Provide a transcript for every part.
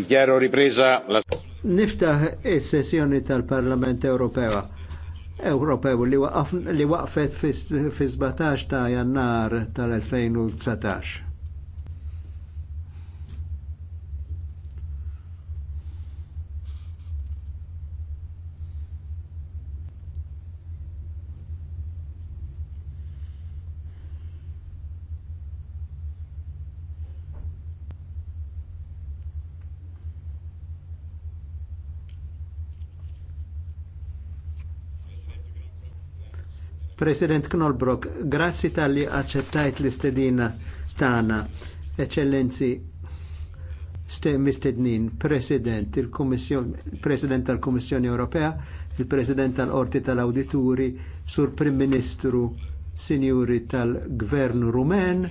Dichiaro ripresa la Niftaħ is-sessjoni tal-Parlament Ewropea. Ewropew li waqfet fis-17 ta' Jannar tal-2019. President Knolbrok, grazzi tal-li accettajt l-istedina tana. Eccellenzi, mistednin, President, il-Kummissjoni President tal-Kommissjoni Ewropea, il-President tal-Orti tal-Awdituri, Sur Prim Ministru, Sinjuri tal-Gvern Rumen,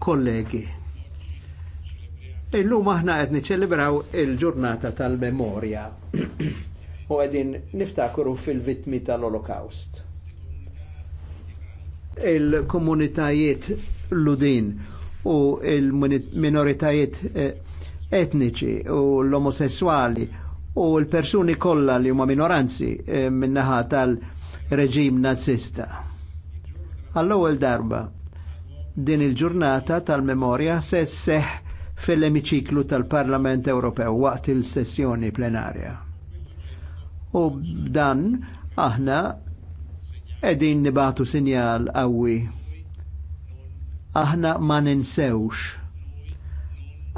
kollegi. Illum aħna qed niċċelebraw il-ġurnata tal-memorja u qegħdin niftakru fil-vittmi tal-Olokaust il-komunitajiet ludin u il-minoritajiet eh, etniċi u l-omosessuali u l-persuni kollha li huma minoranzi eh, minnaħa tal-reġim nazista. Għall-ewwel darba din il-ġurnata tal-memorja se seħ fil-emiċiklu tal-Parlament Ewropew waqt il-sessjoni plenarja. U dan aħna edin nibatu sinjal qawwi. Aħna ma ninsewx.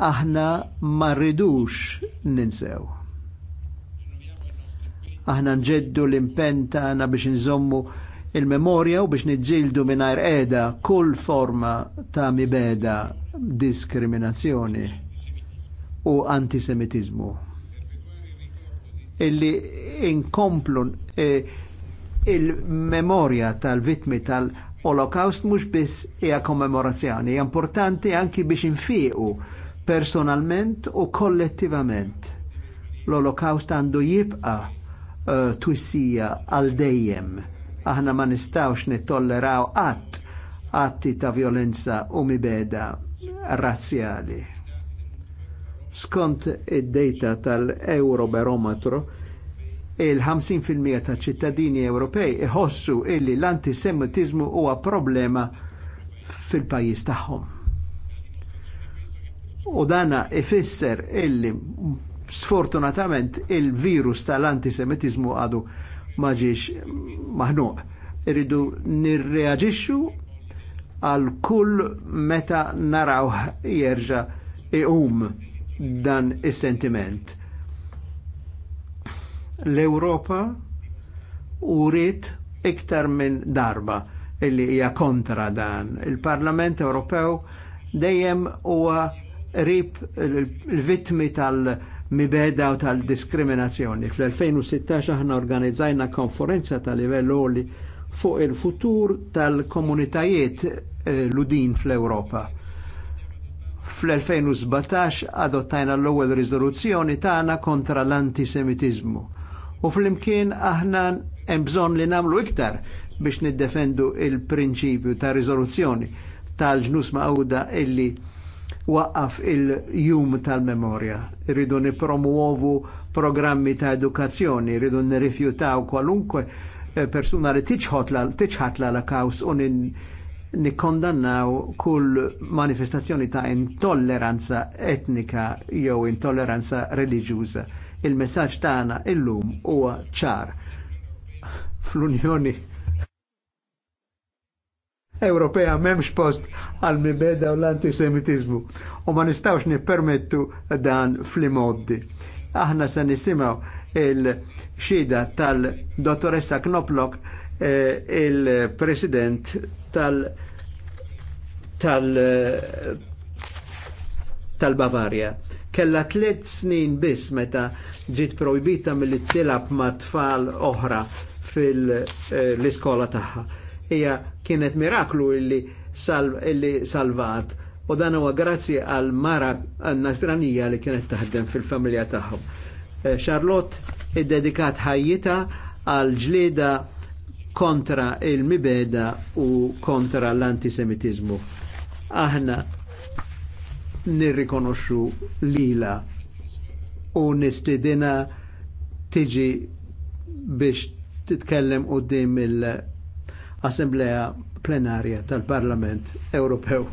Aħna ma ridux ninsew. Aħna nġeddu l-impen tagħna biex nżommu il-memorja u biex niġġieldu mingħajr qiegħda kull forma ta' mibeda diskriminazzjoni u antisemitizmu. Illi inkomplu eh, il-memorja tal-vitmi tal-Holocaust mhux biss hija kommemorazzjoni, hija importanti anki biex infiqu personalment u kollettivament. L-Holocaust għandu jibqa uh, twissija għal dejjem. Aħna ma nistawx nittolleraw qatt atti ta' violenza u mibeda razzjali. Skont id-data tal-Eurobarometru, il-50% ta' ċittadini Ewropej iħossu illi l-antisemitizmu huwa problema fil-pajjiż tagħhom. U dana ifisser illi sfortunatament il-virus tal-antisemitizmu għadu maġiex maħnuq. Irridu nirreagixxu għal kull meta naraw jerġa' iqum dan is-sentiment l-Europa u rrit iktar minn darba illi hija kontra dan. Il-Parlament Ewropew dejjem huwa rib l-vittmi tal-mibeda u tal-diskriminazzjoni. Fl-2016 aħna organizzajna konferenza tal livell oli fuq il-futur tal-komunitajiet eh, ludin fl europa Fl-2017 adottajna l-ewwel riżoluzzjoni tagħna kontra l-antisemitizmu u fl-imkien aħna hemm bżonn li nagħmlu iktar biex niddefendu il-prinċipju ta' riżoluzzjoni tal-ġnus ma'għuda illi waqqaf il-jum tal-memorja. Rridu nipromuovu programmi ta' edukazzjoni, rridu nirrifjutaw kwalunkwe eh, persuna li tiċħat l kaws u nikkondannaw kull manifestazzjoni ta' intolleranza etnika jew intolleranza reliġjuża Il-messaġġ tagħna illum huwa ċar. Fl-Unjoni Ewropea memx post għal mibeda u l-antisemitizmu u ma nistawx nippermettu dan fl-imoddi. Aħna se nisimaw il-xida tal-dottoressa Knoplok eh, il-president tal- tal- eh, tal-Bavaria kella tliet snin biss meta ġiet projbita milli tilab ma' tfal oħra fil-iskola eh, tagħha. Hija kienet miraklu illi, sal, illi salvat u dan huwa grazzi għal mara nasranija li kienet taħdem fil-familja tagħhom. Eh, Charlotte iddedikat ħajjita għal ġlieda kontra il-mibeda u kontra l-antisemitizmu. Aħna nirrikonoxxu lila u nistidina tiġi biex titkellem quddiem il-Assemblea Plenarja tal-Parlament Ewropew.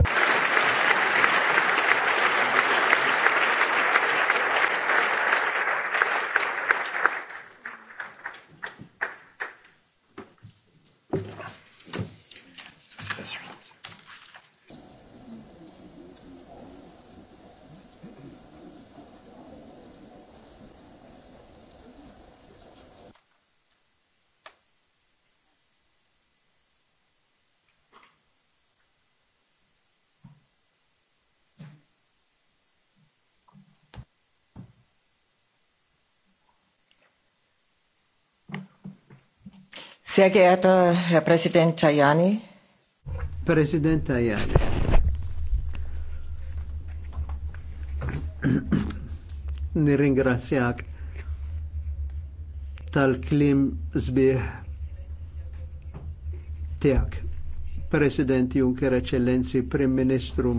Sehr geehrter Herr Präsident Tajani. Präsident Tajani. Nirringrazzjak tal-klim zbieħ tijak. President Juncker, Eccellenzi, Prim Ministru,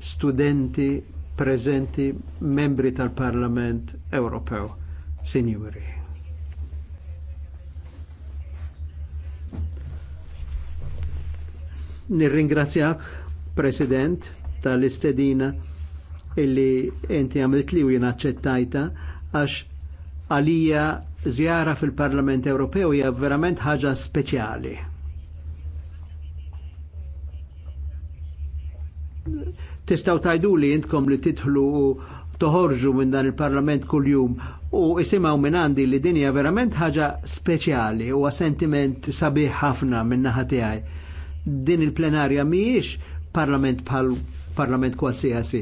studenti prezenti, membri tal-Parlament Ewropew, Signori. Nirringrazzjak, President, tal-istedina illi inti għamilt li u jena ċettajta, għax għalija zjara fil-Parlament Ewropew hija verament ħaġa speċjali. Tistaw tajdu li jintkom li titħlu toħorġu minn dan il-Parlament kuljum u isimaw minn għandi li dinja verament ħaġa speċjali u sentiment sabiħ ħafna minn naħa tiegħi din il-plenarja miex parlament bħal parlament qualsiasi.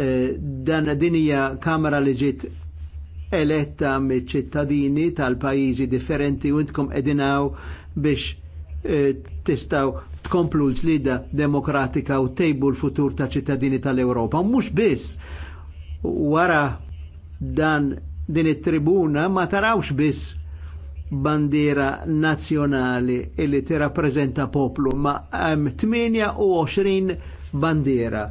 Eh, dan din hija kamera li ġiet eletta mit-ċittadini tal-pajjiżi differenti u intkom edinaw biex eh, tistaw tkomplu l-ġlida demokratika u tejbu l-futur ta' ċittadini tal-Europa. Mux biss wara dan din it-tribuna ma tarawx biss bandiera nazzjonali illi tirrappreżenta poplu ma' hemm 28 bandiera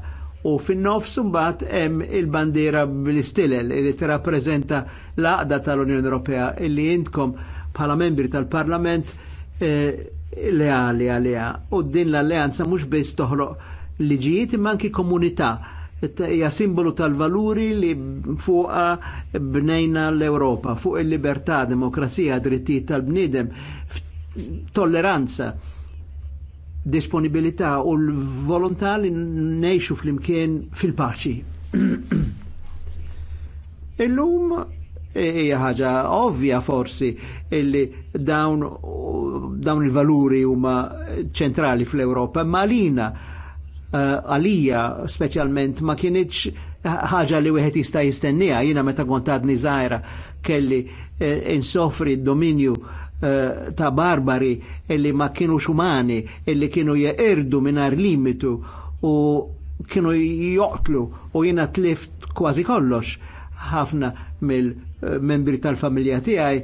u fin-nofs imbagħad hemm il-bandiera bl-istilel illi tirrappreżenta l aqda tal-Unjoni Ewropea illi intkom bħala membri tal-Parlament eh, leali għaliha. U din l-alleanza mhux biss toħloq liġijiet imma anki komunità hija simbolu tal-valuri li fuqa bnejna l europa fuq il-libertà, demokrazija, drittijiet tal-bniedem, tolleranza, disponibilità u l-volontà li nejxu fl-imkien fil-paċi. Illum e, hija ħaġa ovvja forsi illi dawn, dawn il-valuri huma ċentrali fl-Ewropa, ma lina Eh, għalija speċjalment ma kienieċ ħaġa li wieħed jista' jistennija jiena meta kont għadni żgħira kelli eh, insofri d-dominju eh, ta' barbari illi ma kienux umani illi kienu jeqirdu mingħajr limitu u kienu joqtlu u jiena tlift kważi kollox ħafna mill-membri tal-familja tiegħi,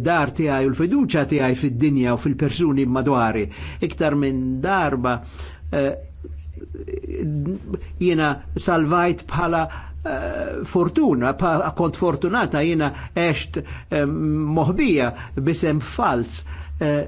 dar tiegħi u l-fiduċa tiegħi fid-dinja u fil-persuni madwari. Iktar minn darba jiena salvajt bħala eh, fortuna, pa, kont fortunata jina eċt eh, moħbija bisem fals. Eh,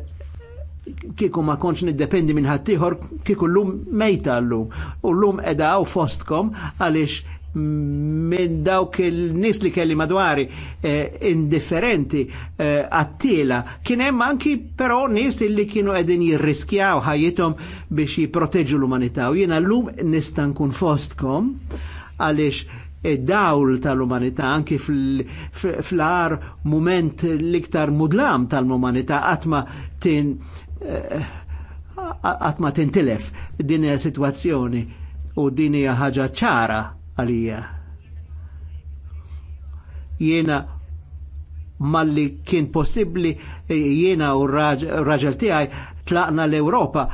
kiku ma konċ niddependi minn ħattijħor kiku l-lum mejta l-lum. U l-lum edha u fostkom għalix minn dawk il-nis li kelli madwari eh, indifferenti eh, attila, kien hemm anki però nis li kienu qegħdin jirriskjaw ħajjithom biex jipproteġu l-umanità u jiena llum nista' nkun fostkom għaliex id-dawl tal-umanità anki fl-ar moment l-iktar mudlam tal-umanità għatma tin għatma eh, tintilef din situazzjoni u din hija ħaġa ċara għalija. Jiena malli kien possibli jiena u raġel tijaj tlaqna l-Ewropa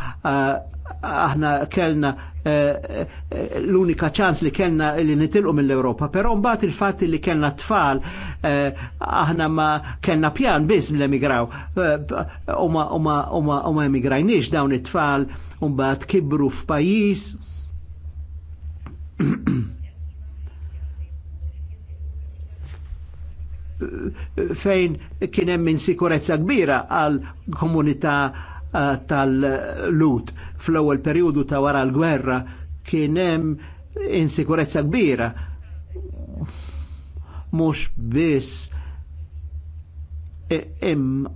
aħna kellna e, e, l-unika ċans li kellna li nitilqu mill europa però mbagħad il-fatt li kellna tfal e, aħna ma kellna pjan biss li emigraw u ma emigrajniex dawn it-tfal u mbagħad kibru f'pajjiż fejn kien hemm insikurezza kbira għal komunità eh, tal-lut fl-ewwel periodu ta' wara l-gwerra kien hemm insikurezza kbira mhux biss E,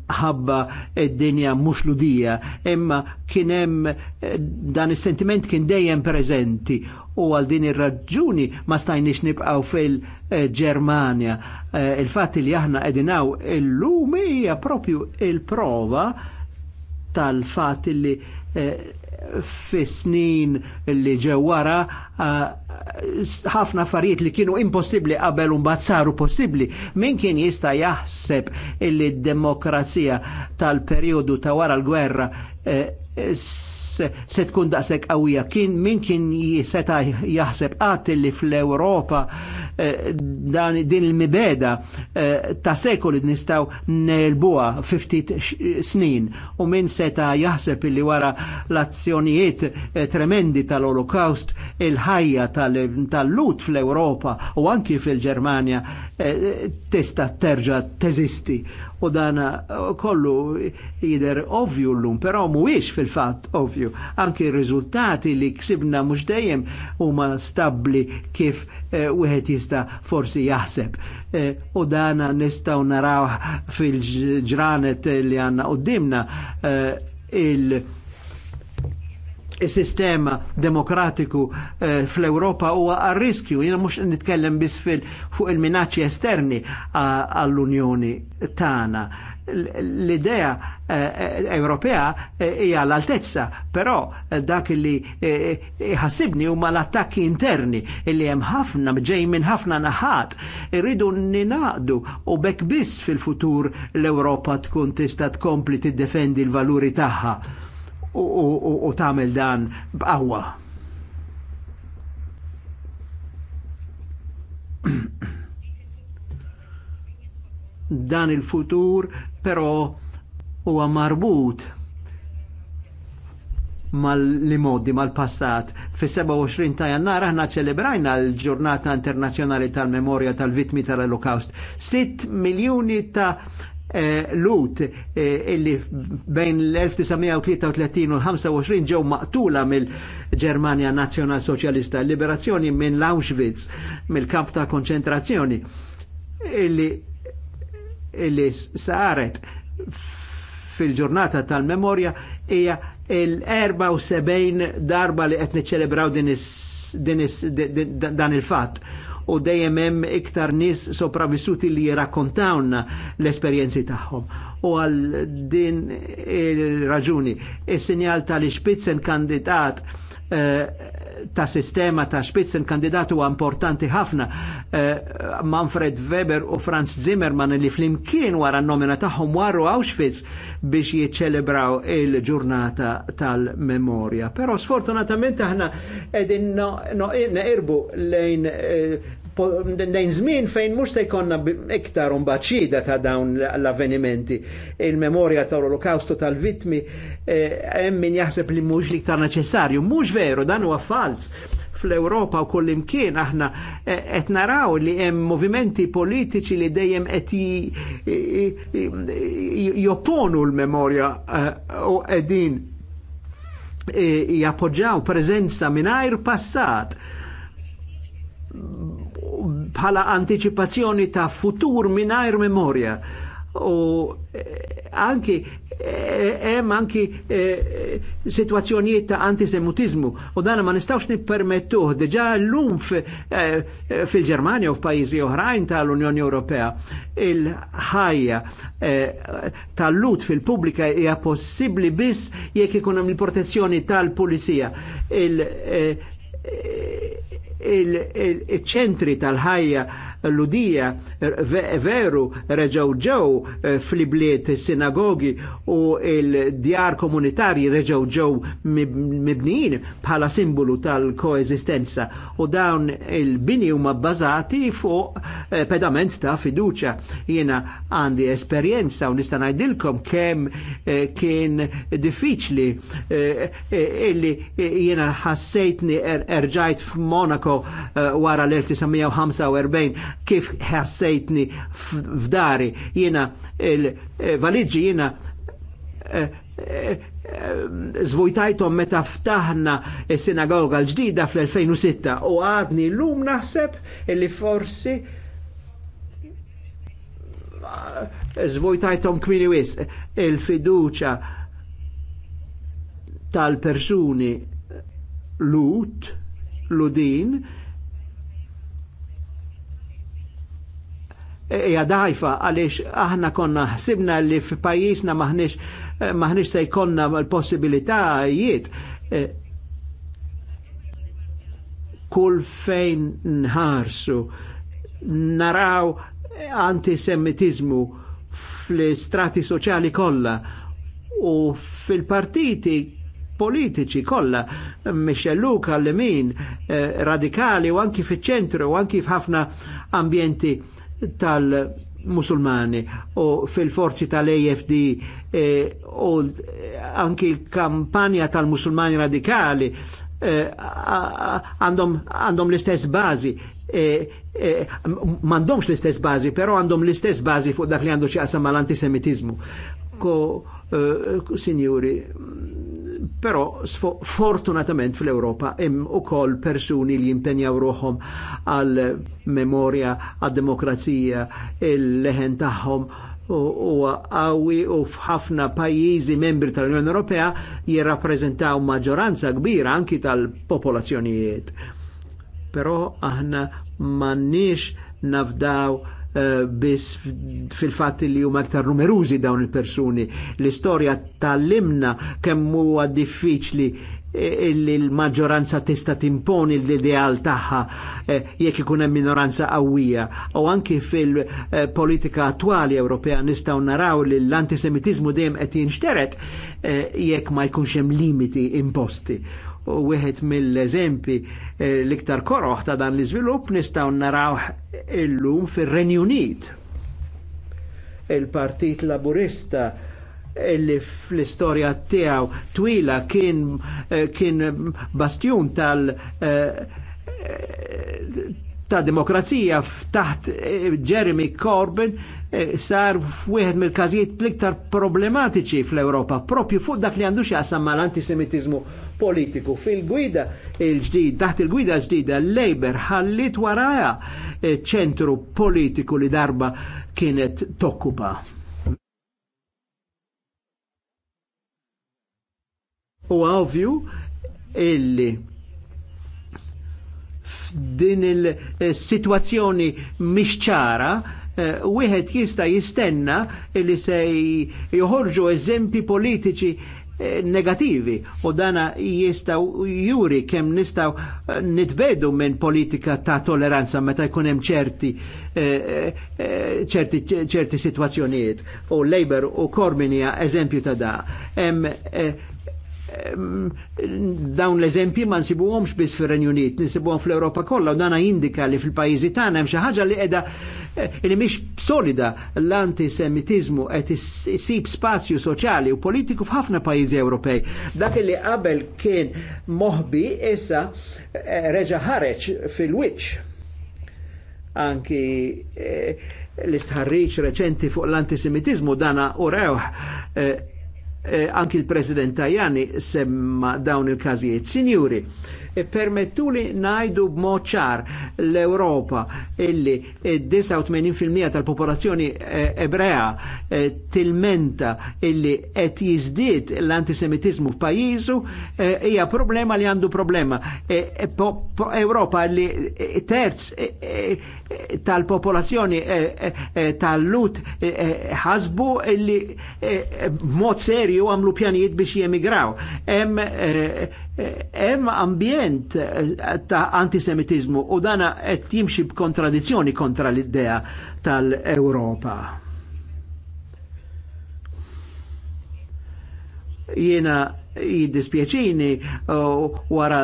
ħabba id-dinja mhux ludija, imma kien hemm eh, dan is-sentiment kien dejjem preżenti u għal din ir-raġuni ma stajniex nibqgħu fil-Ġermanja. Eh, eh, il-fatt li aħna qegħdinaw illum hija propju il-prova tal-fatt li fis-snin li ġewwara ħafna affarijiet li kienu impossibbli qabel un saru possibbli. Min kien jista' jaħseb il demokrazija tal-perjodu ta' wara l-gwerra eh, se tkun daqshekk qawwija. Kien min kien seta' jaħseb qatt li fl-Ewropa eh, dan din il-mibeda eh, ta' sekoli nistgħu nelbuha 50 snin u min seta jaħseb li wara l-azzjonijiet eh, tremendi tal-Olokaust il-ħajja tal-lut fl-Ewropa u anki fil-Ġermanja tista' terġa' teżisti u dana eh, kollu jider ovju l-lum, pero muwix fil-fat ovju. Anki rizultati li ksibna mux dejjem ma stabli kif u uh, eh, jista forsi jaħseb. Uh, u dana nistaw naraw fil-ġranet li għanna u dimna uh, il- sistema demokratiku eh, fl-Europa huwa għal riskju. jina mux nitkellem bis fuq il-minacċi esterni għall-Unjoni tana. L-idea eh, Ewropea eh, hija l-altezza, però dak li ħassibni huma l-attakki interni li hemm ħafna ġej minn ħafna naħat irridu ninaqdu u bekk biss fil-futur l-Ewropa tkun tista' tkompli tiddefendi l-valuri tagħha u tagħmel dan b'qawwa. dan il-futur però huwa marbut mal modi mal-passat. Fi 27 ta' jannar aħna ċelebrajna l-ġurnata internazjonali tal-memorja tal-vitmi tal-Holocaust. Sitt miljoni ta' Eh, lut eh, illi bejn l-1933 u l-25 ġew maqtula mill-Ġermanja Nazzjonal Soċjalista, liberazzjoni minn l-Auschwitz, mill-kamp ta' konċentrazzjoni, illi illi saret fil-ġurnata tal-memorja hija il-74 darba li qed niċċelebraw dan il-fatt u dejjem hemm iktar nies sopravvissuti li jirrakkontawna l-esperjenzi tagħhom. U għal din il-raġuni, is-sinjal tal-Spitzen kandidat eh, ta' sistema ta' Spitzen kandidatu huwa importanti ħafna. Eh, Manfred Weber u Franz Zimmerman li flimkien wara n-nomina tagħhom warru Auschwitz biex jiċċelebraw il-ġurnata tal-memorja. Però sfortunatament aħna qegħdin noqirbu lejn eh, dejn zmin fejn mux se jkonna iktar imbaċċida ta' dawn l-avvenimenti. il memoria ta' l-Olokaustu tal vitmi eh, hemm min jaħseb li mhux iktar neċessarju. mux veru, dan huwa fals. fl europa u kull imkien aħna eh, qed naraw li hemm movimenti politiċi li dejjem qed jopponu l memoria eh, u qegħdin jappoġġaw preżenza mingħajr passat bħala anticipazzjoni ta' futur mingħajr memoria. U eh, anki eh, hemm anki eh, situazzjonijiet ta' antisemitizmu u dan ma nistgħux nippermettuh diġà llum fil-Ġermanja u f'pajjiżi oħrajn tal-Unjoni Ewropea il-ħajja tal-lut fil-pubblika hija possibbli biss jekk ikun hemm il-protezzjoni tal-pulizija il-ċentri tal-ħajja l-udija veru reġaw ġew eh, fl-ibliet sinagogi u il-djar komunitarji reġaw ġew mibnijin bħala simbolu tal koezistenza u dawn il-bini huma bbażati fuq eh, pedament ta' fiduċa. Jiena għandi esperjenza u nista' ngħidilkom kemm eh, kien diffiċli illi jiena ħassejtni er, erġajt f'Monaco Franco eh, wara l-1945 kif ħassejtni f'dari jina il eh, valigġi jina eh, zvojtajtom meta ftaħna sinagoga l-ġdida fl-2006 u għadni l-lum naħseb illi forsi zvujtajtom kmini wis il-fiduċa tal-persuni lut l-udin hija dajfa għaliex aħna konna ħsibna li f'pajjiżna maħniex eh, maħniex se jkollna l-possibilitajiet eh, kull fejn nħarsu naraw antisemitizmu fl-strati soċjali kollha u fil-partiti politiċi kollha mixelluk għall-min eh, radikali u anki fiċ-ċentru u anki f'ħafna ambjenti tal- musulmani u fil-forzi tal-AFD eh, u anki kampanja tal-musulmani radikali eh, għandhom eh, l-istess bazi eh, eh mandomx l-istess bazi pero għandhom l-istess bazi fuq dak li għandu xaqsam mal-antisemitizmu ko eh, signori Però fortunatament fl-Europa hemm ukoll persuni li jimpenjaw ruħhom għal memorja, għad demokrazija, il-leħen tagħhom u għawi u f'ħafna pajjiżi membri tal-Unjoni Ewropea jirrappreżentaw maġġoranza kbira anki tal-popolazzjonijiet. Però aħna m'għandniex nafdaw Eh, biss fil-fatt li huma aktar numerużi dawn il-persuni. L-istorja tal-limna kemm huwa diffiċli e, illi l-maġġoranza tista' timponi l-ideal tagħha e, jekk ikun hemm minoranza qawwija. U anki fil-politika attwali Ewropea nistgħu naraw li l-antisemitiżmu dejjem qed jinxteret e, jekk ma jkunx hemm limiti imposti u wieħed mill-eżempi eh, l-iktar koroħ ta' dan l-iżvilupp nistgħu naraw illum fir-Renju Unit. Il-Partit Laburista illi fl-istorja tiegħu twila kien eh, kien bastjun tal eh, ta' demokrazija taħt Jeremy Corbyn sar f'wieħed mill-każijiet l-iktar problematiċi fl-Ewropa, propju fuq dak li għandu xi mal-antisemitizmu politiku. Fil-gwida il-ġdid, taħt il-gwida ġdida, l-Labor ħallit waraja eh, ċentru politiku li darba kienet tokkupa. U għavju illi din il-situazzjoni misċara eh, wieħed jista' jistenna li se joħorġu eżempi politiċi negativi u dana jistaw juri kem nistaw eh, nitbedu minn politika ta' toleranza meta jkun hemm ċerti eh, eh, ċerti ċerti situazzjonijiet u Labour u Kormini eżempju ta' da. Ehm, dawn l-eżempji ma nsibuhomx biss fir-Renju Unit, nsibuhom fl-Ewropa kollha u dana jindika li fil-pajjiżi tagħna hemm xi ħaġa li qiegħda eh, li mhix solida l-antisemitiżmu qed isib spazju soċjali u politiku f'ħafna pajjiżi Ewropej. Dak li qabel kien moħbi issa eh, reġa' ħareġ fil-wiċċ anki eh, l-istħarriċ reċenti fuq l-antisemitizmu dana u rewħ Eh, anki il-President Tajani semma dawn il-każijiet. Sinjuri, Permettu li najdu b'moċar l-Europa illi 89% tal-popolazzjoni eh, ebrea eh, tilmenta illi et jizdit l-antisemitizmu f'pajjiżu eh, hija problema li għandu problema. Europa li terz tal-popolazzjoni tal-lut ħasbu illi mod serju għamlu pjanijiet biex jemigraw hemm ambjent ta' antisemitizmu u dana qed jimxi b'kontradizzjoni kontra l-idea tal-Ewropa. Jiena jiddispieċini uh, wara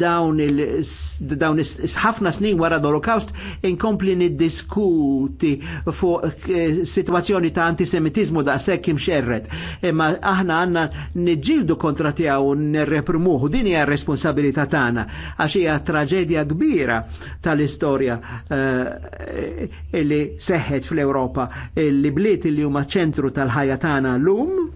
dawn il-dawn ħafna snin wara l-Holocaust inkompli niddiskuti fuq eh, situazzjoni ta' antisemitizmu da' sekk imxerret. Imma aħna għanna nġildu kontra tiegħu nirreprimuhu din hija responsabilità tagħna għax hija traġedja kbira tal-istorja eh, illi seħħet fl-Ewropa, illi bliet li huma ċentru tal-ħajja tagħna lum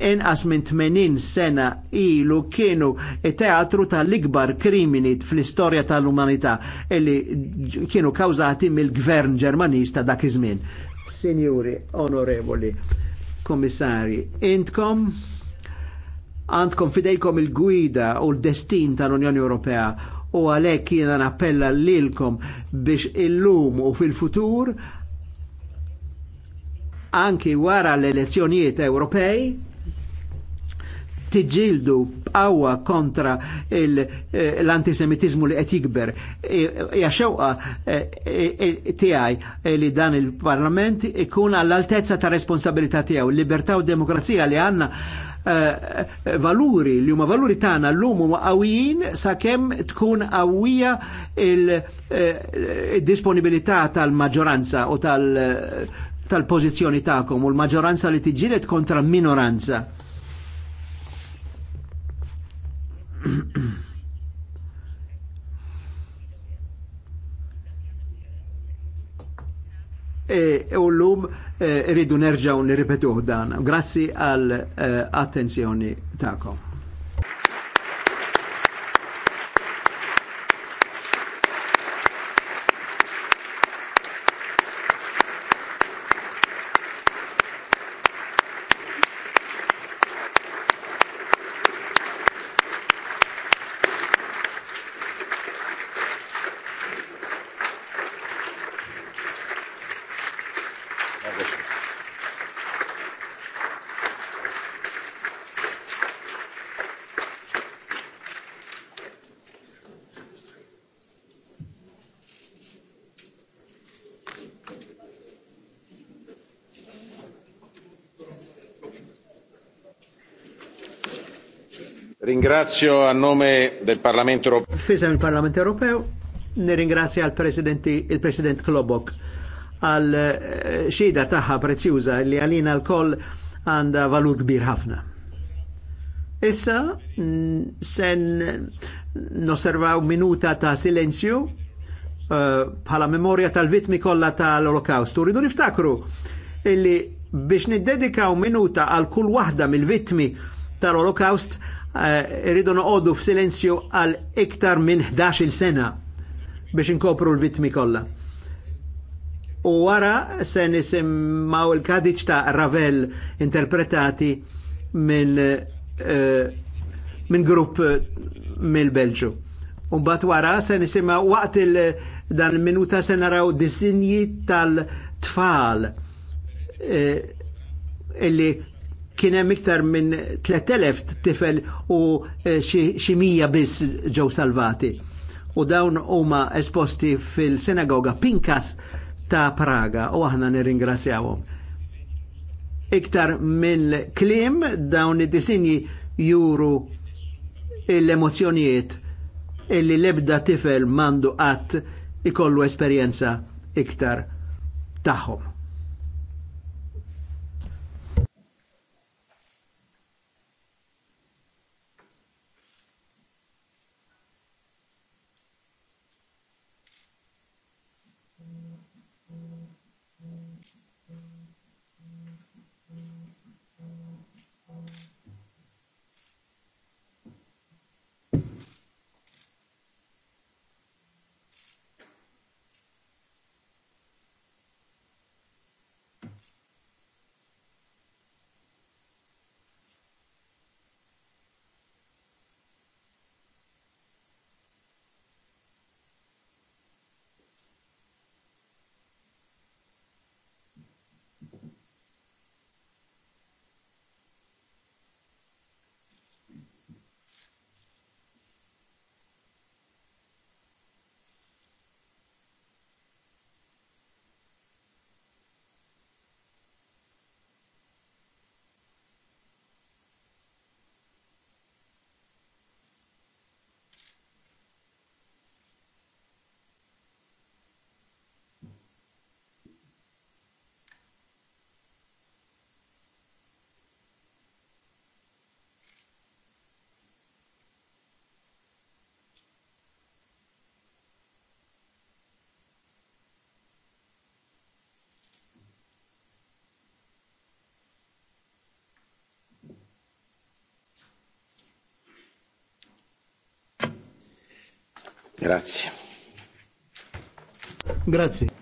inqas minn 80 sena ilu kienu teatru tal-ikbar krimini fl-istorja tal-umanità illi kienu kawzati mill-gvern Ġermanista dak iż-żmien. Sinjuri, onorevoli, komissari, intkom għandkom fidejkom il-gwida u l-destin tal-Unjoni Ewropea u għalhekk appella nappella ilkom biex illum u fil-futur anki wara l-elezzjonijiet Ewropej tiġildu b'qawwa kontra eh, l-antisemitizmu li qed jikber. Eh, hija xewqa eh, tiegħi li dan il-Parlament ikun għall-altezza ta' responsabilità tiegħu, libertà u demokrazija li għandna valuri li huma valuri tagħna llum huma qawwijin sakemm tkun qawwija il-disponibilità tal-maġġoranza u tal- tal-pożizzjoni tagħkom u l-maġġoranza li tiġilet kontra minoranza. E, e u l-lum irridu e, nerġaw nirripetuħ dan. Grazzi għal e, attenzjoni ta'kom. Ringrazio a nome del Parlamento Europeo. Fisem il Parlamento Europeo, ne al Presidente, il Presidente Klobok al eh, xida Taha prezzjuża li alina l-koll għanda valur kbir ħafna. Issa mm, sen nosservaw minuta ta' silenzju eh, bħala uh, memoria tal-vitmi kollha tal-Olokaust. Uridu niftakru illi biex niddedikaw minuta għal kull waħda mill-vitmi tal-Holocaust eh, irridu noqogħdu f'silenzju għal iktar minn 11 sena biex inkopru l-vittmi kollha. U wara se nisimgħu l kadiċ ta' Ravel interpretati eh, minn min grupp eh, mill-Belġu. Umbat wara se nisimgħu waqt dan il-minuta se naraw disinji tal-tfal illi kien hemm iktar minn 3000 tifel u eh, xi mija biss ġew salvati. U dawn huma esposti fil-sinagoga Pinkas ta' Praga u aħna nirringrazzjawhom. Iktar minn klim dawn id-disinji juru l-emozjonijiet illi lebda tifel mandu qatt ikollu esperjenza iktar tagħhom. Grazie. Grazie.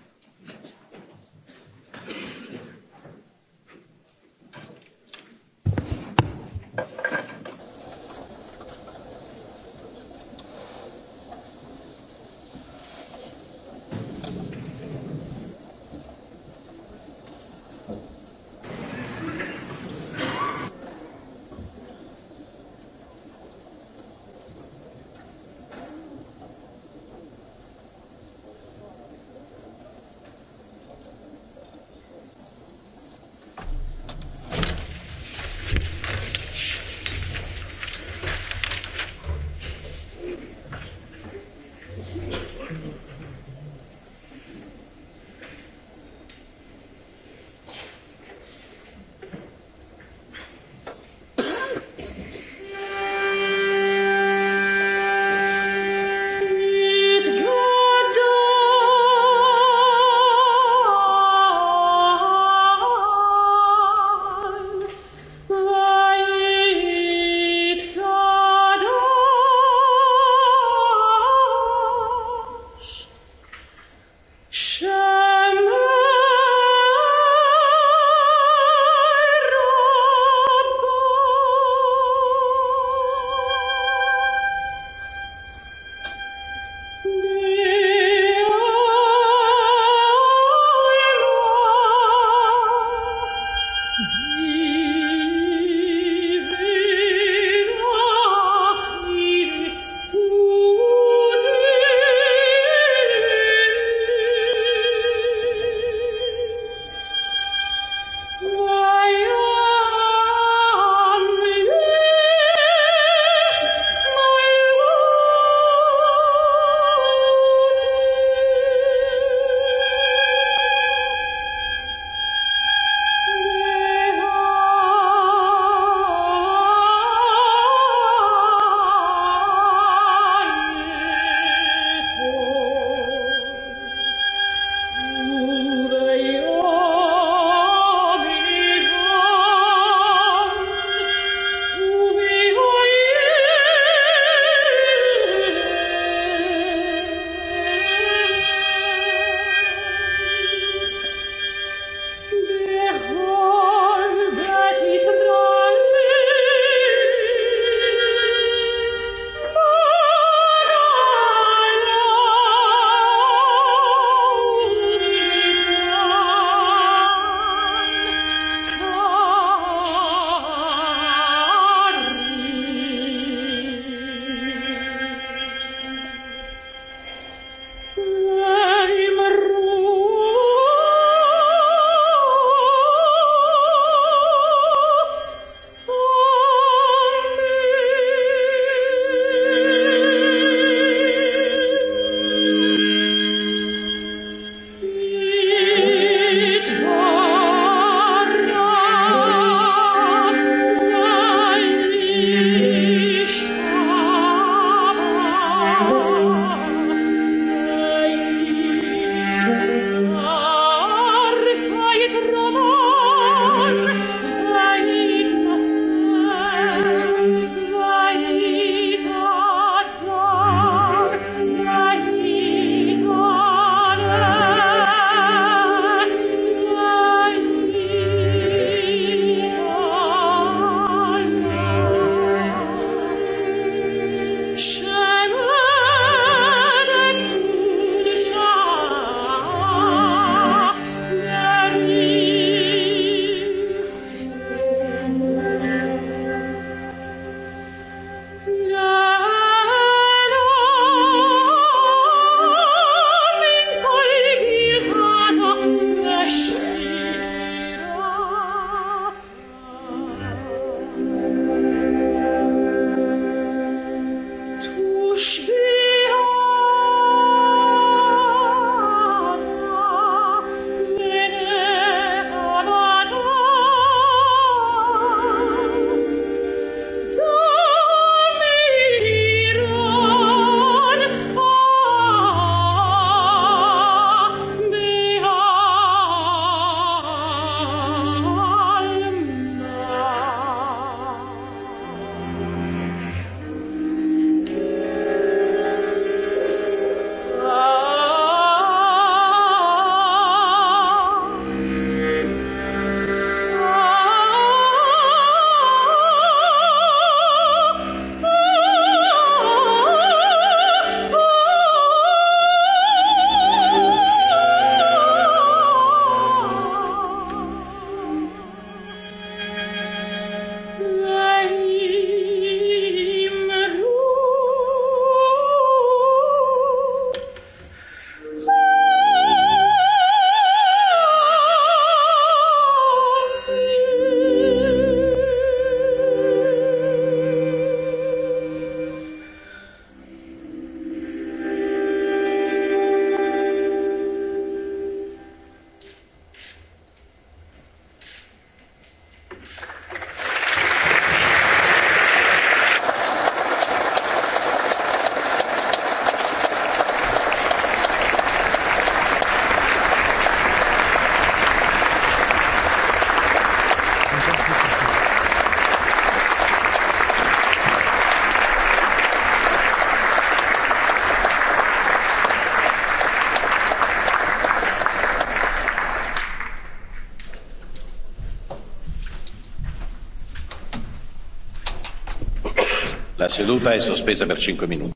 seduta è sospesa per 5 minuti.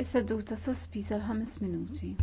seduta 5 minuti.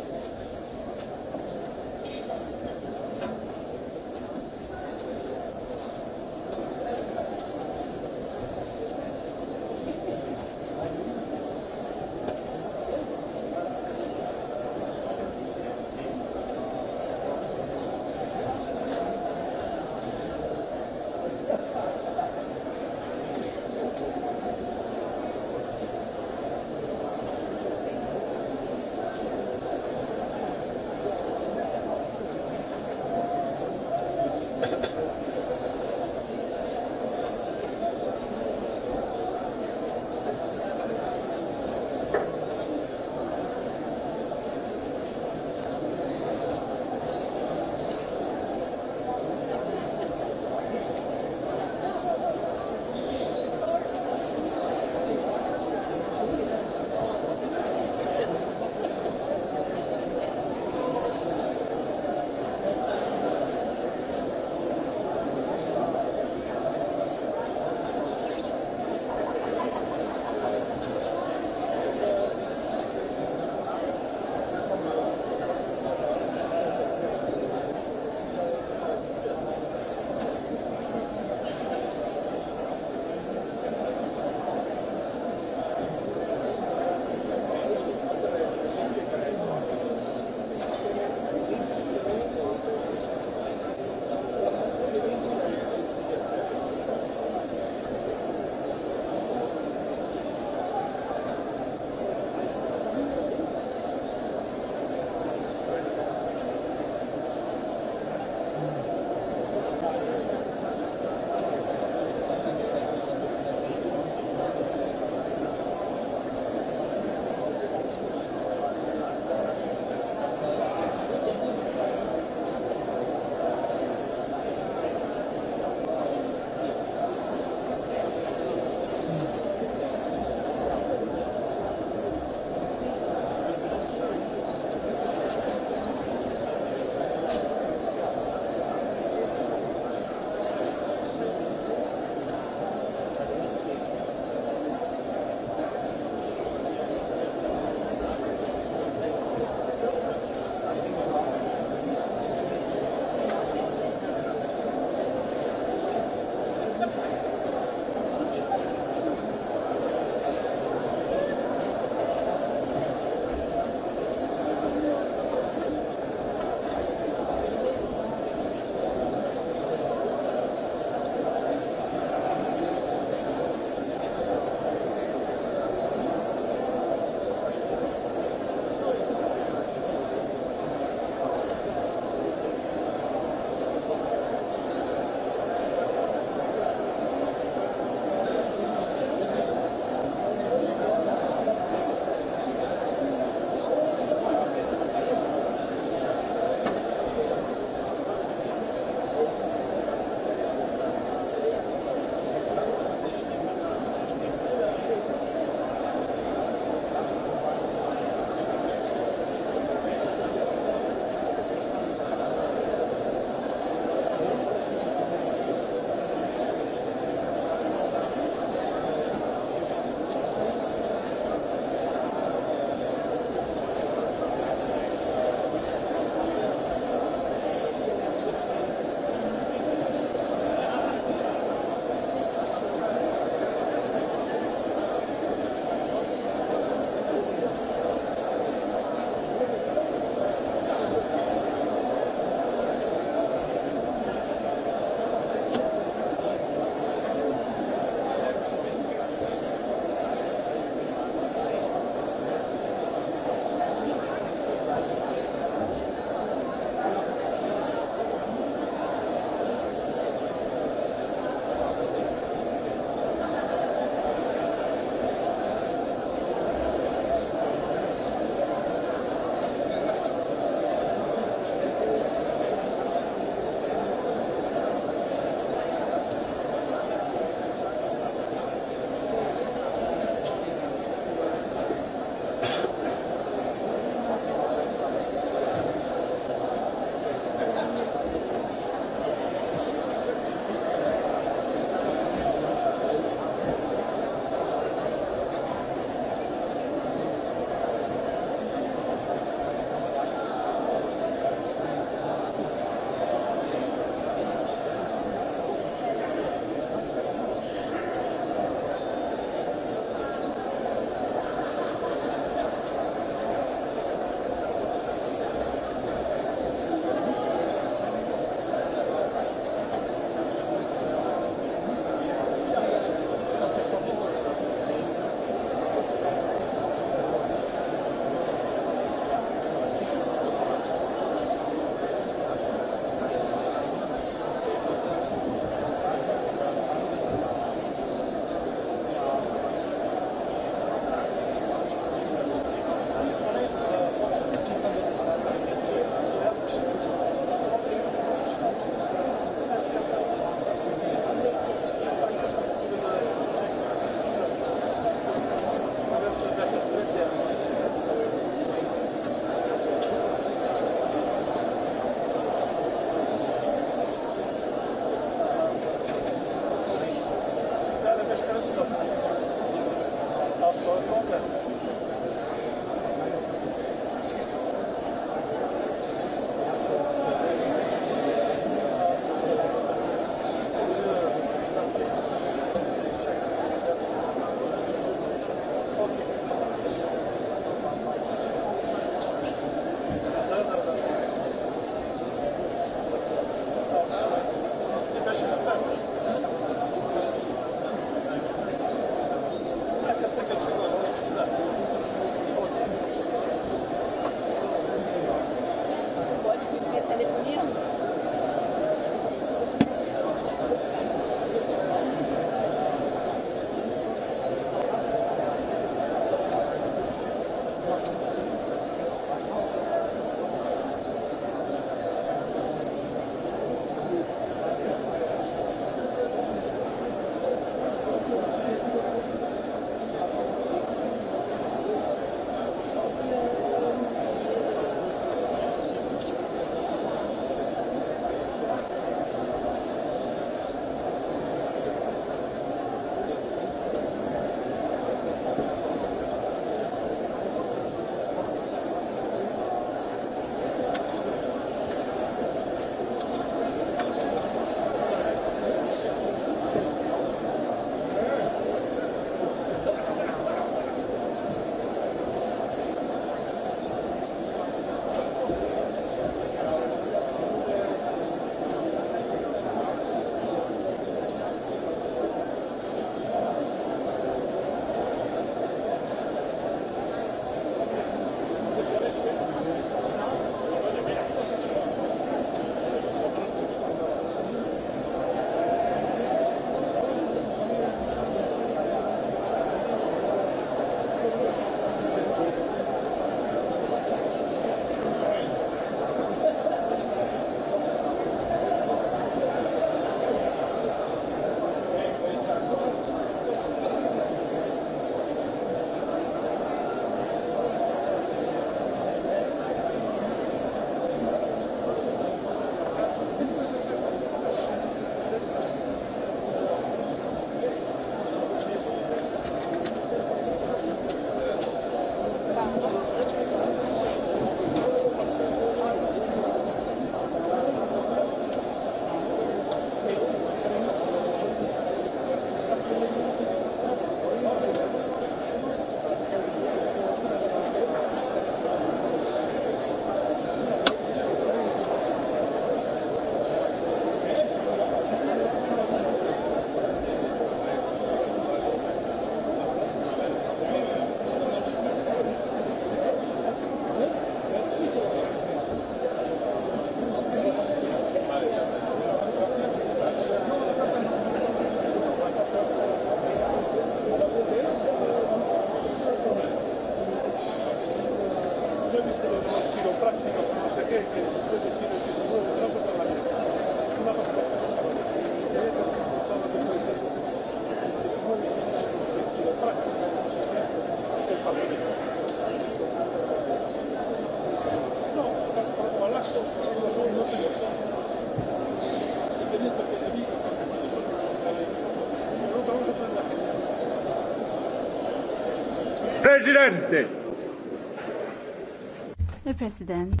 Il-President.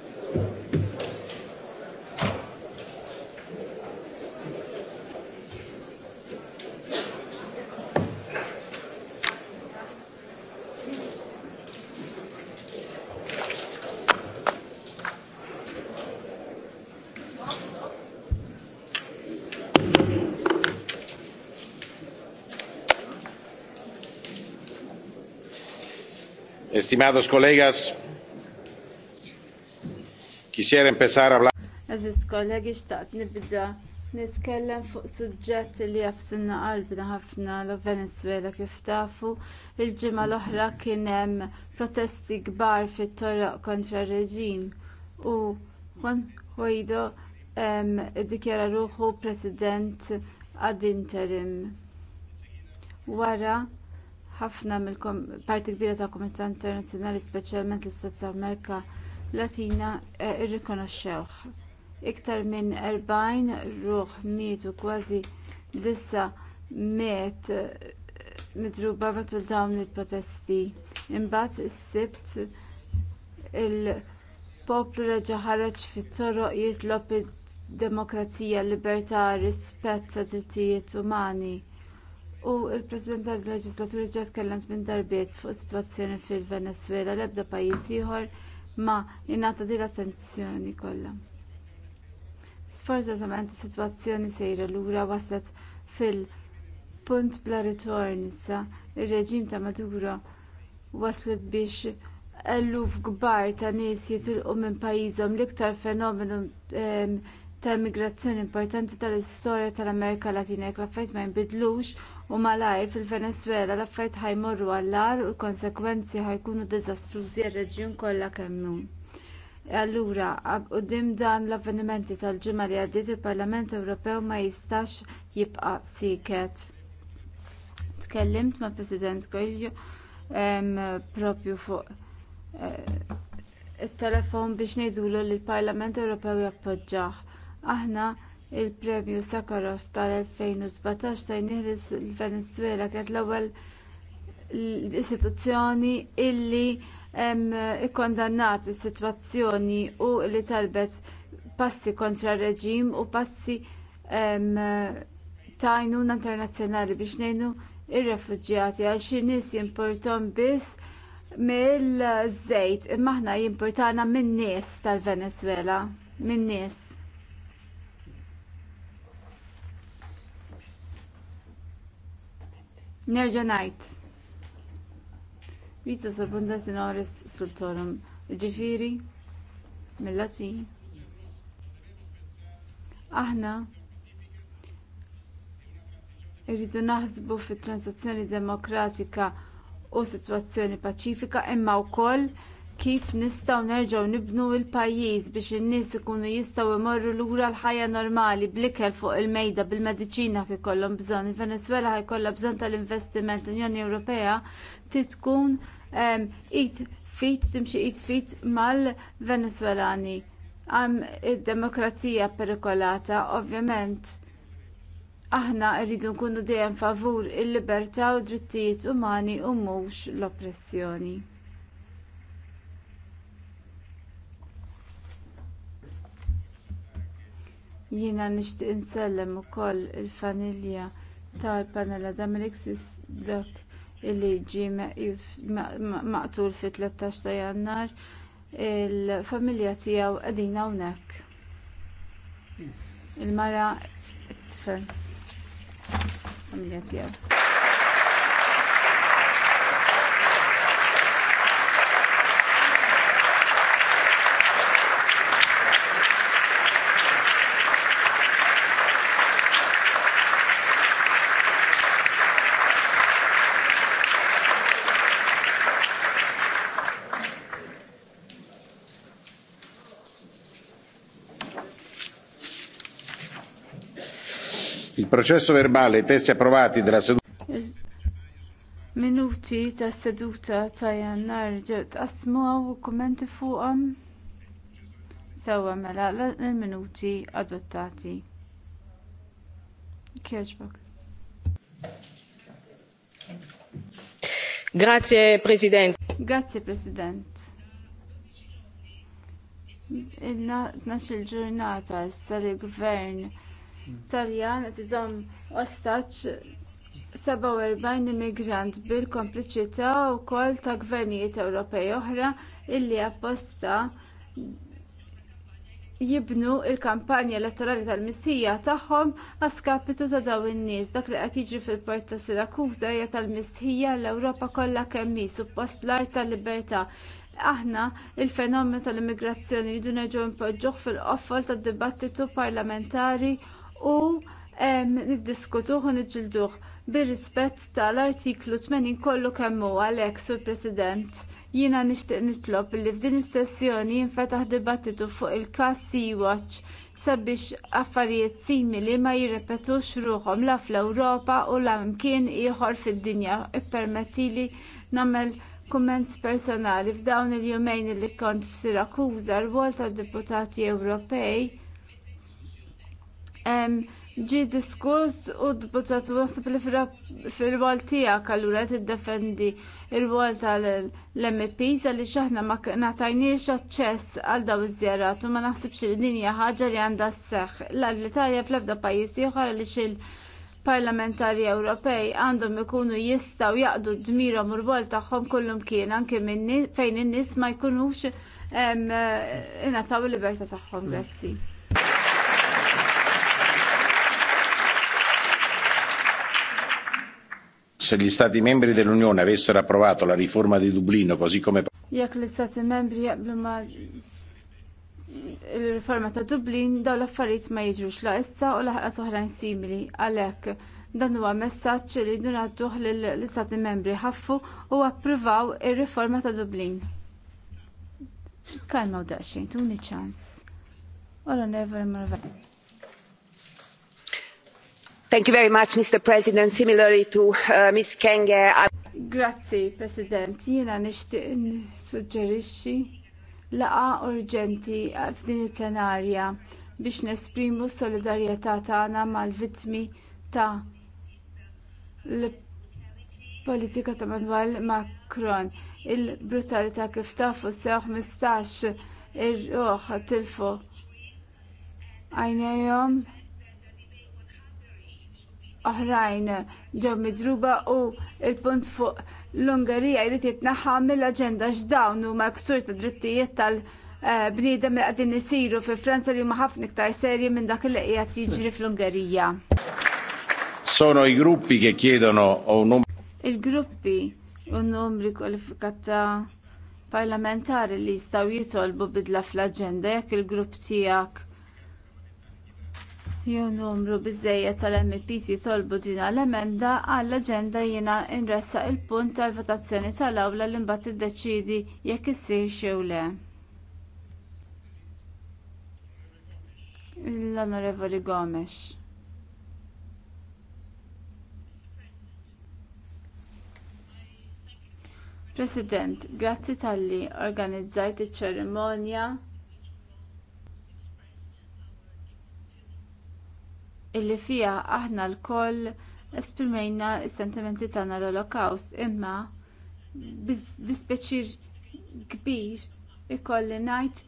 Estimados colegas, quisiera empezar a hablar. Aziz kollegi, xtaqt nibda nitkellem fuq suġġett li jafsinna qalbna ħafna l Venezuela kif tafu. Il-ġimgħa l-oħra kien hemm protesti kbar fit-torroq kontra reġim u Juan Guaido ddikjara ruħu president ad interim. Wara ħafna mill-parti kbira tal komunità internazzjonali speċjalment l-istati ta' Amerika Latina eh, irrikonoxxewh. Iktar minn 40 ruħ miet u kważi disa miet eh, midruba matul dawn il-protesti. Imbagħad is-sibt il-poplu reġa' ħareġ fit-toroq jitlob id-demokrazija, l-libertà, rispett tad drittijiet umani u l-President tal-Leġislaturi ġa tkellemt minn darbiet fuq sitwazzjoni fil-Venezuela l-ebda pajjiż ieħor ma jingħata din l-attenzjoni kollha. Sfortunatament is-sitwazzjoni sejra lura waslet fil-punt bla ritorn issa ir-reġim ta' Maduro waslet biex eluf kbar ta' nies jitilqu minn pajjiżhom l-iktar fenomenu ta' immigrazzjoni importanti tal-istorja tal-Amerika Latina jekk l-affarijiet ma jinbidlux u malajr fil-venezwela l-affarijiet ħajmorru għall-agħar u l-konsegwenzi ħajkunu diżastrużi għar-reġjun kollha kemm hu allura quddiem dan l-avvenimenti tal-ġimgħa li għaddiet il-parlament ewropew ma jistax jibqa' siket tkellimt mal-president coelho proprju fuq eh, it-telefon biex ngħidulu li l-parlament ewropew jappoġġjah aħna il-premju sakharov tal-2017 ta' jnieħles il-venezwela kienet l-ewwel istituzzjoni illi ikkondannat is-sitwazzjoni u li talbet passi kontra r-reġim u passi ta' għajnuna internazzjonali biex ngħinu r-refuġjati għal xi nies jimportom biss mill-żejt imma aħna jimportana min-nies tal-venezwela min-nies Nerġa' ngħid. Vizza sabunda sinoris sul torum. Ġifiri, mill-Latin. Aħna irridu naħsbu fit-transazzjoni demokratika u sitwazzjoni paċifika imma wkoll kif nistgħu nerġgħu nibnu l-pajjiż biex in-nies ikunu jistgħu jmorru lura l-ħajja normali bl-ikel fuq il-mejda bil-mediċina kif ikollhom bżonn. Il-Venezuela ħajkollha bżonn tal-investiment l-Unjoni Ewropea titkun ehm, id fit timxi id fit mal-Venezwelani. Għam id-demokrazija perikolata, ovvjament aħna rridu nkunu dejjem favur il-libertà u d-drittijiet umani u mhux l-oppressjoni. jiena nixtieq insellem ukoll il-familja tal-panela Dominic Dak illi ġie maqtul fit-13 ta' Jannar il-familja tiegħu qegħdin hawnhekk. Il-mara t-tifel familja tiegħu. Processo verbale, testi approvati della seduta. Minuti ta' seduta ta' jannar asmu għaw u kummenti fuqhom sewwa mela l-minuti adottati. Kieġbok. Grazie Presidente. Grazie Presidente. Il-12 ġurnata s-sali gvern Taljan qed iżomm ostaġġ 47 immigrant bil-kompliċità wkoll ta' gvernijiet Ewropej oħra illi apposta jibnu l kampanja elettorali tal-mistija tagħhom għaskapitu ta' dawn in-nies dak li qed jiġri fil-port ta' Sirakuża hija tal-mistija l-Ewropa kollha kemm hi suppost l-art tal-libertà. Aħna l fenomenu tal-immigrazzjoni rridu nerġgħu npoġġuh fil-qoffol tad-dibattitu parlamentari u niddiskutuħ u niġġilduh bir-rispett tal-artiklu 80 kollu kemm għalek għalhekk sur President jiena nixtieq nitlob li f'din is-sessjoni jinfetaħ dibattitu fuq il-każ Sea-Watch sabiex affarijiet simili ma jirrepetux ruhom la fl-Ewropa u la mkien ieħor fid-dinja ippermettili nagħmel kumment personali f'dawn il-jumejn li kont f'Sirakuża rwol tad-deputati Ewropej ġi diskuss u d-buzzat wasib li fil-rwol tiegħek allura tiddefendi il-rwol tal-MPs li xaħna ma natajniex aċċess għal daw iż-żjarat u ma naħsibx li dinja ħaġa li għandha sseħħ. L-Italja fl-ebda pajjiż ieħor li xil parlamentari Ewropej għandhom ikunu jistgħu jaqdu d-dmirhom u rwol tagħhom kullum kien anke minn fejn in-nies ma jkunux eh, ingħataw il-libertà tagħhom. Grazzi. se gli Stati membri dell'Unione avessero approvato la riforma di Dublino così come... Jekk l-Istati membri jaqblu ma il-riforma ta' Dublin dawn l-affarijiet ma jiġux la issa u laħqa soħrajn simili għalhekk dan huwa messaġġ li jdu l lill-Istati membri ħaffu u approvaw ir-riforma ta' Dublin. Kalma u daqsxejn, tuni ċans. Ora never marvel. Thank you very much, Mr. President. Similarly to uh, Ms. Kenge. I... Grazzi, President. Jiena nixtieq nissuġġerixxi laqa urġenti f'din il-plenarja biex nesprimu s-solidarjetà tagħna mal-vittmi ta' l-politika ta' Manuel Macron. Il-brutalità kif tafu sew 15 ir-ruħ tilfu għajnejhom oħrajn ġew midruba u il-punt fuq l-Ungerija jrid jitnaħħa mill-aġenda x'dawn huma ksur ta' drittijiet tal- bniedem li qegħdin isiru fi Franza li huma ħafna iktar serji minn dak li qiegħed jiġri fl-Ungerija. Sono i gruppi che chiedono un Il-gruppi u numri kwalifikata parlamentari li jistgħu jitolbu bidla fl-aġenda jekk il-grupp tiegħek Jew numru biżżejjed tal-MPs jitolbu din l-emenda għall-aġenda jiena nressa il-punt tal-votazzjoni tal-awla li mbagħad tiddeċiedi jekk issir xew le. L-Onorevoli Gomes. President, grazzi talli organizzajt iċ-ċerimonja illi fiha aħna lkoll esprimejna s-sentimenti tagħna l-Olokawst imma dispjaċir kbir ikolli ngħid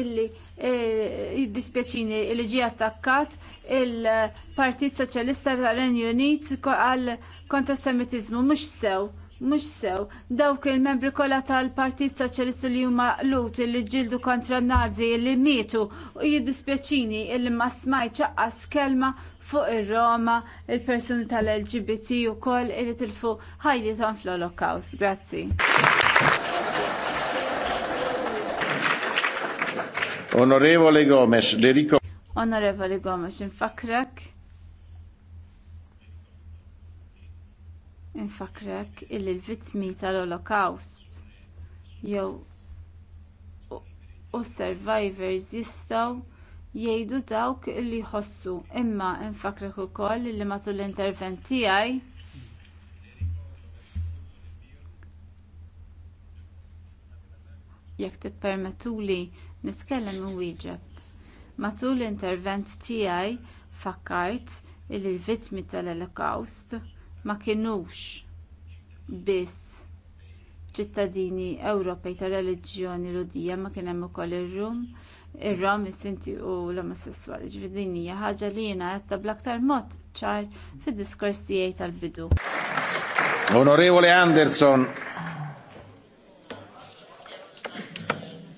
illi jiddispjaċini eh, illi ġie attakkat il-Partit Soċjalista tar-Renju Unit għal kontrasemitiżmu mhux sew mhux sew dawk il-membri kollha tal-Partit Soċjalista li huma lut li ġildu kontra n-Nazi li mietu u jiddispjaċini illi ma smajt ċaqqas kelma fuq ir-Roma, il-persuni tal-LGBT u koll illi tilfu ħajjithom fl-Holocaust. Grazzi. Onorevole Gomes, Deriko. Onorevole Gomes, infakrak. Infakrak illi l-vittmi tal-Holocaust jew u survivors jistgħu jgħidu dawk li jħossu imma nfakrek ukoll li matul l-intervent tiegħi jekk tippermettuli nitkellem inwieġeb matul l-intervent tiegħi fakkart li l-vittmi tal-olokawst ma kinux biss ċittadini ewropej ta' reliġjoni ludija ma kien hemm ukoll ir-rum ir-ra mis-sinti u l-omosessuali ġifieri din hija ħaġa li jiena qed bl-aktar mod ċar fid-diskors tiegħi tal-bidu. Onorevole Anderson.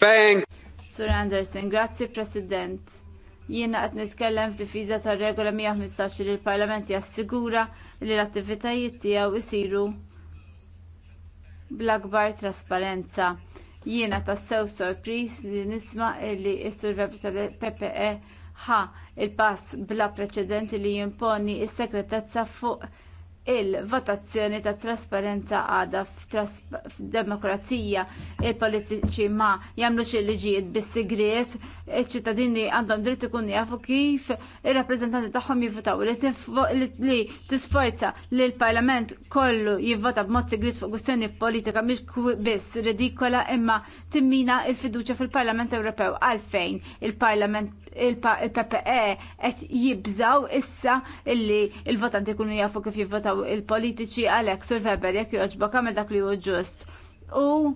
Thank. Sur Anderson, grazzi President. Jiena qed nitkellem f'difiża tar-regola 115 li l-Parlament jassigura li l-attivitajiet tiegħu isiru bl-akbar trasparenza Jiena tassew sorpriż li nisma li s-survep tal-PPE ħa il-pass bla preċedenti li jimponi s segretezza fuq il-votazzjoni ta' trasparenza għadha f'demokrazija il-politiċi ma jagħmlux il-liġijiet bis-sigriet, iċ-ċittadini għandhom dritt ikun jafu kif ir-rappreżentanti tagħhom jivvotaw li tisforza li l-Parlament kollu jivvota b'mod sigriet fuq kwistjoni politika mhix biss ridikola imma timmina l-fiduċja fil-Parlament Ewropew għalfejn il-Parlament il-PPE qed jibżaw issa illi l votanti jkunu jafu kif jivvotaw taw il-politiċi għalek sur Weber jek joġba għamel dak li hu ġust. U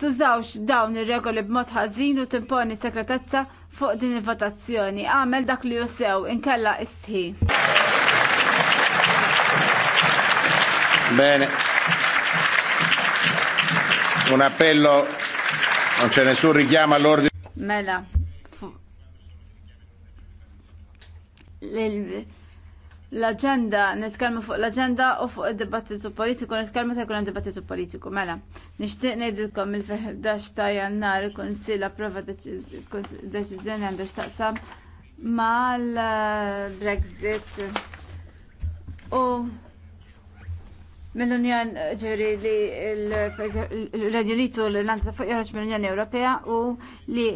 tużawx dawn ir-regoli b'mod ħażin u timponi sekretezza fuq din il-votazzjoni. Għamel dak li jussew inkella istħi. Bene. Un appello, non c'è nessun richiamo all'ordine. Mela. Fu l-agenda, nitkellmu fuq l-agenda u fuq id-dibattitu politiku, nitkellmu ta' kunem dibattitu politiku, mela. Nishtiq nejdilkom il-11 ta' jannar il konsil approva deċizjoni għandu x'taqsam ma' l brexit u mill-Unjon ġeri li l-Renju Unitu l-Irlanda ta' fuq joħroġ mill-Unjoni Ewropea u li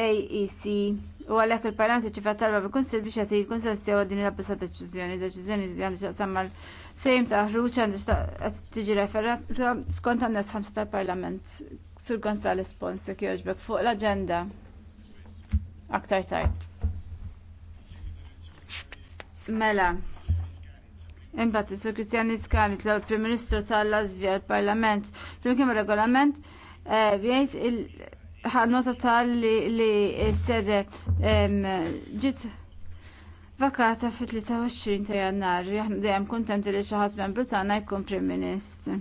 AEC U għalhekk il-Parlament ċifra talba bil-Kunsil biex jati l-Kunsens tiegħu din il-abbisa deċizjoni, deċiżjoni li għandha x'aqsam mal-fejm ta' ħruġ għandha qed tiġi referata skont għandas ħamsa tal-Parlament. Sur Gonzales l jekk kjoġbek fuq l agenda aktar tajt. Mela, Imbagħad is-Sur Kristjani Skani tlaw il-Prim Ministru tal-Latvja l-Parlament flimkien regolament eh, il ħannota tal li s-sede ġit vakata fit-23 ta' jannar, dejjem kontenti li xi minn Britanna jkun Prim Ministru.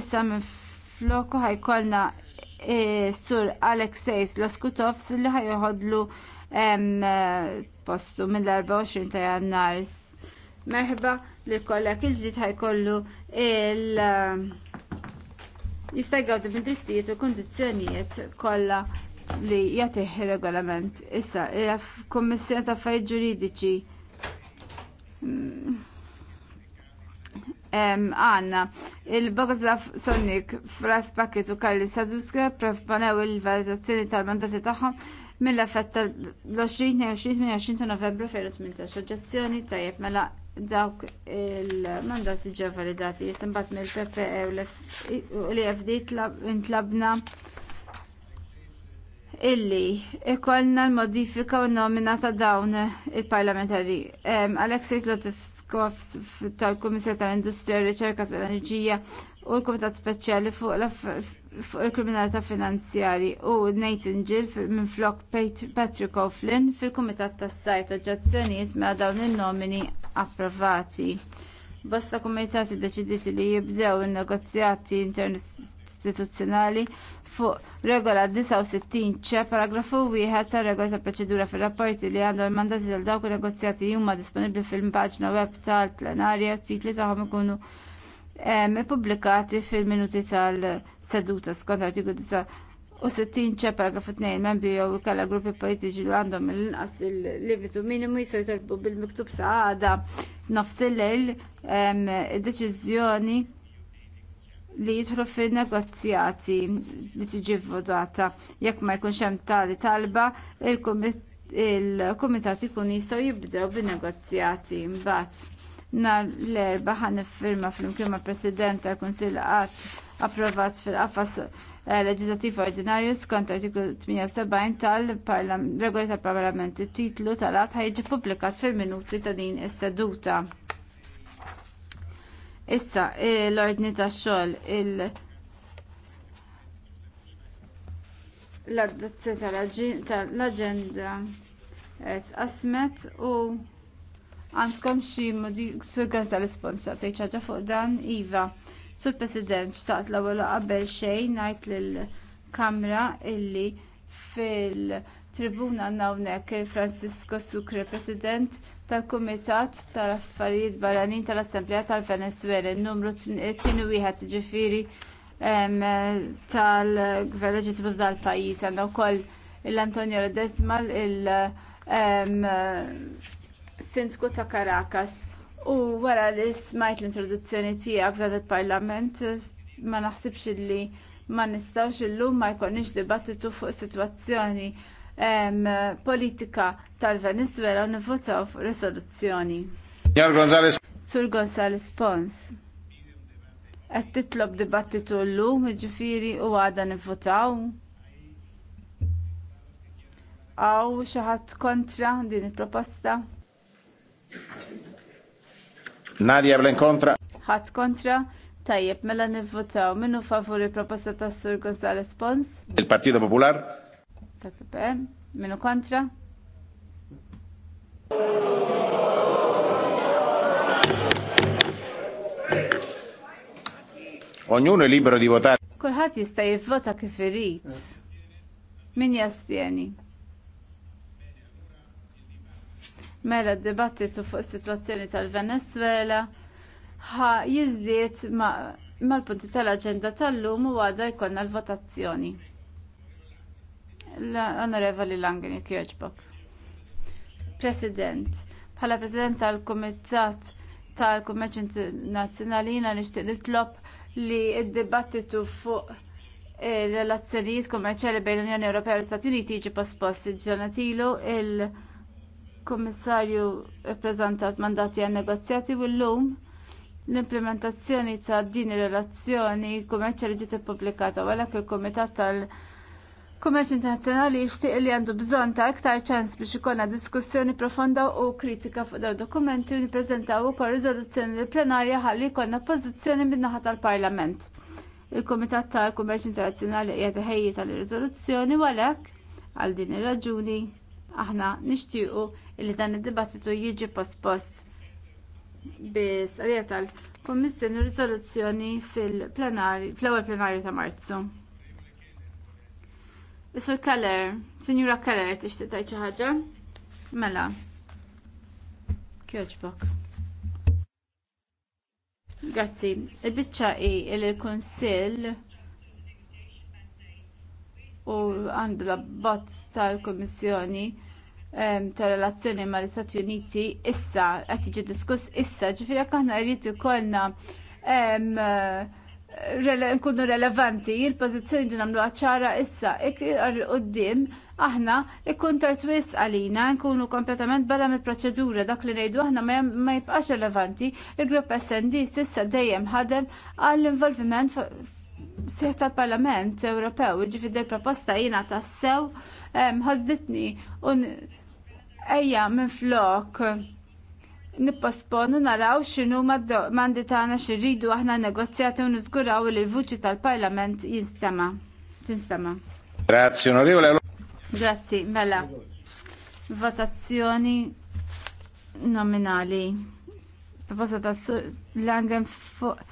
issa minn floku ħajkollna e, sur Alexejs Laskutovs li ħajoħodlu postu mill-24 ta' jannar. Merħba li kollek il-ġdid ħajkollu -il jistagawdu mid-drittijiet u kundizzjonijiet kollha li jagħtih ir-regolament. Issa, il-Kummissjoni ta' Affarijiet Ġuridiċi għanna il-Bogoslav Sonnik, Fraf Paket u Karli Saduska prepanew il-valutazzjoni tal-mandati tagħhom mill-effett tal-20-28 ta' novembru 2018. Oġġezzjoni tajjeb mela dawk il-mandati ġew validati jisimbat mill-PPE u l-EFD intlabna illi ikollna l-modifika u nomina ta' dawn il-parlamentari. Alexis Latifskov tal-Kummissar tal-Industrija u Riċerka tal-Enerġija u l-Kumitat Speċjali fuq l-Farf fuq il-kriminalità finanzjari u Nathan Gill minn flok Patrick O'Flynn fil-Kumitat tas-Sajt Oġġazzjonijiet ma' dawn in-nomini approvati. Bosta kumitati deċidiet li jibdew in-negozjati interistituzzjonali fuq regola 69 ċe paragrafu wieħed tar regola ta' proċedura fir-rapporti li għandhom mandati tal dawk negozjati huma disponibbli fil-paġna web tal-plenarja tikli tagħhom ikunu ippubblikati ehm, fil-minuti tal- seduta skont artiklu 69 ċe paragrafu 2 membri jew kalla gruppi politiċi li għandhom il inqas il-limitu minimu jistgħu jitolbu bil-miktub saħada nafs il-lejl deċiżjoni li jidħlu fin negozjati li tiġi vvotata jekk ma jkunx hemm tali talba il-kumitat ikun jistgħu jibdew bin-negozjati mbagħad nhar l-erba' ħaniffirma flimkien mal-President tal-Kunsill qatt approvat fil-qafas eh, leġislativ ordinarju skont artiklu 78 tal-regoli tal-Parlament. It-titlu tal-att ħajġi publikat fil-minuti ta' din is-seduta. Issa, l-ordni tax-xogħol il- l-adozzjoni tal-aġenda tqasmet u għandkom xi sur gazza l-isponsor tgħid fuq dan iva. Sur President, xtaqt l-ewwel qabel xejn ngħid lill-Kamra illi fil-tribuna hawnhekk il-Francisco Sucre, President tal-Kumitat tal-Affarijiet Barranin tal-Assemblea tal in numru tieni wieħed jiġifieri tal-gvern leġittimu tal-pajjiż għandna wkoll l-Antonio ledezma il- sindku ta' Caracas U wara li smajt l-introduzzjoni tiegħek f'dan il-Parlament ma naħsibx li ma nistgħux illum ma jkollniex dibattitu fuq is-sitwazzjoni politika tal-Venezuela u nivvotaw fuq risoluzzjoni. Sur Gonzales Pons. Qed titlob dibattitu llum, jiġifieri u għada nivvotaw għaw xi ħadd kontra din il-proposta? Nadja blen kontra. Ħadd kontra. Tajjeb, mela nivvotaw. Minnu favuri proposta ta' Sur Gonzales Pons? Il-Partito Popolar? Ta' PP. Minnu kontra? Ognuno è libero di votare. Kulħadd jista' jivvota kif irid. Min jastieni? Mela d-dibattitu fuq is-sitwazzjoni tal venezwela ħa jiżdied mal-punti tal-aġenda tal-lum u għadha jkollna l-votazzjoni. L-Onorevoli Langeni Kjoġbok. President, bħala President tal-Kumitat tal-Kummerċ Internazzjonali jiena nixtieq nitlob li d-dibattitu fuq ir-relazzjonijiet kummerċjali bejn l-Unjoni Ewropea u l-Istati Uniti jiġi pospost fil-ġenatilu il-, -il kummissarju ppreżentat mandati għan negozjati u llum l-implementazzjoni ta' din ir-relazzjoni kummerċjali ġiet ippubblikata għalhekk il-kumitat tal- Kummerċ internazzjonali jixtieq li għandu bżonn ta' iktar ċans biex ikollna diskussjoni profonda u kritika fuq dawn dokumenti u nippreżentaw ukoll riżoluzzjoni lill plenarja ħalli jkollna pożizzjoni min-naħa tal-Parlament. Il-Kumitat tal-Kummerċ Internazzjonali qiegħed iħejji tal-riżoluzzjoni u għalhekk għal din ir-raġuni aħna nixtiequ li dan id-dibattitu jiġi pospost biss għalija tal-Kummissjoni riżoluzzjoni fil-plenarju fl-ewwel plenarju ta' Marzu. Isur Keller, Sinjura Keller, tixtieq tgħid xi ħaġa? Mela. Kjoġbok. Grazzi. Il-biċċa hi il kunsill u għandu l-abbozz tal-Kummissjoni ta' relazzjoni mal istati Uniti issa qed tiġi diskuss issa ġifieri jekk aħna jrid ikollna nkunu relevanti il-pożizzjoni ġi nagħmluha ċara issa iktar qudiem aħna ikkun tartwis għalina nkunu kompletament barra mill proċedura dak li ngħidu aħna ma jibqax relevanti il-grupp SND s'issa dejjem ħadem għall-involviment seħħ tal-Parlament Ewropew, ġifidi proposta jiena tassew ħazditni un Ejja, minn flok, nipposponu naraw x'inhu mandi tagħna xirridu aħna negozjati u niżguraw li l-vuċi tal-Parlament jinstema. Tinstema. Grazie onorevole. Grazzi, mela. Votazzjoni nominali. Proposta ta' langen fuq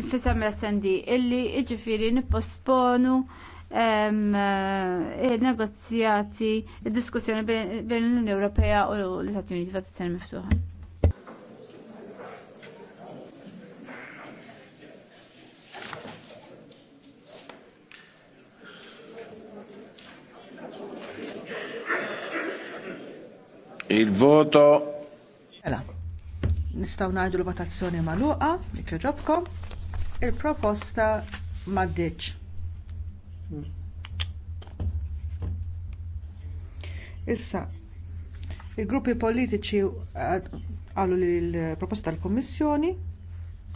il-fisam l-SND illi iġifiri nipposponu Eh, negozjati id-diskussjoni bejn l-Unjoni Ewropea u l-Istati Uniti f'attenzjoni miftuħa. Il-voto. Ela, nistaw najdu l-votazzjoni maluqa, jekk joġobkom, il-proposta maddiċ. Issa, il-gruppi politiċi qalu eh, li l-proposta tal kummissjoni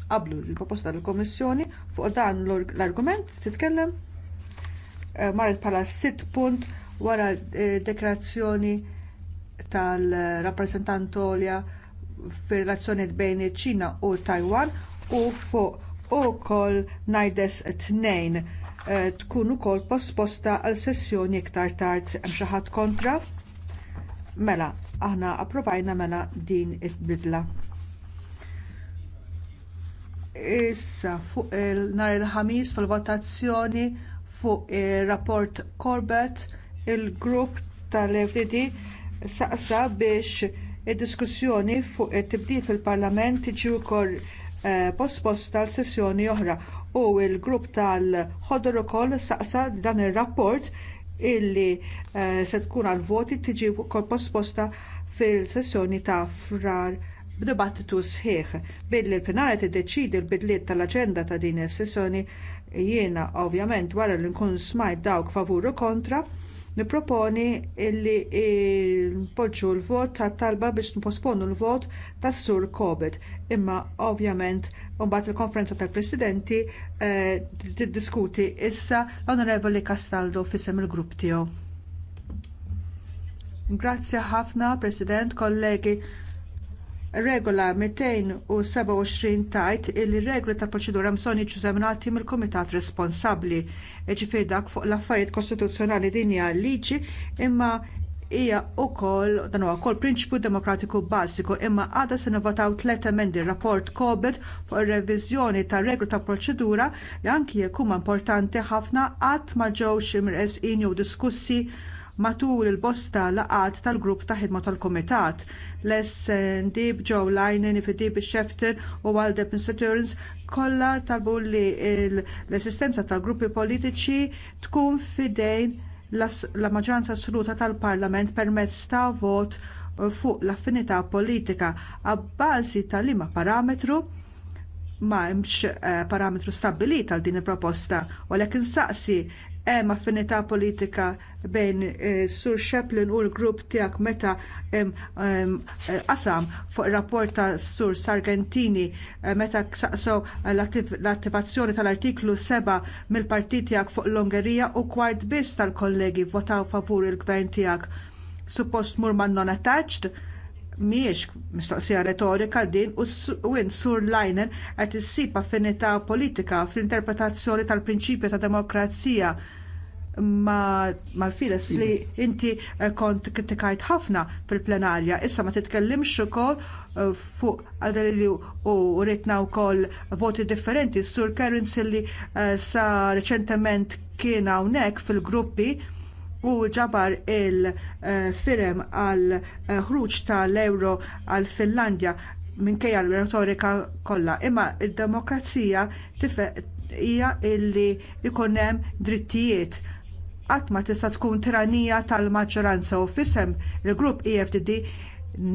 qablu l-proposta tal kummissjoni fuq dan l-argument titkellem eh, marret bħala sitt punt wara eh, dekrazzjoni tal-rappresentant Olja fir-relazzjonijiet bejn iċ-Ċina u Taiwan u fuq ukoll ngħides tnejn Eh, tkun ukoll posposta għal sessjoni iktar tard hemm xi ħadd kontra. Mela, aħna approvajna mela din it-bidla. Issa fuq il-nhar il-ħamis fil-votazzjoni fuq ir rapport Corbett il-grupp tal-FDD saqsa biex id-diskussjoni fuq it-tibdil fil-Parlament tiġi wkoll eh, posposta għal sessjoni oħra u l-grupp tal-ħodor ukoll saqsa dan ir-rapport illi eh, se tkun għal voti tiġi wkoll posposta fil-sessjoni ta' frar b'dibattitu sħiħ billi l-plenarja tiddeċidi l-bidliet tal-aġenda ta' din is-sessjoni jiena ovvjament wara li nkun smajt dawk favur u kontra Nipproponi illi npoġġu l-vot tat talba biex nposponu l-vot tas sur Kobet. Imma ovvjament mbagħad il-konferenza tal-presidenti eh, tiddiskuti issa l-Onorevoli Castaldo fissem il-grupp tiegħu. Grazzi ħafna, President, kollegi regola 227 tajt li r ta' proċedura mson jiġu eżaminati mill-kumitat responsabbli. Ġifieri dak fuq l-affarijiet kostituzzjonali din hija liġi imma hija wkoll dan huwa prinċipju demokratiku bażiku imma għada se nivvotaw tliet emendi rapport Kobet fuq ir-reviżjoni tar-regru ta' proċedura li anki jekk huma importanti ħafna qatt ma ġewx imresqin jew diskussi matul il-bosta laqat tal-grupp ta' ħidma tal kumitat l Joe b'Joe Linen, ifidib Shefter u Waldep Inspectors kollha talbu li l-assistenza tal-gruppi politiċi tkun fidejn la maġġoranza assoluta tal-Parlament permezz ta' vot fuq l-affinità politika għabbażi tal-ima parametru ma eh, parametru stabbilit għal din il-proposta u għalhekk insaqsi hemm affinità politika bejn eh, Sur Sheplin u l-grupp tiegħek meta eh, qasam fuq ir rapport ta' Sur Sargentini eh, meta saqsow l-attivazzjoni tal-artiklu 7 mill-partit tiegħek fuq l-Ungerija u kwart biss tal-kollegi votaw favur il-gvern tiegħek. Suppost mur man non attached, miex mistoqsija retorika din u in sur Leinen qed issib affinità politika fl-interpretazzjoni tal-prinċipju ta' demokrazija mal-files li iva. inti eh, kont kritikajt ħafna fil-plenarja. Issa ma titkellimx ukoll eh, fuq għadalili u ritna wkoll voti differenti. Sur Karen Silli eh, sa reċentement kien hawnhekk fil-gruppi u ġabar il-firem għal eh, ħruġ tal-euro għal Finlandja minkejja l-retorika kollha. Imma d demokrazija hija illi ikun hemm drittijiet Qatt ma tista' tkun tiranija tal-maġġoranza u fisem il-grupp EFDD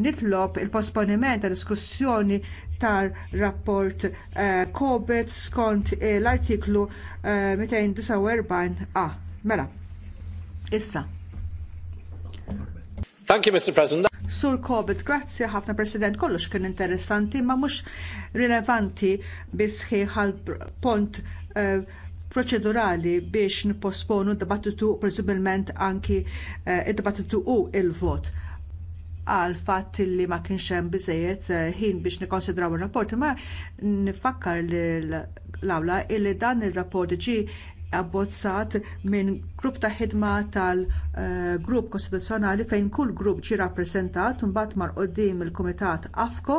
nitlob il-posponiment ta' diskussjoni tar rapport eh, COVID skont eh, l-artiklu 249a. Mela, Issa. Thank you, Mr. President. Sur Covid, grazzi ħafna President, kollox kien interessanti, ma mhux rilevanti bisħiħ għal pont eh, proċedurali biex nipposponu d-dibattitu presubilment anki eh, d-dibattitu u il-vot għal fatt li ma kienx hemm biżejjed eh, ħin biex nikkonsidraw ir-rapport, ma nifakkar l-awla li dan ir-rapport ġie abbozzat minn grupp ta' ħidma tal-grupp kostituzzjonali fejn kull grupp ġie rappreżentat mbagħad mar quddiem il-Kumitat AFCO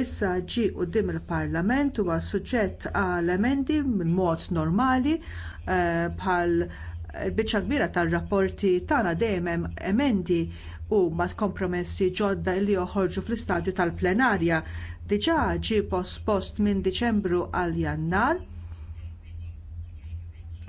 issa ġie quddiem il-Parlament huwa suġġett għal emendi minn mod normali eh, bħal il-biċċa kbira tar-rapporti tagħna dejjem hemm emendi u mat kompromessi ġodda li joħorġu fl-istadju tal-plenarja diġà ġie pospost minn Diċembru għal Jannar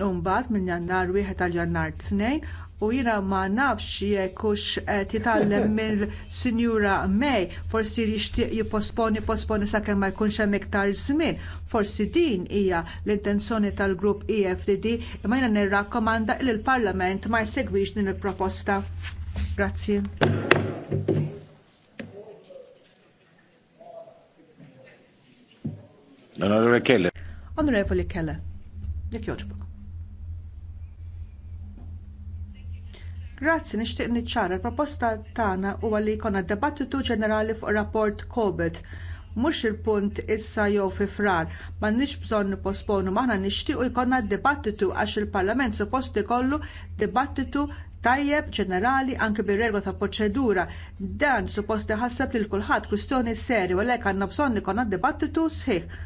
Umbat minn jannar wieħed għal jannar tnejn u jiena ma nafx jekkux qed jitgħallem mill-Sinjura May forsi jixtieq jipposponi posponi sakemm ma jkunx hemm iktar żmien. Forsi din hija l-intenzjoni tal-grupp EFDD imma jiena nirrakkomanda li il parlament ma jsegwix din il-proposta. Grazzi. Onorevoli Kelle, Jekk joġbok. Grazzi nixtieq niċċara l-proposta tagħna huwa li jkollna dibattitu ġenerali fuq rapport Kobet. Mhux il-punt issa jew fi frar, m'għandniex bżonn nipposponu maħna nixtiequ jkollna dibattitu għax il-Parlament suppost ikollu dibattitu tajjeb ġenerali anke bir-regola ta' proċedura. Dan suppost iħasseb lil kulħadd kwistjoni serju għalhekk għandna bżonn ikollna dibattitu sħiħ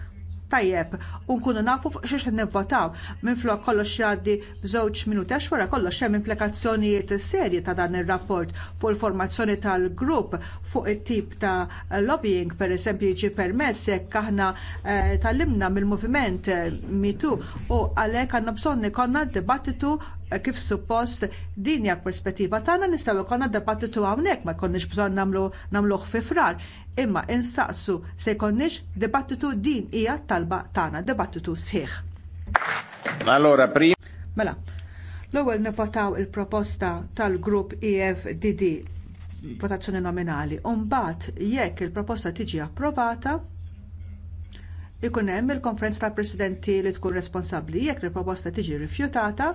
tajjeb u nkunu nafu fuq xiex nivvotaw minflok kollox jgħaddi b'żewġ minuti għax wara kollox hemm implikazzjonijiet serji ta' dan ir-rapport fuq il-formazzjoni tal-grupp fuq it-tip ta' lobbying pereżempju jiġi permess jekk aħna eh, tal-imna mill-moviment eh, mitu u għalhekk għandna bżonn ikollna dibattitu eh, kif suppost din perspettiva tagħna nistgħu jkollna dibattitu hawnhekk ma jkollniex bżonn nagħmlu nagħmluh fi frar imma insaqsu se jkollniex dibattitu din hija talba tagħna dibattitu sħiħ. Allora, prim... Mela, l-ewwel nivotaw il-proposta tal-grupp EFDD votazzjoni nominali. u mbagħad jekk il-proposta tiġi approvata, ikun hemm il-konferenza tal presidenti li tkun responsabbli jekk il-proposta tiġi rifjutata,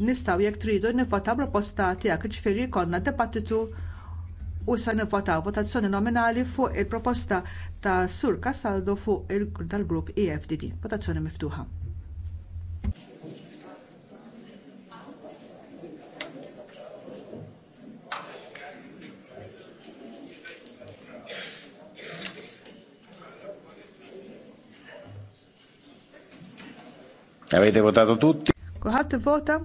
nistgħu jekk tridu nivvota proposta tiegħek ġifieri jkollna dibattitu u sa nivvotaw votazzjoni nominali fuq il-proposta ta' Sur Castaldo fuq il-grupp EFDD. Votazzjoni miftuħa. Avete votato tutti? Kuħat vota?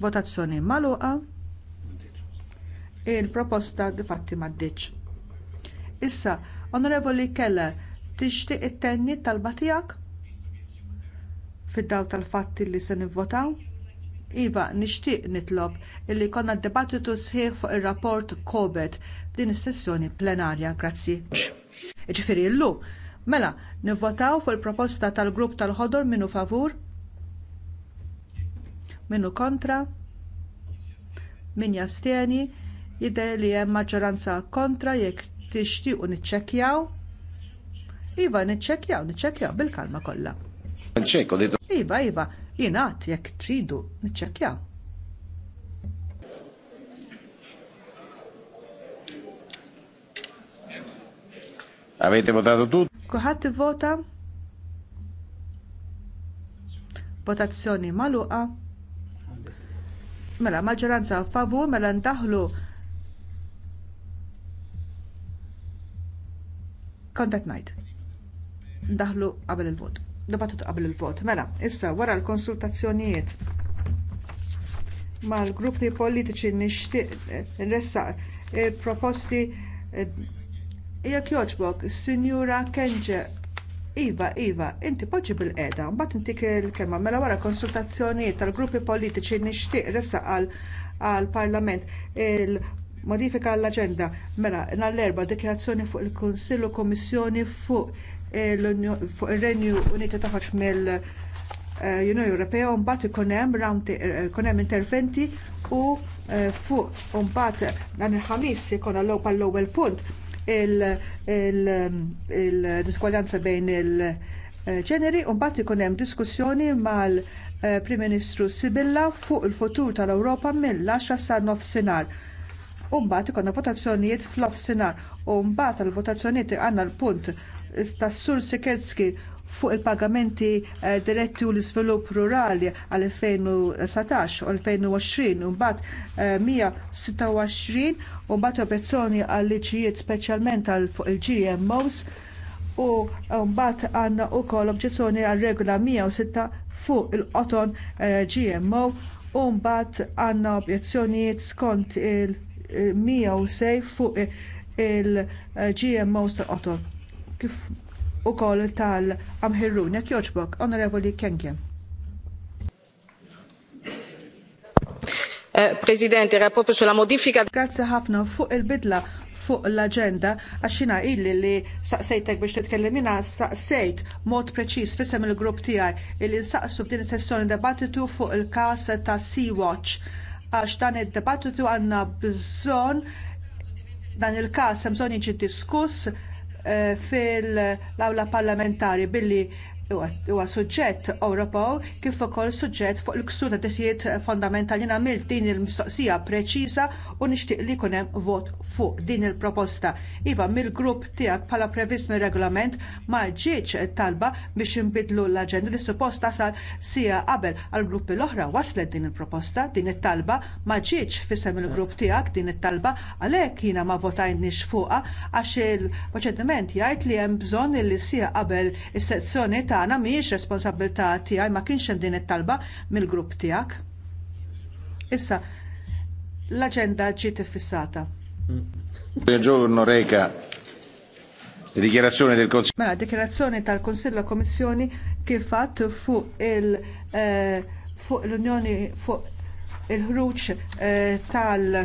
Votazzjoni maluqa il-proposta fatti m'għaddietx. Issa, Onorevoli Keller, tixtieq it-tenni talba tiegħek? Fid-daw tal-fatti li se nivvotaw? Iva, nixtieq nitlob illi konna dibattitu sħiħ fuq ir-rapport Kobet din is-sessjoni plenarja, grazzi. Ġifieri llum, mela, nivvotaw fuq il-proposta tal-grupp tal-ħodor minnu favur? Minnu kontra? Min jastieni? jidher li hemm maġġoranza kontra jekk tixtiequ niċċekkjaw. Iva, niċċekkjaw, niċċekkjaw bil-kalma kollha. Iva, iva, jingħad jekk tridu niċċekkjaw. Avete votato tutti? Kuħat vota? Votazzjoni maluqa? Mela maġġoranza favur mela ndaħlu kontat ngħid. Ndaħlu qabel il-vot. Dabatut qabel il-vot. Mela, issa wara l-konsultazzjonijiet mal-gruppi politiċi nixtieq nressaq eh, il-proposti eh, eh, jekk jogħġbok, Sinjura Kenġe, Iva, Iva, inti poġġi bil-qeda, mbagħad intik il-kelma mela wara konsultazzjonijiet tal-gruppi politiċi nixtieq irressaq għal parlament il modifika l-aġenda mela nhar l-erba' dikjarazzjoni fuq il-Kunsill u Kummissjoni fuq eh, ir-Renju Uniti toħroġ mill-Unjoni eh, Ewropea u mbagħad ikun hemm round eh, interventi u fuq u mbagħad dan il-ħamis ikun allow pal-ewwel punt il-diskwaljanza bejn il-ġeneri u mbagħad ikun hemm diskussjoni mal Prim Ministru Sibilla fuq il-futur tal-Ewropa mill-10 sa nofsinhar u mbagħad ikonna votazzjonijiet fl-offsinar u mbagħad tal votazzjonijiet għandna l-punt tas-sur Sikerski fuq il-pagamenti eh, diretti u l-iżvilupp rurali għal 2017 u 2020 u mbagħad 126 eh, u mbagħad operazzjoni għal liġijiet speċjalment għal fuq il-GMOs u eh, mbagħad għandna wkoll obġezzjoni għal regola 106 fuq il-qoton GMO u mbagħad għandna objezzjonijiet skont il- 106 fuq il gmo tal-qotol kif koll tal-amħirrun jekk jogħġbok, Onorevoli Kenke. Eh, Presidente, era proprio sulla modifica. Grazie ħafna fuq il-bidla fuq l agenda għax illi li saqsejtek biex titkellimina saqsejt mod preċiż fissem il-grupp tiegħi illi nsaqsu f'din is-sessjoni debattitu fuq il-każ ta' Sea-Watch għax dan id-dibattitu għanna bżon dan il kas hemm bżonn jiġi diskuss eh, fil-awla parlamentari billi huwa suġġett Ewropew kif ukoll suġġett fuq il-ksur ta' drittijiet fondamentali għamilt din il-mistoqsija preċiża u nixtieq li jkun hemm vot fuq din il-proposta. Iva mill-grupp tiegħek bħala previst mir-regolament ma ġietx talba biex inbidlu l-aġenda li suppost tasal sija qabel għall gruppi l-oħra waslet din il-proposta, din it-talba ma ġietx fisem il-grupp tiegħek din it-talba għalhekk jiena ma votajniex fuqha għax il-proċediment jgħid li hemm bżonn li sija qabel is-sezzjoni ta' tagħna mhijiex responsabilità tiegħi ma kienx hemm din it-talba mill-grupp tiegħek. Issa l-aġenda ġiet iffissata. Buongiorno Reca. Dikjerazzjoni del Consiglio. Mela, dikjerazzjoni tal-Konsill Kommissjoni kif fatt fuq il eh, fuq l-Unjoni fuq il-ħruġ eh, tal-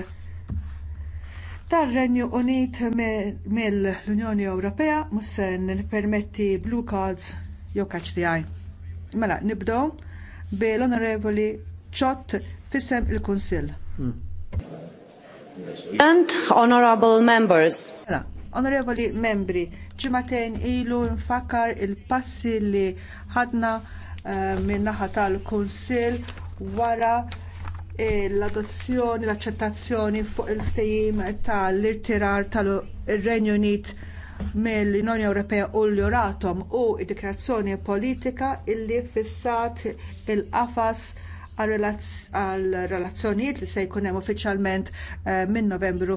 tar-Renju Unit mill-Unjoni Ewropea mhux se nippermetti blue cards jew kaċ tiegħi. Mela nibdew bil-Onorevoli Ċott fisem il-Kunsill. Hmm. And honorable members. Mela, onorevoli membri, ġimatejn ilu nfakkar il-passi li ħadna minn eh, min naħa tal-Kunsill wara l-adozzjoni, l-accettazzjoni fuq il-ftehim tal-irtirar tal-Renju Unit mill-Unjoni Ewropea u l-Juratom u id-dikrazzjoni politika illi fissat il-qafas għal relazzjonijiet li se jkun hemm uffiċjalment eh, minn Novembru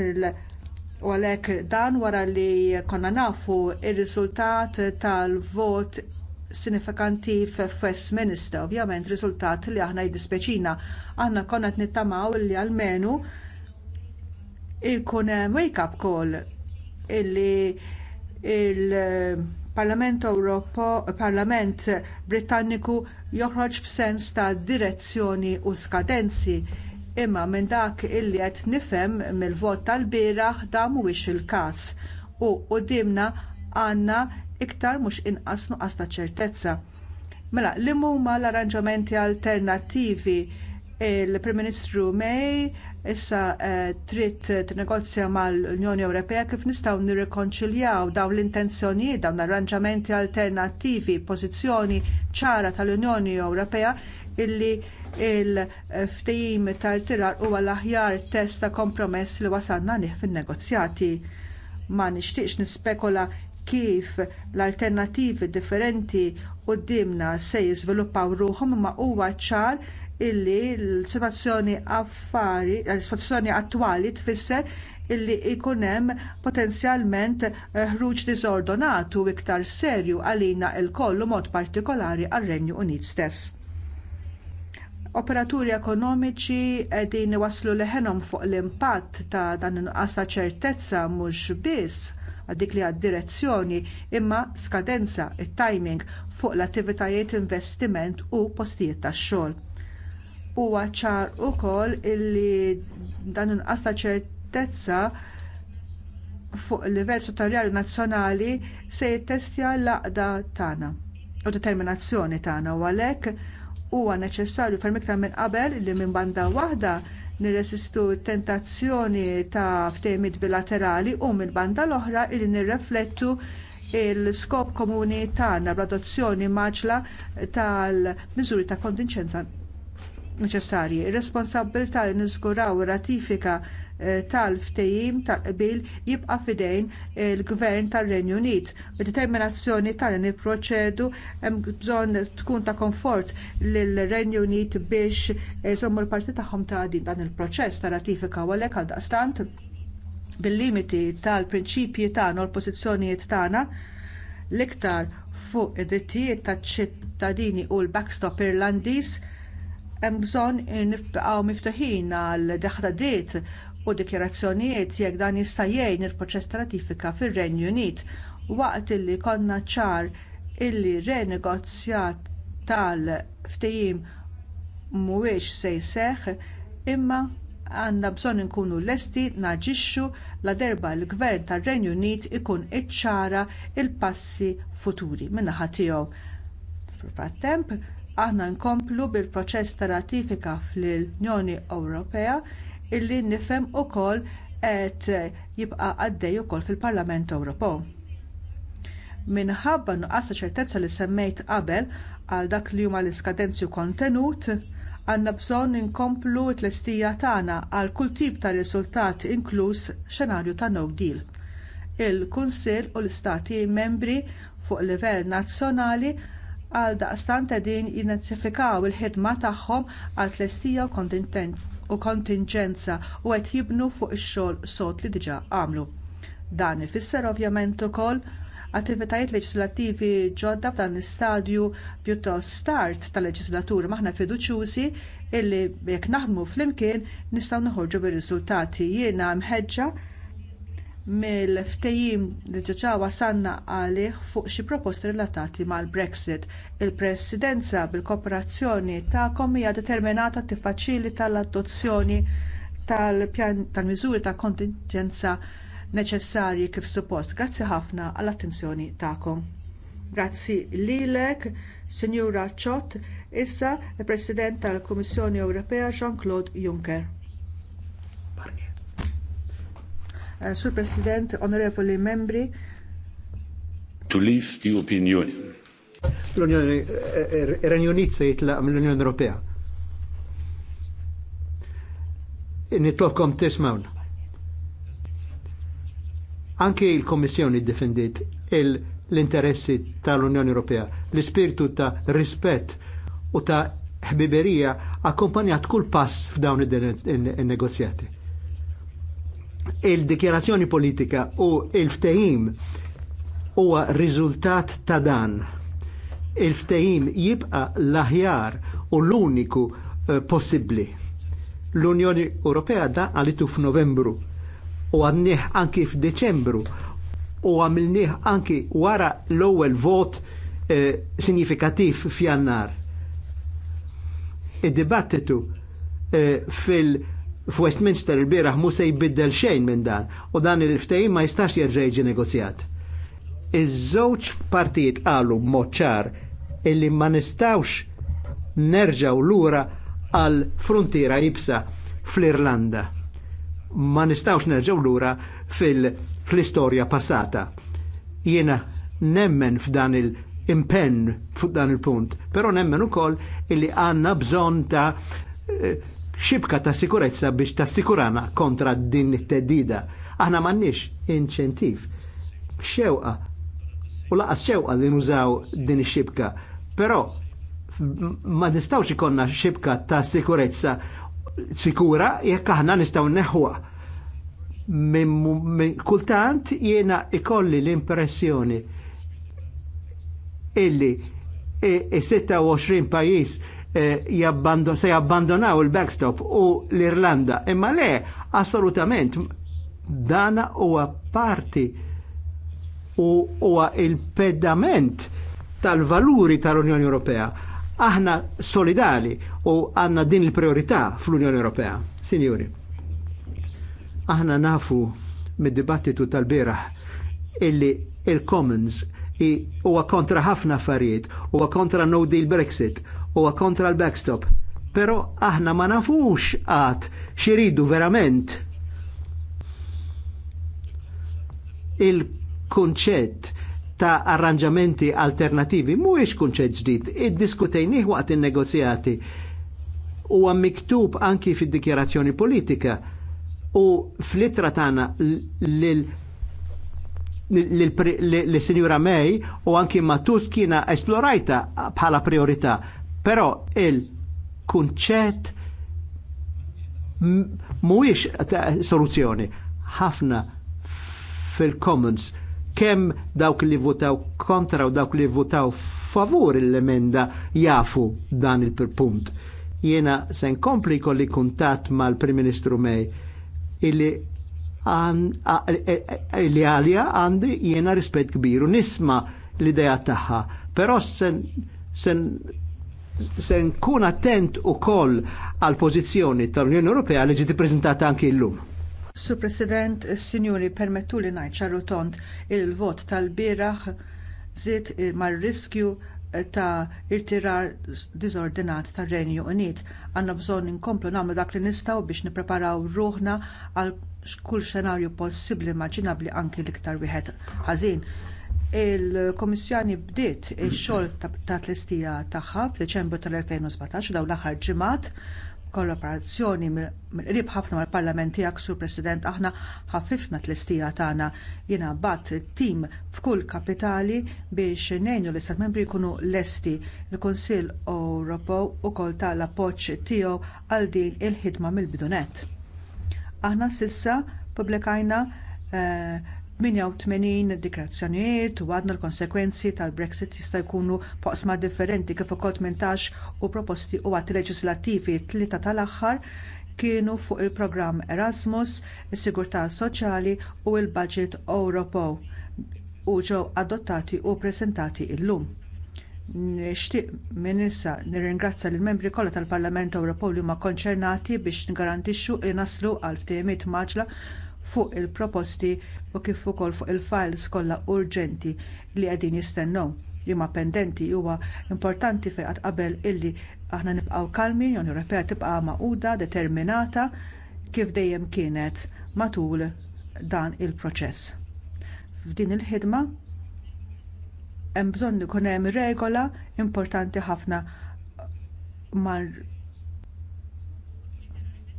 mill u għalhekk dan wara li konna nafu r riżultat tal-vot sinifikanti f'Westminster, ovvjament riżultat li aħna jiddispeċina. Aħna konna qed nittamaw li għalmenu ikun hemm wake-up call illi il-Parlament Ewropo, Parlament Britanniku joħroġ b'sens ta' direzzjoni u skadenzi imma minn dak illi qed nifhem mill-vot tal-bieraħ dan mhuwiex il-każ u qudiemna għandna iktar mhux inqas nuqqas ta' ċertezza. Mela, li huma l-arranġamenti alternattivi il-Prim Ministru May issa eh, trid tinnegozja mal-Unjoni Ewropea kif nistgħu nirrikonċiljaw dawn l-intenzjonijiet, dawn l-arranġamenti alternattivi, pożizzjoni ċara tal-Unjoni Ewropea illi l ftehim tal-tirar huwa l-aħjar test ta' kompromess li wasalna nih fin-negozjati. Ma nixtieqx nispekola kif l-alternattivi differenti quddiemna se jiżviluppaw ruhom imma huwa ċar illi l-situazzjoni affari, eh, l-situazzjoni attwali tfisser illi jkun hemm potenzjalment eh, ħruġ disordonatu iktar serju għalina lkoll u mod partikolari għar-Renju Unit stess operaturi ekonomiċi qegħdin waslu leħenhom fuq l-impatt ta' dan inqas ta' ċertezza mhux biss għal dik li għad-direzzjoni imma skadenza, it timing fuq l-attivitajiet investiment u postijiet tax xogħol. Huwa ċar ukoll illi dan inqas ta' ċertezza fuq il-livell settorjali nazzjonali se jittestja l-għaqda tagħna u determinazzjoni tagħna u għalhekk huwa neċessarju ferm iktar minn qabel li minn banda waħda nirresistu t tentazzjoni ta' ftehmiet bilaterali u mill banda l-oħra li nirreflettu l skop komuni tagħna bl-adozzjoni maġla tal-miżuri ta' kontinċenza neċessarji. Ir-responsabbilta li niżguraw ratifika eh, tal-ftehim tal-qbil jibqa' fidejn il-Gvern tar-Renju Unit. Bid-determinazzjoni tagħna nipproċedu hemm bżonn tkun ta' komfort lill-Renju Unit biex jżommu eh, l-parti tagħhom ta' din dan il-proċess ta' ratifika u għalhekk għaldaqstant bil-limiti tal-prinċipji tagħna u l-pożizzjonijiet tagħna l-iktar fuq id-drittijiet taċ-ċittadini u l-backstop Irlandiż hemm bżonn nibqgħu miftuħin għal deħladiet u dikjarazzjonijiet jekk dan jista' jgħin il-proċess ta' ratifika fir-Renju Unit waqt illi konna ċar illi renegozjat tal-ftehim mhuwiex se jseħħ imma għandna bżonn inkunu lesti naġixxu la darba l-Gvern tar-Renju Unit ikun iċċara l passi futuri min-naħa tiegħu. Frattemp, aħna nkomplu bil-proċess ta' ratifika fl-Unjoni Ewropea illi nifhem ukoll qed jibqa' għaddej ukoll fil-Parlament Ewropew. Minħabba nuqqas ta' ċertezza li semmejt qabel għal dak li huma l-iskadenzi kontenut, għandna bżonn inkomplu t-lestija tagħna għal kull tip ta' riżultat inkluż xenarju ta' no deal. Il-Kunsill u l-Istati membri fuq livell nazzjonali għal daqstant qegħdin jintensiffikaw il-ħidma tagħhom għal tlestija u kontinġenza u qed jibnu fuq ix-xogħol sot li diġà għamlu. Dan ifisser ovvjament ukoll attivitajiet leġislattivi ġodda f'dan l-istadju pjuttost start tal-leġislatura maħna fiduċjużi illi jekk naħdmu flimkien nistgħu noħorġu bir-riżultati. Jiena mħeġġa mill-ftehim li ġeċa wasanna għalih fuq xi proposti relatati mal-Brexit. Il-Presidenza bil-kooperazzjoni tagħkom hija determinata tiffaċilita l-adozzjoni tal-miżuri ta' kontingenza neċessarji kif suppost. Grazzi ħafna għall-attenzjoni tagħkom. Grazzi lilek, Signora Ċott, issa il-President tal-Kummissjoni Ewropea Jean-Claude Juncker. Sur President, onorevoli membri. To leave the European Union. L'Unione unjoni Renju Unit se jitlaq Nitlobkom tismawna. Anke il-Kommissjoni defendit l-interessi tal-Unjoni Ewropea, l-ispirtu ta' rispett u ta' ħbiberija akkompanjat kull pass f'dawn in-negozjati il-dikjerazzjoni politika u il-ftehim huwa riżultat ta' dan. Il-ftehim jibqa l-aħjar u l-uniku eh, possibbli. L-Unjoni Ewropea da għalitu f'Novembru u għadnieh anki f'Deċembru u għamilnieh anki wara l-ewwel vot eh, sinifikattiv f'Jannar. Id-dibattitu eh, fil- f'Westminster il-biraħ mu se jbiddel xejn minn dan u dan il-ftehim ma jistax jirġaj ġi negozjat. Iż-żewġ partijiet qalu b'mod ċar illi ma nistawx nerġaw lura għal frontiera jibsa fl-Irlanda. Ma nistawx nerġaw lura fil-istorja passata. Jiena nemmen f'dan il- impenn fuq dan il-punt, però nemmen ukoll illi għanna bżon ta' xibka ta' sikurezza biex ta' sikurana kontra din it-teddida. Aħna m'għandniex inċentiv. Xewqa. U laqas xewqa li nużaw din ix-xibka. Però ma nistgħux ikonna xibka ta' sikurezza sikura jekk aħna nistgħu neħwa. Kultant jiena ikolli l-impressjoni illi e, e 26 pajis Eh, se jabbandonaw il-backstop u l-Irlanda. Imma le, assolutament, dana huwa parti u huwa il-pedament tal-valuri tal-Unjoni Ewropea. Aħna solidali u għanna din il-priorità fl-Unjoni Ewropea. Sinjuri, aħna nafu mid-dibattitu tal beraħ illi il-Commons huwa kontra ħafna affarijiet, huwa kontra no deal Brexit, huwa kontra l-backstop. Però aħna ma nafux għad xiridu verament il-konċett ta' arranġamenti alternativi mhuwiex kunċett ġdid, iddiskutejnih waqt in-negozjati huwa miktub anki fid-dikjarazzjoni politika u fl-ittra tagħna lil l-Sinjura May u anki ma Tusk kiena esplorajta bħala priorità. Però il kunċet mhuwiex eh, soluzzjoni. Ħafna fil-Commons kemm dawk li votaw kontra u dawk li votaw favur l-emenda jafu dan il-punt. Jena sen kompli kolli kuntat mal-Prim Ministru May illi e, e, e, li għalja għandi jena rispet kbiru nisma l-ideja taħħa. Pero sen, sen se nkun attent u koll għal pożizzjoni tal-Unjoni Ewropea li ġiet ippreżentata anki llum. Sur President, Sinjuri, permettu li ngħid tont il-vot tal-bieraħ żied mar-riskju ta' irtirar diżordinat tar renju Unit. Għandna bżonn inkomplu nagħmlu dak li nistgħu biex nippreparaw ruħna għal kull xenarju possibbli maġinabbli anki l-iktar wieħed ħażin il-Komissjani bdiet ix-xogħol ta' tlestija tagħha f'Diċembru tal-2017 dawn l-aħħar ġimgħat kollaborazzjoni mill-qrib ħafna mal-Parlament tiegħek sur President aħna ħaffifna tlestija tagħna jiena bat tim f'kull kapitali biex ngħinu l istat membri jkunu lesti il-Kunsill Ewropew ukoll l appoġġ tiegħu għal din il-ħidma mill-bidunet. Aħna sissa publikajna eh, 88 dikrazzjonijiet u għadna l-konsekwenzi tal-Brexit jista' jkunu foqsma differenti kif ukoll tmintax u proposti u għatti leġislattivi tlieta tal-aħħar kienu fuq il-programm Erasmus, is-sigurtà soċjali u l-Baġit Ewropew u ġew adottati u ppreżentati llum. Nixtieq minn issa nirringrazzja lill membri kollha tal-Parlament Ewropew li huma konċernati biex ngarantixxu li naslu għal ftehimiet maġla fuq il-proposti u kif ukoll fuq il-files kollha urġenti li qegħdin jistennew li pendenti huwa importanti fejn qatt qabel illi aħna nibqgħu kalmi, l-Unjoni tibqa' maquda, determinata kif dejjem kienet matul dan il-proċess. F'din il-ħidma hemm bżonn ikun hemm regola importanti ħafna mar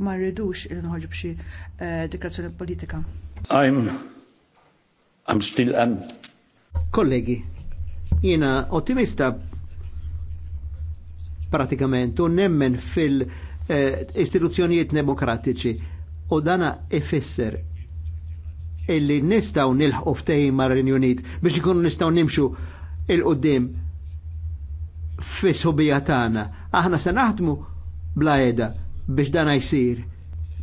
ma rridux il nħorġu b'xi eh, dikrazzjoni politika. I'm I'm still am. Kollegi, jiena ottimista pratikament u nemmen fil-istituzzjonijiet eh, demokratiċi u dana ifisser illi nistaw nilħu ftehim mar Unit biex ikunu nistaw nimxu il-qoddim fis-subija tagħna. Aħna se naħdmu bla eda biex dan jisir,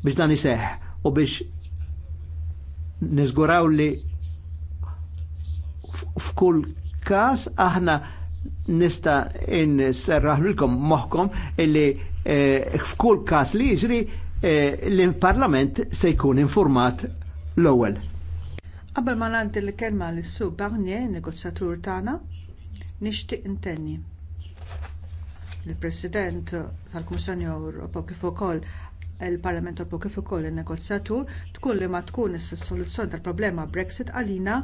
biex dan jiseħ u biex nizguraw li f'kull każ aħna nista nserraħ lilkom moħkom illi eh, f'kull każ li jiġri eh, l-Parlament se jkun informat l-ewwel. Qabel ma l-kelma l sur Barnier, negozjatur tagħna, nixtieq intenni il-President tal-Kummissjoni Ewropa kif ukoll il-Parlament Ewropew kif ukoll in-negozjatur tkun li ma tkun is-soluzzjoni tal-problema Brexit għalina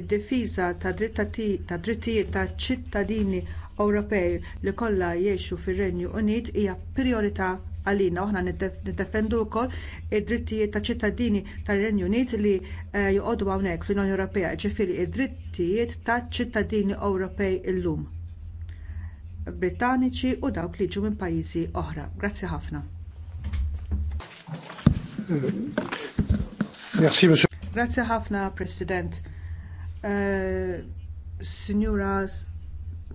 id-difiża tad drittijiet taċ ċittadini Ewropej li kollha jgħixu fir-Renju Unit hija prijorità għalina aħna niddefendu wkoll id-drittijiet taċ ċittadini tar-Renju Unit li eh, joqogħdu hawnhekk fl-Unjoni Ewropea, ġifieri id-drittijiet taċ ċittadini Ewropej illum. Brittaniċi u dawk li ġu minn pajjiżi oħra. Grazzi ħafna. Grazzi ħafna, President. Uh, Signora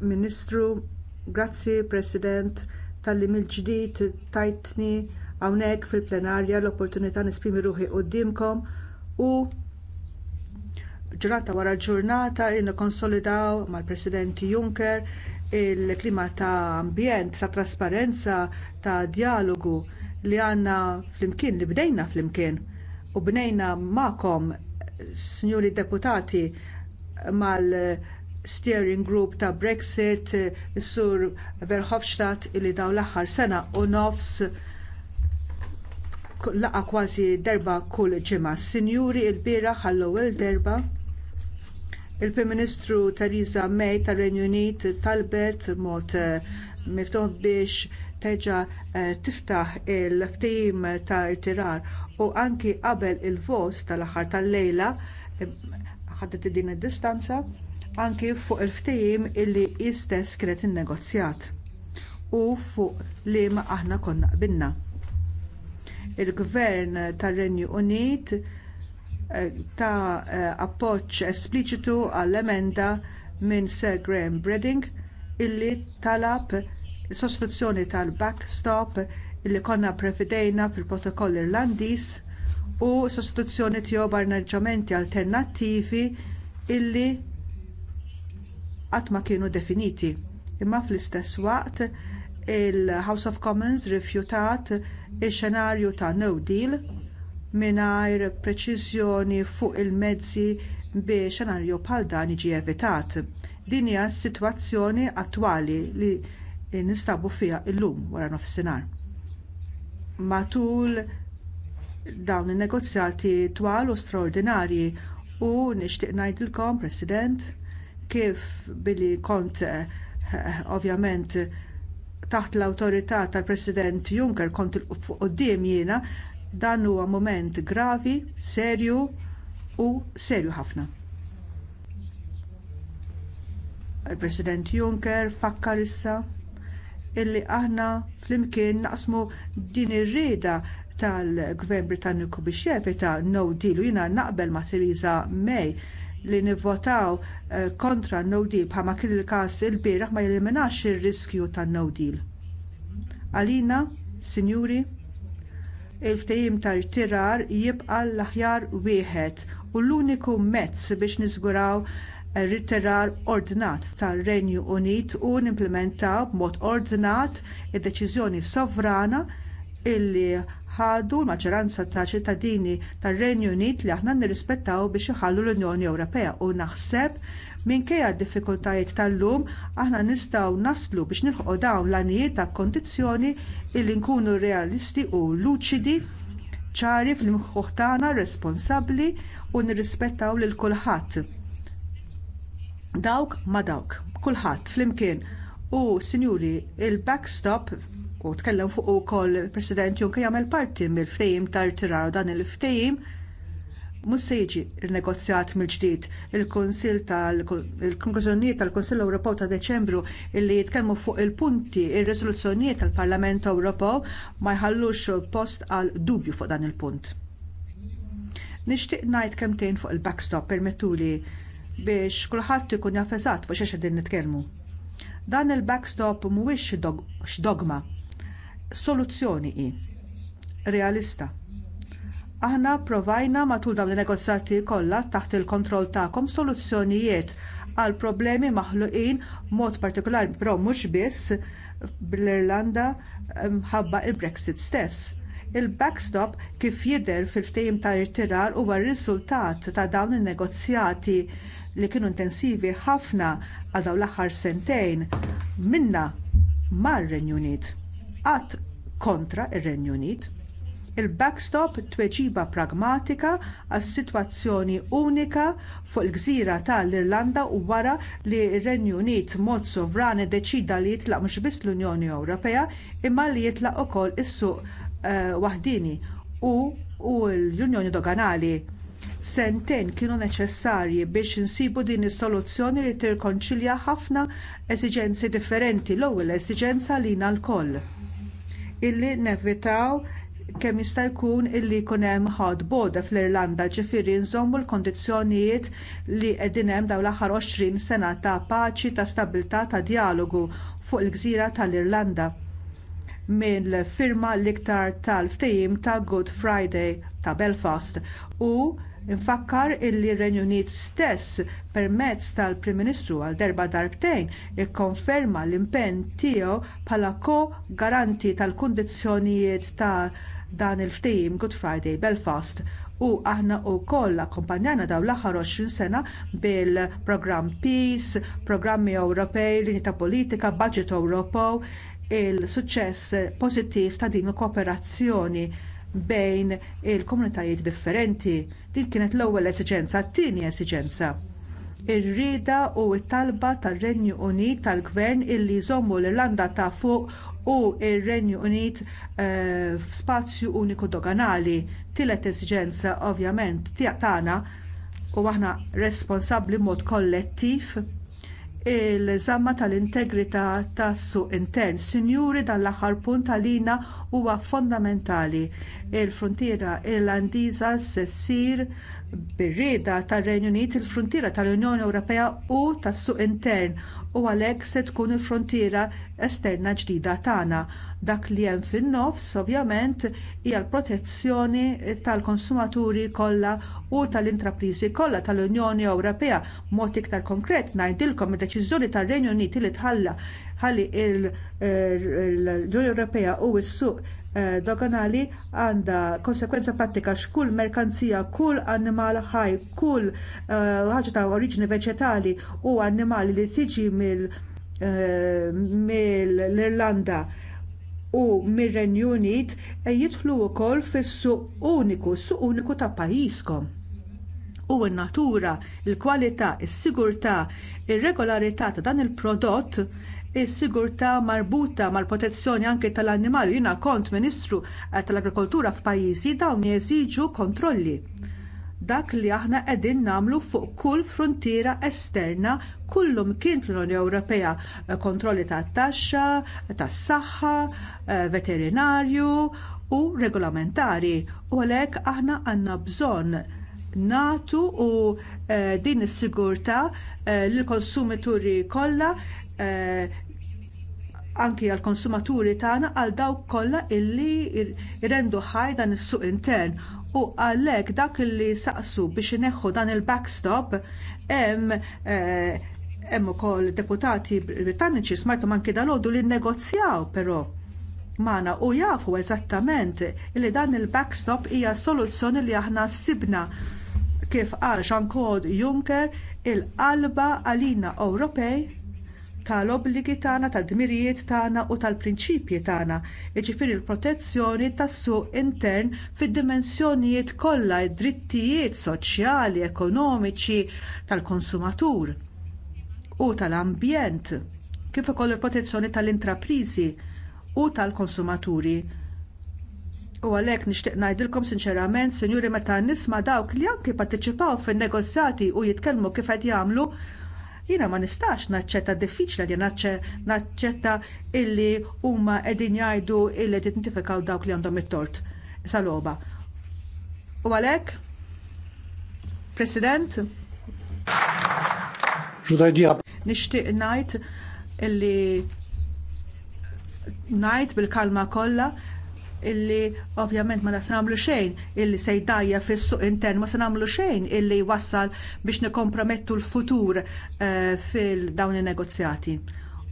Ministru, grazzi President tal-li mill-ġdid tajtni hawnhekk fil-plenarja l-opportunità nesprimi ruħi quddiemkom u ġurnata wara ġurnata in konsolidaw mal-President Juncker il-klima ta' ambjent, ta' trasparenza, ta' dialogu li għandna flimkien, li bdejna flimkien u bnejna ma'kom, signori deputati, mal steering group ta' Brexit, sur Verhofstadt illi daw l-aħħar sena u nofs laqgħa kważi darba kull ġimgħa. Sinjuri il-bira ħallu il derba Il-Prim Ministru Theresa May tar-Renju Unit talbet mod eh, miftuħ biex teġa eh, tiftaħ il-ftim ta' tirar u anki qabel il-vot tal-aħħar tal-lejla eh, ħadet din id-distanza anki fuq il-ftim illi istess kienet innegozjat u fuq liema aħna konna qbinna. il-gvern tar renju Unit ta' appoġġ espliċitu għall-emenda minn Sir Graham Breading illi talab sostituzzjoni tal-backstop illi konna prevedejna fil-protokoll Irlandiż u sostituzzjoni tiegħu b'arranġamenti alternattivi illi qatt ma kienu definiti. Imma fl-istess waqt il-House of Commons rifjutat ix-xenarju ta' no deal mingħajr preċiżjoni fuq il-mezzi biex xenarju bħal dan jiġi evitat. Din hija s-sitwazzjoni attwali li nistabu fiha llum wara nofsinhar. Matul dawn in-negozjati twal u straordinarji u nixtieq ngħidilkom, President, kif billi kont eh, ovvjament taħt l-awtorità tal-President Juncker kont fuq quddiem jiena Dan huwa mument gravi, serju u serju ħafna. Il-President Juncker fakkar issa illi aħna flimkien naqsmu din ir-rieda tal-Gvern Britanniku biex jevita no deal u jiena naqbel ma' Theresa May li nivvotaw eh, kontra no deal bħalma kien il-każ ilbieraħ ma jeliminax ir-riskju tan no deal. Għalina, sinjuri, il-ftehim tal tirar jibqa' l-aħjar wieħed u l-uniku mezz biex niżguraw ritirar ordnat tar-Renju Unit u nimplementaw b'mod ordnat id-deċiżjoni sovrana illi ħadu l-maġġoranza ta' ċittadini tar-Renju Unit li aħna nirrispettaw biex iħallu l-Unjoni Ewropea u naħseb Minkejja d-diffikultajiet tal-lum, aħna nistgħu naslu biex nilħqu dawn l-għanijiet ta' kondizzjoni illi nkunu realisti u luċidi ċari fil-mħuħ tagħna responsabbli u nirrispettaw lil kulħadd. Dawk ma dawk, kulħadd flimkien. U sinjuri, il-backstop u tkellem fuq ukoll president Juncker jagħmel parti mill-ftehim tar-tirar dan il-ftehim mhux se jiġi rnegozjat mill-ġdid. Il-Kunsill tal-Konklużjonijiet tal-Kunsill Ewropew ta' Deċembru illi jitkellmu fuq il-punti ir-riżoluzzjonijiet tal-Parlament Ewropew ma jħallux post għal dubju fuq dan il-punt. Nixtieq ngħid kemmtejn fuq il-backstop permettuli biex kulħadd ikun jaf fuq xi qegħdin nitkellmu. Dan il-backstop mhuwiex dogma, soluzzjoni hi realista Aħna provajna matul dawn il-negozjati kollha taħt il-kontroll tagħkom soluzzjonijiet għal problemi maħluqin mod partikolari però mhux biss bl-Irlanda mħabba il-Brexit stess. Il-backstop kif jidher fil-ftehim ta' irtirar huwa r-riżultat ta' dawn in-negozjati li kienu intensivi ħafna għal dawn l-aħħar sentejn minna mar-Renju Unit. Qatt kontra ir-Renju Unit Il-backstop tweġiba pragmatika għas-sitwazzjoni unika fuq il-gżira tal-Irlanda u wara li r-Renju Unit mod sovran iddeċida li jitlaq mhux biss l-Unjoni Ewropea imma li jitlaq ukoll is-suq eh, waħdini u l-Unjoni Doganali. Sentejn kienu neċessarji biex insibu din is-soluzzjoni li tirkonċilja ħafna eżiġenzi differenti l-ewwel eżiġenza lina lkoll illi nevitaw kemm jista' jkun illi jkun hemm ħadd boda fl-Irlanda ġifieri nżommu l-kondizzjonijiet li qegħdin hemm dawn l-aħħar 20 sena ta' paċi, ta' stabilità, ta' dijalogu fuq il-gżira tal-Irlanda minn firma l-iktar tal-ftehim ta' Good Friday ta' Belfast u nfakkar illi r-Renju Unit stess permezz tal-Prim Ministru għal darba darbtejn ikkonferma l-impenn tiegħu bħala ko garanti tal-kundizzjonijiet ta' dan il-ftehim Good Friday Belfast u aħna wkoll akkompanjana dawn l-aħħar 20 sena bil-programm Peace, programmi Ewropej, linji ta' politika, budget Ewropew, il-suċċess pożittiv ta' din il-kooperazzjoni bejn il-komunitajiet differenti. Din kienet l-ewwel esiġenza, t-tieni esiġenza ir-rieda u t-talba tar-Renju Unit tal-Gvern illi jżommu l-Irlanda ta' fuq u r-Renju Unit eh, f'spazju uniku doganali. Tielet esiġenza ovvjament tagħna u aħna responsabbli b'mod kollettiv il-żamma tal-integrità tas-suq intern. Sinjuri dan l-aħħar punt għalina huwa fondamentali. Il-frontiera irlandiża se ssir bir-rieda tar-Renju Unit il-fruntiera tal-Unjoni Ewropea u tas-suq intern u għalhekk se tkun il-fruntiera esterna ġdida tagħna. Dak li hemm fin-nofs ovvjament hija l-protezzjoni tal-konsumaturi kollha u tal-intrapriżi kollha tal-Unjoni Ewropea mod iktar konkret ngħidilkom id-deċiżjoni tar-Renju Unit li tħalla ħalli eh, l-Unjoni Ewropea u s-suq Eh, doganali għandha konsegwenza pratika x'kull merkanzija, kull animal ħaj, kull eh, ħaġa ta' oriġini veċetali u annimali li tiġi eh, mill-Irlanda u mir-Renju Unit jidħlu wkoll fis-suq uniku, suq uniku ta' pajjiżkom u n-natura, il-kwalità, is-sigurtà, ir-regolarità ta' dan il-prodott is-sigurtà marbuta mal-protezzjoni anke tal-annimali. Jiena kont Ministru tal-Agrikoltura f'pajjiżi dawn jeżiġu kontrolli. Dak li aħna qegħdin nagħmlu fuq kull frontiera esterna kullum kien fl-Unjoni Ewropea eh, kontrolli tat-taxxa, tas-saħħa, eh, veterinarju u regolamentari u għalhekk aħna għandna bżonn nagħtu u eh, din is-sigurtà lill konsumituri kollha anki għall konsumaturi tagħna għal dawk kollha illi jrendu ħaj dan is-suq intern u għalhekk dak li saqsu biex ineħħu dan il-backstop hemm eh, hemm ukoll deputati Britanniċi smartu anki dalodu li nnegozjaw però magħna u jafu eżattament li dan il-backstop hija soluzzjoni li aħna sibna kif għal Jean-Claude Juncker il-qalba għalina Ewropej tal-obbligi tagħna, tad-dmirijiet tagħna u tal-prinċipji tagħna, jiġifieri l-protezzjoni tas-suq intern fid-dimensjonijiet kollha d drittijiet soċjali, ekonomiċi tal-konsumatur u tal-ambjent, kif ukoll il-protezzjoni tal-intrapriżi u tal-konsumaturi. U għalhekk nixtieq ngħidilkom sinċerament, sinjuri meta nisma' dawk li anke jipparteċipaw fin-negozjati u jitkellmu kif qed jagħmlu Jiena ma nistax naċċetta diffiċla li naċċetta illi huma qegħdin jgħidu illi tidentifikaw dawk li għandhom it-tort. Sa U għalhekk, President, nixtieq ngħid illi ngħid bil-kalma kollha illi ovvjament ma se nagħmlu xejn illi se jdajja fis-suq intern ma se nagħmlu xejn illi jwassal biex nikkompromettu l-futur uh, eh, fil dawn in-negozjati.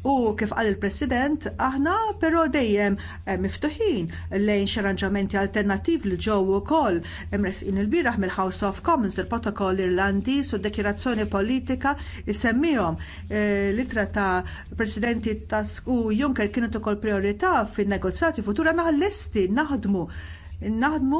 U kif qal il-President, aħna però dejjem eh, miftuħin lejn x'arranġamenti alternativ li ġew ukoll imresqin il-bieraħ mill-House of Commons il-protokoll Irlandiż u dekirazzjoni politika isemmihom. Eh, li ta' Presidenti Tusk u Juncker kienu ukoll priorità fin-negozjati futura naħ naħdmu naħdmu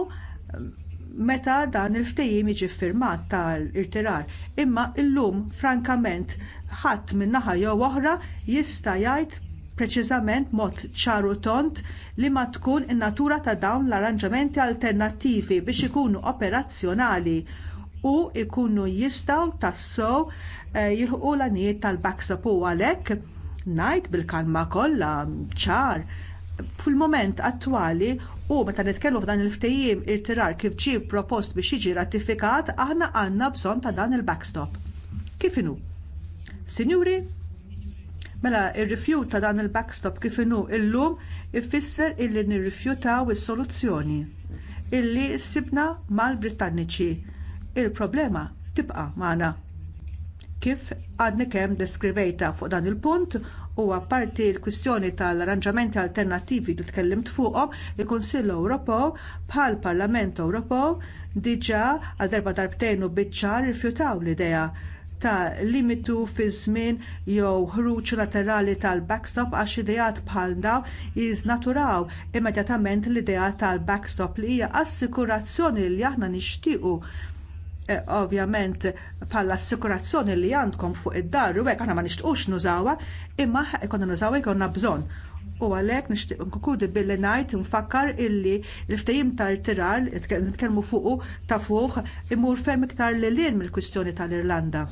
meta dan il-ftehim jiġi ffirmat tal-irtirar. Imma llum frankament, ħadd min naħa jew oħra jista' jgħid preċiżament mod ċaru tont li ma tkun in-natura ta' dawn l-arranġamenti alternattivi biex ikunu operazzjonali u jkunu jistgħu tassew eh, jilħqu l tal-backstop u għalhekk ngħid bil-kalma kollha ċar fil mument attwali U meta nitkellmu f'dan il-ftehim irtirar kif ġie propost biex jiġi ratifikat, aħna għandna bżonn ta' dan il-backstop. Kif inhu? Sinjuri, mela ir-rifjut ta' dan il-backstop kif inhu illum ifisser illi nirrifjutaw is-soluzzjoni illi sibna mal-Britanniċi. Il-problema tibqa' magħna kif għadni kemm deskrivejta fuq dan il-punt u apparti l-kwistjoni tal-arranġamenti alternattivi li tkellimt fuqhom, il-Kunsill Ewropew bħal Parlament Ewropew diġà għal darba darbtejn u biċċar rifjutaw l-idea ta' limitu fi żmien jew ħruġ laterali tal-backstop għax ideat bħal daw jiznaturaw immedjatament l-idea tal-backstop li hija assikurazzjoni li aħna nixtiequ Eh, ovvjament bħala assikurazzjoni li għandkom fuq id-dar u hekk aħna ma nixtiequx nużawha imma ikonna nużawha jkollna bżonn. U għalhekk nixtieq nkonkludi billi ngħid nfakkar illi l-ftehim tal tirar nitkellmu fuqu ta' fuq imur ferm iktar lil lien mill-kwistjoni tal-Irlanda.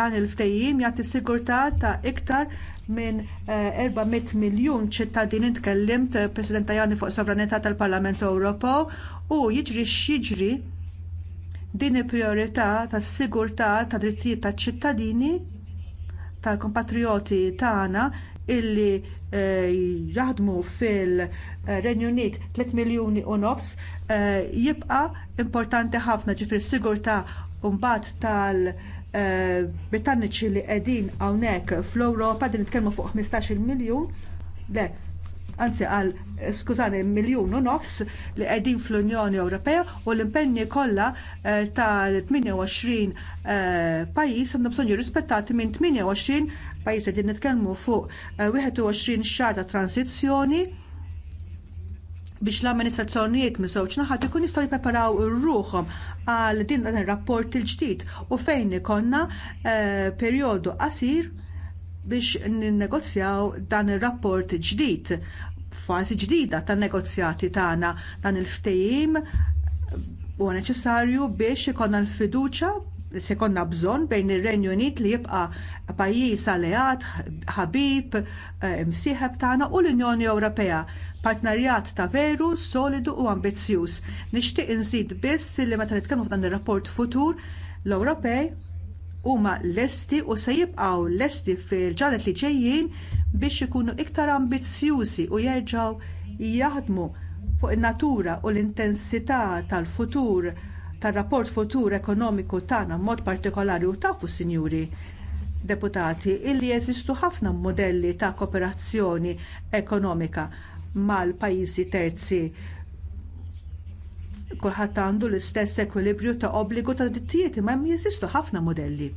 Dan il-ftehim jagħti sigurtà ta' iktar minn 400 eh, miljun ċittadini tkellimt President Tajani fuq sovranità tal-Parlament Ewropew u jiġri x'jiġri din il-priorità tas-sigurtà tad drittijiet taċ-ċittadini tal-kompatrioti tagħna illi eh, jaħdmu fil-Renju Unit 3 miljuni u nofs eh, jibqa importanti ħafna ġifir sigurtà mbagħad tal- eh, Britanniċi li qegħdin hawnhekk fl-Ewropa din nitkellmu fuq 15-il miljun le anzi għal skużani miljun u nofs li qegħdin fl-Unjoni Ewropea u l-impenni kollha eh, ta' 28 eh, pajjiż għandhom bżonn jirrispettati minn 28 pajjiż għedin nitkellmu fuq 21 eh, xahar ta' transizzjoni biex l-amministrazzjonijiet mis żewġ naħat ikun jistgħu jippreparaw ruħhom għal din dan ir-rapport il-ġdid u fejn ikonna perjodu qasir biex ninnegozjaw dan ir-rapport ġdid fażi ġdida tan negozjati tagħna dan il-ftehim huwa neċessarju biex ikollna l-fiduċja se jkollna bżonn bejn ir-Renju Unit li jibqa' pajjiż alleat, ħabib, eh, msieħeb tagħna u l-Unjoni Ewropea. Partnerjat ta' veru, solidu u ambizzjuż. Nixtieq inżid biss li meta nitkellmu f'dan ir-rapport futur l-Ewropej huma lesti u se jibqgħu lesti fil-ġanet li ġejjin biex ikunu iktar ambizzjużi u jerġgħu jaħdmu fuq in-natura u l-intensità tal-futur tar-rapport futur ekonomiku tagħna b'mod partikolari u tafu sinjuri deputati illi jeżistu ħafna modelli ta' kooperazzjoni ekonomika mal-pajjiżi terzi kulħadd għandu l-istess ekwilibrju ta' obbligu ta' dittijiet imma jeżistu ħafna mudelli.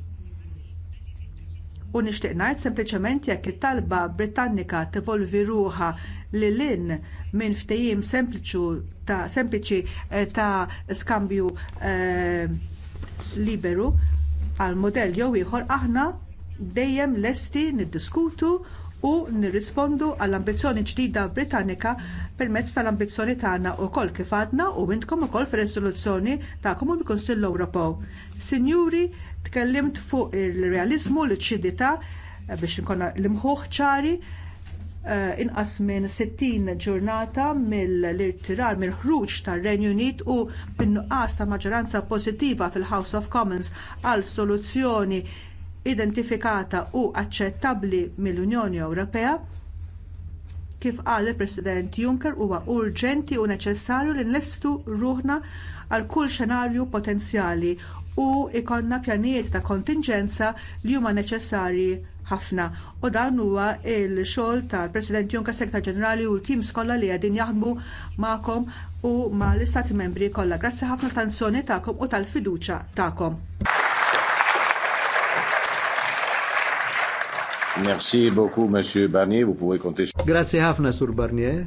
U nixtieq ngħid sempliċement jekk it-talba Britannika tevolvi ruha lil in minn ftehim sempliċi eh, ta' skambju eh, liberu għal mudell jew ieħor aħna dejjem lesti niddiskutu u nirrispondu għall ambizzjoni ġdida Britannika permezz tal-ambizzjoni tagħna wkoll kif għadna u intkom ukoll fir riżoluzzjoni tagħkom u l-Kunsill Ewropew. Sinjuri, tkellimt fuq ir-realiżmu l-ċidità eh, biex inkonna l-imħuħ ċari eh, inqas minn 60 ġurnata mill-irtirar mill-ħruġ tar-Renju Unit u bin-nuqqas ta' maġġoranza pożittiva fil-House of Commons għal soluzzjoni identifikata u aċċettabbli mill-Unjoni Ewropea Kif qal il-President Juncker huwa urġenti u neċessarju li nlestu ruħna għal kull xenarju potenzjali u jkollna pjanijiet ta' kontingenza li huma neċessarji ħafna. U dan huwa l xogħol tal-President Juncker Sekta Ġenerali u l-tim skolla li qegħdin jaħdmu magħkom u mal istati membri kollha. Grazzi ħafna tal-tanzjoni tagħkom u tal-fiduċja tagħkom. Merci beaucoup, Monsieur Barnier. Vous pouvez compter sur... Grazie ħafna, Sur Barnier.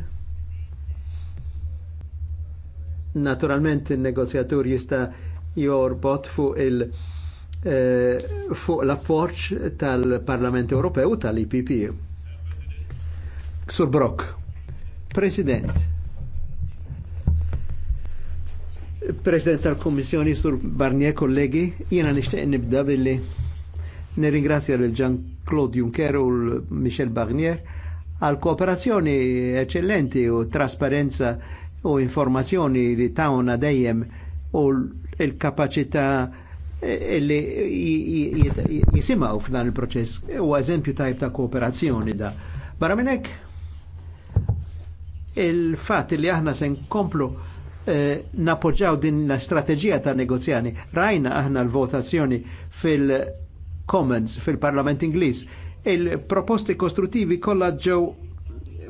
Naturalment, il-negozjatur jista jorbot fuq il- eh, fuq l-appoċ tal-Parlament Ewropew tal-IPP. Sur Brock, President. President tal-Kommissjoni, Sur Barnier, kollegi, jena nishtiq nibda billi Nirringrazzja l ġan claude Juncker u l Michel Barnier għal kooperazzjoni eccellenti u trasparenza u informazzjoni li tawna dejjem u l-kapacità e, e, li jisimaw f'dan il-proċess e, u eżempju tajb ta' kooperazzjoni da. Barra minnek, il-fat li aħna sen komplu eh, napoġġaw din la strategija ta' negozjani. Rajna aħna l-votazzjoni fil- Commons fil-Parlament Ingliż. Il-proposti kostruttivi kollha ġew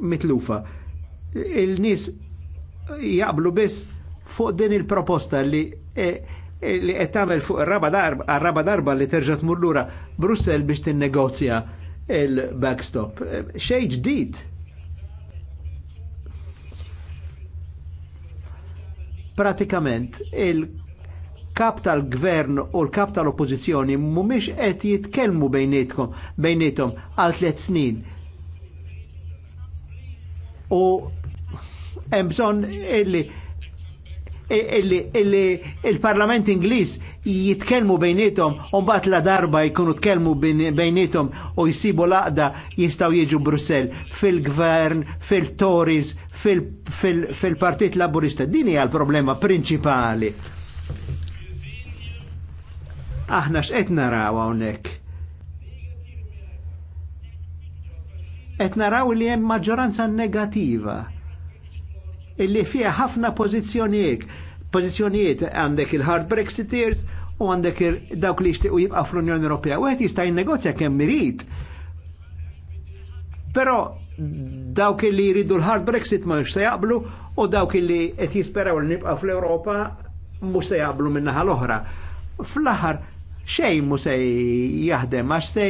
mitlufa. Il-nies jaqblu biss fuq din il-proposta li e, e, li qed tagħmel fuq ir-raba darba, raba darba li terġa' tmur lura Brussel biex tinnegozja il-backstop. Xej ġdid. Pratikament il kap tal-gvern u l-kap tal-oppozizjoni mumiex qed jitkellmu bejnietkom bejnietom għal tliet snin. U hemm bżonn illi il-Parlament Ingliż jitkellmu bejnietom u mbagħad la darba jkunu tkellmu bejnietom u jsibu laqda jistgħu jiġu Brussell fil-gvern, fil-Tories, fil-Partit Laburista. Din hija l-problema prinċipali aħna x'qed naraw hawnhekk. Qed naraw li hemm maġġoranza negattiva illi fiha ħafna pożizzjonijiet. Pożizzjonijiet għandek il-hard Brexiteers u għandek dawk li jixtiequ jibqa' fl-Unjoni Ewropea. Wieħed jista' jinnegozja kemm irid. Però dawk li jridu l-hard Brexit ma se jaqblu u dawk li qed jisperaw li nibqa' fl-Ewropa mhux se jaqblu min-naħa l-oħra. Fl-aħħar xejn mu se jaħdem għax se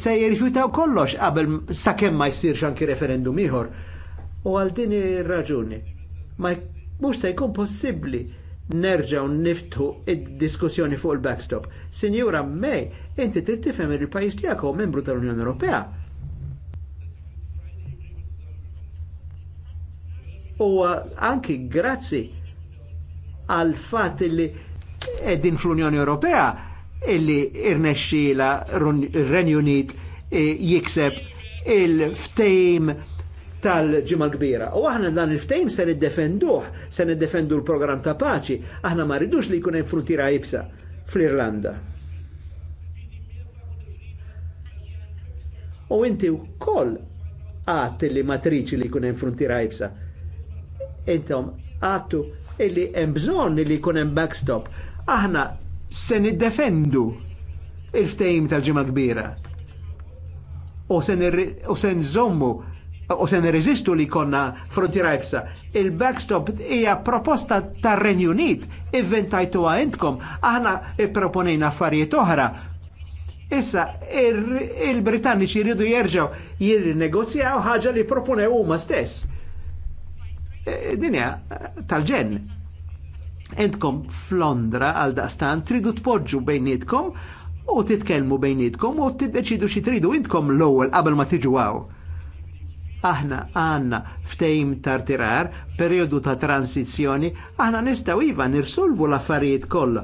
se jirrifjutaw kollox qabel sakemm ma jsirx anki referendum ieħor. U għal din ir-raġuni ma mhux se jkun possibbli nerġgħu niftħu id-diskussjoni fuq il-backstop. Sinjura May, inti trid tifhem il-pajjiż tiegħek u membru tal-Unjoni Ewropea. U anki grazzi għal fat li din fl-Unjoni Ewropea illi irnexxila ir-Renju Unit eh, jikseb il-ftejm tal-ġimma kbira. U aħna dan il-ftejm se niddefenduh, se niddefendu l-programm ta' paċi, aħna ma rridux li jkun hemm jibsa ibsa fl-Irlanda. U inti wkoll għat li matriċi li jkun hemm jibsa. ibsa. Intom għattu illi hemm bżonn li jkun hemm backstop aħna se niddefendu il-ftejim tal-ġimgħa kbira. U se nżommu u se nirreżistu li konna fronti rajbsa. Il-backstop hija proposta tar renjunit Unit, għajntkom, aħna proponejna affarijiet oħra. Issa, il-Britanniċi jridu jerġgħu jirnegozjaw ħaġa li proponew huma stess. E, dinja tal-ġen Entkom f'Londra għal daqstan tridu tpoġġu bejnietkom u titkellmu bejnietkom u tiddeċidu xi tridu intkom l-ewwel qabel ma tiġu għaw. Aħna għanna ftejm tartirar, periodu ta' transizjoni, aħna nistaw iva nirsolvu l-affarijiet kollha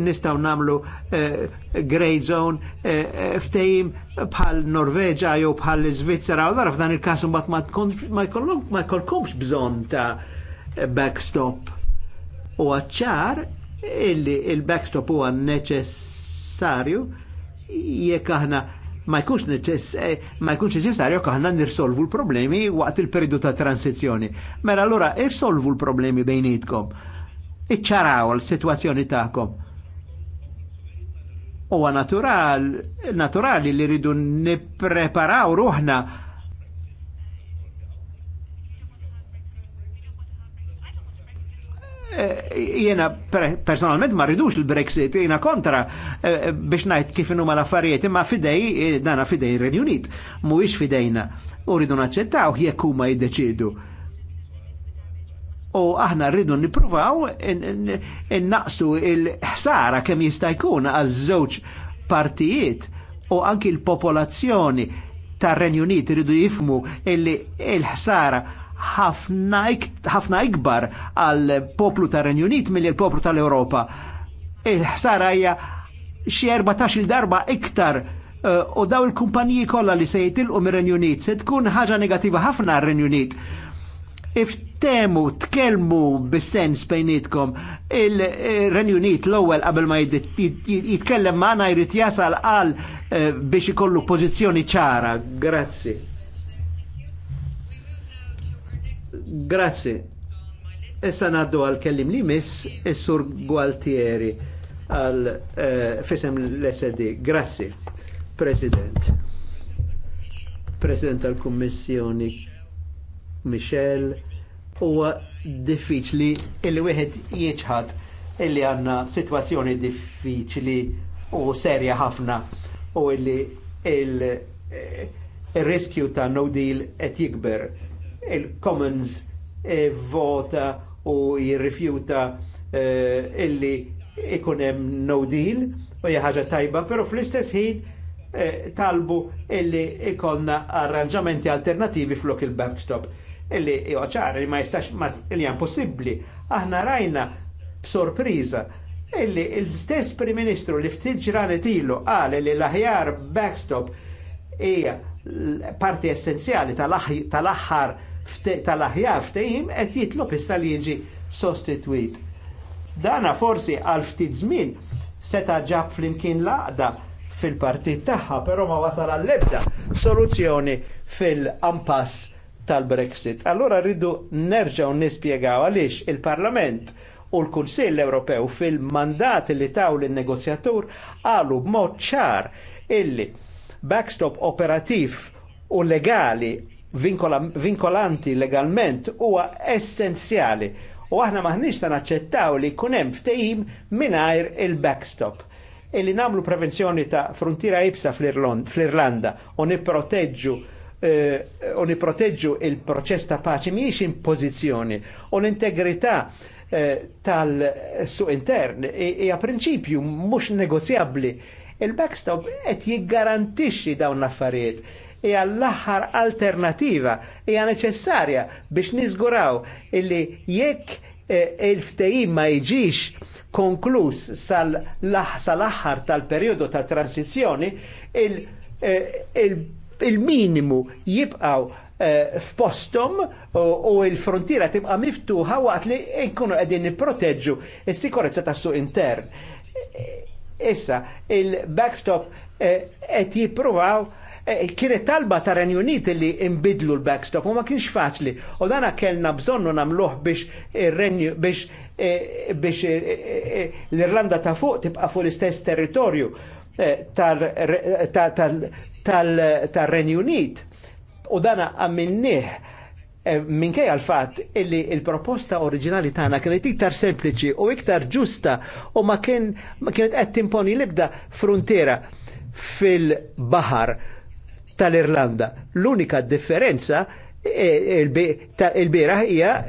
nistaw namlu eh, grey zone eh, eh ftejim bħal Norveġa jew bħal Svizzera u f'dan dan il-kasu bat ma jkollkomx bżon ta' backstop u għacċar illi il-backstop huwa neċessarju jekk aħna eh, ma jkunx neċessarju jekk aħna nirsolvu l-problemi waqt il-periodu ta' transizjoni. Mela allura irsolvu l-problemi bejnietkom. Iċċaraw l-sitwazzjoni tagħkom. Huwa natural, naturali li rridu nippreparaw ruħna jena personalment ma ridux il-Brexit, jena kontra eh, biex najt kif huma l-affarijiet, imma fidej, eh, dana fidej il-Renju Unit, mhuwiex fidejna. U ridu naċċettaw jekk huma jiddeċidu. U aħna rridu nippruvaw innaqsu il-ħsara kemm jista' jkun għaż-żewġ partijiet u anki l-popolazzjoni tar-Renju Unit rridu jifmu il ħsara ħafna ikbar għal poplu tar renju Unit mill il-poplu tal-Europa. Il-ħsara hija xi 14 darba iktar eh, u daw il-kumpaniji kollha li se jitilqu mir-Renju Unit se tkun ħaġa negattiva ħafna għar-Renju Unit. Iftemu, tkellmu bis-sens bejnietkom il-Renju eh, Unit l-ewwel qabel ma jitkellem magħna jrid jasal għal eh, biex ikollu pożizzjoni ċara. Grazzi. grazie. Issa naddu għal kellim li miss is-sur Gualtieri għal eh, fisem l-SD. Grazie, President. President tal kommissjoni Michel huwa diffiċli illi wieħed jieċħad illi għanna situazzjoni diffiċli u serja ħafna u illi eh, il-riskju il ta' no deal qed jikber il-Commons eh, vota u jirrifjuta eh, illi ikunem no deal u ħaġa tajba, pero fl-istess ħin eh, talbu illi ikonna arranġamenti alternativi flok il-backstop illi ċar li ma jistax illi jan possibli. Aħna rajna b'sorpriża illi l-istess Prim Ministru li ftit ġranet ilu qal li l-aħjar backstop hija parti essenzjali tal-aħħar tal-aħjar ftehim qed jitlob issa li jiġi sostitwit. Dana forsi għal ftit żmien seta ġab flimkien laqda fil-partit tagħha, però ma wasal għall-ebda soluzzjoni fil-ampass tal-Brexit. Allora rridu nerġgħu nispjegaw għaliex il-Parlament u l-Kunsill Ewropew fil-mandat li taw lin-negozjatur qalu b'mod ċar illi backstop operativ u legali vinkolanti legalment huwa essenzjali u aħna maħniġ sa naċċettaw li kunem ftehim mingħajr il-backstop illi namlu prevenzjoni ta' frontiera ibsa fl-Irlanda u niproteġġu eh, u niproteġġu il-proċess ta' paċi miex impożizzjoni u l-integrità eh, tal-suq intern hija prinċipju mhux negozjabbli. Il-backstop qed jiggarantixxi dawn l-affarijiet hija l-aħħar alternativa hija neċessarja biex niżguraw illi jekk eh, il-ftehim ma jiġix konkluż sal-aħħar tal-perjodu ta' transizjoni, eh, il-minimu jibqaw eh, f'postom u il-frontiera tibqa' miftuħa waqt li jkunu qegħdin nipproteġġu s-sikurezza tas-suq intern. Issa, il-backstop qed jippruvaw Eh, eh, kienet talba ta' Renjunit li imbidlu l-backstop u ma kienx faċli. U dana kellna bżonnu namluħ biex biex eh, biex l-Irlanda ta' fuq tibqa' fuq l-istess territorju tal-Renjunit. U dana għamilnieh minkej għal fatt illi il-proposta oriġinali tagħna kienet iktar sempliċi u iktar ġusta u ma kienet qed timponi l-ibda frontiera fil-bahar tal-Irlanda. L-unika differenza e, e, il-bira hija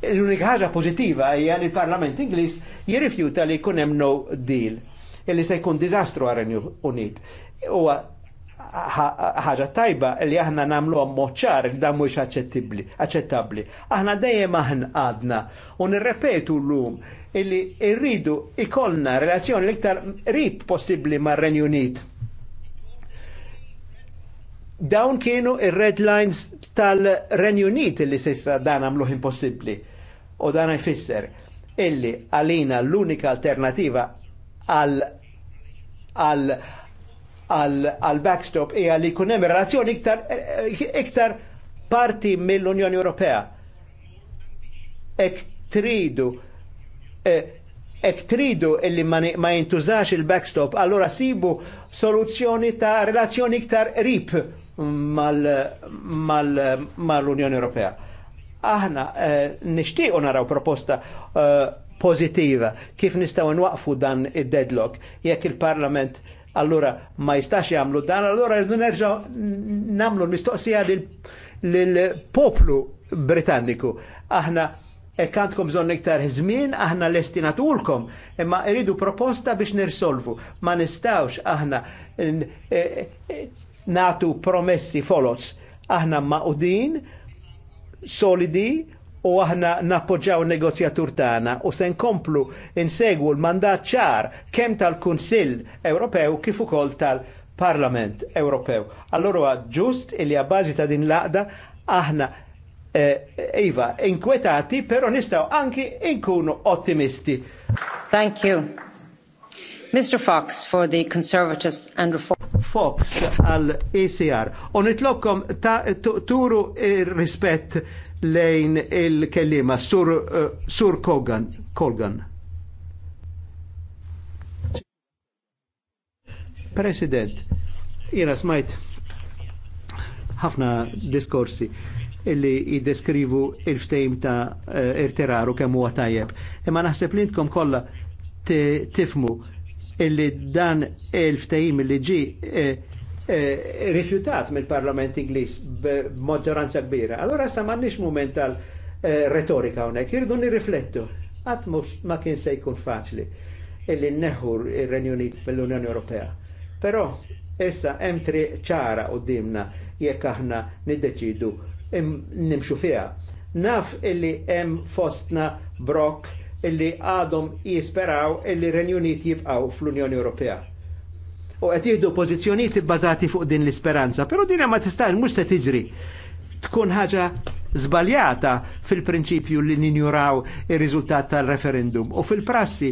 e, l-unika ħaġa pożittiva hija li l-Parlament Ingliż jirrifjuta li jkun hemm no deal illi se jkun diżastru għar renju Unit. Huwa ħaġa tajba li aħna nagħmlu moċċar li dan mhux aċċettabbli. Aħna dejjem aħna għadna u nirrepetu llum illi rridu ikollna relazzjoni l-iktar rib possibbli mar-Renju Unit. Dawn kienu ir-red lines tal-Renju Unit li sissa dan għamluħ impossibbli. U dan jfisser illi għalina l-unika alternativa għal għal għal backstop hija li jkun relazzjoni iktar iktar parti mill-Unjoni Ewropea. Ek tridu e, ek tridu illi ma jintużax il-backstop, allora sibu soluzzjoni ta' relazzjoni iktar rip mal-Unjoni Ewropea. Aħna eh, nixtiequ naraw proposta eh, pozittiva kif nistgħu nwaqfu dan id-deadlock jekk il-Parlament allura ma jistax jagħmlu dan, allura nerġa' nagħmlu l-mistoqsija lill-poplu Britanniku. Aħna hekk għandkom bżonn iktar żmien aħna lesti natulkom, imma rridu proposta biex nirsolvu. Ma nistawx aħna eh, natu promessi folos. Aħna maqudin, solidi u aħna nappoġġaw negozjatur tagħna u se nkomplu insegwu l-mandat ċar kemm tal-Kunsill Ewropew kif ukoll tal-Parlament Ewropew. Allora ġust li bażi ta' din laqda aħna eh, Iva, inkwetati, pero nistaw anki inkunu ottimisti. Thank you. Mr. Fox for the Conservatives and Reform. Fox għal ECR. U nitlobkom turu rispett lejn il-kellima sur, uh, sur Kogan. Kogan. President, jena smajt ħafna diskorsi illi jideskrivu il-ftejm ta' eh, irteraru kemm huwa tajjeb. Imma naħseb li kolla kollha tifmu illi dan il-ftehim illi ġi eh, eh, rifjutat mill-Parlament Ingliż b'maġġoranza kbira. Allora sa m'għandniex mument tal-retorika eh, hawnhekk, irdu nirriflettu. Qatt ma kien se jkun faċli illi neħu ir-Renju Unit mill-Unjoni Ewropea. Però issa hemm triq ċara qudiemna jekk aħna niddeċidu nimxu fiha. Naf illi hemm fostna brok illi għadhom jisperaw illi Renju jibqgħu jibqaw fl-Unjoni Ewropea. U qed jieħdu pożizzjonijiet ibbażati fuq din l-isperanza, però din ma tista' mhux se tiġri. Tkun ħaġa żbaljata fil-prinċipju li ninjuraw ir-riżultat tal-referendum u fil-prassi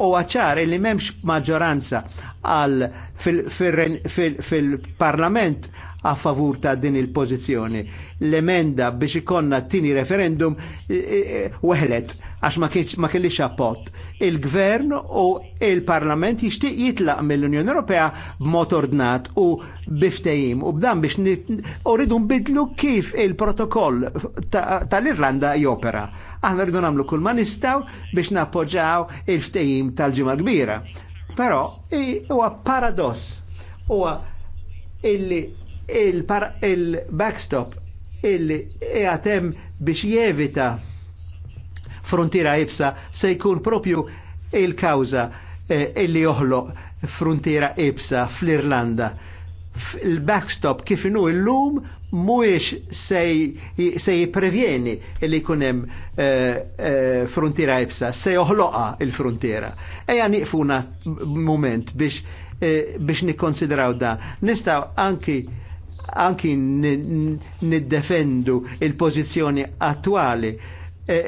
u għacċar li memx maġġoranza fil-parlament fil, fil, fil, a favur ta' din il-pożizzjoni. L-emenda biex ikonna t-tini referendum weħlet għax ma kellix appott. Il-gvern u il-parlament jixtieq jitlaq mill-Unjoni Ewropea b'mod ordnat u biftejim u b'dan biex uridu nbidlu kif il-protokoll tal-Irlanda jopera. Aħna rridu nagħmlu kull ma nistaw biex nappoġġaw il-ftejim tal-ġimgħa kbira. Però huwa paradoss huwa illi il-backstop il eatem biex jevita frontiera ibsa se jkun propju il-kawza eh, illi joħloq frontiera ibsa fl-Irlanda. Il-backstop kif inu il-lum mhuwiex se jipprevjeni li jkun hemm eh, eh, frontiera ibsa, se joħloqa il-frontiera. Eja niqfuna moment biex biex nikkonsidraw da. Nistaw anki anki niddefendu il-pożizzjoni attwali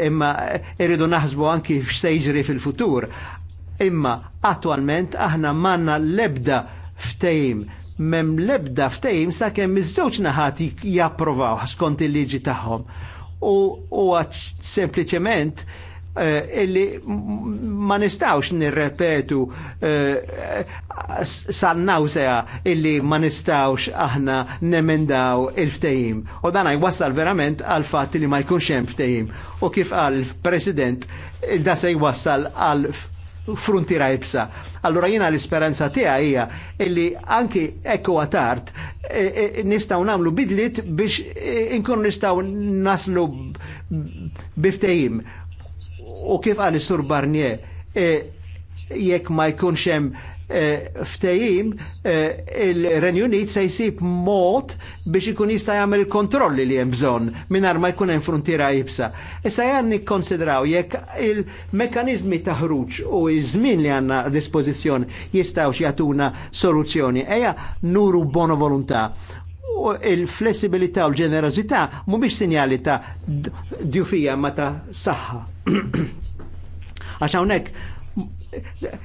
imma irridu naħsbu anki x'se jiġri fil-futur. Imma attwalment aħna manna lebda ftejim, mem lebda ftejim sakemm iż-żewġ naħat japprovaw skont il-liġi tagħhom. U għat sempliċement Eh, illi ma nistawx nirrepetu eh, sannaw seja illi ma nistawx aħna nemendaw il-ftejim. U dan jwassal verament għal fatt li ma jkunx hemm ftejim. U kif għal president da se jwassal għal frontiera ibsa. Allora jina l-isperanza tija hija illi anki ekku għatart eh, nistaw namlu bidlit biex inkun nistaw naslu biftejim u kif għal sur Barnier e, jekk ma jkunx hemm e, ftejim e, il-Renjunit se jsib mod biex ikun jista' jagħmel kontrolli li hemm bżonn mingħajr ma jkun hemm frontiera jibsa. Issa jan nikkonsidraw jekk il-mekkaniżmi ta' ħruġ u ż-żmien li għandna dispożizzjoni jistgħu jagħtuna soluzzjoni. Eja nuru bono volontà il-flessibilità u l-ġenerozità mhumiex sinjali ta' djufija ma ta' saħħa. Għax hawnhekk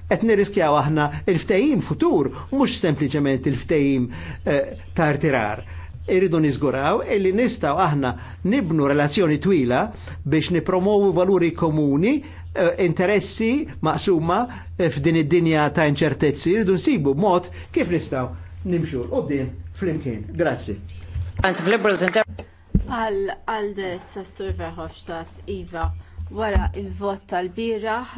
qed nirriskjaw aħna il-ftehim futur mhux sempliċement il-ftehim eh, ta' irtirar. Irridu niżguraw illi nistgħu aħna nibnu relazzjoni twila biex nipromowu valuri komuni eh, interessi maqsuma eh, f'din id-dinja ta' inċertezzi, iridu nsibu mod kif nistgħu nimxu l-qoddim flimkien. Grazzi. Għal għal de Sassur Verhofstadt, Iva wara l vot tal-bieraħ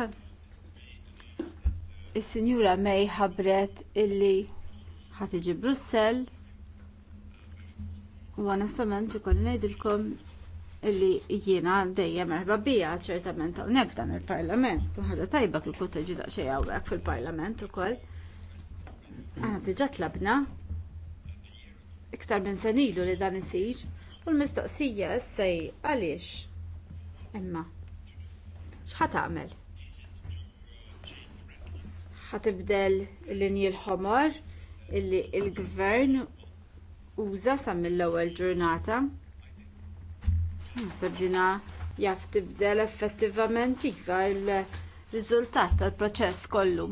is-sinjura May ħabbret illi ħatiġi Brussell u onestament ikolli ngħidilkom illi jiena dejjem erba bija ċertament hawnhekk dan il-Parlament. Kun ħaġa tajba kif kont tiġi daqsxejn hawnhekk fil-Parlament ukoll. Aħna diġà tlabna iktar minn sen ilu li dan isir u l-mistoqsija issej għaliex imma x'ħat tagħmel? ħatibdel l linji l-ħomor illi l gvern uża sa mill-ewwel ġurnata. Naħseb jaf tibdel effettivament iva il-riżultat tal-proċess kollu.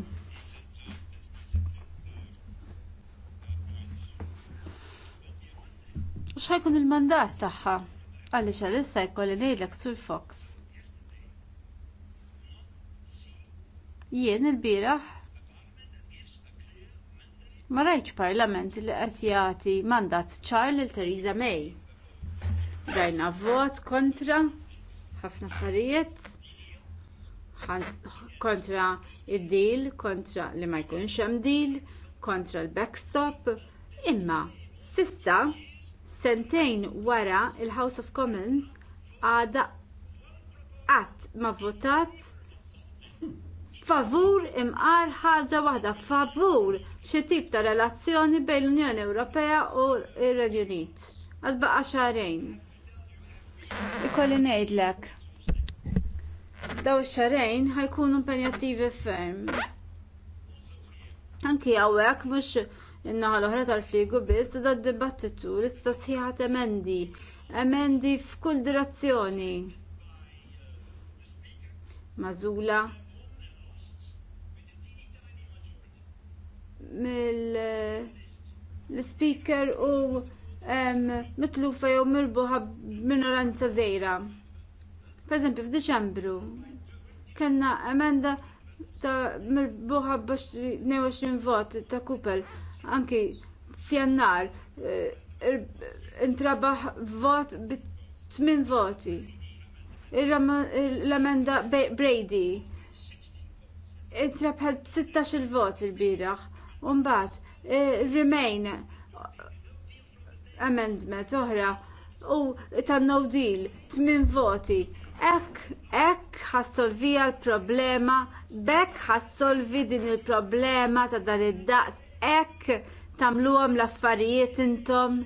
U x'ħajkun il-mandat tagħha? Għaliex għalissa jkolli ngħidlek sur Fox. Jien il-bieraħ ma rajtx parlament li qed jagħti mandat ċar lil Theresa May. Rajna vot kontra ħafna affarijiet kontra id-deal, kontra li ma jkunx hemm deal, kontra l-backstop, imma sissa sentejn wara il-House of Commons għadha qatt ma votat favur imqar ħaġa waħda favur xi tip ta' relazzjoni bejn l-Unjoni Ewropea u r-Renju Unit. xarejn. Ikolli ngħidlek. Daw xarejn ħajkunu impenjattivi ferm. Anki hawnhekk mhux in-naħa l-oħra tal-fliegu biss da d-dibattitu l-ista sħiħat emendi. Emendi f'kull direzzjoni. Mażula, mill-speaker eh, u mitlufa jew mirbuħa minoranza żgħira. Pereżempju f'Diċembru kellna emenda ta' mirbuħa b'22 vot ta' kupel anki f'jannar eh, er-, intrabaħ vot bi 8 voti. L-emenda Brady intrabħed b'16 il-vot il-biraħ Umbat, eh, remain eh, amendment oħra u ta' no deal, tmin voti. Ek, ek ħassolvija l-problema, bekk ħassolvi din il-problema ta' dan id-daqs, ek tamlu l-affarijiet intom,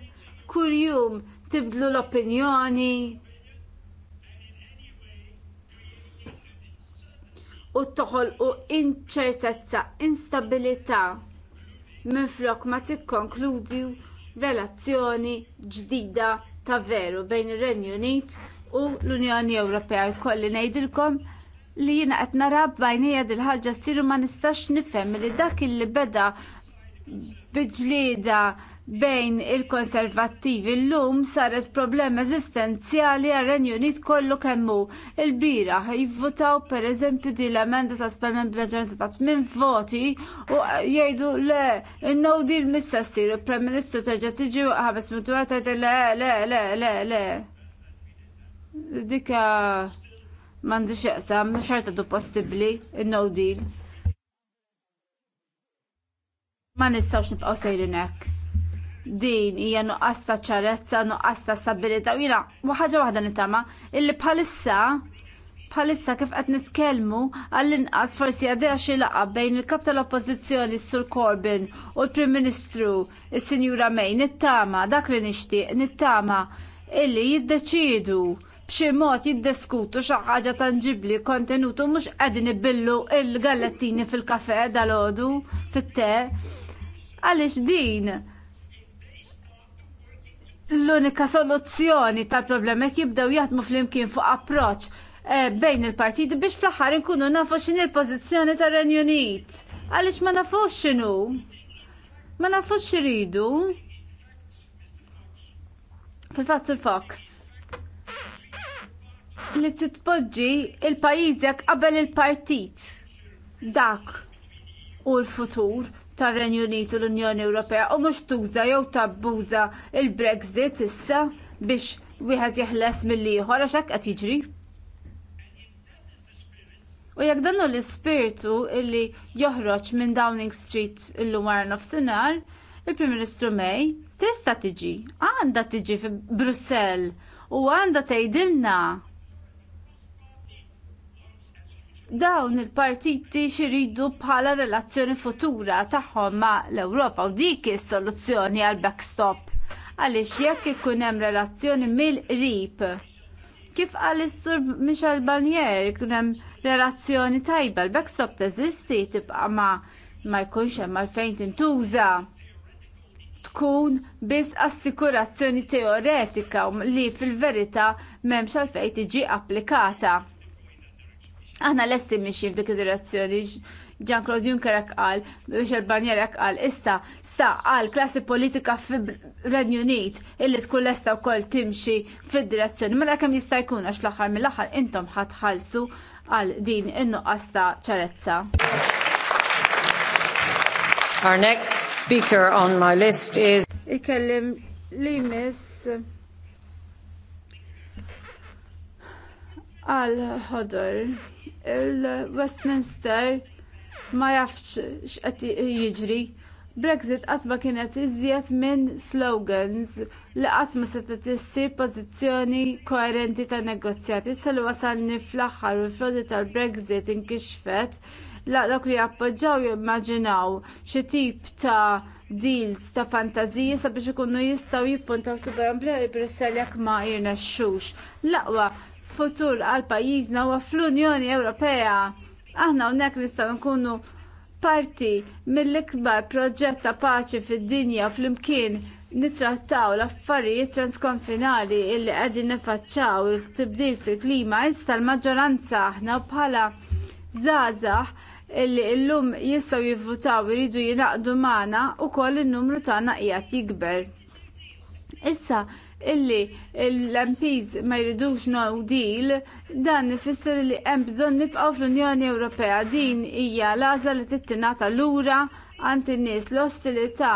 kuljum tibdlu l-opinjoni. U toħolqu inċertezza, instabilità minflok ma tikkonkludi relazzjoni ġdida ta' veru bejn ir-Renju Unit u l-Unjoni Ewropea jkolli ngħidilkom li jiena qed nara b'għajnejja dil-ħaġa ssir ma nistax nifhem li dak illi beda biġlieda bejn il-konservattivi llum saret problema eżistenzjali għar-Renju Unit kollu kemm hu. Il-biraħ jivvotaw pereżempju din l-emenda ta' spelmen b'maġġoranza ta' tmien voti u jgħidu le in-no deal mhux se ssir il-Prem Ministru terġa' tiġi ħabes mutura tgħid le le le le le. Dika m'għandi x'eqsam, xorta du possibbli in-no deal. Ma nistgħux nibqgħu sejrin hekk din hija nuqqas ta' ċarezza, nuqqas ta' stabilità. Jiena ħaġa waħda nitama illi bħalissa bħalissa kif qed nitkellmu għall-inqas forsi għadha xi laqgħa bejn il-kap tal-Oppożizzjoni Sur Corbyn u l-Prim Ministru is-Sinjura May nittama dak li nixtieq nittama illi jiddeċidu b'xi mod jiddiskutu xi ħaġa tanġibli kontenutu mhux qegħdin ibillu il-gallettini fil-kafè dal-għodu fit-te għaliex din l-unika soluzzjoni tal-problema jekk jibdew jaħdmu flimkien fuq approċċ eh, bejn il-partiti biex fl-aħħar inkunu nafu x'inhi l-pożizzjoni tar-Renju Unit. Għaliex ma nafux x'inhu. Ma nafux x'iridu. Fil-fatt il-Fox. Li titpoġġi il pajizjak qabel il-partit. Dak u l-futur tar-Renju Unit u l-Unjoni Ewropea u mhux tuża jew tabbuża l brexit issa biex wieħed jeħles mill-ieħor għax hekk qed jiġri. U jekk dan l-ispirtu illi joħroġ minn Downing Street illum wara nofsinhar, il-Prim Ministru May tista' tiġi, għandha tiġi fi Brussell u għandha tgħidilna dawn il-partiti xiridu bħala relazzjoni futura tagħhom ma' l-Ewropa u dik is-soluzzjoni għal backstop għaliex jekk ikun hemm relazzjoni mill-qrib. Kif qal is-sur Michel Barnier ikun hemm relazzjoni tajba l-backstop teżisti tibqa' ma ma jkunx hemm għalfejn tintuża tkun biss assikurazzjoni teoretika li fil-verità m'hemmx għalfejn tiġi applikata Aħna lesti mixi f'dik id-direzzjoni. Jean-Claude Juncker qal, Michel Barnier qal, issa sta għal klassi politika fi renju Unit illi tkun lesta wkoll timxi fid-direzzjoni. Mela kemm jista' jkun għax fl axar mill-aħħar intom ħatħalsu għal din in għasta ta' ċarezza. Our next speaker on my list is Ikellim li miss għal il-Westminster ma jafx x'qed jiġri. Brexit qatt ma kienet iżjed minn slogans li qatt ma seta' tissib pożizzjoni koerenti ta' negozjati. Issa li wasalni fl-aħħar u l-frodi tal-Brexit inkixfet la dak li appoġġaw jimmaġinaw xi tip ta' deals ta' fantażija sabiex ikunu jistgħu jippuntaw subajom bl Brussell jekk ma jirnexxux. L-aqwa futur għal pajjiżna u fl-Unjoni Ewropea. Aħna hawnhekk nistgħu nkunu parti mill-ikbar proġett ta' paċi fid-dinja flimkien nitrattaw l-affarijiet transkonfinali illi qegħdin niffaċċjaw il-tibdil fil-klima issa l-maġġoranza aħna bħala żgħażagħ illi llum jistgħu jivvutaw iridu jingħaqdu magħna wkoll in-numru tagħna qiegħed jikber. Issa illi l-MPs ma jridux no deal dan ifisser li hemm bżonn nibqgħu fl-Unjoni Ewropea din hija l-għażla li tittinata lura għand in-nies l-ostilità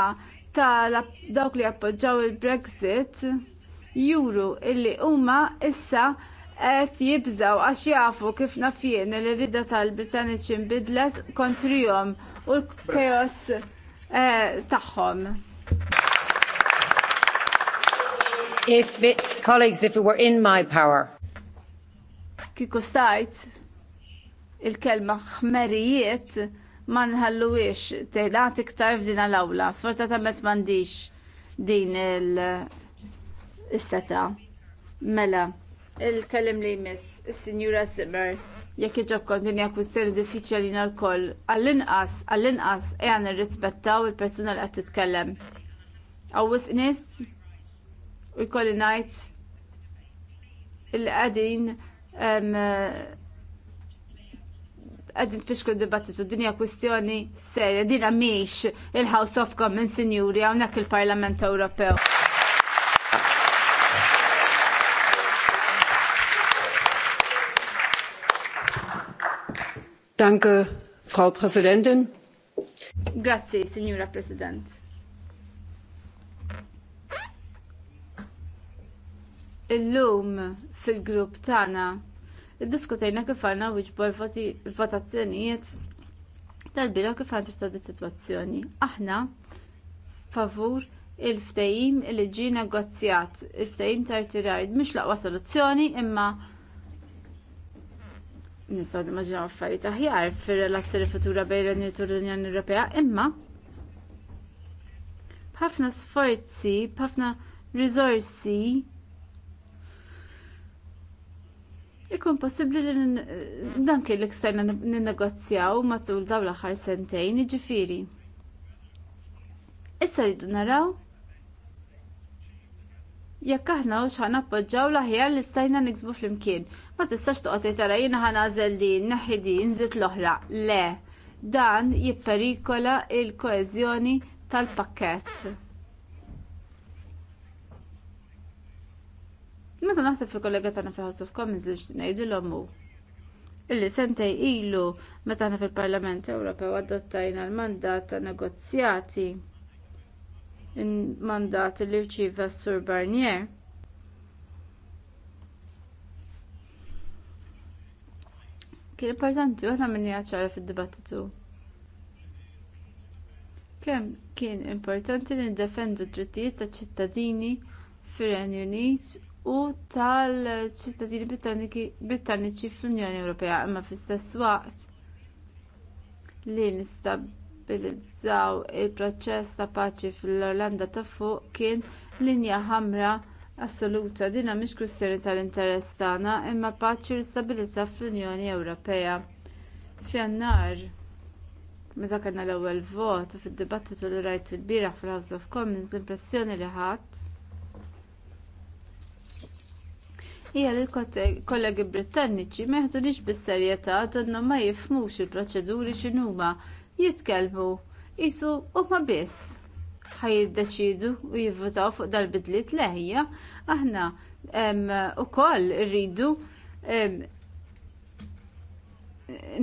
ta' dawk li appoġġaw il-Brexit juru illi huma issa qed jibżaw għax jafu kif naf jien li rida tal-Britanniċi nbidlet kontrihom u l-kajos eh, tagħhom. If it, colleagues, if it were in my power. Kiku stajt il-kelma ħmerijiet ma nħalluwiex tejlat iktar f'din l-awla. met m'għandix din il-istata. Mela, il-kellim li jmiss, il-Sinjura Zimmer, jekk iġobkom kontinja hija kwistjoni diffiċli nal koll għall-inqas, għall-inqas, ejan nirrispettaw il-persuna li qed titkellem. Awwis u jkolli ngħid il qegħdin għadin tfixku d-dibattitu, dinja kwistjoni serja, dinja miex il-House of Commons Sinjuri għawnek il-Parlament Ewropew. Danke, Frau Präsidentin. Grazie, Signora President. illum fil-grupp tagħna iddiskutejna kif għandna wiġbor votazzjonijiet tal-bira kif għandna trid is-sitwazzjoni. Aħna favur il-ftehim li ġie negozjat, il-ftehim ta' rtirajd mhux l-aqwa soluzzjoni imma nistgħu nimmaġinaw affarijiet aħjar fir-relazzjoni futura bejn u l-Unjoni Ewropea, imma b'ħafna sforzi, b'ħafna riżorsi Ikun possibbli li dan kien l-iktar ninnegozjaw matul dawn l-aħħar sentejn, iġifiri. Issa rridu naraw jekk aħna u xħan appoġġaw l-aħjar li stajna niksbu flimkien. Ma tistax toqgħod tara jiena ħana għażel din, neħħi din, zit l-oħra. Le, dan jipperikola l koezjoni tal-pakkett. Meta naħseb fi kollega tagħna fi House of Commons li ngħidilhom hu illi sentej ilu meta aħna fil-Parlament Ewropew adottajna l-mandat ta' negozjati il-mandat li rċiva s-Sur Barnier kien importanti waħda minn ċara fid-dibattitu. Kemm kien importanti li ndefendu d-drittijiet taċ-ċittadini fir-Renju Unit u tal-ċittadini Brittaniċi fl-Unjoni Ewropea imma fl-istess waqt li nistabilizzaw il-proċess ta' paċi fl-Irlanda ta' fuq kien linja ħamra assoluta din mhix kwistjoni tal-interess tagħna imma paċi u stabbiltà fl-Unjoni Ewropea. F'jannar meta kellna l-ewwel vot u fid-dibattitu li rajt l bieraħ fil-House of Commons l-impressjoni li ħadd hija li l-kollegi Britanniċi ma jieħdulix bis-serjetà għadhom ma jifhmux il-proċeduri x'inhuma jitkellmu qisu huma biss jiddeċidu u jivvotaw fuq dal-bidliet leħja aħna ukoll irridu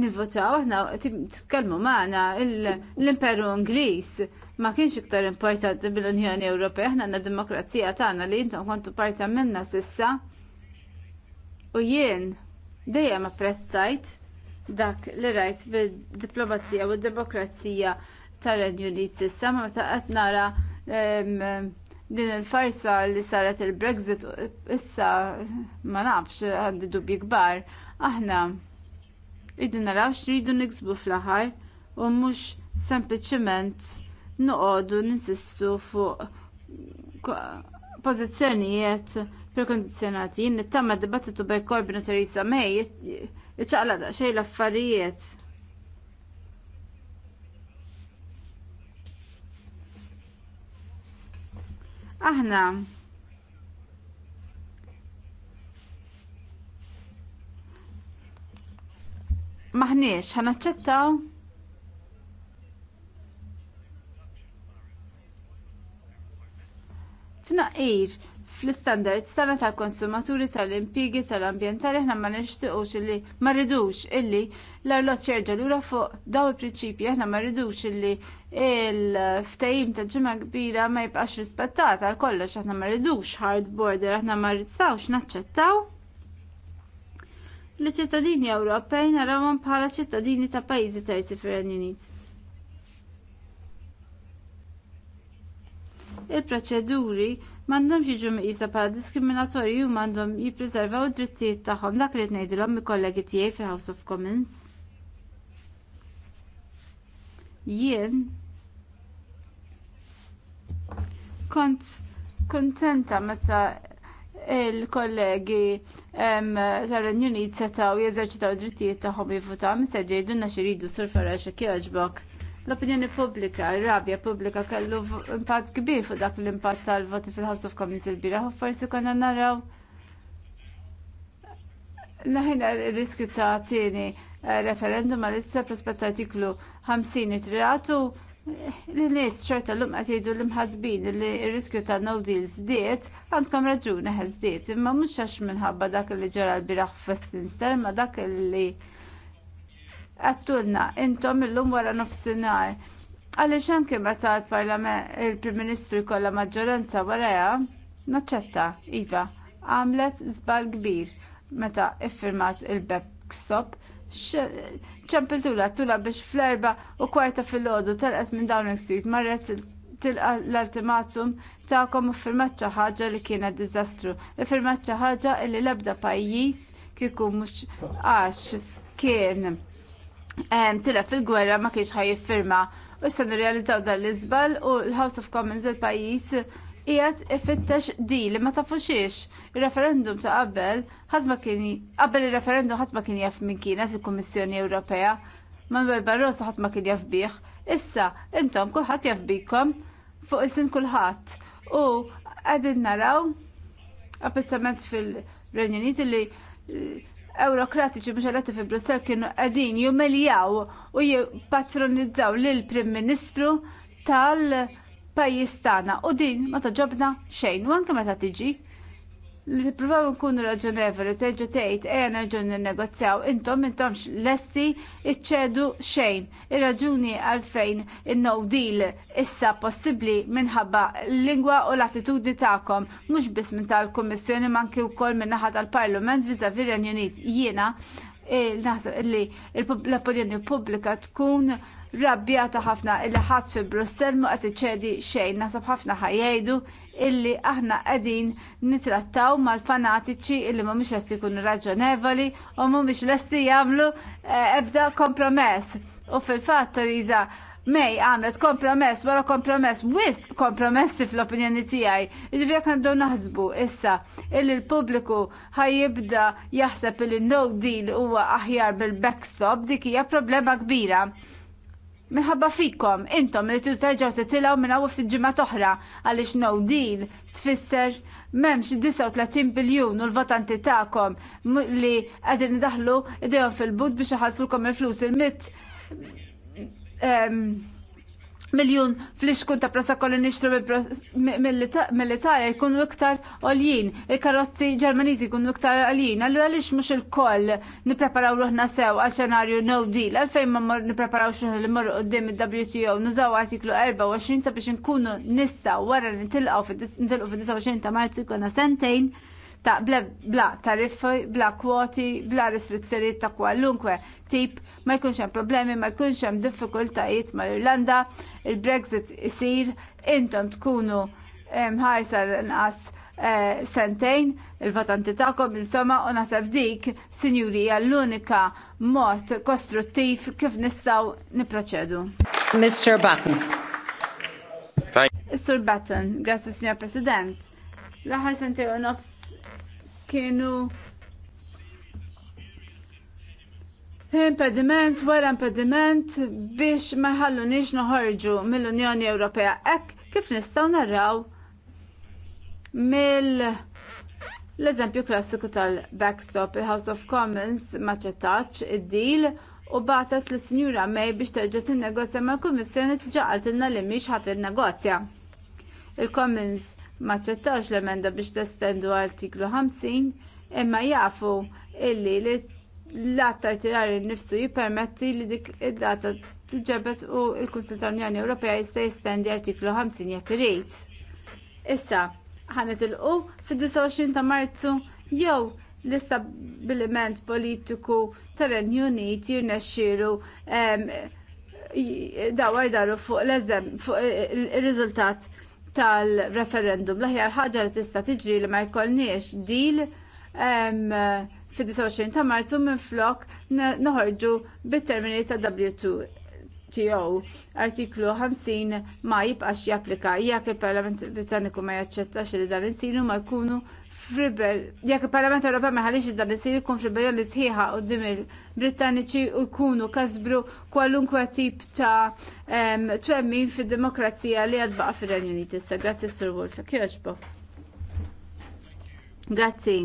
nivvotaw aħna titkellmu magħna l-Imperu Ingliż ma kienx iktar importanti mill unjoni Ewropea aħna għandna d demokrazija tagħna li intom kontu parti minnha s'issa. U jien dejjem apprezzajt dak li rajt bid-diplomazija u d-demokrazija tar-Renju Unit issa ma meta qed nara din il-farsa li saret il-Brexit issa ma nafx għandi dubji kbar aħna id naraw x'ridu niksbu fl-aħħar u mhux sempliċement noqogħdu ninsistu fuq pożizzjonijiet prekondizjonati jien nittama dibattitu bej Corbyn u Theresa May iċaqla daqsxejn l-affarijiet. Aħna maħniex ħanaċċettaw tnaqir fl-istandards tagħna tal-konsumaturi tal-impjiegi tal ambjentali aħna ma nixtiequx illi ma rridux illi l-arloġġ jerġa' lura fuq dawn il-prinċipji aħna ma rridux illi il ftehim ta' ġimgħa kbira ma jibqax rispettat għal kollox aħna ma rridux hard border aħna ma rridstawx naċċettaw li ċittadini Ewropej narawhom bħala ċittadini ta' pajjiżi terzi fir-Renju il-proċeduri m'għandhomx jiġu mqisa bħala diskriminatorji u m'għandhom jippreservaw id-drittijiet tagħhom dak li qed ngħidilhom il-kollegi tiegħi fil-House of Commons. Jien kont kuntenta meta il-kollegi tar-Renju Unit setgħu jeżerċitaw id-drittijiet tagħhom jivvutaw mista ġejdulna xi jridu sur Farage kieġbok L-opinjoni pubblika, r-rabja pubblika kellu impatt kbir fuq dak l-impatt tal-voti fil-House of Commons il-bira, u forsi konna naraw r riskju ta' tieni eh, referendum għal issa prospetta artiklu 50 li l nis xorta l-lum qed jgħidu l imħazbin li r-riskju ta' no deals diet għandkom raġuni ħeżdiet imma mhux għax minħabba dak li ġara l-biraħ f'Westminster ma dak li għattulna intom illum wara nofsinhar. Għaliex anke meta l-Parlament il-Prim Ministru jkollha maġġoranza wara, naċċetta iva għamlet żball kbir meta iffirmat il-backstop ċempiltula tula biex fl-erba u kwarta fil-ħodu telqet minn Downing Street marret tilqa l-ultimatum tagħkom u firmat xi ħaġa li kienet diżastru. Ifirmat xi ħaġa li l-ebda pajjiż kieku mhux għax kien tilef fil gwerra ma kienx ħaj jiffirma u issa realizzaw dan l izbal u l-House of Commons il-pajjiż qiegħed ifittex di li ma tafuxiex ir-referendum ta' qabel ħadd ma kien qabel ir-referendum ħadd ma kien jaf minn kienet il-Kummissjoni Ewropea Manuel Barroso ħadd ma kien jaf bih. Issa intom kullħat jaf bikom fuq il-sin kulħadd u qegħdin naraw appizzament fil-Renju li eurokratiċi mhux eletti fi Brussell kienu qegħdin jumiljaw u jippatronizzaw lil Prim Ministru tal-pajjiż tagħna u din ma taġobna xejn u anke meta tiġi li tippruvaw nkunu raġonevoli terġa' tgħid ġun eh, nerġgħu ninnegozjaw intom l lesti iċċedu xejn. Ir-raġuni għalfejn in-no deal issa possibbli minħabba l-lingwa u l-attitudni tagħkom mhux biss minn tal-Kummissjoni manki wkoll min naħa tal-Parlament viza virjan Unit. Jiena eh, li l-opinjoni pubblika tkun rabjata ħafna il ħadd fi Brussell ma qed iċċedi xejn. Naħseb ħafna ħajjajdu illi aħna qegħdin nitrattaw mal-fanatiċi illi mhumiex lesti jkunu raġonevoli u mhumiex lesti jagħmlu eh, ebda kompromess. U fil-fatt Toriza Mej għamlet kompromess wara kompromess, wisq kompromessi fl-opinjoni tiegħi. Jiġifieri jekk nibdew naħsbu issa illi l-pubbliku ħajibda jaħseb illi no deal huwa aħjar bil-backstop dik hija problema kbira. Minħabba fikom, intom li t-terġaw t-tilaw minna u ġimgħa toħra għaliex no deal tfisser m'hemmx 39 biljun u l-votanti tagħkom li qegħdin daħlu idejhom fil-but biex iħaslukom il-flus il-mit miljun fl-iskun ta' kolli nixtru mill-Italja jkunu iktar oljin, il-karozzi ġermaniżi jkunu iktar oljin, allura għaliex mhux il-koll nipreparaw ruħna sew għal xenarju no deal, għalfejn ma nipreparaw xuħu li morru għoddim il-WTO nużaw artiklu 24 sabiex nkunu nista' wara nitilqgħu fil 29 ta' Marzu jkunna sentejn ta' bla tariffi, bla kwoti, bla restrizzjonijiet ta' kwalunkwe tip ma jkunx hemm problemi, ma jkunx hemm diffikultajiet mal-Irlanda, il-Brexit isir, intom tkunu eh, mħarsa l-inqas eh, sentejn il-votanti tagħkom insomma u naħseb dik, sinjuri, hija l-unika mod kostruttiv kif nistgħu niproċedu. Mr. Button. Mr. Button, grazzi Signor President. L-aħħar sentejn u nofs kienu impediment wara impediment biex ma nix noħorġu mill-Unjoni Ewropea. Ek kif nistgħu narraw mill l-eżempju klassiku tal-backstop il-House of Commons maċċettax id-deal u batet l sinjura May biex terġa' tinnegozja mal-Kummissjoni tġaqaltilna li mhix ħadd in-negozja. Il-Commons maċċettawx l-emenda biex testendu artiklu 50 imma jafu illi li l-att tajtirari nifsu jippermetti li dik id-data tiġġabet u l-Kunsil Ewropea jista' jestendi artiklu 50 jekk irid. Issa, ħanet il-qu fid-29 ta' Marzu jew l istabbiliment politiku tar-Renju Unit jirnexxielu dawar daru fuq l-eżem fuq ir-riżultat tal-referendum. L-aħjar ħaġa li tista' tiġri li ma jkollniex deal fid-29 ta' Marzu minflok noħorġu bit-termini ta' WTO. Artiklu 50 ma jibqax japplika jekk il-Parlament Britanniku ma jaċċettax li dan insinu ma jkunu fribel. Jekk il-Parlament Ewropew ma ħalix dan isir jkun fribel li sħiħa qudiem il-Brittaniċi jkunu kasbru kwalunkwe tip ta' twemmin fid-demokrazija li għad baqa fir-Renju Unit issa. Grazzi Sur Wolf, kjoġbo. Grazzi.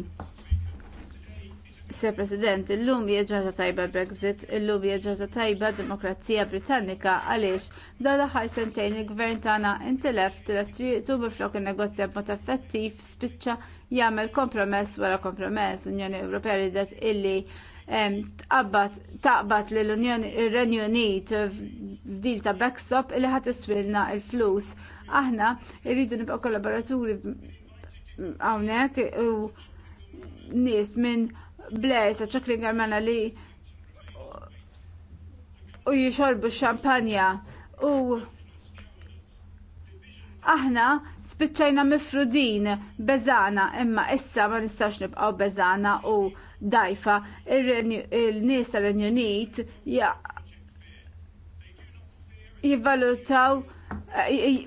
Sir President, illum hija ġraġa tajba Brexit, illum hija ġraġa tajba Demokrazija Britannika għaliex dan l-aħħar sentejn il-gvern tagħna intilef tilef triqtu minflok in-negozja b'mod effettiv spiċċa jagħmel kompromess wara kompromess. L-Unjoni Ewropea ridet illi taqbad lill unjoni ir-Renju Unit f'dil ta' backstop illi ħadd iswilna l-flus. Aħna rridu nibqgħu kollaboraturi hawnhekk u nies minn Blair sa ċaklinga li u jixorbu xampanja u aħna spiċċajna mifrudin beżana imma issa ma nistax nibqgħu beżana u dajfa il-nies tal-Renju Unit jivvalutaw eh,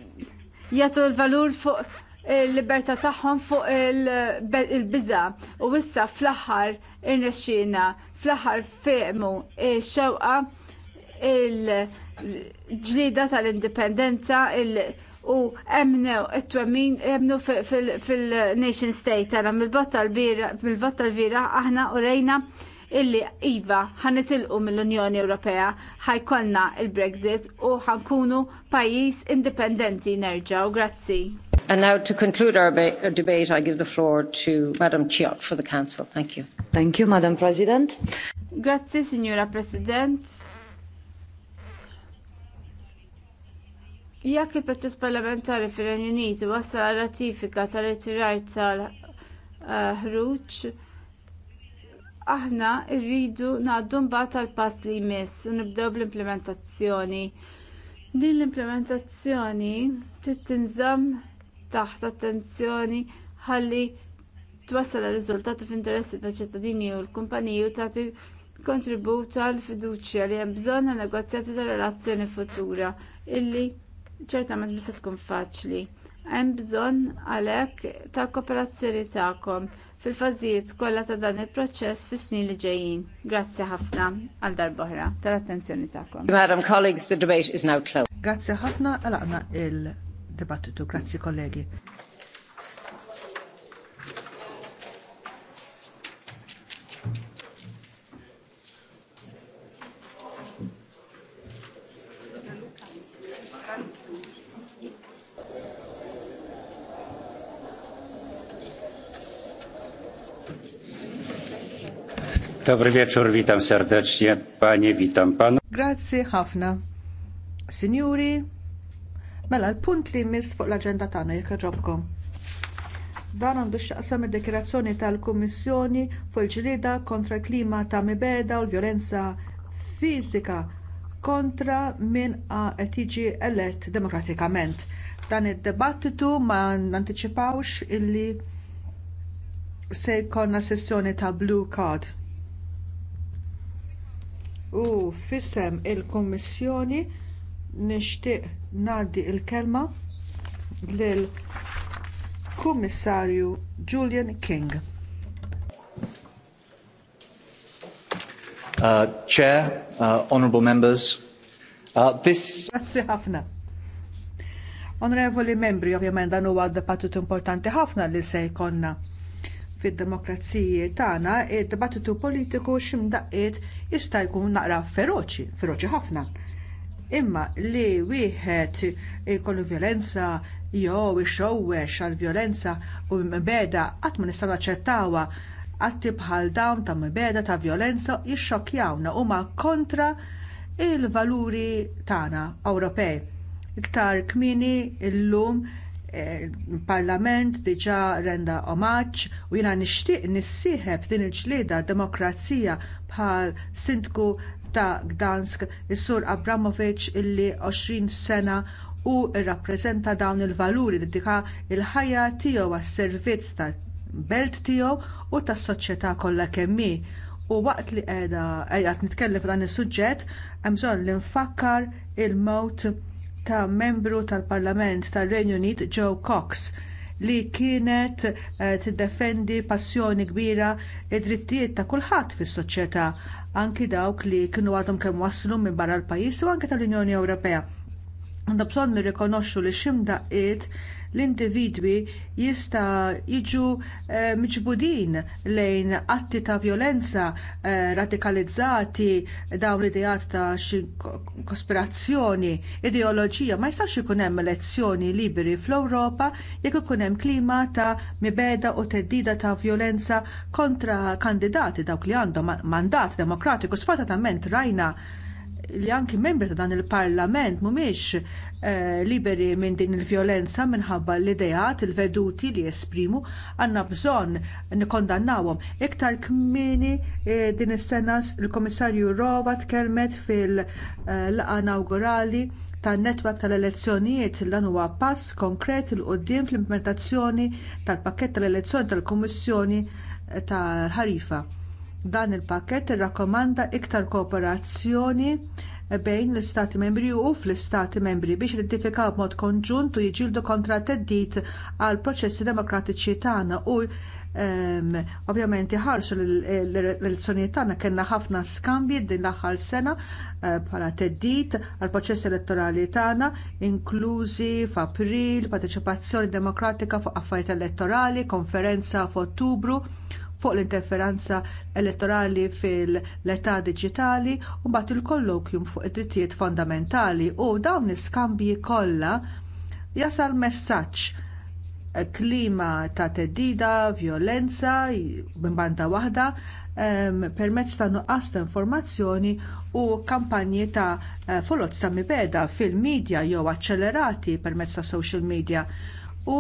jagħtu l-valur fuq il-libertà tagħhom fuq il-biża u issa fl-aħħar irnexxina fl-aħħar fehmu x-xewqa il-ġlida tal-indipendenza u emnew it-twemmin emnu fil-nation state tagħna mill botta tal-vira aħna u rejna illi iva ħanitilqu mill-Unjoni Ewropea ħajkollna il-Brexit u ħankunu pajjiż indipendenti nerġgħu. Grazzi. And now to conclude our debate, I give the floor to Madam Chiot for the Council. Thank you. Thank you, Madam President. Grazie, Signora President. Jekk il-proċess parlamentari fir-Renju Unit wasal ratifika tal-ittirar tal-ħruġ, eh, aħna rridu ngħaddu mbagħad tal-pass li jmiss u nibdew bl-implementazzjoni. Din l-implementazzjoni trid tinżamm taħt attenzjoni ħalli twassal ir-riżultati f'interessi taċ ċittadini u l-kumpaniji u tagħti kontribut għall fiduċja li hemm bżonn negozjati ta' relazzjoni futura illi ċertament mista tkun faċli. Hemm bżonn għalhekk ta' kooperazzjoni tagħkom fil-fażijiet kollha ta' dan il-proċess fis-snin li ġejjin. Grazzi ħafna għal darb'oħra tal-attenzjoni tagħkom. Madam colleagues, the debate is now closed. Grazzi ħafna għalaqna il- dibattitu. Grazzi kollegi. Dobry wieczór, witam serdecznie. Panie, witam panu. Grazie, Hafna. Signori, Mela, l-punt li jmiss fuq l aġenda tagħna jekk ġobkom. Dan għandu x'aqsam id-dikirazzjoni tal-Kummissjoni fuq il-ġlieda kontra klima ta' mibeda u l-vjolenza fiżika kontra min qed jiġi elett demokratikament. Dan id-dibattitu ma nantiċipawx illi se jkollna sessjoni ta' blue card. U fissem il-Kummissjoni nixtieq ngħaddi l-kelma lill kummissarju Julian King. Uh, Chair, uh, honourable members, uh, this. Grazie ħafna. Onorevoli membri, ovvjament dan huwa dibattitu importanti ħafna li se jkollna fid-demokrazija tagħna, id-dibattitu politiku x'imdaqqiet jista' jkun naqra feroċi, feroċi ħafna. Imma li wieħed jkollu violenza jew ixowwex għal violenza u mbeda qatt ma nistgħu naċċettawha atti bħal dawn ta' mibeda ta' vjolenza jixxokjawna huma kontra il valuri tagħna Ewropej. Iktar kmieni illum eh, il-Parlament diġà renda omaġġ u jiena nixtieq nissieħeb din il-ġlieda demokrazija bħal sindku ta' Gdansk, is-sur Abramovic illi 20 sena u rrappreżenta dawn il-valuri li dika il-ħajja tiegħu għas-servizz tal-belt tiegħu u tas-soċjetà kollha kemm hi. U waqt li qiegħda qiegħed nitkellem f'dan is-suġġett hemm bżonn li nfakkar il-mewt ta' membru tal-Parlament tar-Renju Unit Joe Cox li kienet eh, tiddefendi passjoni kbira id-drittijiet ta' kulħadd fis-soċjetà anki dawk li kienu għadhom kemm waslu minn barra l-pajjiż u anke tal-Unjoni Ewropea. Għandha bżonn nirrikonoxxu li x'imdaqqiet l-individwi jista' jiġu eh, miġbudin lejn atti ta' vjolenza eh, radikalizzati dawn l-idejat ta' xi kospirazzjoni, ideoloġija ma jistax ikun hemm elezzjoni liberi fl-Ewropa jekk ikun hemm klima ta' mibeda u theddida ta' vjolenza kontra kandidati dawk li għandhom mandat demokratiku sfortunatament rajna li anki membri ta' dan il-parlament mhumiex eh, liberi minn din il-vjolenza minħabba l-idejat, il-veduti li jesprimu għandna bżonn nikkondannawhom. Iktar kmieni eh, din is-sena il-Komissarju Rova tkellmet fil laqgħa inaugurali tan netwerk tal-elezzjonijiet dan huwa pass konkret il qudiem fl-implementazzjoni tal-pakket tal-elezzjoni tal-Kummissjoni tal-Ħarifa. Dan il-pakket irrakkomanda iktar kooperazzjoni bejn l-Istati membri u fl-Istati membri biex identifikaw b'mod konġunt u jiġildu kontra teddit għal proċessi demokratiċi tagħna u ehm, ovvjament iħarsu l-elezzjonijiet tagħna kellna ħafna skambji din l-aħħar sena eh, bħala teddit għall proċess elettorali tagħna, inklużi f'April, parteċipazzjoni demokratika fuq affarijiet elettorali, konferenza f'Ottubru fuq l-interferenza elettorali fil-età diġitali u mbagħad il-kollokjum fuq id-drittijiet fondamentali u dawn l-iskambji kollha jasal messaġġ klima ta' teddida, vjolenza minn banda waħda permezz ta' nuqqas ta' informazzjoni u kampanji ta' eh, folot mibeda fil-medja jew aċċelerati permezz ta' social media u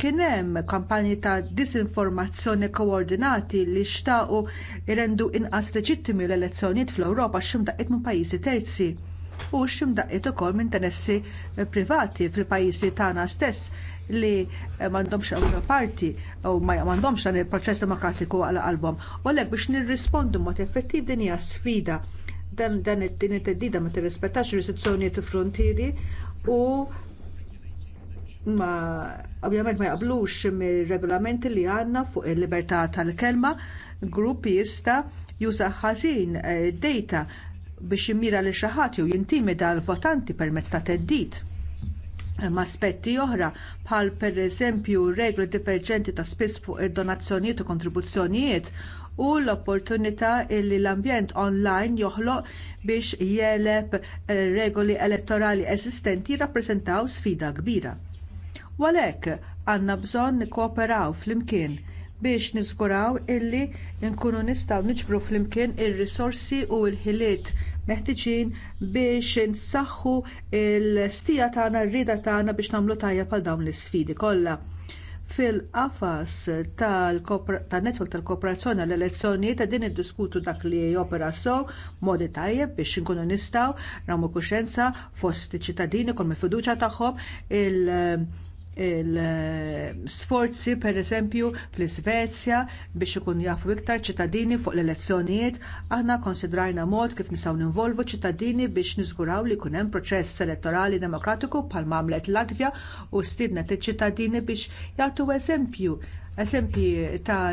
Kien hemm kampanji ta' disinformazzjoni koordinati li xtaqu jrendu inqas leġittimi l-elezzjonijiet fl-Ewropa x'imdaqqiet minn pajjiżi terzi u x'imdaqqiet ukoll minn interessi privati fil-pajjiżi tagħna stess li m'għandhomx ewro parti u m'għandhomx dan il-proċess demokratiku għal qalbhom. U għalhekk biex nirrispondu mod effettiv din hija sfida dan dan din it-teddida ma tirrispettax ir u frontieri u ma ovvjament ma jaqblux mir-regolamenti li għandna fuq il-libertà tal-kelma, grupp jista' juża ħażin eh, data biex jimmira lil xi ħadd jew jintimida l-votanti permezz ta' theddid. Hemm aspetti oħra bħal pereżempju regoli diverġenti ta' spiss fuq id-donazzjonijiet u kontribuzzjonijiet u l-opportunità li l-ambjent online joħloq biex jeleb eh, regoli elettorali eżistenti jirrappreżentaw sfida kbira. U għalhekk għandna bżonn nikkooperaw flimkien biex niżguraw illi nkunu nistgħu niġbru flimkien ir-risorsi u l-ħiliet meħtieġin biex insaħħu l-stija tagħna r-rieda tagħna biex nagħmlu tajjeb għal dawn l-isfidi kollha fil-qafas tan-netwerk tal-kooperazzjoni għall-elezzjonijiet ta' din iddiskutu dak li opera sew modi tajjeb biex inkunu nistgħu nagħmlu kuxjenza fost iċ-ċittadini kol mill-fiduċja tagħhom il- il-sforzi pereżempju fl-Iżvezja biex ikun jafu iktar ċittadini fuq l-elezzjonijiet, aħna konsidrajna mod kif nistgħu ninvolvu ċittadini biex niżguraw li jkun hemm proċess elettorali demokratiku bħalma għamlet Latvja u stidna iċ-ċittadini biex jagħtu eżempju eżempji ta'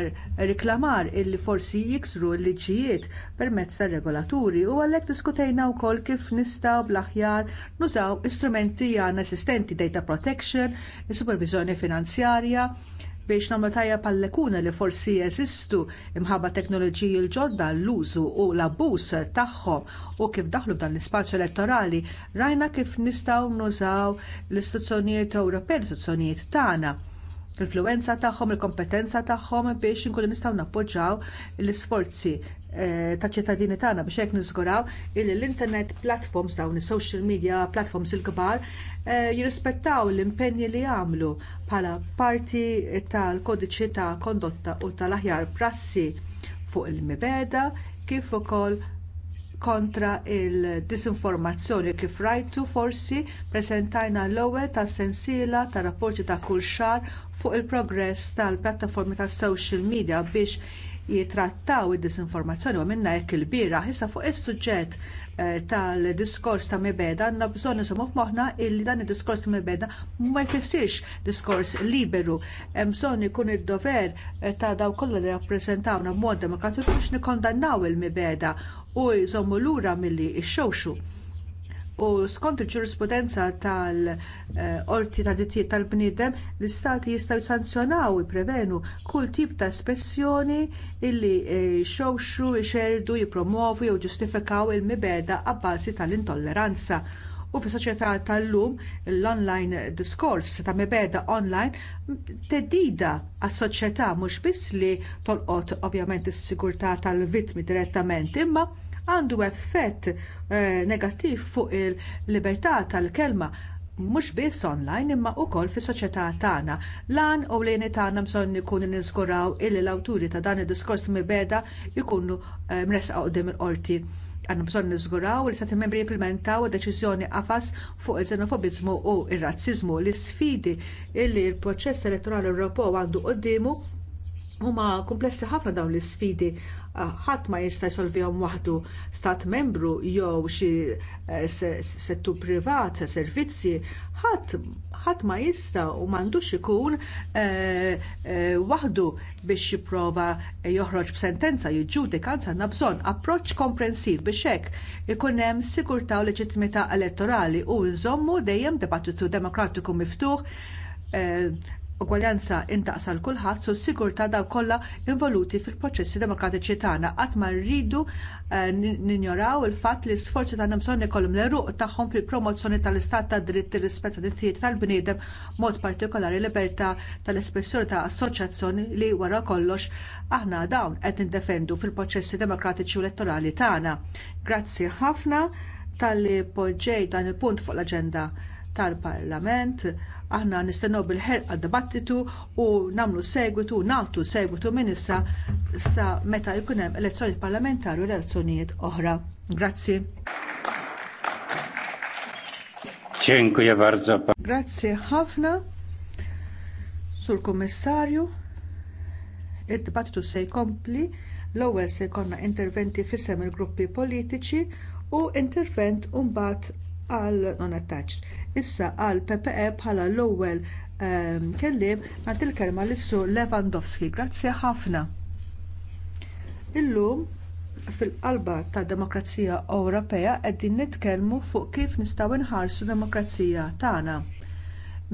riklamar illi forsi jiksru l-liġijiet permezz tar regolaturi u għalhekk diskutejna wkoll kif nistgħu bl-aħjar nużaw istrumenti għan esistenti data protection, superviżjoni finanzjarja, biex nagħmlu tajja pal-lekuna li forsi jeżistu imħabba teknoloġiji l-ġodda l-użu u l-abbuż tagħhom u kif daħlu f'dan l-ispazju elettorali rajna kif nistgħu nużaw l-istituzzjonijiet Ewropej, l-istituzzjonijiet tagħna l-influenza tagħhom, il-kompetenza tagħhom biex inkunu nistgħu nappoġġjaw l-isforzi eh, ta' ċittadini tagħna biex hekk niżguraw illi l-internet platforms dawn is-social media platforms il-kbar eh, jirrispettaw l-impenni li jagħmlu bħala parti tal-kodiċi ta' kondotta u tal-aħjar prassi fuq il-mibeda kif ukoll kontra il-disinformazzjoni kif rajtu forsi ppreżentajna l-ewwel tas-sensiela tar rapporti ta' kull xahar fuq il-progress tal-pjattaformi tas-social media biex jitrattaw id-disinformazzjoni u minna hekk il-bieraħ issa fuq is-suġġett eh, tal-diskors ta' mibeda għandna bżonn nisimgħu f'moħħna li dan id-diskors ta' mibeda ma jfissirx diskors liberu. Hemm bżonn ikun id-dover eh, ta' dawk kollha li rappreżentawna b'mod demokratiku biex nikkondannaw il-mibeda u jżommu lura milli xxewxu u skont il-ġurisprudenza tal-Qorti tad-Dittijiet tal-Bniedem, l-istati jistgħu jsanzjonaw jipprevenu kull tip ta' espressjoni illi eh, xewxu, jxerdu, jippromovu jew ġustifikaw il-mibeda abbażi tal-intolleranza. U fis soċjetà tal-lum l-online diskors ta' mibeda online tedida għas soċjetà mhux biss li tolqot ovvjament is-sigurtà tal-vittmi direttament imma għandu effett eh, negattiv fuq il-libertà tal-kelma mhux biss online imma wkoll fis-soċjetà tagħna. Lan u lejni tagħna bżonn ikunu ninskuraw illi l-awturi ta' dan id-diskors mibeda jkunu eh, mresqa quddiem il-qorti. Għandna bżonn niżguraw li stati membri jimplementaw deċiżjoni qafas fuq il-xenofobiżmu u r razziżmu l isfidi illi l-proċess elettorali Ewropew għandu quddiemu huma komplessi ħafna dawn l isfidi Ah, ħadd ma jista' jsolvihom waħdu stat membru jew xi eh, settur privat ta' servizzi, ħadd ma jista' u m'għandux ikun eh, eh, waħdu biex jipprova joħroġ b'sentenza jiġġudika anzi għandna bżonn approċċ komprensiv biex hekk ikun hemm sigurtà u leġittimità elettorali u nżommu dejjem dibattitu demokratiku miftuħ ugwaljanza intaqsal kulħadd su s-sigurtà daw kollha involuti fil-proċessi demokratiċi tagħna qatt ma rridu eh, ninjoraw il-fatt li l-sforzi tagħna bżonn ikollhom l-eruq tagħhom fil-promozzjoni tal-istat tad dritt ir-rispett tad drittijiet tal-bniedem mod partikolari libertà tal-espressjoni ta' assoċjazzjoni li wara kollox aħna dawn qed nindefendu fil-proċessi demokratiċi u elettorali tagħna. Grazzi ħafna tal-li poġġej dan il-punt fuq l-aġenda tal-Parlament Aħna nistennew bil-ħerqa dibattitu u nagħmlu segwitu, nagħtu segwitu minn issa sa meta jkun hemm elezzjoni parlamentari u elezzjonijiet oħra. Grazzi. Dziękuję bardzo. Grazie ħafna. Sur Kummissarju, id-dibattitu se jkompli l-ewwel se jkollna interventi fis-sem il-gruppi politiċi u intervent mbagħad għal non attached. Issa għal PPE bħala l-ewwel ehm, kelliem nagħti l-kelma sur Lewandowski. Grazzi ħafna. Illum fil-qalba tad demokrazija Ewropea qegħdin nitkellmu fuq kif nistgħu nħarsu demokrazija tagħna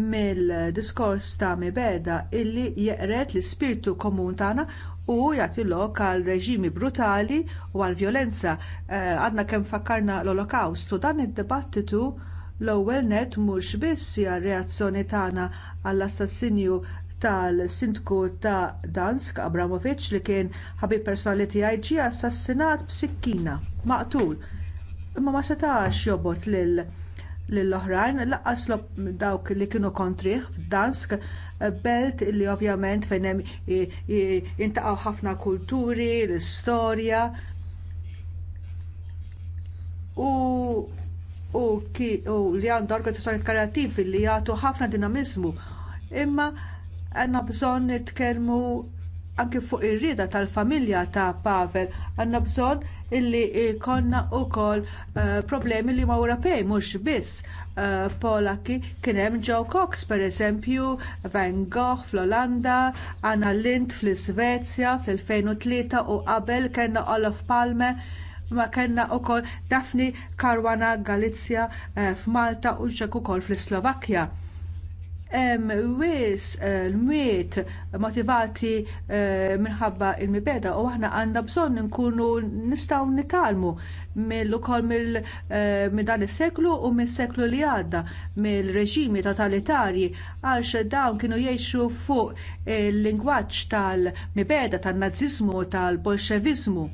mill-diskors ta' mibeda illi jeqret l-ispirtu komun tagħna u jagħti lok għal reġimi brutali u għall vjolenza ehm, għadna kemm fakkarna l-Olokawstu dan id-dibattitu L-ewwel nett mhux biss hija reazzjoni tagħna għall-assassinju tal-sindku ta' Dansk Abramovic li kien ħabib personali tiegħi ġie assassinat b'sikkina maqtul. Imma ma setax jobot lil oħrajn laqqas dawk li kienu kontrih f'Dansk belt li ovvjament fejn hemm jintaqgħu ħafna kulturi, l-istorja. U u, ki, u li għandu organizzazzjoni kreattivi li jagħtu ħafna dinamiżmu, imma għanna bżonn nitkellmu anke fuq ir-rieda tal-familja ta' Pavel, għandna bżonn illi jkollna wkoll uh, problemi li ma Ewropej mhux biss uh, eh, Polaki kien hemm Joe Cox pereżempju, Van Gogh fl-Olanda, Anna Lind fl-Iżvezja fl-2003 u qabel kellna Olof Palme ma kellna wkoll Dafni Karwana Galizja eh, f'Malta u ġek ukoll fl islovakkja Hemm wies eh, l-mwiet motivati eh, minħabba l mibeda u aħna għandna bżonn nkunu nistgħu nitalmu mill ukoll mill dan is-seklu u mis-seklu li għadda mill-reġimi totalitarji għax dawn kienu jgħixu fuq il-lingwaġġ tal-mibeda tan-naziżmu tal-bolxeviżmu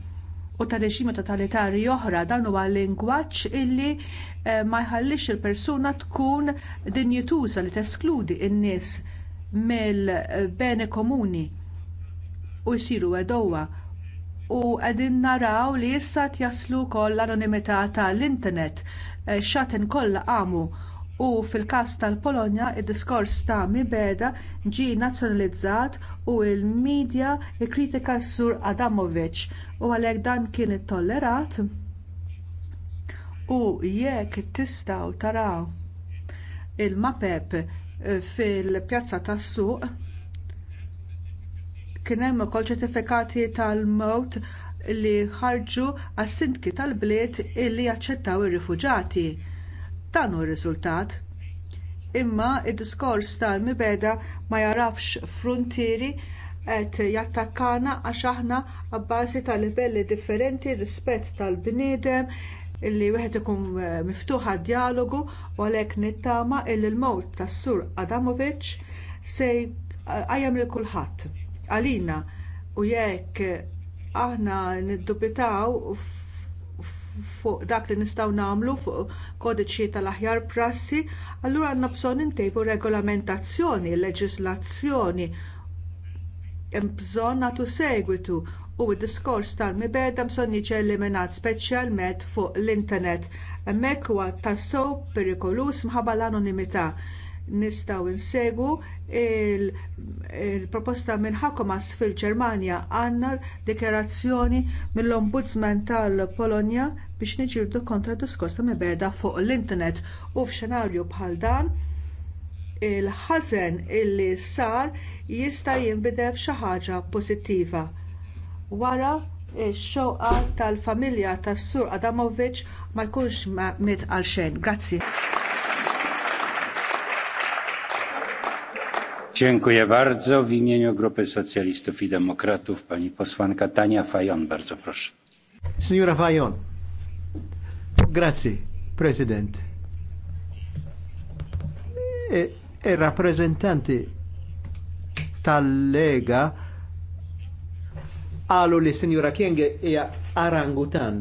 u ta' reġimi totalitarji oħra dan huwa lingwaġġ illi eh, ma jħallix il-persuna tkun dinjituża li teskludi n-nies mill-bene komuni u jsiru edowa u qegħdin naraw li issa jaslu wkoll l-anonimità tal-internet eh, xatin kollha għamu u fil-każ tal-Polonja id-diskors ta' mibeda ġie nazzjonalizzat u l-midja kkritika s-sur Adamowicz u għalhekk dan kien ittollerat u jekk tistgħu taraw il-mapep fil-pjazza tas-suq kien hemm ukoll ċertifikati tal-mewt li ħarġu għas-sindki tal-bliet illi jaċċettaw ir-rifuġati. Dan hu r-riżultat. Imma d diskors tal-mibeda ma jarafx fruntieri qed jattakkana għax aħna abbażi ta' livelli differenti rispett tal-bniedem illi wieħed ikun eh, miftuħ għad-dialogu u għalhekk nittama illi l-mowt tas-sur Adamovic se għajam lil kulħadd għalina u jekk aħna niddubitaw fuq dak li nistgħu nagħmlu fuq kodiċi tal-aħjar prassi, allura għandna bżonn intejbu regolamentazzjoni, leġiżlazzjoni, hemm bżonn nagħtu segwitu u d-diskors tal-mibeda bżonn jiġi eliminat speċjalment fuq l-internet. Hemmhekk huwa tassew perikolus minħabba l-anonimità nistgħu insegwu il-proposta minn Hakomas fil-Ġermanja għandna dikjarazzjoni mill-Ombudsman tal-Polonja biex niġildu kontra diskors ta' mibeda fuq l-internet u f'xenarju bħal dan il-ħażen illi sar jista' jinbidel f'xi ħaġa pożittiva. Wara x-xewqa tal-familja tas-Sur Adamovic ma jkunx mit għal xejn. Grazzi. Dziękuję bardzo. W imieniu Grupy Socjalistów i Demokratów pani posłanka Tania Fajon, bardzo proszę. Signora Fajon. Grazie, prezydent. e, e tal-Lega għalu li Signora Kienge hija e arangutan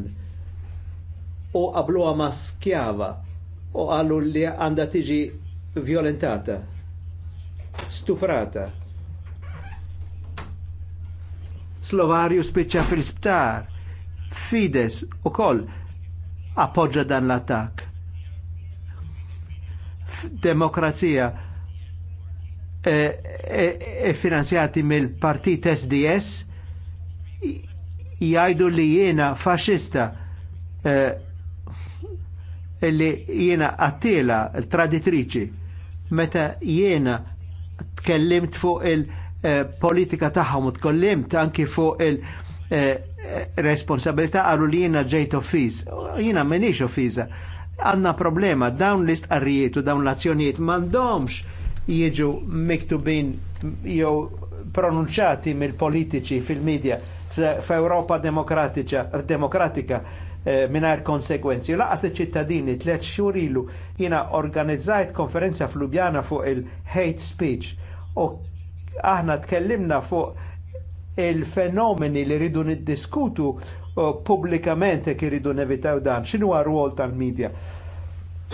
u qabluha ma skjava u għalu li għandha tiġi violentata stuprata. Slovarju spiċċa fil-sptar. Fides u koll appoġġa dan l-attak. Demokrazija e, e, e finanzjati mill-partit SDS jajdu li jiena faxista e, e li jiena attila, traditriċi, meta jiena tkellimt fuq il-politika eh, tagħhom u tkellimt anki fuq il- eh, responsabilità għallu li jina ġejt offiz. Jina menix offiza. Għanna problema, dawn l-istqarrijiet u dawn l-azzjonijiet mandomx jieġu miktubin jew pronunċati mill-politiċi fil-medja f'Europa demokratika eh, mingħajr minar konsekwenzi. Laqas iċ-ċittadini tliet xhur ilu jiena organizzajt konferenza fl-Lubjana fuq il-hate speech U aħna tkellimna fuq il-fenomeni li rridu niddiskutu pubblikament jekk iridu nevitaw dan. X'inhu rwol tal-medja?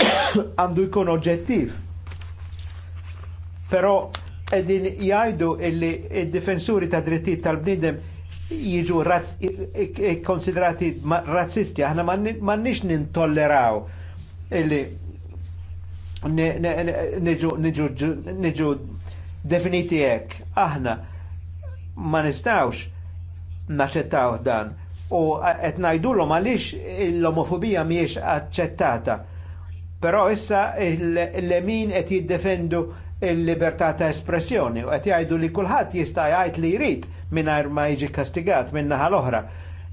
Għandu jkun oġġettiv. Però qegħdin jajdu illi d difensuri ta' drittijiet tal bniedem jiġu raz, razzisti, aħna m'għandniex nintolleraw illi niġu definiti hekk. Aħna ma nistawx naċċettaw dan u qed ngħidulhom għaliex l-omofobija mhijiex aċċettata. Però issa l-lemin qed jiddefendu il-libertà ta' espressjoni u qed jgħidu li kulħadd jista' jgħid li jrid mingħajr ma jiġi kastigat minn naħa l-oħra.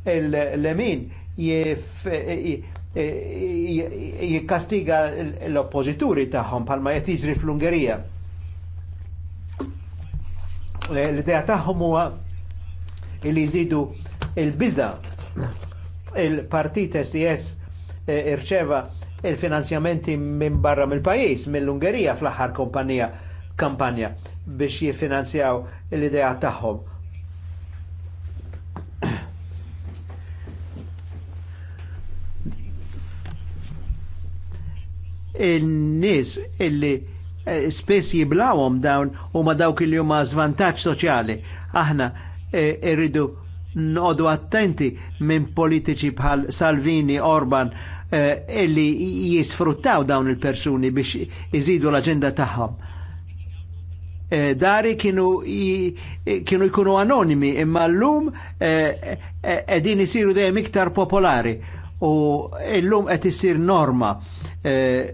Il-lemin jikkastiga l-oppożituri tagħhom palma qed jiġri fl-Ungerija l-idea tagħhom huwa li jżidu il-biża il-partit SES e eh, irċeva il-finanzjamenti minn barra mill-pajis, mill-Ungerija fl-aħħar kompanija kampanja biex jiffinanzjaw l-idea tagħhom. il nis illi Eh, spess jiblawom dawn huma dawk li huma żvantaġġ soċjali. Aħna eh, irridu noqogħdu attenti minn politiċi bħal Salvini, Orban, eh, illi jisfruttaw dawn il-persuni biex iżidu l-aġenda tagħhom dari kienu kienu jkunu anonimi imma l-lum edin isiru dejjem iktar popolari u illum qed isir norma eh,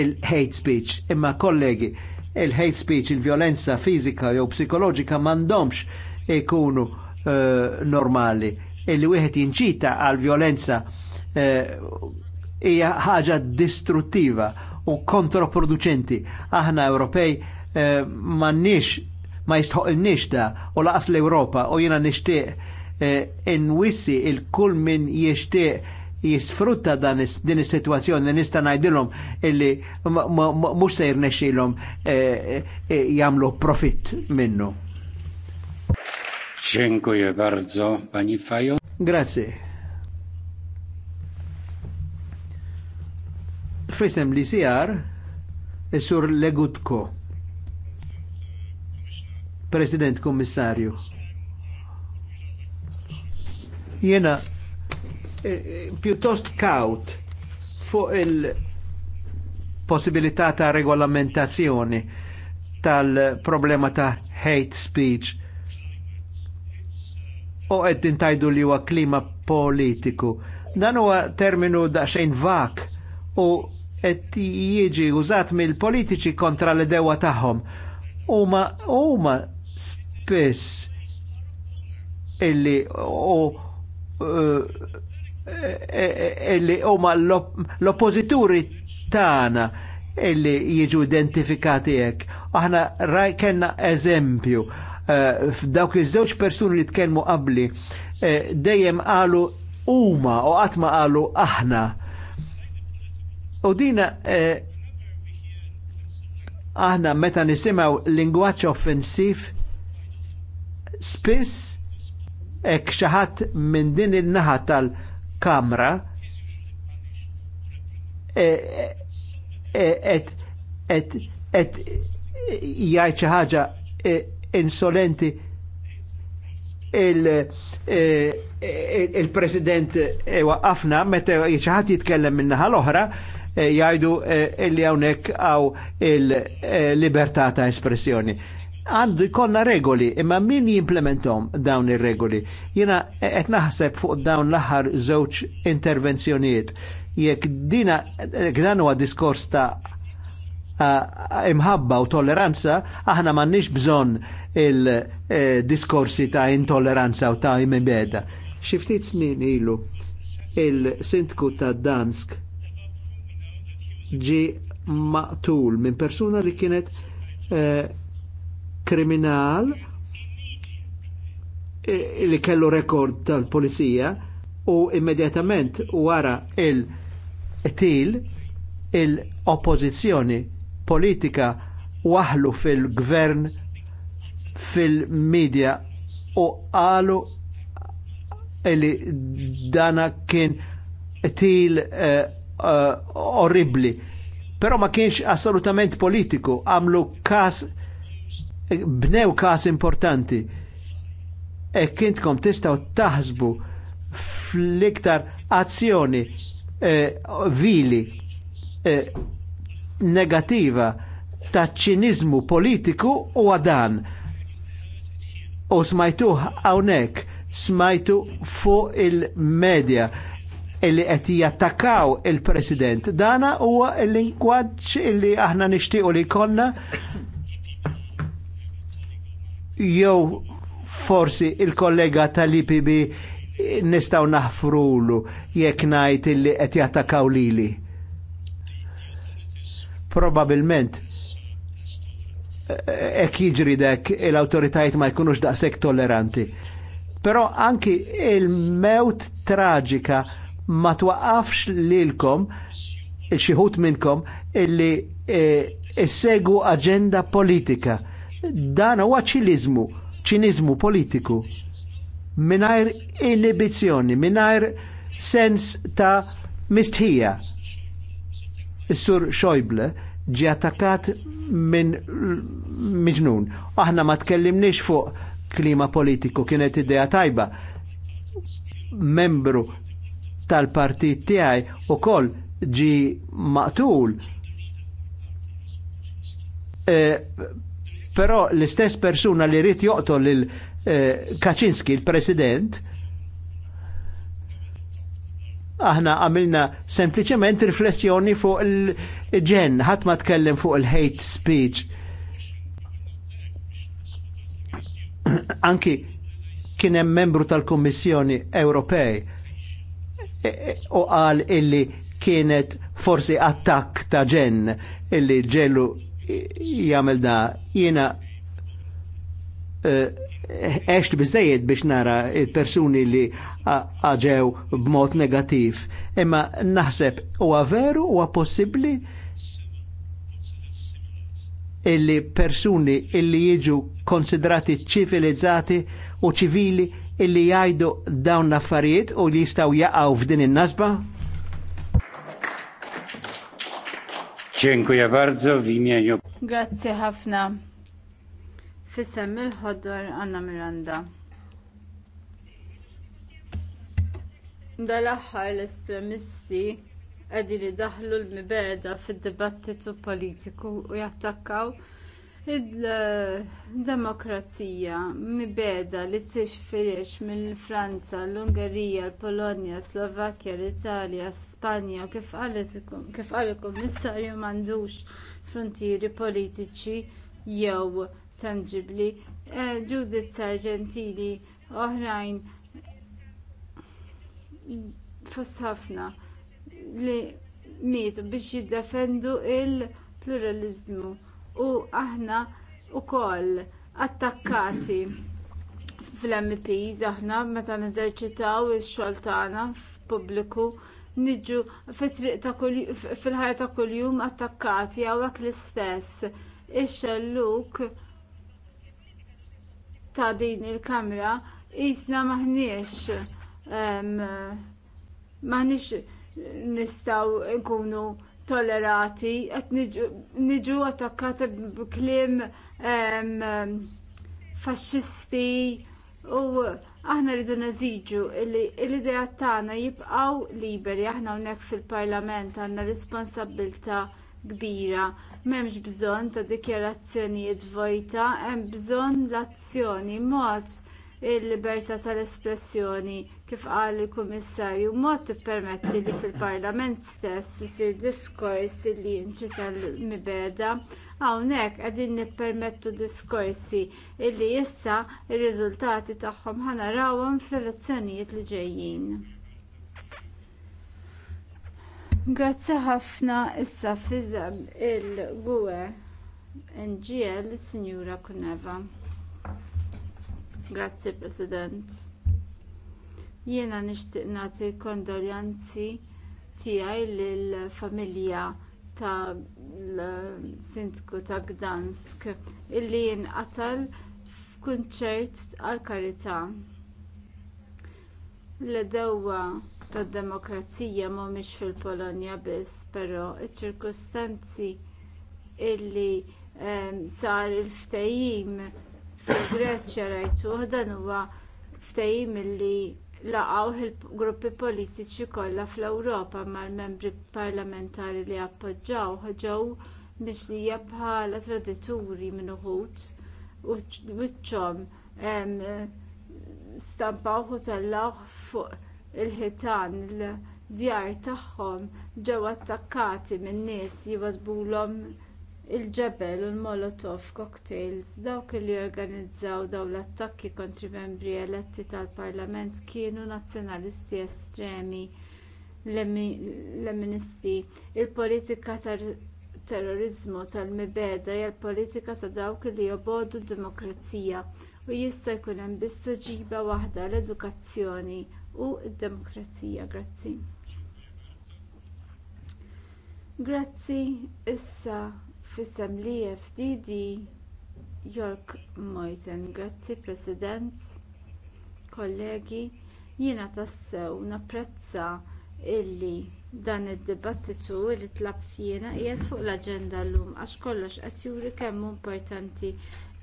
il-hate speech. Imma kollegi, il-hate speech, il-violenza fizika jew psikoloġika mandomx ikunu eh, normali. Illi wieħed jinċita għal violenza eh, hija ħaġa distruttiva u kontraproducenti. Aħna Ewropej m'għandniex ma jistħoqilniex da u laqas l-Ewropa u jiena nixtieq inwissi il-kull min jixtieq jisfrutta dan din is-sitwazzjoni nista' ngħidilhom illi mhux se jirnexxilhom eh, eh, eh, jagħmlu profitt minnu. Dziękuję bardzo, pani Fajon. Grazie. Fisem li sijar, e sur Legutko. President Kommissarju. Jena pjuttost kaut fuq il-possibilità ta' regolamentazzjoni tal-problema ta' hate speech u qed intajdu li huwa klima politiku. Dan huwa terminu da xejn vak u qed jiġi użat mill-politiċi kontra l-dewa tagħhom. Huma huma spiss illi u uh, illi eh, eh, eh, huma l-oppożituri tagħna illi jiġu identifikati hekk. Aħna raj kellna eżempju f'dawk iż-żewġ persuni li tkellmu qabli dejjem qalu huma u qatt ma qalu aħna. U dina aħna meta nisimgħu lingwaġġ offensiv spiss hekk xi ħadd minn din il-naħa tal- kamra e, e, e, et et xi ħaġa insolenti il-president waqqafna meta ħadd jitkellem min-naħa l-oħra jgħidu illi hawnhekk għaw il-libertà ta' espressjoni għandu jkollna regoli, imma min jimplementom dawn ir-regoli? Jiena qed naħseb fuq dawn l-aħħar żewġ intervenzjonijiet. Jekk dina dan huwa diskors ta' imħabba u tolleranza, aħna m'għandniex bżonn il-diskorsi ta' intolleranza u ta' imibeda. Xiftit snin ilu il-sindku ta' Dansk ġi maqtul minn persuna li kienet eh, kriminal eh, li kellu rekord tal-polizija u immedjatament wara il-til il-oppozizjoni politika waħlu fil-gvern fil-medja u qalu li dana kien til uh, uh, orribli. Pero ma kienx assolutament politiku, għamlu kas bnew kas importanti. E kintkom tistaw taħsbu fl-iktar azzjoni eh, vili eh, negativa ta' ċinizmu politiku u għadan. U smajtu għawnek, smajtu fuq il-medja illi qed jattakaw il-President. Dana huwa l-lingwaġġ illi aħna nixtiequ li konna jew forsi il-kollega tal-IPB nistaw naħfrulu jekk ngħid illi qed jattakaw lili. Probabilment eh, hekk jiġri dek l-awtoritajiet ma jkunux daqshekk tolleranti. Però anki il-mewt traġika ma twaqqafx lilkom il-xiħut minnkom illi eh, issegu e, aġenda politika Dan huwa ċinizmu, ċinizmu politiku. Minajr inibizjoni, minajr sens ta' mistħija. Is-sur Xojble ġi attakkat minn miġnun. Aħna ma tkellimniex fuq klima politiku, kienet idea tajba. Membru tal-partit tiegħi ukoll ġi maqtul. E, Però l-istess persuna li rrit joqtol il-Kaczynski, eh, il-President, aħna għamilna sempliciment riflessjoni fuq il-ġen, ħadd ma tkellem fuq il-hate speech. Anki kien hemm membru tal-Kummissjoni Ewropej e, e, u qal illi kienet forsi attak ta' ġen illi ġellu jgħamil da jiena eh, eċt bizzejed biex nara il-persuni li għaġew b'mod negativ. Imma naħseb u veru u possibli illi persuni illi jiġu konsidrati ċivilizzati u ċivili illi jgħidu dawn l-affarijiet u li jistaw jaqaw f'din in-nasba? Dziękuję bardzo w imieniu. Grazie ħafna. Fissem il Anna Miranda. Dal-aħħar l-estremisti qegħdin idaħħlu l-mibeda fid-dibattitu politiku u jattakkaw Id-demokrazija beda li tixfirix mill-Franza, l-Ungerija, l-Polonja, Slovakkja, l-Italja, Spanja, kif qal il-Kummissarju m'għandux frontieri politiċi jew tangibbli. Eh, Judith Sargentili oħrajn fost ħafna li mietu biex jiddefendu l pluraliżmu u aħna wkoll attakkati fl-MPs aħna meta neżerċitaw ix-xogħol tagħna f'pubbliku niġu fil-ħajja ta' kuljum attakkati hawnhekk l-istess ix-xelluk ta' din il-kamra qisna maħniex maħniex nistgħu nkunu tollerati, qed niġu attakkati b'kliem faxxisti u aħna rridu neżiġu l-idea tagħna jibqgħu liberi aħna hawnhekk fil-Parlament għandna responsabilità kbira. M'hemmx bżonn ta' dikjarazzjonijiet vojta, hemm bżonn l-azzjoni mod il-libertà tal-espressjoni kif qal il-Kummissarju mod tippermetti li fil-Parlament stess isir diskors li jinċita l-mibeda hawnhekk qegħdin nippermettu diskorsi li issa r-riżultati tagħhom ħanarawhom fl-elezzjonijiet li ġejjin. Grazzi ħafna issa fizem il-gwe NGL Sinjura Kuneva. Grazzi President. Jiena nixtieq nagħti l kondoljanzi tiegħi lill-familja tal-Sindku ta' Gdansk illi nqatel f'kunċert għall-karità. l dewwa tad-demokrazija mhumiex fil-Polonja biss, però ċ-ċirkustanzi illi ehm, sar il-ftehim fil-Greċja rajtuh dan huwa ftehim illi laqgħu il-gruppi politiċi kollha fl-Ewropa mal-membri parlamentari li appoġġjaw ġew mixlija bħala tradituri minn uħud wiċċhom stampaw ħutellawh fuq il-ħitan l djar tagħhom ġew attakkati minn nies jwadbulhom il-ġebel u l-molotov cocktails dawk li organizzaw dawn l-attakki kontra membri eletti tal-parlament kienu nazzjonalisti estremi leninisti il-politika tat-terroriżmu tal-mibeda hija l-politika ta' dawk li jobodu d-demokrazija u jista' jkun hemm biss tweġiba waħda l-edukazzjoni u d-demokrazija grazzi grazzi issa fissem li FDD York Moyten, grazzi President, kollegi, jiena tassew napprezza illi dan id-dibattitu li tlabt jiena qiegħed fuq l-aġenda llum għax kollox qed juri kemm hu importanti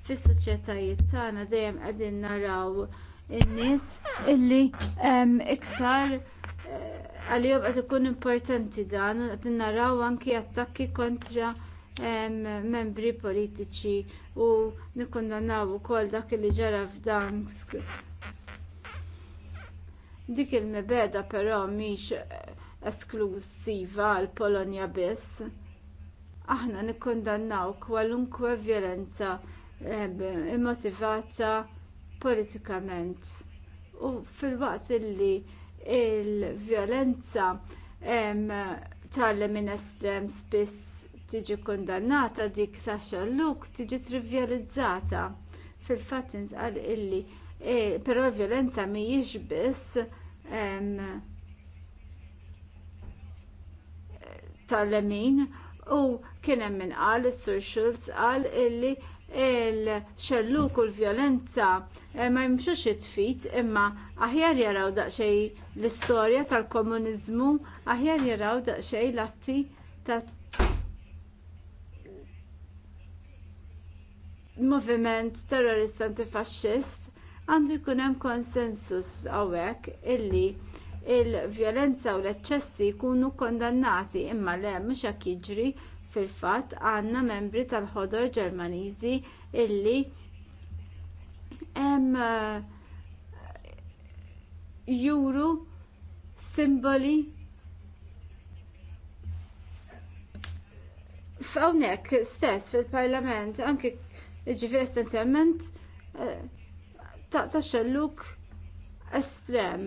fis-soċjetajiet tagħna dejjem qegħdin naraw in-nies illi ehm, iktar eh, għalihom qed ikun importanti dan u qegħdin naraw anki attakki kontra membri politiċi u nikkondannaw ukoll dak li ġara f'Dansk. Dik il-mibeda però mhix esklusiva għall Polonja biss. Aħna nikkundannaw kwalunkwe vjolenza immotivata politikament. U fil-waqt illi l il vjolenza tal-lemin estrem spiss tiġi kkundannata dik tax-xalluk tiġi trivjalizzata fil-fatt intqal illi e, però l-vjolenza mhijiex biss tal-lemin u kien hemm min qal is-sur Schulz qal illi l xelluk u l-vjolenza e, ma jimxux it-tfit imma aħjar jaraw daqsxejn l-istorja tal komuniżmu aħjar jaraw daqsxejn l-atti tat moviment terrorista antifaxxist għandu jkun hemm konsensus hawnhekk illi l vjolenza u l-eċċessi jkunu kkondannati imma le mhux hekk jiġri fil-fatt għandna membri tal-ħodor Ġermaniżi illi hemm eh, juru simboli f'hawnhekk stess fil-Parlament anke Jiġifieri essenzjalment eh, ta' xelluk estrem.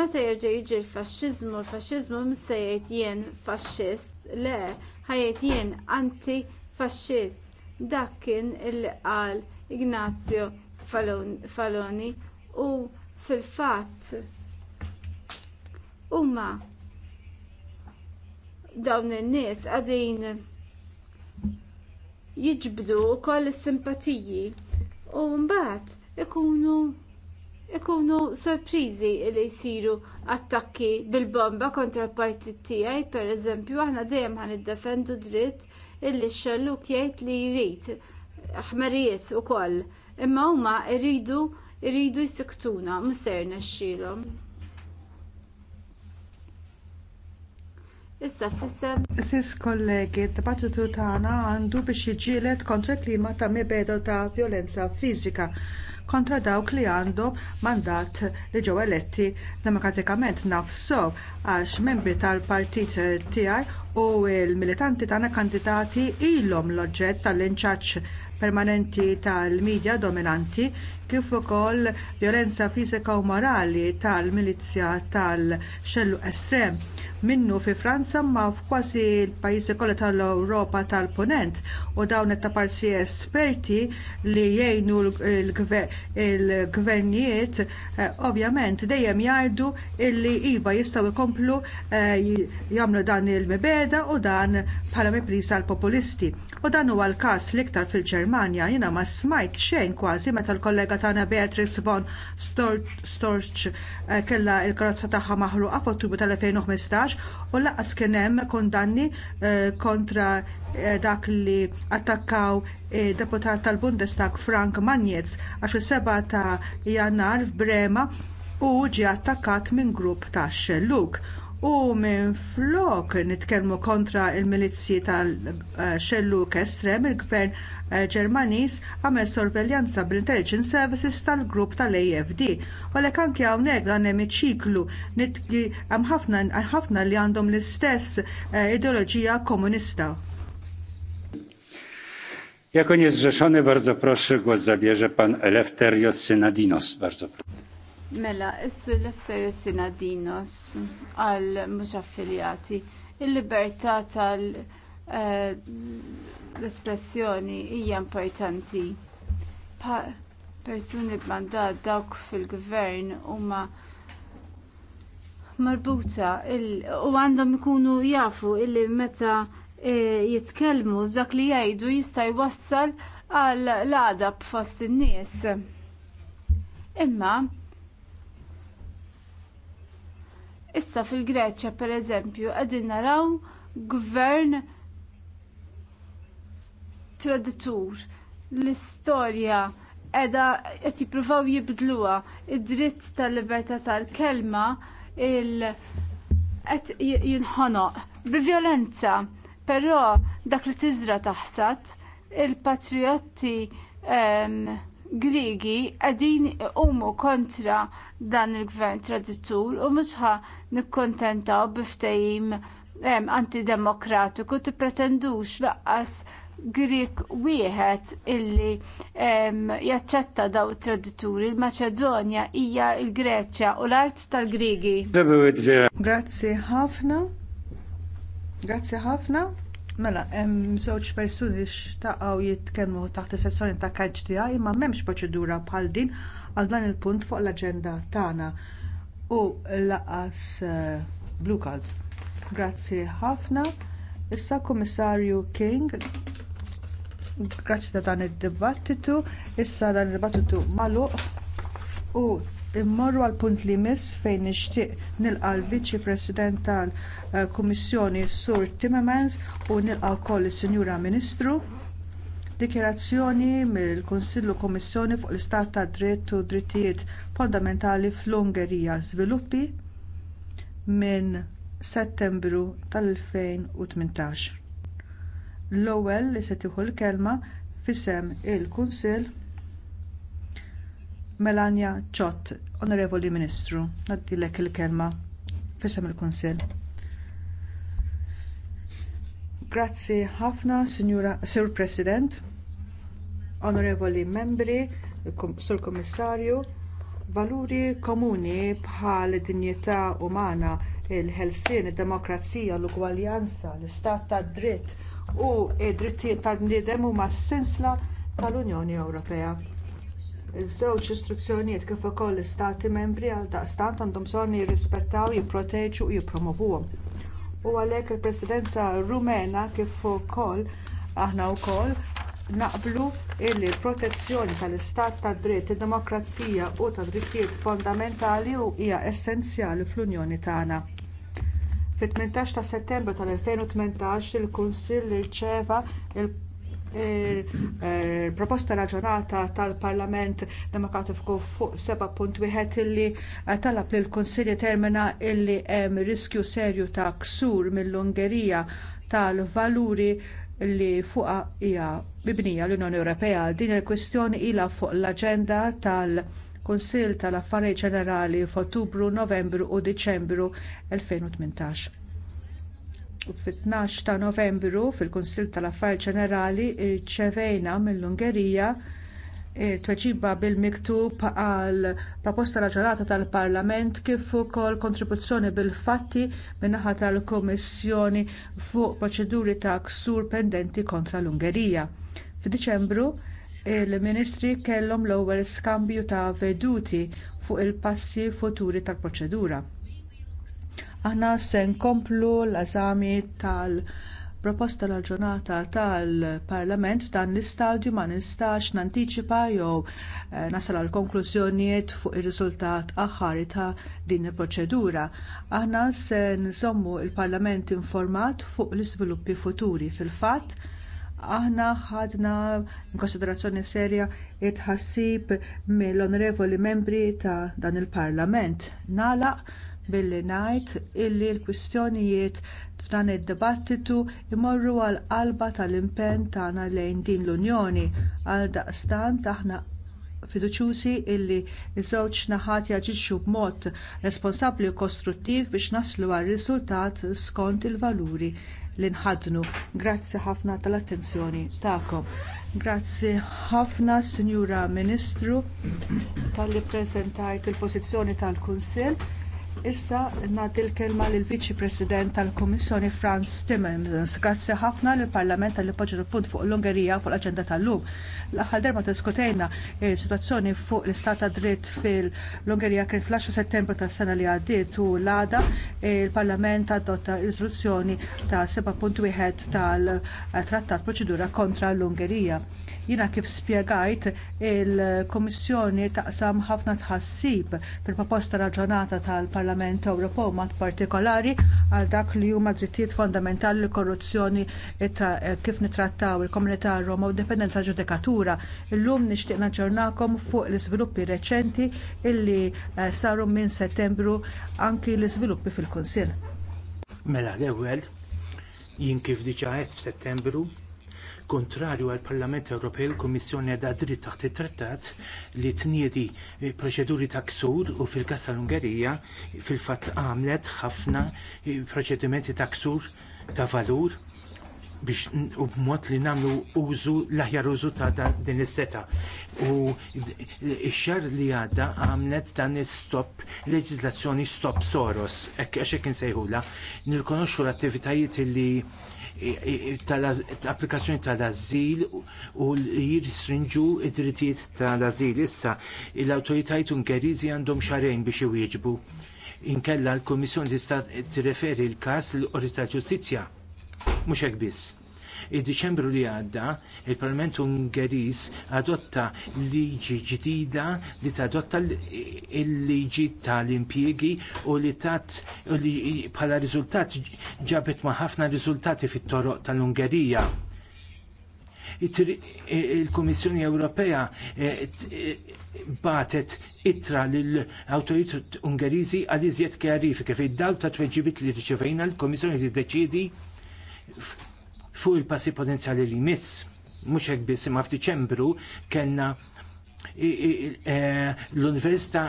Meta jerġa' jiġi l-faxxiżmu, l-faxxiżmu mista jgħid jien faxxist, le ħajjed jien antifaxxist. Dak kien illi qal Ignazio Faloni u fil-fatt huma dawn in-nies qegħdin jiġbdu wkoll is-simpatiji u mbagħad ikunu ikunu sorpriżi li jsiru attakki bil-bomba kontra l-partit tiegħi pereżempju aħna dejjem ħan iddefendu dritt illi x-xalluk jgħid li jrid ħmerijiet ukoll imma huma jridu jridu jsiktuna mhux se jirnexxielhom. Issa fissem. Sis kollegi, d-dibattitu tagħna għandu biex jiġġieled kontra klima ta' mibedu ta' vjolenza fiżika kontra dawk li għandhom mandat li ġew eletti demokratikament nafsow għax membri tal-partit tiegħi u l-militanti tagħna kandidati ilhom l-oġġett tal-inċaċċ permanenti tal-medja dominanti kif ukoll vjolenza fiżika u morali tal-milizzja tal-xellu estrem minnu fi Franza ma f'kważi l-pajjiżi kollha tal-Ewropa tal-Punent u dawn qed taparsi esperti li jgħinu l-gvernijiet eh, ovvjament dejjem jgħidu li iva jistgħu jkomplu eh, jagħmlu dan il-mibeda u dan bħala miprisa l populisti U dan huwa l-każ l-iktar fil-Ġermanja jiena ma smajt xejn kważi meta l-kollega kollega tagħna Beatrix von Storch eh, kellha l karozza tagħha maħruqa f'Ottubru tal-2015 u laqas kien hemm kondanni eh, kontra eh, dak li attakkaw deputat tal-Bundestag Frank Magnetz għax is 7 ta' Jannar f'Brema u ġie attakkat minn grupp ta' xelluk U minn flok nitkellmu kontra l milizji tal-xelluk estrem, il-gvern eh, Ġermaniż għamel sorveljanza bl-intelligence services tal-grupp tal-AFD. U lek anke hawnhekk dan hemm iċiklu hemm ħafna li għandhom l-istess eh, ideoloġija komunista. Jako niezrzeszony bardzo proszę głos zabierze pan Synadinos. Bardzo proszę. Mela, issu l-ifteris sina dinos għal mhux affiljati. Il-libertà tal-espressjoni eh, hija importanti. Pa persuni b'mandat dawk fil-gvern huma marbuta u għandhom ikunu jafu illi meta e, jitkellmu dak li jgħidu jista' jwassal għal l-għada b'fost in-nies. Imma Issa fil-Greċja pereżempju qegħdin naraw gvern traditur l-istorja qiegħda qed jippruvaw jibdluha id-dritt tal-libertà tal-kelma il qed jinħonoq bi-vjolenza, però dak li tiżra taħsat il-patriotti ehm, Grigi qegħdin umu kontra dan il-gvern traditur u mhux ħa nikkontentaw biftejim antidemokratiku tippretendux laqqas Grieg wieħed illi jaċċetta daw tradituri il-Maċedonja hija l-Greċja u l-art tal-Grigi. Grazzi ħafna. Grazzi ħafna. Mela, hemm żewġ persuni xtaqgħu jitkellmu taħt is-sessjoni ta' catch DI ma m'hemmx proċedura bħal din għal dan il-punt fuq l-aġenda tagħna u laqas eh, blue cards. Grazzi ħafna. Issa Kummissarju King, grazzi ta' dan id-dibattitu, issa dan id-dibattitu magħluq u Immorru għal punt li miss fejn nixtieq nilqa' l-Viċi President tal-Kummissjoni Sur Timmermans u nilqa' wkoll is-Sinjura Ministru. Dikjerazzjoni mill-Kunsillu Kummissjoni fuq l-Istat tad Dritt u Drittijiet Fondamentali fl-Ungerija Żviluppi minn Settembru tal-2018. L-ewwel li se tieħu l-kelma fisem il-Kunsill Melania Ċott Onorevoli Ministru, naddilek il-kelma fisem il-Konsil. Grazzi ħafna, Signora Sir President, Onorevoli Membri, Sur Kommissarju, valuri komuni bħal dinjità umana, il-ħelsien, id-demokrazija, l-ugwaljanza, l-istat tad dritt u d drittijiet tal-bniedem huma s sensla tal-Unjoni Ewropea iż-żewġ istruzzjonijiet kif ukoll l-istati membri għaldaqstant għandhom bżonn jirrispettaw jipproteġu u jippromovuhom u għalhekk il-presidenza rumena kif ukoll aħna wkoll naqblu li l-protezzjoni tal-istat tad dritt id-demokrazija u tad-drittijiet fondamentali hija essenzjali fl-Unjoni tagħna. Fit-18 ta' Settembru tal-2018 il-Kunsill irċeva il-proposta raġunata tal-Parlament Demokratiku fuq 7.1 illi talab li l kunsilli termina illi hemm riskju serju ta' ksur mill-Ungerija tal-valuri li fuqha hija mibnija l-Unjoni Ewropea. Din il-kwistjoni ilha fuq l-aġenda tal- kunsill tal-Affarijiet Ġenerali f'Ottubru, Novembru u Diċembru 2018. Fit-12 ta' Novembru fil-Kunsill tal-Affarijiet Ġenerali rċevejna mill-Ungerija eh, tweġiba bil-miktub għal proposta raġunata tal-Parlament kif ukoll kontribuzzjoni bil-fatti min-naħa tal-Kummissjoni fuq proċeduri ta' ksur pendenti kontra l-Ungerija. F'Diċembru il-Ministri kellhom l-ewwel skambju ta' veduti fuq il-passi futuri tal-proċedura. Aħna se nkomplu l-eżami tal-proposta l-ġurnata tal-Parlament f'dan l-istadju ma nistax nantiċipa jew eh, nasal għal konklużjonijiet fuq ir-riżultat aħħari ta' din il-proċedura. Aħna se nżommu l parlament informat fuq l-iżviluppi futuri fil-fatt aħna ħadna konsiderazzjoni serja it-ħassib mill-onorevoli membri ta' dan il-Parlament. Nagħlaq billi ngħid illi l-kwistjonijiet f'dan id-dibattitu jmorru għall qalba tal-impenn tagħna lejn din l-Unjoni għaldaqstant aħna fiduċjużi illi ż-żewġ naħat jaġixxu b'mod responsabbli u kostruttiv biex naslu għal riżultat skont il-valuri li nħadnu. Grazzi ħafna tal-attenzjoni tagħkom. Grazzi ħafna, Sinjura Ministru, talli ppreżentajt il-pożizzjoni tal-Kunsill. Issa nagħti l-kelma lill viċi President tal-Kummissjoni Franz Timmermans. Grazzi ħafna lill parlament tal poġġa punt fuq l-Ungerija fuq l-aġenda tal-lum. L-aħħar darba diskutejna sitwazzjoni fuq l-istat ta' dritt fil-Ungerija kien fl-10 settembru tas-sena li għaddiet u l-għada il-Parlament adotta riżoluzzjoni ta' 7.1 tal-Trattat Proċedura kontra l-Ungerija. Jiena kif spjegajt il-Komissjoni taqsam ħafna tħassib fil-proposta raġonata tal-Parlament Ewropew mat partikolari għal dak li huma drittijiet fondamentali korruzzjoni kif nitrattaw il-komunità Roma u dipendenza ġudikatura. Illum nixtieq naġġornakom fuq l-iżviluppi reċenti illi eh, saru minn settembru anki l-iżviluppi fil-Kunsill. Mela l-ewwel jien kif diġà f'Settembru Kontrarju għall Parlament Ewropej, il-Kummissjoni għadha dritt taħt it-trattat li tniedi proċeduri ta' ksur u fil-kas tal-Ungerija fil-fatt għamlet ħafna proċedimenti ta' ksur ta' valur biex u b'mod li nagħmlu użu l-aħjar użu ta' din is-seta. U x-xar li għadda għamlet dan is-stop leġiżlazzjoni stop Soros, hekk għax hekk insejħula. Nirkonoxxu l-attivitajiet li tal-applikazzjoni tal-azil u jirstrinġu id-drittijiet tal-azil. Issa, l awtoritajiet Ungeriżi għandhom xarejn biex iwieġbu. Inkella l-Komissjoni tista' tirreferi l-każ l-Qorti tal-Ġustizzja. Mhux hekk biss Id-Diċembru li għadda, il-Parlament Ungeriż adotta liġi ġdida li tadotta il-liġi tal-impjiegi u li tat bħala riżultat ġabet ma' ħafna riżultati fit-toroq tal-Ungerija il-Komissjoni Ewropea eh, batet ittra lill-awtorijiet Ungeriżi għal iżjed kjarifika fid dawl ta' tweġibit li riċevejna l-Komissjoni tiddeċiedi fuq il-passi potenzjali li jmiss. Mhux hekk biss imma f'Diċembru kellna eh, l-Università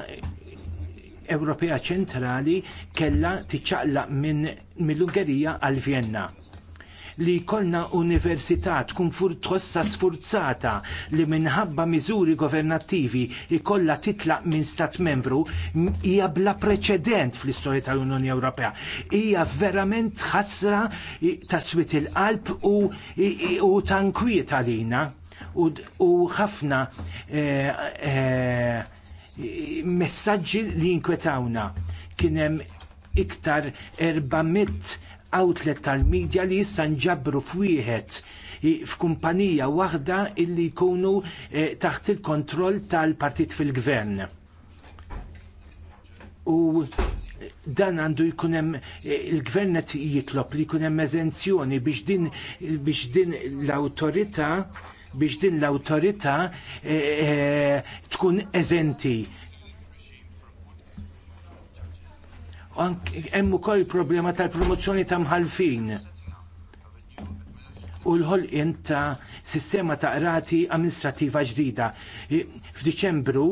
Ewropea Ċentrali kellha tiċċaqlaq minn mill-Ungerija għal Vjenna li jkollna università tkun tħossa sfurzata li minħabba miżuri governattivi jkollha titlaq minn stat membru hija bla preċedent fl-istorja tal-Unjoni Ewropea. Hija verament ħasra ta' swit il-qalb u, u tankwiet għalina u ħafna eh, eh, messaġġi li jinkwetawna kien hemm iktar 400 outlet tal-medja li issa nġabru f'wieħed f'kumpanija waħda illi jkunu eh, taħt il-kontroll tal-partit fil-gvern. U dan għandu jkun hemm eh, il-gvern qed jitlob li jkun hemm eżenzjoni biex din biex din l-awtorità biex din l-awtorità eh, tkun eżenti Hemm ukoll problema tal-promozzjoni ta' mħalfin u l-ħolqien ta' sistema ta' rati amministrativa ġdida. F'Diċembru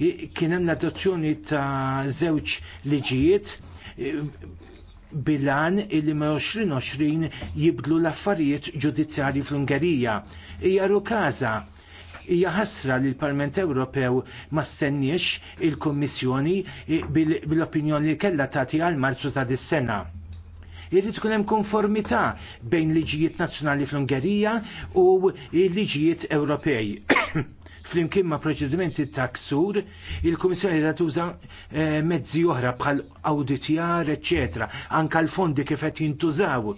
kien hemm l-adozzjoni ta' żewġ liġijiet bilan illi ma' 2020 jibdlu l-affarijiet ġudizzjarji fl-Ungerija. Hija rukaza hija ħasra li l-Parlament Ewropew ma stenniex il-Kummissjoni bil-opinjoni li kellha tagħti għal Marzu ta' dis-sena irrid tkun hemm konformità bejn liġijiet nazzjonali fl-Ungerija u liġijiet Ewropej. Flimkien ma' proċedimenti ta' ksur, il-Kummissjoni qed tuża eh, mezzi oħra bħal awditjar, eċċetera, anke l-fondi kif qed jintużaw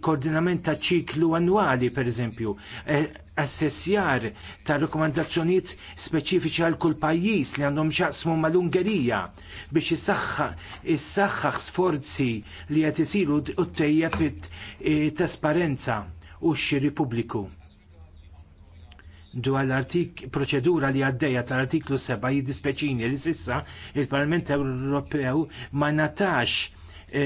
koordinament ta' ċiklu annwali pereżempju, e, assessjar ta' rakkomandazzjonijiet speċifiċi għal kull pajjiż li għandhom xaqsmu mal-Ungerija biex issaħħaħ sforzi li qed isiru u tejjeb it-trasparenza u x-xiri pubbliku dwar l-artik proċedura li għaddejja tal-artiklu 7 jiddispeċini li sissa il-Parlament Ewropew ma natax E,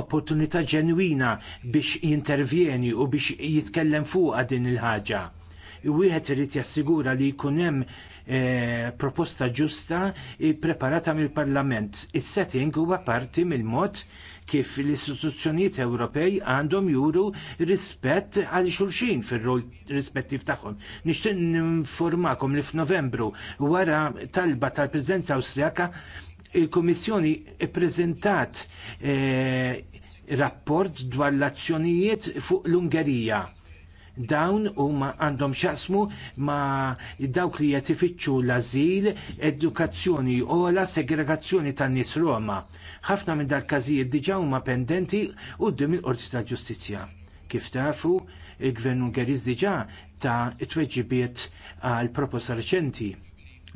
opportunità ġenwina biex jintervjeni u biex jitkellem fuqha din il-ħaġa. Wieħed irid jassigura li jkun hemm e, proposta ġusta ppreparata mill-Parlament. Is-setting huwa parti mill-mod kif l-istituzzjonijiet Ewropej għandhom juru rispett għal xulxin fir-rol rispettiv tagħhom. Nixtieq ninformakom li f'Novembru wara talba tal-Presidenza Awstrijaka il-Komissjoni ippreżentat eh, rapport dwar l-azzjonijiet fuq l-Ungerija dawn huma għandhom x'asmu ma dawk li qed ifittxu l-azil, edukazzjoni la segregazzjoni tan nies Roma. Ħafna minn dal-każijiet diġà huma pendenti quddiem il-Qorti tal-Ġustizzja. Kif tafu, il-Gvern Ungeriż diġà ta' it-weġibiet għal proposta reċenti.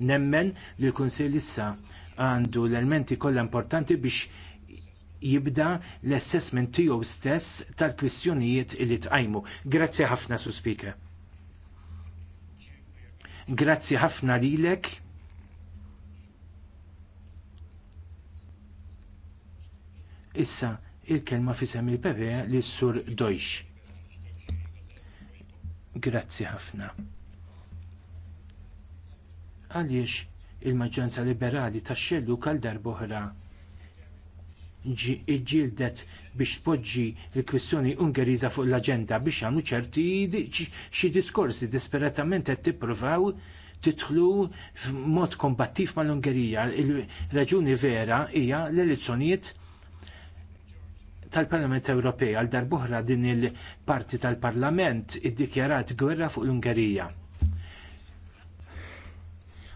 Nemmen li l-Kunsill issa għandu l-elementi kollha importanti biex jibda l-assessment tiegħu stess tal-kwistjonijiet li tqajmu. Grazzi ħafna su speaker. Grazzi ħafna lilek. Issa il-kelma fisem il-Pepe li sur Deutsch. Grazzi ħafna. Għaliex il-maġġoranza liberali tax-xellu kal oħra iġġieldet biex tpoġġi l-kwistjoni Ungeriża fuq l-aġenda biex għamlu ċerti xi diskorsi disperatament qed tippruvaw tidħlu f'mod kombattiv mal-Ungerija. Il-raġuni vera hija l-elezzjonijiet tal-Parlament Ewropej għal darbohra din il-parti tal-Parlament iddikjarat gwerra fuq l-Ungerija.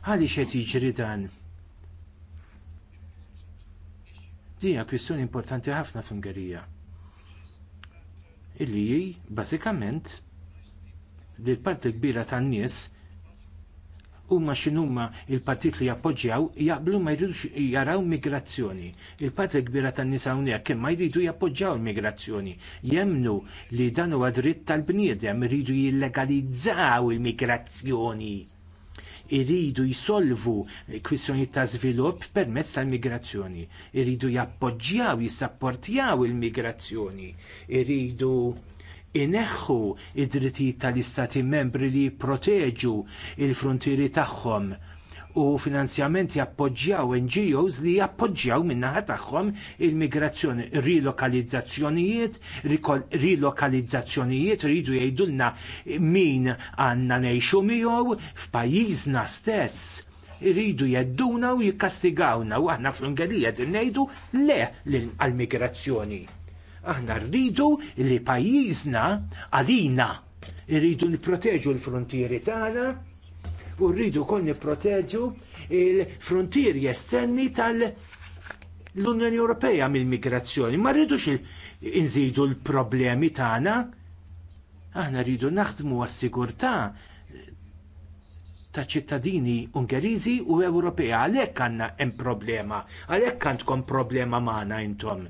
Għaliex qed jiġri dan? Dija kwistjoni importanti ħafna f'Ungerija. Illi hi bażikament li l-parti kbira tan-nies huma x'inhuma l partit li jappoġġjaw jaqblu ma jridux jaraw migrazzjoni. Il-parti kbira tan-nies hawnhekk kemm ma jridu jappoġġjaw l migrazzjoni Jemnu li dan huwa dritt tal-bniedem iridu jillegalizzaw il-migrazzjoni iridu jsolvu kwistjonijiet ta' żvilupp permezz tal-migrazzjoni, iridu jappoġġjaw, jissapportjaw il-migrazzjoni, iridu ineħħu id-drittijiet tal-istati membri li jipproteġu l frontieri tagħhom u finanzjament jappoġġjaw NGOs li jappoġġjaw min-naħa tagħhom il-migrazzjoni, rilokalizzazzjonijiet, rilokalizzazzjonijiet rridu jgħidulna min għandna ngħixu miegħu f'pajjiżna stess iridu jedduna u jikkastigawna u aħna fl-Ungerija din ngħidu le għall-migrazzjoni. Aħna rridu li pajjiżna għalina irridu nipproteġu l-frontieri tagħna u rridu kol nipproteġu il-frontieri esterni tal-Unjoni Ewropea mill-migrazzjoni. Ma rridux inżidu l-problemi tagħna. Aħna rridu naħdmu għas-sigurtà ta' ċittadini Ungeriżi u Ewropea, għalhekk għandna hemm problema, għalhekk għandkom problema magħna intom.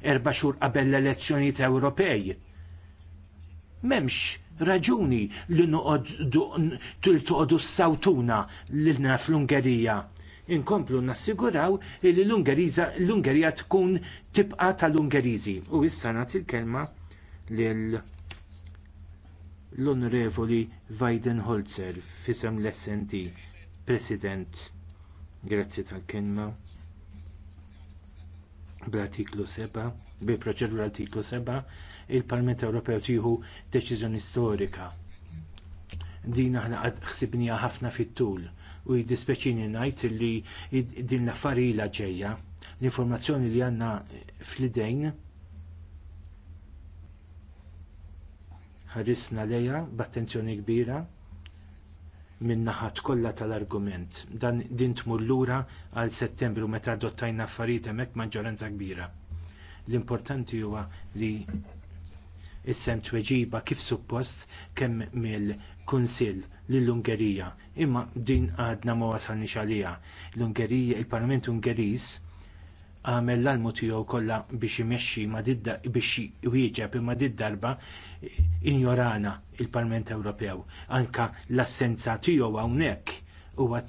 Erba' xhur qabel l-elezzjonijiet Ewropej. M'hemmx raġuni li noqogħdu s-sawtuna lil fl-Ungerija. Inkomplu nassiguraw li l-Ungerija tkun tibqa tal-Ungeriżi. U issa nagħti l-kelma lil l-Onorevoli Weidenholzer fisem l-SND, President. Grazzi tal-kelma bl-artiklu 7, bil-proċedura artiklu 7, il-Parlament Ewropew tieħu deċiżjoni storika. Din aħna qed ħsibniha ħafna fit-tul u jiddispeċini ngħid li din l-affarila ġejja. L-informazzjoni li għandna fl-idejn ħarisna lejha b'attenzjoni kbira minn naħat kollha tal-argument. Dan din tmur lura għal settembru meta adottajna affarijiet hemmhekk maġġoranza kbira. L-importanti huwa li is-sem tweġiba kif suppost kemm mill-Kunsill lill-Ungerija imma din għadna ma wasalniex għaliha. L-Ungerija, il-Parlament Ungeriż għamel l-almu tiegħu kollha biex imexxi ma didda biex wieġeb imma darba injorana l parlament Ewropew. Anke l-assenza tiegħu hawnhekk huwa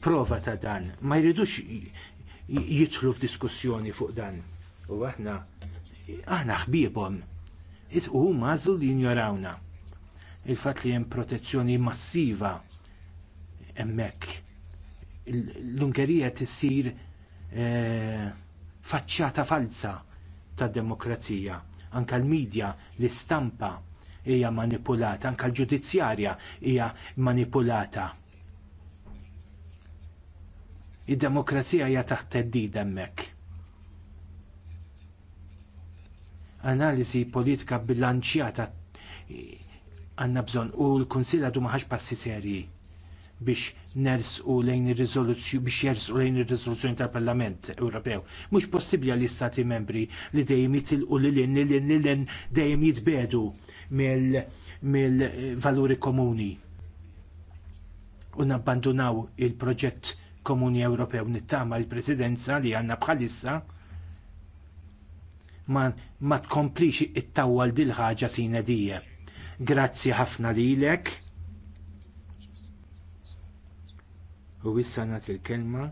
prova ta' dan. Ma jridux jidħlu f'diskussjoni fuq dan. U aħna aħna ħbiebhom u mażl li jinjorawna. Il-fatt li hemm protezzjoni massiva hemmhekk. L-Ungerija tissir eh, faċċata falsa tad demokrazija. Anke l-medja, l-istampa hija manipulata, anke l-ġudizzjarja hija manipulata. Id-demokrazija hija taħt teddid hemmhekk. analiżi politika bilanċjata għandna bżonn u l-Kunsill għadu ma passi serji biex u lejn ir-riżoluzzjoni biex u lejn ir-riżoluzzjoni tal-Parlament Ewropew. Mhux possibbli għall istati membri li dejjem jitilqu lil lin l lin dejjem jitbedu mill-valuri komuni. U nabbandunaw il-proġett komuni Ewropew nittama l-presidenza li għandna bħalissa ma tkomplix it-tawwal dil-ħaġa dija. Grazzi ħafna lilek. U issa nagħti il-kelma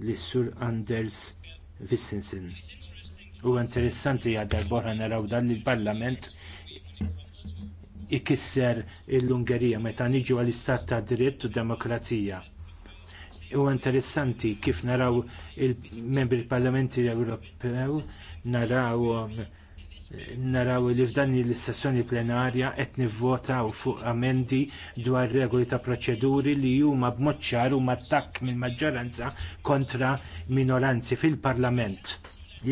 lis-Sur Anders Vissensen. Huwa interessanti għaddar borra naraw dan li l-Parlament ikisser l-Ungerija meta niġu għall-istat ta' dritt u demokrazija. Huwa interessanti kif naraw il-membri parlamenti Ewropew naraw naraw li f'dan il sessjoni plenarja qed nivvotaw fuq amendi dwar regoli ta' proċeduri li huma b'mod ċar huma attakk mill-maġġoranza kontra minoranzi fil-Parlament.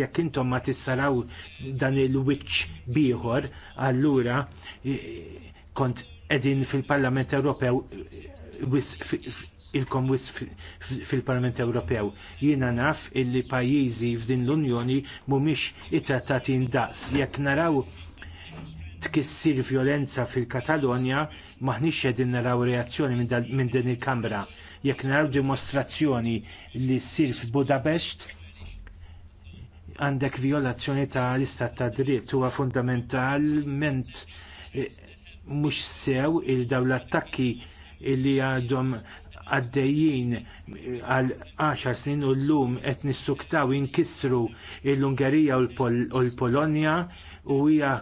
Jekk intom ma tistaraw dan il-wiċċ bieħor, allura eh, kont qegħdin fil-Parlament Ewropew eh, il-komwis fil-Parlament Ewropew. Jiena naf illi pajjiżi f'din l-Unjoni mhumiex trattati ndaqs. Jekk naraw tkissir vjolenza fil-Katalonja maħniex qegħdin naraw reazzjoni minn din il-Kamra. Jekk naraw dimostrazzjoni li ssir f'Budapest għandek violazzjoni tal istat ta' dritt huwa fundamentalment eh, mhux sew il dawn l-attakki li għadhom għaddejjin għal 10 snin u llum qed nissuktaw inkissru l-Ungerija u l-Polonja u hija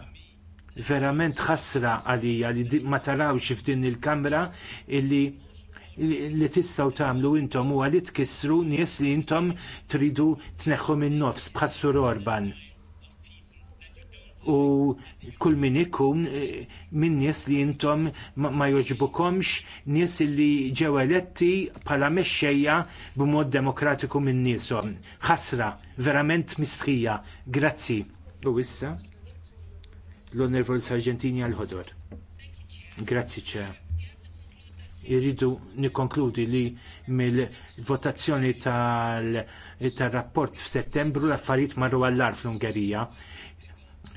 verament ħasra għalija li ma tarawx f'din il-kamra illi li tistgħu tagħmlu intom huwa li tkissru nies li intom tridu tneħħu min-nofs bħassur Orban u kull min ikun e, minn nies li intom ma joġbukomx nies li ġew eletti bħala mexxejja b'mod demokratiku minn nieshom. Ħasra, verament mistrija. Grazzi. U issa l-Onorevol Sargentini għal-ħodor. Grazzi ċe. Irridu nikkonkludi li mill-votazzjoni tal-rapport f'Settembru l-affarijiet marru għall-ar fl-Ungerija. fl ungerija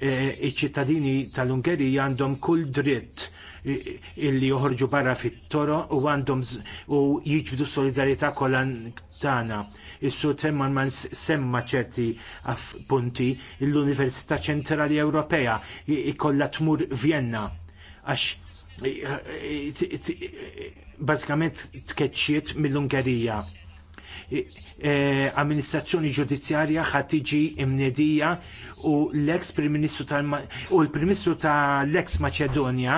iċ-ċittadini tal-Ungerija għandhom kull dritt illi joħorġu barra fit-toro u għandhom u jiġbdu solidarjetà kollha tagħna. Is-Sur ma semma ċerti punti l-Università Ċentrali Ewropea ikolla tmur Vienna għax bażikament tkeċċiet mill-Ungerija E, amministrazzjoni ġudizzjarja ħad tiġi imnedija u l ex Ministru tal u l-Prim Ministru tal ex Maċedonja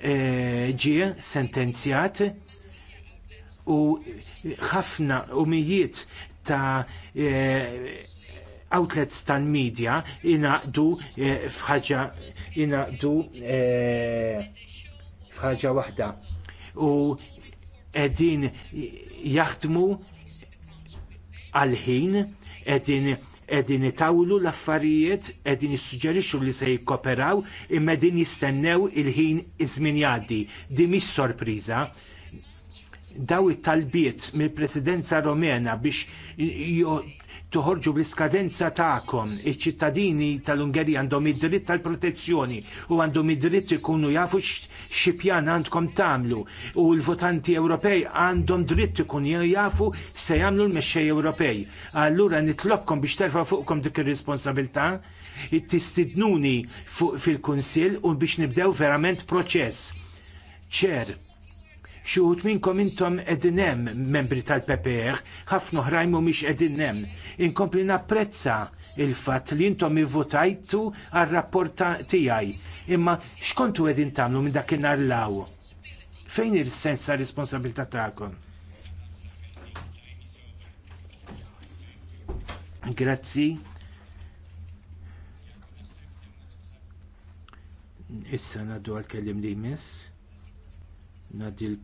e, ġie sentenzjat u ħafna u mijiet ta' e, outlets tal-medja inaqdu fħaġa inaqdu fħagġa waħda u qegħdin jaħdmu għal-ħin qegħdin edin tawlu l-affarijiet, edin jissuġġerixxu li se jikkoperaw, imma din jistennew il-ħin iż-żmien jgħaddi. Di mhix sorpriża. Daw it-talbiet mill-Presidenza Romena biex toħorġu bl-iskadenza tagħkom. Iċ-ċittadini tal-Ungerija għandhom id-dritt tal-protezzjoni u għandhom id-dritt ikunu jafu x-xipjan għandkom tagħmlu u l-votanti Ewropej għandhom dritt ikun jafu se jagħmlu l-mexxej Ewropej. Allura nitlobkom biex terfa' fuqkom dik ir-responsabilità tistidnuni fil-Kunsill u biex nibdew verament proċess. ċer, xi wħud minnkom intom qegħdin hemm membri tal-PPR, ħafna oħrajn mhumiex qegħdin hemm. Inkompli napprezza il-fatt li intom ivvotajtu għar-rapport tiegħi. Imma x'kontu qegħdin tagħmlu minn dakinhar law? Fejn il sens ta' responsabilità tagħkom? Grazzi. Issa naddu għal-kellim li jmiss. Naddi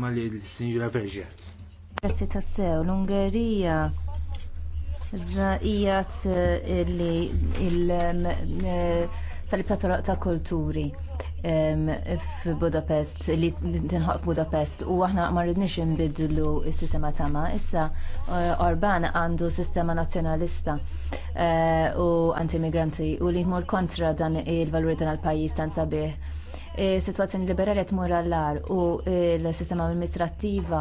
ma li l-Sinjura Verġet. Grazzi tassew, l-Ungerija ġaqijat eh, li il-salib eh, ta' kulturi f'Budapest li f f'Budapest u aħna ma rridniex inbidlu s-sistema tama. Issa eh, Orban għandu sistema nazzjonalista u anti-immigranti u li jmur kontra dan il-valuri dan għal pajjiż tan sabiħ situazzjoni liberali qed tmur għall-għar u l-sistema amministrattiva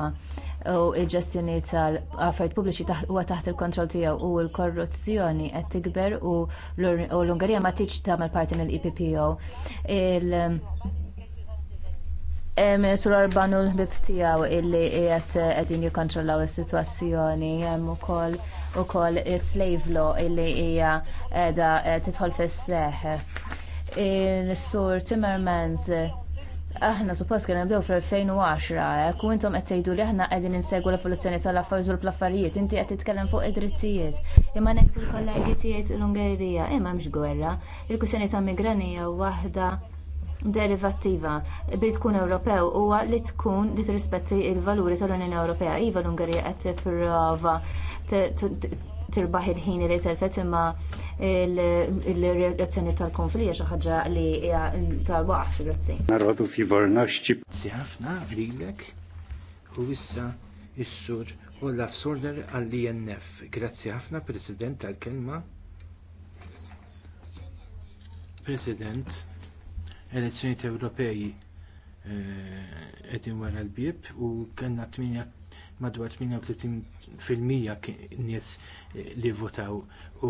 u l-ġestjoni tal-affarijiet pubbliċi huwa taħt il-kontroll tiegħu u l-korruzzjoni qed tikber u l-Ungerija ma tiġ tagħmel parti mill-EPPO. Sur Orban u l-ħbib tiegħu illi qiegħed qegħdin jikkontrollaw is-sitwazzjoni hemm ukoll ukoll slave law illi hija qiegħda eh, tidħol fis-seħħ il-sur eh, Timmermans aħna suppost kien nibdew fl-2010, hekk u intom qed tgħidu li aħna qegħdin insegwu l-evoluzzjoni tal-affarijiet u l-plaffarijiet, inti qed titkellem fuq id-drittijiet. Imma ngħid il-kollegi tiegħi l-Ungerija, imma mhux gwerra, il-kwistjoni ta' migranija waħda derivattiva bi tkun Ewropew huwa li tkun li tirrispetti l valuri tal-Unjoni Ewropea. Iva l-Ungerija qed tipprova tirbaħ il-ħin li telfet imma il-reazzjoni tal-konflija xi ħaġa li hija tal-waqf grazzi. Narħodu fi varnaxċi. Si ħafna lilek u issa s sur Olaf Sorder għall-INF. Grazzi ħafna President tal-kelma. President, elezzjonijiet Ewropej eh, qegħdin wara l-bieb u kellna madwar 38% nies li votaw u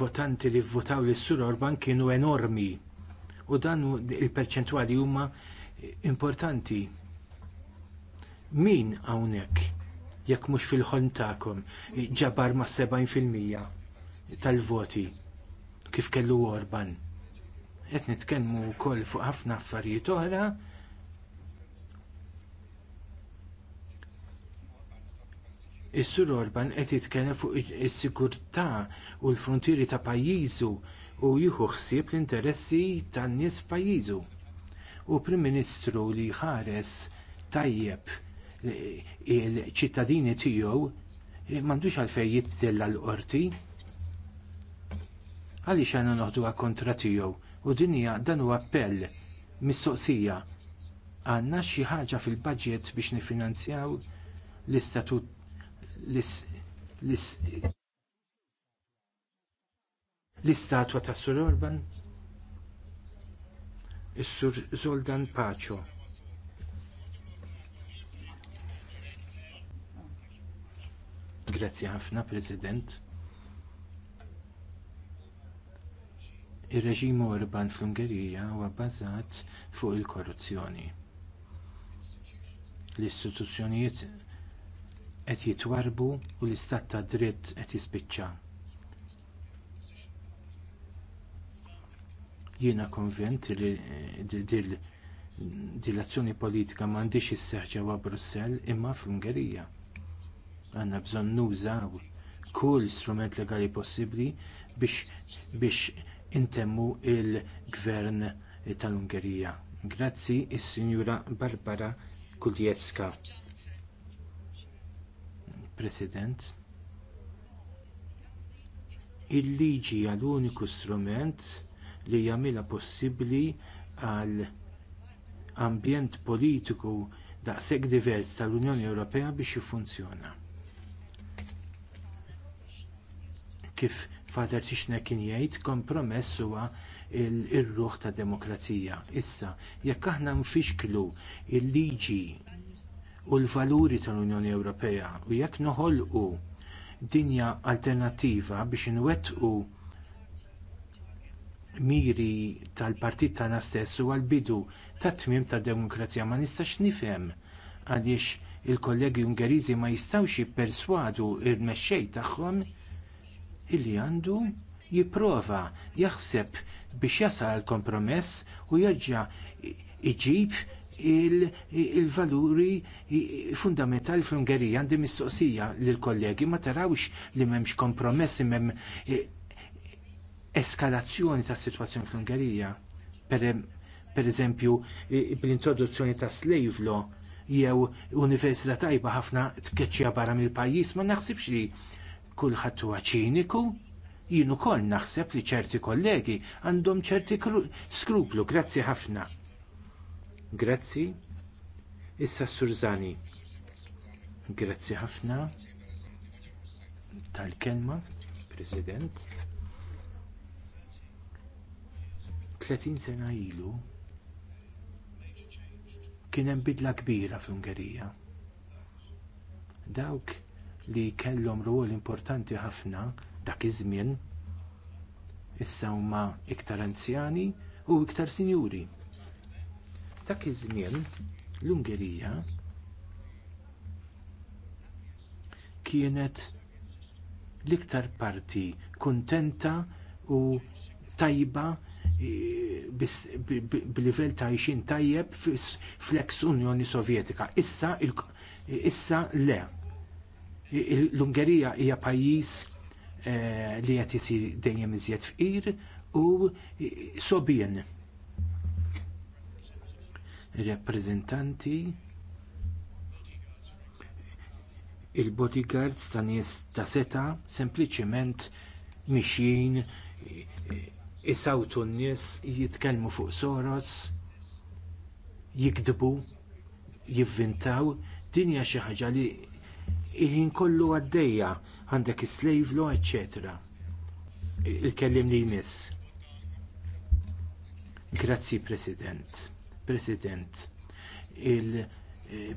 votanti li votaw lis sur Orban kienu enormi u dan il-perċentwali huma importanti. Min hawnhekk jekk mhux fil ħon ta'kom ġabar ma' 70% tal-voti kif kellu Orban. Qed nitkellmu wkoll fuq ħafna affarijiet oħra Is-Sur Orban qed jitkellem fuq is-sigurtà u l-frontieri ta' pajjiżu u jieħu ħsieb l-interessi tan-nies f'pajjiżu. U Prim Ministru li ħares tajjeb il-ċittadini tiegħu eh, m'għandux għalfejn jitdilla l-qorti. Għaliex għandna noħduha kontra tiegħu u din hija dan huwa appell mistoqsija għandna xi ħaġa fil-budget biex nifinanzjaw l-istatut l-istatwa ta' Sur Orban is-Sur Zoldan Paċo. Grazzi ħafna, President. Ir-reġim Orban fl-Ungerija huwa bbażat fuq il-korruzzjoni. L-istituzzjonijiet qed jitwarbu u l-istat ta' dritt qed jispiċċa. Jiena konvent li dil-azzjoni politika m'għandix isseħħ ġewwa Brussell imma fl-Ungerija. Għandna bżonn nużaw kull strument legali possibbli biex intemmu l gvern tal-Ungerija. Grazzi is-Sinjura Barbara Kuljetska president il-liġi hija l-uniku strument li jagħmilha possibbli għal ambjent politiku daqshekk divers tal-unjoni ewropea biex jiffunzjona kif father tixna kien jgħid kompromess huwa r ruħ tad-demokrazija issa jekk aħna nfixklu l liġi u l-valuri tal-Unjoni Ewropea u jekk noħolqu dinja alternattiva biex inwettqu miri tal-partit tagħna stess u għall-bidu ta' tmiem tad-demokrazija ma nistax nifhem għaliex il-kollegi Ungeriżi ma jistgħux jipperswadu l mexxej tagħhom illi għandu jipprova jaħseb biex jasal kompromess u jerġa' iġib il-valuri il fundamentali fl-Ungerija għandi mistoqsija lill kollegi ma tarawx li m'hemmx kompromessi m'hemm e, eskalazzjoni ta' situazzjoni fl-Ungerija. Pereżempju e, bl-introduzzjoni ta' slave law jew università tajba ħafna tkeċċja barra mill-pajjiż ma naħsibx li kulħadd huwa ċiniku jien ukoll naħseb li ċerti kollegi għandhom ċerti skruplu, grazzi ħafna. Grazzi. Issa Surzani. Grazzi ħafna tal-kelma, President. 30 sena ilu kien hemm bidla kbira fl-Ungerija. Dawk li kellhom rwol importanti ħafna dak iż-żmien issa huma iktar anzjani u iktar sinjuri. Dak iż-żmien l-Ungerija kienet l-iktar parti kuntenta u tajba e, b'livell ta' għajxin tajjeb fl-eks Unjoni Sovjetika. Issa, issa le. L-Ungerija hija pajjiż e, li qed isir dejjem iżjed fqir u e, sobien rappreżentanti il-bodyguards ta' nies ta' seta sempliċiment mixjin isawtu n-nies jitkellmu fuq Soros jikdbu jivvintaw din hija xi ħaġa li ħin kollu għaddejja għandek is-slave law, etc. Il-kellim li jmiss. Grazzi, President. President, il-Prim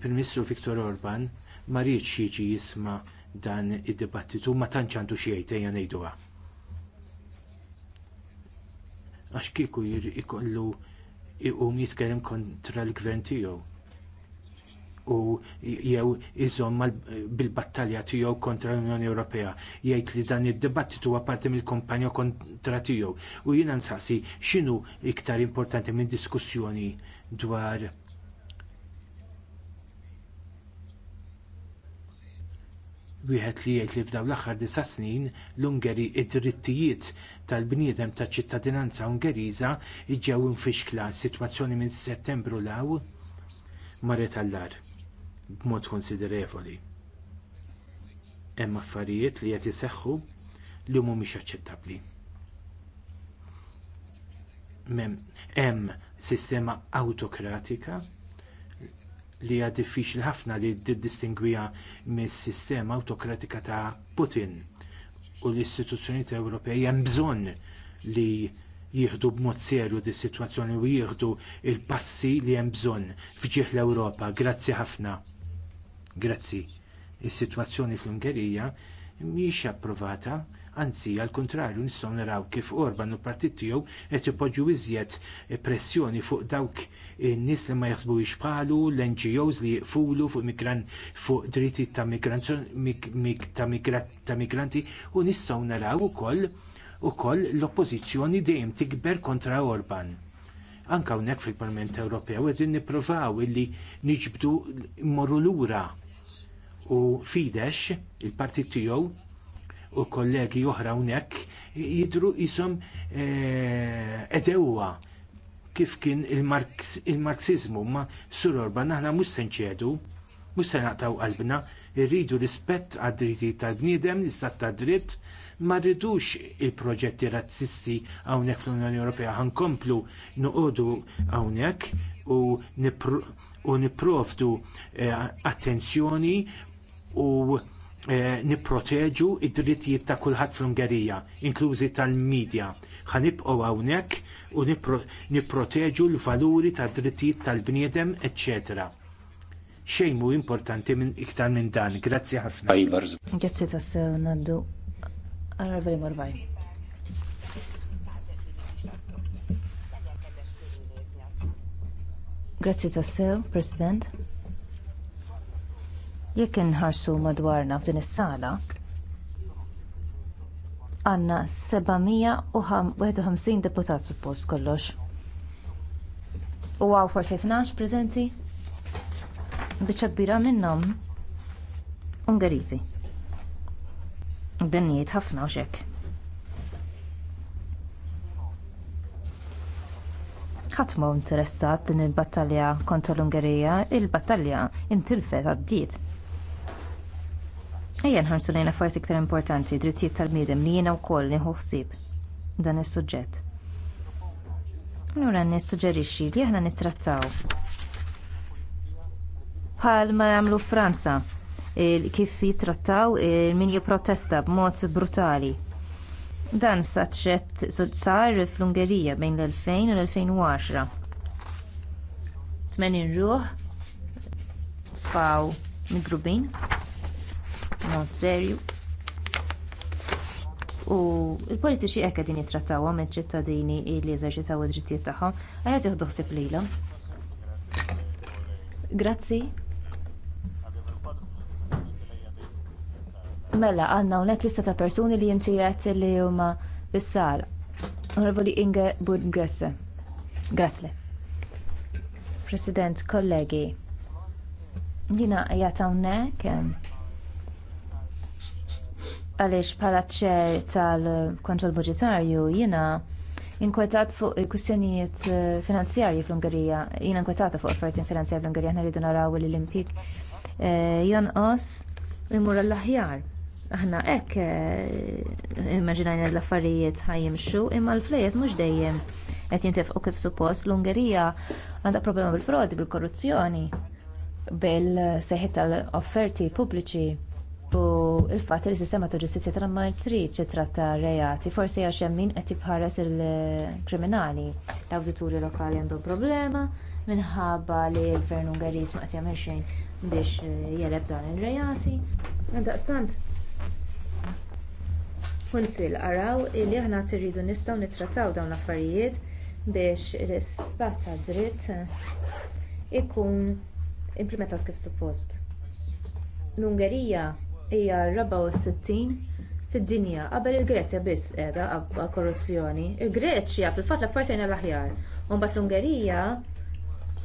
eh, Ministru Viktor Orban ma rridx jiġi jisma' dan id-dibattitu ma tantx għandu xi jgħid ejja ngħiduha. Għax kieku jkollu jqum jitkellem kontra l-gvern tiegħu u jew iżomm bil-battalja tiegħu kontra l-Unjoni Ewropea jgħid li dan id-dibattitu huwa parti mill-kumpanja kontra tiegħu u jiena nsaqsi x'inhu iktar importanti minn diskussjoni dwar wieħed li jgħid li f'dawn l-aħħar disa' snin l-Ungeri id-drittijiet tal-bniedem taċ-ċittadinanza Ungeriża ġew infixkla s-sitwazzjoni minn Settembru law tal-lar b'mod konsiderevoli. Hemm affarijiet li qed iseħħu li mhumiex aċċettabbli. Hemm sistema awtokratika li hija diffiċli ħafna li tiddistingwiha mis-sistema awtokratika ta' Putin u l-istituzzjonijiet Ewropej hemm bżonn li jieħdu b'mod serju di sitwazzjoni u jieħdu il passi li hemm bżonn fġieħ l-Ewropa. Grazzi ħafna. Grazzi. Is-sitwazzjoni fl-Ungerija mhijiex approvata Anzi, għal kontrarju nistgħu naraw kif Orban u partit tiegħu qed ipoġġu iżjed pressjoni fuq dawk in-nies li ma jaħsbuhiex bħalu, l-NGOs li jiqfulu fuq migran fuq dritti ta' migranti u nistgħu naraw ukoll ukoll l-oppożizzjoni dejjem tikber kontra Orban anka hawnhekk fil-Parlament Ewropew qegħdin nippruvaw illi niġbdu mmorru lura u fidex il-partit tiegħu u kollegi oħra hawnhekk jidru isom eh, edewwa kif kien il-Marxiżmu ma sur Orban aħna mhux se nċedu, mhux se naqtaw qalbna, irridu rispett għad-drittijiet tal-bniedem, l-istat ta' dritt, ma rridux il-proġetti razzisti hawnhekk fl-Unjoni Ewropea ħankomplu noqogħdu hawnhekk u niprovdu eh, attenzjoni u Eh, nipproteġu id-drittijiet ta' kulħadd fl-Ungerija, inklużi tal-medja. nibqgħu hawnhekk u nipproteġu l-valuri tad drittijiet tal-bniedem, etc. Xejn mhu importanti minn iktar minn dan. Grazzi ħafna. Grazzi tassew naddu. Għarra veri morbaj. President. Jekk inħarsu madwarna f'din is-sala, għandna 751 deputat suppost kollox. U għaw forsi 12 preżenti? Biċċa kbira minnhom Ungeriżi. Dan jgħid ħafna għax hekk. ħadd m'hu interessat din il-battalja kontra l-Ungerija, il-battalja intilfet għaddiet. Ejja nħarsu lejn affarijiet iktar importanti, drittijiet tal-bniedem li jiena wkoll nieħu ħsieb dan is-suġġett. Allura nissuġġerixxi li aħna nittrattaw bħal ma jagħmlu Franza kif jittrattaw min jipprotesta b'mod brutali. Dan saċċett sar fl-Ungerija bejn l-2000 u l-2010. 80 ruħ spaw midrubin b'mod serju u l-politiċi hekk qegħdin jittrattawhom iċ-ċittadini li jeżerċitaw id-drittijiet tagħhom għalhekk tieħdu ħsieb lilhom. Grazzi. Mela, għandna hawnhekk lista ta' persuni li inti għedt li huma fis-sala. Inge Grazie. President, kollegi, jina jgħat hawnhekk ehm, Għaliex bħala ċer tal kontrol budġetarju jiena inkwetat fuq il-kwistjonijiet eh, finanzjarji fl-Ungerija, jiena inkwetata fuq affarijiet finanzjarji fl ungarija ħna naraw l-Olimpik eh, jonqos u jmur l-aħjar. Aħna hekk eh, immaġinajna l-affarijiet ħajjimxu imma l-flejes mhux dejjem qed u kif suppost l-Ungerija għandha problema bil-frodi, bil-korruzzjoni, bil seħet tal-offerti pubbliċi u l-fatt li s-sistema ta' ġustizzja tara ma trid titratta reati forsi għax hemm min qed jibħares il-kriminali l-awdituri lokali għandhom problema minħabba li l-gvern Ungeriż ma qed jagħmel xejn biex eh, jeleb dan ir-reati. Għaldaqstant, kunsill araw li aħna rridu nistgħu nittrattaw dawn l-affarijiet biex l-istat tad dritt eh, ikun implementat kif suppost. L-Ungerija hija r-64 fid-dinja qabel il-greċja biss qiegħda għall-korruzzjoni il-greċja fil-fatt l-affarijiet sejrin għall-aħjar u mbagħad l-ungerija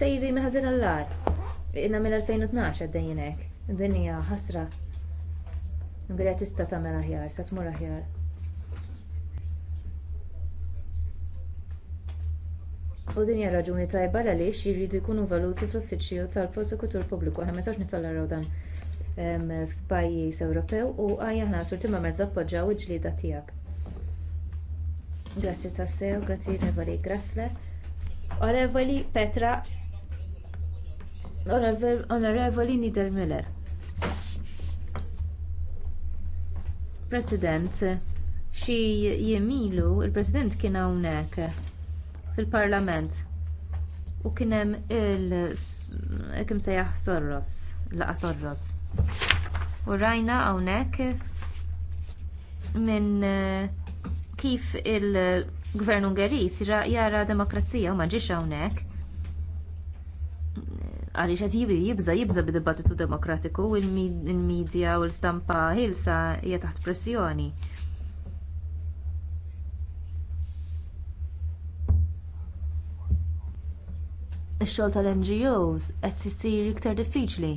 sejrin mill-ħażin għall-agħar Inna mill-2012 għaddejjin hekk. Din hija ħasra. Ungerija tista' tagħmel aħjar, se tmur aħjar. U din hija raġuni tajba għaliex jiridu jkunu valuti fl-uffiċċju tal-prosekutur pubbliku. Aħna ma nistax dan f'pajjiż Ewropew u għajja ħnasu Timmermans appoġġjaw il-ġlieda tiegħek. Grazzi tassew, grazzi Revali Grassle. Onorevoli Petra, Onorevoli Miller. President, xi jiem ilu il-President kien hawnhekk fil-Parlament u kien hemm il-kim sejjaħ Soros Laqgħa sorros. U rajna hawnhekk minn eh, kif il-gvern Ungeris jara demokrazija u ma ġiex hawnhekk għaliex qed jibża jibża bid-dibattitu demokratiku u l-midja u l-stampa ħilsa hija taħt pressjoni. Ix-xogħol tal-NGOs qed isir iktar diffiċli.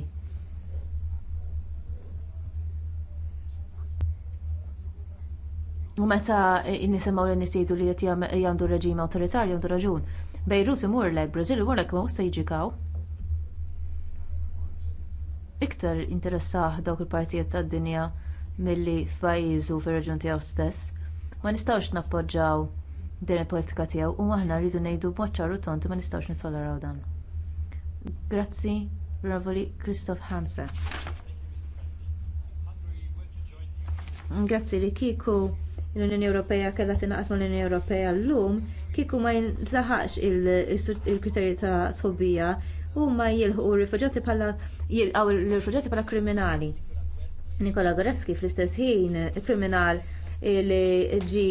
meta nisimgħu li nisejdu li qed jgħandu reġim awtoritarju għandu raġun. Bejrut imurlek, Brażil lek ma wista jiġikaw. Iktar interessah dawk il-partijiet tad-dinja milli f'pajjiżu fir raġun tiegħu stess. Ma nistgħux nappoġġjaw din il-politika tiegħu u aħna rridu ngħidu b'mod ċar u tonti ma nistgħux nittolleraw dan. Grazzi, Ravoli Christoph Hansen. Grazzi li kieku l-Unjoni Ewropea kellha tingħaqas mal-Unjoni Ewropea llum kieku ma jinsaħax il-kriterji ta' sħubija huma jilħu rifuġjati bħala l-rifuġjati bħala kriminali. Nikola Gorewski fl-istess ħin kriminal li ġi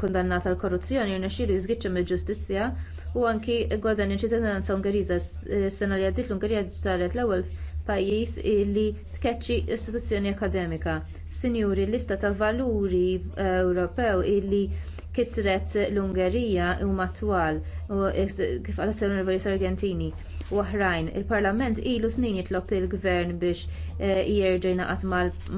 kondannata għal korruzzjoni u naxilu jizgitxa mill ġustizzja u anki għodan ċittadinanza Ungeriża s-sena li għaddit l-Ungerija ġaret l-ewwel pajjiż li tkeċċi istituzzjoni akademika. Sinjuri, lista ta' valuri eh, Ewropew illi kisret l-Ungerija huma twal kif qalet l-Onorevoli Argentini u oħrajn. Il-Parlament ilu snin jitlob il-Gvern biex eh, jerġa' jingħaqad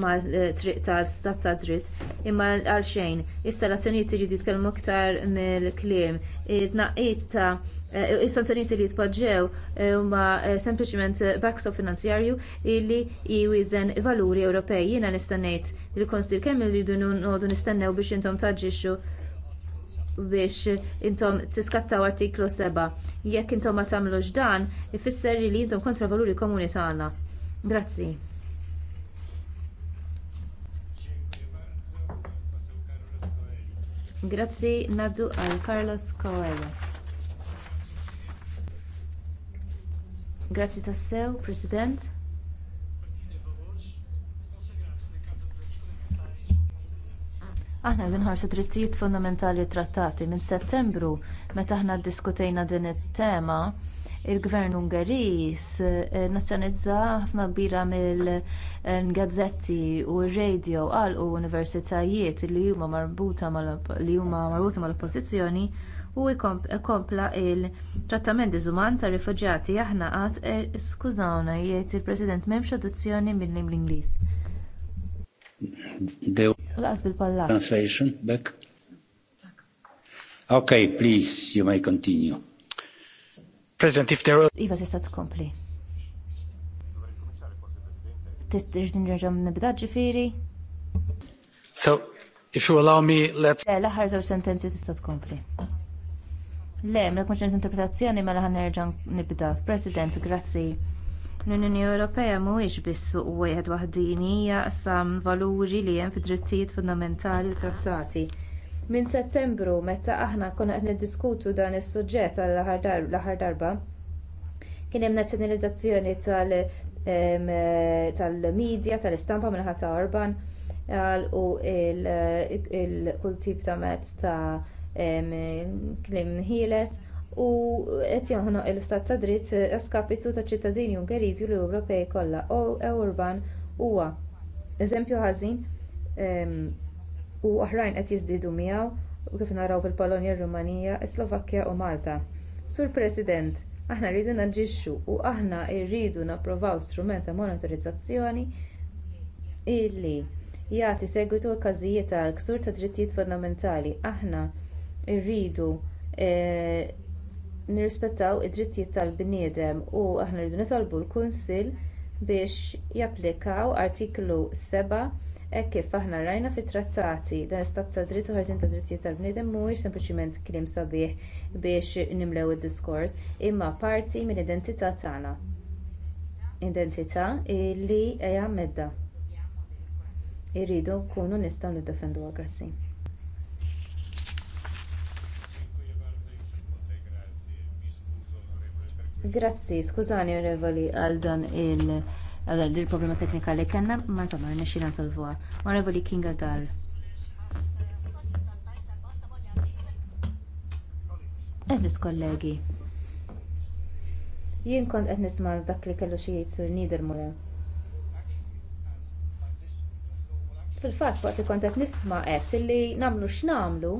mal-triq eh, tal-stat ta' dritt imma għal xejn. Issa l-azzjonijiet tiġi titkellmu aktar mill-kliem. It-tnaqqit ta' Eh, Is-sanzjonijiet li tpoġġew eh, huma eh, sempliċiment backstop finanzjarju illi jwiżen valuri Ewropej. Jiena nista' ngħid il-Konsil kemm irridu noqogħdu nistennew biex intom taġġixxu biex intom tiskattaw artiklu 7. Jekk intom ma tagħmlux dan, ifisser li intom kontra valuri komuni tagħna. Grazzi. Grazzi naddu għal Carlos Coelho. Grazzi tassew, President. Aħna għedin ħarsu drittijiet fundamentali trattati minn settembru, meta aħna ddiskutejna din it-tema, il-gvern Ungeris eh, nazjonizza ħafna kbira mill-gazzetti u r-radio għal universitajiet li huma marbuta mal-oppożizzjoni u jkompla l-trattament diżuman tar-rifuġjati aħna qatt e, skużawna jgħid il-president m'hemmx adozzjoni mill-liem Ingliż. Okay, please, you may continue. President, if there are... Iva, tista tkompli. Tirġin ġerġam nibda ġifiri? So, if you allow me, let's... L-ħar zaw sentenzi tista tkompli. Le, ma mela konċent interpretazzjoni mela nerġa' nibda. President, grazzi. L-Unjoni Ewropea mhuwiex biss suq wieħed waħdin hija sam valuri li hemm fid-drittijiet fundamentali u trattati. Minn Settembru meta aħna konna qed niddiskutu dan is-suġġett l-aħħar darba, kien hemm nazzjonalizzazzjoni tal medja tal-istampa minħata Orban, u il-kull tip ta' mezz ta' Klim ħieles u qed joħnoq l-istat ta' dritt eh, eskapitu taċ ċittadini Ungeriżi u l-Ewropej kollha. Orbán e, huwa eżempju ħażin u oħrajn qed jiżdiedu miegħu kif naraw fil-Polonja, ir-Rumanija, is-Slovakkja u Malta. Sur President, aħna rridu naġixxu u aħna rridu napprovaw strument ta' monitorizzazzjoni illi jagħti segwitu l każijiet tal-ksur ta' drittijiet fundamentali Aħna irridu e, nirrispettaw id-drittijiet tal-bniedem u aħna rridu nitolbu l-kunsill biex japplikaw artiklu 7 hekk kif aħna rajna fit-trattati dan l-istat ta' dritt u ħarsien ta' drittijiet tal-bniedem mhuwiex sempliċiment kliem sabiħ biex nimlew id-diskors imma parti mill-identità tagħna identità li hija medda irridu nkunu nistgħu niddefenduha grazzi Grazzi, skużani onorevoli għal dan il- il-problema teknika li kellna, ma insomma nixxina nsolvuha. Onorevoli Kinga Gall. Eżis kollegi. Jien kont qed nisma' dak li kellu xi jgħid sur Niedermuller. Fil-fatt waqt li kont qed nisma' qed illi nagħmlu x'nagħmlu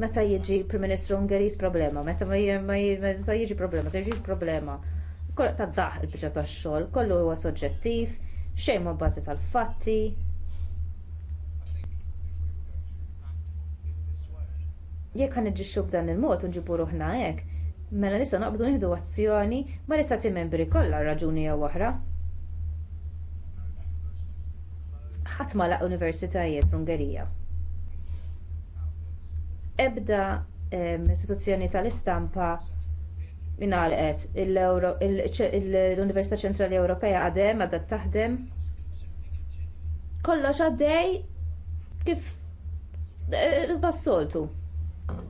meta jiġi prim ministru Ungeris problema, meta ma jiġi problema, meta jiġi problema. Kolla ta' daħ il-bicċa tax-xogħol, kollu huwa soġġettiv, xejn ma' bazi tal-fatti. Jekk iġi iġġixxu b'dan il-mod u nġibu ruħna hekk, mela nisa naqbdu nieħdu azzjoni ma nista' ti membri kollha raġuni jew oħra. Ħadd ma laq universitajiet fl-Ungerija ebda istituzzjoni tal-istampa ingħalqet l-università ċentrali ewropea għadhem għadha taħdem kollox għaddej kif bassoltu eh,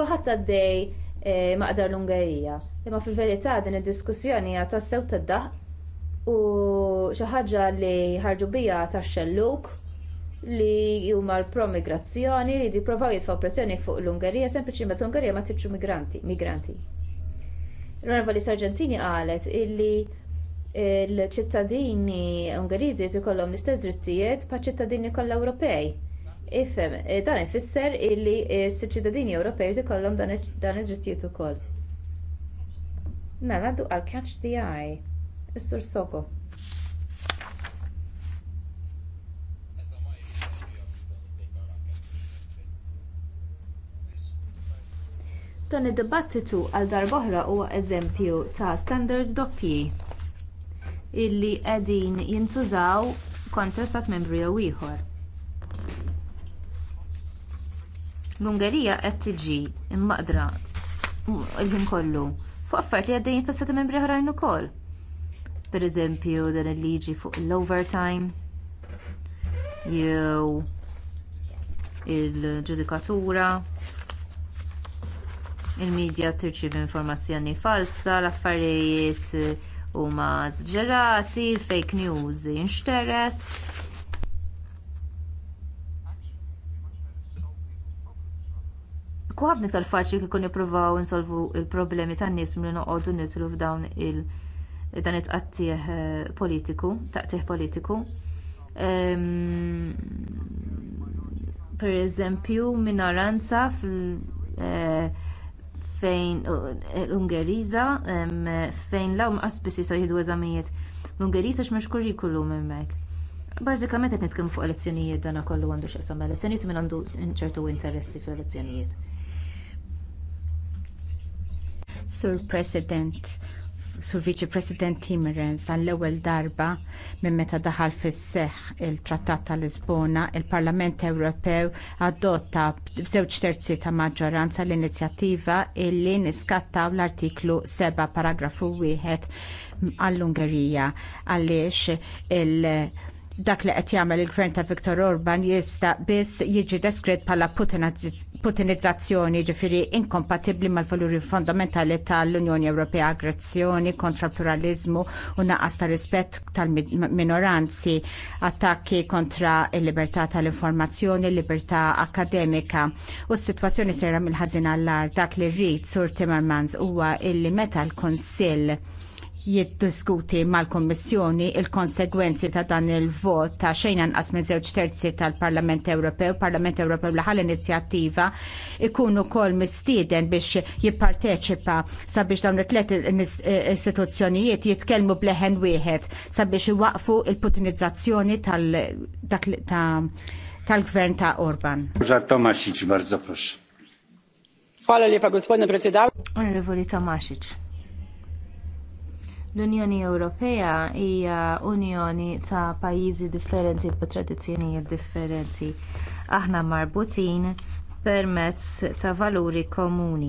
kulħadd għaddej eh, maqdar l-Ungerija imma fil-verità din id-diskussjoni hija tassew tad-daħq u xi ħaġa li ħarġu bija tax-xelluk li huma l-promigrazzjoni li jippruvaw jitfgħu pressjoni fuq l-Ungerija sempliċiment l-Ungerija ma tibx migranti. migranti. L-Onorevoli Sargentini qalet illi l-ċittadini Ungeriżi jrid ikollhom l-istess drittijiet paċ ċittadini kollha Ewropej. Ifhem, eh, dan ifisser illi s-ċittadini Ewropej jrid ikollhom dan id-drittijiet ukoll. Nagħlaqdu mela, għal catch the eye. Is-sur Soko. Dan id-dibattitu għal darb'oħra huwa eżempju ta' standards doppji illi qegħdin jintużaw kont stat membri jew ieħor. L-Ungerija qed tiġi mmaqdra l-ħin kollu fuq affarijiet li għaddejjin fi stati membri oħrajn ukoll. Pereżempju dan il-liġi fuq l-overtime jew il-ġudikatura il-medja tirċievi informazzjoni falsa, l-affarijiet eh, huma żġerati, il-fake news inxteret. ħafna tal faċli kif kun nippruvaw insolvu l problemi tan-nies milli noqogħdu nitlu f'dawn il- dan it-qattieħ eh, politiku, taqtieħ politiku. Ehm, Pereżempju minoranza fil- eh, fejn l-Ungeriża fejn law mqasbis jistgħu eżamijiet l-Ungeriża x'mhux kurrikulum hemmhekk. Bażikament qed nitkellmu fuq elezzjonijiet dan kollu għandu x'qsam elezzjonijiet minn għandu ċertu interessi fuq elezzjonijiet Sur President, Sur Viċi President Timmermans għall-ewwel darba minn meta daħal fis-seħħ il-Trattat ta' Lisbona, il-Parlament Ewropew adotta b'żewġ terzi ta' maġġoranza l-inizjattiva illi niskattaw l-artiklu 7 paragrafu 1 għall-Ungerija għaliex il- dak li qed jagħmel il-gvern ta' Viktor Orban jista' biss jiġi deskritt bħala putinizzazzjoni ġifieri inkompatibbli mal-valuri fondamentali tal-Unjoni Ewropea aggressjoni kontra pluralizmu u naqas ta' rispett tal-minoranzi, attakki kontra l-libertà tal-informazzjoni, libertà akademika. U s-sitwazzjoni sejra mill-ħażin għall-ar dak li rrid Sur Timmermans huwa illi meta l-Kunsill jiddiskuti mal-Kommissjoni il-konsegwenzi ta' dan il-vot ta' xejn anqas minn żewġ terzi tal-Parlament Ewropew, Parlament Ewropew laħal inizjattiva ikun ukoll mistieden biex jipparteċipa sabiex dawn it-tlet eh, istituzzjonijiet jitkellmu bleħen wieħed sabiex iwaqfu il-putinizzazzjoni tal-gvern ta' Orban. Tomasic, bardzo proszę. Hvala lijepa, gospodine predsjedavajući. Onorevoli Tomasić l-unjoni ewropea hija unjoni ta' pajjiżi differenti b'tradizzjonijiet differenti aħna marbutin permezz ta' valuri komuni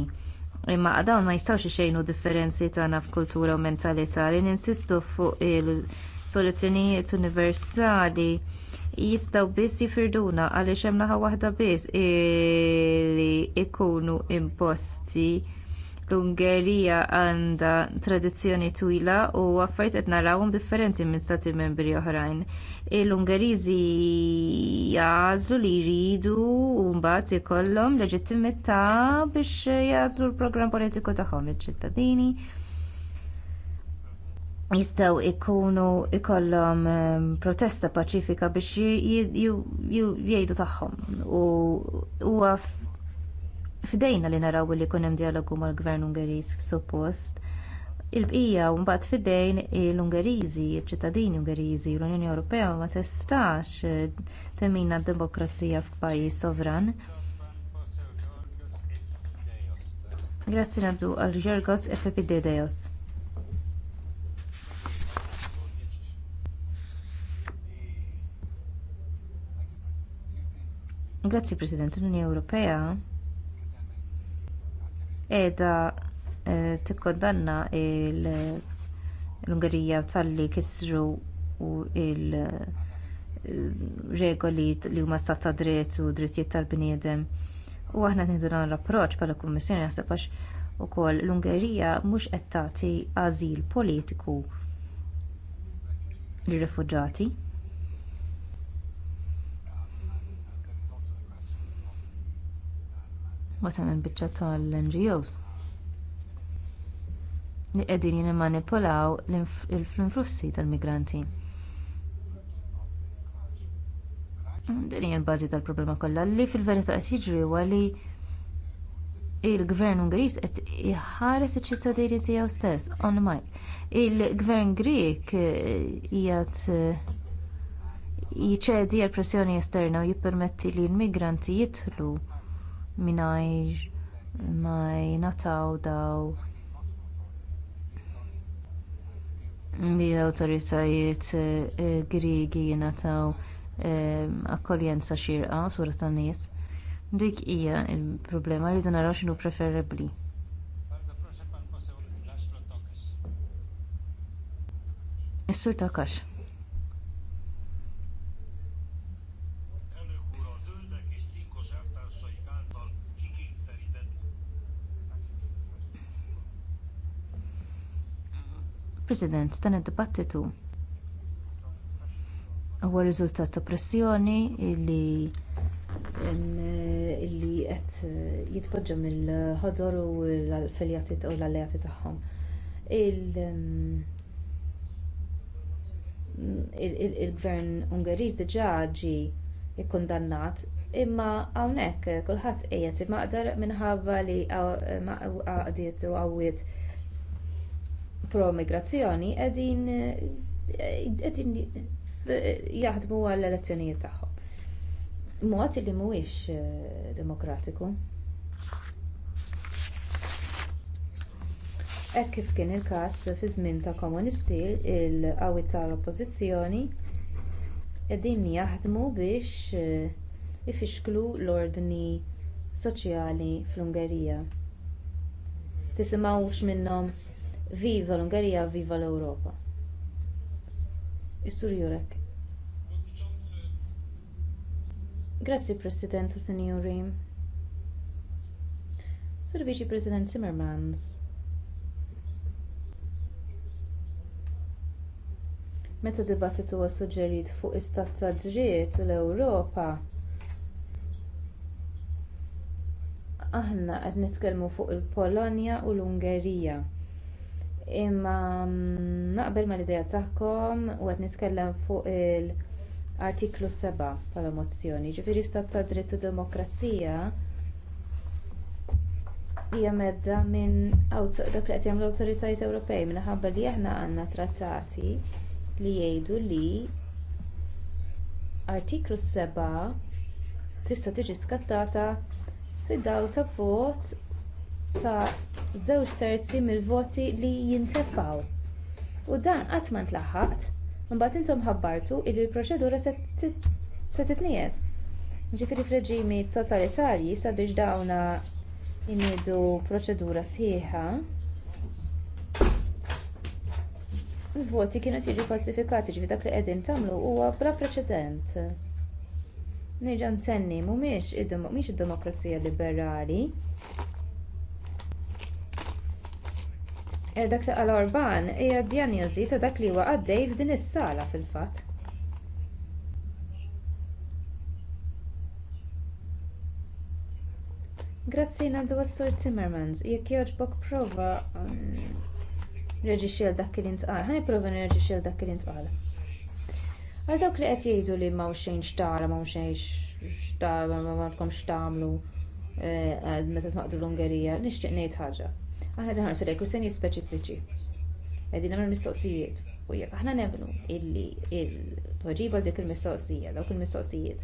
imma dawn ma jistgħux ixejnu differenzi tagħna f'kultura u mentalità li ninsistu fuq il-soluzzjonijiet universali jistgħu biss jifirduna għaliex hemm naħa waħda biss li jkunu imposti l-Ungerija għandha tradizzjoni twila u affarijiet qed narawhom differenti minn stati membri oħrajn. L-Ungeriżi jażlu li jridu u mbagħad ikollhom leġittimità biex jażlu l-programm politiku tagħhom iċ-ċittadini. Jistgħu jkunu ikollhom ehm, protesta paċifika biex jgħidu tagħhom u huwa fdejna li naraw li kunem hemm mal-gvern Ungeriż suppost. Il-bqija mbagħad fidejn l-Ungeriżi, iċ-ċittadini Ungeriżi, l-Unjoni Ewropea ma tistax eh, temmina d-demokrazija f'pajjiż sovran. Grazzi nadżu għal Ġergos Epipidedejos. Grazzi President, l-Unjoni Ewropea qiegħda eh, tikkundanna l-ungerija talli kisru l-regoli li huma stat ta' dritt u drittijiet tal-bniedem u aħna nieħdu dan l-approċċ bħala kummissjoni naħseb għax ukoll l-ungerija mhux qed tagħti ażil politiku lir-refuġġati wasa minn biċċa tal-ngos li qegħdin jimmanipulaw l-influssi tal-migranti din hija l-bażi tal-problema kollha li fil-verità qed jiġri huwa li l gvern Ungeriż qed iħares iċ-ċittadini tiegħu stess on mic. Il-gvern Grieg qiegħed jiċċedi għal pressjoni esterna u jippermetti li l-migranti jidħlu mingħajr ma jingħataw dawl lill-awtoritajiet eh, griegi jingħataw eh, akkoljenza xierqa f'sura tan-nies dik hija l-problema rridu naraw x'inhu preferibbli is-sur takax President, dan id-dibattitu huwa riżultat ta' pressjoni li qed jitpoġġa mill-ħodor u l-affiljati u l-alleati tagħhom. Il-gvern Ungeriż diġà ġie kkundannat imma hawnhekk kulħadd qiegħed imaqdar minħabba li għaqdiet u għawwiet pro-immigrazzjoni qegħdin qegħdin jaħdmu għall-elezzjonijiet tagħhom. Mod li mhuwiex eh, demokratiku. Hekk kif kien il-każ fi żmien ta' komunisti il-qawwi tal-oppożizzjoni qegħdin jaħdmu biex eh, ifixklu l-ordni soċjali fl-Ungerija. Tisimgħux minnhom Viva l-Ungerija, viva l-Ewropa. istur Jurek. Grazzi President u Sinjuri. Sur Viċi President Zimmermans Meta dibattitu huwa suġġerit fuq istat ta' dritt u l-Ewropa, aħna qed nitkellmu fuq il-Polonja u l-Ungerija imma mm, naqbel mal-idea tagħkom u qed nitkellem fuq l-artiklu 7 tal-mozzjoni ġifieri stat ta' dritt u demokrazija hija medda minn dak li qed jagħmlu l-awtoritajiet Ewropej minħabba li aħna għandna trattati li jgħidu li artiklu 7 tista' tiġi skattata fid-dawl ta' vot ta' żewġ terzi mill-voti li jintefgħu u dan qatt ma ntlaħħaq imbagħad intom ħabbartu li l-proċedura se titniet jiġifieri f'reġimi totalitarji sabiex dawn iniedu proċedura sħiħa il-voti kienu qed jiġu falsifikati ġifi dak li qegħdin tagħmlu huwa bla preċedent nerġa' ntenni mhumiex mhix id-demokrazija liberali Eh, dak li qal orban hija d-dijanjosi ta' dak li huwa għaddej f'din is-sala fil-fatt grazzi għandu għas-sur timmermans jekk jogħġbok prova nirreġixxi um, għal dak li ntqal ħanipprova nirreġixxi għal dak li ntqal għal dawk li qed jgħidu li m'hawn xejn x'tara m'hawn xejn x'tara m'għandkomx x'tagħmlu eh, meta tnaqdu l-ungerija nixtieq ngħid ħaġa Aħna daħna su sen jispeċifiċi. Għedin nagħmel mistoqsijiet u jek, aħna nemmnu illi il tweġiba dik il-mistoqsija, dawk il-mistoqsijiet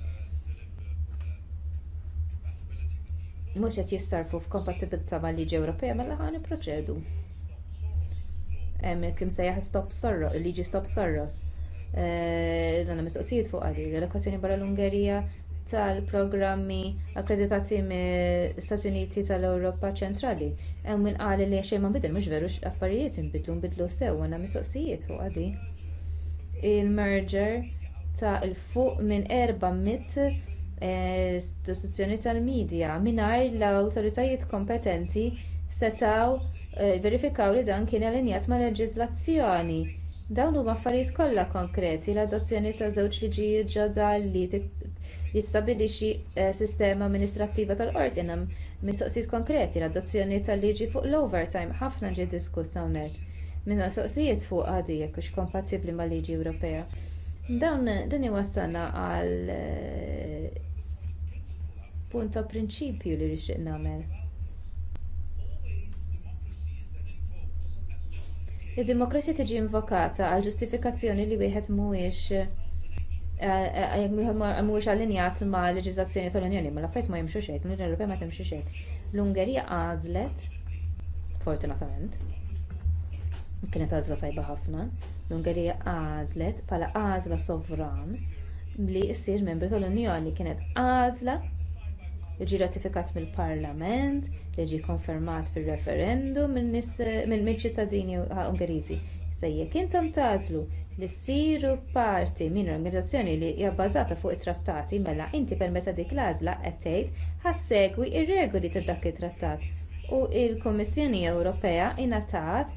mhux qed jissarfu f'kompatibilità ma' liġi Ewropea mela ħa proċedu Emmi kim sejjaħ stop sorro, il-liġi stop sorros. Eh, għandna mistoqsijiet fuq għadi, l-allokazzjoni barra l-Ungerija, tal-programmi akkreditati mill-istati uniti tal-ewropa ċentrali hemm min qali li xejn ma nbidel mhux veru l-affarijiet inbidlu nbidlu sew għandna mistoqsijiet fuq din il-merger ta' il-fuq minn 400 eh, istituzzjoni tal-midja mingħajr l-awtoritajiet kompetenti setgħu eh, verifikaw li dan kien allinjat mal-leġiżlazzjoni dawn huma affarijiet kollha konkreti l-adozzjoni ta' żewġ liġijiet ġodda li jistabbilixxi eh, sistema amministrattiva tal-qorti hemm mistoqsijiet konkreti l-adozzjoni tal-liġi fuq l-overtime ħafna ġie diskuss hawnhekk mistoqsijiet fuq għadi jekk hux kompatibbli mal-liġi ewropea dawn dan iwassalna għal eh, punt ta' prinċipju li rixtieq nagħmel id-demokrasija tiġi invokata għal ġustifikazzjoni li wieħed mhuwiex jek eh, eh, eh, mux allinjat ma' leġiżlazzjoni tal-Unjoni, ma' laffajt ma' jimxu hekk, l-Unjoni Ewropea ma' timxu xejn. L-Ungerija għażlet, fortunatament, kienet għażla tajba ħafna, l-Ungerija għażlet bħala għażla sovran li ssir membru tal-Unjoni kienet għażla li ġie ratifikat mill-Parlament, li ġie konfermat fir referendum minn ċittadini Ungeriżi. Sejjek jekk intom tażlu li ssiru parti minn organizzazzjoni li hija bbażata fuq it-trattati mela inti permezz ta' dik l-għażla qed tgħid ħassegwi r-regoli ta' dak it-trattat u l-kummissjoni ewropea ngħatat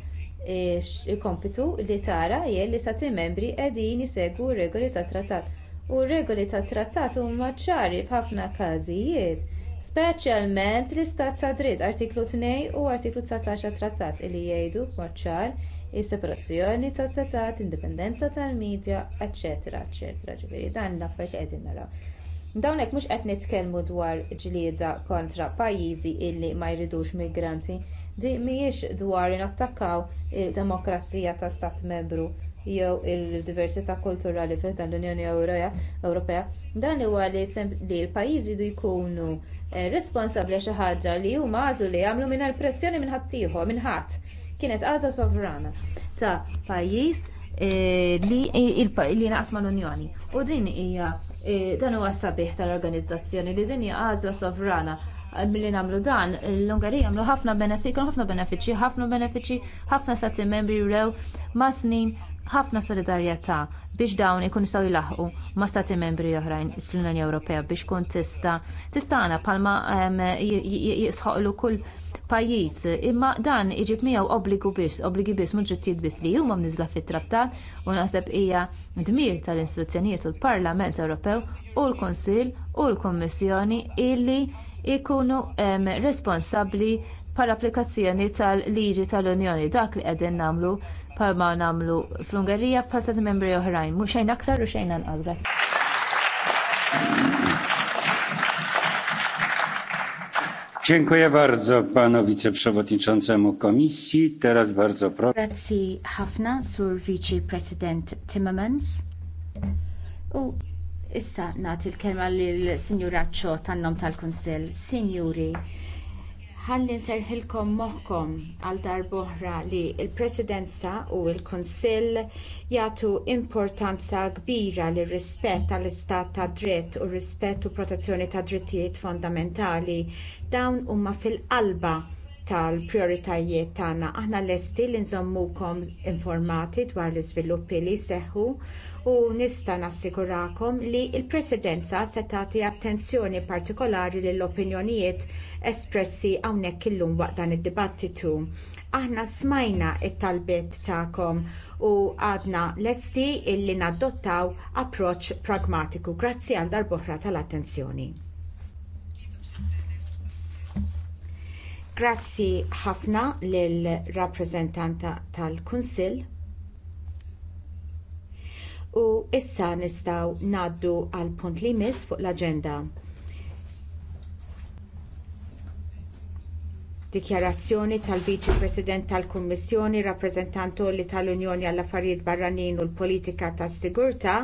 il-kompitu li tara hi li stati membri qegħdin jisegwu r-regoli tat-trattat u r-regoli tat-trattat huma ċari f'ħafna każijiet speċjalment l-istat ta' dritt artiklu 2 u artiklu 19 tat-trattat li jgħidu b'mod ċar is-separazzjoni tas-setat indipendenza tal-midja eċċ eċċ ġifieri dan l-affarijiet li qegħdin naraw dawn hekk mhux qed nitkellmu dwar ġlieda kontra pajjiżi li ma jridux migranti din mhijiex dwar inattakkaw id-demokrazija ta' stat membru jew id-diversità kulturali fiħdan l-unjoni ewropea dan huwa li l-pajjiżi jridu jkunu eh, responsabbli għal xi ħaġa li huma għażlu li jagħmlu mingħajr pressjoni minn ħaddieħor minn ħadd kienet għażla sovrana ta' pajjiż eh, li naqsma mal-Unjoni. U din hija eh, dan huwa sabiħ tal-organizzazzjoni li din hija għażla sovrana mill-li nagħmlu dan, l-Ungarija għamlu ħafna benefiċi, ħafna benefici, ħafna benefici, ħafna sati membri rew ma' snin ħafna solidarjetà biex dawn ikun jistgħu jilaħqu ma' stati membri oħrajn fl-Unjoni Ewropea biex kun tista' għana palma jisħoqlu kull pajjiż, imma dan iġib miegħu obbligu biss, obbligi biss mhux ġittijiet biss li huma mniżla fit-trattat u naħseb hija dmir tal-istituzzjonijiet u l-Parlament Ewropew u l-Kunsill u l-Kummissjoni illi jkunu responsabbli bħall applikazzjoni tal-liġi tal-Unjoni dak li qegħdin nagħmlu bħalma nagħmlu fl-Ungerija bħal membri oħrajn mhux xejn aktar u xejn anqas. Dziękuję bardzo panu wiceprzewodniczącemu komisji. Teraz bardzo proszę. Grazzi ħafna sur Vice President Timmermans. U issa nagħti l-kelma lil Sinjura Ċo tan-nom tal-Kunsill. Sinjuri, ħalli nserħilkom moħħkom għal darb'oħra li l-presidenza u l-kunsill jagħtu importanza kbira lir rispett tal istat tad dritt u r rispett u protezzjoni tad drittijiet fondamentali dawn huma fil-qalba tal-prijoritajiet tagħna. Aħna lesti li nżommukom informati dwar l-iżviluppi li seħħu u nista' nassigurakom li l-Presidenza se tagħti attenzjoni partikolari lill-opinjonijiet espressi hawnhekk illum waqt dan id-dibattitu aħna smajna t talbiet tagħkom u għadna lesti illi nadottaw approċċ pragmatiku. Grazzi għal darbohra tal-attenzjoni. Grazzi ħafna lill-rappreżentanta tal-Kunsill. U issa nistgħu ngħaddu għall punt li jmiss fuq l-aġenda. dikjarazzjoni tal-Viċi President tal-Kummissjoni rappreżentanti tal-Unjoni għall-Affarijiet Barranin u l-Politika tas-Sigurtà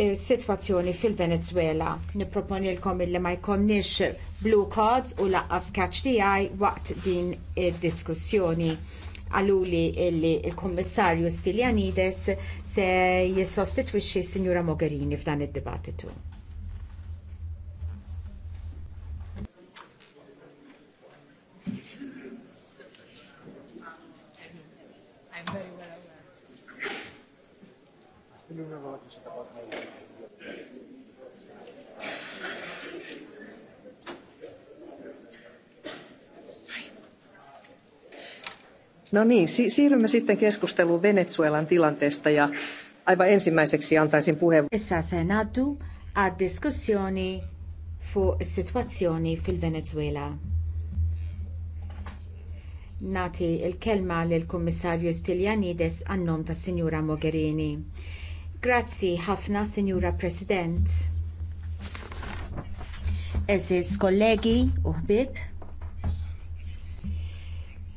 sitwazzjoni fil-Venezuela. Nipproponilkom illi ma jkonniex blue cards u laqqas catch tiegħi waqt din id-diskussjoni għaluli illi il-Kommissarju Stilianides se jissostitwixxi Sinjura Mogherini f'dan id-dibattitu. Well No niin, si- siirrymme sitten keskusteluun Venezuelan tilanteesta ja aivan ensimmäiseksi antaisin puheenvuoron. Essa se a għad diskussjoni fuq is-sitwazzjoni fil-Venezuela. Nati il kelma lill kummissarju Stiljanides għannom tas signora Mogherini. Grazzi ħafna, Signora President. Eżis kollegi u ħbib.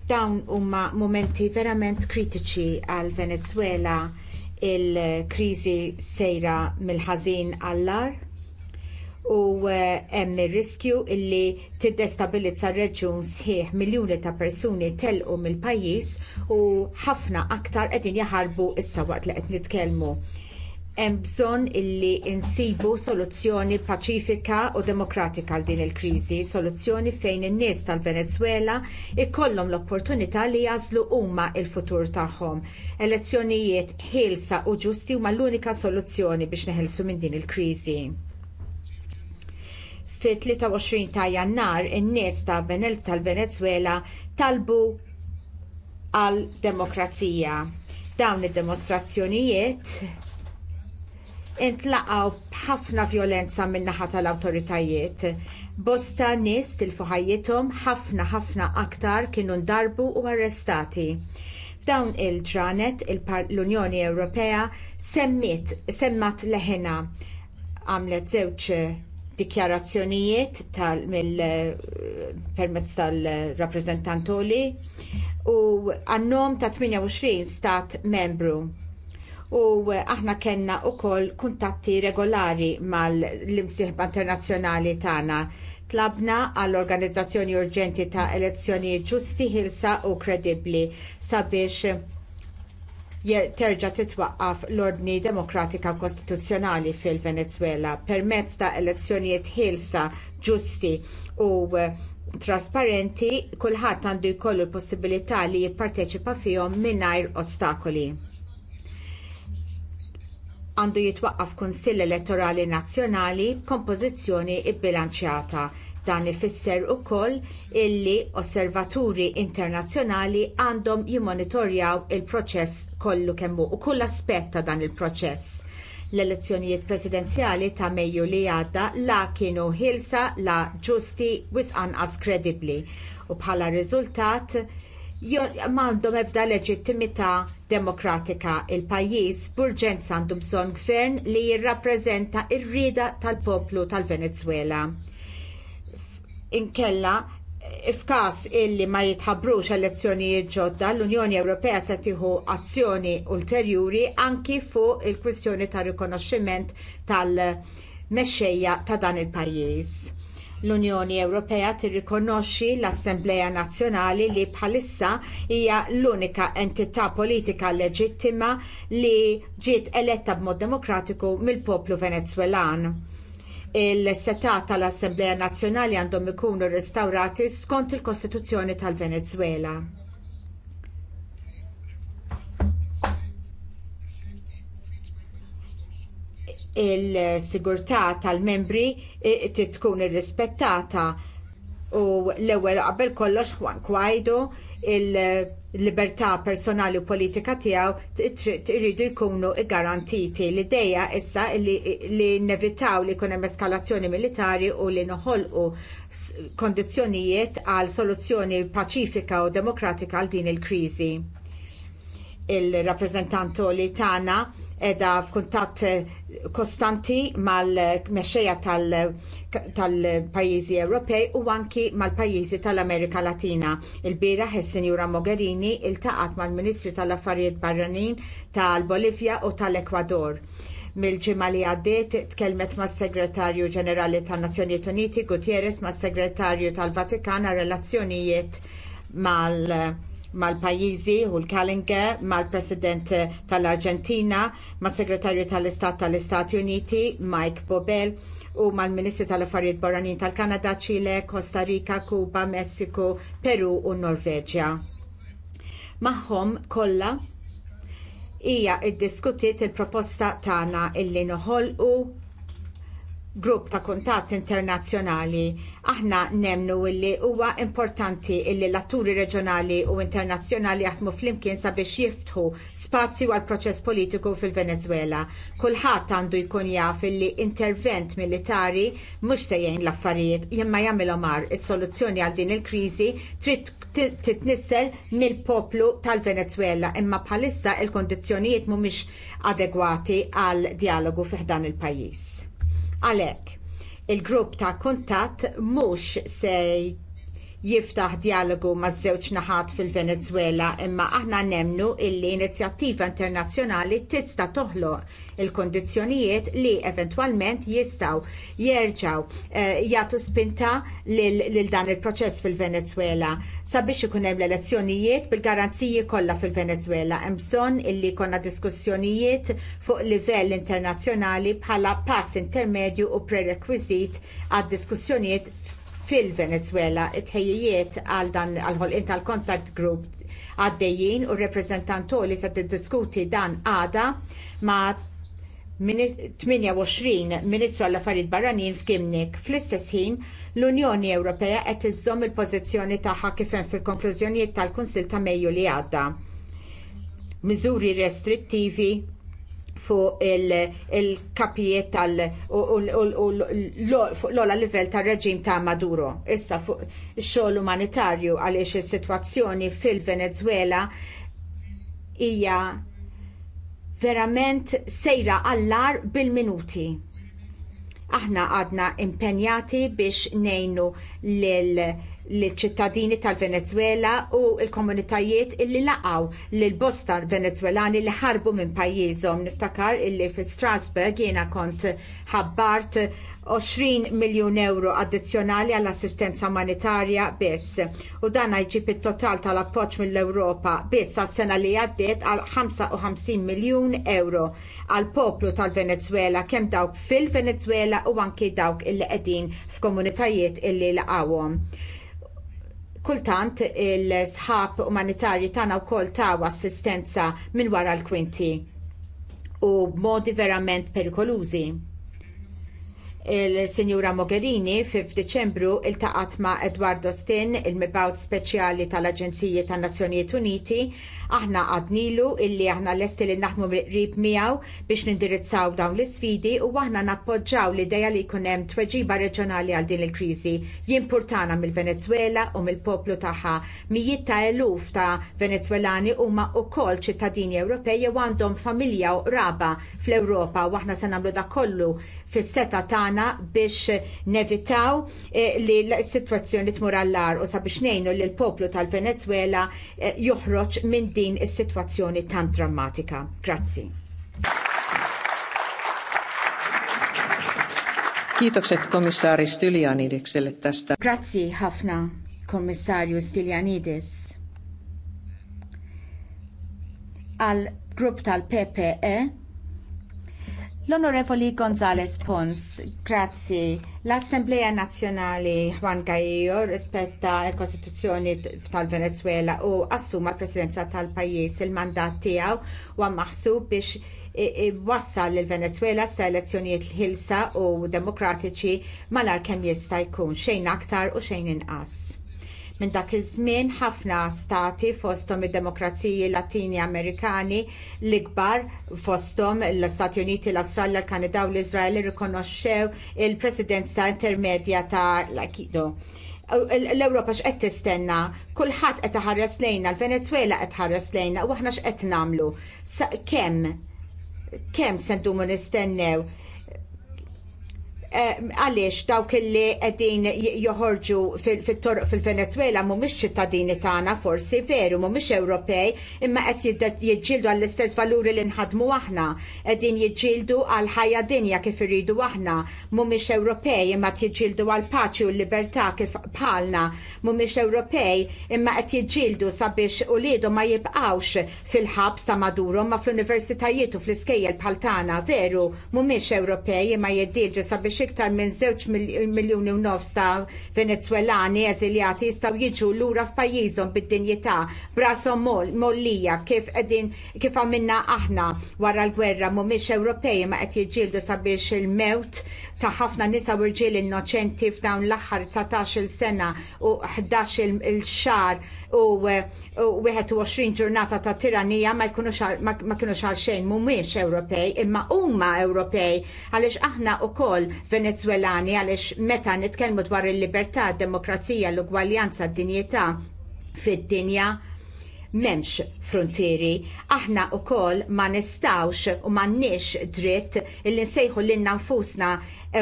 Dawn huma mumenti verament kritiċi għal Venezwela il-kriżi sejra mill-ħażin għall agħar u eh, hemm ir-riskju illi tiddestabilizza reġjun sħiħ miljuni ta' persuni telqu mill-pajjiż u ħafna aktar qegħdin jaħarbu issa waqt li qed nitkellmu hemm bżonn illi insibu soluzzjoni paċifika u demokratika għal din il-kriżi, soluzzjoni fejn in-nies tal-Venezwela jkollhom l-opportunità li jażlu huma l-futur tagħhom. Elezzjonijiet ħielsa u ġusti huma l-unika soluzzjoni biex neħelsu minn din il-kriżi. Fit-23 ta' Jannar, in-nies tal-Venezwela talbu għal demokrazija. Dawn id-demostrazzjonijiet intlaqgħu b'ħafna vjolenza min-naħa tal-awtoritajiet. Bosta nies tilfu ħajjithom ħafna ħafna aktar kienu ndarbu u arrestati. F'dawn il-ġranet il ġranet l unjoni Ewropea semmiet semmat leħena għamlet żewġ dikjarazzjonijiet tal permezz tal-rappreżentantoli u għannom ta' 28 stat membru u eh, aħna kellna wkoll kuntatti regolari mal-imsieħba internazzjonali tagħna tlabna għall organizzazzjoni urġenti ta' elezzjonijiet ġusti ħilsa u kredibbli sabiex terġa' titwaqqaf l-ordni demokratika kostituzzjonali fil venezwela permezz ta' elezzjonijiet ħilsa ġusti u eh, trasparenti kulħadd għandu jkollu l-possibilità li jipparteċipa fihom mingħajr ostakoli għandu jitwaqqaf kunsill elettorali nazzjonali b'kompożizzjoni bbilanċjata. Dan ifisser ukoll illi osservaturi internazzjonali għandhom jimmonitorjaw il-proċess kollu kemm hu u kull aspett ta' dan il-proċess. L-elezzjonijiet presidenzjali ta' Mejju li għadda la kienu ħilsa la ġusti wisqanqas kredibbli u bħala riżultat m'għandhom ebda leġittimità demokratika. Il-pajjiż b'urġenza għandhom bżonn gvern li jirrappreżenta r rieda tal-poplu tal-Venezwela. Inkella f'każ illi ma jitħabrux elezzjonijiet ġodda, l-Unjoni Ewropea se tieħu azzjoni ulterjuri anki fuq il-kwistjoni tar rikonoxximent tal-mexxejja ta' dan il-pajjiż. L-Unjoni Ewropea tirrikonoxxi l-Assembleja Nazzjonali li bħalissa hija l-unika entità politika leġittima li ġiet eletta b'mod demokratiku mill-poplu Venezwelan il-setà tal-Assembleja Nazzjonali għandhom ikunu rrestawrati skont il-Kostituzzjoni tal-Venezwela. il-sigurtà tal-membri tkun irrispettata u l-ewwel qabel kollox Juan Guaido il-libertà personali u politika tiegħu iridu jkunu garantiti l dejja issa li nevitaw li jkun hemm eskalazzjoni militari u li noħolqu kondizzjonijiet għal soluzzjoni paċifika u demokratika għal din il-kriżi. Il-rappreżentantu li tagħna edha f'kuntatt eh, kostanti mal-mexxejja tal-pajjiżi Ewropej u anki mal-pajjiżi tal-Amerika Latina. Il-bira is-Sinjura Mogherini iltaqat mal ministru tal-Affarijiet Barranin tal-Bolivja u tal-Ekwador mill-ġimgħa li għaddiet tkellmet mas-Segretarju Ġenerali tan-Nazzjonijiet Uniti Gutierrez mas-Segretarju tal-Vatikan għar relazzjonijiet mal- mal-pajjiżi u l-Kalinga, mal-President tal-Arġentina, mas-Segretarju tal-Istat tal-Istati Uniti, Mike Bobel, u mal-Ministru tal-Affarijiet Barranin tal-Kanada, Ċile, Costa Rica, Kuba, Messiku, Peru u Norveġja. Magħhom kollha hija ddiskutiet il-proposta tagħna illi noħolqu grupp ta' kuntatt internazzjonali. Aħna nemnu illi huwa importanti illi l-atturi reġjonali u internazzjonali jaħdmu flimkien sabiex jiftħu spazju għal proċess politiku fil-Venezuela. Kulħadd għandu jkun jaf illi intervent militari mhux se jgħin l-affarijiet imma jagħmilhom mar is-soluzzjoni għal din il-kriżi trid titnissel mill-poplu tal-Venezuela imma bħalissa l kundizzjonijiet mhumiex adegwati għal dialogu fiħdan il-pajjiż. Għalhekk il-grupp ta' kuntatt mhux se jiftaħ dijalogu maż-żewġ naħat fil-Venezwela imma aħna nemnu illi inizjattiva internazzjonali tista' toħloq il-kondizzjonijiet li eventwalment jistgħu jerġgħu eh, jagħtu spinta lil, dan il-proċess fil-Venezwela sabiex ikun hemm l-elezzjonijiet bil-garanziji kollha fil-Venezwela hemm bżonn illi jkollna diskussjonijiet fuq livell internazzjonali bħala pass intermedju u prerekwiżit għad diskussjonijiet fil-Venezuela it-ħejjiet għal dan għal-ħolqien tal-contact group għaddejjin u r li se tiddiskuti dan għada ma' 28 Ministru għall affarijiet Barranin f'kimnik. Fl-istess ħin, l-Unjoni Ewropea qed iżżomm il-pożizzjoni tagħha kif hemm fil-konklużjonijiet tal-Kunsill ta' Mejju li għadda. Miżuri restrittivi fuq il-kapijiet tal- u l-ola livell tar reġim ta' Maduro. Issa fuq xogħol umanitarju għaliex is-sitwazzjoni fil-Venezuela hija verament sejra allar bil-minuti. Aħna għadna impenjati biex ngħinu lil liċ ċittadini tal-Venezuela u l-komunitajiet illi laqgħu lill bosta Venezwelani li ħarbu minn pajjiżhom. Niftakar illi fi Strasbourg jiena kont ħabbart 20 miljun euro addizzjonali għall-assistenza umanitarja biss. U dan jġib it-total tal-appoġġ mill-Ewropa biss għas-sena li għaddiet għal 55 miljun euro għall poplu tal-Venezuela kemm dawk fil-Venezuela u anki dawk illi qegħdin f'komunitajiet illi laqgħuhom. Kultant il-sħab umanitarji tagħna wkoll taw assistenza minn wara l-kwinti u b'modi verament perikolużi il-Sinjura Mogherini f'Diċembru iltaqat ma' Edwardo Stin, il-mibawt speċjali tal-Aġenziji tan-Nazzjonijiet Uniti, aħna għadnilu illi aħna lesti li naħdmu qrib miegħu biex nindirizzaw dawn l-isfidi u aħna nappoġġaw l-idea li jkun hemm tweġiba reġjonali għal din il-kriżi. Jimpurtana mill-Venezuela u mill-poplu tagħha. Mijiet ta' eluf ta' Venezwelani huma wkoll ċittadini Ewropej jew għandhom familja u raba fl-Ewropa u aħna se nagħmlu dak kollu fis-seta tagħna tagħna biex nevitaw eh, li l-sitwazzjoni tmur għall-ar u sabiex ngħinu li l-poplu tal-Venezuela eh, joħroġ minn din is-sitwazzjoni tant drammatika. Grazzi. Kiitokset komissaari Stylianidekselle tästä. Grazzi ħafna, komissarju Stylianidis. Għal grupp tal-PPE L-Onorevoli Gonzales Pons, grazzi. L-Assembleja Nazzjonali Juan Guaido rispetta l-Kostituzzjoni tal-Venezuela u assuma l-Presidenza tal-pajjiż il-mandat tiegħu huwa maħsub biex wassal lil venezuela sa elezzjonijiet ħilsa u demokratiċi malar kemm jista' jkun xejn aktar u xejn inqas. Minn dak iż-żmien ħafna stati fosthom id-demokraziji Latini Amerikani l-ikbar fosthom l-Stati Uniti, l-Awstralja, l-Kanada u l-Iżrael irrikonoxxew il-presidenza intermedja ta' l-Akido l x'qed tistenna, kulħadd qed iħares lejna, l-Venezuela qed ħares lejna u aħna x'qed nagħmlu. Kemm kemm se ndumu nistennew għaliex dawk illi qegħdin joħorġu fit-torq fil-Venezuela mhumiex ċittadini tagħna forsi veru mhumiex Ewropej imma qed jidġildu għall-istess valuri li nħadmu aħna, għedin jidġildu għal ħajja dinja kif irridu aħna, mhumiex Ewropej imma qed jiġġieldu għal paċi u l-libertà kif bħalna, mhumiex Ewropej imma qed jidġildu sabiex lidu ma jibqgħux fil-ħabs ta' Maduro ma fl-universitajiet u fl-iskejjel bħal tagħna veru mhumiex Ewropej imma jidġildu sabiex iktar minn żewġ miljuni u nofs ta' Venezwelani eżiljati jistgħu jiġu lura f'pajjiżhom bid-dinjità brashom mollija kif kif għamilna aħna wara l-gwerra mhumiex Ewropej ma qed jiġġieldu sabiex il-mewt ta' ħafna nisa u rġiel innoċenti f'dawn l-aħħar 19-il sena u 11 il-xar u 21 ġurnata ta' tiranija ma kienu għal xejn mhumiex Ewropej imma huma Ewropej għaliex aħna wkoll Venezwelani għaliex meta nitkellmu dwar il-libertà, demokrazija l-ugwaljanza, d-dinjità fid-dinja m'hemmx frontieri. Aħna wkoll ma nistgħux u m'għandniex dritt il-li nsejħu lilna nfusna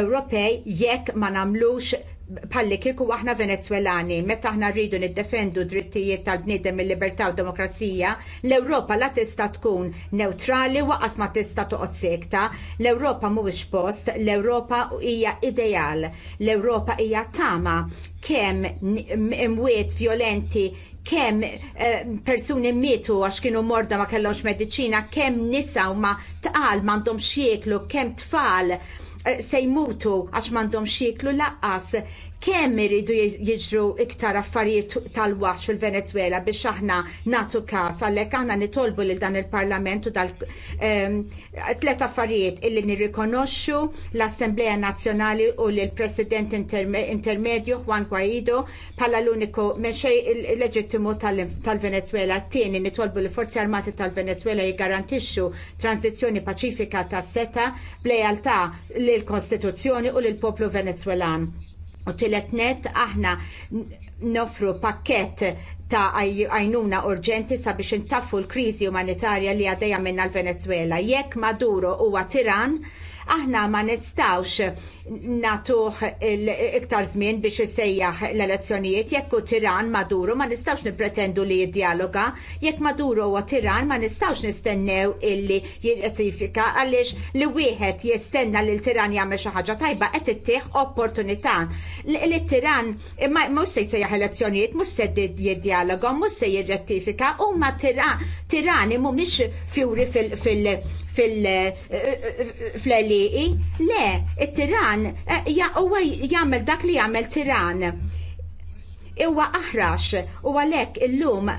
Ewropej jekk ma nagħmlux palli kieku aħna Venezwelani, meta aħna rridu niddefendu drittijiet tal-bniedem il-libertà u demokrazija, l-Ewropa la tista' tkun neutrali waqas ma tista' toqgħod sekta, l-Ewropa mhuwiex post, l-Ewropa hija ideal, l-Ewropa hija tama kemm imwiet violenti kemm eh, persuni mietu għax kienu morda ma kellhomx mediċina, kemm nisa u ma tqal m'għandhomx jieklu, kemm tfal Eh, se jmutu għax m'għandhom xieklu laqqas kemm iridu jiġru iktar affarijiet tal-wax fil-Venezuela biex aħna natu każ għalhekk aħna nitolbu lil dan il-Parlament u dal ehm, tliet affarijiet illi nirrikonoxxu l-Assembleja Nazzjonali u lill president intermedju Juan Guaido bħala l-uniku mexej leġittimu tal-Venezuela t-tieni nitolbu li forzi armati tal-Venezuela jiggarantixxu tranzizzjoni paċifika tas-seta blejalta lill-Kostituzzjoni u lill-poplu Venezwelan U tillet net aħna nofru pakket ta' għajnuna urġenti sabiex intaffu l-kriżi umanitarja li għaddejja minna l-Venezuela. Jekk Maduro huwa tiran, Aħna ma nistawx natuħ iktar żmien biex isejjaħ l-elezzjonijiet jekk hu tiran Maduro ma nistawx nippretendu li jiddialoga, jekk Maduro u tiran ma nistawx nistennew illi jirretifika għaliex li wieħed jistenna li l-tiran jagħmel xi ħaġa tajba qed ittieħ opportunità. L-tiran mhux se jsejjaħ elezzjonijiet, mhux se jiddialoga, mhux se jirrettifika, huma tirani mhumiex fjuri fil-fil fl-eli xtieqi, le, it-tiran eh, huwa jagħmel dak li jagħmel tiran. Iwa aħrax u għalhekk illum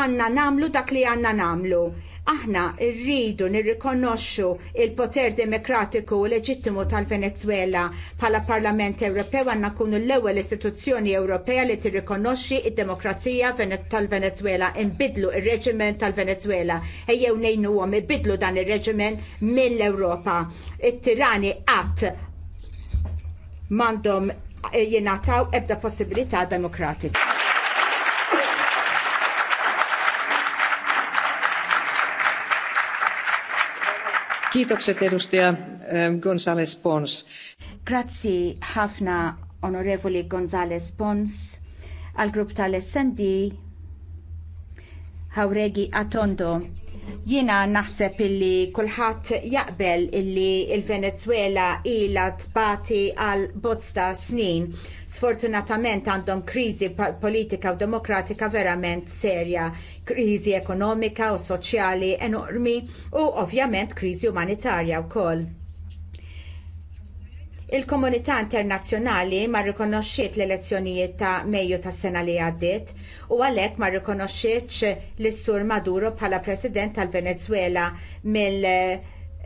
għandna nagħmlu dak li għandna nagħmlu. Aħna rridu nirrikonoxxu il-poter demokratiku u leġittimu tal-Venezuela bħala Parlament Ewropew għandna kunu l-ewwel istituzzjoni Ewropea li tirrikonoxxi id-demokrazija tal-Venezuela imbidlu ir-reġimen tal-Venezuela ejjew ngħinuhom ibidlu dan ir-reġimen mill-Ewropa. It-tirani qatt m'għandhom eh, jingħataw ebda possibilità demokratika. Kiitokset edustaja eh, González Pons. Grazzi ħafna onorevoli González Pons għal grupp tal-SND Hawregi Atondo. Jiena naħseb illi kulħadd jaqbel illi il venezwela ilha tbati għal bosta snin. Sfortunatament għandhom kriżi politika u demokratika verament serja, kriżi ekonomika u soċjali enormi u ovvjament kriżi umanitarja wkoll Il-komunità internazzjonali ma rrikonoxxiet l-elezzjonijiet ta' Mejju tas-sena li għaddiet u għalhekk ma rrikonoxxietx lis sur Maduro bħala President tal-Venezwela mill- eh,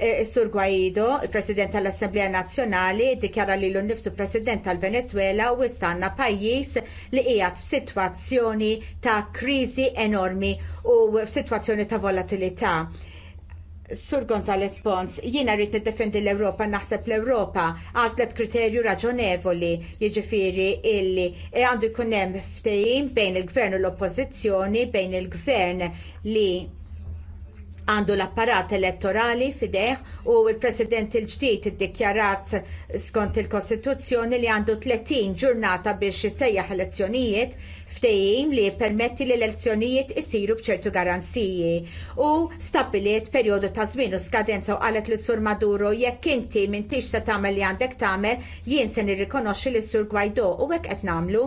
eh, Sur Guaido, il-President tal-Assemblea Nazzjonali, dikjara li l President tal-Venezuela u issanna pajjiż li qiegħed f'sitwazzjoni ta' kriżi enormi u f'sitwazzjoni ta' volatilità. Sur Gonzalez Pons, jiena rrit niddefendi l-Ewropa, naħseb l-Ewropa, għażlet kriterju raġonevoli, jiġifieri illi għandu jkun hemm ftehim bejn il-gvern u l-oppożizzjoni, bejn il-gvern li għandu l-apparat elettorali fideħ u l president il-ġdid iddikjarat skont il-Kostituzzjoni li għandu 30 ġurnata biex jissejjaħ elezzjonijiet ftehim li jippermetti li l-elezzjonijiet isiru bċertu garanziji u stabbiliet perjodu ta' żmien u skadenza u qalet lis sur Maduro jekk inti m'intix se tagħmel li għandek tagħmel jien se nirrikonoxxi lis sur Gwajdo u hekk qed nagħmlu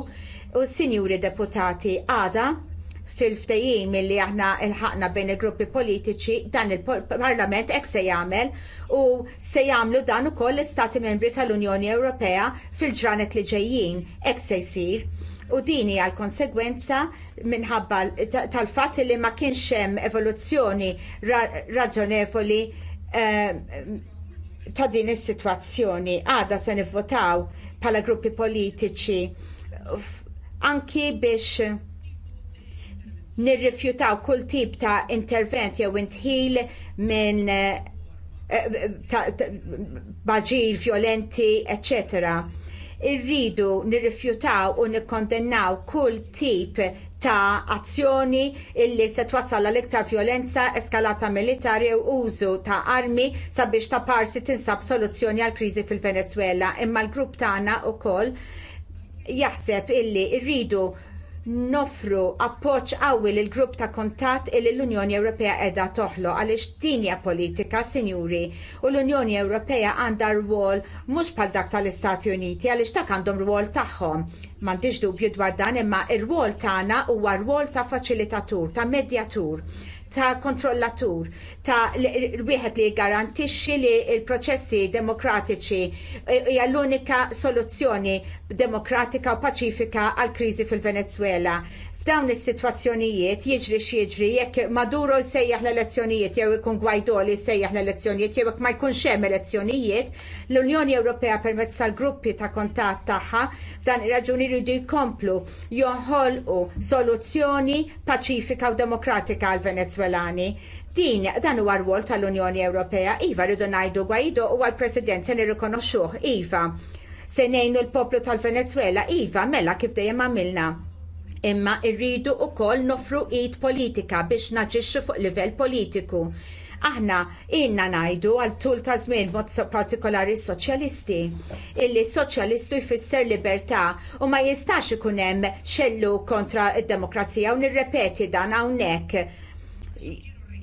u sinjuri deputati għada fil ftehim illi aħna ilħaqna bejn il-gruppi politiċi dan il-parlament ek se jagħmel u se jagħmlu dan ukoll l-istati membri tal-Unjoni Ewropea fil-ġranet li ġejjin ek se jsir u dini għal konsegwenza minħabba tal-fat li ma kienx hemm evoluzzjoni raġonevoli eh, ta' din is-sitwazzjoni. Għada se nivvotaw bħala gruppi politiċi anki biex nirrifjutaw kull tip ta' intervent jew intħil minn eh, baġir violenti, etc. Irridu nirrifjutaw u nikkondennaw kull tip ta' azzjoni illi se twassal għal iktar violenza, eskalata militari u użu ta' armi sabiex ta' parsi tinsab soluzzjoni għal kriżi fil venezwela Imma l-grupp tagħna wkoll jaħseb illi rridu nofru appoġġ qawwi lill grupp ta' kuntatt li l-Unjoni Ewropea qiegħda toħloq għaliex din hija politika, sinjuri, u l-Unjoni Ewropea għandha rwol mhux bħal dak tal-Istati Uniti għaliex dak għandhom rwol tagħhom. M'għandix dubju dwar dan imma r rwol tagħna huwa rwol ta' faċilitatur, ta' medjatur ta' kontrollatur ta' wieħed li jgarantixxi li l-proċessi demokratiċi e, hija l-unika soluzzjoni demokratika u paċifika għall kriżi fil-Venezwela. F'dawn is-sitwazzjonijiet jiġri x'jiġri jekk Maduro jsejjaħ l-elezzjonijiet jew ikun Gwajdoli jsejjaħ l-elezzjonijiet jew jekk ma jkunx hemm elezzjonijiet, l-Unjoni Ewropea permezz tal-gruppi ta' kontatt tagħha f'dan ir-raġuni jridu jkomplu joħolqu soluzzjoni paċifika u demokratika għall venezwelani Din dan huwa rwol tal-Unjoni Ewropea, iva rridu ngħidu Gwajdo huwa l-President se nirrikonoxxuh, iva. Se ngħinu l-poplu tal venezwela iva, mela kif dejjem għamilna imma rridu wkoll nofru id politika biex naġixxu fuq livell politiku. Aħna inna ngħidu għal tul ta' żmien mod partikolari soċjalisti illi soċjalistu jfisser libertà u ma jistax ikun hemm xellu kontra d demokrazija u nirrepeti dan hawnhekk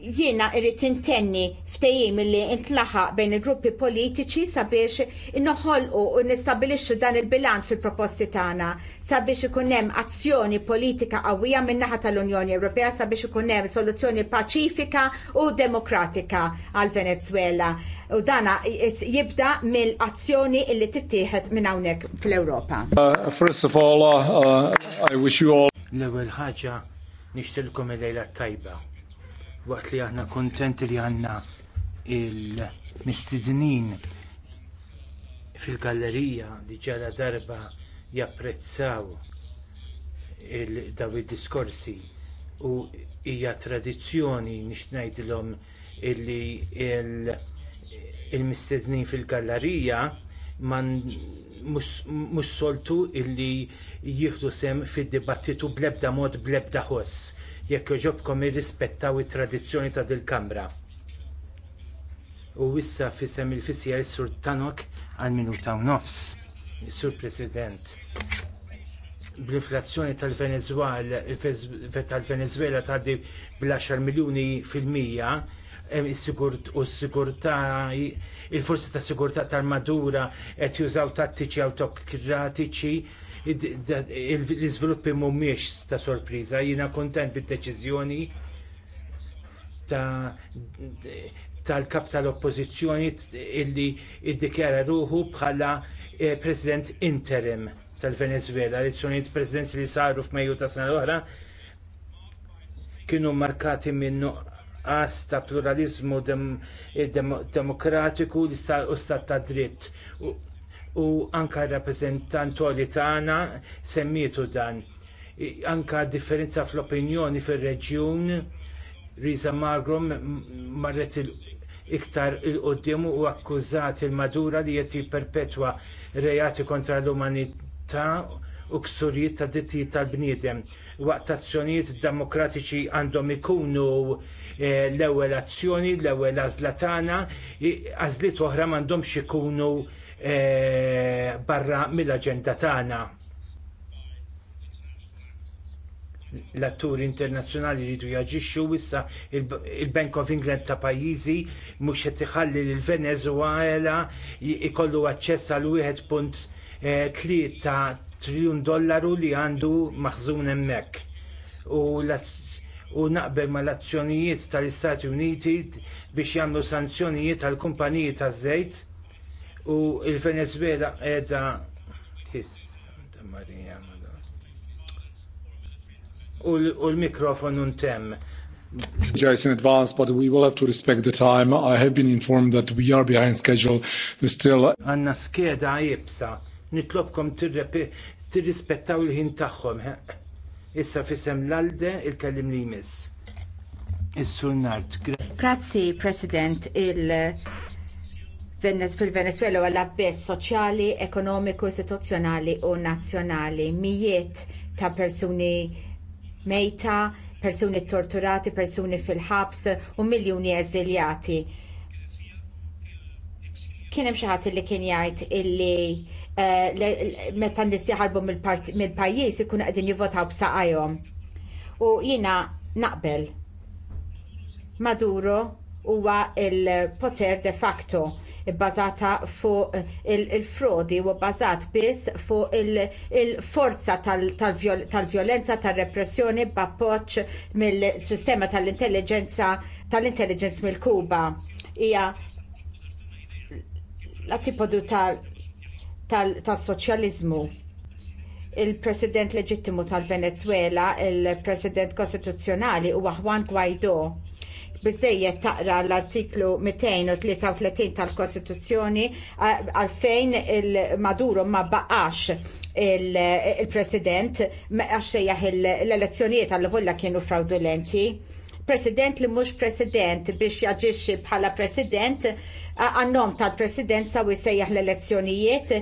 jiena irrid intenni ftejim li intlaħa bejn il-gruppi politiċi sabiex innoħolqu u nistabilixxu dan il-bilanċ fil-proposti tagħna sabiex ikun hemm azzjoni politika qawwija min-naħa tal-Unjoni Ewropea sabiex ikun hemm soluzzjoni paċifika u demokratika għal Venezwela. U dana jibda mill-azzjoni li tittieħed minn hawnhekk fl-Ewropa. Uh, first of all, uh, uh, I wish you all. L-ewwel ħaġa nixtilkom il-lejla tajba waqt li aħna kuntenti li għandna il-mistidnin fil-gallerija li ġala darba japprezzaw il id-diskorsi u hija tradizzjoni nix ngħidilhom illi il-mistednin fil-gallerija mhux soltu illi jieħdu sem fid-dibattitu bl-ebda mod bl-ebda ħoss jekk joġobkom irrispettaw it-tradizzjoni ta' dil-Kamra. U issa fisem il-fissjer sur Tanok għal minuta u nofs. Sur President, bl-inflazzjoni tal-Venezuela tal-Venezuela tgħaddi bl-10 miljuni fil-mija u sigurtà il-forzi ta' sigurtà tal-Madura qed jużaw tattiċi awtokratiċi l-iżviluppi mhumiex ta' Sorpriza. jiena kuntent bid-deċiżjoni tal-kap tal-oppożizzjoni illi id-dikjara ruħu bħala eh, president interim tal-Venezuela. Elezzjonijiet presidenti li saru f'Mejju ta' sena l-oħra kienu markati minnu nuqqas ta' pluralizmu eh, demokratiku u stat ta' dritt u anke r-rappreżentant tagħna semmietu dan. Anke differenza fl-opinjoni fir-reġjun Riza Margrom marret iktar il-qoddim u akkużat il-Madura li qed jipperpetwa reati kontra l-umanità u ksurijiet ta' dittijiet tal-bniedem. Waqt azzjonijiet demokratiċi għandhom ikunu e, l-ewwel azzjoni, l-ewwel għażla tagħna, għażliet oħra m'għandhomx ikunu E, barra mill-aġenda tagħna. l-atturi internazzjonali jridu jaġixxu issa il-Bank of England ta' pajjiżi mhux qed iħalli lill Venezuela ikollu aċċess għal 1.3 e, triljun dollaru li għandu maħżun hemmhekk. U naqbel mal azzjonijiet tal-Istati Uniti biex jagħmlu sanzjonijiet għall kumpaniji taż-żejt u il-Venezuela edha u l-mikrofon untem. Apologize in advance, but we will have to respect the time. I have been informed that we are behind schedule. We're still. Għanna skeda jibsa. Nitlobkom tirrispettaw il-ħin tagħhom. Issa fisem l-alde il-kellim li jmiss. Is-sulnart. Grazzi, President. Il- fil-Venezuela għal abbess soċjali, ekonomiku, istituzzjonali u nazzjonali. Mijiet ta' persuni mejta, persuni torturati, persuni fil-ħabs u miljuni eżiljati. Kien hemm xi ħadd li kien jgħid illi eh, meta nies jaħarbu mill-pajjiż ikunu qegħdin jivvotaw b'saqajhom. U jiena naqbel. Maduro huwa l poter de facto bbażata fuq eh, il-frodi u bbażat biss fuq il-forza tal-vjolenza tar-repressjoni b'appoġġ mill-sistema tal-intelligenza tal-intelligence mill-Kuba. Hija l-antipodu tal-soċjaliżmu il-President leġittimu tal venezwela il-President kostituzzjonali huwa Juan Guaidó biżejjed taqra l-artiklu 233 tal-Kostituzzjoni għalfejn il-Maduro ma baqax il-President għaxtejjaħ l-elezzjonijiet għall-volla kienu fraudulenti. President li mhux President biex jaġixxi bħala President għannom tal-President sa' wisejjaħ l-elezzjonijiet,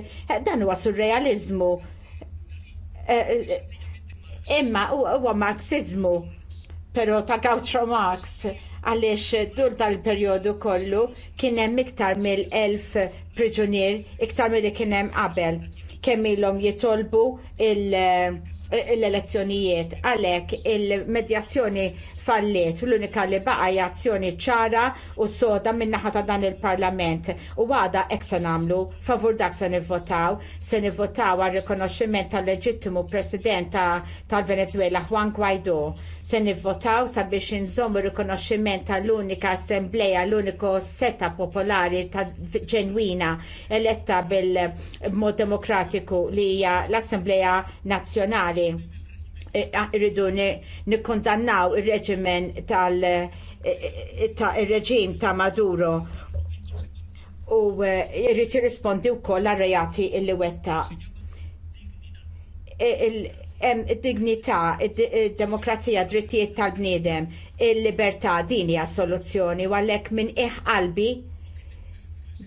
dan huwa surrealizmu. E, e, e, imma huwa Marxizmu, pero ta' Gaucho Marx għaliex dur tal perjodu kollu kien hemm iktar mill 1000 priġunier iktar milli kien hemm qabel kemm ilhom jitolbu eh, l-elezzjonijiet għalhekk il-medjazzjoni falliet u l-unika li baqa' hija azzjoni ċara u soda min-naħa ta' dan il-Parlament. U għada hekk se nagħmlu favur dak se nivvotaw, se nivvotaw għar rikonoxximent tal-leġittimu President tal-Venezuela Juan Guaido. Se nivvotaw sabiex inżommu rikonoxximent tal-unika assembleja, l-uniku seta popolari ta' ġenwina eletta bil-mod demokratiku li hija l-Assembleja Nazzjonali Eh, irridu nikkondannaw ir-reġimen tal eh, eh, reġim ta' Maduro u irrid jirrispondi wkoll għar-rejati li wetta. Hemm e, id-dignità, id-demokrazija, drittijiet tal-bniedem, il-libertà din hija soluzzjoni u għalhekk minn eħ qalbi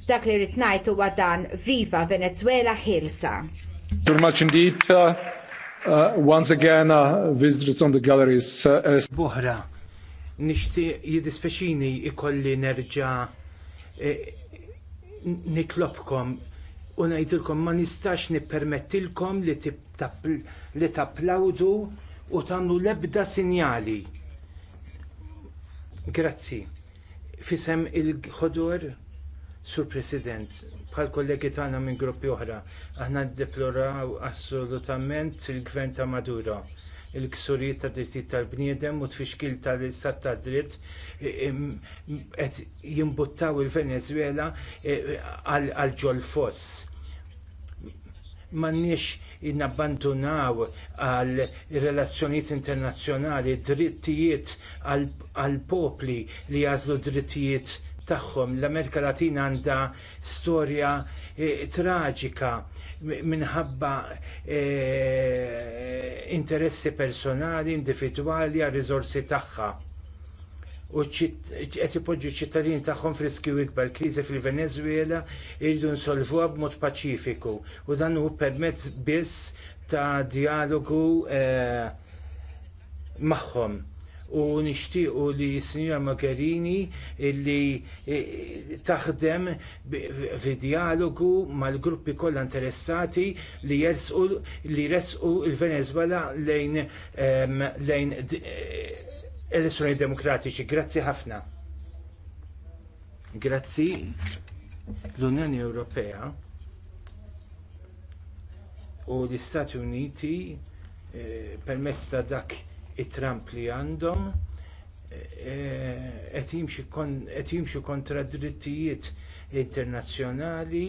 dak li rrid ngħid huwa dan viva Venezuela ħilsa. Uh, once again, uh, visitors on the galleries is... Uh, nishti jidispeċini ikolli nerġa niklopkom e, niklobkom u ngħidilkom ma nistax nippermettilkom li tapplawdu u tagħmlu l-ebda sinjali. Grazzi. Fisem il-ħodur, Sur President, bħal kollegi tagħna minn gruppi oħra. Aħna ddeploraw assolutament il-gvern ta' Maduro il-ksurijiet ta' drittijiet tal-bniedem u tfixkil tal-istat ta' dritt e, e, qed jimbuttaw il-Venezuela e, għal ġol foss. M'għandniex inabbandunaw għal relazzjonijiet internazzjonali drittijiet għall popli li jażlu drittijiet tagħhom. L-Amerika Latina għandha storja eh, traġika minħabba eh, interessi personali, individwali għar riżorsi tagħha u qed ipoġġu ċittadin tagħhom friskju ikbar kriżi fil-Venezuela jridu nsolvuha b'mod paċifiku u dan hu permezz biss ta' dialogu eh, magħhom u nixtiequ li s-Sinjora Mogherini li e, taħdem fi dialogu mal-gruppi kollha interessati li jersqu li resqu il-Venezuela lejn lejn e, elezzjoni demokratiċi. Grazzi ħafna. Grazzi l-Unjoni Ewropea u l-Istati Uniti e, permezz ta' dak it tramp li għandhom qed jimxu kontra d drittijiet internazzjonali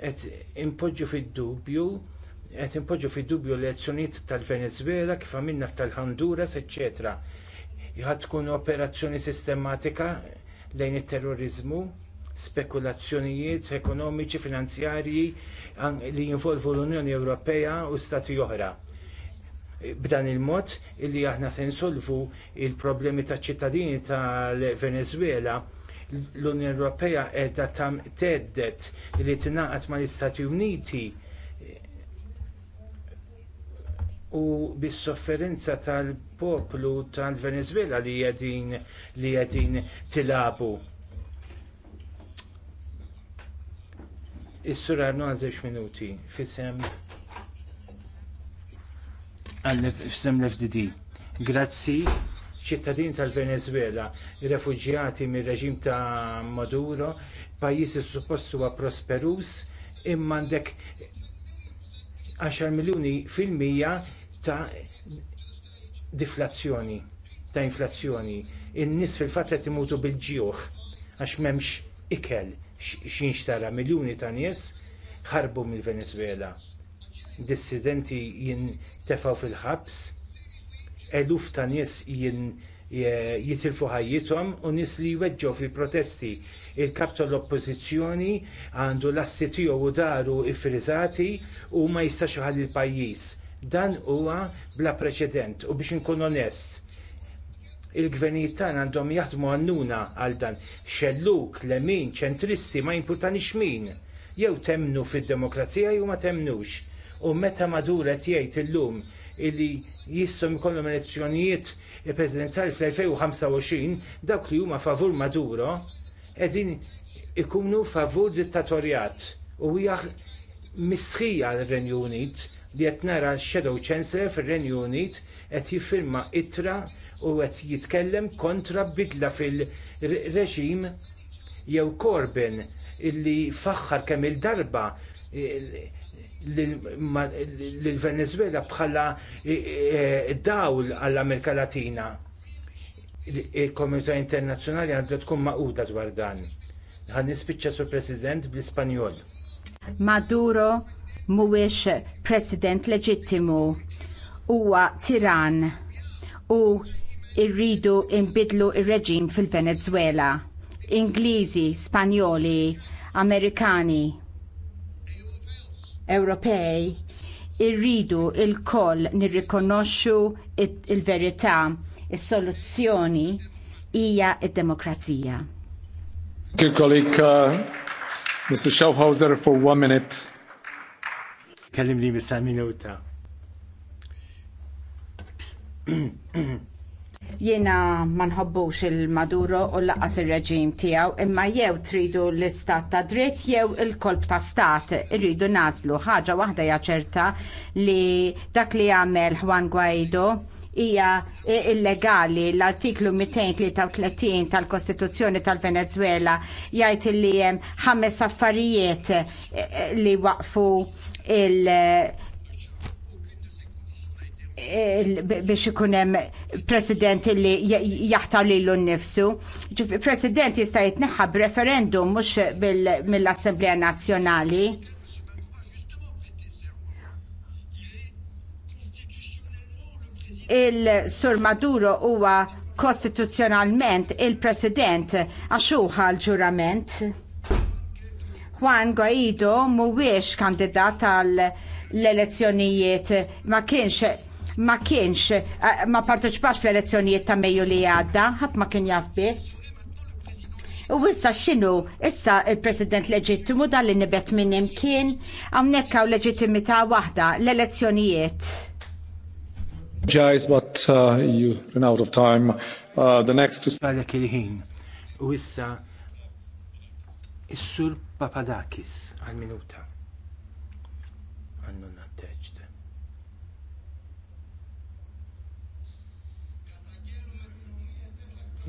qed impoġġu fid-dubju qed impoġġu fid-dubju l-elezzjonijiet tal-Venezwela kif għamilna tal-Honduras, eċċetera. Ħadd tkun operazzjoni sistematika lejn it-terrorizmu, spekulazzjonijiet ekonomiċi, finanzjarji li jinvolvu l-Unjoni Ewropea u stati oħra b'dan il-mod illi aħna se nsolvu l problemi taċ ċittadini tal-Venezuela l-Unjoni Ewropea qiegħda tam teddet li tingħaqad mal-Istati Uniti u bis-sofferenza tal-poplu tal-Venezuela li qegħdin li qegħdin tilabu. Is-sura 10 minuti fisem għal-fsem l-FDD. Grazzi ċittadin tal-Venezuela, refugjati mir reġim ta' Maduro, pajjiżi suppost huwa prosperus, imma għandek 10 miljuni fil-mija ta' deflazzjoni, ta' inflazzjoni. In-nies fil-fatt qed imutu bil-ġieħ għax m'hemmx ikel x'inxtara miljuni ta' nies ħarbu mill-Venezuela dissidenti jintefgħu fil-ħabs, eluf ta' nies jitilfu ħajjithom u nies li jweġġgħu fil-protesti. Il-kap tal-oppożizzjoni għandu l-assi tiegħu u daru ifriżati u ma jistax iħalli l-pajjiż. Dan huwa bla preċedent u biex inkun onest il-gvernijiet tagħna għandhom jaħdmu għannuna għal dan. Xelluk, lemin, ċentristi, ma jimpurtanix min. Jew temnu fid-demokrazija jew ma temnux. U meta Madura jgħid illum illi jissom jkollhom elezzjonijiet presidenzjali fl-2025 dawk li huma favur Maduro qegħdin ikunu favur dittatorjat u hija mistħija l-Renju Unit li qed nara Shadow Chancellor fir-Renju Unit qed jiffirma ittra u qed jitkellem kontra bidla fil-reġim jew Corbyn illi faħħar kemm il-darba l-Venezuela bħala eh, eh, dawl għall-Amerika Latina. Il-komunità internazzjonali għandha tkun maquda dwar dan. Għan nispiċċa sur President bl-Ispanjol. Maduro mhuwiex President leġittimu. Huwa tiran u irridu imbidlu ir-reġim fil-Venezuela. Ingliżi, Spanjoli, Amerikani, Ewropej irridu il-koll nirrikonoxxu il-verità, is-soluzzjoni hija d-demokrazija. Uh, Mr. Schaufhauser for one minute. Kellimni bisa minuta. Jiena ma nħobbux il-Maduro u laqas ir-reġim tiegħu, imma jew tridu l-istat ta' dritt jew il-kolb ta' stat irridu nazlu. ħaġa waħda jaċerta li dak li għamel Juan Guaido hija illegali l-artiklu 233 tal-Kostituzzjoni tal-Venezuela jgħid li hemm ħames affarijiet li waqfu il- biex ikunem president li jaħtar li l-nifsu. President jista' jitneħħa referendum mhux mill-Assemblea Nazzjonali. Il-Sur Maduro huwa kostituzzjonalment il-president għaxuħa l-ġurament. Juan Guaido mhuwiex kandidat għall elezzjonijiet ma kienx ma kienx eh, ma parteċipax fl-elezzjonijiet ta' Mejju li għadda, ħadd ma kien jaf biex. U issa x'inhu issa il-President leġittimu dal li nibet minn imkien hawnhekk hawn leġittimità waħda l-elezzjonijiet. Jais, but uh, you ran out of time. Uh, the next is Għalek il U issa issur sur Papadakis għal-minuta.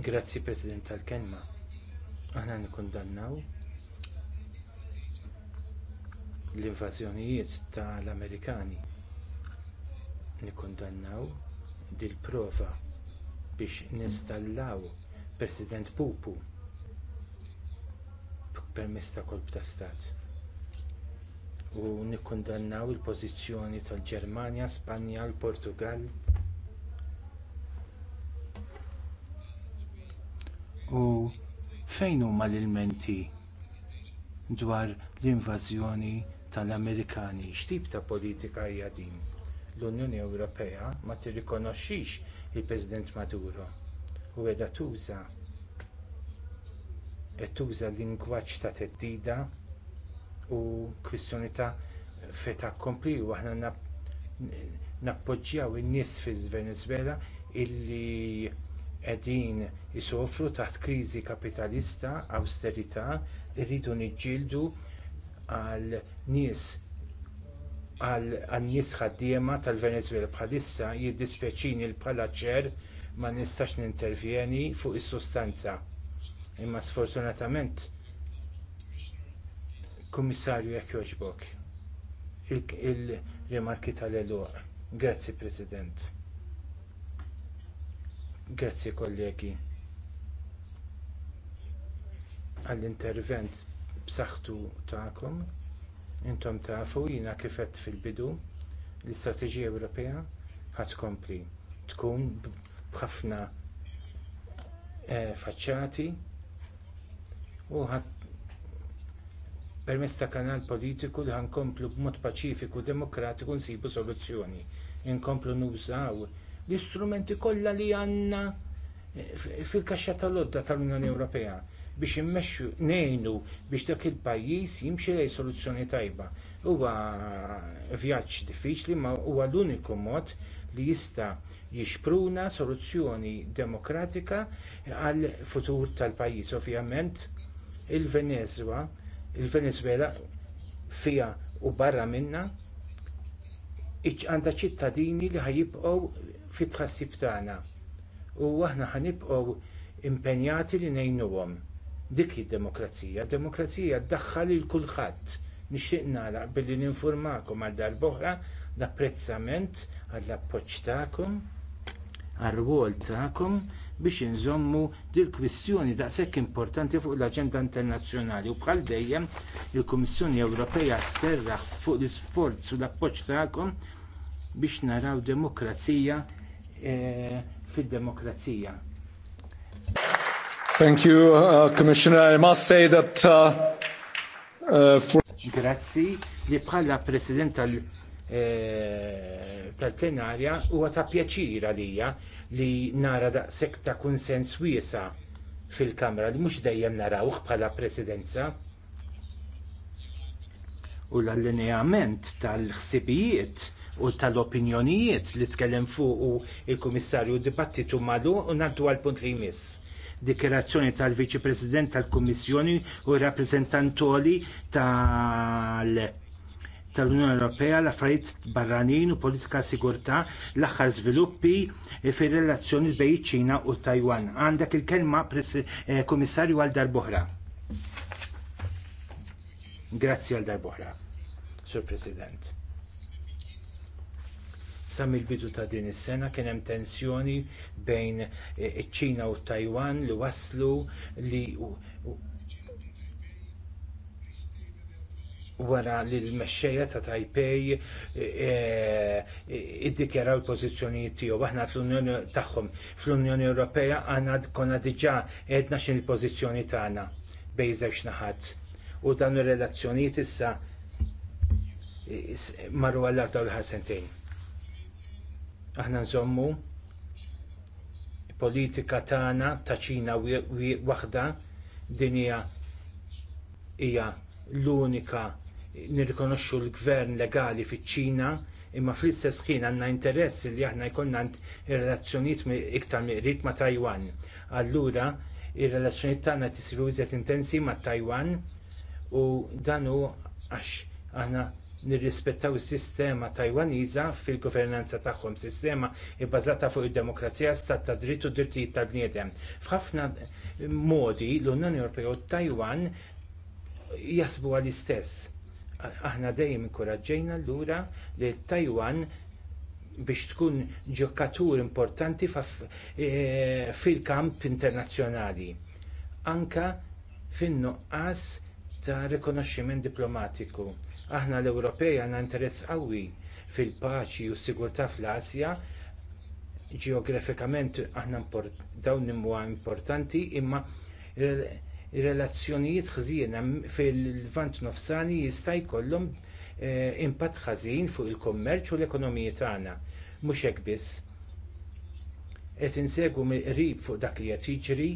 Grazzi President tal-kelma. Aħna nikkundannaw l-invażjonijiet tal-Amerikani. Nikkundannaw dil prova biex ninstallaw President Pupu permess ta' kolb ta' stat. U nikkundannaw il-pożizzjoni tal-Ġermanja, Spanja, l-Portugal, U fejn huma l-ilmenti dwar l-invażjoni tal-Amerikani? X'tip ta' politika hija din? L-Unjoni Ewropea ma tirrikonoxxix il-President Maduro u qiegħda tuża qed tuża lingwaġġ ta' theddida u kwistjoni ta' feta kompli u aħna nappoġġjaw in-nies fiż Venezwela illi qegħdin isofru taħt kriżi kapitalista awsterita li rridu niġġieldu għal nies għan-nies ħaddiema tal-Venezwela bħalissa jiddispjaċini li bħala ċer ma nistax nintervjeni fuq is-sustanza. Imma sfortunatament Kummissarju jekk jogħġbok il-rimarki tal-eluq. Grazzi President. Grazzi kollegi għall-intervent b'saħħtu tagħkom. Intom tafu jiena kif għedt fil-bidu l-Istrateġija Ewropea ħadd tkompli tkun b'ħafna eh, faċċati u permezz ta' kanal politiku li ħankomplu b'mod paċifiku u demokratiku nsibu soluzzjoni. Inkomplu nużaw l-istrumenti kollha li għandna eh, fil-kaxxa tal-odda tal-Unjoni Ewropea biex immexxu ngħinu biex dak il-pajjiż jimxi lejn soluzzjoni tajba. Huwa vjaġġ diffiċli ma huwa l-uniku mod li jista' jixpruna soluzzjoni demokratika għall futur tal-pajjiż. Ovvjament il-Venezwa, il-Venezuela fiha u barra minnha għandha ċittadini li ħajibqgħu Fi tħassib tagħna. U aħna ħanibqgħu impenjati li ngħinuhom. Dik id-demokrazija, demokrazija ddaħħal lil kulħadd. Nixtieq nagħlaq billi ninfurmakom għal darb'oħra l-apprezzament għall appoġġ tagħkom għar-rwol tagħkom biex inżommu dil kwistjoni daqshekk importanti fuq l-aġenda internazzjonali u bħal dejjem il-Kummissjoni Ewropea serraħ fuq l-isforz u l-appoġġ tagħkom biex naraw demokrazija Eh, fid-demokrazija. Thank you, uh, Commissioner. I must say that uh, uh, Grazzi li bħala President tal- eh, plenarja huwa ta' pjaċir għalija li nara daqshekk ta' kunsens wiesa fil-Kamra li mhux dejjem narawh bħala presidenza. U l-allineament tal-ħsibijiet u tal-opinjonijiet li tkellem fuq il-Kummissarju dibattitu madu u naddu għal punt li jmiss. Dikjerazzjoni tal-Viċi President tal-Kummissjoni u rappreżentantoli tal- tal-Unjoni Ewropea l-affarijiet barranin u politika sigurtà l-aħħar żviluppi fir-relazzjoni bejn iċ-Ċina u Taiwan. Għandek il-kelma eh, Kummissarju għal darb'oħra. Grazzi għal darb'oħra, Sur President. Sa mill-bidu ta' din is-sena kien hemm tensjoni bejn iċ-Ċina eh, u Taiwan li waslu li wara li l-mexxejja ta' Taipei eh, eh, iddikjaraw il-pożizzjonijiet tiegħu aħna fl-Unjoni tagħhom fl-Unjoni Ewropea għandna konna diġà qedna x'in il-pożizzjoni tagħna bejn żewġ naħat. U dan ir-relazzjonijiet issa marru għall-ardaw l sentejn aħna nżommu politika tagħna ta' Ċina waħda din hija l-unika nirrikonoxxu l-gvern legali fiċ-Ċina imma fl-istess ħin għandna interess li aħna jkollna relazzjonijiet iktar miqrib ma' Taiwan. Allura ir-relazzjonijiet tagħna tisiru iżjed intensi ma' Taiwan u dan hu għax aħna nirrispettaw is-sistema Tajwaniża fil-governanza tagħhom, sistema bbażata fuq id-demokrazija, stat ta' dritt u drittijiet tal-bniedem. F'ħafna modi l-Unjoni Ewropea u Taiwan jasbu għall-istess. Aħna dejjem inkoraġġejna lura li Taiwan biex tkun ġokatur importanti e, fil-kamp internazzjonali. Anke fin-nuqqas ta' rikonoxximent diplomatiku. Aħna l-Ewropej għandna interess qawwi fil-paċi u s-sigurtà fl-Asja ġeografikament aħna dawn huwa importanti imma relazzjonijiet ħżiena fil-vant nofsani jista' jkollhom e, impatt ħażin fuq il kummerċ u l-ekonomija tagħna. Mhux hekk biss. Qed insegwu fuq dak li qed jiġri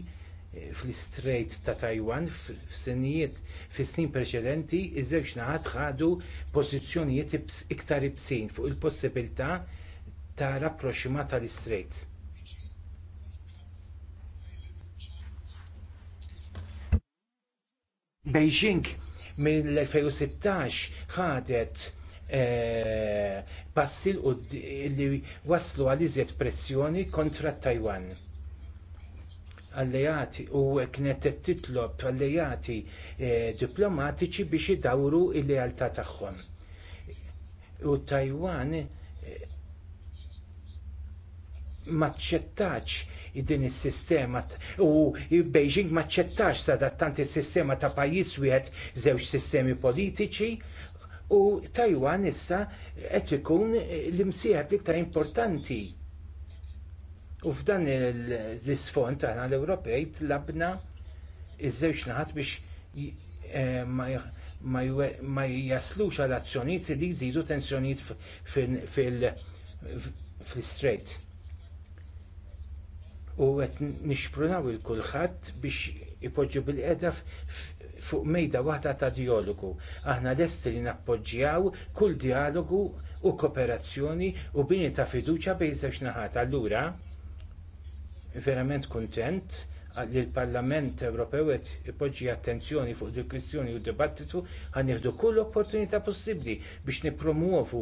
fl-Strait ta' Taiwan f'sinijiet fis-snin preċedenti iż-żewġ naħat ħadu pożizzjonijiet iktar ibsin fuq il-possibilità ta' rapproxima tal-Istrait. Beijing mill-2016 ħadet eh, passil u li waslu għal iżjed pressjoni kontra Taiwan alleati u kienet titlob alleati eh, diplomatiċi biex idawru l lealtà tagħhom. U Taiwan eh, maċċettax din is-sistema u Beijing maċċettax sadattant is-sistema ta' pajjiż wieħed żewġ sistemi politiċi u Taiwan issa qed ikun l-imsieħeb l-iktar importanti U f'dan l-isfond tagħna l-Ewropej tlabna iż-żewġ naħat biex eh, ma jaslux għal azzjonijiet li jżidu tensjonijiet fil-strejt. U qed nixprunaw il kulħadd biex ipoġġu bil-qeda fuq mejda waħda ta' dijalogu. Aħna lesti li nappoġġjaw kull dialogu u kooperazzjoni u bini ta' fiduċja bejn żewġ naħat. Allura, verament kuntent li l-Parlament Ewropew qed ipoġġi attenzjoni fuq il kwistjoni u d dibattitu nieħdu kull opportunità possibbli biex nippromuovu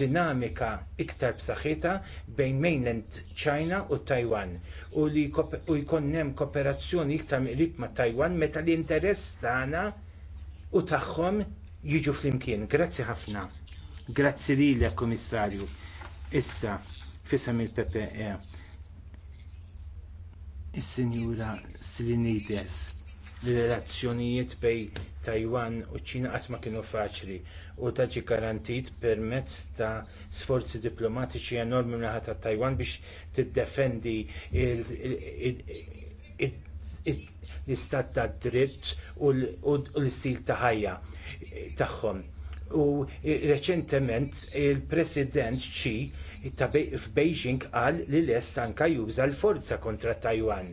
dinamika iktar b'saħħitha bejn mainland China u Taiwan u li jkun hemm kooperazzjoni iktar miqrib ma' Taiwan meta l-interess tagħna u tagħhom jiġu flimkien. Grazzi ħafna. Grazzi lilek, Kummissarju. Issa, fisem il-PPE is-Sinjura Slinides l-relazzjonijiet bejn Taiwan u ċ-Ċina qatt ma kienu faċli u ta' ġie garantit permezz ta' sforzi diplomatiċi enormi naħa ta' Taiwan biex tiddefendi l-istat tad dritt u l-istil ta' ħajja tagħhom. U reċentement il-President Xi f'Beijing qal li lest anka juża l-forza kontra Taiwan.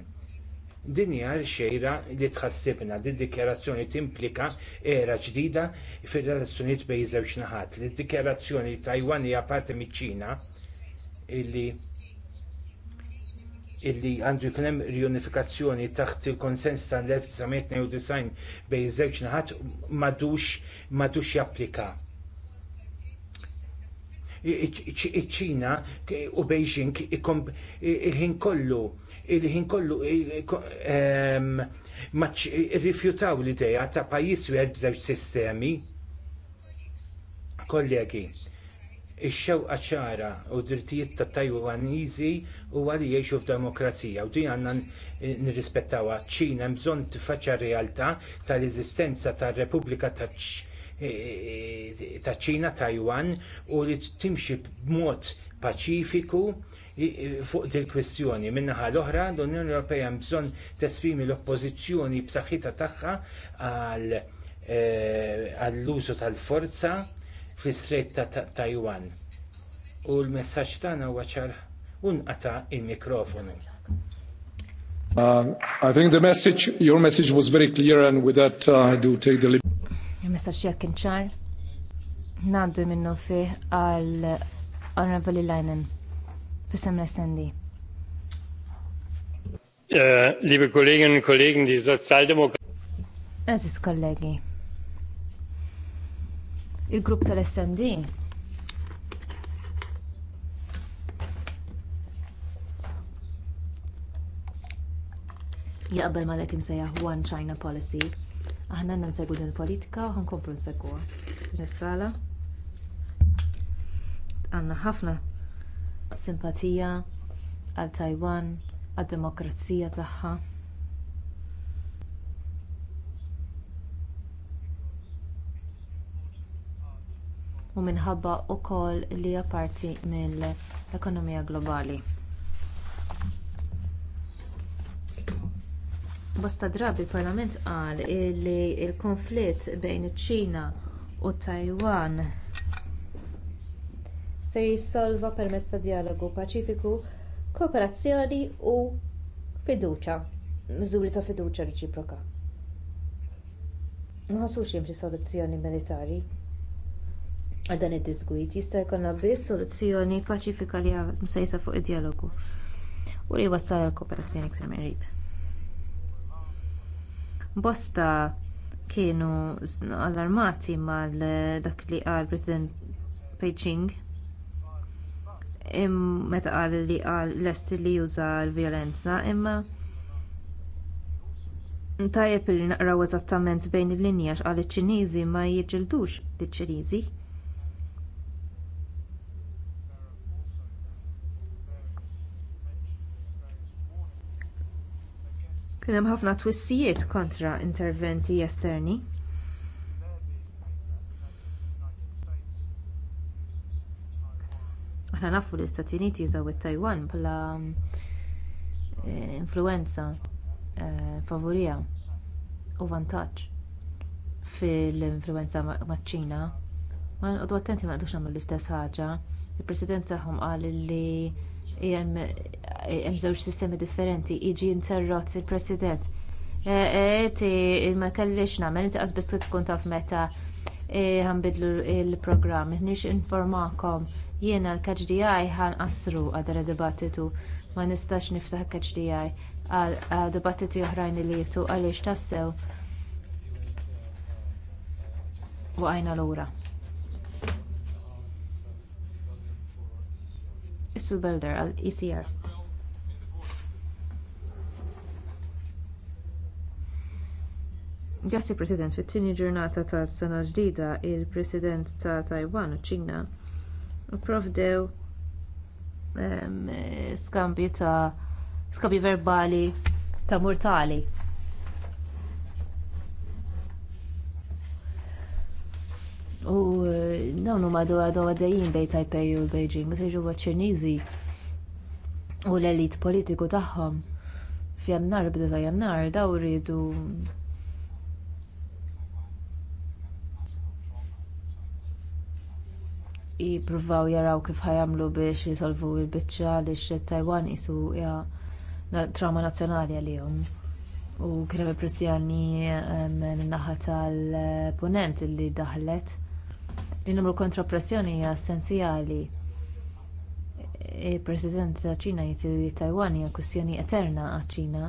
Din hija xejra li tħassibna d dikjarazzjoni timplika era ġdida fir-relazzjonijiet bejn żewġ naħat. Li dikjarazzjoni Taiwan hija parti miċ-Ċina illi illi għandu jkun hemm riunifikazzjoni taħt il-konsens tal-1992 bejn żewġ naħat m'għadux m'għadux japplika iċ-Ċina u Beijing il-ħin kollu il-ħin kollu rifjutaw l-idea ta' pajjiż wieħed b'żewġ sistemi. Kollegi, ix-xewqa ċara u drittijiet ta' Taiwaniżi huwa li jgħixu f'demokrazija u din għandna nirrispettawha. ċina bżonn tifaċċa r-realtà tal-eżistenza tar-Repubblika taċ Eh, ta' ċina Taiwan u li timxi b'mod paċifiku fuq dil kwistjoni Min-naħa l-oħra l-Unjoni Ewropea bżonn tesfimi l-oppożizzjoni b'saħħitha tagħha eh, għall-użu tal-forza fl-istret ta' Taiwan. U l-messaġġ tagħna huwa ċar unqata' il-mikrofonu. Um, I think the message, your message was very clear and with that uh, I do take the liberty. Il-messaġġ jekk inċar ngħaddu minnu fih għal Honorable Leinen fis-sem l-SND. Äh, liebe Kolleginnen und Kollegen, die Sozialdemokraten. Es ist kollegi, il Gruppe tal-SND jaqbel ma l-ekim sejjaħ One China Policy aħna għandna nsegwu din il-politika u ħankomplu nsegwuha din is-sala għandna ħafna simpatija għal taiwan għad-demokrazija tagħha u minħabba wkoll li hija parti mill-ekonomija globali bosta drabi il-parlament qal li l-konflitt bejn iċ-ċina u taiwan se jissolva permezz ta' dijalogu paċifiku kooperazzjoni u fiduċja miżuri ta' fiduċja reċiproka nħossux hemm xi soluzzjoni militari għal dan id-diskwit jista' jkollna biss soluzzjoni paċifika li msejsa fuq id-dijalogu u li jwassal għal kooperazzjoni iktar miqrib bosta kienu allarmati mal dak li qal president beijing meta qal li qal lest li juża l-vjolenza imma tajjeb li naqraw eżattament bejn il-linji għax iċ-ċiniżi ma jiġġieldux liċ-ċiniżi kien hemm ħafna twissijiet kontra interventi esterni aħna nafu li l-istati uniti jużaw it-taiwan bħala eh, influwenza eh, favorija u vantaġġ fil-influwenza maċ-ċina ma nqogħdu attenti ma nqogħdux nagħmlu l-istess ħaġa il-president tagħhom qal li hemm żewġ sistemi differenti jiġi interrott il-President. Eti, e, ma kellix nagħmel, inti qasbis tkun taf meta e, ħanbidlu l programm Nix informakom, jiena l-KHDI ħanqasru għadra dibattitu ma nistax niftaħ KHDI għal dibattitu oħrajn li jiftu għaliex tassew l lura. Is-Sur Belder għal ECR. Grazzi President, fit-tieni ġurnata tas sena l ġdida, il-President ta' Taiwan u Ċina provdew ehm, skambju verbali ta' mur tali U eh, dawn huma għadhom għaddejjin bejn Taipei u Beijing, meta jiġu ċ u l-elit politiku tagħhom f'jannar bda jannar daw rridu jippruvaw jaraw kif ħajamlu biex jisolvu l-biċċa għaliex taiwan isu hija trauma nazzjonali għalihom u kien hemm pressjoni eh, min-naħa tal ponent li daħlet li numru kontra pressjoni hija essenzjali il-president ta' ċina jgħid li taiwan hija kwistjoni eterna għaċ-ċina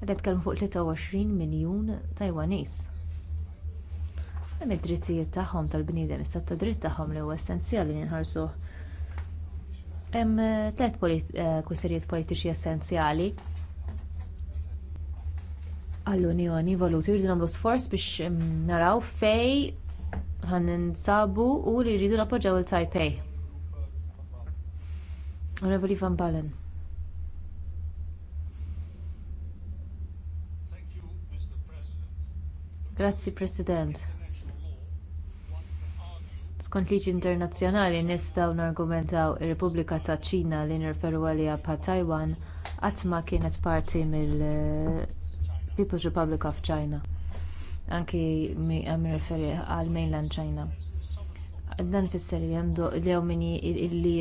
qed jitkellmu fuq 23 miljun tajwaniż hemm id-drittijiet tagħhom tal-bniedem is-sat ta' dritt tagħhom li huwa essenzjali li nħarsuh hemm tliet eh, kwistjonijiet politiċi essenzjali għall-unjoni voluti jridu nagħmlu sforz biex mm, naraw fejn ħaninsabu u li jridu nappoġġjaw il taipei Onorevoli Van Balen. Grazzi President. Skont liġi internazzjonali nistgħu nargumentaw ir-Repubblika ta' Ċina li nirferu għalija pa' Taiwan għatma kienet parti mill People's Republic of China anki għam referi għal mainland China. Dan ifisser li għandu li għomini illi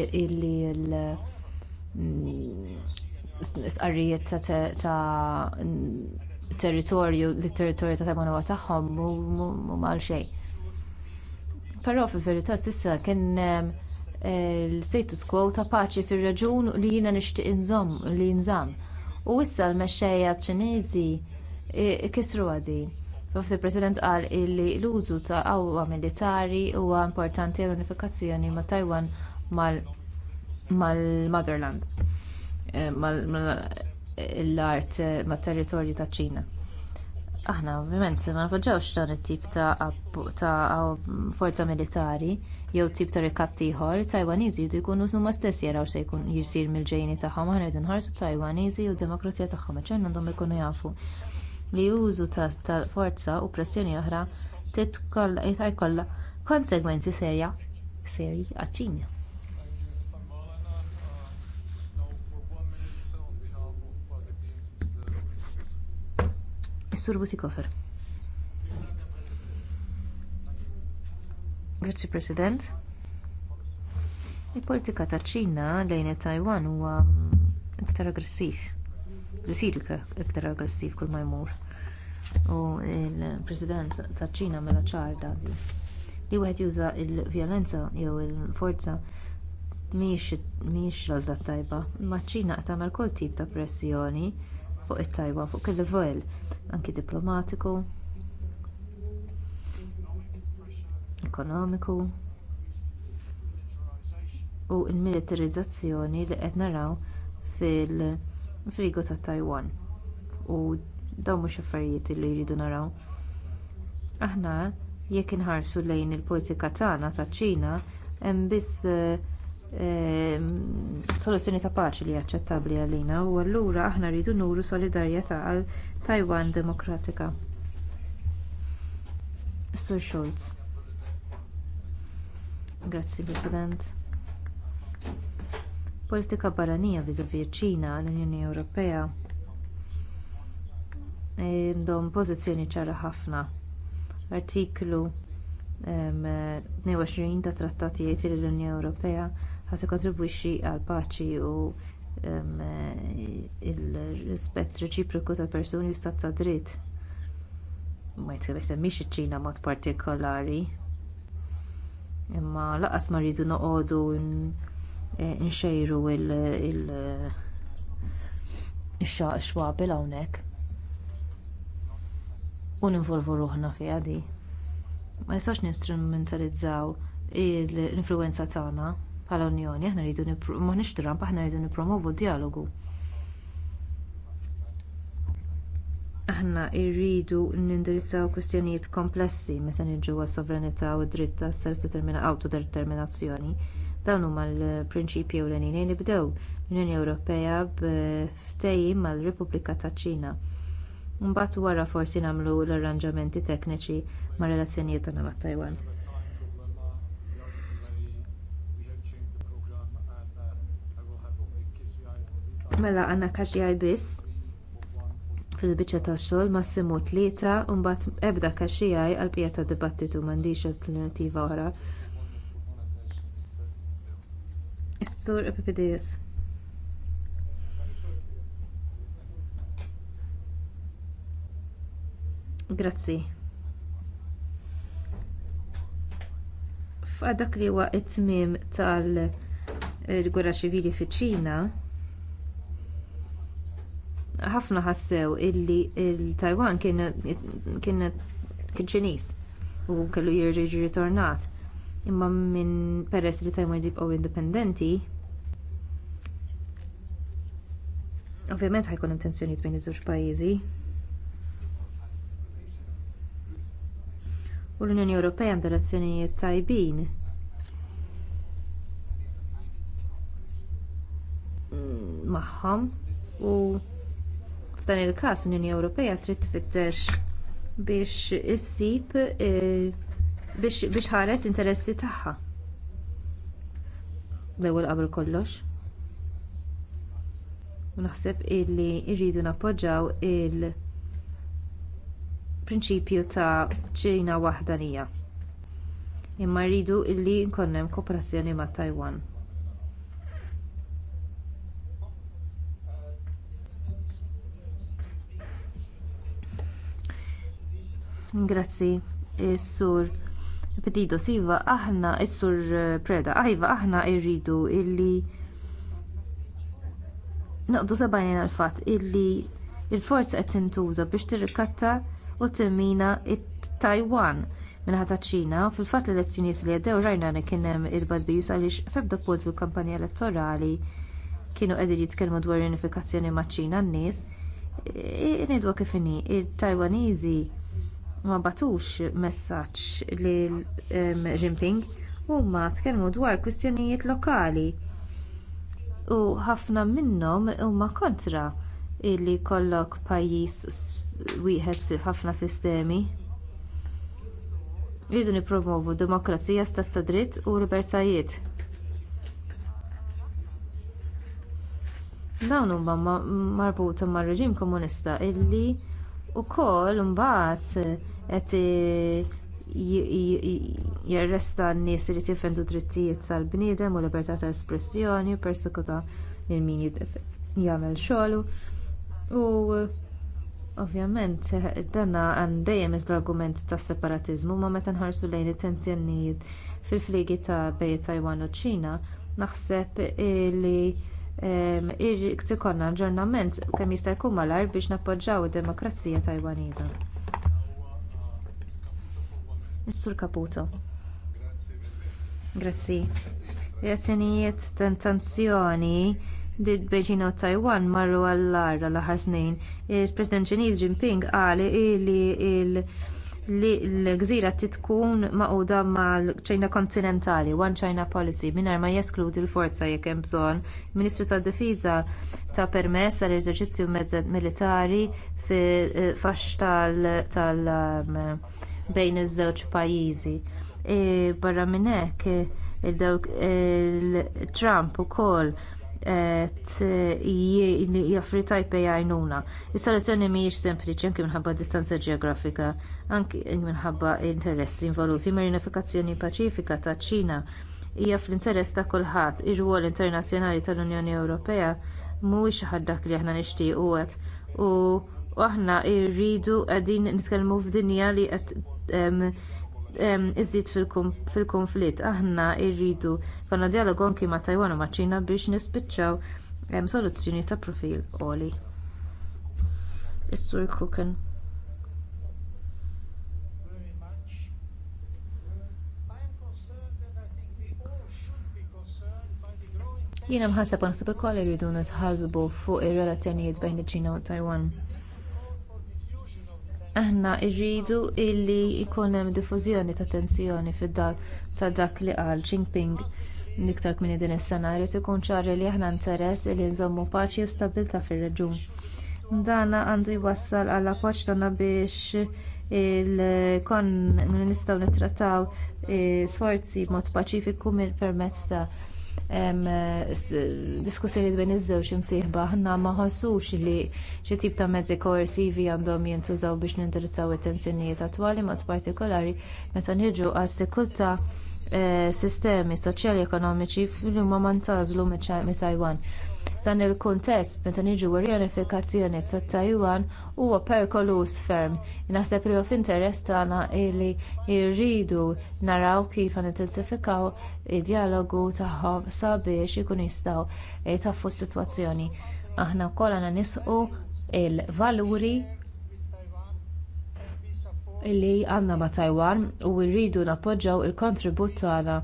l-sqarrijiet mm, ta' territorju, li territorju ta' taiwan huwa tagħhom mu għal xejn. Però fil-verità s'issa kien ehm, l-status quo ta' paċi fir-raġun li jiena nixtieq inżomm li nżamm. U issa l-mexxejja Ċiniżi eh, kisru għadi Fofs il-President qal li l-użu ta' qawwa militari huwa importanti għall unifikazzjoni ma' Taiwan mal-Motherland, eh, mal-art eh, mat-territorju taċ ċina. Aħna ovvjament ma nafġawx dan it-tip ta' forza militari jew tip ta' rikatt ieħor, Taiwaniżi jridu jkunu huma stess jaraw se jkun jisir mill-ġejni tagħhom aħna jridu nħarsu Taiwaniżi u d-demokrazija tagħhom għax għandhom ikunu jafu li użu tal forza u pressjoni oħra jista' jkollha konsegwenzi serji għaċ-ċina is president il-politika taċ-ċina lejn it-taiwan huwa iktar aggressiv isir iktar aggressiv kull ma jmur. U l president taċ ċina mela ċar dan li wieħed juża l-vjolenza jew il-forza mhijiex l-għażla tajba, imma ċ-Ċina qed tagħmel kull tip ta' pressjoni fuq it tajba fuq kull livell anki diplomatiku, ekonomiku u l-militarizzazzjoni li qed naraw fil- frigo ta' taiwan u dawn mhux affarijiet li rridu naraw aħna jekk inħarsu lejn il-politika tagħna taċ-ċina hemm biss eh, soluzzjoni ta' paċi li aċċettabbli għalina u allura aħna rridu nuru solidarjetà għat taiwan demokratika sur Scholz. grazzi president politika barranija viżavi ċ-ċina l-unjoni ewropea għandhom pożizzjoni ċara ħafna l-artiklu 22 tat-trattat jgħid li l-unjoni ewropea ħa tikkontribwixxi għall paċi u l rispett reċiproku tal-persuni u stat ta' dritt ma jsemmix iċ-ċina mod partikolari imma lanqas ma rridu noqogħdu nxejru x-xwabel hawnhekk u ninvolvu ruħna fiha di ma jistax ninstrumentalizzaw l-influwenza tagħna bħala unjoni aħna rridu m'aħniex trump aħna rridu nippromovu d dialogu aħna rridu nindirizzaw kwistjonijiet komplessi meta niġu għas-sovranità u d-dritt għas-self-awtodeterminazzjoni Dawn huma l-prinċipji ewlenin li nibdew l-Unjoni Ewropea b'ftehim mal-Repubblika taċ-Ċina. Mbagħad wara forsi nagħmlu l-arranġamenti tekniċi mar-relazzjonijiet tagħna mat-Taiwan. Mela għandna kaxjaj biss fil-biċċa tax-xogħol massimu tlieta u mbagħad ebda kaxxijaj għall-bqija tad-dibattitu m'għandix alternattiva oħra Is-sur Epipedius. Grazzi. F'adak li huwa t-tmiem tal-gwerra ċivili fiċ-Ċina, ħafna ħassew illi il-Taiwan kien Ċiniż u kellu jirġi ritornat imma minn peress li Taiwan jibqgħu indipendenti ovvjament ħajkun hemm tensjonijiet bejn iż-żewġ pajjiżi u l-Unjoni Ewropea għandha relazzjonijiet tajbin mm, magħhom u f'dan il-każ l-Unjoni Ewropea trid tfittex biex issib eh, biex tħares interessi tagħha l-ewwel qabel kollox u naħseb illi rridu nappoġġjaw il-prinċipju ta' ċina waħdanija imma rridu illi jkun hemm kooperazzjoni mat taiwan Grazzi, eh, sur Pedido siva aħna is-sur eh, preda, ajva aħna irridu illi noqdu sabajnina l-fatt illi il-forza qed tintuża biex tirrikatta u timmina it-Taiwan minħata ċ-Ċina fil-fatt l-elezzjonijiet li għaddew rajna li kien hemm il-balbijus għaliex f'ebda punt fil-kampanja elettorali kienu qegħdin jitkellmu dwar unifikazzjoni maċ-Ċina n-nies ngħidwa kif inhi it-Taiwaniżi ma bagħtux messaġġ lil Jinping huma tkellmu dwar kwistjonijiet lokali u ħafna minnhom huma kontra li jkollok pajjiż wieħed ħafna sistemi jridu nippromovu demokrazija stat ta' dritt u libertajiet dawn huma marbuta mar-reġim komunista illi ukoll imbagħad qed jarresta n-nies li tifendu drittijiet tal-bniedem u libertà ta' espressjoni u persekuta lil min jagħmel xogħlu u ovvjament dan għan dejjem iżda argument tas-separatiżmu ma meta nħarsu lejn it-tensjonijiet fil fligi ta' bejn taiwan u ċ-ċina naħseb li irrid ikollna aġġornament kemm jista' jkun malajr biex nappoġġjaw id-demokrazija tajwaniża. Is-Sur Caputo. Grazzi. Reazzjonijiet tentazzjoni Beijing u Taiwan marru għall l-aħħar snin. Il-President Ċiniż Jinping qal li li l-gżira tkun maquda mal-ċina kontinentali, One China Policy, mingħajr ma jeskludi l-forza jekk hemm bżonn. Ministru tad-Difiża ta' permess għal eżerċizzju militari fi eh, fax tal um, bejn iż-żewġ pajjiżi. E, barra minn hekk Trump ukoll eh, jaffri tajpej għajnuna. Is-soluzzjoni mhijiex sempliċi anke minħabba distanza ġeografika anki minħabba interessi involuti mir-rinifikazzjoni paċifika taċ-ċina hija fl-interess ta' kulħadd ir-rwol internazzjonali tal-unjoni ewropea mhuwiex ħaddak dak li aħna nixtiequ għedt u aħna rridu qegħdin nitkellmu f'dinja li qed iżdied fil-konflitt aħna rridu konna dijalogu anki ma' Taiwan u maċ-Ċina biex nispiċċaw soluzzjoni ta' profil għoli. Is-Sur Jiena mħassab naħseb ikoll irridu nitħasbu fuq ir-relazzjonijiet bejn iċ-Ċina u Taiwan. Aħna rridu illi jkun hemm diffużjoni ta' tensjoni fid-dal ta' dak li qal Jinping iktar minn din is-sena jrid ikun ċari li aħna interess li nżommu paċi u stabbiltà fir-reġjun. Dan għandu jwassal għall appoġġ tagħna biex il-kon nistgħu nittrattaw eh, sforzi b'mod paċifiku mill permezz ta' diskussjoni bejn iż-żewġ imsieħba aħna ma ħossux li xi tip ta' mezzi koersivi għandhom jintużaw biex nindirizzaw it-tensjonijiet attwali mod partikolari meta niġu għas sikurtà eh, sistemi soċjali ekonomiċi li huma ma ntażlu mit-Taiwan. F'dan il-kuntest meta niġu r-reunifikazzjoni ta' Taiwan huwa perikolus ferm. Naħseb li huwa f'interess tagħna li rridu naraw kif nintensifikaw id dijalogu tagħhom sabiex ikun jistgħu jtaffu eh, s-sitwazzjoni. Aħna wkoll għandna nisqu l valuri li għandna ma' Taiwan u rridu nappoġġjaw il-kontribut tagħna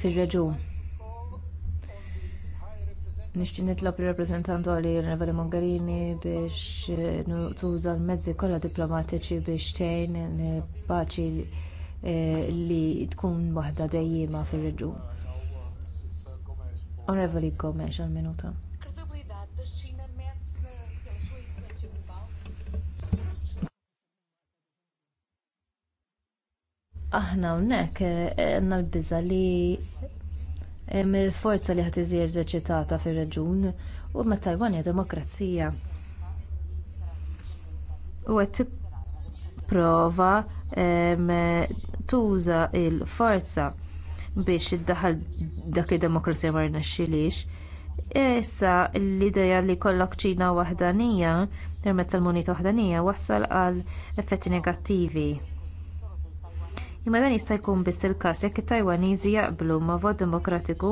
fir-reġjun Nixtieq nitlob ir-rappreżentant għali Reveli Mongarini biex eh, tuża l-mezzi kollha diplomatiċi biex tgħin eh, paċi eh, li tkun waħda dejjima fir-reġjun. Onorevoli Gomes għal minuta. aħna hawnhekk għandna l-biża' li il forza li ħadd iżi eżerċitata fir-reġjun u ma taiwan hija demokrazija u qed tipprova tuża l-forza biex iddaħħal dak id-demokrazija ma rnexxilix issa l-idea li jkollok ċina waħdanija permezz tal-munita waħdanija wassal għal effetti negattivi imma dan jista' jkun biss il-każ jekk it-tajwaniżi jaqblu ma' vot demokratiku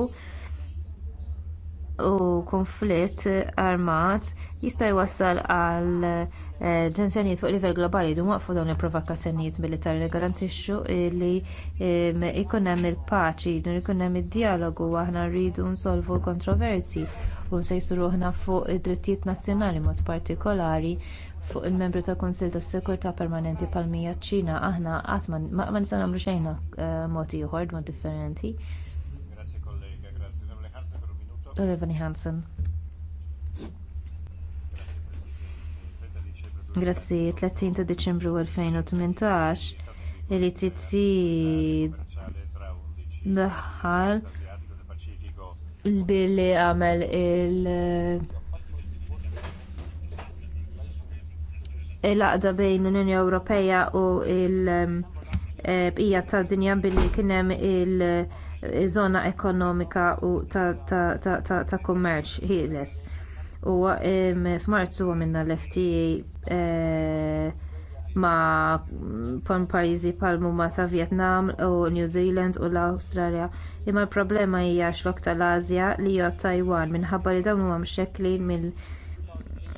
u konflitt armat jista' jwassal għal ġenzjonijiet eh, fuq livell globali jdu waqfu dawn il-provokazzjonijiet militari li garantixxu li jkun ehm, hemm il-paċi jdu jkun hemm id-dijalogu u aħna rridu nsolvu l kontroversji u nsejsu ruħna fuq id-drittijiet nazzjonali mod partikolari fuq il membri tal-kunsill tas-sigurtà permanenti bħalmija ċ-ċina aħna qatt ma nistgħu nagħmlu xejn eh, mod ieħor mod differenti Hansen. 30 ta' 2018 daħal billi għamel il- il għaqda bejn l-Unjoni Ewropea u l-bqija um, eh, tad-dinja billi kien hemm il-żona eh, ekonomika u ta' kummerċ ħieles. U f'Marzu għamilna l-FTA eh, ma' pon pajjiżi bħal huma ta' Vjetnam u New Zealand u l-Awstralja. Imma l-problema hija xlok tal-Asja li hija Taiwan minħabba li dawn huma mxekklin mill-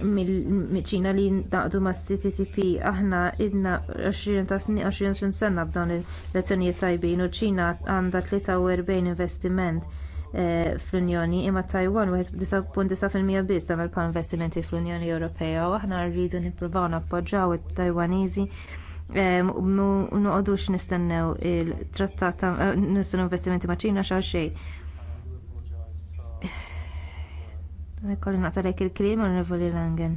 mill-ċina li ntaqdu mas-cttp aħna idna 20 ta' snin 20 sena b'dawn il-lezzjonijiet tajbin u ċina għandha 43 investiment eh, fl-Unjoni imma Taiwan wieħed 9.9% biss tagħmel bħal investimenti fl-Unjoni Ewropea u aħna rridu nippruvaw nappoġġjaw it-Tajwaniżi eh, u noqogħdux nistennew il-trattat eh, nistennew investimenti ma' ċina xahar xejn Kolli naqtalek il-klim, onorevoli Langen.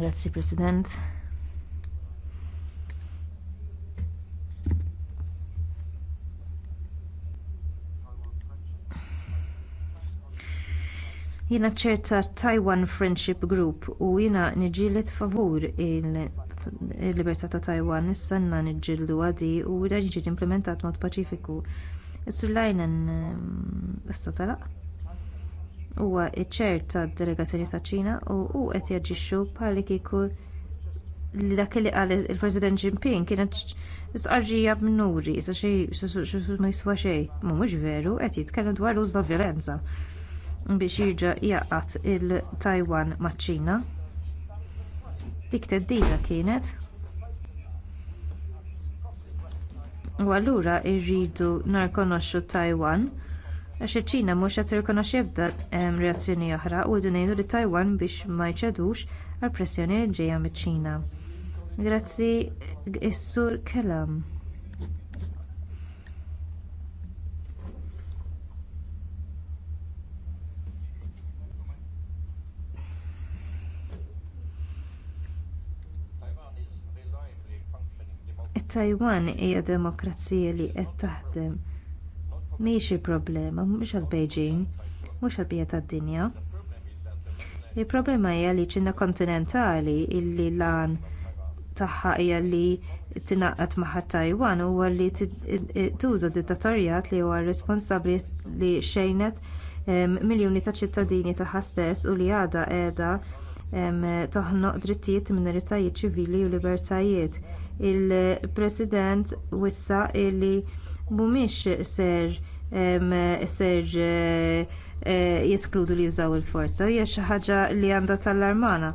Grazzi, President. Jiena ċerta Taiwan Friendship Group u jiena niġġieled favur il-libertà ta' Taiwan issa għandna niġġieldu għadi u dan jiġi implementat mod paċifiku. Is-Sur Leinen ehm, issa telaq huwa ċ-ċer tad-delegazzjoni taċ-Ċina u hu qed jaġixxu bħalli kieku li dak li qal il-President Jinping kienet sqarrija b'nuri issa xejn ma jiswa xejn. Mhumiex veru qed jitkellem dwar uż ta' violenza biex jiġa jaqgħad il-Taiwan maċ-Ċina. Dik theddida kienet U allura rridu nirrikonoxxu Taiwan għax iċ-Ċina mhux qed tirrikonoxxi ebda reazzjoni oħra u jdu ngħidu li Taiwan biex ma jċedux għall pressjoni li ġejja miċ-Ċina. Grazzi is-sur Kellam. it-Taiwan hija demokrazija li qed taħdem mhix il-problema mhux għall Beijing, mhux għall bija tad-dinja. Il-problema hija li ċina kontinentali illi lan tagħha hija li tingħaqad magħha Taiwan huwa li tuża dittatorjat li huwa responsabbli li xejnet miljuni ta' ċittadini tagħha stess u li għadha qiegħda toħnoq drittijiet minoritajiet ċivili u libertajiet il-President wissa li mhumiex ser ser eh, eh, jeskludu li jużaw il-forza hija xi ħaġa li għandha tal-armana.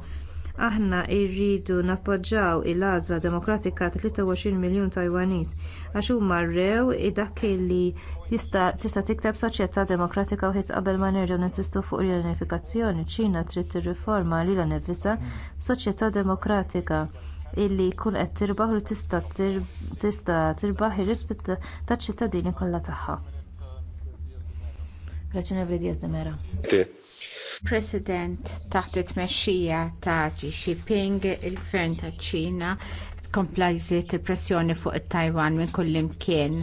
Aħna rridu nappoġġjaw il-għażla demokratika ta' 23 miljun Tajwaniż għax huma rrew dak li tista' tikteb soċjetà demokratika u ħiss qabel ma nerġgħu ninsistu fuq il unifikazzjoni ċina trid tirriforma lilha nnifisha f'soċjetà demokratika illi jkun qed tirbaħ u tista' tirbaħ ir-rispett taċ-ċittadini kollha tagħha. President taħt it-tmexxija ta' Xi Jinping, il-Gvern taċ-Ċina kompla jżid il-pressjoni fuq it-Taiwan minn kullimkien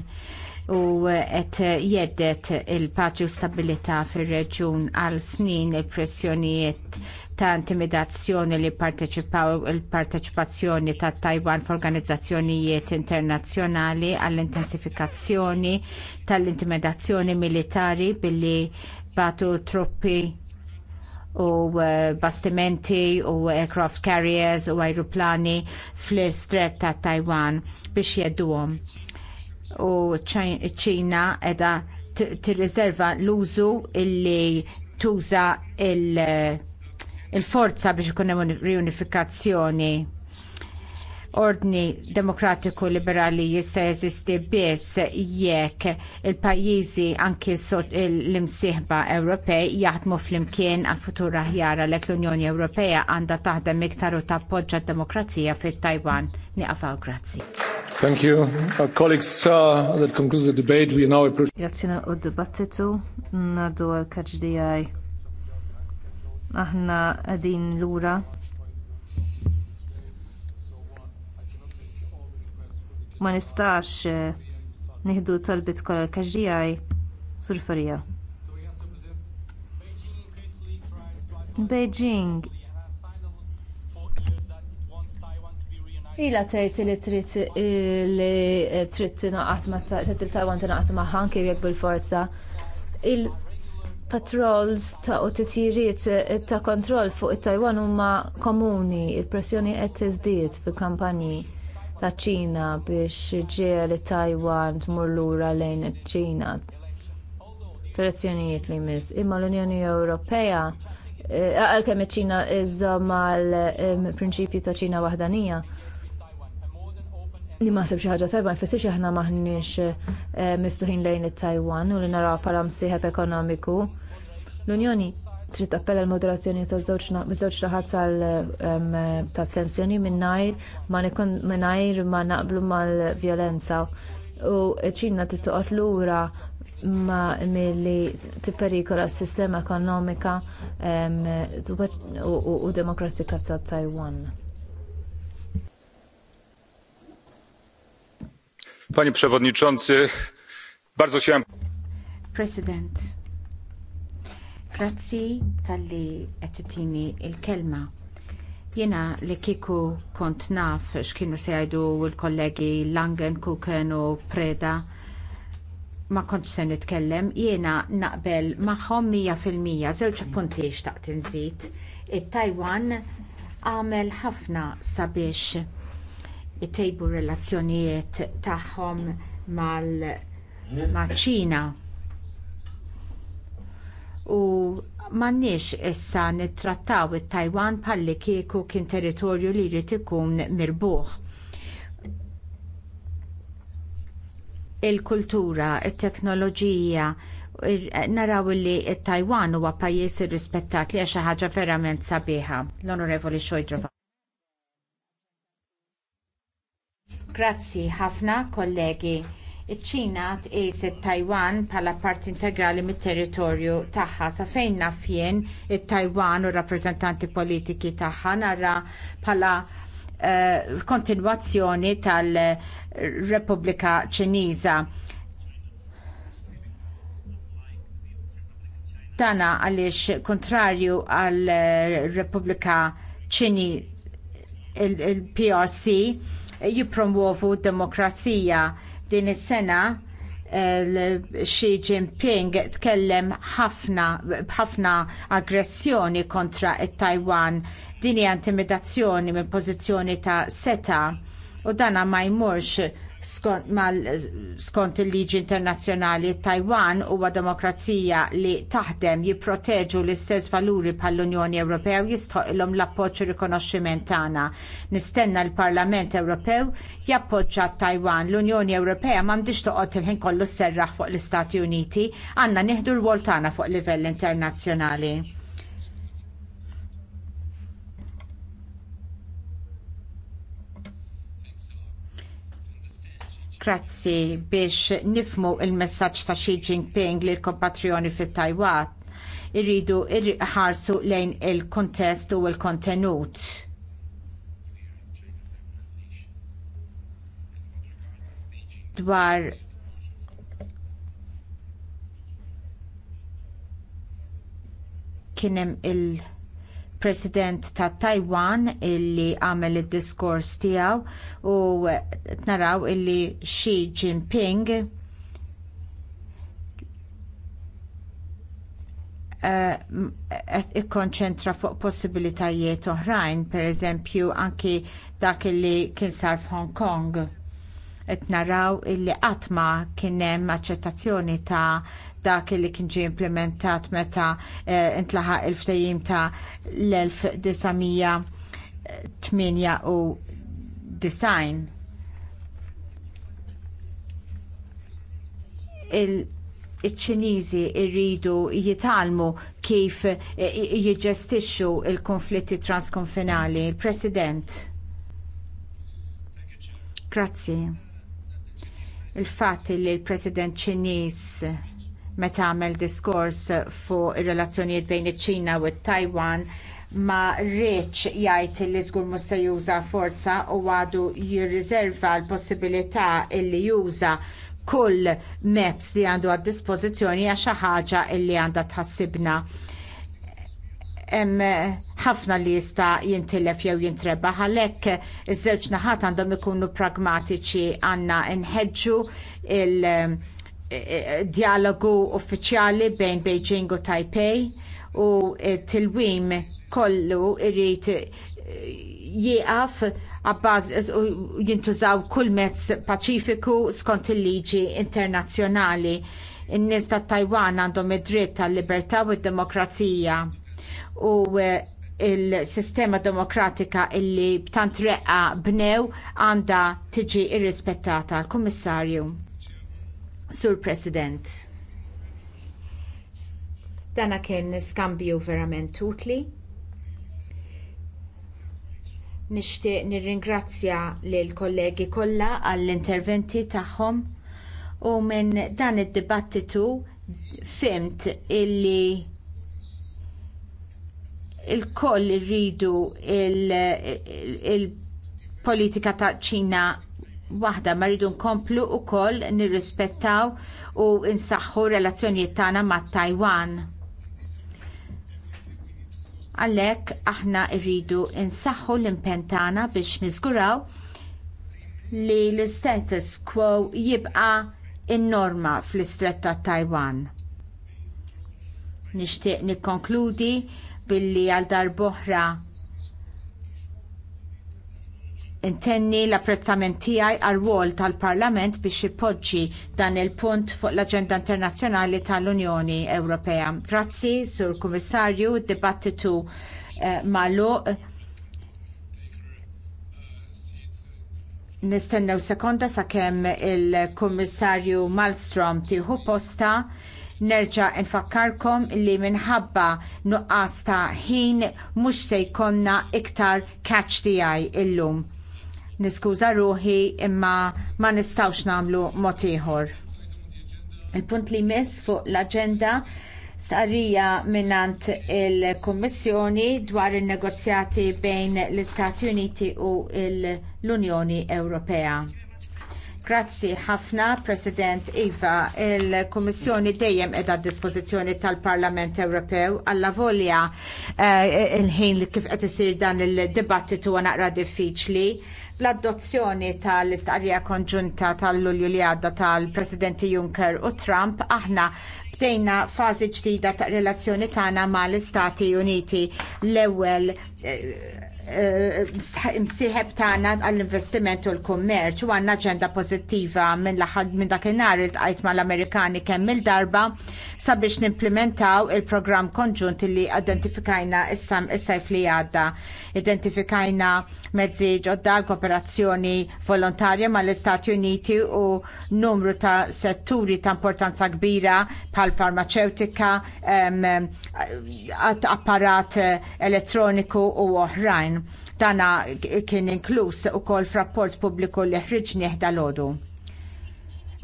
u qed jeddet il-paċi u stabilità fir-reġjun għal snin il-pressjonijiet ta' intimidazzjoni li parteċipaw il-parteċipazzjoni ta' Taiwan f'organizzazzjonijiet internazzjonali għall-intensifikazzjoni tal-intimidazzjoni militari billi batu truppi u eh, bastimenti u aircraft carriers u ajruplani fl-istret ta' Taiwan biex jedduhom u ċina edha tirriserva l-użu illi tuża il-forza biex ikun hemm riunifikazzjoni ordni demokratiku liberali jista' jeżisti biss jekk il-pajjiżi anki l-imsieħba Ewropej jaħdmu flimkien għal futur aħjar għalhekk l-Unjoni Ewropea għandha taħdem iktar u tappoġġa d-demokrazija fit-Tajwan. Niqafaw grazzi. Thank you. Our uh, colleagues, uh, that concludes the debate. We now approach... Grazzina u dibattitu nadu għal-KGDI. Aħna għadin l-ura ma nistax eh, nieħdu talbit kollha kaxġijaj sur farija. Beijing Ila tgħid li trid li trid tingħaqad ma' Taiwan tingħaqad magħha anke jekk bil-forza. Il-patrols ta' u titjiriet ta' kontroll fuq it-Taiwan huma komuni, il-pressjoni qed tiżdied fil-kampanji taċ-ċina biex ġieli taiwan tmur lura lejn iċ-ċina f'elezzjonijiet li jmiss imma l-unjoni ewropea eh, għalkemm iċ-ċina iżżomm għall prinċipji ta' ċina waħdanija li ma xi ħaġa tajba jfissirx aħna maħniex eh, miftuħin lejn it-Taiwan u li naraw bħala msieħeb ekonomiku. L-Unjoni trid tappella l-moderazzjoni tal-żewġ naħat tal-tensjoni minnajr ma nikun mingħajr ma naqblu mal-vjolenza u ċina trid toqgħod lura ma milli tipperikola s-sistema ekonomika u demokratika ta' Taiwan. Panie Przewodniczący, bardzo chciałem... President. Grazzi talli qed titini l kelma Jiena li kieku kont naf x'kienu se jgħidu l-kollegi Langen, Kuken u Preda ma kontx se nitkellem, jiena naqbel magħhom mija fil-mija, żewġ punti xtaqt inżid. It-Taiwan għamel ħafna sabiex itejbu relazzjonijiet tagħhom mal-ċina u m'għandniex issa nittrattaw it-Taiwan palli kieku kien territorju li jrid ikun mirbuħ. Il-kultura, it-teknoloġija, naraw li t taiwan huwa pajjiż irrispettat li xi ħaġa verament sabiħa. L-Onorevoli Xojdrova. Grazzi ħafna kollegi Iċ-Ċina tqiset taiwan bħala parti integrali mit-territorju tagħha sa fejn naf jien it-Taiwan u rappreżentanti politiki tagħha nara bħala eh, kontinwazzjoni tal-Repubblika Ċiniża. dana għaliex kontrarju għal Repubblika ċini il-PRC il, d demokrazija din is-sena eh, Xi Jinping tkellem ħafna b'ħafna aggressjoni kontra t taiwan Din hija intimidazzjoni minn pożizzjoni ta' seta' u dana ma jmurx skont, skont il-liġi internazzjonali Taiwan huwa demokrazija li taħdem jipproteġu l-istess valuri bħall unjoni Ewropea u jistħoqilhom l-appoġġ u rikonoxximent tagħna. Nistenna l-Parlament Ewropew jappoġġa Taiwan. L-Unjoni Ewropea m'għandix toqgħod il-ħin kollu serraħ fuq l-Istati Uniti, għandna nieħdu l-wol tagħna fuq livell internazzjonali. grazzi biex nifmu il-messaġġ ta' Xi Jinping l kompatrioni fit taiwan irridu jħarsu lejn il-kontest u l kontenut Dwar kien hemm il- president ta' Taiwan illi għamel id il diskors tiegħu u naraw illi Xi Jinping eh, ikkonċentra fuq possibilitajiet oħrajn, pereżempju anki dak illi kien sar f'Hong Kong qed naraw illi qatt ma kien hemm aċċettazzjoni ta' dak li kien ġie implementat meta eh, intlaħaq il-ftehim ta' l-1998 il-ċiniżi rridu jitalmu kif eh, jiġġestixxu l konflitti transkonfinali. President. Grazzi il-fatt li l-President Ċiniż meta għamel diskors fuq ir-relazzjonijiet bejn iċ-Ċina u t-Taiwan ma rridx jgħid li żgur mhux se juża forza u għadu jirriserva l-possibilità li juża kull mezz li għandu għad dispożizzjoni għax xi ħaġa li għandha tħassibna hemm eh, ħafna li jista' jintilef jew jintreba għalhekk iż-żewġ naħat għandhom ikunu pragmatiċi għandna nħeġġu il eh, eh, dialogu uffiċjali bejn Beijing u Taipei u tilwim kollu irrid jieqaf għabbaż jintużaw kull mezz paċifiku skont il-liġi internazzjonali. In-nies tat Taiwan għandhom id-dritt tal-libertà u d-demokrazija u eh, il-sistema demokratika illi b'tant reqqa bnew għandha tiġi irrispettata l-Kummissarju. Sur President. Dana kien skambju verament utli. Nixtieq nirringrazzja lill kollegi kollha għall-interventi tagħhom u minn dan id-dibattitu fimt illi il-koll irridu il-politika ta' ċina waħda ma rridu nkomplu wkoll nirrispettaw u nsaħħu relazzjonijiet tagħna mat Taiwan. Għalhekk aħna rridu nsaħħu l-impenn tagħna biex niżguraw li l-status quo jibqa' in-norma fl-istret ta' Taiwan. Nixtieq nikkonkludi billi għal darboħra intenni l-apprezzament tiegħi għar-rwol tal-Parlament biex ipoġġi dan il-punt fuq l-Aġenda Internazzjonali tal-Unjoni Ewropea. Grazzi, Sur Kummissarju, dibattitu eh, magħluq. Nistennew sekonda sakemm il-Kummissarju Malmstrom tieħu posta. Nerġa' nfakkarkom li minħabba nuqqas ta' ħin mhux se jkollna iktar catch tiegħi illum. Niskuża ruħi imma ma nistgħux nagħmlu mod ieħor. Il-punt li jmiss fuq l-aġenda Sarija minnant il-Kommissjoni dwar in negozjati bejn l-Istati Uniti u l-Unjoni Ewropea. Grazzi ħafna, President Iva. Il-Kommissjoni dejjem edha dispożizzjoni tal-Parlament Ewropew għalla volja eh, il-ħin li kif qed isir dan il-dibattitu għana naqra diffiċli. L-adozzjoni tal-istqarrija konġunta tal-Lulju li għadda tal-Presidenti Juncker u Trump aħna bdejna fażi ġdida ta' relazzjoni tagħna mal istati Uniti l-ewwel eh, Eh, msieħeb tagħna għall-investiment u l-kummerċ u għandna aġenda pożittiva minn aħħar minn dakinhar iltqajt mal-Amerikani kemm il-darba sabiex nimplementaw il-programm konġunt li identifikajna issam is-sajf li għadda. Identifikajna mezzi ġodda l-kooperazzjoni volontarja mal-Istati Uniti u numru ta' setturi ta' importanza kbira bħal farmaceutika, eh, apparat eh, elettroniku u oħrajn oħrajn. tana kien inkluż ukoll f'rapport pubbliku li ħriġni ħdalodu.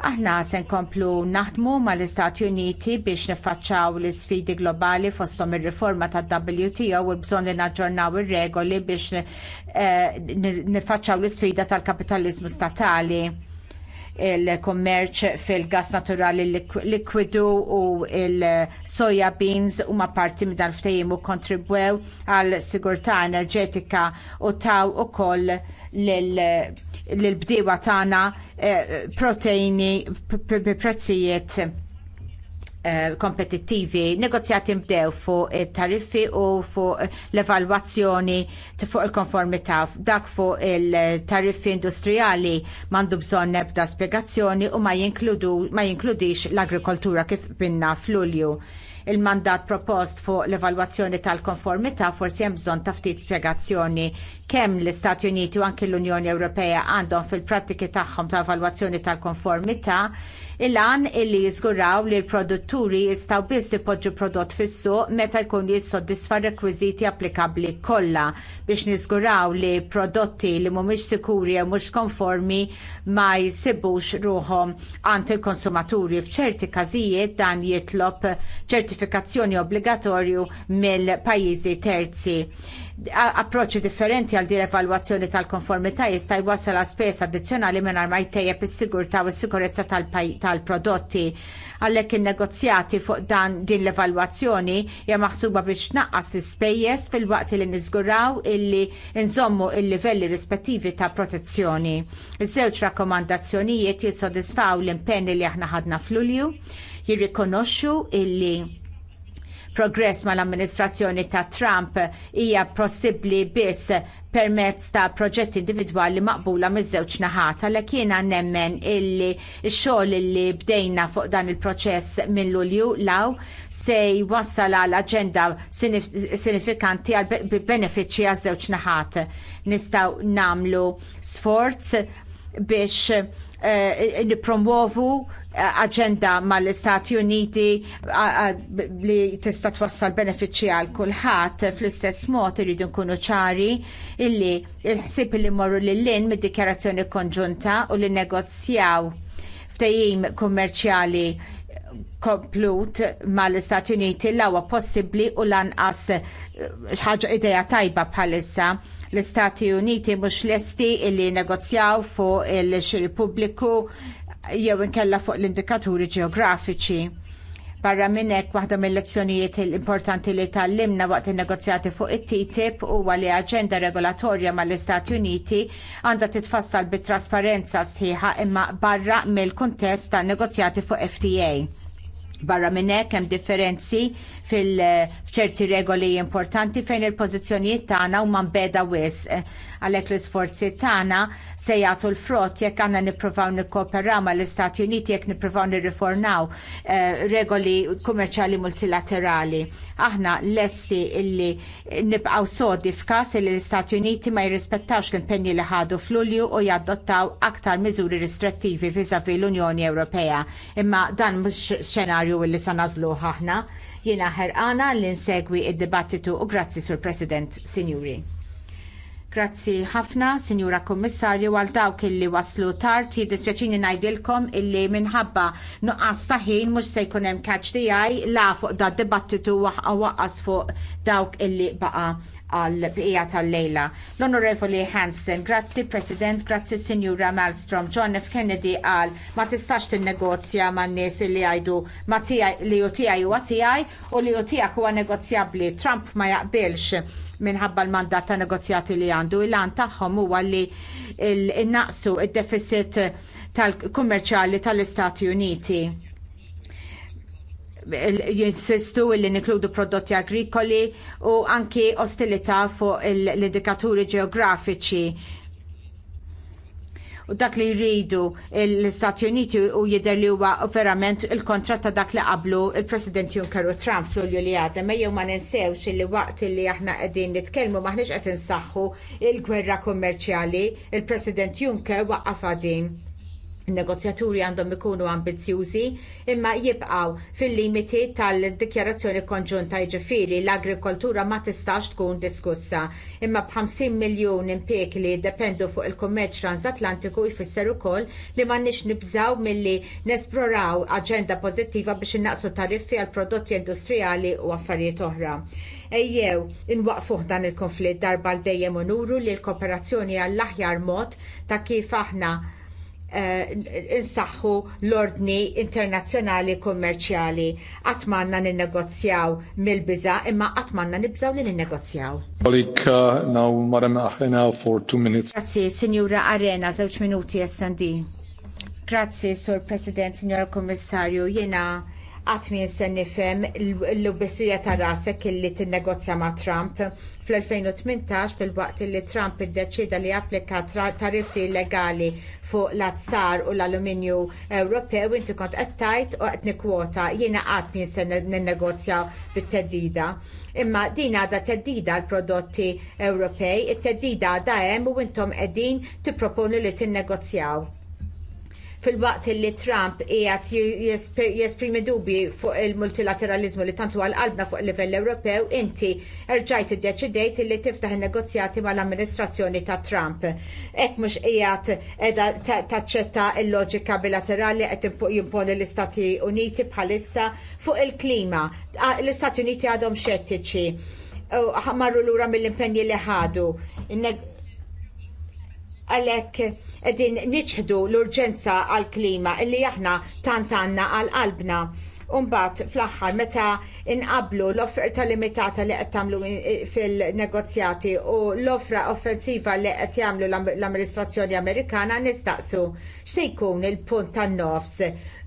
Aħna se nkomplu naħdmu mal-Istati Uniti biex niffaċċaw l isfidi globali fosthom ir-riforma tad-WTO u bżonn li naġġornaw ir-regoli biex eh, niffaċċaw l isfida tal-kapitalizmu statali il-kommerċ fil-gas naturali likwidu u il-soja beans huma parti minn dan ftehim u kontribwew għal sigurtà enerġetika u taw ukoll lill bdiwa tagħna eh, proteini bi prezzijiet Eh, kompetittivi, negozjati bdew fuq it-tariffi u fuq l-evalwazzjoni fuq il-konformità dak fuq il-tariffi industrijali mandu bżonn nebda spjegazzjoni u ma, jinkludu, ma jinkludix l-agrikoltura kif binna f'Lulju. Il-mandat propost fuq l-evalwazzjoni tal-konformità forsi hemm bżonn ta' ftit spjegazzjoni kemm l-Istati Uniti u anki l-Unjoni Ewropea għandhom fil-prattiki tagħhom ta' evalwazzjoni tal-konformità, il-għan illi jiżguraw li l-produtturi jistgħu biss ipoġġu prodott fis-suq meta jkun jissodisfa rekwiżiti applikabbli kollha biex niżguraw li prodotti li mhumiex sikuri jew mhux konformi ma jsibux ruhom għand il-konsumaturi f'ċerti każijiet dan jitlob ċertifikazzjoni obbligatorju mill-pajjiżi terzi approċċi differenti għal din evalwazzjoni tal-konformità jista' jwassal għal spes addizzjonali mingħajr ma jtejjeb is-sigurtà u s-sikurezza tal-prodotti. Għalhekk in-negozjati fuq dan din l-evalwazzjoni hija maħsuba biex tnaqqas l-ispejjeż fil-waqt li niżguraw illi nżommu il-livelli rispettivi ta' protezzjoni. Iż-żewġ rakkomandazzjonijiet jissodisfaw l-impenni li aħna ħadna f'Lulju, jirrikonoxxu illi progress mal-amministrazzjoni ta' Trump hija possibbli biss permezz ta' proġett individwali maqbula miż-żewġ naħat għalhekk jiena nemmen illi x-xogħol illi bdejna fuq dan il-proċess minn Lulju law se jwassal għal aġenda sinifikanti għal benefiċċji għaż-żewġ naħat. Nistgħu nagħmlu sforz biex nipromovu aġenda mal-Istati Uniti li tista' twassal benefiċċji għal kulħadd fl-istess mod iridu nkunu ċari illi il-ħsieb li morru lil lin mid-dikjarazzjoni konġunta u li negozjaw ftehim kummerċjali komplut mal-Istati Uniti l-għawa possibbli u lanqas eh, ħaġa ideja tajba bħalissa l-Istati Uniti mhux lesti illi negozjaw fuq il-xiri pubbliku jew inkella fuq l-indikaturi ġeografiċi. Barra minn hekk waħda mill-lezzjonijiet importanti li tallimna waqt in-negozjati fuq it-TTIP huwa li aġenda regolatorja mal-Istati Uniti għandha titfassal bit-trasparenza sħiħa imma barra mill-kuntest tan-negozjati fuq FTA. Barra minn hekk hemm differenzi fil-ċerti regoli importanti fejn il-pożizzjonijiet tagħna huma mbeda wisq. Għalhekk l-isforzi tagħna se jagħtu l-frott jekk għandna nippruvaw nikkooperaw mal-Istati Uniti jekk nippruvaw nirriformaw eh, regoli kummerċali multilaterali. Aħna lesti illi nibqgħu sodi f'każ li l-Istati Uniti ma jirrispettawx l-impenni li ħadu f'Lulju u jadottaw aktar miżuri ristrettivi viżavi l-Unjoni Ewropea. Imma dan mhux xenarju illi se nażluh aħna Jiena ħerqana li nsegwi id dibattitu u grazzi sur President Sinjuri. Grazzi ħafna, Sinjura Kommissarju, għal dawk illi waslu tard jiddispjaċini ngħidilkom illi minħabba nuqqas ta' ħin mhux se jkun hemm catch DI la fuq da' dibattitu waqqas fuq dawk illi baqa' għal bqija tal-lejla. L-Onorevoli Hansen, grazzi President, grazzi Sinjura Malmstrom, John F. Kennedy għal ma tistax tinnegozja man nies li għajdu ma li u tijaj u għatijaj u li u tijak huwa negozjabbli, Trump ma jaqbilx minħabba l-mandat ta' negozjati li għandu. Il-għan tagħhom huwa li il-naqsu il-deficit tal-kummerċali tal-Istati Uniti jinsistu li nikludu prodotti agrikoli u anki ostilità fuq l-indikaturi ġeografiċi u dak li jridu l-Stati Uniti u jidher li huwa verament il-kontrat ta' dak li qablu il-President Juncker u Trump fl-ulju li għadha jew ma ninsewx li waqt li aħna qegħdin nitkellmu maħniex qed insaħħu l gwerra kummerċjali il-President Juncker waqqaf din. Il-negozjaturi għandhom ikunu ambizjużi imma jibqgħu fil-limiti tal-dikjarazzjoni konġunta jiġifieri l-agrikoltura ma tistax tkun diskussa imma b'50 miljun impjeg li jiddependu fuq il-kummerċ transatlantiku jfisser ukoll li m'għandniex nibżgħu milli nesploraw aġenda pożittiva biex innaqsu tariffi għal prodotti industrijali u affarijiet oħra. Ejjew, inwaqfuh dan il-konflitt darba l-dejjem u nuru li l-kooperazzjoni għall-aħjar mod ta' kif aħna Eh, insaħħu l-ordni internazzjonali kummerċjali. Qatt m'għandna ninnegozjaw mill-biża' imma qatt m'għandna nibżgħu li ninnegozjaw. Uh, for two minutes. Grazzi, Sinjura Arena, żewġ minuti SD. Grazzi, Sur President, Signor Kommissarju, jiena qatt min se nifhem l-ubessija ta' rasek illi tinnegozja ma' Trump fl-2018 fil-waqt li Trump iddeċida li applika tariffi legali fuq l-azzar u l-alluminju Ewropew inti kont qed tgħid u qed nikkwota jiena qatt min se ninnegozjaw bit-teddida. Imma din għadha teddida l-prodotti Ewropej, it-teddida għadha hemm u intom qegħdin tipproponu li tinnegozjaw fil-waqt li Trump qiegħed jesprimi dubi fuq il-multilateralizmu li tantu għal-qalbna fuq il-livell Ewropew, inti erġajt iddeċidejt li tiftaħ il negozjati mal-amministrazzjoni ta' Trump. Hekk mhux qiegħed taċċetta il-loġika bilaterali qed jimponi l-Istati Uniti bħalissa fuq il-klima. L-Istati Uniti għadhom xettiċi Marru l-ura mill-impenji li ħadu għalhekk qegħdin niċħdu l-urġenza għall klima illi aħna tant għandna għal qalbna. Umbat fl-aħħar meta inqablu l-offerta limitata li qed tagħmlu fil-negozjati u l-offra offensiva li qed jagħmlu l-amministrazzjoni Amerikana nistaqsu x'se jkun il-punt tan-nofs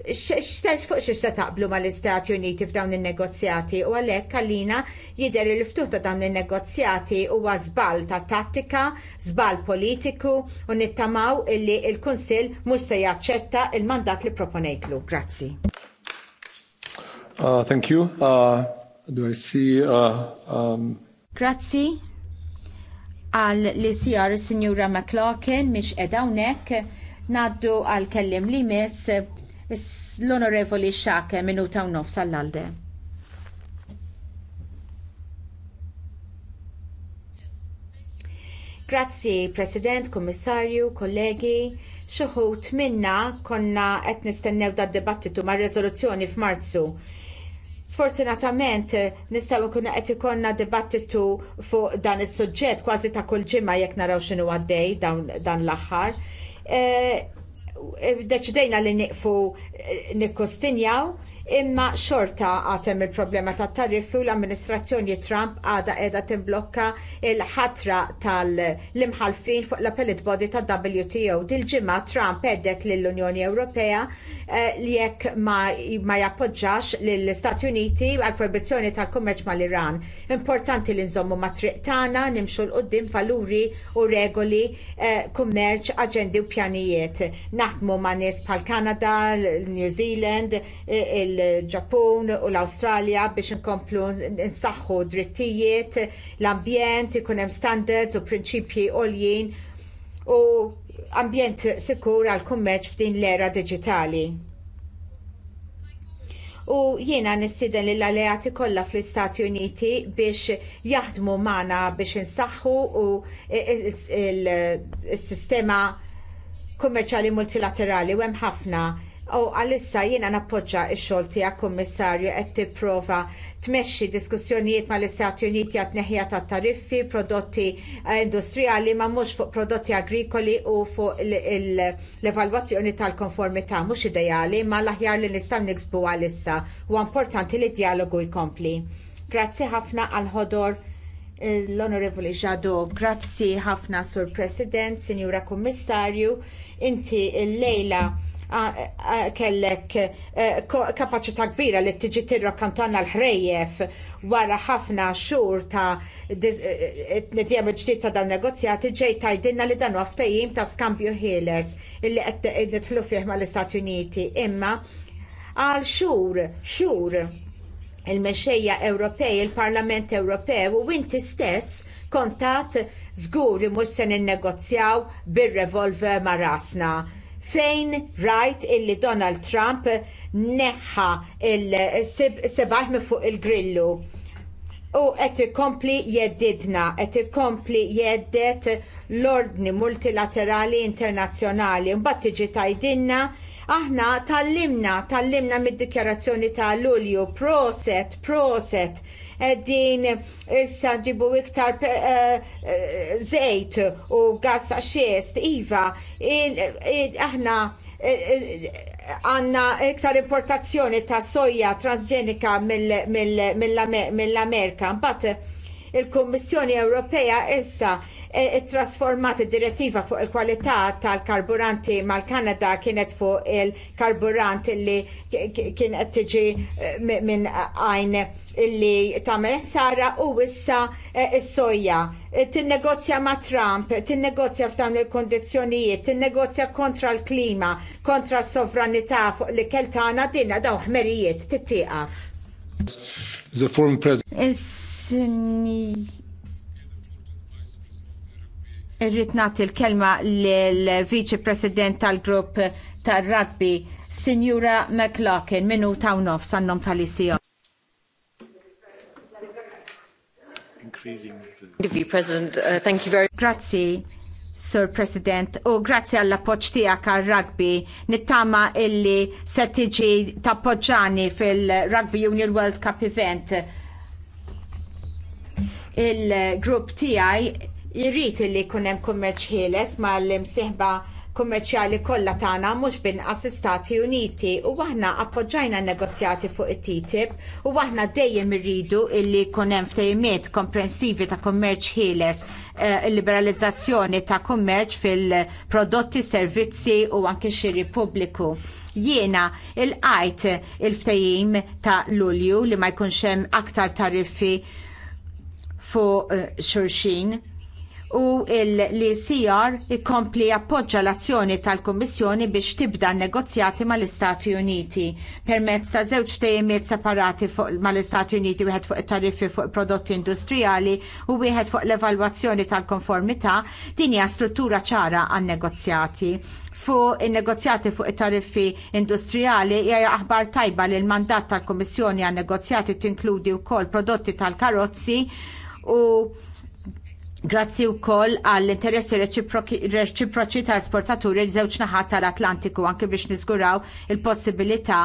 x'stess fuq xi se taqblu mal-Istati Uniti f'dawn in-negozjati u għalhekk għalina jidher li ftuħ ta' dawn in-negozjati huwa żball ta' tattika, żball politiku u nittamaw illi l-Kunsill mhux se jaċċetta l mandat li proponejtlu. Grazzi. Uh, thank you. Uh, do I see uh, um... Grazzi għal li sijar Signora McLaughlin miex edawnek naddu għal kellim li miss L-Onorevoli Xake minuta u nofs għall-alde. Grazzi, President, Kommissarju, kollegi. Xuħut minna konna qed nistennew dad dibattitu ma' rezoluzzjoni f'Marzu. Sfortunatament nistgħu kuna qed ikonna dibattitu fuq dan is-suġġett kważi ta' kull ġimgħa jekk naraw x'inhu għaddej dan, l-aħħar. Eh, deċidejna li niqfu eh, nikkostinjaw imma xorta għatem il-problema tat tariffi u l-amministrazzjoni Trump għadha qiegħda timblokka l ħatra tal-imħalfin fuq l-appellit body ta' WTO. Dil-ġimgħa Trump għeddek lill-Unjoni Ewropea eh, li jekk ma jappoġġax lill-Istati Uniti għall proibizzjoni tal-kummerċ mal-Iran. Importanti li nżommu ma triq tagħna nimxu l quddiem valuri u regoli eh, kummerċ, aġendi u pjanijiet. Naħdmu ma' nies bħal Kanada, New Zealand, eh, il il-Ġappun u l-Awstralja biex inkomplu nsaħħu drittijiet, l-ambjent, ikun hemm standards u prinċipji għoljin u ambjent sikur għal kummerċ f'din l-era diġitali. U jiena nissiden lill alleati kollha fl-Istati Uniti biex jaħdmu magħna biex insaħħu u s sistema kummerċjali multilaterali u hemm ħafna U għalissa jiena nappoġġa x-xogħol tiegħek kummissarju qed tipprova tmexxi diskussjonijiet mal-Istati Uniti għat neħja tat tariffi, prodotti eh, industrijali ma mhux fuq prodotti agrikoli u fuq l-evalwazzjoni tal-konformità mhux ideali ma l-aħjar li nistgħu niksbu għalissa u importanti li d dialogu jkompli. Grazzi ħafna għal ħodor eh, l-Onorevoli Jadot, grazzi ħafna Sur President, Sinjura Kummissarju, inti l-lejla kellek eh, kapaċità kbira li tiġi tirrakkantanna l-ħrejjef wara ħafna xhur ta' nitjem eh, eh, ġdid ta' dan negozjati ġej tajdinna li dan għaftajim ta' skambju ħieles illi qed nidħlu fih mal istati Uniti imma għal xhur xhur il-mexxejja Ewropej, il-Parlament Ewropew u inti stess kontat żgur li mhux se ninnegozjaw bir-revolver ma' rasna fejn rajt illi Donald Trump neħħa il-sebaħ fuq il-grillu. U qed ikompli jeddidna, qed kompli jeddet l-ordni multilaterali internazzjonali. Mbagħad tiġi tajdinna aħna tallimna, tallimna mid-dikjarazzjoni ta' Lulju, proset, proset din issa ġibu iktar eh, eh, zejt u gas xiest, iva, aħna eh, għanna iktar importazzjoni ta' soja transgenika mill-Amerika, mbagħad il-Kommissjoni Ewropea issa E, e, trasformat id-direttiva fuq il-kwalità tal-karburanti mal-Kanada kienet fuq il-karburant li kien qed tiġi e, minn għajn illi tagħmel sara u issa s-soja. Tinnegozja ma' Trump, tinnegozja f'dawn il kundizzjonijiet tinnegozja kontra l-klima, kontra s-sovranità fuq li keltana dinna daw ħmerijiet tittieqaf. Irrid nagħti l-kelma lill-Viċi President tal-Grupp tar-Rugby, Signora McLaughlin, minnu ta' nofs għannom tal-ICO. Uh, grazzi, Sir President, u grazzi għall appoġġ tiegħek għal rugby nittama illi se tiġi tappoġġani fil-Rugby Union World Cup event. Il-grupp tiegħi Irrid li jkun hemm kummerċ ħieles mal-imsieħba kummerċjali kollha tagħna mhux binqas l-Istati Uniti u aħna appoġġajna n negozjati fuq it-TTIP u aħna dejjem irridu illi jkun hemm ftehimiet komprensivi ta' kummerċ ħieles eh, liberalizzazzjoni ta' kummerċ fil-prodotti, servizzi u anke xiri pubbliku jiena il-qajt il ftehim ta' Lulju li ma jkunx hemm aktar tariffi fuq eh, xulxin u l cr ikompli appoġġa l-azzjoni tal-Kummissjoni biex tibda negozjati mal-Istati Uniti permezz ta' żewġ tejmiet separati mal-Istati Uniti wieħed fuq it-tariffi fuq prodotti industrijali u wieħed fuq l-evalwazzjoni tal-konformità din hija struttura ċara għan-negozjati fuq il negozjati fuq it-tariffi industrijali hija aħbar tajba li l-mandat tal-Kummissjoni għan negozjati tinkludi wkoll prodotti tal-karozzi u Grazzi u koll għall-interessi reċiproċi ta' esportaturi l-żewġ naħat tal-Atlantiku anke biex niżguraw il-possibilità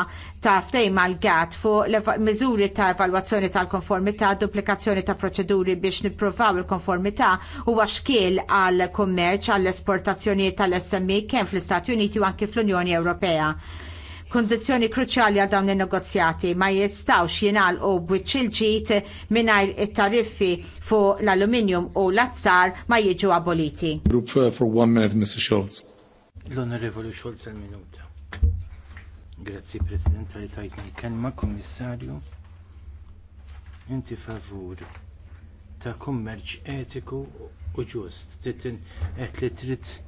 ta' ftej mal gat fuq miżuri ta' evalwazzjoni tal-konformità, duplikazzjoni ta' proċeduri biex nippruvaw il-konformità u għaxkil għall-kummerċ għall-esportazzjoni tal-SMI e kemm fl-Istati Uniti u anke fl-Unjoni Ewropea Kondizzjoni kruċjali għal dawn in-negozjati ma jistgħux jingħalqu bwiċċilġit mingħajr it-tariffi fuq l-alluminjum u l-azzar ma jiġu aboliti. Group uh, for one minute, Mr. Schultz. L-Onorevoli Schultz għal minuta. Grazzi President tal tajtni kelma komissarju. Inti favur ta' kummerċ etiku u ġust. Titin qed li trid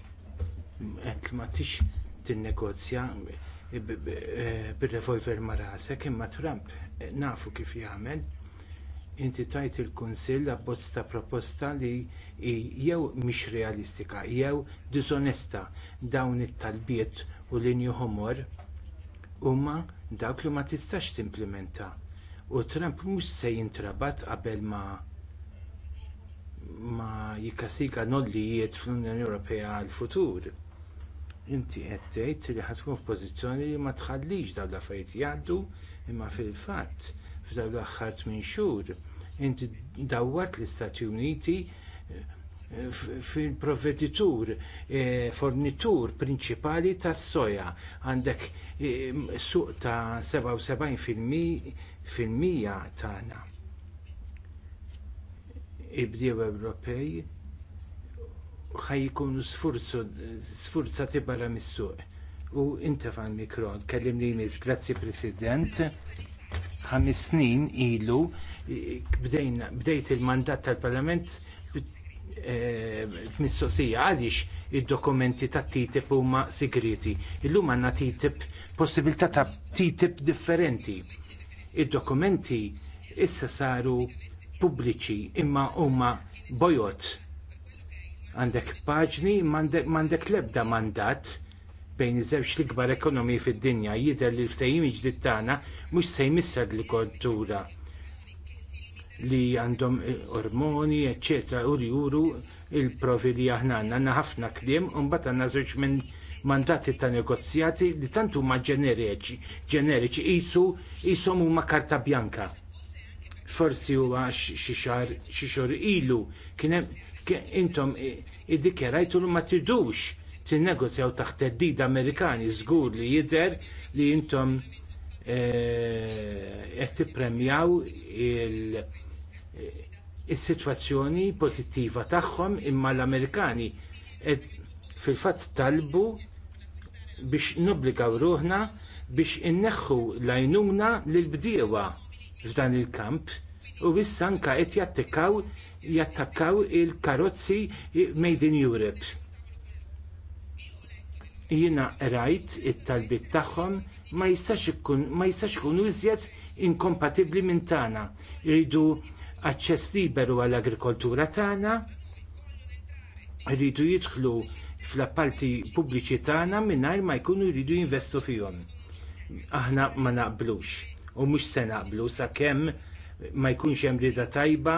qed ma tix tin-negozja bir-revolver eh, ma' rasek imma Trump eh, nafu kif jagħmel. Inti tajt il-Kunsill abbozz ta' proposta li jew mhix realistika jew disonesta dawn it-talbiet u linju homor huma dawk li ma tistax timplementa. U Trump mhux se jintrabat qabel ma ma nollijiet fl-Unjoni Ewropea għall futur inti qed tgħid li ħadd tkun f'pożizzjoni li ma tħallix dawn l-affarijiet jgħaddu imma fil-fatt f'dawn l-aħħar tmien xhur inti dawwart l-Istati Uniti eh, fil-provveditur eh, fornitur prinċipali tas soja għandek eh, suq ta' 77% tagħna. Il-bdiew Ewropej ħajkunu sfurzati barra mis-suq. U inta fan mikron, kellim li jmiss, grazzi President, ħames snin ilu bdejt il-mandat tal-Parlament eh, mistoqsija għaliex id-dokumenti ta' TTIP huma segreti. Illum għandna TTIP possibilità ta' TTIP differenti. Id-dokumenti issa saru pubbliċi imma huma bojot Għandek paġni m'għandek l-ebda mandat bejn iż-żewġ l-ikbar ekonomiji fid-dinja jidher li l-ftehim ġdid tagħna mhux se jmissar l-agrikoltura li għandhom eh, ormoni, eċċetera, u li juru l provi li aħna għandna ħafna kliem u mbagħad għandna żewġ minn mandati ta' negozjati li tant huma ġeneriċi, ġeneriċi qisu qishom huma karta bjanka forsi huwa xi xahar ilu kien hemm intom iddikjerajtu l ma t tinnegozjaw taħt teddida Amerikani żgur li jidher li intom e, qed tippremjaw e, is-sitwazzjoni pożittiva tagħhom imma l-Amerikani fil-fatt talbu biex nobligaw ruħna biex inneħħu l-għajnuna lill bdiewa f'dan il-kamp u issa anke qed jattikaw jattakkaw il-karozzi made in Europe. Jiena rajt it-talbit tagħhom ma jistax ikun ma jistax ikunu iżjed inkompatibbli minn tagħna. Iridu aċċess liberu għall agrikoltura tagħna, iridu jidħlu fl-appalti pubbliċi tagħna mingħajr ma jkunu jridu jinvestu fihom. Aħna ma naqblux u mhux se naqblu sakemm ma jkunx hemm rieda tajba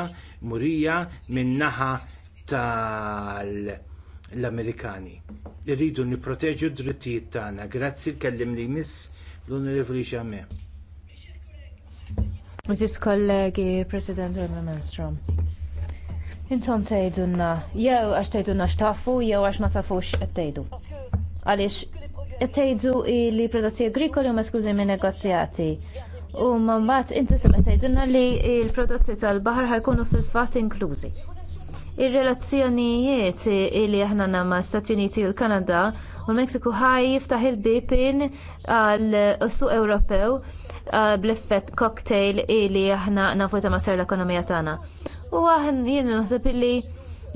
murija min-naħa tal-Amerikani. Irridu nipproteġu d-drittijiet tagħna. Grazzi l-kellim li miss l-Onorevoli Xame. Mrs. kollegi, President Roman Menstrom. Intom tgħidulna, jew għax tgħidulna x'tafu, jew għax ma tafux qed tgħidu. Għaliex qed tgħidu li prodotti agrikoli ma skużi minn negozjati u mbagħad inti tibqa' tgħidilna li l-prodotti tal-baħar ħajkunu fil-fatt inklużi. Ir-relazzjonijiet li aħna għandna ma' Stati Uniti u l-Kanada u l-Meksiku ħaj jiftaħ il-bibin għal suq Ewropew uh, bl-effett cocktail li aħna nafu ta' sar l-ekonomija tagħna. U aħna jien naħseb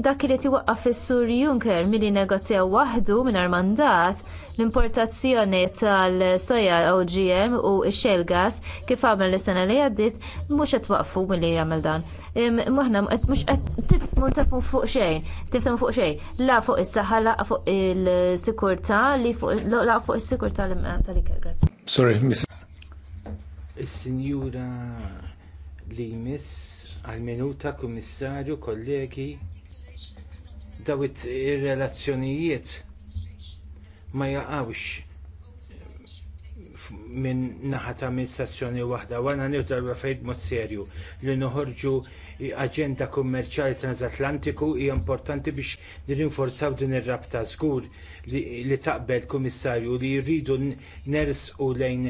dak li tiwaqqaf is-Sur Juncker milli negozja waħdu mingħajr mandat l-importazzjoni tal-soja OGM u x-xell gas kif għamel l-sena li għaddiet mhux qed waqfu milli jagħmel dan. Aħna mhux qed tifmu tafmu fuq xejn, tifmu fuq xejn, la fuq is-saħħa la fuq il-sikurtà li fuq la fuq is-sikurtà li tal-ikel. Grazzi. Sorry, miss. Is-sinjura li miss għal-minuta kummissarju kollegi daw ir-relazzjonijiet ma jaqgħux minn naħa ta' amministrazzjoni waħda u għana nifdar l mod serju li noħorġu aġenda kummerċjali transatlantiku hija importanti biex nirinforzaw din ir-rabta żgur li taqbel kummissarju li jridu ners u lejn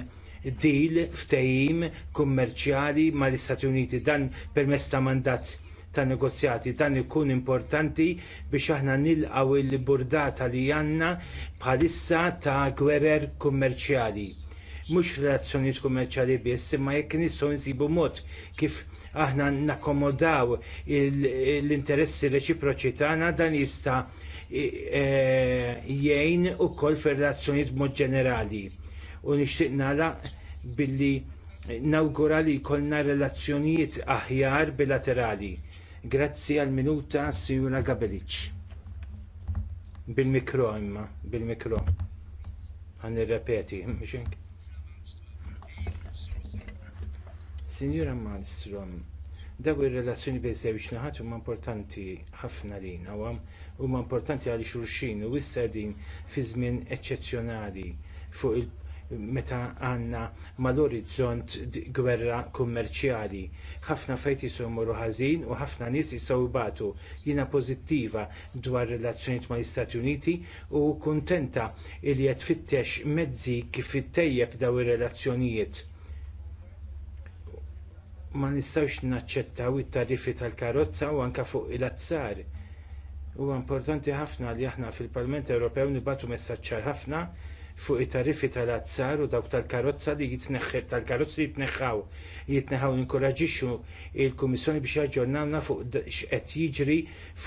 deal ftehim kummerċjali mal-Istati Uniti dan permezz ta' mandat ta' negozjati. Dan ikun importanti biex aħna nilqgħu l-burdata li għandna bħalissa ta' gwerer kummerċjali. Mhux relazzjonijiet kummerċjali biss, imma jekk nistgħu nsibu mod kif aħna nakkomodaw l-interessi reċiproċi tagħna dan jista' e, jgħin ukoll fir-relazzjonijiet mod ġenerali. U nixtieq nagħlaq billi nawgura li jkollna relazzjonijiet aħjar bilaterali Grazzi għal minuta Sijuna Gabelic. Bil-mikro imma, bil-mikro. Għan repeti, mxink. Sinjura Malmstrom, daw ir-relazzjoni bejn żewġ naħat huma importanti ħafna lina u huma importanti għal xulxin u issa din fi żmien eċċezzjonali fuq il- meta għandna mal-orizzont gwerra kummerċjali. ħafna fejt jisommu ħażin u ħafna nies jistgħu jbatu jiena pożittiva dwar relazzjonijiet mal-Istati Uniti u kuntenta li qed fittex mezzi kif ittejjeb daw ir-relazzjonijiet ma nistgħux naċċettaw it-tariffi tal-karozza u anke fuq il-azzar. Huwa importanti ħafna li aħna fil-Parlament Ewropew nibatu messaġġ ħafna fuq it-tariffi tal-azzar u dawk tal-karozza li jitneħħet tal-karozzi li jitneħħaw jitneħħaw inkoraġixxu l-Kummissjoni biex jaġġornawna fuq x'qed jiġri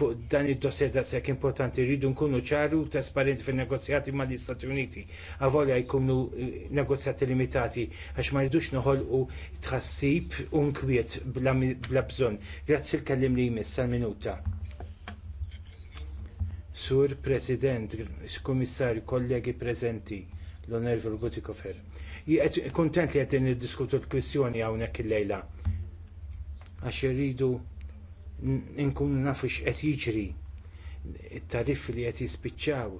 fuq dan id-dossier daqshekk importanti rridu nkunu ċaru u trasparenti fin-negozjati mal-Istati Uniti. Avolja jkunu eh, negozjati limitati għax ma rridux noħolqu tħassib u nkwiet bla bżonn. Grazzi l-kellim li jmiss minuta Sur President, Kummissarju, kollegi preżenti, l-Onervil Butikofer. Kuntent li qed niddiskutu l-kwistjoni hawnhekk illejla. Għax irridu nkunu nafu x'qed jiġri it-tariff li qed jispiċċaw.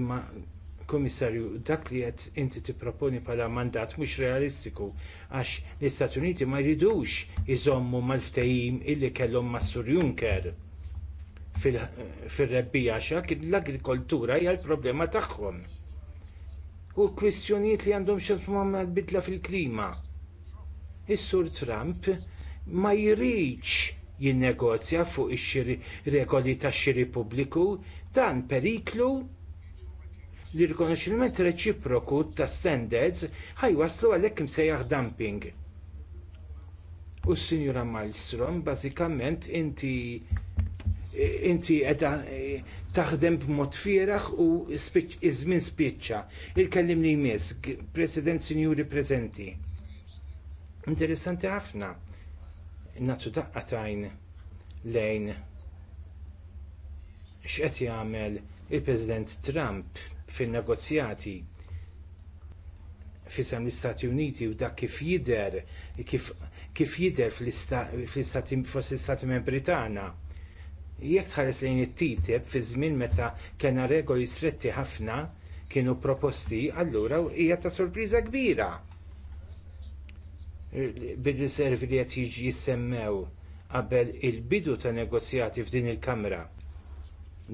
Imma Kummissarju, dak li qed inti tipproponi bħala mandat mhux realistiku għax l-Istati Uniti ma jridux iżommu mal-ftehim illi kellhom mas-Sur Juncker fil-rebbija xak l-agrikoltura hija l-problema tagħhom. U kwistjonijiet li għandhom xemma bidla fil-klima. Is-Sur Trump ma jridx jinnegozja fuq ix-xiri regoli tax-xiri pubbliku dan periklu li rikonoxxilment reċiproku ta' standards ħajwaslu għalhekk imsejjaħ dumping. U s-Sinjura Malmstrom bażikament inti inti qed taħdem b'mod fieraħ u iż-żmien spiċċa. Il-kellimni jmiss, President Sinjuri Preżenti. Interessanti ħafna. Natu daqqatajn lejn x'qed jagħmel il-President Trump fin-negozjati fisem l-Istati Uniti u dak kif jidher kif, kif jidher fl-Istati membri tagħna Jekk tħares lejn it-TTIP fi żmien meta kellna regoli stretti ħafna kienu proposti, allura hija ta' sorpriża kbira bil-riservi li qed jiġi jissemmew qabel il-bidu ta' negozjati f'din il-Kamra.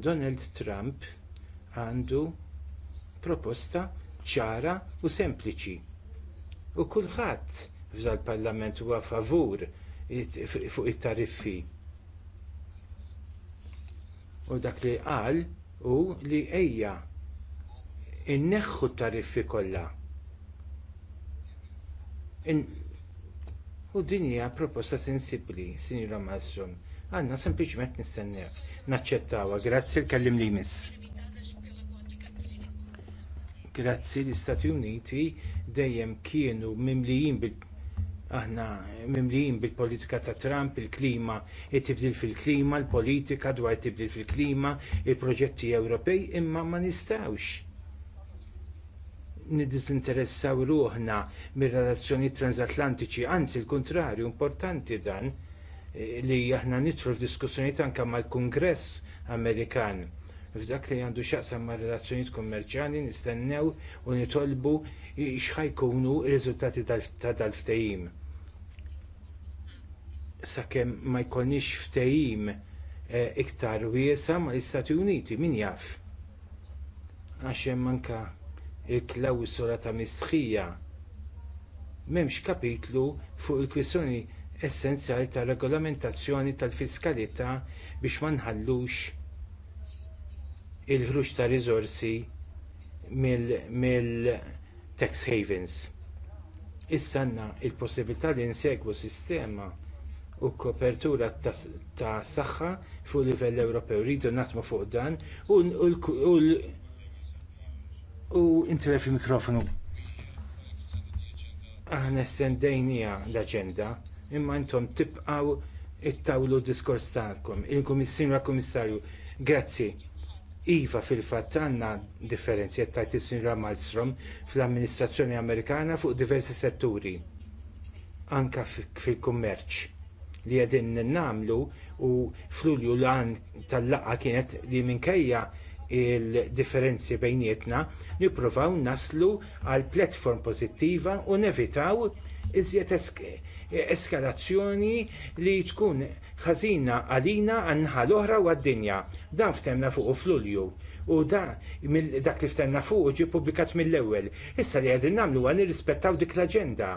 Donald Trump għandu proposta ċara u sempliċi. U kulħadd f'dal parlament huwa favur fuq it-tariffi u dak li qal hu li ejja inneħħu t-tariffi kollha. U din hija proposta sensibbli, Sinjur Malmström. Għandna sempliċement nistennew. Naċċettawha, grazzi l-kellim li miss. Grazzi l-Istati Uniti dejjem kienu mimlijin bil aħna mimlijin bil-politika ta' Trump, il-klima, it-tibdil fil-klima, l-politika dwar it-tibdil fil-klima, il-proġetti Ewropej, imma ma nistawx nidizinteressaw ruħna mir-relazzjoni transatlantiċi, anzi l-kontrarju importanti dan eh, li aħna nitru f'diskussjonijiet anke mal-Kungress Amerikan f'dak li għandu xaqsam ma' relazzjonijiet kummerċjali nistennew u nitolbu x'ħajkunu r riżultati ta' dal-ftehim sakemm ma jkollniex ftehim eh, iktar wiesa mal istati Uniti, min jaf? Għax hemm anke l klawsola ta' mistħija m'hemmx kapitlu fuq il-kwissjoni essenzjali tar regolamentazzjoni tal-fiskalità biex ma nħallux il-ħruġ ta' riżorsi mill-tax havens. Issa għandna l possibilità li nsegwu sistema u kopertura ta' saħħa fuq livell Ewropew. Rridu naħdmu fuq dan u u intilef il-mikrofonu. Aħna sendejnija l-aġenda imma intom tibqgħu ittawlu diskors tagħkom. Il-Kummissjoni Kummissarju, grazzi. Iva fil-fatt għandna differenzi għattajt il is Malmstrom fl-amministrazzjoni Amerikana fuq diversi setturi anke fil-kummerċ li qegħdin nagħmlu u f'Lulju l-għan tal laqgħa kienet li minkejja il-differenzi bejnietna nippruvaw naslu għal platform pożittiva u nevitaw iżjed eskalazzjoni li tkun ħażina għalina għanħa l-oħra u għad-dinja. Dan ftemna fuq f'Lulju. U da, dak li ftemna fuq ġie ppubblikat mill-ewwel. Issa li qegħdin namlu għan nirrispettaw dik l-aġenda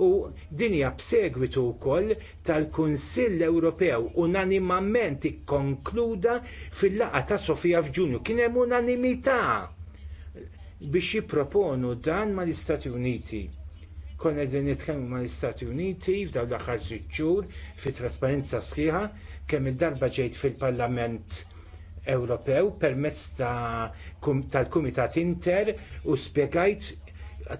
u dinja b'segwitu wkoll tal-Kunsill Ewropew unanimament ikkonkluda fil laqgħa ta' Sofija f'Ġunju. Kien hemm unanimità biex jipproponu dan mal-Istati Uniti. Konna din nitkellmu mal-Istati Uniti f'dawn l-aħħar sitt xhur fi trasparenza sħiħa kemm il-darba ġejt fil-Parlament Ewropew permezz tal-Kumitat Inter u spjegajt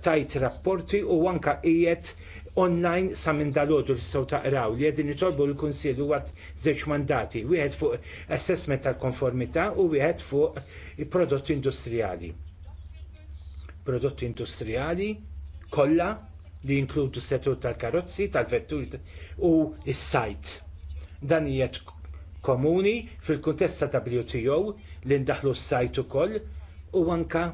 tajt rapporti u anke qiegħed online sa minn dalodu s-sew taqraw li qegħdin jitolbu l-Kunsill huwa żewġ mandati, wieħed fuq assessment tal-konformità u wieħed fuq prodotti industrijali. Prodotti industrijali kollha li jinkludu settur tal-karozzi, tal-vetturi u s-sajt. Dan jiet komuni fil-kuntest ta' WTO li ndaħlu s-sajt ukoll u anke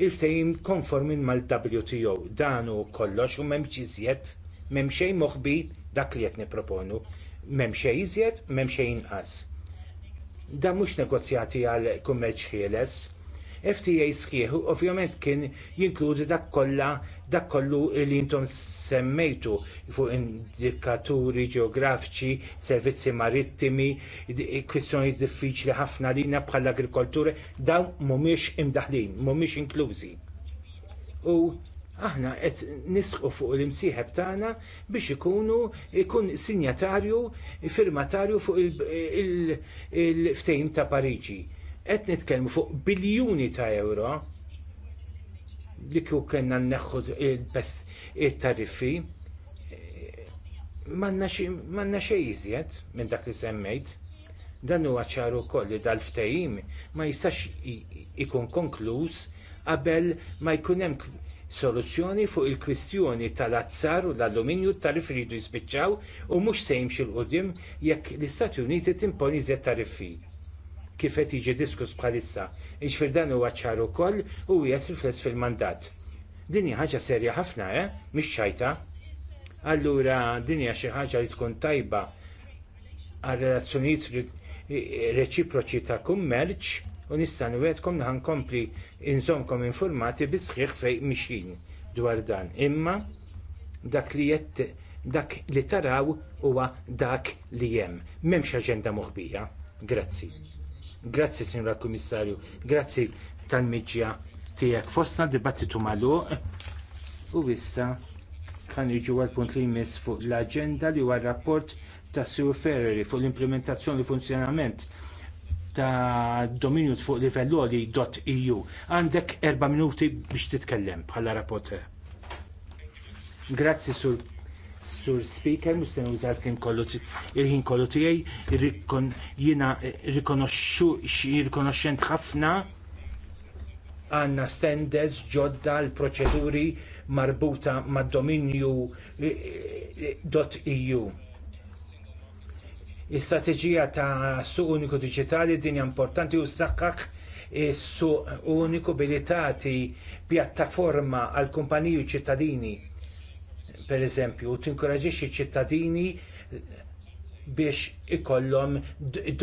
il-ftehim konformin mal-WTO. danu kollox u m'hemmx iżjed, m'hemm xejn moħħbi dak li qed nipproponu. M'hemm xejn iżjed, m'hemm xejn inqas. Dan mhux negozjati għal kummerċ ħieles. FTA sħieħu ovvjament kien jinkludi dak kollha dak kollu li intom semmejtu fuq indikaturi ġeografiċi, servizzi marittimi, kwistjonijiet diffiċli ħafna lina bħall agrikoltura dawn mhumiex imdaħlin, mhumiex inklużi. U aħna qed nisqu fuq l-imsieħeb tagħna biex ikunu ikun sinjatarju, firmatarju fuq il-ftehim ta' Pariġi. Qed nitkellmu fuq biljuni ta' euro li kju kena neħħu il-best il-tariffi manna xejżiet minn dak li semmejt dan huwa ċaru wkoll li dal-ftehim ma jistax ikun konkluż qabel ma jkun hemm soluzzjoni fuq il-kwistjoni tal-azzar u l-alluminju tarif ridu jispiċċaw u mhux se jimxi l qudiem jekk l-Istati Uniti timponi żjed tariffi kif qed jiġi diskuss bħalissa. Iġifier dan huwa ċar ukoll u qiegħed rifless fil-mandat. Din hija ħaġa serja ħafna, eh? Mhix ċajta. Allura din hija xi ħaġa li tkun tajba għal relazzjonijiet reċiproċi ta' kummerċ u nista' nwedkom naħan kompli inżomkom informati bi sħiħ fejn mixin dwar dan. Imma dak li jett dak li taraw huwa dak li hemm. M'hemmx aġenda moħbija. Grazzi. Grazzi, Signora Kommissarju, grazzi tal-miġja tiegħek. Fostna dibattitu magħluq u issa kan iġu għal punt li jmiss fuq l agenda li huwa r rapport ta' Sir Ferreri fuq l-implementazzjoni funzjonament ta' dominju fuq livelloli.eu. Għandek erba' minuti biex titkellem bħala rapporter. Grazzi sur Sur Speaker, mux se nuża l-ħin kollu il-ħin kollu tiegħi, jiena rikonoxxent ħafna għandna standards ġodda l-proċeduri marbuta mad-dominju .eu. Is-strateġija ta' suq uniku diġitali din hija importanti u saħħaħ is-suq uniku billi tagħti pjattaforma għall kumpaniji u ċittadini pereżempju, tinkoraġixxi ċittadini biex ikollhom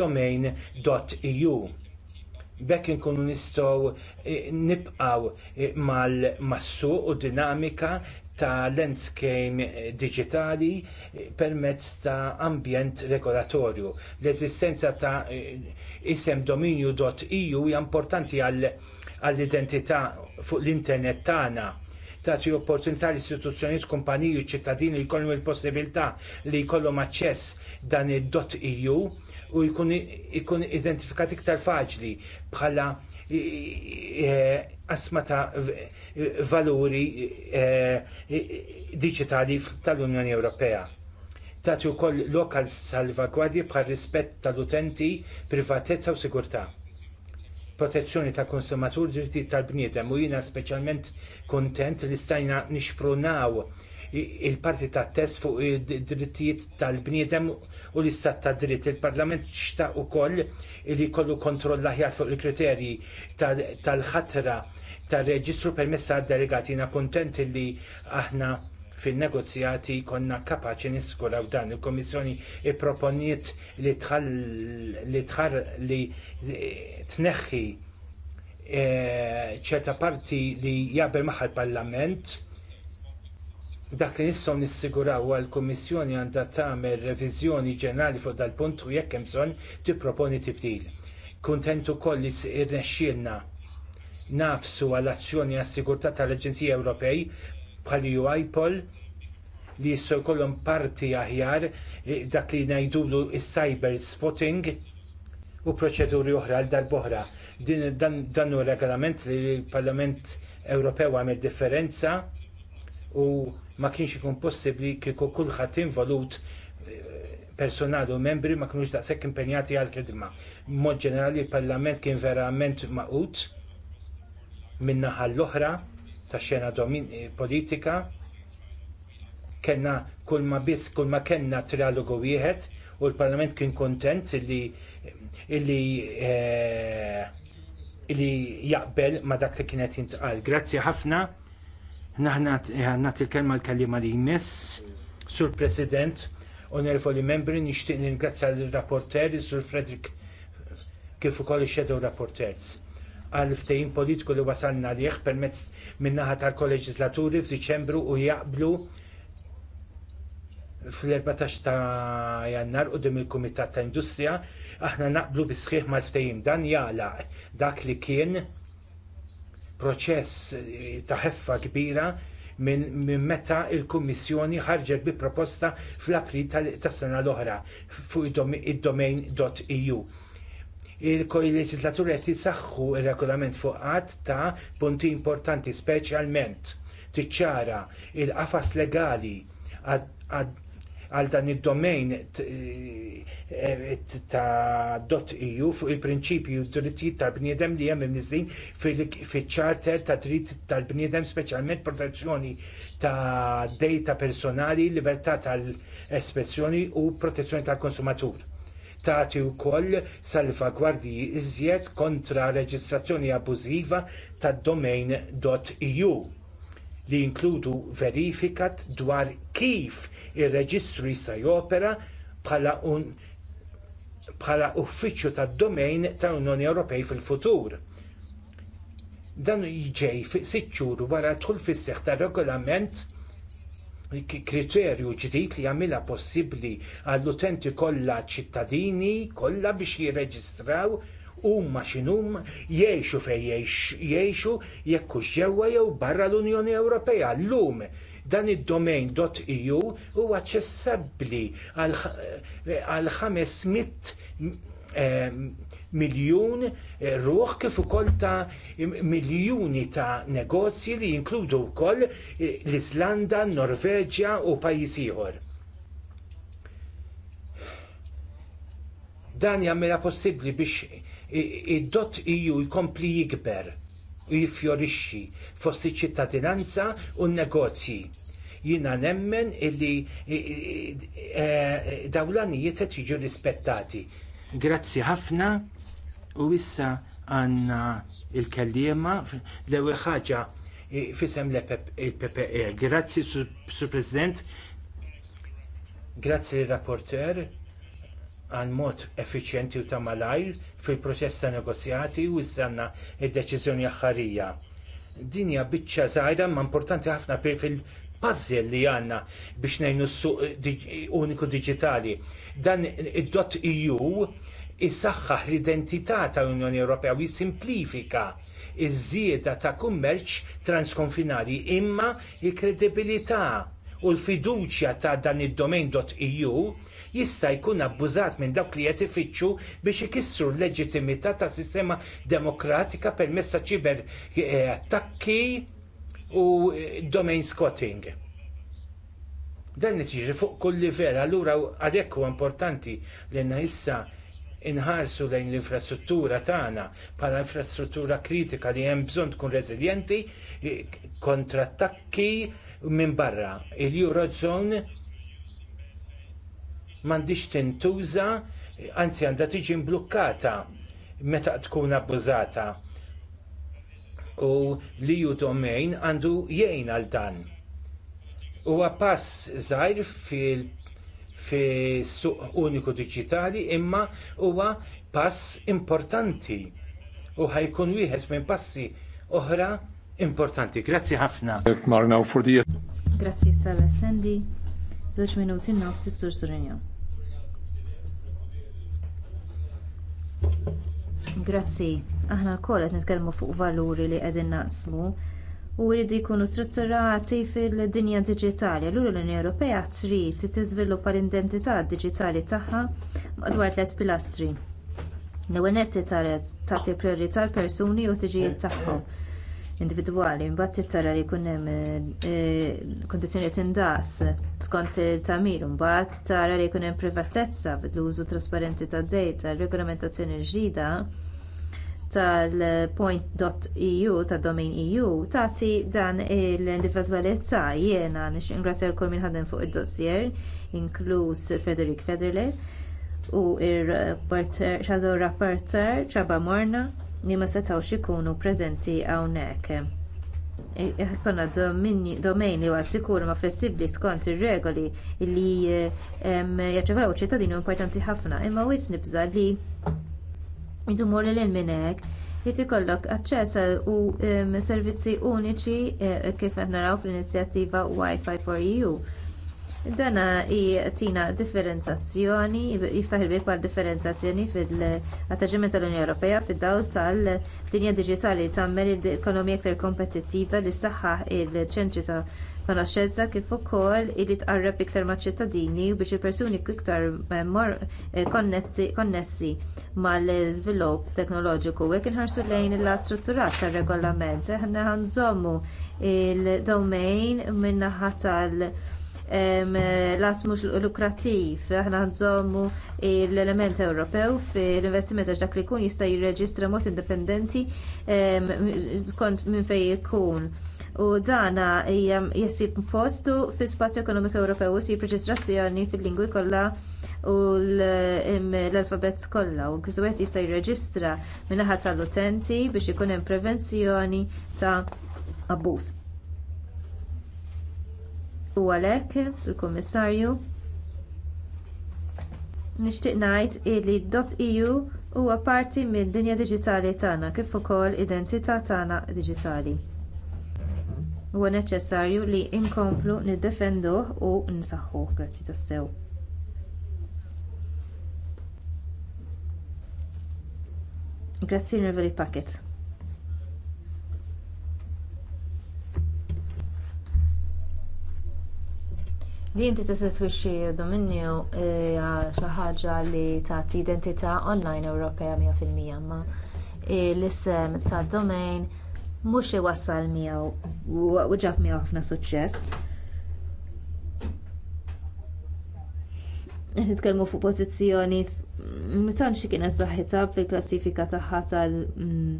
domain.eu. B'hekk inkunu nistgħu e, nibqgħu e, mal-massuq u dinamika ta' landscape e, digitali permezz ta' ambjent regolatorju. L-eżistenza ta' isem dominju.eu hija importanti għall-identità fuq l-internet tagħna tagħti opportunità l istituzzjonijiet kumpaniji u ċittadini li jkollhom il-possibilità li jkollhom aċċess dan id-dot EU u jkun identifikat iktar faċli bħala eh, asma ta' valuri eh, diġitali tal-Unjoni Ewropea u wkoll lokal salvagwardji bħal rispett tal-utenti, privatezza u sigurtà protezzjoni tal konsumatur drittijiet tal-bniedem u jiena speċjalment kuntent li stajna nixpronaw il-parti tat test fuq id-drittijiet tal-bniedem u l-istat ta' dritt. Il-Parlament xtaq ukoll li jkollu kontroll aħjar fuq il-kriterji tal-ħatra tar reġistru permessa tad delegati Jiena kuntent li aħna fin-negozjati konna kapaċi niskuraw dan. Il-Komissjoni ipproponiet li tħall li tħar li eh, tneħħi eh, ċerta parti li jaqbel maħal parlament dak li nistgħu nissiguraw għal kummissjoni għandha tagħmel reviżjoni ġenerali fuq dal-punt u jekk hemm bżonn tipproponi tibdil. Kuntent ukoll li irnexxielna nafsu għall azzjoni għas sigurtà tal-Aġenzija Ewropej ju Apple li jissu jkollhom parti aħjar eh, dak li ngħidulu s-cyber spotting u proċeduri oħra għal darb'oħra. Dan hu regolament li l-Parlament Ewropew għamil differenza u ma kienx ikun possibbli kieku kulħadd involut eh, personal u membri ma kinux daqshekk impenjati għal kidma. Mod ġenerali l parlament kien verament maqut min-naħa l-oħra tax xena eh, politika kellna kull ma biss kull ma kellna trialogu wieħed u l-Parlament kien kuntent illi illi eh, illi jaqbel ma dak li kienet jintqal. Grazzi ħafna. Naħna eh, nagħti il-kelma l-kalima li jmiss sur President onorevoli membri nixtieq ningrazzja l-rapporter sur Frederick kif ukoll ix-shadow rapporters għal ftehim politiku li wasalna lih permezz min-naħa tal-kolleġislaturi f'Diċembru u jaqblu fl-14 ta' jannar quddiem il-Kumitat ta' Industrija aħna naqblu bisħiħ sħiħ mal-ftehim dan jagħlaq dak li kien proċess eh, ta' heffa kbira minn min meta l kummissjoni ħarġet bi proposta fl-April tas-sena l-oħra fuq id-domain.eu il-kojleġislaturi qed jisaxħu r regolament fuq qatt ta' punti importanti speċjalment tiċċara l qafas legali għal dan id-domain e- ta' dot EU fuq il-prinċipju u d-drittijiet tal-bniedem li hemm imniżlin fiċ ċarter ta' dritt tal-bniedem speċjalment protezzjoni ta' dejta personali, libertà tal-espressjoni u protezzjoni tal-konsumatur tagħti wkoll salvagwardji iżjed kontra reġistrazzjoni abużiva tad-domain.eu li jinkludu verifika dwar kif ir-reġistru jista' jopera bħala un bħala uffiċċju tad-domain tal-Unjoni Ewropej fil-futur. Dan jiġej fi sitt xhur wara dħul fis seħħ tar regolament kriterju ġdid li jagħmilha possibbli għall-utenti kollha ċittadini kollha biex jirreġistraw huma x'inhum jgħixu fejn jgħixu jekk hux ġewwa jew barra l-Unjoni Ewropea llum dan id-domain .eu huwa aċċessabbli għal 500 miljun eh, ruħ kif ukoll ta' miljuni ta' negozji li jinkludu wkoll eh, l-Iżlanda, Norveġja u pajjiż ieħor. Dan jagħmilha possibbli biex id-dott EU jkompli jikber u jiffjorixxi fost iċ-ċittadinanza u n-negozji. Jiena nemmen illi eh, dawlanijiet qed jiġu rispettati. Grazzi ħafna. U issa għandna l kelliema l-ewwel ħaġa fisem l ppe Grazzi, Sur President, grazzi l-rapporter għal mod effiċjenti u ta' malajr fil-proċess ta' negozjati u issa għandna d deċiżjoni aħħarija. Din hija biċċa żgħira ma' importanti ħafna per fil-puzzle li għandna biex ngħinu s-suq uniku diġitali. Dan id-dot EU isaħħaħ l-identità tal-Unjoni Ewropea u jissimplifika iż-żieda ta' kummerċ transkonfinali imma l-kredibilità u l-fiduċja ta' dan id EU jista' jkun abbużat minn dawk li qed ifittxu biex ikissru l-leġittimità tas sistema demokratika permezz ta' ċiber eh, attakki u eh, domain squatting. Dan qed fuq kull livell, allura għalhekk huwa importanti li issa inħarsu lejn l-infrastruttura tagħna bħala infrastruttura kritika li hemm bżonn tkun reżiljenti kontra attakki minn barra. Il-Eurozone m'għandix tintuża, anzi għandha tiġi mblukkata meta tkun abbużata. U li ju domain għandu jgħin għal dan. Huwa pass żgħir fil fi suq uniku diġitali imma huwa pass importanti u ħajkun wieħed minn passi oħra importanti. Grazzi ħafna. Grazzi Sala Sendi. Żewġ minuti nofs sur Surinja. Grazzi. Aħna l qed nitkellmu fuq valuri li qegħdin naqsmu u jridu jkunu strutturati fid-dinja diġitali. Allura l-Unjoni Ewropea trid tiżviluppa l-identità diġitali tagħha madwar tliet pilastri. L-ewwel nett tagħti prijorità l-persuni u t-tiġijiet tagħhom individwali, mbagħad tittara li jkun hemm eh, kundizzjonijiet indaqs skont il-tamir, mbagħad tara li jkun hemm privatezza bl-użu trasparenti tad-dejta, regolamentazzjoni ġdida tal-point.eu tad-domain EU tagħti dan l-individwalità jiena nix ingrazzja l-kull min ħadem fuq id-dossier inkluż Frederick Federle u r-shadow rapporteur Csaba Morna li ma setgħux ikunu preżenti hawnhekk. Eh, konna domain li huwa sikur ma flessibbli skont ir-regoli li eh, jaċċevaw ċittadini importanti ħafna imma wis nibża li Jidu lil l minn hekk, ikollok aċċess għal servizzi uniċi eh, kif qed naraw fl-inizjattiva WiFi for EU. Dan tina differenzazzjoni, jiftaħ il-bib għal differenzazzjoni fil-attaġiment tal-Unjoni Ewropea fid-dawl tal-dinja diġitali tagħmel il ekonomija aktar kompetittiva li saħħa il-ċentri ta' konoxxenza mela, kif ukoll li tqarreb iktar maċ-ċittadini u biex il-persuni iktar eh, eh, konnessi mal-iżvilupp teknoloġiku hekk inħarsu lejn il strutturat tar-regolament aħna nżommu il-domain min-naħa tal- lat mhux lukrattiv, aħna nżommu l-element Ewropew fil-investiment għax dak li jkun jista' jirreġistra mod indipendenti kont minn fejn ikun u dana jessib postu fi spazju ekonomiku Ewropew u sib reġistrazzjoni fil-lingwi kollha u l-alfabet kollha u kizwet jista' jirreġistra min-naħa tal-utenti biex ikun hemm prevenzjoni ta' abbuż. U għalhekk, il-Kummissarju, nixtieq ngħid li .eu huwa parti minn dinja diġitali tagħna kif ukoll identità tagħna diġitali huwa neċessarju li nkomplu niddefenduh u nsaħħuh grazzi tassew grazzi onorevoli packett li inti tistitwixxi dominju hija eh, xi ħaġa li tagħti identità online ewropea 100% imma eh, l-isem tad-domain mhux li wassal miegħu u ġab miegħu ħafna suċċess. Qed nitkellmu fuq pożizzjoni tantx kienet saħħitha fil-klassifika tagħha mm,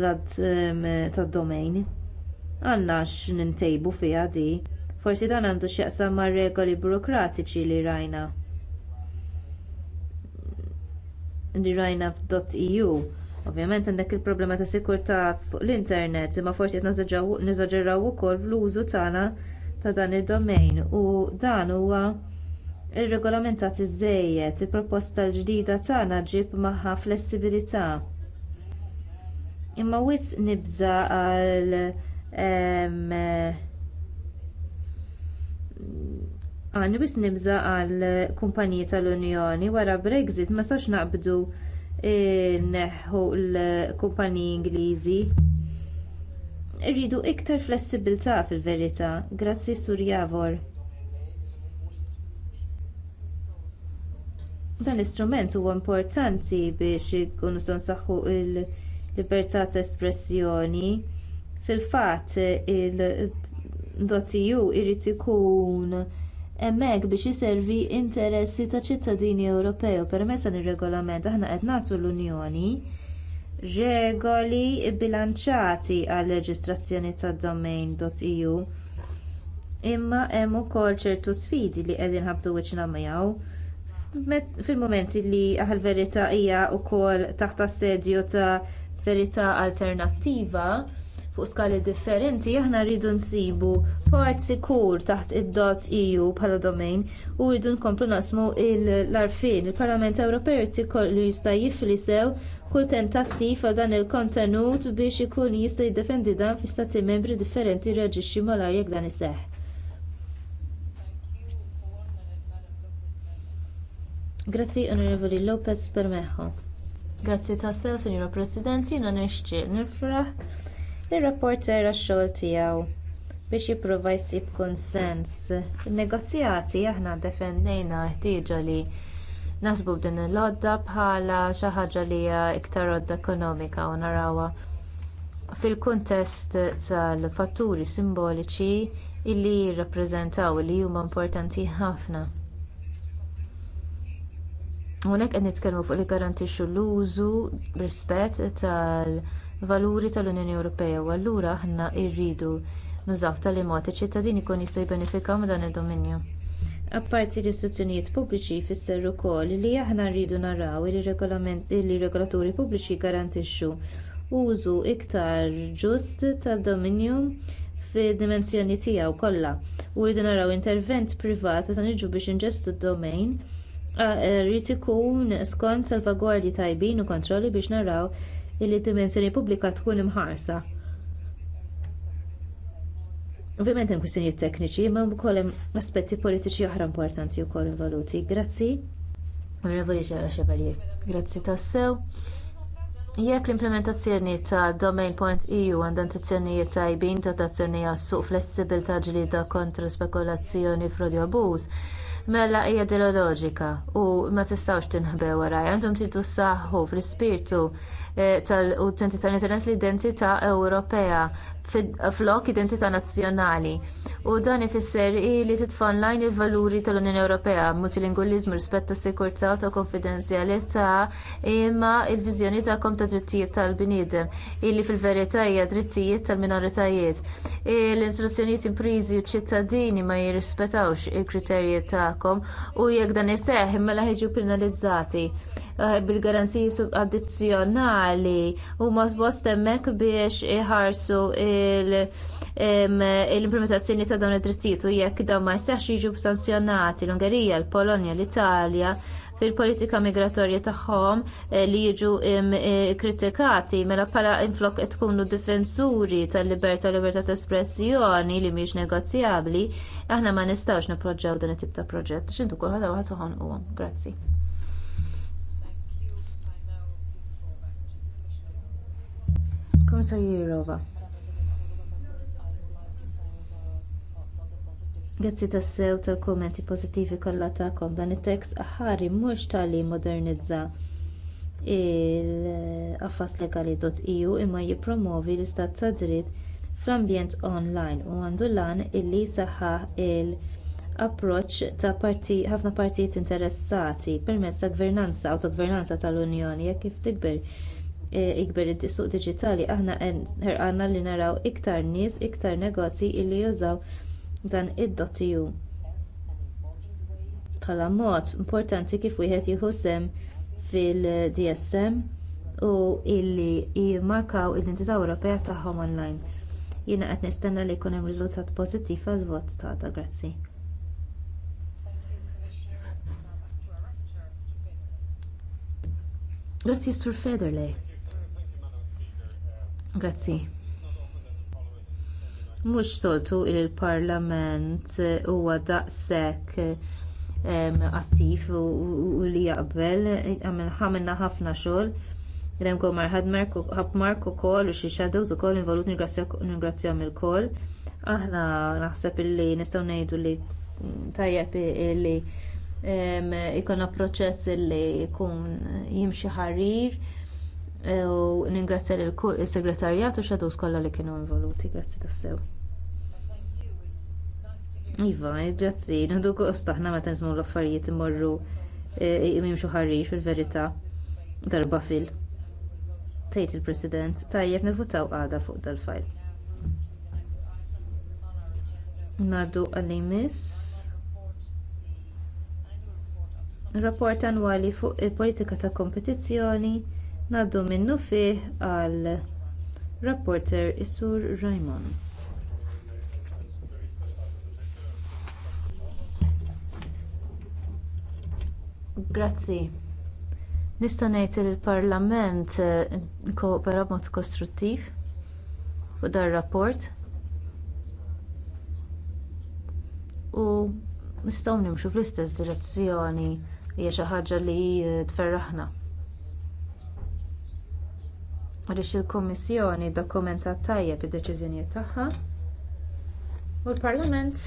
mm, tad-domain. Għandna x'nintejbu fiha di. Forsi dan għandu x'jaqsam mar-regoli burokratiċi li rajna. Li rajna f'dot EU Ovvjament għandek il-problema ta' sikurtà fuq l-internet, imma forsi qed niżaġġeraw ukoll l-użu tagħna ta' dan id-domain u dan huwa irregolamentat iżejjed. Il-proposta l-ġdida tagħna ġib magħha flessibilità. Imma wisq nibża għal għan wis nibża għal kumpaniji tal-Unjoni wara Brexit ma sax naqbdu neħħu l-kumpaniji Ingliżi. Irridu iktar flessibilità fil-verità. Grazzi Sur Javor. Dan l-istrument huwa importanti biex ikunu sansaħħu l libertà ta' espressjoni. Fil-fatt il-dotiju irrid ikun hemmhekk biex iservi interessi taċ ċittadini ewropej u permezz dan ir-regolament aħna qed nagħtu l-unjoni regoli bbilanċati għal-reġistrazzjoni tad-domain.eu imma hemm ukoll ċertu sfidi li qegħdin ħabtu wiċċna miegħu fil-mumenti li aħal-verità hija wkoll taħt assedju ta' verità alternattiva fuq skali differenti aħna rridu nsibu port sikur taħt id-dot EU bħala domain u rridu nkomplu naqsmu l-arfin. Il-Parlament Ewropew ikollu jista' jifli sew kull tentattiv għal dan il-kontenut biex ikun jista' jiddefendi dan fi stati membri differenti reġixxi malajr jekk dan iseħħ. Grazzi Onorevoli Lopez Bermejo. Grazzi tassew, Signora President, jina nixtieq nifraħ Ir-rapport sera għax-xogħol tiegħu biex jipprova jsib kunsens fin-negozjati aħna ddefendejna l-ħtieġa li naħsbu din il-għodda bħala xi ħaġa li hija iktar għodda ekonomika u narawha fil-kuntest tal-fatturi simboliċi li jirrappreżentaw li huma importanti ħafna hawnhekk qed nitkellmu fuq li jiggarantixxu l-użu b'rispett tal- valuri tal-unjoni ewropea u allura aħna rridu nużaw tal mod iċ-ċittadini jkunu jistgħu jibbenefikaw minn dan id-dominju apparti l-istituzzjonijiet pubbliċi jfisser ukoll li aħna rridu naraw li r-regolaturi pubbliċi jiggarantixxu użu iktar ġust tad-dominju fid-dimensjoni tiegħu kollha u rridu naraw intervent privat meta niġu biex inġestu d-domain irid eh, ikun skont salvagwardji tajbin u kontrolli biex naraw illi d-dimensjoni pubblika tkun imħarsa. Ovvjament hemm kwistjonijiet tekniċi, ma wkoll hemm aspetti politiċi oħra importanti wkoll involuti. Grazzi. Onorevoli Xevalier, grazzi tassew. Jekk l-implementazzjoni ta' Domain Point EU għandha intenzjonijiet tajbin ta' tazzjoni għas-suq flessibil ta' ġlida kontra spekulazzjoni frodi abuż, mela hija ideoloġika u ma tistgħux tinħbew warajja għandhom tidu saħħu fl-ispirtu Eh, tal-utenti tal-internet l-identità Ewropea flok identità nazzjonali. U dan ifisser li titfa' online il-valuri tal-Unjoni Ewropea, multilingualizmu, rispett ta' sikurtà ta' konfidenzjalità imma il-viżjoni tagħkom ta' drittijiet tal-bniedem illi fil-verità hija drittijiet tal-minoritajiet. L-istruzzjonijiet impriżi u ċittadini ma jirrispetawx il-kriterji tagħkom u jekk dan iseħħ imma mela ħeġu penalizzati. Eh, bil-garanziji addizzjonali huma bost hemmhekk biex iħarsu l-implementazzjoni ta' dawn id-drittijiet u jekk dawn ma jistax jiġu sanzjonati l-Ungerija, l-Polonja, l-Italja fil-politika migratorja tagħhom eh, li jiġu eh, kritikati mela bħala inflok qed tkunu difensuri tal-libertà u libertà ta' espressjoni li mhix negozjabbli, aħna ma nistgħux nipproġġew dan it-tip ta' proġett. X'intu kulħadd waħed uħon Grazzi. Komissarju Jirova. Grazzi sew tal-kummenti pożittivi kollha tagħkom dan it-tekst aħħari mhux tali modernizza il-qafas legali.eu imma jippromovi l-istat ta' dritt fl-ambjent online u għandu lan illi jsaħħaħ l-approċċ ta' ħafna partijiet interessati permezz ta' gvernanza u ta' gvernanza tal-unjoni jekk kif tikber Ikber id-suq diġitali aħna ħerqana li naraw iktar nies iktar negozji li jużaw dan id dottiju bħala mod importanti kif wieħed jieħu sehem fil-dsm u illi jimmarkaw l-identità Ewropea tagħhom online. Jiena qed nistenna li jkun hemm riżultat pożittiv għall-vot tagħna. Grazzi. Grazie, Sur Federley. Grazzi. Mhux soltu li l parlament eh, huwa daqshekk attiv u li jaqbel għamilna ħafna xogħol hemm Marhadmark ħabmark ukoll u xi shadows ukoll involut ningrazzjahom il Aħna naħseb illi nistgħu ngħidu li tajjeb li ikun proċess li jkun jimxi ħarir u ningrazzja l-segretarjat u xadu skolla li kienu involuti. Grazzi tassew. Iva, grazzi, nħdu kostaħna meta nismu l-affarijiet imorru e, e, imimxu ħarriġ fil-verita darba fil. Tejt il-President, tajjeb nivutaw għada fuq dal-fajl. Nadu għal-imis. Rapport annwali fuq il-politika ta' kompetizzjoni ngħaddu minnu fih qal rapporter is-sur raymond Grazzi. Nista' ngħid li l-Parlament ikkoopera eh, b'mod kostruttiv fuq dan ir-rapport. U nistgħu nimxu fl-istess direzzjoni hija xi ħaġa li eh, tferraħna għaliex il-kummissjoni ddokumentat tajjeb id-deċiżjonijiet tagħha u l-parlament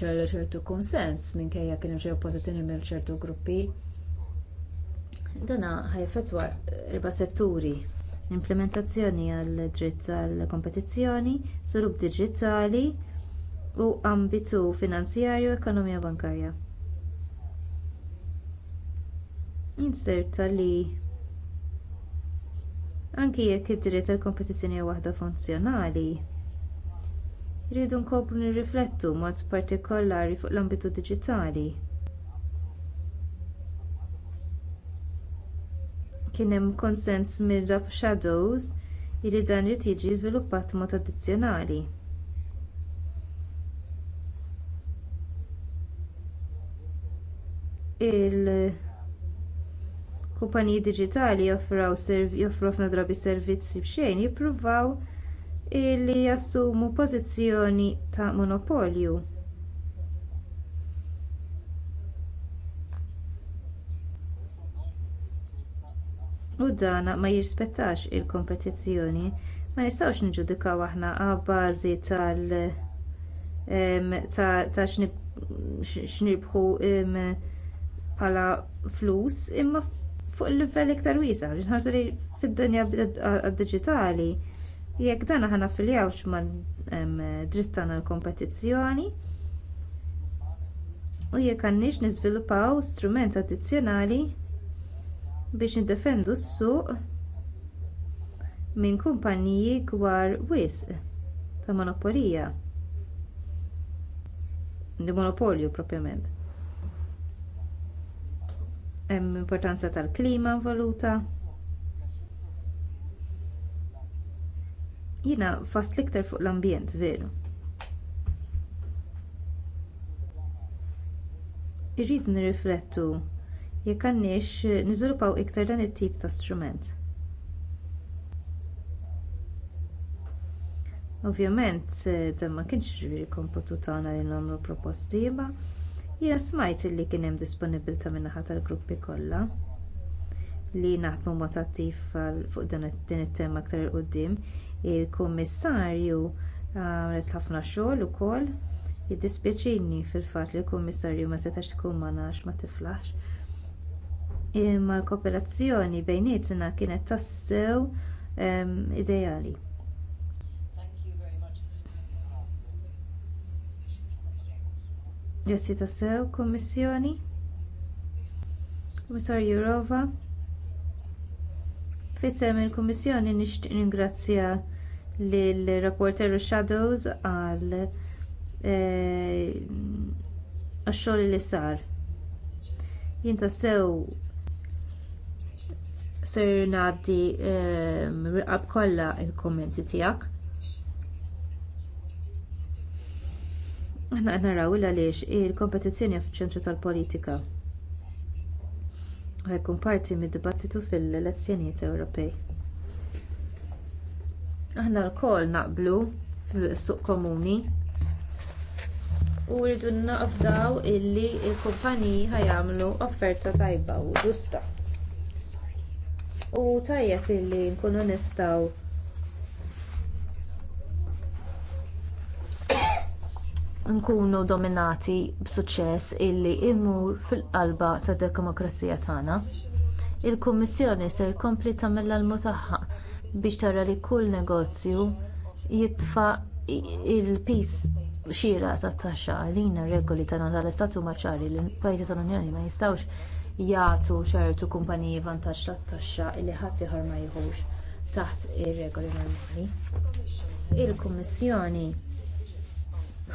ċellu ċertu kunsens minkejja kien hemm oppożizzjoni minn ċertu gruppi dan ħajeffettwa erba' setturi l-implementazzjoni għad-dritt tal-kompetizzjoni żvilupp diġitali u ambitu finanzjarju u ekonomija bankarja inserta li anki jekk id-dritt tal-kompetizzjoni hija waħda funzjonali irridu nkomplu nirriflettu b'mod partikolari fuq l-ambitu diġitali kien hemm konsens mir-shadows li dan irid jiġi żviluppat b'mod addizzjonali il- kumpaniji diġitali joffru ħafna drabi servizzi b'xejn jippruvaw li jassumu pożizzjoni ta' monopolju u dan ma jirrispettax il-kompetizzjoni ma nistgħux niġġudikaw aħna għabbażi tal ta' x'nirbħu bħala flus imma fuq il-livell iktar wiesa li li fid-dinja digitali jekk dan aħna affiljawx ma' dritt tagħna l-kompetizzjoni u jekk għandniex niżviluppaw strument addizzjonali biex niddefendu s-suq minn kumpaniji kbar wisq ta' monopolija li monopolju proprjament hemm importanza tal-klima involuta jiena fast iktar fuq l-ambjent veru Irrid nirriflettu jekk għandniex niżviluppaw iktar dan it-tip ta' strument ovvjament eh, dan ma kienx ġifieri kompetu tagħna li nagħmlu proposti imma Jiena smajt illi kien hemm disponibilità min-naħa tal-gruppi kollha li naħdmu mod attiv fuq din it-tema aktar il quddiem il-kummissarju ah, għamlet ħafna xogħol ukoll jiddispjaċini fil-fatt li l-kummissarju ma setax tkun magħna ma tiflaħx imma l-kooperazzjoni bejnietna kienet tassew ehm, ideali Grazzi tassew, Kummissjoni. Kummissarju Jurova? Fissem il-Kummissjoni nixtieq ningrazzja lill rapporteru Shadows għal għax-xogħol eh, li sar. Jien tassew Sir ngħaddi eh, rqab kollha l kummenti tiegħek. aħna qed naraw il għaliex il-kompetizzjoni fiċ-ċentru tal-politika u ħejkun parti mid-dibattitu fil-elezzjonijiet Ewropej. Aħna lkoll naqblu fil-suq komuni u rridu naqfdaw illi l-kumpaniji ħajamlu offerta tajba u ġusta u tajjeb illi nkunu nistgħu nkunu dominati b'suċċess illi jmur fil-qalba tad-demokrazija tagħna il-kummissjoni se jkompli tagħmel l-għalmu tagħha biex tara li kull negozju jitfa' il-piż xieraq tat-taxxa għalina r-regoli tagħna tal-istat huma ċari li l-pajjiżi tal-unjoni ma jistgħux jagħtu ċertu kumpaniji vantaġġ tat-taxxa li ħadd ieħor ma jieħux taħt ir-regoli normali il-kummissjoni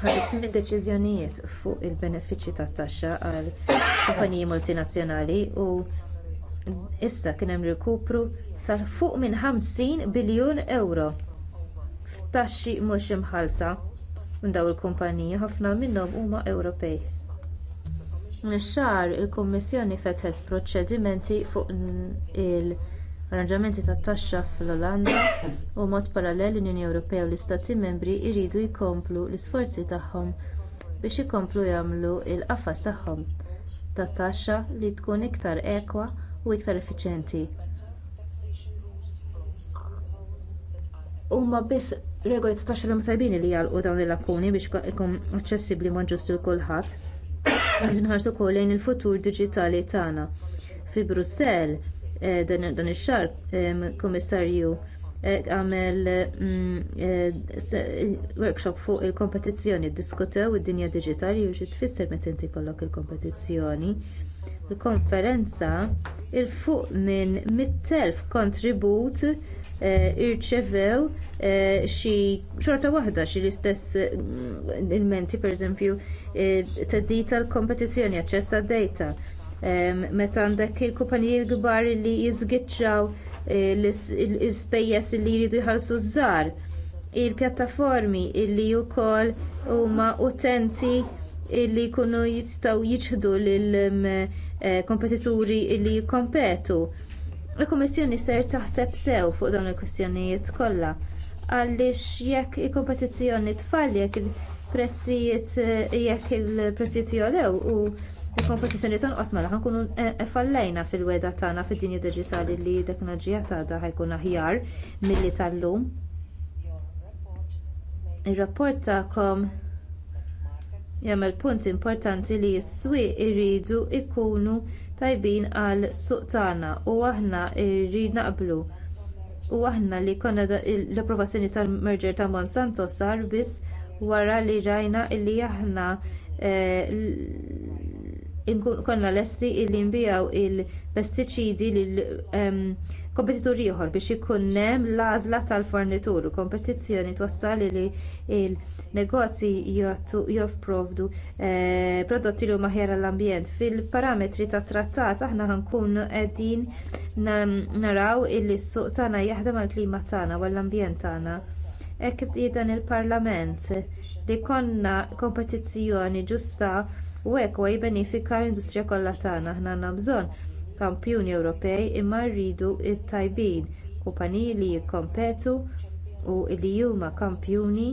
ħadet minn deċiżjonijiet fuq il-benefiċċji tat-taxxa għal kumpaniji multinazzjonali u issa kien hemm rikupru ta' fuq minn 50 biljun euro f'taxxi mhux imħallsa minn dawn il-kumpaniji ħafna minnhom huma Ewropej. Min xahar il-Kummissjoni fetħet proċedimenti fuq il- arranġamenti tat-taxxa fl-olanda u mod parallel l-unjoni ewropea u l-istati membri jridu jkomplu l-isforzi tagħhom biex ikomplu jagħmlu l-qafas tagħhom tat-taxxa li tkun iktar ekwa u iktar effiċjenti huma biss regoli ta' taxxa li tajbin li jgħalqu dawn il-lakuni biex ikun aċċessibbli ma' ġustu l kulħadd. Nħarsu wkoll lejn il-futur diġitali tagħna. Fi Brussell Eh, dan ix-xahar, eh, Kummissarju, eh, għamel mm, workshop fuq il-kompetizzjoni ddiskutew id-dinja diġitali u xi tfisser meta inti jkollok il-kompetizzjoni. Il-konferenza il fuq minn 100,000 kontribut irċevew xi xorta waħda xi l-istess ilmenti mm, pereżempju tad-dita l-kompetizzjoni aċċess għad-dejta meta għandek il-kumpaniji l-kbar li jiżgiċċaw eh, l-ispejjeż li jridu jħallsu żgħar il-pjattaformi li wkoll huma utenti li jkunu jistgħu jiġħdu lil eh, kompetituri li jikkompetu. Il-Kummissjoni ser taħseb sew fuq dawn il-kwistjonijiet kollha għaliex jekk il-kompetizzjoni tfal jekk il-prezzijiet eh, jekk il-prezzijiet jolew u il-kompetizzjoni tonqos mela ħankunu eh, fallejna fil-wegħda tagħna fid-dinja diġitali li t-teknoloġija tagħna ħajkun aħjar milli tal-lum ir-rapport tagħkom jagħmel punt importanti li s-swieq iridu jkunu tajbin għal suq tagħna u aħna rrid naqblu u aħna li konna l-approvazzjoni tal-merger ta' Monsanto sar biss wara li rajna li aħna eh, konna lesti li nbijaw il-pestiċidi lil kompetitur ieħor biex ikun hemm l-għażla tal-fornitur u kompetizzjoni twassal li il-negozji jipprovdu eh, prodotti li huma ħjar għall-ambjent. Fil-parametri tat trattat aħna nkunu qegħdin naraw illi s-suq tagħna jaħdem għall-klima tagħna u għall-ambjent tagħna. Hekk kif dan il-Parlament li konna kompetizzjoni ġusta u hekk huwa jibbenefika l-industrija kollha tagħna aħna għandna bżonn kampjuni ewropej imma rridu t-tajbin kumpaniji li jikkompetu u li huma kampjuni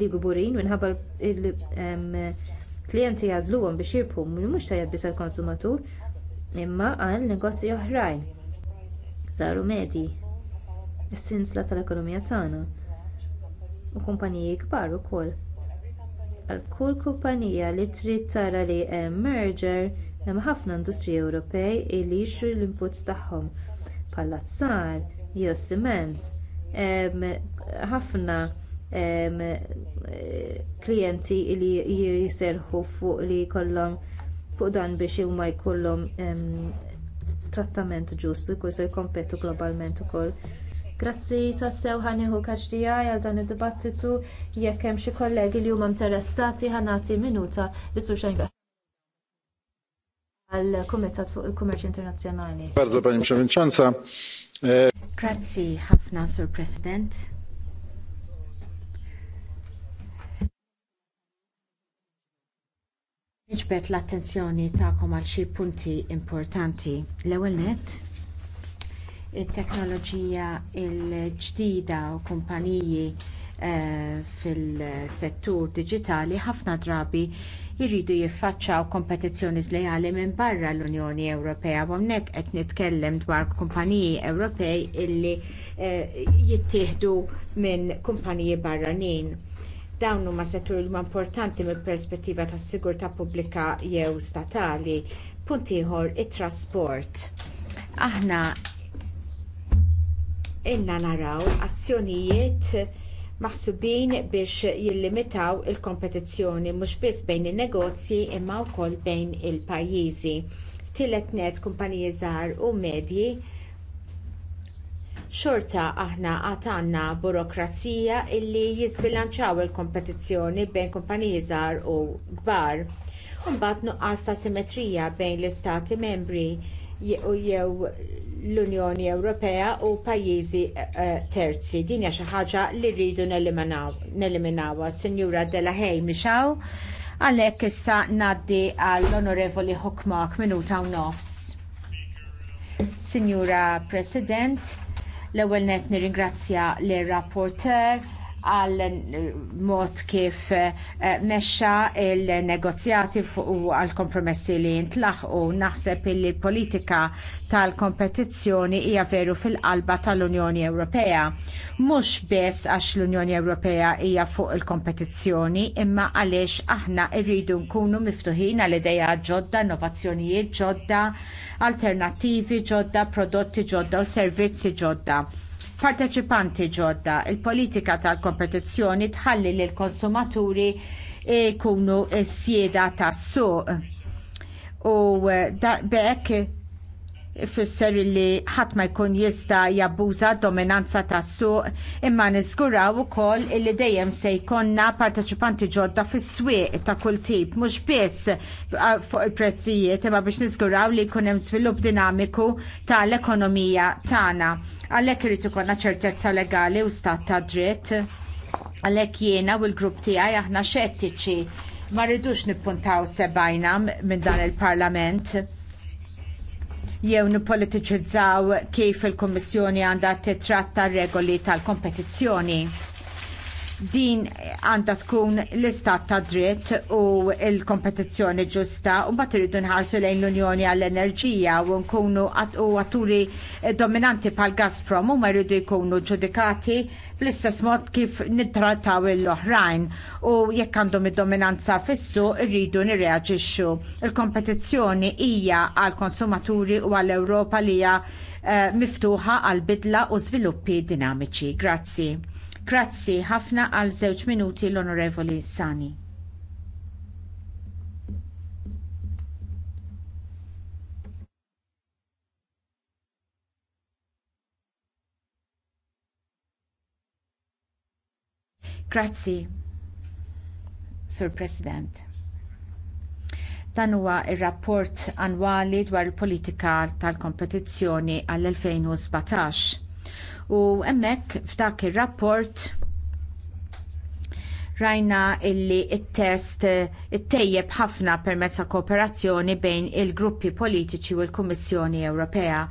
li kburin minħabba l-klijenti jażluhom biex jirbħu mhux tajjeb biss għall-konsumatur imma għal negozji oħrajn żgħar medji is-sinsla tal-ekonomija tagħna u kumpaniji kbar ukoll għal kull kumpanija li trid tara li hemm merger hemm ħafna industriji ewropej li jixtru l-inputs tagħhom bħall-azzar jew is-siment hemm ħafna klijenti li jiserrħu fuq li jkollhom fuq dan biex huma jkollhom trattament ġust u jkunu se jkompetu globalment ukoll Grazzi tassew ħaniħu kaċdijaj għal dan id-dibattitu jekk hemm xi kollegi li huma interessati ħanati minuta li sur xejn għal kumitat fuq il-kummerċ internazzjonali. Bardzo pani Przewodnicząca. E- Grazzi ħafna sur President. Niġbet l-attenzjoni tagħkom għal xi punti importanti. L-ewwel nett it-teknoloġija l ġdida u kumpaniji eh, fil-settur diġitali ħafna drabi jridu jiffaċċjaw kompetizzjoni żlejali minn barra l-Unjoni Ewropea u hawnhekk qed nitkellem dwar kumpaniji Ewropej illi eh, jittieħdu minn kumpaniji barranin. Dawn huma setturi huma importanti mill-perspettiva tas-sigurtà pubblika jew statali. Punt ieħor it-trasport. Aħna Inna naraw azzjonijiet maħsubin biex jillimitaw il-kompetizzjoni mhux biss bejn in-negozji imma wkoll bejn il-pajjiżi. Tielet nett kumpaniji żgħar u medji xorta aħna għad għandna burokrazija li jizbilanċaw il-kompetizzjoni bejn kumpaniji żgħar u kbar. Imbagħad nuqqas ta' simetrija bejn l-istati membri jew l-Unjoni Ewropea u pajjiżi eh, eh, terzi. Din hija xi ħaġa li rridu neliminawha. Sinjura Hej Mixaw, għalhekk issa ngħaddi għall-Onorevoli Hukmak minuta u nofs. Sinjura President, l-ewwel nett nirringrazzja lir rapporteur għal eh, mod kif eh, mexxa il-negozjati u għal kompromessi li jintlaħqu naħseb li l-politika tal-kompetizzjoni hija veru fil-qalba tal-Unjoni Ewropea. Mhux biss għax l-Unjoni Ewropea hija fuq il-kompetizzjoni imma għaliex aħna rridu nkunu miftuħin għal idea ġodda, innovazzjonijiet ġodda, alternattivi ġodda, prodotti ġodda u servizzi ġodda parteċipanti ġodda. Il-politika tal-kompetizzjoni tħalli li l-konsumaturi jkunu eh, s-sieda eh, tas-suq. U eh, bekk ifisser li ħadd ma jkun jista' jabbuża d dominanza tas-suq imma niżguraw ukoll li dejjem se jkollna parteċipanti ġodda fis-swieq ta' kull tip mhux biss fuq il-prezzijiet imma biex niżguraw li jkun hemm żvilupp dinamiku tal-ekonomija tagħna. Għalhekk irid ikollna ċertezza legali u stat ta' dritt. Għalhekk jiena u l-grupp tiegħi aħna xettiċi ma rridux nippuntaw sebajna minn dan il-parlament jew nipolitiċizzaw kif il-Kummissjoni għandha titratta regoli tal-kompetizzjoni din għandha tkun l-istat ta' dritt u l-kompetizzjoni ġusta u mbagħad iridu nħarsu lejn l-Unjoni għall-Enerġija u nkunu u atturi dominanti bħal Gazprom huma jridu jkunu ġudikati bl-istess mod kif nittrattaw l-oħrajn u jekk għandhom id-dominanza fissu rridu nirreaġixxu. Il-kompetizzjoni hija għall konsumaturi u għall-Ewropa li hija eh, miftuħa għal bidla u żviluppi dinamiċi. Grazzi. Grazzi ħafna għal żewġ minuti l-Onorevoli Sani. Grazzi, Sur President dan huwa r-rapport annwali dwar il-politika tal-kompetizzjoni għall-2017 u hemmhekk f'dak ir-rapport rajna illi t test ittejjeb ħafna permezz ta' kooperazzjoni bejn il-gruppi politiċi u l-Kummissjoni Ewropea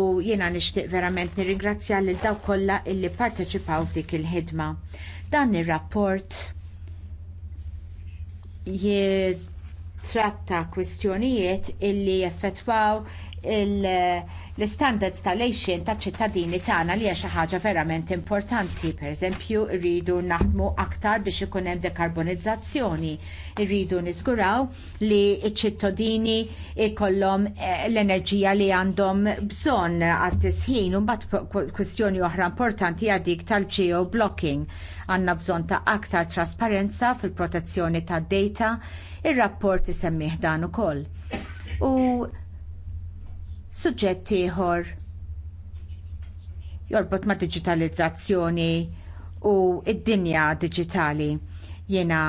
u jiena nixtieq verament nirringrazzja lil dawk kollha illi parteċipaw f'dik il-ħidma. Dan ir-rapport jitratta kwistjonijiet illi jeffettwaw l-standards tal-għejxin taċ ċittadini tagħna li hija xi ħaġa verament importanti. Pereżempju, rridu naħdmu aktar biex ikun hemm dekarbonizzazzjoni. Irridu niżguraw li ċ-ċittadini ikollhom eh, l-enerġija li għandhom bżonn għat-tisħin u mbagħad kwistjoni oħra importanti hija dik tal geoblocking blocking. Għandna bżonn ta' aktar trasparenza fil-protezzjoni tad data ir-rapport isemmih dan ukoll. U Suġġett ieħor jorbot ma' digitalizzazzjoni u id-dinja digitali. Jena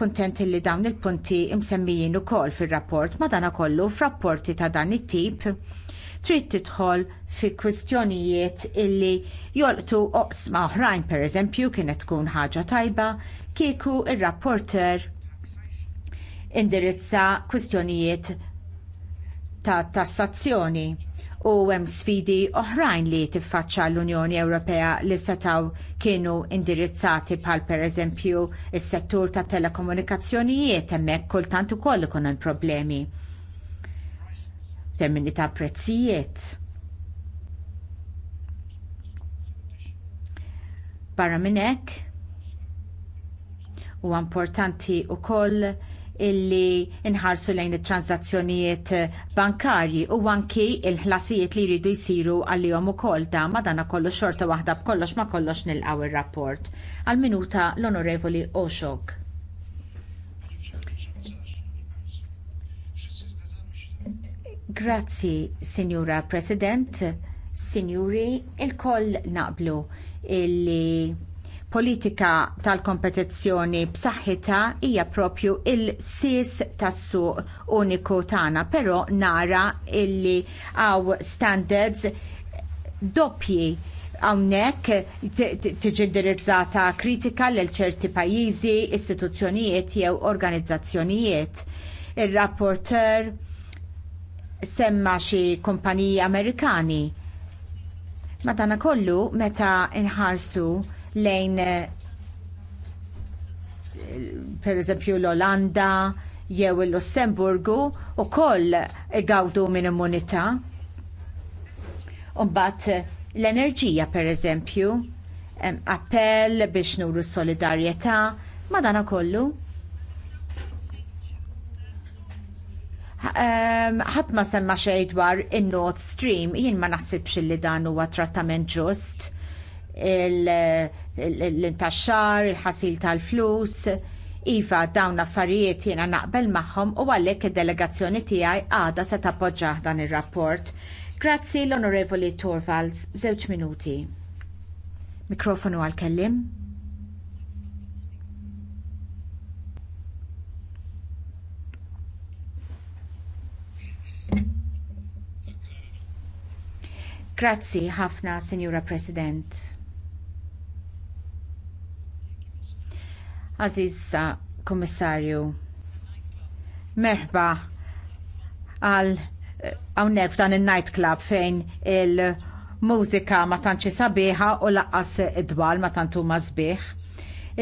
kontent li dawn il-punti imsemmijin ukoll fir rapport ma' dana kollu f'rapporti ta' dan it-tip trid tidħol fi kwistjonijiet illi jolqtu oqsma oħrajn pereżempju kienet tkun ħaġa tajba kieku ir rapporter indirizza kwistjonijiet ta' tassazzjoni u hemm sfidi oħrajn li tiffaċċa l-Unjoni Ewropea li setgħu kienu indirizzati bħal pereżempju s settur tat telekomunikazzjonijiet hemmhekk kultant ukoll ikun hemm problemi. Termini ta' prezzijiet. Barra minn hekk huwa importanti wkoll illi inħarsu lejn it-transazzjonijiet bankarji u anki il-ħlasijiet li jridu jsiru għalihom ukoll da madana kollu xorta waħda b'kollox ma kollox nilqaw ir-rapport. Għal minuta l-Onorevoli Oxog. Grazzi, Signora President, Signori, il-koll naqblu illi politika tal-kompetizzjoni b'saħħitha hija proprju il-sis tas-suq uniku tagħna, però nara illi hawn standards doppji hawnhekk tiġi indirizzata kritika lil ċerti pajjiżi, istituzzjonijiet jew organizzazzjonijiet. Ir-rapporter semma xi kumpaniji Amerikani. Madana kollu meta inħarsu lejn eh, per eżempju l-Olanda jew il-Lussemburgu u koll gawdu minn immunità. Umbat eh, l-enerġija per eżempju, appell biex nuru s-solidarjetà, dana kollu. ħadd ma semma xejn dwar in-Nord Stream, jien ma naħsibx li dan huwa trattament ġust l-intaxxar, il-ħasil tal-flus. Iva, dawn affarijiet jiena naqbel magħhom u għalhekk id-delegazzjoni tiegħi għadha se tappoġġjah dan ir-rapport. Grazzi l-Onorevoli Torvalds, żewġ minuti. Mikrofonu għal-kellim. Grazzi ħafna, Signora President. Aziz Komissarju, merħba għal eh, hawnhekk f'dan il-night club fejn il-mużika ma tantx sabiħa u laqqas id-dwal ma tant huma sbiħ.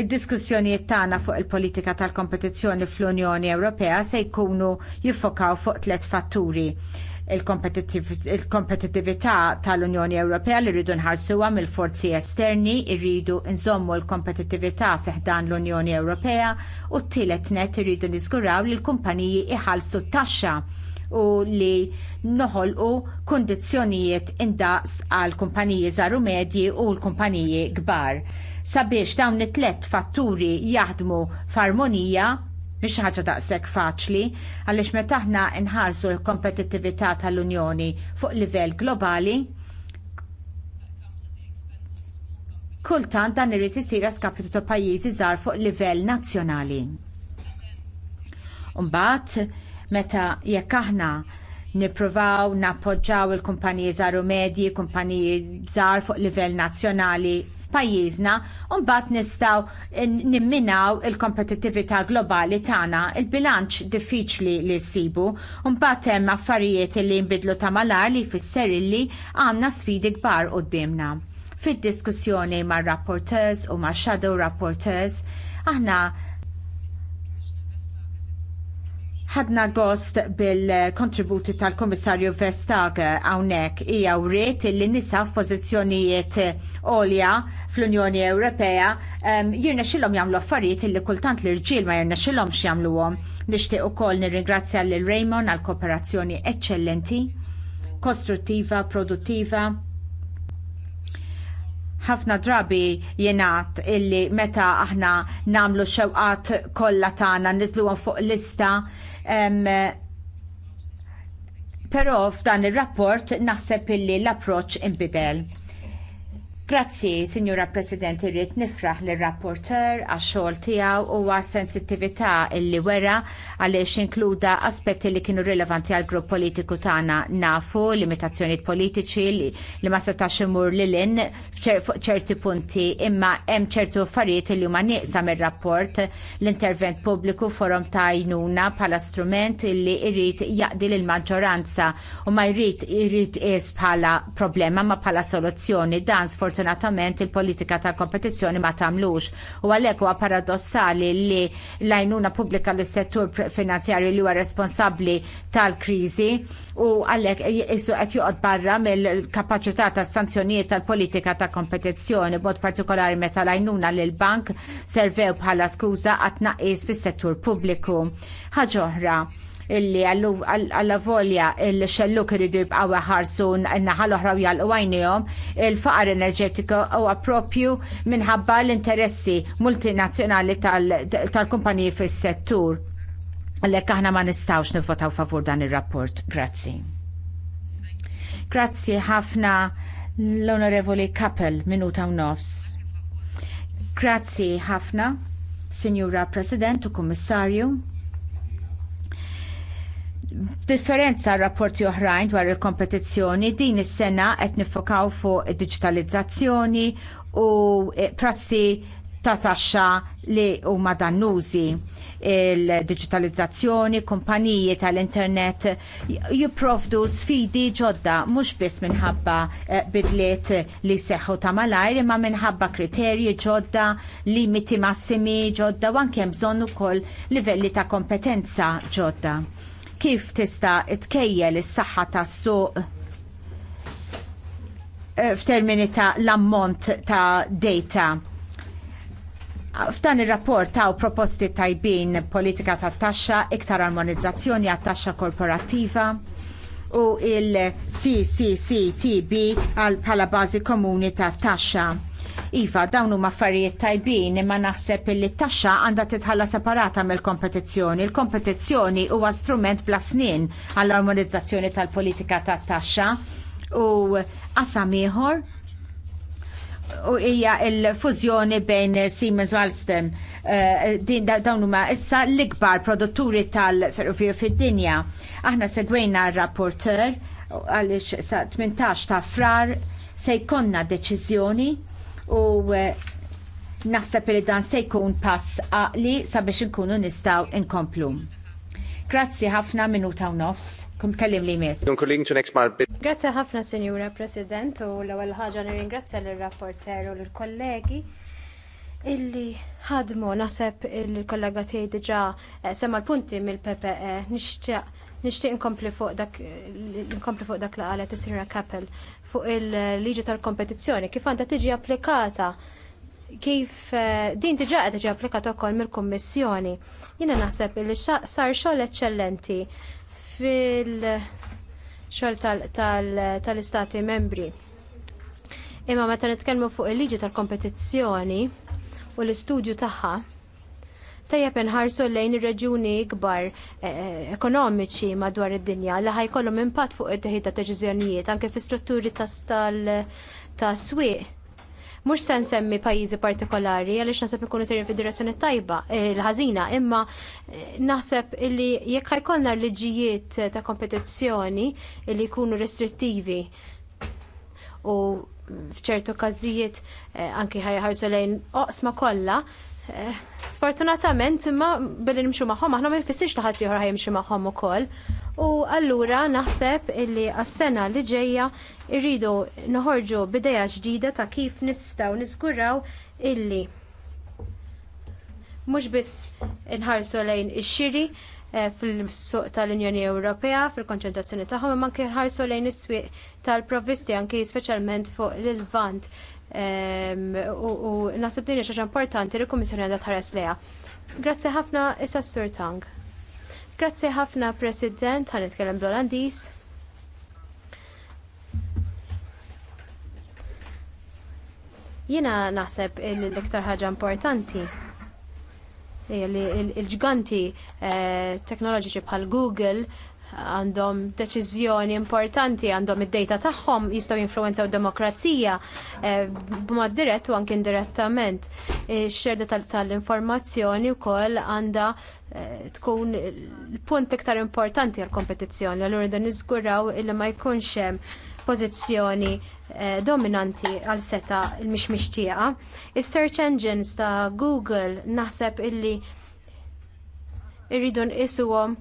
id-diskussjonijiet tagħna fuq il-politika tal-kompetizzjoni fl-Unjoni Ewropea se jkunu jiffokaw fuq tliet fatturi il-kompetittività tal-Unjoni Ewropea li rridu nħarsuha mill-forzi esterni, irridu nżommu l-kompetittività fiħdan l-Unjoni Ewropea u t-tielet net irridu niżguraw li l-kumpaniji iħallsu taxxa u li noħolqu kundizzjonijiet indaqs għal kumpaniji żaru medji u l-kumpaniji kbar. Sabiex dawn it-tlet fatturi jaħdmu f'armonija Mhix ħaġa daqshekk faċli għaliex meta aħna nħarsu l-kompetittività tal-Unjoni fuq livell globali kultant dan irid isir skapitu ta' pajjiżi żgħar fuq livell nazzjonali. Mbagħad meta jekk aħna nippruvaw nappoġġaw il-kumpaniji żgħar u medji, kumpaniji żgħar fuq livell nazzjonali f'pajjiżna u mbagħad nistgħu eh, nimminaw il-kompetittività globali tagħna. Il-bilanċ diffiċli li jsibu u mbagħad hemm affarijiet li jinbidlu ta' malar li fisser illi għandna sfidi kbar qudiemna. Fid-diskussjoni mar rapporteurs u ma' shadow rapporteurs aħna ħadna gost bil-kontributi tal-Komissarju Vestag hawnhekk hija wriet li nisa f'pożizzjonijiet għolja fl-Unjoni Ewropea jirna xilhom jagħmlu affarijiet illi kultant l-irġiel ma jirna xilhom x'jagħmluhom. Nixtieq ukoll nirringrazzja lil Raymond għal kooperazzjoni eċċellenti, kostruttiva, produttiva ħafna drabi jenat illi meta aħna namlu xewqat kollha tagħna niżluhom fuq lista Però f'dan ir rapport naħseb illi l approċċ inbidel. Grazzi, Signora President, irrit nifraħ l rapporteur għax xogħol tiegħu u għas sensittività illi wera għaliex inkluda aspetti li kienu rilevanti għal grupp politiku tagħna nafu, limitazzjonijiet politiċi li, li ma setax imur lil in fuq ċerti punti, imma hemm ċertu affarijiet li huma nieqsa mir-rapport l-intervent pubbliku forum ta' jnuna bħala strument illi jrid jaqdi lil maġġoranza u ma jrid jrid is bħala problema ma bħala soluzzjoni dan sforz sfortunatament il-politika tal kompetizzjoni ma tagħmlux. U għalhekk huwa paradossali li l-għajnuna pubblika lis settur finanzjarju li huwa responsabbli tal-kriżi u għalhekk isu qed joqgħod barra mill-kapaċità tas-sanzjonijiet tal-politika ta' kompetizzjoni b'mod partikolari meta l-għajnuna lil bank servew bħala skuża għat-tnaqqis fis-settur pubbliku. Ħaġa oħra, illi għalla volja il-xelluk iridu jibqaw ħarsu naħal oħra jgħalqu għajnijom, il-faqar enerġetiku huwa għapropju minħabba l-interessi multinazzjonali tal-kumpaniji fis-settur. Għallek aħna ma nistawx nivvotaw favur dan ir-rapport. Grazzi. Grazzi ħafna l-Onorevoli Kappel minuta u nofs. Grazzi ħafna, Signora President u Kommissarju. Differenza rapporti oħrajn dwar il-kompetizzjoni din is-sena qed nifokaw fuq id-diġitalizzazzjoni u eh, prassi ta' taxxa li huma dannużi il-digitalizzazzjoni, kumpaniji tal-internet jipprovdu sfidi ġodda mhux biss minħabba eh, bidliet li seħħu ta' malajr imma minħabba kriterji ġodda, limiti massimi ġodda u anke bżonn ukoll livelli ta' kompetenza ġodda kif tista' tkejjel is-saħħa tas-suq eh, f'termini ta' l-ammont ta' data. F'dan ir-rapport taw proposti tajbin politika tat taxxa, iktar armonizzazzjoni għat taxxa korporattiva u il-CCCTB għal bħala bażi komuni tat taxxa Iva, dawn huma affarijiet tajbin imma naħseb li t-taxxa għandha titħalla separata mill-kompetizzjoni. Il-kompetizzjoni huwa strument bla snin għall-armonizzazzjoni tal-politika tat-taxxa u qasam ieħor u hija l-fużjoni bejn Siemens u Alstom. Eh, din dawn huma issa l-ikbar produtturi tal-ferrovija fid-dinja. Aħna segwejna r-rapporter għaliex sa 18 ta' frar se jkollna deċiżjoni u eh, naħseb li dan se jkun pass għaqli sabiex inkunu nistgħu inkomplu. Grazzi ħafna minuta u nofs. Kum kellim li mis. Grazzi ħafna, Senjura President, u l-ewwel ħaġa nirringrazzja lir-rapporter u lill-kollegi illi ħadmu naħseb il-kollega tiegħi diġà eh, sema l-punti mill-PPE nixtieq Nixtieq inkompli fuq dak inkompli fuq dak li qalet is-Sinjura Kappel fuq il-liġi tal-kompetizzjoni kif għandha tiġi applikata kif eh, din diġà qed tiġi applikata wkoll mill-Kummissjoni. Jiena naħseb li sar xogħol eċċellenti fil xogħol tal-istati membri. Imma meta nitkellmu fuq il-liġi tal-kompetizzjoni u l-istudju tagħha, Tajjeb inħarsu lejn ir-reġjuni kbar eh, eh, ekonomiċi madwar id-dinja li ħajkollhom impatt fuq it-teħid ta' deċiżjonijiet anke fi strutturi tas-swieq. Mhux se nsemmi pajjiżi partikolari għaliex naħseb ikunu sejrin fid-direzzjoni tajba eh, l-ħażina, imma naħseb li jekk ħajkollna liġijiet ta' kompetizzjoni li jkunu restrittivi u f'ċertu każijiet anke ħajħarsu lejn oqsma kollha, Eh, sfortunatament, imma billi nimxu magħhom aħna ma jfissirx li ħadd ieħor ħajimxi magħhom ukoll. U allura naħseb illi għas-sena li ġejja irridu noħorġu bidejja ġdida ta' kif nistgħu niżguraw illi mhux biss inħarsu lejn ix-xiri eh, fil-suq tal-Unjoni Ewropea fil-konċentrazzjoni tagħhom imma anke nħarsu lejn is-swieq tal-provvisti anke speċjalment fuq l vant u naħseb din xaġa importanti li l-Kummissjoni għandha tħares lejha. Grazzi ħafna issa Sur Tang. Grazzi ħafna President itkellem bl-Olandiż. Jiena naħseb l-iktar ħaġa importanti il-ġganti eh, teknoloġiċi bħal Google għandhom deċiżjoni importanti, għandhom id-dejta tagħhom jistgħu jinfluwenzaw demokrazija eh, b'mod dirett u anke indirettament. Ix-xerda tal-informazzjoni wkoll għandha eh, tkun l-punt iktar importanti għall kompetizzjoni allura dan niżguraw li ma jkunx hemm pożizzjoni eh, dominanti għal seta mhix mixtieqa. Is-search engines ta' Google naħseb illi irridu nqisuhom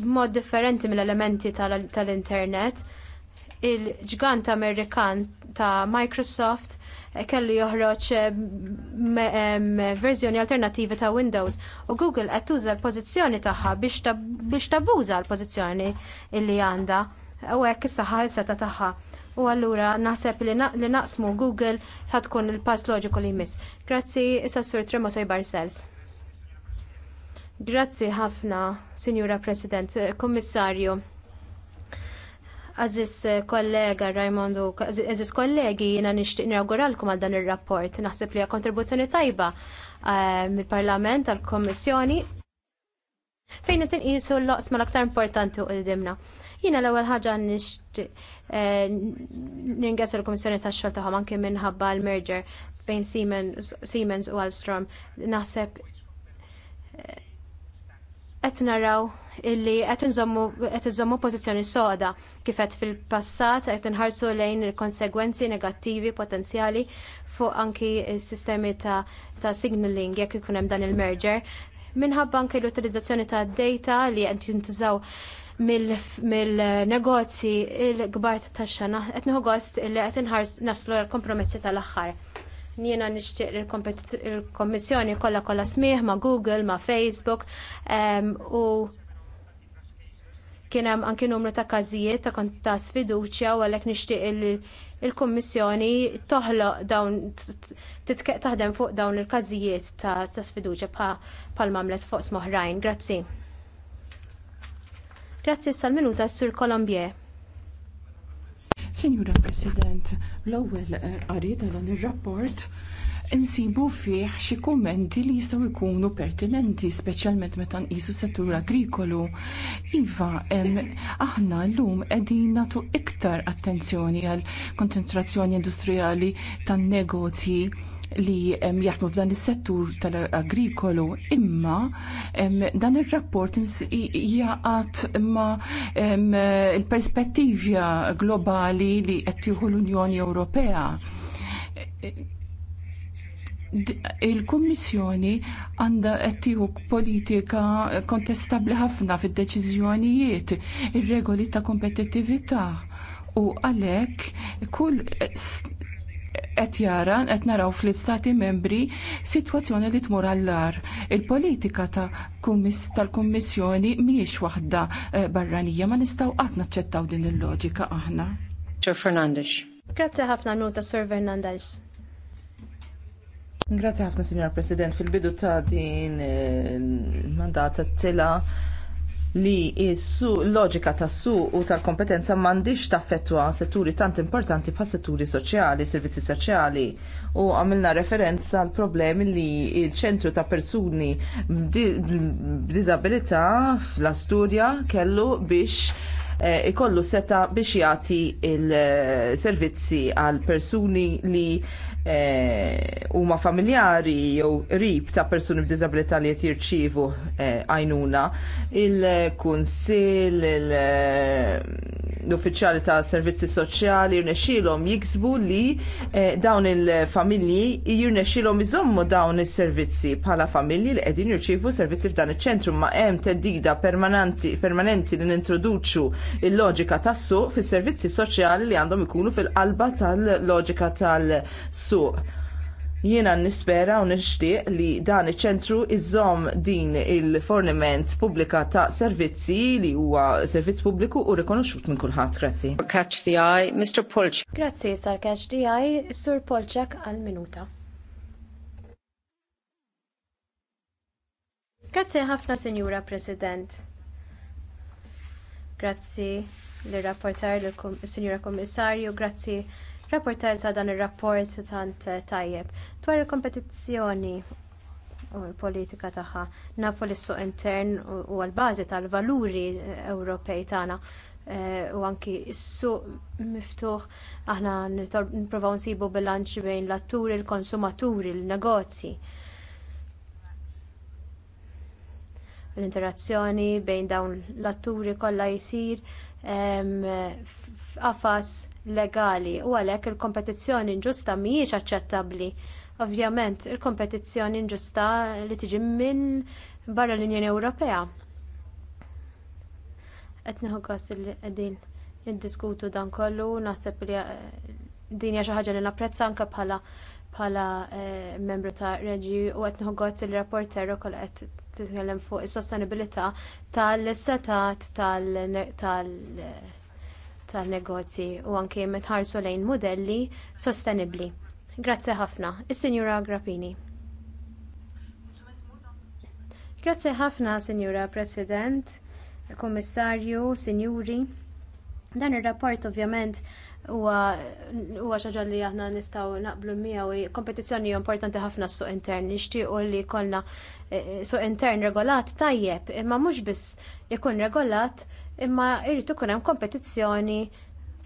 b'mod differenti mill-elementi tal-internet. Il-ġgant Amerikan ta' Microsoft kellu joħroġ mm, verżjoni alternattivi ta' Windows u Google qed tuża l-pożizzjoni tagħha biex tabbuża l-pożizzjoni li għandha u hekk is-saħħa is-seta tagħha. U allura naħseb li naqsmu Google tkun il-pass loġiku li jmiss. Grazzi, issa sur Tremo Barcells. Grazzi ħafna, Sinjura President, Kommissarju. Aziz kollega Raimondu, aziz kollegi, jina nishtiq inauguralkom għal dan il-rapport. Naħseb li kontribuzzjoni tajba eh, mill-Parlament, għal-Kommissjoni, fejn qed inqisu l oqs l-aktar importanti u qdimna. Jiena l-ewwel ħaġa nixtieq eh, ningrazzja l-Kummissjoni tax-xogħol tagħhom anke minħabba l-merger bejn Siemens u Alstrom. Naħseb eh, qed naraw illi qed inżommu pożizzjoni soda kif qed fil-passat qed inħarsu lejn il-konsegwenzi negattivi potenzjali fuq anki s-sistemi ta', ta signaling jekk ikun hemm dan il-merger minħabba anke l-utilizzazzjoni ta' data li qed jintużaw mill-negozji il-kbar ta' taxxa qed nieħu gost illi qed inħarsu naslu l-kompromessi tal-aħħar jiena nixtieq il-Kommissjoni kollha kollha smih ma' Google, ma' Facebook u kien hemm anki numru ta' każijiet ta' ta' sfiduċja u għalhekk nixtieq il-Kummissjoni toħloq dawn taħdem fuq dawn il-każijiet ta' sfiduċja bħal mamlet fuq smoħrajn. Grazzi. Grazzi sal-minuta Sur Colombier. Signora President, l-ewwel eh, qari ta' dan ir-rapport insibu fih xi kummenti li jistgħu jkunu pertinenti, speċjalment meta nqisu settur agrikolu. Iva, aħna llum qegħdin nagħtu iktar attenzjoni għal konċentrazzjoni industrijali tan-negozji li jaħdmu f'dan is-settur tal-agrikolu imma dan ir-rapport jaqat ma l-perspettivja globali li qed tieħu l-Unjoni Ewropea il-Kummissjoni għandha qed tieħu politika kontestabbli ħafna fid-deċiżjonijiet, ir-regoli ta' kompetittività u għalhekk kull qed jara qed naraw fl-istati membri sitwazzjoni li tmur għall-ar. Il-politika ta' tal-Kummissjoni mhijiex waħda eh, barranija ma nistgħu qatt naċċettaw din il-loġika aħna. Sir Fernandez. Grazzi ħafna nota Sir Fernandes. Grazie ħafna, Signor President. Fil-bidu ta' din eh, mandata t-tila li s loġika tas suq u tal-kompetenza m'għandix taffettwa setturi tant importanti bħal setturi soċjali, servizzi soċjali u għamilna referenza għal problemi li il-ċentru ta' persuni b'diżabilità fl-Asturja kellu biex eh, ikollu seta biex jagħti l eh, servizzi għal persuni li Eh, huma ma familjari jew rib ta' persuni b'diżabilità li qed jirċievu eh, għajnuna, il-kunsill, eh, l-uffiċjali ta' servizzi soċjali jirnexxilhom jiksbu li dawn il-familji jirnexxilhom iżommu dawn is-servizzi bħala familji li qegħdin jirċievu servizzi f'dan iċ-ċentru ma' hemm teddida permanenti, li nintroduċu il-loġika tas-suq fis-servizzi soċjali li għandhom ikunu fil-qalba tal-loġika tal-suq tas-suq. Jiena nispera u nixtieq li dan iċ-ċentru iżomm din il-forniment pubblika ta' servizzi li huwa servizz pubbliku u rikonoxxut minn kulħadd. Grazzi. Catch the eye, Mr. Polch. Grazzi, sar Catch the eye, Sur Polchak għal minuta. Grazzi ħafna, Sinjura President. Grazzi l-rapportar l-Sinjura Kommissarju, grazzi rapporter ta' dan ir-rapport tant tajjeb dwar il-kompetizzjoni u l-politika tagħha nafu li s-suq intern huwa l-bażi tal-valuri eh, Ewropej tagħna eh, u anki s-suq miftuħ aħna nippruvaw nsibu bilanċ bejn l-atturi, il-konsumaturi, l negozji L-interazzjoni bejn dawn l-atturi kollha jsir ehm, f'qafas legali u għalhekk il-kompetizzjoni inġusta mhijiex aċċettabbli. Ovvjament, il-kompetizzjoni inġusta li tiġi minn barra l-Unjoni Ewropea. Qed nieħu gost li qegħdin niddiskutu dan kollu, naħseb li eh, din hija xi ħaġa li napprezza anke bħala bħala eh, membru ta' reġi u qed nħoggott il-rapporter ukoll qed titkellem fuq is-sostenibilità tal-setat tal-negozji. tal setat tal tal setat tal tan-negozji u anke nħarsu lejn mudelli sostenibbli. Grazzi ħafna. Is-Sinjura Grappini. Grazzi ħafna, Sinjura President, Kummissarju, Sinjuri. Dan ir-rapport ovvjament huwa xi ħaġa li aħna nistgħu naqblu miegħu u kompetizzjoni importanti ħafna s-suq intern nixtiequ li jkollna eh, eh, suq intern regolat tajjeb imma mhux biss ikun regolat imma jrid ikun hemm kompetizzjoni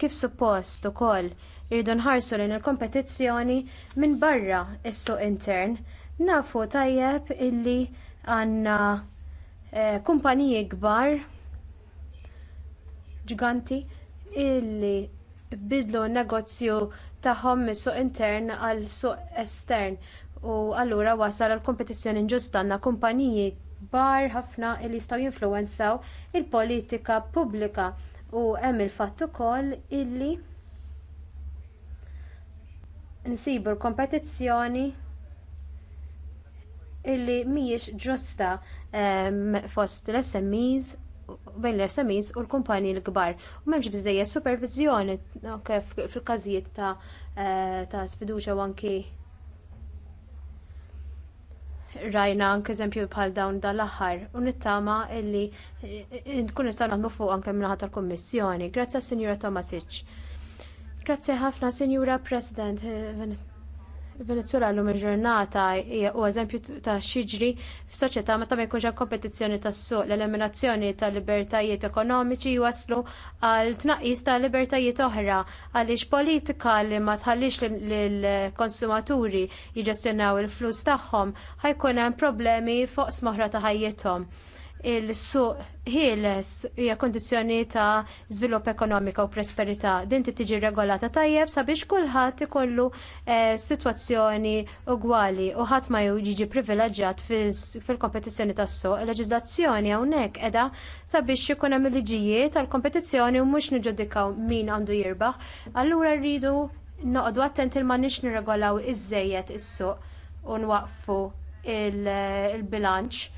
kif suppost ukoll irridu nħarsu lejn il-kompetizzjoni minn barra is-suq intern. Nafu tajjeb illi għandna eh, kumpaniji kbar ġiganti illi bidlu n-negozju tagħhom mis-suq intern għal suq estern u allura wasal l kompetizzjoni inġusta għandna kumpaniji kbar ħafna li jistgħu jinfluwenzaw il-politika pubblika u hemm il-fatt ukoll illi nsibu l-kompetizzjoni illi mhijiex ġusta ehm, fost l-SMEs bejn l-SMEs u l-kumpaniji l-kbar u m'hemmx biżżejjed superviżjoni kif fil-każijiet ta' eh, sfiduċja u anki rajna anke eżempju bħal dawn dal-aħħar u nittama illi eh, nkun nistgħu naħdmu fuq anke min-naħa tal-Kummissjoni. Grazzi għas-Sinjura Tomasic. Grazzi ħafna Sinjura President eh, Venezuela l-lum il-ġurnata u eżempju ta' xiġri f'soċjetà meta ma jkunx hemm kompetizzjoni tas-suq, l-eliminazzjoni ta' libertajiet ekonomiċi waslu, għal tnaqqis ta' libertajiet oħra għaliex politika li ma tħallix lill-konsumaturi jiġġestjonaw il-flus tagħhom ħajkun hemm problemi fuq smoħra ta' ħajjithom il-suq ħieles hija kondizzjoni ta' żvilupp ekonomika u prosperità. Din tiġi regolata tajjeb sabiex kulħadd ikollu eh, sitwazzjoni ugwali u ħadd ma jiġi privileġġjat fil-kompetizzjoni tas-suq. Il-leġiżlazzjoni hawnhekk qiegħda sabiex ikun hemm liġijiet tal-kompetizzjoni u mhux niġġudikaw min għandu jirbaħ. Allura rridu noqogħdu attenti ma nix nirregolaw iż-żejjed is-suq u nwaqfu il-bilanċ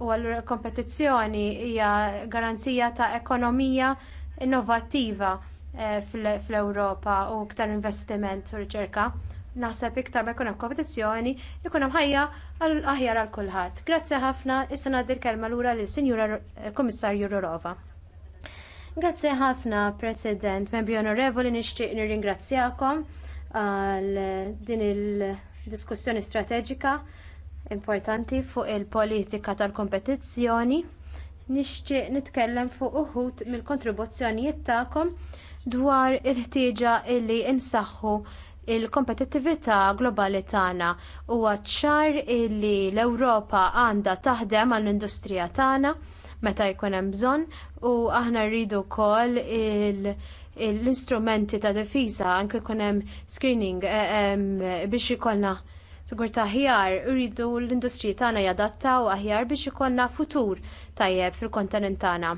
U allura kompetizzjoni hija garanzija ta' ekonomija innovattiva eh, fl-Ewropa u iktar investiment u riċerka. Naħseb iktar ma jkun hemm kompetizzjoni, jkun hemm ħajja aħjar għal kulħadd. Grazzi ħafna, issa ngħaddi l-kelma lura lil Sinjura eh, Kummissarju Rurova. Grazzi ħafna, President, membri onorevoli, nixtieq nirringrazzjakom għal din il-diskussjoni strateġika importanti fuq il-politika tal-kompetizzjoni nixtieq nitkellem fuq uħud mill-kontribuzzjonijiet tagħkom dwar il-ħtieġa li nsaħħu l kompetittività globali tagħna huwa ċar li l-Ewropa għandha taħdem għall industrija tagħna meta jkun hemm bżonn u aħna rridu wkoll l-istrumenti ta' difiża anke jkun hemm screening eh, biex ikollna ta' aħjar irridu l-industriji tagħna jadattaw aħjar biex ikollna futur tajjeb fil-kontinent tagħna.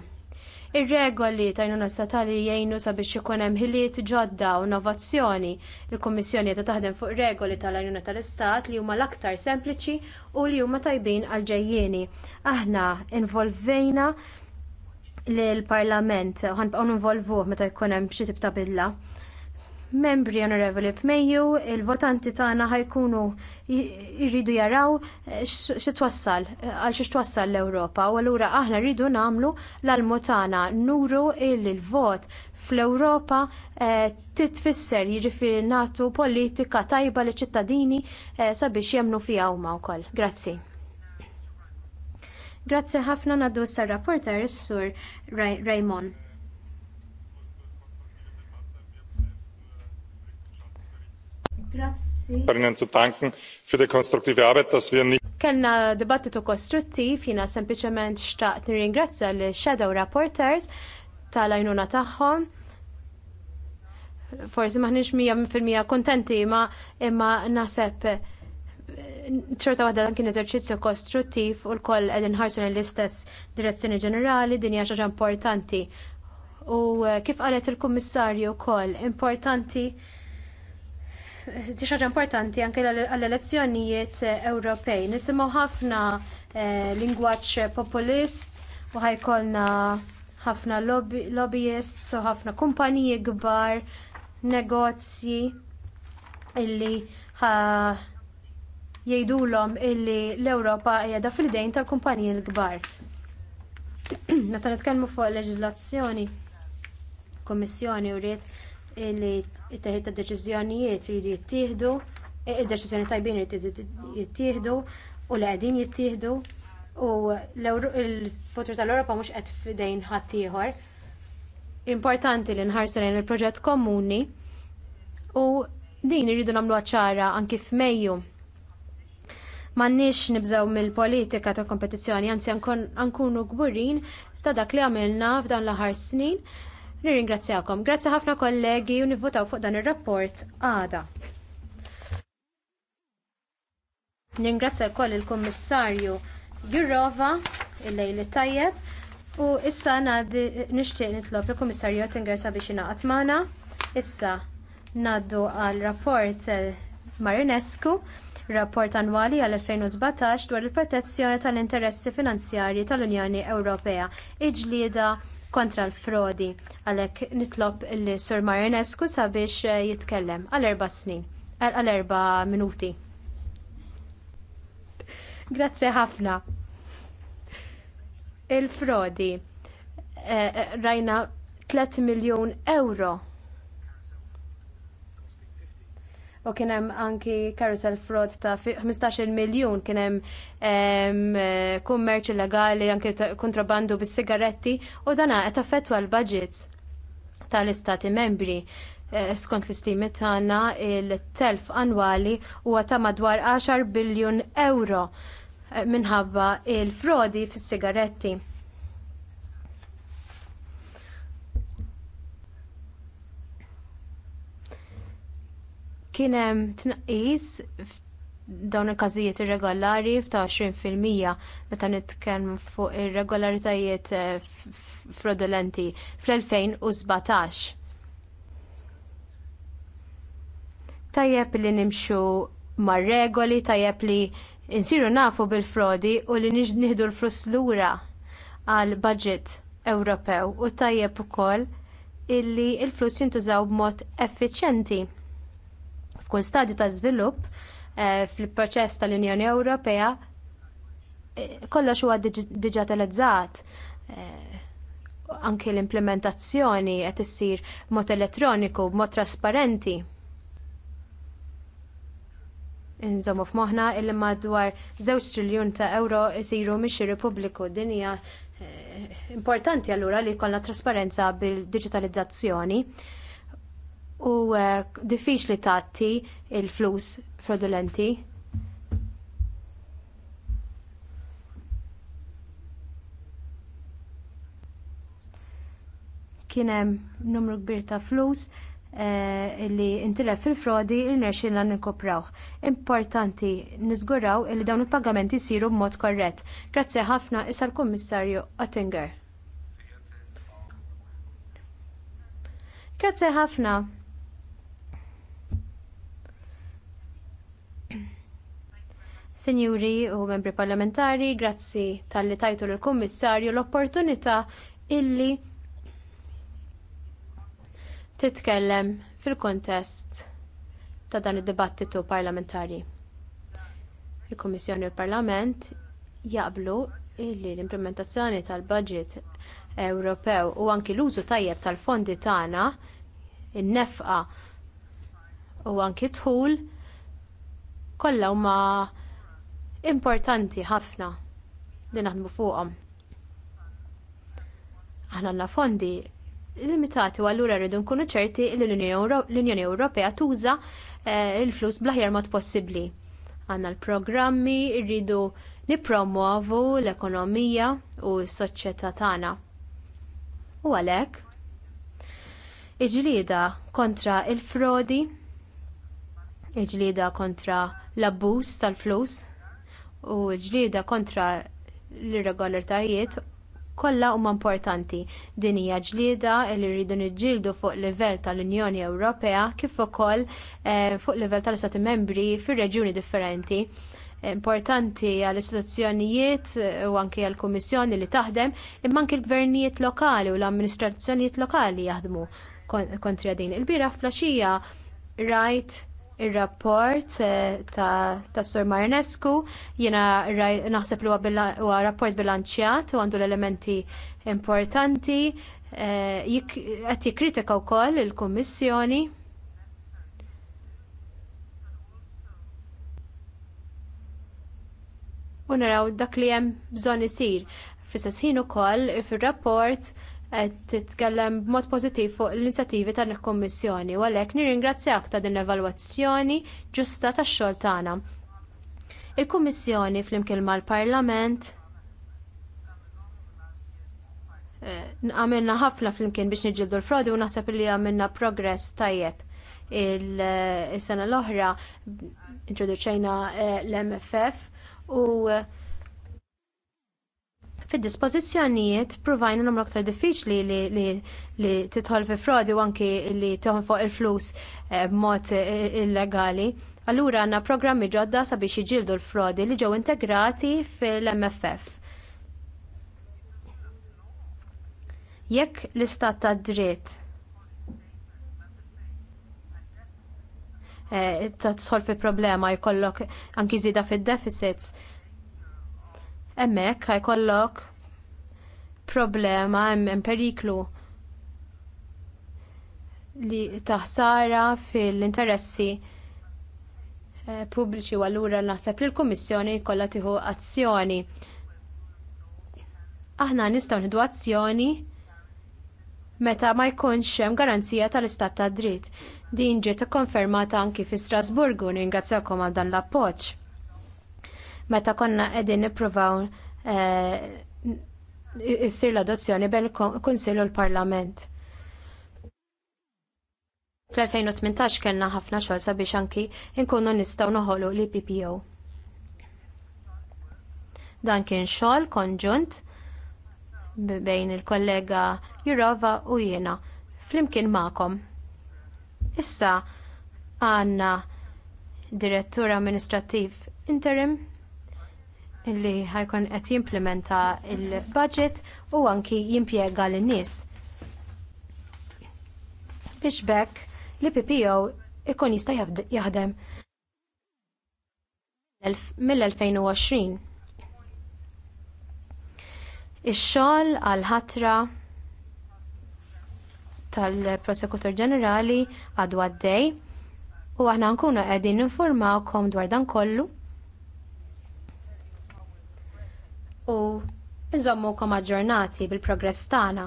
Ir-regoli tajnuna statali jgħinu sabiex ikun hemm ħiliet ġodda u innovazzjoni. Il-Kummissjoni qed taħdem fuq regoli tal-għajnuna tal-Istat li huma l-aktar sempliċi u li huma tajbin għal ġejjieni. Aħna involvejna lill parlament ħanbqgħu ninvolvuh meta jkun hemm xi tip ta' billa. Membri onorevoli f'Mejju, il-votanti tagħna ħajkunu jridu jaraw eh, xi twassal eh, għal xi twassal l-Ewropa u allura aħna rridu nagħmlu l-almu tagħna nuru il-vot fl-Ewropa eh, titfisser jiġifieri nagħtu politika tajba li ċittadini sabiex jemnu fiha huma wkoll. Grazzi. Grazzi ħafna nadu sar-rapporter s sur Raymond. Grazzi. Kellna dibattitu kostruttiv, jina sempliciment xtaqt nirringrazzja l shadow rapporters tal-għajnuna tagħhom. Forsi maħniex mija fil-mija kontenti ma imma naħseb ċorta għadda dan kien eżerċizzju kostruttiv u lkoll qegħdin ħarsu l-istess direzzjoni ġenerali, din hija xi ħaġa importanti. U eh, kif qalet il-Kummissarju wkoll importanti ħaġa importanti anke għall-elezzjonijiet Ewropej. Nisimgħu ħafna eh, lingwaġġ populist u ħajkolna ħafna lobbyists u ħafna kumpaniji kbar, negozji illi jgħidulhom illi l-Ewropa qiegħda fil-dejn tal-kumpaniji l-kbar. Meta nitkellmu fuq leġiżlazzjoni, Kummissjoni u li t-teħid ta' deċiżjonijiet jridu jittieħdu, id-deċiżjoni tajbin jridu jittieħdu u li qegħdin jittieħdu u l-futur tal-Ewropa mhux qed f'idejn ħadd ieħor. Importanti li nħarsu lejn il-proġett komuni u din irridu nagħmluha ċara anki f'Mejju M'għandniex nibżgħu mill-politika ta' kompetizzjoni, anzi nkunu gburin ta' dak li għamilna f'dan l-aħħar snin Nirringrazzjakom. Grazzi ħafna kollegi u nivvotaw fuq dan ir-rapport għada. Nirringrazzja wkoll il-Kummissarju Jurova il-lejl tajjeb u issa ngħaddi nixtieq nitlob il-Kummissarju Oettinger sabiex ingħaqad magħna. Issa ngħaddu għal rapport eh, Marinescu rapport annwali għall-2017 dwar il-protezzjoni tal-interessi finanzjarji tal-Unjoni Ewropea, iġlieda kontra l-frodi għalhekk nitlob li Sur Marinescu sabiex eh, jitkellem għal erba' snin għal erba' minuti. Grazzi ħafna. Il-frodi eh, eh, rajna 3 miljun euro u kien hemm anki carousel fraud ta' 15 miljun kien hemm kummerċ illegali anki kontrabbandu bis-sigaretti u dan qed affettwa l-budgets tal-istati membri. Eh, skont l-istimi tagħna il-telf annwali huwa ta' madwar 10 biljun euro eh, minħabba l frodi fis-sigaretti. Kien hemm tnaqqis dawn il-każijiet irregolari ta' 20% meta nitkellmu fuq ir-regolaritajiet eh, fl-2017. Tajjeb li nimxu mar-regoli, tajjeb li insiru nafu bil-frodi u li nieħdu l-flus lura għall baġit Ewropew u tajjeb ukoll li l-flus jintużaw b'mod effiċjenti f'kull stadju ta' żvilupp eh, fil-proċess tal-Unjoni Ewropea eh, kollox huwa diġitalizzat eh, anke l-implementazzjoni qed issir b'mod elettroniku b'mod trasparenti. Inżommu f'moħħna illi madwar żewġ triljun ta' euro jsiru mixiri pubbliku din hija importanti allura li jkollna trasparenza bil-diġitalizzazzjoni u eh, diffiċli tagħti l flus fraudulenti. Kien hemm numru kbir ta' flus eh, li intilef fil-frodi li nerxin lan Importanti niżguraw li dawn il-pagamenti jsiru b'mod korrett. Grazzi ħafna issa l-Kummissarju Oettinger. Grazzi ħafna. Senjuri u membri parlamentari, grazzi talli tajtu l kummissarju l-opportunità illi titkellem fil-kontest ta' dan id-dibattitu parlamentari. Il-Kummissjoni u l-Parlament jaqblu illi l-implementazzjoni tal-budget Ewropew u anki l-użu tajjeb tal-fondi tagħna in-nefqa u anki dħul kollha huma importanti ħafna li naħdmu fuqhom. Aħna għandna fondi limitati u allura rridu nkunu ċerti li l-Unjoni Ewropea tuża eh, l flus bl-aħjar mod possibbli. Għandna l-programmi, rridu nippromovu l-ekonomija u s-soċjetà tagħna. U għalhekk il-ġlieda kontra l frodi il-ġlieda kontra l-abbuż tal-flus u l-ġlieda kontra l-irregolaritajiet kollha huma importanti. Din hija ġlieda li rridu niġġieldu fuq livell tal-Unjoni Ewropea kif ukoll eh, fuq livell tal-Istati Membri fir-reġjuni differenti. Importanti għall istituzzjonijiet u anke għall kummissjoni li taħdem imma anke l-gvernijiet lokali u l-amministrazzjonijiet lokali jaħdmu kontra din. Il-bira flaxija rajt ir-rapport eh, ta', Sur Marinescu jiena naħseb li huwa rapport bilanċjat u għandu l-elementi importanti eh, qed jikkritika wkoll il-Kummissjoni. U naraw dak li hemm bżonn isir. Fis-sessin ukoll fir-rapport qed titkellem b'mod pożittiv fuq l-inizjattivi tal-Kummissjoni u għalhekk nirringrazzjak ta' din l-evalwazzjoni ġusta tax-xogħol tagħna. Il-Kummissjoni flimkien mal-Parlament eh, għamilna ħafna flimkien biex niġġieldu l-frodi u naħseb li għamilna progress tajjeb il-sena eh, l-oħra introduċejna eh, l-MFF u Fid-dispożizzjonijiet provajna nagħmlu aktar diffiċli li, li, li titħol fi frodi u anki li toħon fuq il-flus eh, b'mod illegali. Allura għandna programmi ġodda sabiex jiġildu l-frodi li ġew integrati fil-MFF. Jekk l-istat tad dritt eh, ta' tħol fi problema jkollok anki zida fid deficits hemmhekk ħajkollok problema hemm periklu li taħsara fil-interessi eh, pubbliċi u allura naħseb li l-Kummissjoni kollha tieħu azzjoni. Aħna nistgħu nieħdu azzjoni meta ma jkunx hemm garanzija tal-istat tad dritt. Din ġiet ikkonfermata anki fi Strasburgu, ningrazzjakom għal dan l-appoġġ meta konna qegħdin nippruvaw eh, issir l-adozzjoni bejn il-Kunsill u l-Parlament. Fl-2018 kellna ħafna xogħol sabiex anki nkunu nistgħu noħolu l-PPO. Dan kien xogħol konġunt bejn il-kollega Jurova u jiena flimkien magħkom. Issa għandna direttur amministrattiv interim illi ħajkun qed jimplementa l budget u anki jimpjega lin-nies. Biex bekk l-PPO ikun jista' jaħdem mill-2020. Ix-xogħol għal ħatra tal-Prosekutur Ġenerali għadu għaddej u aħna nkunu qegħdin ninformawkom dwar dan kollu u nżommukom aġġornati bil-progress tagħna.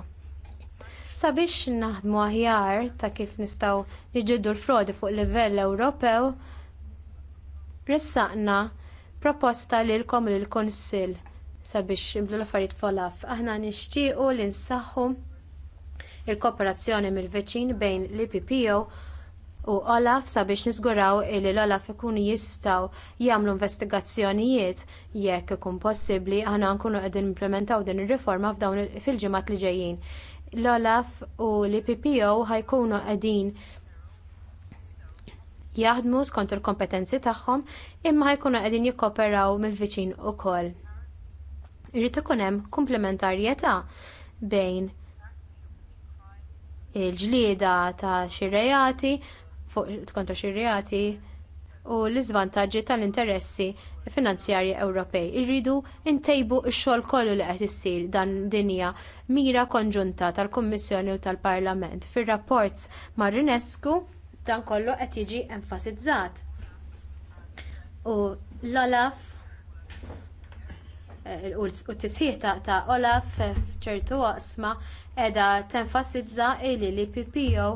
Sabiex naħdmu aħjar ta' kif nistgħu niġġieldu l-frodi fuq livell Ewropew, ressaqna proposta lilkom lill kunsill sabiex imlu l-affarijiet folaf. Aħna nixtiequ li nsaħħu l kooperazzjoni mill-veċin bejn l-IPPO u Olaf sabiex niżguraw li l-Olaf ikunu jistgħu jagħmlu investigazzjonijiet jekk ikun possibbli aħna nkunu qegħdin implementaw din ir-riforma f'dawn fil-ġimgħat li ġejjin. L-Olaf u l-PPO ħajkunu qegħdin jaħdmu skont il-kompetenzi tagħhom imma ħajkunu qegħdin jikkoperaw mill-viċin ukoll. Irid ikun hemm komplementarjetà bejn il-ġlieda ta' xi reati fuq kontra xi reati u l-iżvantaġġi tal-interessi finanzjarji Ewropej. Irridu ntejbu x-xogħol kollu li qed issir dan dinja mira konġunta tal-Kummissjoni u tal-Parlament. Fir-rapport mar Rinescu dan kollu qed jiġi enfasizzat. U l-Olaf eh, u t-tisħiħ ta' Olaf f'ċertu waqsma qiegħda tenfasizza li l-PPO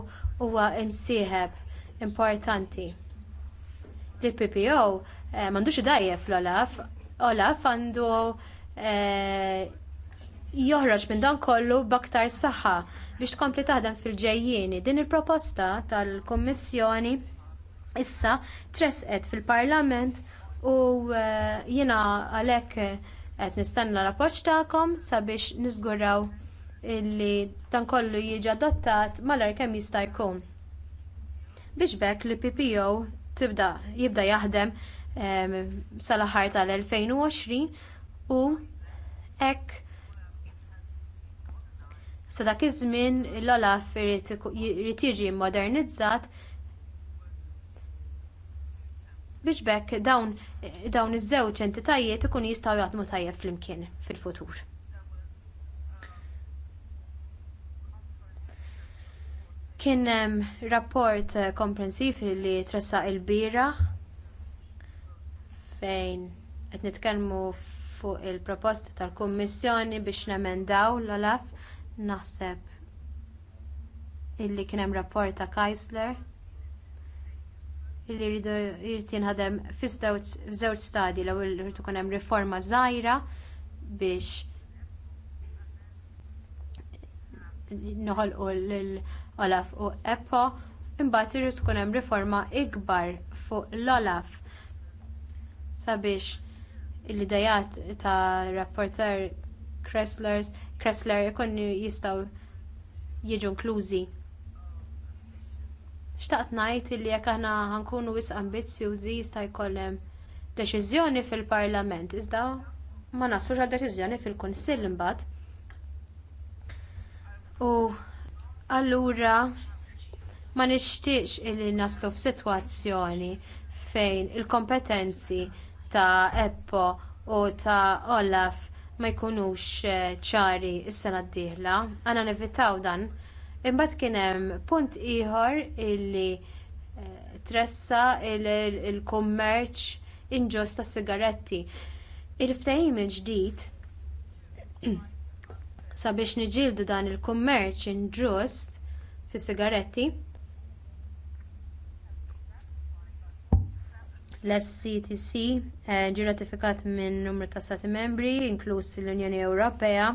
huwa imsieħeb importanti. L-PPO eh, m'għandux mandux dajjef l-Olaf, Olaf għandu eh, joħroġ minn dan kollu b'aktar saħħa biex tkompli taħdem fil ġejjien Din il-proposta tal-Kummissjoni issa tresqet fil-Parlament u eh, jiena għalhekk qed nistenna l-appoġġ tagħkom sabiex niżguraw li dan kollu jiġi adottat malar kemm jista' jkun biex bekk li PPO tibda jibda jaħdem sal-aħħar tal-2020 u hekk sa dak iż-żmien l-olaf irid jiġi mmodernizzat biex b'hekk dawn iż-żewġ entitajiet ikunu jistgħu jaħdmu tajjeb flimkien fil-futur Kien hemm rapport eh, komprensiv li tressaq il-bieraħ fejn qed nitkellmu fuq il-proposti tal-Kummissjoni biex nemendaw l-Olaf naħseb illi kien hemm rapport ta' Kaisler illi rridu jrid jinħadem f'żewġ stadji l-ewwel rridu ikun hemm riforma żgħira biex noħolqu olaf u eppo imbagħad irid tkun hemm riforma ikbar fuq l-olaf sabiex l-idejat ta' rapporter Kressler ikun jistgħu jiġu inklużi. Xtaqt ngħid li jekk aħna ħankunu wisq ambizzjużi jista' jkoll deċiżjoni fil-Parlament iżda ma naslux għal deċiżjoni fil-Kunsill imbagħad. U allura ma nixtieqx illi naslu f'sitwazzjoni fejn il-kompetenzi ta' eppo u ta' olaf ma jkunux eh, ċari s-sena d-dieħla għandna nevitaw dan imbagħad kien hemm punt ieħor illi eh, tressaq il-kummerċ inġust tas-sigaretti il-ftehim il-ġdid sabiex niġġieldu dan il-kummerċ inġust fis-sigaretti l-sctc eh, ġie rratifikat minn numru ta' stati membri inkluż l-unjoni ewropea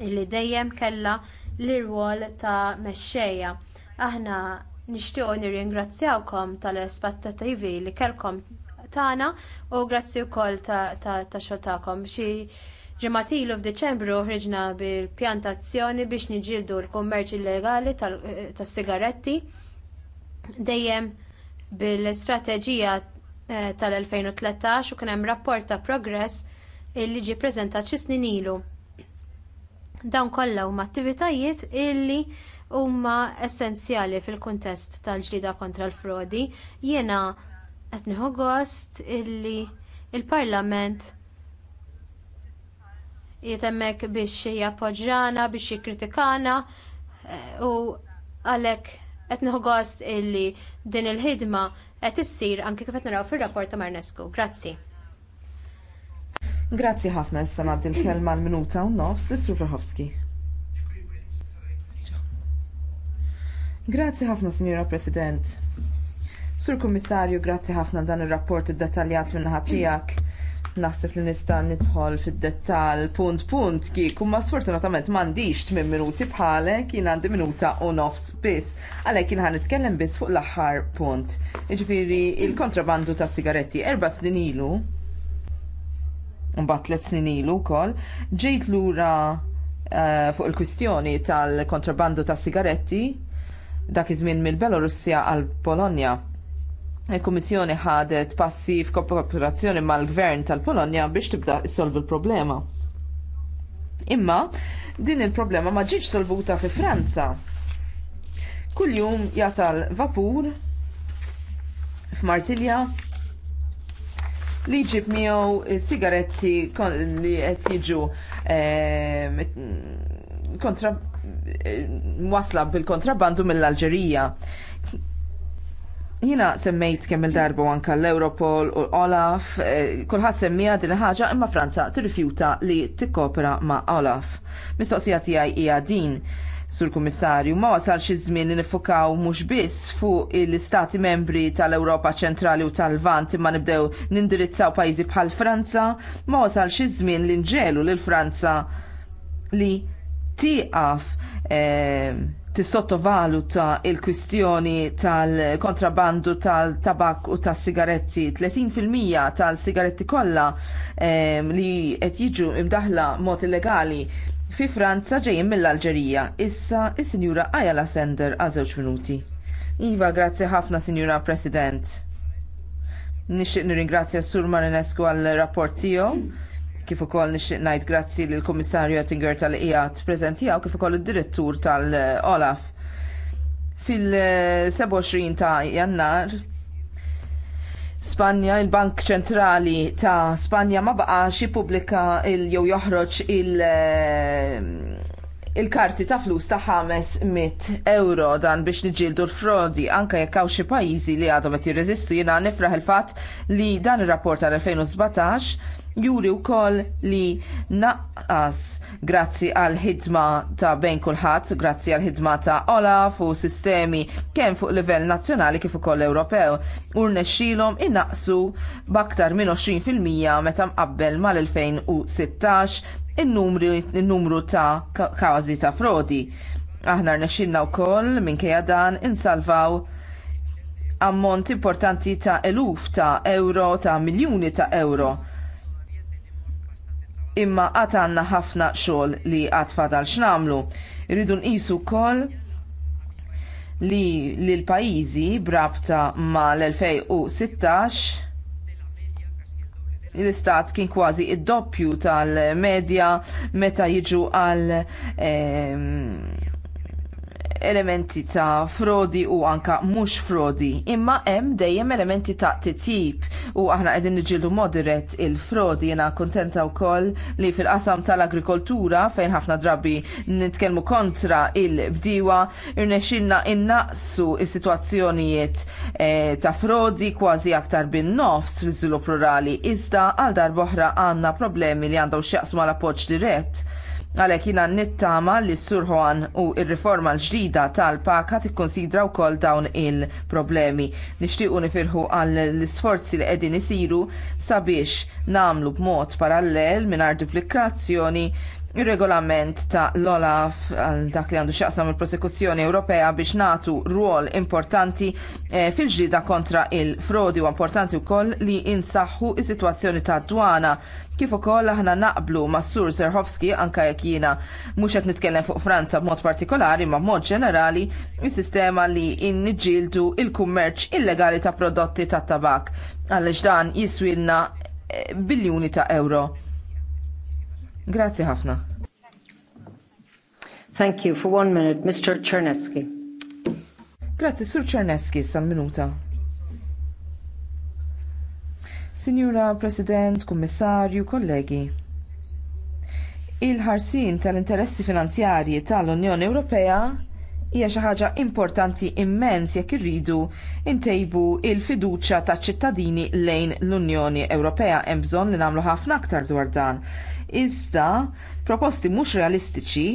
li dejjem kellha l-irwol ta' mexxejja aħna nixtiequ nirringrazzjawkom tal-aspettattivi li kellkom tagħna u grazzi wkoll tax-xogħol tagħkom ġimgħatilu f'diċembru ħriġna bil-pjantazzjoni biex niġġieldu l-kummerċ illegali eh, tas-sigaretti dejjem bil-istrateġija eh, tal-2013 u kien hemm rapport ta' progress illi ġie ppreżentat xi snin ilu. Dawn kollha huma attivitajiet illi huma essenzjali fil-kuntest tal-ġlida kontra l-frodi. Jiena qed gost illi l il parlament hemmhekk biex jappoġġjana, biex jikkritikana eh, u għalhekk qed nieħu gost illi din il-ħidma qed issir anke kif qed naraw fir-rapport ta' Marnescu. Grazzi. Grazzi ħafna issa ngħaddi l-kelma l-minuta u nofs li Sufraħowski. Grazzi ħafna, Sinjora President. Sur Kummissarju, grazzi ħafna dan ir-rapport iddettaljat minn ħatijak Naħseb li nista' nidħol fid-dettall punt punt kieku ma sfortunatament m'għandix tmien minuti bħalek jien għandi minuta u nofs biss. Għalhekk jien ħan nitkellem biss fuq l-aħħar punt. Jiġifieri il-kontrabandu ta' sigaretti erba' snin ilu. Mbagħad tliet snin ilu wkoll ġejt lura eh, fuq il-kwistjoni tal-kontrabandu ta' sigaretti dak iż-żmien mill-Belorussja għall polonja Il-Kummissjoni ħadet passi f'kooperazzjoni mal-Gvern tal-Polonja biex tibda issolvi l-problema. Imma din il-problema ma ġiġ solvuta fi Franza. Kuljum jasal vapur f'Marsilja li jġib miegħu sigaretti li qed jiġu e, kontra eh, wasla bil-kontrabbandu mill-Alġerija Jina semmejt kemm il-darbu anka l-Europol u l-Olaf, eh, kulħadd semmija din ħaġa imma Franza tirrifjuta li tikkopera ma' Olaf. Mistoqsija tiegħi hija din. Sur Kummissarju, ma wasalx iż-żmien li nifukaw mhux biss fuq l-Istati membri tal-Ewropa ċentrali u tal-Vant imma nibdew nindirizzaw pajjiżi bħal Franza, ma wasalx iż-żmien li nġelu lil Franza li tieqaf eh, tissottovaluta l kwistjoni tal-kontrabandu tal-tabak u tas-sigaretti. 30% tal-sigaretti kollha li qed jiġu imdaħla mod illegali fi Franza ġejjin mill-Alġerija. Issa is-Sinjura Ayala Sender għal żewġ minuti. Iva, grazzi ħafna, Sinjura President. Nixtieq nirringrazzja s-Sur Marinescu għall rapport tiegħu kif ukoll nixtieq ngħid grazzi lill kummissarju Oettinger tal-qiegħed preżenti kif ukoll id-direttur tal-Olaf. Fil-27 ta' Jannar Spanja, il-Bank Ċentrali ta' Spanja ma baqax jippubblika jew joħroġ il- il-karti ta' flus ta' 500 euro dan biex niġildu l-frodi anke jekk hawn xi pajjiżi li għadhom qed jirreżistu jiena nifraħ il-fatt li dan ir-rapport tal-2017 juri wkoll li naqqas grazzi għal ħidma ta' bejn kulħadd, grazzi għal ħidma ta' Olaf u sistemi kemm fuq livell nazzjonali kif ukoll Ewropew u rnexxielhom innaqsu b'aktar minn 20% meta mqabbel mal-2016 in-numru ta' każi ta' frodi. Aħna rnexxilna wkoll minkejja dan insalvaw ammont importanti ta' eluf ta' euro ta' miljuni ta' euro imma għad għandna ħafna xogħol li għad fadal x'namlu. Rridu nqisu wkoll li l-pajjiżi brabta mal l-2016 l-istat kien kważi id-doppju tal-medja meta jiġu għal ehm, elementi ta' frodi u anka mhux frodi, imma hemm dejjem elementi ta' titjib u aħna qegħdin niġilu moderat il-frodi jiena kuntenta wkoll li fil-qasam tal-agrikoltura fejn ħafna drabi nitkellmu kontra il-bdiewa irnexxinna innaqsu is-sitwazzjonijiet eh, ta' frodi kważi aktar bin-nofs fiż iżvilupp rurali iżda għal darboħra għandna problemi li għandhom x'jaqsmu għal appoġġ dirett Għalhekk jiena nittama li s-Sur Juan u r riforma l-ġdida tal-paka tikkonsidra wkoll dawn il-problemi. Nixtiequ nifirħu għal l-isforzi li qegħdin isiru sabiex nagħmlu b'mod parallel mingħajr duplikazzjoni Ir-regolament ta' l-Olaf għal dak li għandu xaqsam il-prosekuzzjoni Ewropea biex natu rwol importanti eh, fil-ġlida kontra il-frodi u importanti wkoll li insaħħu is-sitwazzjoni ta' dwana kif ukoll aħna naqblu ma' Sur Serhovski anke jekk jiena mhux qed nitkellem fuq Franza b'mod partikolari ma' mod ġenerali is-sistema li inniġġieldu il-kummerċ illegali ta' prodotti tat tabak għaliex dan jiswilna eh, biljuni ta' euro Grazzi ħafna. Thank you for one minute, Mr. Czerneski. Grazzi, Sur Czerneski, sal minuta. Signora President, Kummissarju, kollegi. Il-ħarsin tal-interessi finanzjarji tal-Unjoni Ewropea hija xi ħaġa importanti immens jekk irridu ntejbu l-fiduċja taċ-ċittadini lejn l-Unjoni Ewropea hemm bżonn li nagħmlu ħafna aktar dwar dan. Iżda proposti mhux realistiċi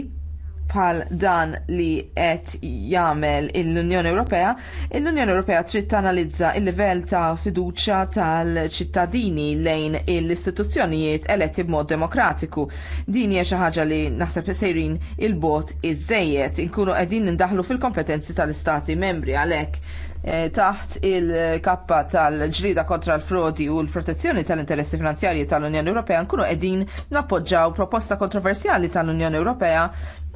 bħal dan li qed jagħmel l-Unjoni Ewropea, l-Unjoni Ewropea trid tanalizza l livell ta' fiduċja tal-ċittadini lejn l-istituzzjonijiet eletti b'mod demokratiku. Din hija xi ħaġa li naħseb sejrin il-bot iżejjed inkunu qegħdin nindaħlu fil-kompetenzi tal-istati membri għalhekk eh, taħt il-kappa tal-ġrida kontra l-frodi u l-protezzjoni tal-interessi finanzjarji tal-Unjoni Ewropea nkunu qegħdin nappoġġaw proposta kontroversjali tal-Unjoni Ewropea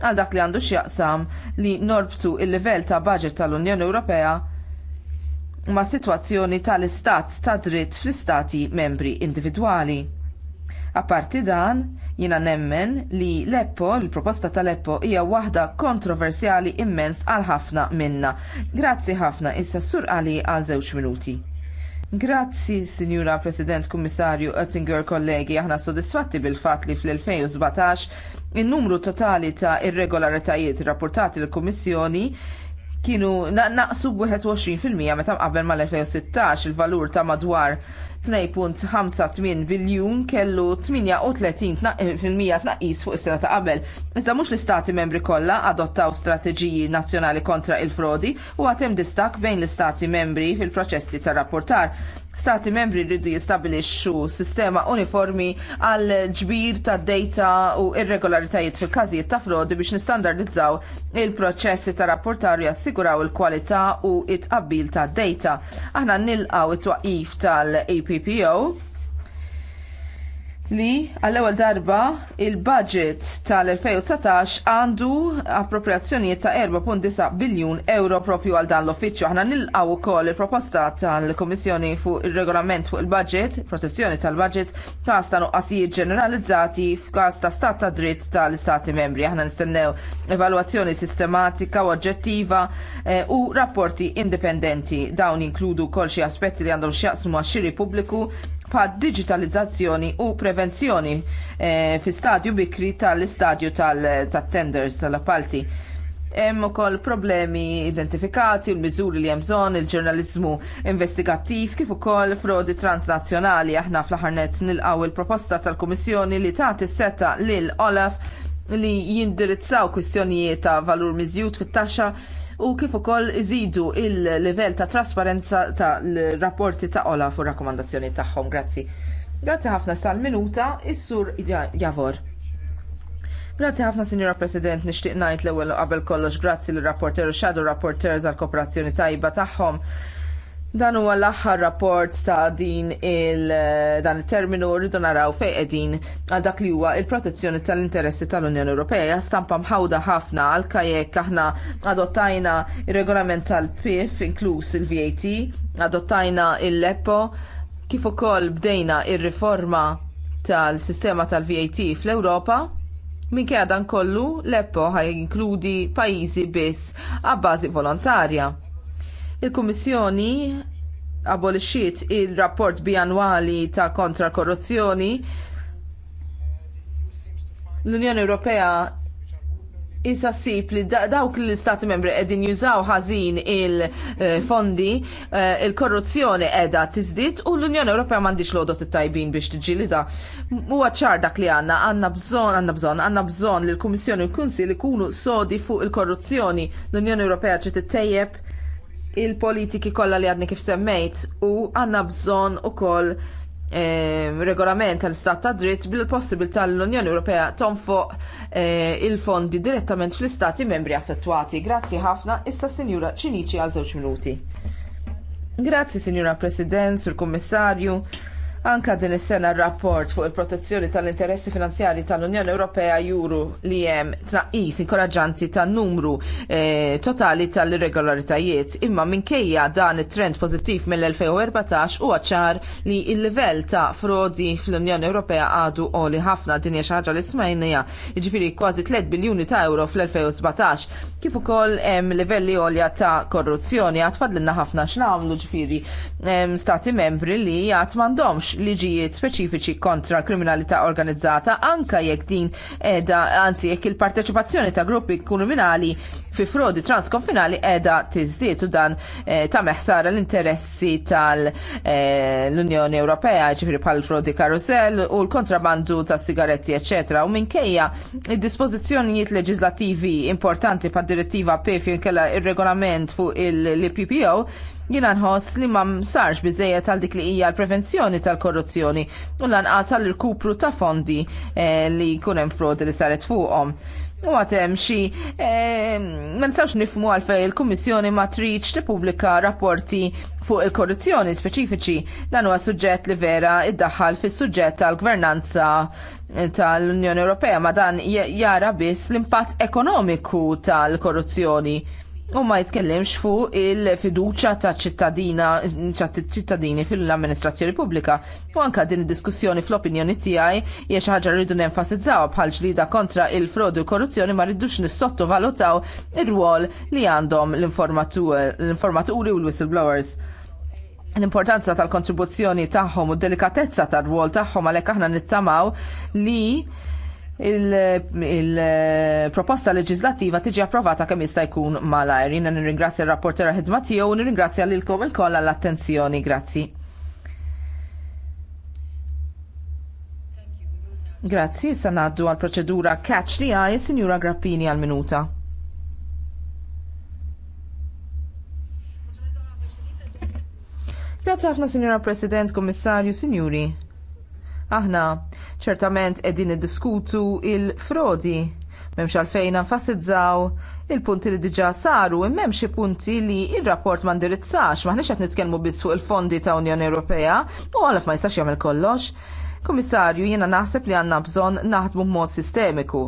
għal dak li għandu x'jaqsam li norbtu l livell ta' budget tal-Unjoni Ewropea ma' sitwazzjoni tal-istat ta' dritt fl-istati membri individwali. Apparti dan, jiena nemmen li l-Eppo, l-proposta tal-Eppo, hija waħda kontroversjali immens għal ħafna minna. Grazzi ħafna, issa sur għali għal żewġ minuti. Grazzi, Sinjura President Kummissarju Oettinger kollegi, aħna sodisfatti bil fatt li fl-2017 In-numru totali ta' irregolaritajiet rapportati l-Kummissjoni kienu naqsu fil 21 meta qabel mal-2016 il-valur ta' madwar 2.58 biljun kellu 38% eh, tnaqqis fuq is-sena ta' qabel. Iżda mhux l-istati membri kollha adottaw strateġiji nazzjonali kontra il-frodi u għatem distak bejn l-istati membri fil-proċessi ta' rapportar. Stati membri rridu jistabilixxu sistema uniformi għal ġbir ta' data u irregolaritajiet fil-każijiet ta' frodi biex nistandardizzaw il-proċessi ta' rapportar u jassiguraw il-kwalità u it tqabbil ta' data. Aħna nilqaw it-twaqif tal-APPO li għall-ewwel darba il-budget tal-2019 għandu appropriazzjonijiet ta' 4.9 biljun euro propju għal dan l-offiċċju. Aħna nilqgħu wkoll il-proposta tal-Kummissjoni fuq ir-regolament fuq il-budget, protezzjoni tal-budget, każ ta' nuqqasijiet ġeneralizzati f'każ ta' stat ta' dritt tal-Istati membri. Aħna nistennew evalwazzjoni sistematika u oġġettiva eh, u rapporti indipendenti. Dawn inkludu wkoll xi aspetti li għandhom x'jaqsmu għax-xiri pubbliku, pa' digitalizzazzjoni u prevenzjoni e, fi stadju bikri tal-istadju tal-tenders tal tal-appalti. Hemm ukoll problemi identifikati, l-miżuri li hemm bżonn, il-ġurnaliżmu investigattiv kif ukoll frodi transnazzjonali aħna fl-aħħar nett nilqgħu il-proposta tal-Kummissjoni li tagħti setta lil Olaf li jindirizzaw kwistjonijiet ta' valur miżjud fit-taxxa u kif ukoll iżidu il-livell ta' trasparenza tal rapporti ta' Olaf u rakkomandazzjoni tagħhom. Grazzi. Grazzi ħafna sal-minuta is-sur Javor. Grazzi ħafna, Sinjora President, nixtieq ngħid l-ewwel qabel kollox grazzi lir rapporter u shadow rapporters għall kooperazzjoni tajba tagħhom. Dan huwa l-aħħar rapport ta' din il dan il-terminu rridu naraw fejn qegħdin għal dak li huwa il-protezzjoni tal-interessi tal-Unjoni Ewropea stampa mħawda ħafna għalka jekk aħna adottajna ir-regolament tal-PIF inkluż il-VAT, adottajna il-LEPO, kif ukoll bdejna ir-riforma tal-sistema tal-VAT fl-Ewropa, minkejja dan kollu l-EPPO ħaj jinkludi pajjiżi biss għabbażi volontarja Il-Kummissjoni abolixxiet il-rapport bianwali ta' kontra korruzzjoni l-Unjoni Ewropea Issa ssib li dawk l-istati membri edin jużaw ħażin il-fondi, eh, il-korruzzjoni edha tizdit u l-Unjoni Ewropea m'għandix lodot it-tajbin biex tiġi lida. Huwa ċar dak li għandna għandna bżonn għandna bżonn għandna bżonn li l-Kummissjoni u l kunsill ikunu sodi fuq il-korruzzjoni. L-Unjoni Ewropea trid tittejjeb il-politiki kollha li għadni kif semmejt u għandna bżonn ukoll koll eh, regolament tal-istat ta' dritt bil-possibil tal-Unjoni Ewropea tonfoq eh, il-fondi direttament fl-istati membri affettwati. Grazzi ħafna, issa sinjura ċinici għal żewġ minuti. Grazzi, Sinjura President, Sur Kommissarju. Anka din is-sena r-rapport fuq il-protezzjoni tal-interessi finanzjari tal-Unjoni Ewropea juru li hemm tnaqqis inkoraġġanti tan-numru eh, totali tal-irregolaritajiet imma minkejja dan it-trend pożittiv mill-2014 huwa ċar li l-livell ta' frodi fl-Unjoni Ewropea għadu oli ħafna din hija xi ħaġa li smajnija jiġifieri kważi 3 biljuni ta' euro fl-2017 kif ukoll hemm livelli għolja ta' korruzzjoni għad fadlilna ħafna x'nagħmlu ġifieri stati membri li għad m'għandhomx liġijiet speċifiċi kontra kriminalità organizzata anke jekk din edha anzi jekk il-parteċipazzjoni ta' gruppi kriminali fi frodi transkonfinali edha tiżdied u dan e, ta' meħsara l-interessi tal-Unjoni eh, e, Ewropea ġifiri bħal frodi karusell u l-kontrabandu ta' sigaretti ecc. u minkejja id-dispożizzjonijiet leġislattivi importanti pa' direttiva PFI kella ir regolament fuq il-PPO Jina nħoss li ma msarx biżejjed tal dik li hija l-prevenzjoni tal-korruzzjoni u lanqas għall irkupru ta' fondi eh, li jkun hemm frodi li saret fuqhom. U għatem xi eh, ma nistawx nifmu għalfej il-Kummissjoni ma triċ tippubblika rapporti fuq il-korruzzjoni speċifiċi dan huwa suġġett li vera iddaħħal fis-suġġett tal-gvernanza eh, tal-Unjoni Ewropea ma dan jara biss l-impatt ekonomiku tal-korruzzjoni. U ma jitkellimx fuq il-fiduċa ta' ċittadina, ċittadini fil-amministrazzjoni pubblika. U anka din id-diskussjoni fl-opinjoni tiegħi hija xi ħaġa rridu nenfasizzaw bħal ġlida kontra il-frodu u korruzzjoni ma rridux nissottovalutaw il rwol li għandhom l-informaturi u l-whistleblowers l-importanza tal-kontribuzzjoni tagħhom u d-delikatezza tar-rwol tagħhom għalhekk aħna nittamaw li il-proposta leġislattiva tiġi approvata kemm jista' jkun malajr. Jiena nirringrazzja r-rapportera ħidma tiegħu u nirringrazzja lilkom il għall-attenzjoni. Grazzi. Grazzi, issa ngħaddu għall proċedura catch li għaj, sinjura Grappini għall minuta. Grazzi ħafna, Sinjura President, Kommissarju, Sinjuri. Aħna ċertament qegħdin diskutu il-frodi memx għalfejn nfasizzaw il-punti li diġà saru memx i punti li r rapport ma maħni maħniex qed nitkellmu biss fuq il-fondi ta' Unjoni Ewropea u għalaf ma jistax jagħmel kollox. Komissarju, jiena naħseb li għandna bżonn naħdmu b'mod sistemiku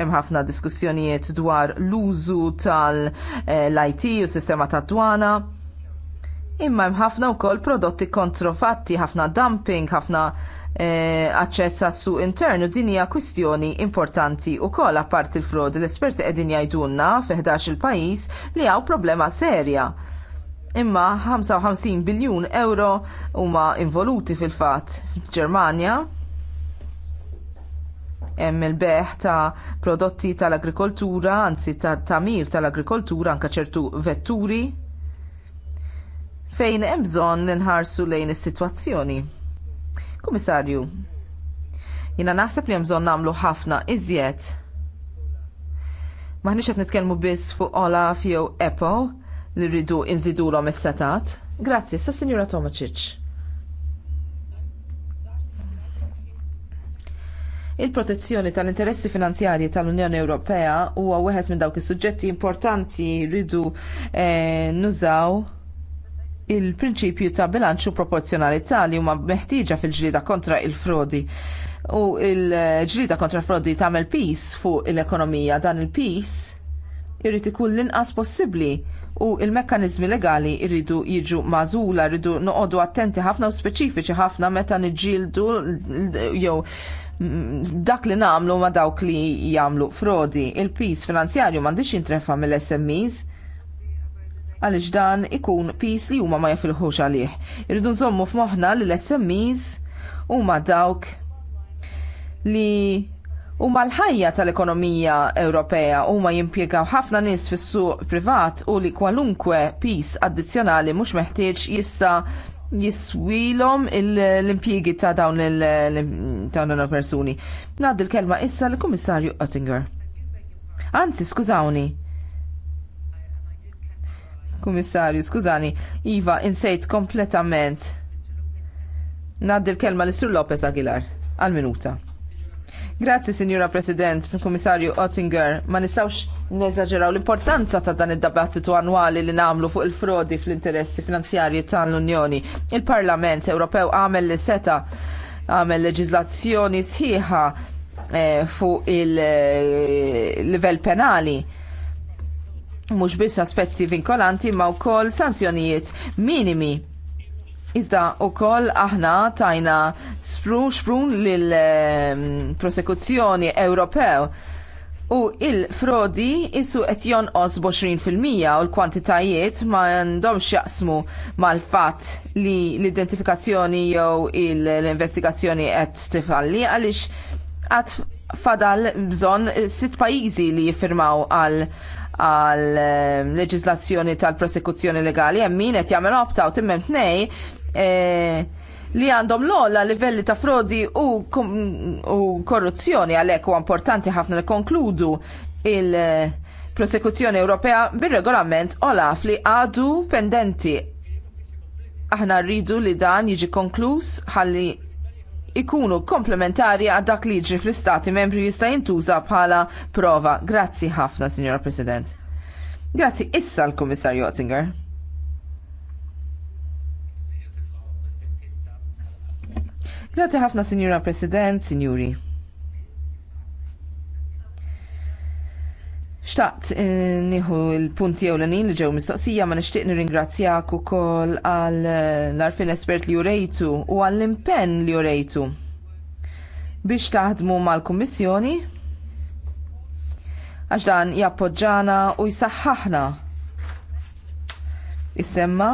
hemm ħafna diskussjonijiet dwar l-użu tal-IT u s sistema tad-dwana imma hemm ħafna wkoll prodotti kontrofatti, ħafna dumping, ħafna eh, aċċess għas-suq internu din hija kwistjoni importanti wkoll apparti il-frodi l-esperti qegħdin jgħidulna fi ħdax il-pajjiż li hawn problema serja. Imma 55 biljun euro huma involuti fil-fatt f'Ġermanja hemm il-beħ ta' prodotti tal-agrikoltura, anzi ta' tamir tal-agrikoltura anke ċertu vetturi fejn hemm bżonn nħarsu lejn is-sitwazzjoni. Kummissarju, jiena naħseb li hemm bżonn nagħmlu ħafna iżjed. Maħniex qed nitkellmu biss fuq Olaf jew Epo li rridu inżidulhom is-setat. Grazzi, sa Sinjura Tomacic. Il-protezzjoni tal-interessi finanzjarji tal-Unjoni Ewropea huwa wieħed minn dawk is-suġġetti importanti rridu eh, nużaw il-prinċipju ta' bilanċu proporzjonalità li huma meħtieġa fil-ġlida kontra il-frodi. U il-ġlida kontra frodi tagħmel pis fuq l-ekonomija dan il-pis irrid ikun l-inqas possibbli u l mekkaniżmi legali jridu jiġu mażula, jridu noqogħdu attenti ħafna u speċifiċi ħafna meta niġġieldu jew dak li nagħmlu ma dawk li jagħmlu frodi. Il-pis finanzjarju m'għandix jintrefa mill-SMEs għaliex dan ikun pis li huma ma jafilħux għalih. Irridu nżommu f'moħħna li l-SMEs huma dawk li huma l-ħajja tal-ekonomija Ewropea huma jimpjegaw ħafna nies fis-suq privat u li kwalunkwe pis addizzjonali mhux meħtieġ jista' jiswilhom l-impjiegi ta' dawn il-persuni. Ngħaddi il kelma issa l-Kummissarju Oettinger. Anzi, skużawni, Kummissarju, skużani, Iva, insejt kompletament. Naddi l-kelma l-Sur Lopez Aguilar, għal-minuta. Grazzi, Signora President, Kummissarju Ottinger, ma nistawx neżagġeraw l-importanza ta' dan id dabattitu annwali li namlu fuq il-frodi fl-interessi finanzjarji tal-Unjoni. Il-Parlament Ewropew għamel li seta għamel leġizlazzjoni sħiħa eh, fuq il-livell eh, penali mhux biss aspetti vinkolanti ma wkoll sanzjonijiet minimi. Iżda wkoll aħna tajna sprun sprun lill ehm, prosekuzzjoni Ewropew u il-frodi isu qed jonqos 20% u l-kwantitajiet ma għandhomx jaqsmu mal-fatt li l-identifikazzjoni jew l-investigazzjoni qed tifalli għaliex għad fadal bżonn sitt pajjiżi li jiffirmaw għal għal ehm, leġislazzjoni tal-prosekuzzjoni legali, hemm min qed jagħmel opt-out imma tnej eh, li għandhom l-olla livelli ta' frodi u, u korruzzjoni għalhekk huwa importanti ħafna li konkludu il- prosekuzzjoni Ewropea bir-regolament Olaf li għadu pendenti. Aħna rridu li dan jiġi konkluż ħalli ikunu komplementari għad dak li jiġri fl-istati membri jista' jintuża bħala prova. Grazzi ħafna, Signor President. Grazzi issa l-Kummissarju Oettinger. Grazzi ħafna, Signora President, Signori. Xtaqt eh, nieħu l-punti ewlenin li ġew mistoqsija ma nixtieq nirringrazzjak ukoll għal eh, l-arfin espert li jurejtu u għall impenn li jurejtu biex taħdmu mal-Kummissjoni għax dan jappoġġana u jsaħħaħna. Issemma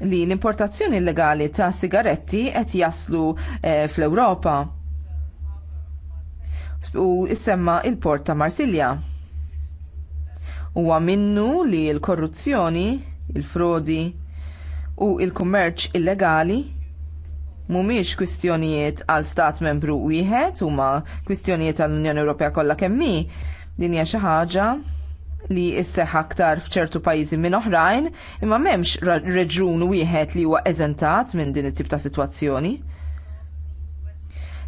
li l-importazzjoni illegali ta' sigaretti qed jaslu eh, fl-Ewropa u issemma il-port ta' Marsilja Huwa minnu li l-korruzzjoni, il frodi u l il kummerċ illegali mhumiex kwistjonijiet għal stat membru wieħed huma kwistjonijiet għall unjoni Ewropea kollha kemm hi. Din hija xi ħaġa li isseħ aktar f'ċertu pajjiżi minn oħrajn, imma m'hemmx reġun wieħed li huwa eżentat minn din it-tip ta' sitwazzjoni.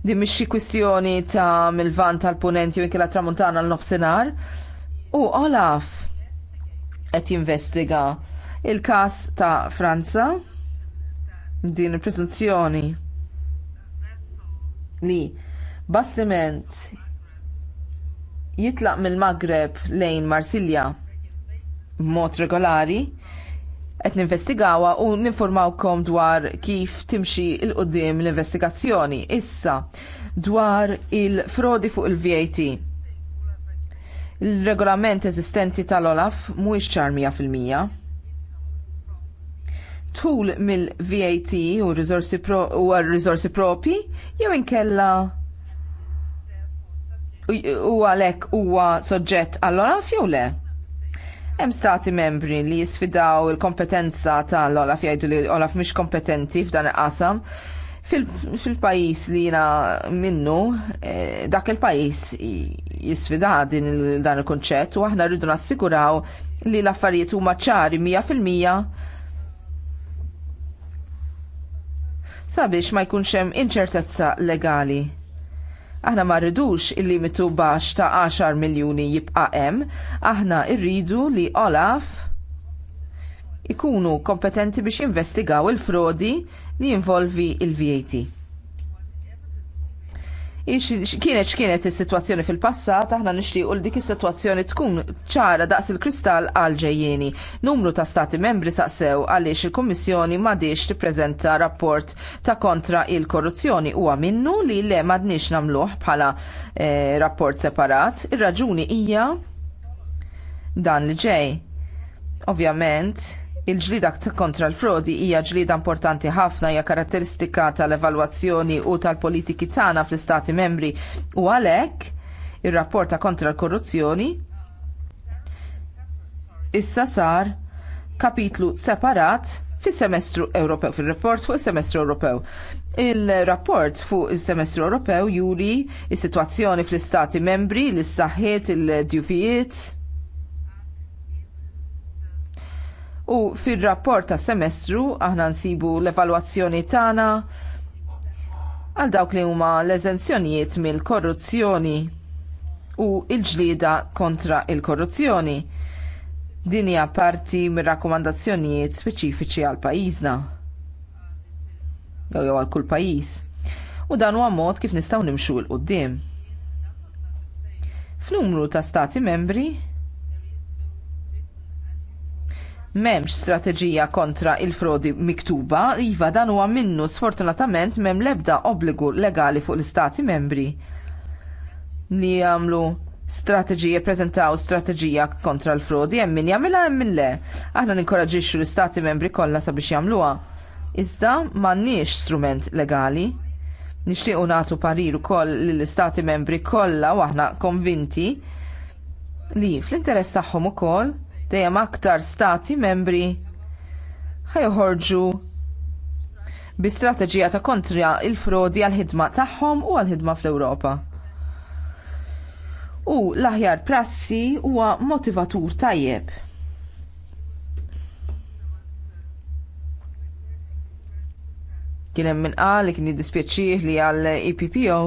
Din mhix xi kwistjoni ta' mill-vant tal-punent jew inkela tramuntana l nofsinhar u Olaf qed jinvestiga il-każ ta' Franza din il-presunzjoni li bastiment jitlaq mill-Magreb lejn Marsilja b'mod regolari qed ninvestigawha u ninformawkom dwar kif timxi l qudiem l-investigazzjoni issa dwar il-frodi fuq il-VAT. Il-regolament eżistenti tal-Olaf mhuwiex ċarmija fil-mija. Tul mill-VAT u r-riżorsi pro propi jew inkella u għalhekk huwa soġġett għall-Olaf jew le? Hemm stati membri li jisfidaw il-kompetenza tal-Olaf jgħidu li Olaf mhix kompetenti f'dan il-qasam Fil-pajis li jina minnu, eh, dak il-pajis jisfida din dan il-konċett u aħna rridu nassiguraw li l-affarijiet huma ċari 100% sabiex ma jkunx hemm inċertezza legali. Aħna ma rridux il-limitu baxx ta' 10 miljuni jibqa' hemm, aħna rridu li Olaf ikunu kompetenti biex investigaw il-frodi li jinvolvi il-VAT. Kienet x'kienet is-sitwazzjoni fil-passat, aħna nixtiequ l dik is-sitwazzjoni tkun ċara daqs il-kristall għal ġejjieni. Numru ta' stati membri saqsew għaliex il-Kummissjoni ti tippreżenta rapport ta' kontra il-korruzzjoni huwa minnu li le m'għadniex nagħmluh bħala eh, rapport separat. Ir-raġuni hija dan li ġej. Ovvjament, Il-ġlida kontra l-frodi hija ġlida importanti ħafna hija karatteristika tal-evalwazzjoni u tal-politiki tagħna fl-Istati membri u għalhekk ir rapporta kontra l-korruzzjoni issa sar kapitlu separat fis-semestru Ewropew fil-rapport fuq is-semestru Ewropew. Il-rapport fuq is-semestru Ewropew juri s-sitwazzjoni fl-istati membri, l-saħħiet, il-djufijiet, u fir-rapport ta' semestru aħna nsibu l-evalwazzjoni tagħna għal dawk li huma l-eżenzjonijiet mill-korruzzjoni u l-ġlieda kontra l korruzzjoni Din hija parti mir-rakkomandazzjonijiet speċifiċi għal pajjiżna. Jew jew għal kull pajjiż. U dan huwa mod kif nistgħu nimxu l qudiem F'numru ta' stati membri m'hemmx strateġija kontra l frodi miktuba, iva dan huwa minnu sfortunatament m'hemm l-ebda obbligu legali fuq l-istati membri li jagħmlu strateġija ppreżentaw strateġija kontra l-frodi hemm min jagħmilha hemm min le. Aħna ninkoraġixxu l-istati membri kollha sabiex jagħmluha. Iżda m'għandniex strument legali. Nixtiequ nagħtu parir ukoll lill-istati membri kollha u aħna konvinti li fl-interess tagħhom ukoll dejjem aktar stati membri ħajħorġu bi strateġija ta' kontra il-frodi għall ħidma tagħhom u għall ħidma fl-Ewropa. U l-aħjar prassi huwa motivatur tajjeb. Kien hemm min qal li kien jiddispjaċih li għall EPPO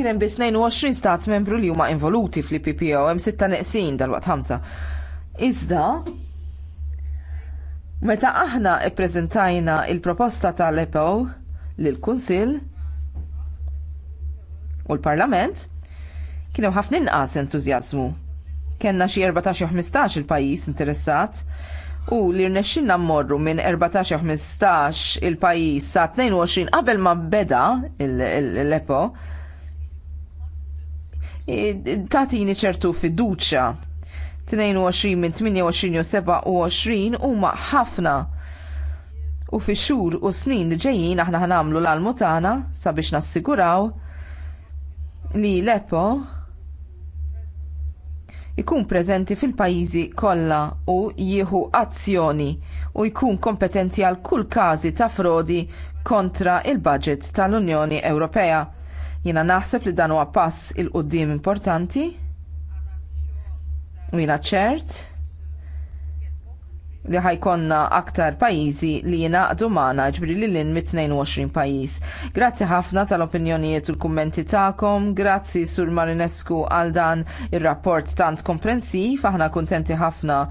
Kien hemm biss 22 stat membru li huma involuti fl-IPPO hemm sitta neqsin dalwaqt ħamsa. Iżda meta aħna ppreżentajna l proposta tal-EPO lill-Kunsill u l-Parlament kien hemm ħafna inqas entużjażmu. Kenna xi 14-15 il-pajjiż interessat u li rnexxinna mmorru minn 14-15 il-pajjiż sa 22 qabel ma beda l-EPO tatini ċertu fiduċa. 22 minn 28 u 27 huma ħafna. U fi xhur u snin li ġejjin aħna ħanamlu l-almu tagħna sabiex nassiguraw li l-EPO ikun preżenti fil-pajjiżi kollha u jieħu azzjoni u jkun kompetenti għal kull każi ta' frodi kontra il budget tal-Unjoni Ewropea Jiena naħseb li dan huwa pass il qudiem importanti u jiena ċert li ħajkonna aktar pajjiżi li jingħaqdu magħna ġbri li l-in mit-22 pajjiż. Grazzi ħafna tal-opinjonijiet u l-kummenti tagħkom, grazzi Sur Marinescu għal dan ir-rapport tant komprensiv, aħna kuntenti ħafna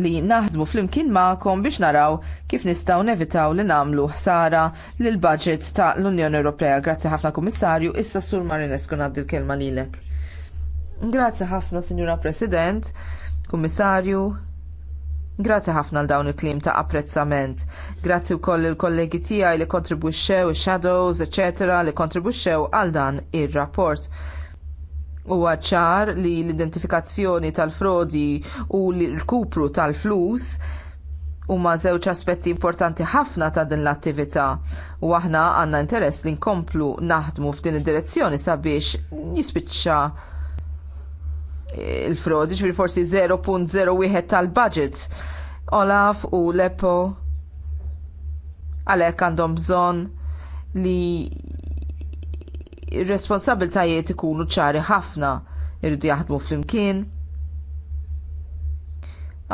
li naħdmu flimkien magħkom biex naraw kif nistgħu nevitaw li nagħmlu ħsara lil budget ta' l-Unjoni Ewropea. Grazzi ħafna Kummissarju, issa Sur Marinescu ngħaddi l-kelma lilek. Grazzi ħafna Sinjura President, Kummissarju, Grazzi ħafna għal dawn il-klim ta' apprezzament. Grazzi wkoll il-kollegi tiegħi li kontribwixxew, il shadows eccetera, li kontribwixxew għal dan ir-rapport. Huwa ċar li l-identifikazzjoni tal-frodi u l-kupru tal-flus huma żewġ aspetti importanti ħafna ta' din l-attività u aħna għandna interess li nkomplu naħdmu f'din id-direzzjoni sabiex jispiċċa l frodi ġifieri forsi 0.01 tal-budget. Olaf u Lepo għalhekk għandhom bżonn li ir-responsabiltajiet ikunu ċari ħafna irridu jaħdmu flimkien.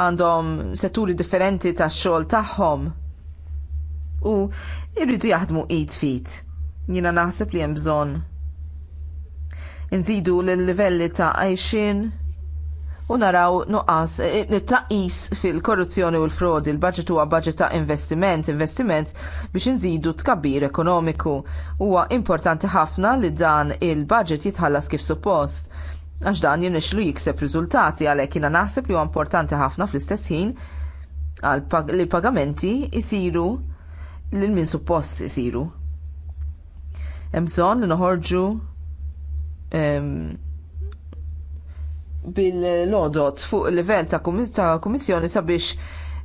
Għandhom setturi differenti tax-xogħol tagħhom u irridu jaħdmu 8 fit. Jiena naħseb li hemm bżonn inżidu l-livelli ta' għajxin u naraw nuqqas nittaqis eh, fil-korruzzjoni u l-frodi. Il-budget huwa budget ta' investiment, investiment biex inżidu tkabbir ekonomiku. Huwa importanti ħafna li dan il-budget jitħallas kif suppost għax dan jinixlu jikseb riżultati għalhekk jiena naħseb li huwa importanti ħafna fl-istess ħin li pagamenti jisiru lil min suppost isiru. Hemm bżonn li noħorġu bil-lodot fuq livell ta' kummissjoni sabiex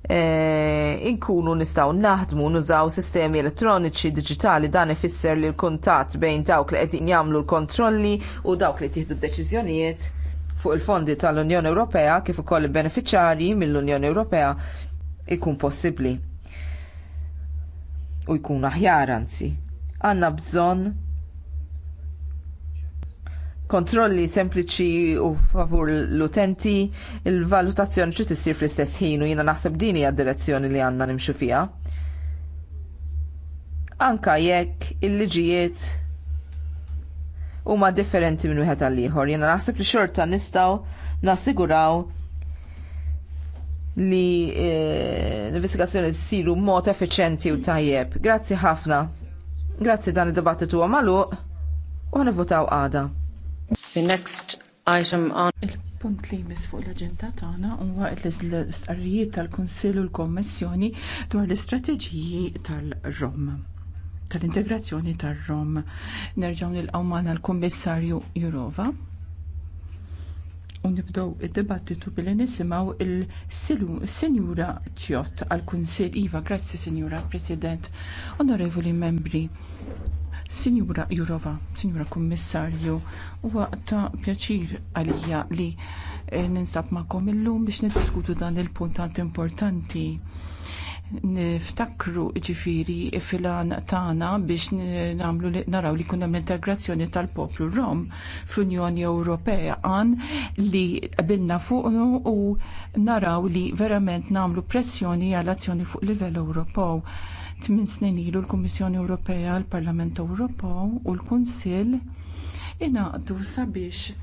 eh, inkunu nistaw naħdmu nużaw sistemi elettroniċi digitali dan ifisser li l-kuntatt bejn dawk li qegħdin jagħmlu l-kontrolli u dawk li tieħdu d-deċiżjonijiet fuq il-fondi tal-Unjoni Ewropea kif ukoll il-beneficjarji mill-Unjoni Ewropea ikun possibbli. U jkun aħjar anzi. Għandna bżonn kontrolli sempliċi u favur l-utenti, il-valutazzjoni ċi tissir fl-istess ħin u jiena naħseb din hija d-direzzjoni li għandna nimxu fiha. Anke jekk il-liġijiet huma differenti minn wieħed għal ieħor. Jiena naħseb li xorta nistgħu nassiguraw li e, l-investigazzjoni tsiru mod effiċenti u tajjeb. Grazzi ħafna. Grazzi dan id-dibattitu għamalu u ħanivvotaw għada. The next item on punt li jmiss fuq l-aġenda tagħna huwa l-istqarrijiet tal-Kunsill u l-Kommissjoni dwar l-istrateġiji tal-Rom tal-integrazzjoni tar-Rom. Nerġgħu nilqgħu magħna l-Kummissarju Jurova. U nibdew id-dibattitu billi nisimgħu il-Sinjura Ċjott għall kunsill Iva, grazzi Sinjura President, Onorevoli Membri. Sinjura Jurova, Sinjura Kummissarju, huwa ta' pjaċir għalija li eh, ninstab magħkom illum biex niddiskutu dan il-punt tant importanti. Niftakru ġifiri filan tagħna biex namlu li naraw li kunna l-integrazzjoni tal-poplu Rom fl-Unjoni Ewropea għan li bilna fuq u naraw li verament namlu pressjoni għal azzjoni fuq livell Ewropew Tmin snin ilu l-Kummissjoni Ewropea, l-Parlament Ewropew u l-Kunsill ingħaqdu sabiex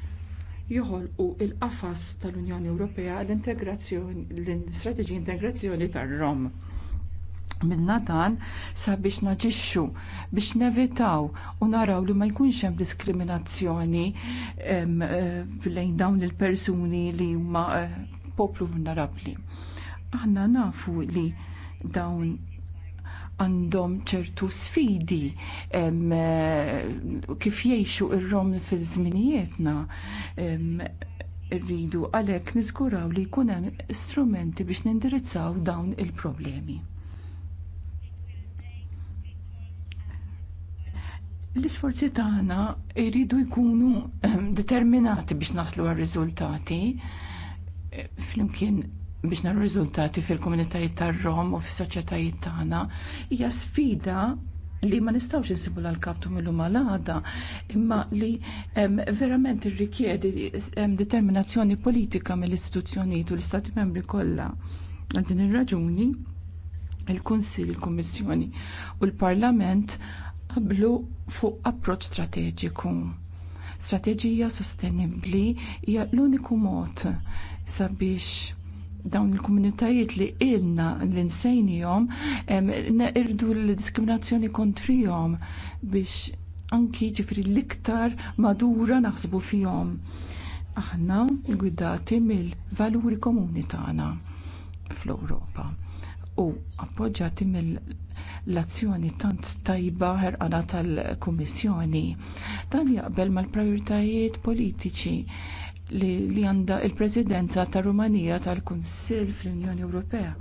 joħolqu l qafas tal-Unjoni Ewropea l-integrazzjoni l-istrateġija integrazzjoni tar-Rom. Minna dan sabiex naġixxu biex nevitaw u naraw li ma jkunx hemm diskriminazzjoni eh, lejn dawn il-persuni li huma eh, poplu vulnerabbli. Aħna nafu li dawn għandhom ċertu sfidi em, eh, kif jgħixu ir-rom fil-żminijietna rridu għalhekk niżguraw li jkun hemm strumenti biex nindirizzaw dawn il-problemi. L-isforzi tagħna jridu jkunu determinati biex naslu għar-riżultati eh, flimkien biex naru riżultati fil-komunitajiet tar-Rom u fis-soċjetajiet tagħna hija sfida li ma nistawx insibu l-kaptu millu malada imma li em, verament irrikjedi determinazzjoni politika mill-istituzzjonijiet u l-Istati membri kollha. Għal din ir-raġuni il-Kunsill, il-Kummissjoni u l-Parlament qablu fuq approċċ strateġiku. Strateġija sostenibbli hija l-uniku mod sabiex dawn il-komunitajiet li ilna l-insejnijom irdu l-diskriminazzjoni kontrijom biex anki ġifri l-iktar madura naħsbu fihom. Aħna gwidati mill-valuri komuni tagħna fl-Ewropa u appoġġjati mill-azzjoni tant tajba ħerqana tal-Kummissjoni. Dan jaqbel mal-prioritajiet politiċi li għandha l presidenza tar Rumanija tal-Kunsill fl-Unjoni Ewropea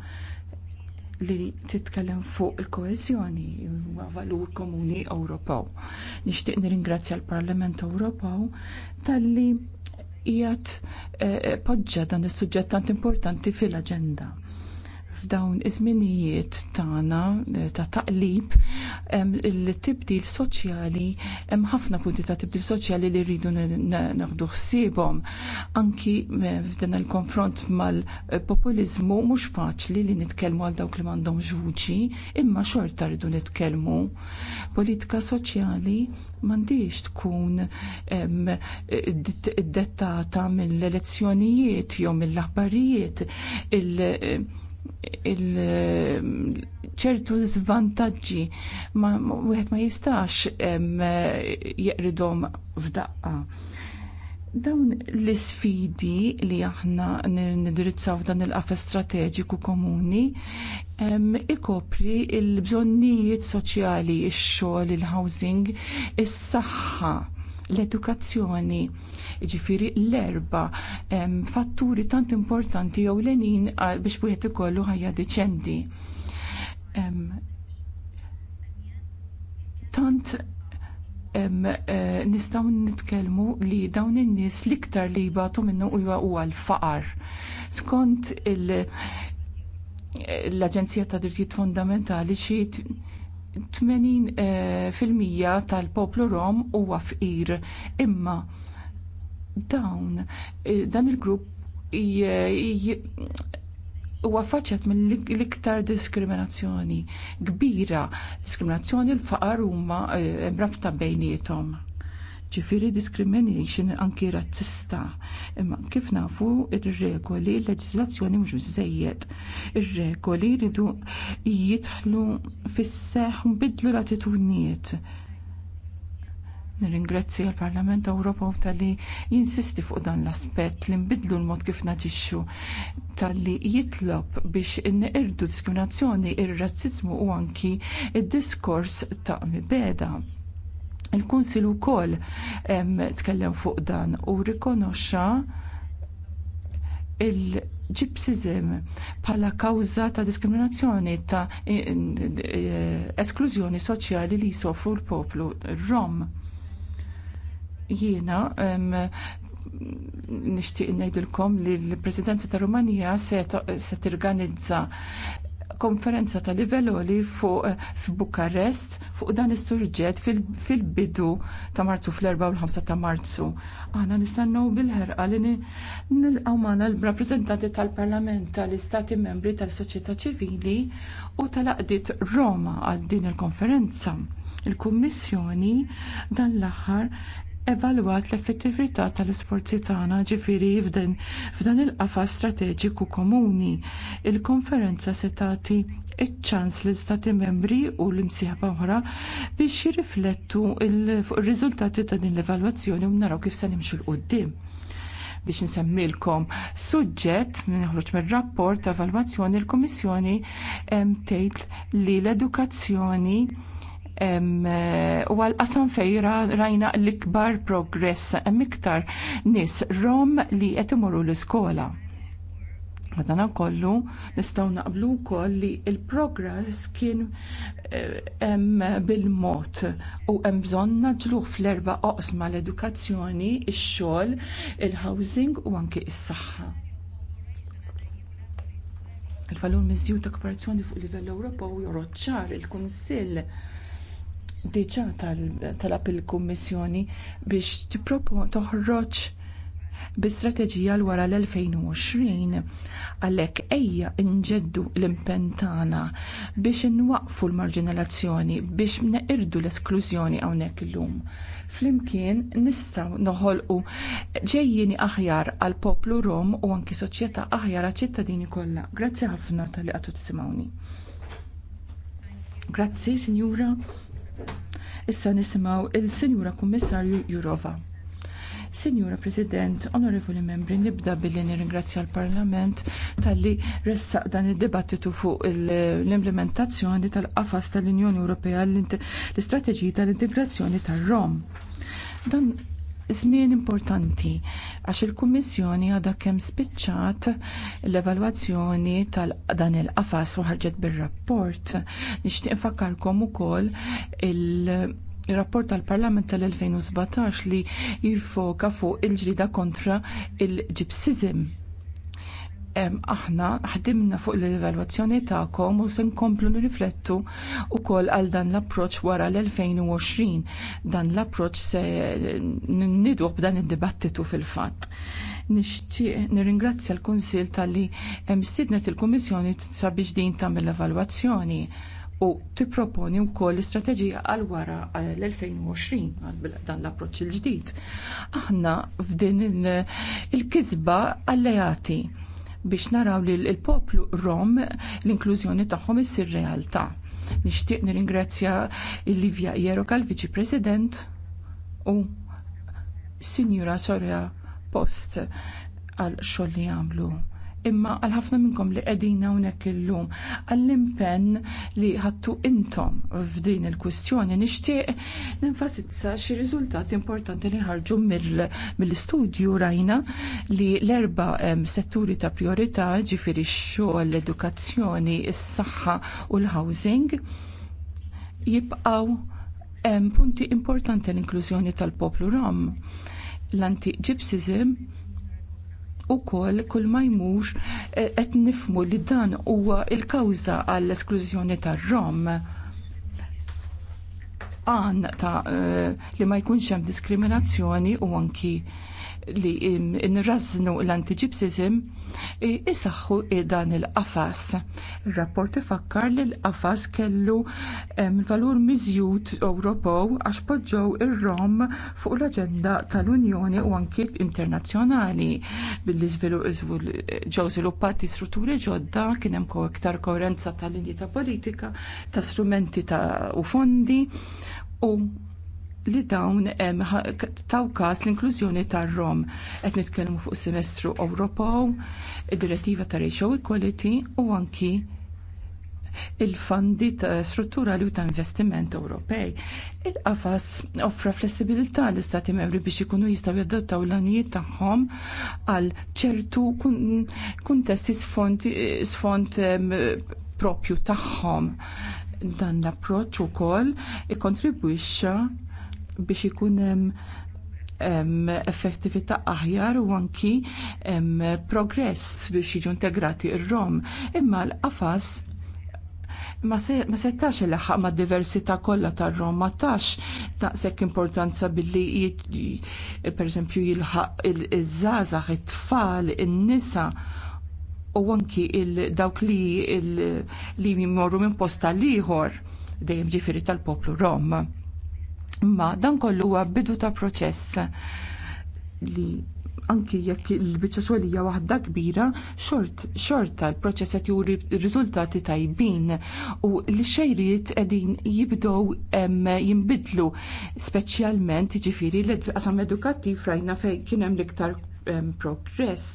li titkellem fuq il-koezjoni huwa valur komuni Ewropew. Nixtieq nirringrazzja l-Parlament Ewropew talli qiegħed eh, poġġa dan is-suġġett tant importanti fil-aġenda f'dawn iż-żminijiet tagħna eh, ta' taqlib il-tibdil soċjali hemm ħafna punti ta' tibdil soċjali li rridu naħdu ħsiebhom. Anki eh, f'dan il-konfront mal-populiżmu mhux faċli li nitkellmu għal dawk li m'għandhomx vuċi, imma xorta rridu nitkellmu. Politika soċjali mandiġ tkun dettata mill-elezzjonijiet jew mill-aħbarijiet ċertu zvantaġġi ma wieħed ma jistax jeqridhom f'daqqa. Dawn l-isfidi li aħna nindirizzaw f'dan il-qafes strateġiku komuni ikopri l bżonnijiet soċjali, ix-xogħol, il-housing, is-saħħa. il bżonnijiet soċjali ix xogħol il housing is saħħa l-edukazzjoni, ġifiri l-erba fatturi tant importanti jew lenin biex wieħed ikollu ħajja deċenti. Tant e, nistgħu nitkellmu li dawn in-nies l-iktar li jibatu minnu huwa l-faqar. Skont l-Aġenzija ta' Drittijiet Fundamentali xi 80% eh, tal-poplu Rom huwa fqir imma dawn eh, dan il-grupp huwa faċċat minn l-iktar diskriminazzjoni kbira, diskriminazzjoni l-faqar huma eh, mrabta bejniethom ġifiri discrimination anki razzista. Imma kif nafu ir-regoli, l-leġizlazzjoni mhux biżejjed. Ir-regoli jridu jidħlu fis seħħ nbiddlu l-attitudnijiet. Nirringrazzja l-Parlament Ewropew talli jinsisti fuq dan l-aspett li nbidlu l-mod kif naġixxu talli jitlob biex inqirdu diskriminazzjoni ir razzizmu u anki id-diskors ta' mibeda Il-Kunsil ukoll tkellem fuq dan u rikonoxxa il-ġipsizim bħala kawża ta' diskriminazzjoni ta' e, e, esklużjoni soċjali li jsofru l-poplu rom. Jiena nixtieq ngħidilkom li l-Presidenza ta' Rumanija se tirganizza konferenza ta' livelloli fuq eh, f'Bukarest fuq dan is-surġet fil-bidu ta' Marzu fl-4 u l-5 ta' Marzu. Aħna nistennew bil-ħerqa li nilqgħu magħna l-rappreżentanti tal-Parlament tal-Istati Membri tal-Soċjetà Ċivili u tal-Aqdiet Roma għal din il-konferenza. Il-Kummissjoni dan l-aħħar evalwat l-effettività tal-isforzi tagħna ġifieri f'dan il-qafas strateġiku komuni. Il-konferenza se tagħti iċ-ċans lill istati membri u l-imsieħba oħra biex jirriflettu fuq ir-riżultati ta' din l-evalwazzjoni u naraw kif se nimxu l qudiem biex nsemmilkom suġġett nħroġ mir-rapport ta' evalwazzjoni l-Kummissjoni tgħid li l-edukazzjoni u għal-qasam fejra rajna l-ikbar progress miktar nis rom li qed imorru l-iskola. Madana kollu nistaw naqblu koll li il-progress kien hemm eh, bil-mod u hemm bżonn fl-erba' oqsma l-edukazzjoni, ix-xogħol, il-housing u anke il saħħa il falun miżjud ta' kooperazzjoni fuq livell Ewropew u joroċċar il-Kunsill diġà talab il-Kummissjoni biex tippropo toħroġ bi strateġija l wara l-2020 għalhekk ejja nġeddu l impentana biex inwaqfu l-marġinalazzjoni biex neqirdu l-esklużjoni hawnhekk illum. Flimkien nistgħu noħolqu ġejjini aħjar għal poplu Rom u anki soċjetà aħjar għal ċittadini kollha. Grazzi ħafna tal-li qatu tisimgħuni. Grazzi, Sinjura. Issa nisimgħu il-Sinjura Kummissarju Jurova. Sinjura President, onorevoli membri, nibda billi nirringrazzja l-Parlament tal-li ressaq dan id-dibattitu fuq l-implementazzjoni tal-qafas tal-Unjoni Ewropea l-istrateġija tal-integrazzjoni tar-Rom. Dan żmien importanti għax il-Kummissjoni għadha kemm spiċċat l-evalwazzjoni tal dan il-qafas u ħarġet bir-rapport. Nixtieq nfakkarkom ukoll il- il-rapport tal-Parlament tal-2017 li jifoka fuq il-ġrida kontra il-ġipsizim aħna ħdimna fuq l-evalwazzjoni tagħkom u se nkomplu nirriflettu wkoll għal dan l-approċċ wara l-2020. Dan l-approċċ se nidu b'dan id-dibattitu fil-fatt. Nixtieq nirringrazzja l-Kunsil talli hemm stidnet il-Kummissjoni sabiex din tagħmel l-evalwazzjoni u tipproponi wkoll l istrateġija għal wara l-2020 għal dan l-approċċ il-ġdid. Aħna f'din il-kisba alleati biex naraw li l-poplu Rom l-inklużjoni tagħhom issir realtà. Nixtieq nirringrazzja Livja Jeroka l-Viċi President u Sinjura Sorja Post għal xogħol li għamlu imma għal ħafna minnkom li qegħdin hawnhekk illum għall-impenn li ħattu intom f'din il-kwistjoni nixtieq nenfasizza xi riżultat importanti li ħarġu mill-istudju rajna li l-erba setturi ta' priorità ġifieri x-xogħol, l-edukazzjoni, is-saħħa u l-housing jibqgħu punti importanti l-inklużjoni tal-poplu rom l-anti-gypsism ukoll kull ma jmux eh, qed nifmu li dan huwa il-kawża għall-esklużjoni tar-Rom għan ta' eh, li ma jkunx hemm diskriminazzjoni u anki li nraznu l-antiġipsizm isaxħu dan il-qafas. Il-rapport ifakkar li l-qafas kellu valur miżjud Ewropew għax poġġew ir-Rom fuq l-aġenda tal-Unjoni u anki internazzjonali billi ġew żviluppati strutturi ġodda kien hemm iktar koerenza tal-linji ta' politika, ta' strumenti ta' u fondi u li dawn taw każ l-inklużjoni tar-Rom. Qed nitkellmu fuq semestru Ewropew, id-direttiva ta' ratio equality u anki il-fondi strutturali u ta' investiment Ewropej. Il-qafas offra flessibilità l-istati membri biex ikunu jistgħu jadottaw l-anijiet tagħhom għal ċertu kuntesti sfond propju tagħhom. Dan l-approċċ ukoll ikkontribwixxa biex ikun hemm effettività aħjar u anki progress biex jiġu integrati ir-rom. Imma l-qafas ma settax il-ħaq ma diversità kollha tar-Rom ma tax taqsek importanza billi per eżempju jilħaq il żgħażagħ it-tfal, in-nisa u anki dawk li li jmorru minn posta liħor dejjem ġifieri tal-poplu Rom. Imma dan kollu huwa bidu ta' proċess li anki jekk il-biċċa xogħolija waħda kbira, xort xorta l-proċess qed juri riżultati tajbin u li xejriet qegħdin jibdew jinbidlu speċjalment jiġifieri l-qasam edukattiv rajna fejn kien hemm l-iktar progress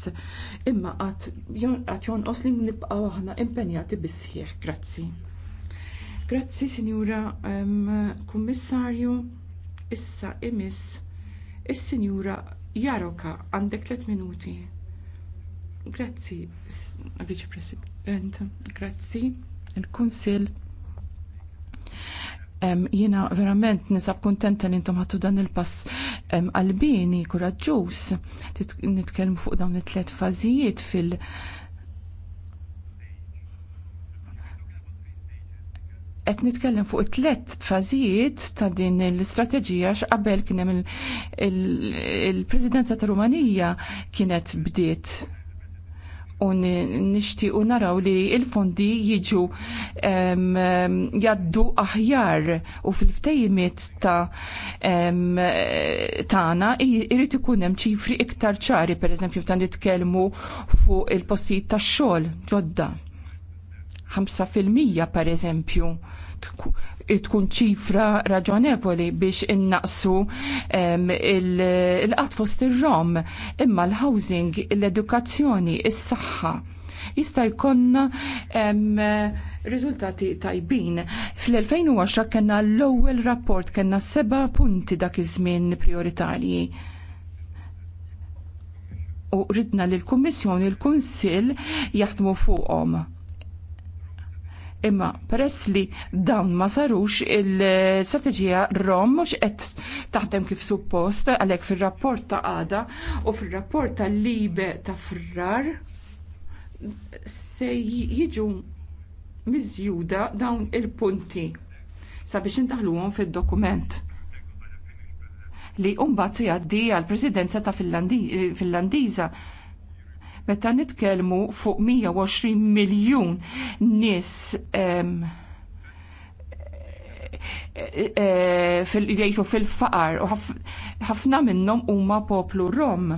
imma qatt jonqos li nibqgħu aħna impenjati bis-sħiħ. Grazzi. Grazzi, Sinjura um, Kummissarju. Issa imiss is-Sinjura Jaroka għandek tliet minuti. Grazzi, Viċi President, grazzi, il-Kunsil. Um, Jiena verament nisab kuntenta li intom ħattu dan il-pass għalbini, um, kuraġġuż, nitkellmu fuq dawn it-tliet fażijiet fil- qed nitkellem fuq it-tlet fażijiet ta' din l-istrateġija x'qabel kien hemm il-Presidenza ta' Rumanija kienet bdiet u nixtiequ naraw li il-fondi jiġu jaddu aħjar u fil-ftejmiet ta' tagħna jrid ikun hemm ċifri iktar ċari, pereżempju ta' nitkellmu fuq il-postijiet tax-xogħol ġodda 5% per eżempju tkun ċifra raġonevoli biex innaqsu ehm, il-qat fost il rom imma l-housing, l-edukazzjoni, is-saħħa jista' jkollna ehm, riżultati tajbin. Fl-2010 kellna l-ewwel rapport kena seba' punti dak iż-żmien prioritarji u ridna l-Kummissjoni l-Kunsill jaħdmu fuqhom Imma peress li dawn ma sarux il-strateġija Rom mhux qed taħdem kif suppost għalhekk fir-rapport ta' għada u fir-rapport ta' libe ta' frar se jiġu miżjuda dawn il-punti sabiex intaħluhom fid-dokument li mbagħad se jgħaddi għall presidenza ta' Finlandiża Meta nitkellmu fuq 120 miljun nies e, e, jgħixu fil-faqar u ħafna minnhom huma poplu Rom.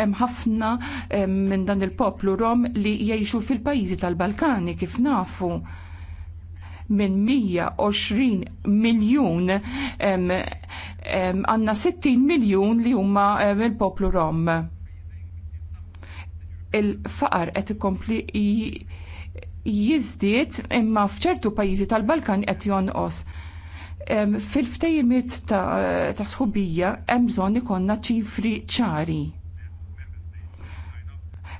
hemm ħafna minn dan il-poplu Rom li jgħixu fil-pajjiżi tal-Balkani kif nafu minn 120 miljun għanna 60 miljun li huma il-poplu Rom. Il-faqar qed ikompli jizdiet imma f'ċertu pajjiżi tal-Balkan qed jonqos. Fil-ftejimiet ta' sħubija hemm bżonn ikollna ċifri ċari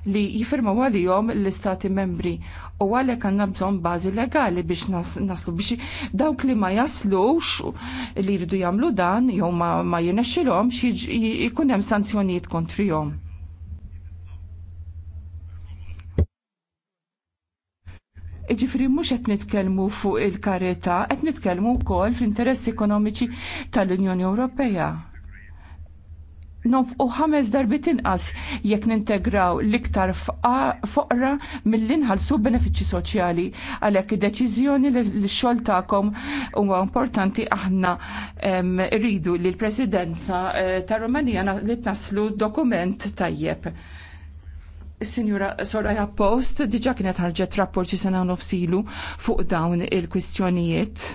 li jifirmaw għalihom l-istati membri u għalhekk għandna bżonn bażi legali biex naslu biex dawk li ma jaslux li jridu jagħmlu dan jew ma, ma jirnexxilhomx jkun hemm sanzjonijiet kontrihom. ġifri mux qed nitkellmu fuq il karità qed nitkellmu wkoll fl-interess ekonomiċi tal-Unjoni Ewropea nofqu ħames darbit inqas jekk nintegraw l-iktar foqra mill-inħalsu benefiċċji soċjali. Għalhekk id-deċiżjoni li x-xogħol tagħkom huwa importanti aħna rridu li l-Presidenza eh, tar Rumanija li tnaslu dokument tajjeb. Signora Soraya Post diġa kienet ħarġet rapport xi sena nofsilu fuq dawn il-kwistjonijiet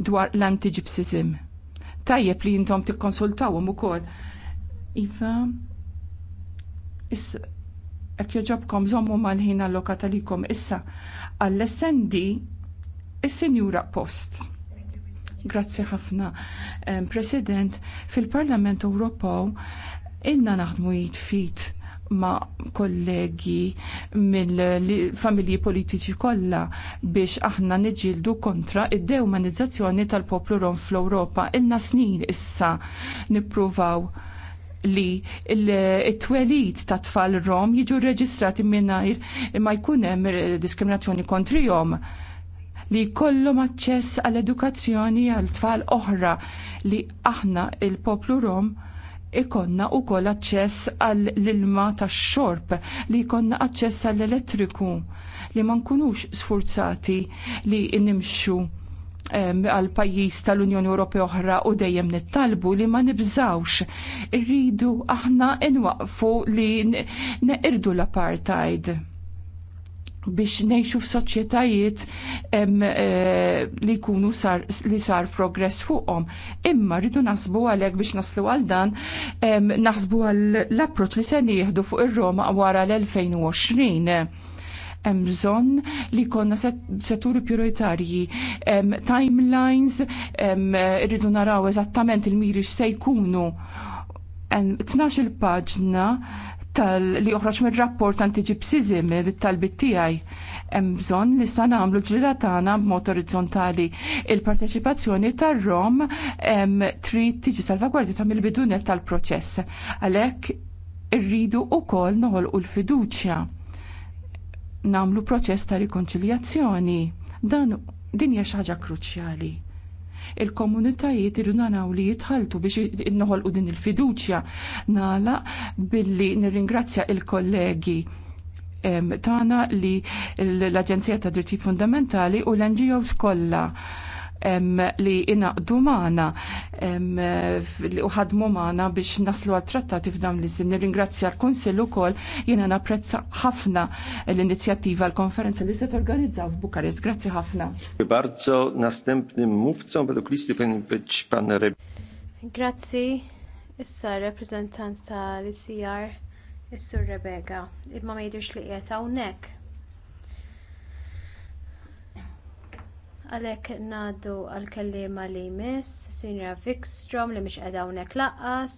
dwar l-antiġipsizim tajjeb li jintom tikkonsultawhom ukoll. Iva, issa ek joġobkom żommu mal-ħin allokata likom issa għall-essendi il senjura post. Grazzi ħafna. President, fil-Parlament Ewropew ilna naħdmu jitfit ma' kollegi mill-familji politiċi kollha biex aħna niġildu kontra id deumanizzazzjoni tal-poplu rom fl-Ewropa. Ilna snin issa nippruvaw li il twelid ta' tfal rom jiġu reġistrati mingħajr ma jkun hemm diskriminazzjoni kontrihom li kollhom aċċess għall edukazzjoni għal tfal oħra li aħna il-poplu rom ikonna u aċċess għall-ilma tax-xorb, li jkollna aċċess għall-elettriku, li ma nkunux sfurzati li nimxu għal pajjiż tal-Unjoni Ewropea oħra u dejjem nittalbu li ma nibżawx. Irridu aħna inwaqfu li neqirdu l-apartheid biex nejxu f'soċjetajiet eh, li jkunu sar, li sar progress fuqhom. Imma rridu nasbu għalhekk biex naslu għal dan naħsbu għal l-approċ li se nieħdu fuq ir-Roma wara l-2020 hemm bżonn li jkollna setturi prioritarji, timelines, rridu naraw eżattament il-miri x'se jkunu. 12 il-paġna tal li joħroġ mir-rapport antiġipsizim bit-talbit tiegħi hemm bżonn li sa nagħmlu ġrira tagħna b'mod orizzontali. Il-parteċipazzjoni tar-Rom trid tiġi salvagwardja ta' mill-bidunet tal-proċess. Għalhekk irridu wkoll noħolqu l-fiduċja. Namlu proċess ta' rikonċiljazzjoni. Dan din hija xi ħaġa kruċjali il-komunitajiet irridu naraw li jitħaltu biex innoħolqu din il-fiduċja nala billi nirringrazzja il-kollegi tagħna li l-Aġenzija ta' Drittijiet Fundamentali u l-NGOs kollha li inaqdu maħna u ħadmu maħna biex naslu għal-trattati f'dam li zin. Ringrazzja l-Konsil u kol jena naprezza ħafna l-inizjattiva l-konferenza li se organizza f'Bukarest. Grazzi ħafna. Bardzo następnym mówcą według Kristi być pan Reb. Grazzi, issa reprezentant tal-ICR, is-Sur Rebega, imma ma li qiegħed hawnhekk għalhekk ngħaddu għall-kelliema li jmiss sinjura wikstrom li mhix qiegħda hawnhekk lanqas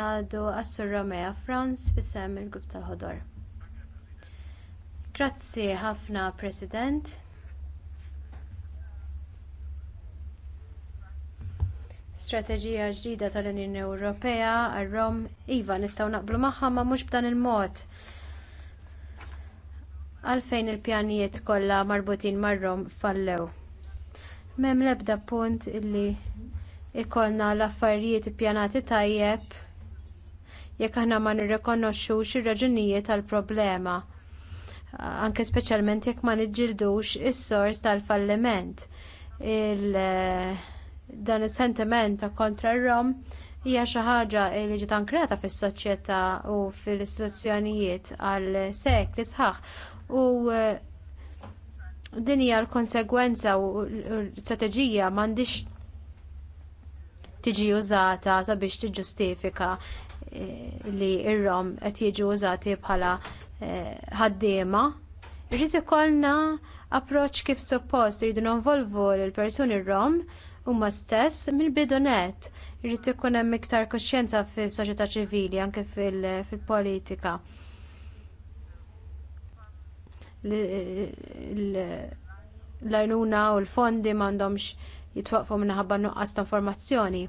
ngħaddu għas-sur romeo franz f'isem il-grupp ta' ħodor grazzi ħafna president strateġija ġdida tal-unjoni ewropea għar-rom iva nistgħu naqblu magħha ma mhux b'dan il-mod għalfejn il-pjanijiet kollha marbutin mar-rom fallew m'hemm l-ebda punt li jkollna l-affarijiet ippjanati tajjeb jekk aħna ma nirrikonoxxux ir-raġunijiet għall-problema anke speċjalment jekk ma niġġieldux is-sors tal-falliment dan is-sentiment kontra r-rom hija xi ħaġa li ġiet ankrata fis-soċjetà u fl-istituzzjonijiet għal sekli sħaħ u eh, din hija l-konsegwenza u l-istrateġija m'għandix tiġi użata sabiex tiġġustifika eh, li r-rom qed jiġu użati bħala eh, ħaddiema. Irrid ikollna approċċ kif suppost irridu nvolvu lill-persuni rrom rom huma stess mill-bidu nett irid ikun hemm iktar kuxjenza fis-soċjetà ċivili anke fil-politika. Fil l-għajnuna u l-fondi m'għandhomx jitwaqfu minħabba nuqqas ta' informazzjoni.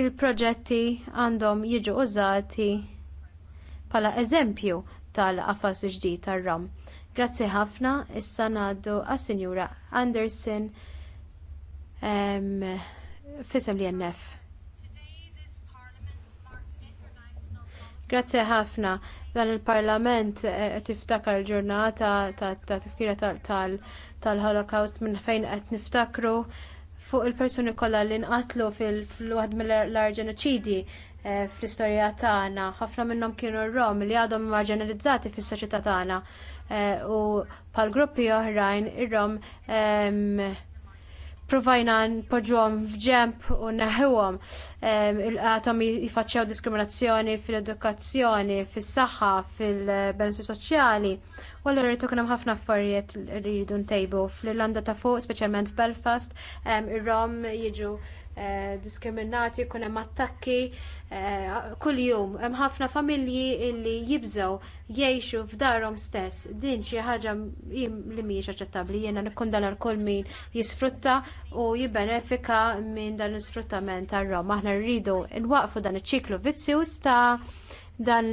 Il-proġetti għandhom jiġu użati bħala eżempju tal-qafas ġdid tar-ram. Grazzi ħafna, issa ngħaddu għas-Sinjura Anderson fisem li NF. Grazzi ħafna dan il-Parlament eh, qed iftakar ġurnata ta' tifkira tal-Holocaust minn fejn qed niftakru fuq il-persuni kollha li nqatlu fil waħd mill-ar ġenoċidi eh, fl-istorja tagħna. Ħafna minnhom kienu r-Rom li għadhom marġinalizzati fis-soċjetà tagħna eh, u bħal gruppi oħrajn ir-Rom ehm, provajna npoġġuhom f'ġemp u neħuhom għatom jifaċċew diskriminazzjoni fil-edukazzjoni, fis-saħħa, fil benessi soċjali. U allura rritu hemm ħafna affarijiet li jridu ntejbu. Fl-Irlanda ta' fuq, speċjalment Belfast, ir-Rom jiġu Eh, diskriminati, jkun hemm attakki eh, kuljum. Hemm ħafna familji li jibżgħu jgħixu f'darhom stess. Din xi ħaġa li mhijiex aċċettabbli jiena dan għal min jisfrutta u jibbenefika minn dan l-isfruttament tar-rom. Aħna rridu nwaqfu dan iċ-ċiklu vizzjuż ta' dan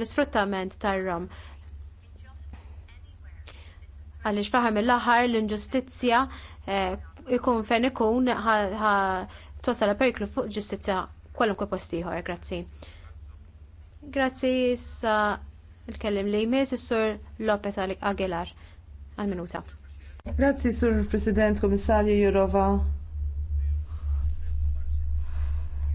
l-isfruttament tar-rom għaliex faħar mill-aħħar l-inġustizzja eh, ikun fejn ikun ħa tosal periklu fuq ġustizzja kwalunkwe post ieħor, grazzi. Grazzi sa il-kellim li jmiss is-sur Lopez Aguilar għal-minuta. Grazzi sur President Komissarju Jurova.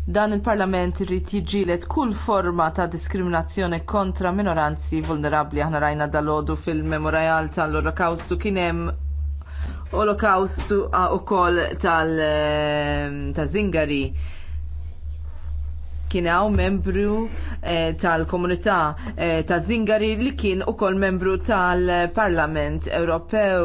Dan il-Parlament irrid jiġilet kull forma ta' diskriminazzjoni kontra minoranzi vulnerabbli aħna rajna dalodu fil-memorial tal orokaustu kien hemm Holocaust u kol tal-Zingari kien hawn membru eh, tal-komunità eh, ta' Zingari li kien ukoll membru tal-Parlament Ewropew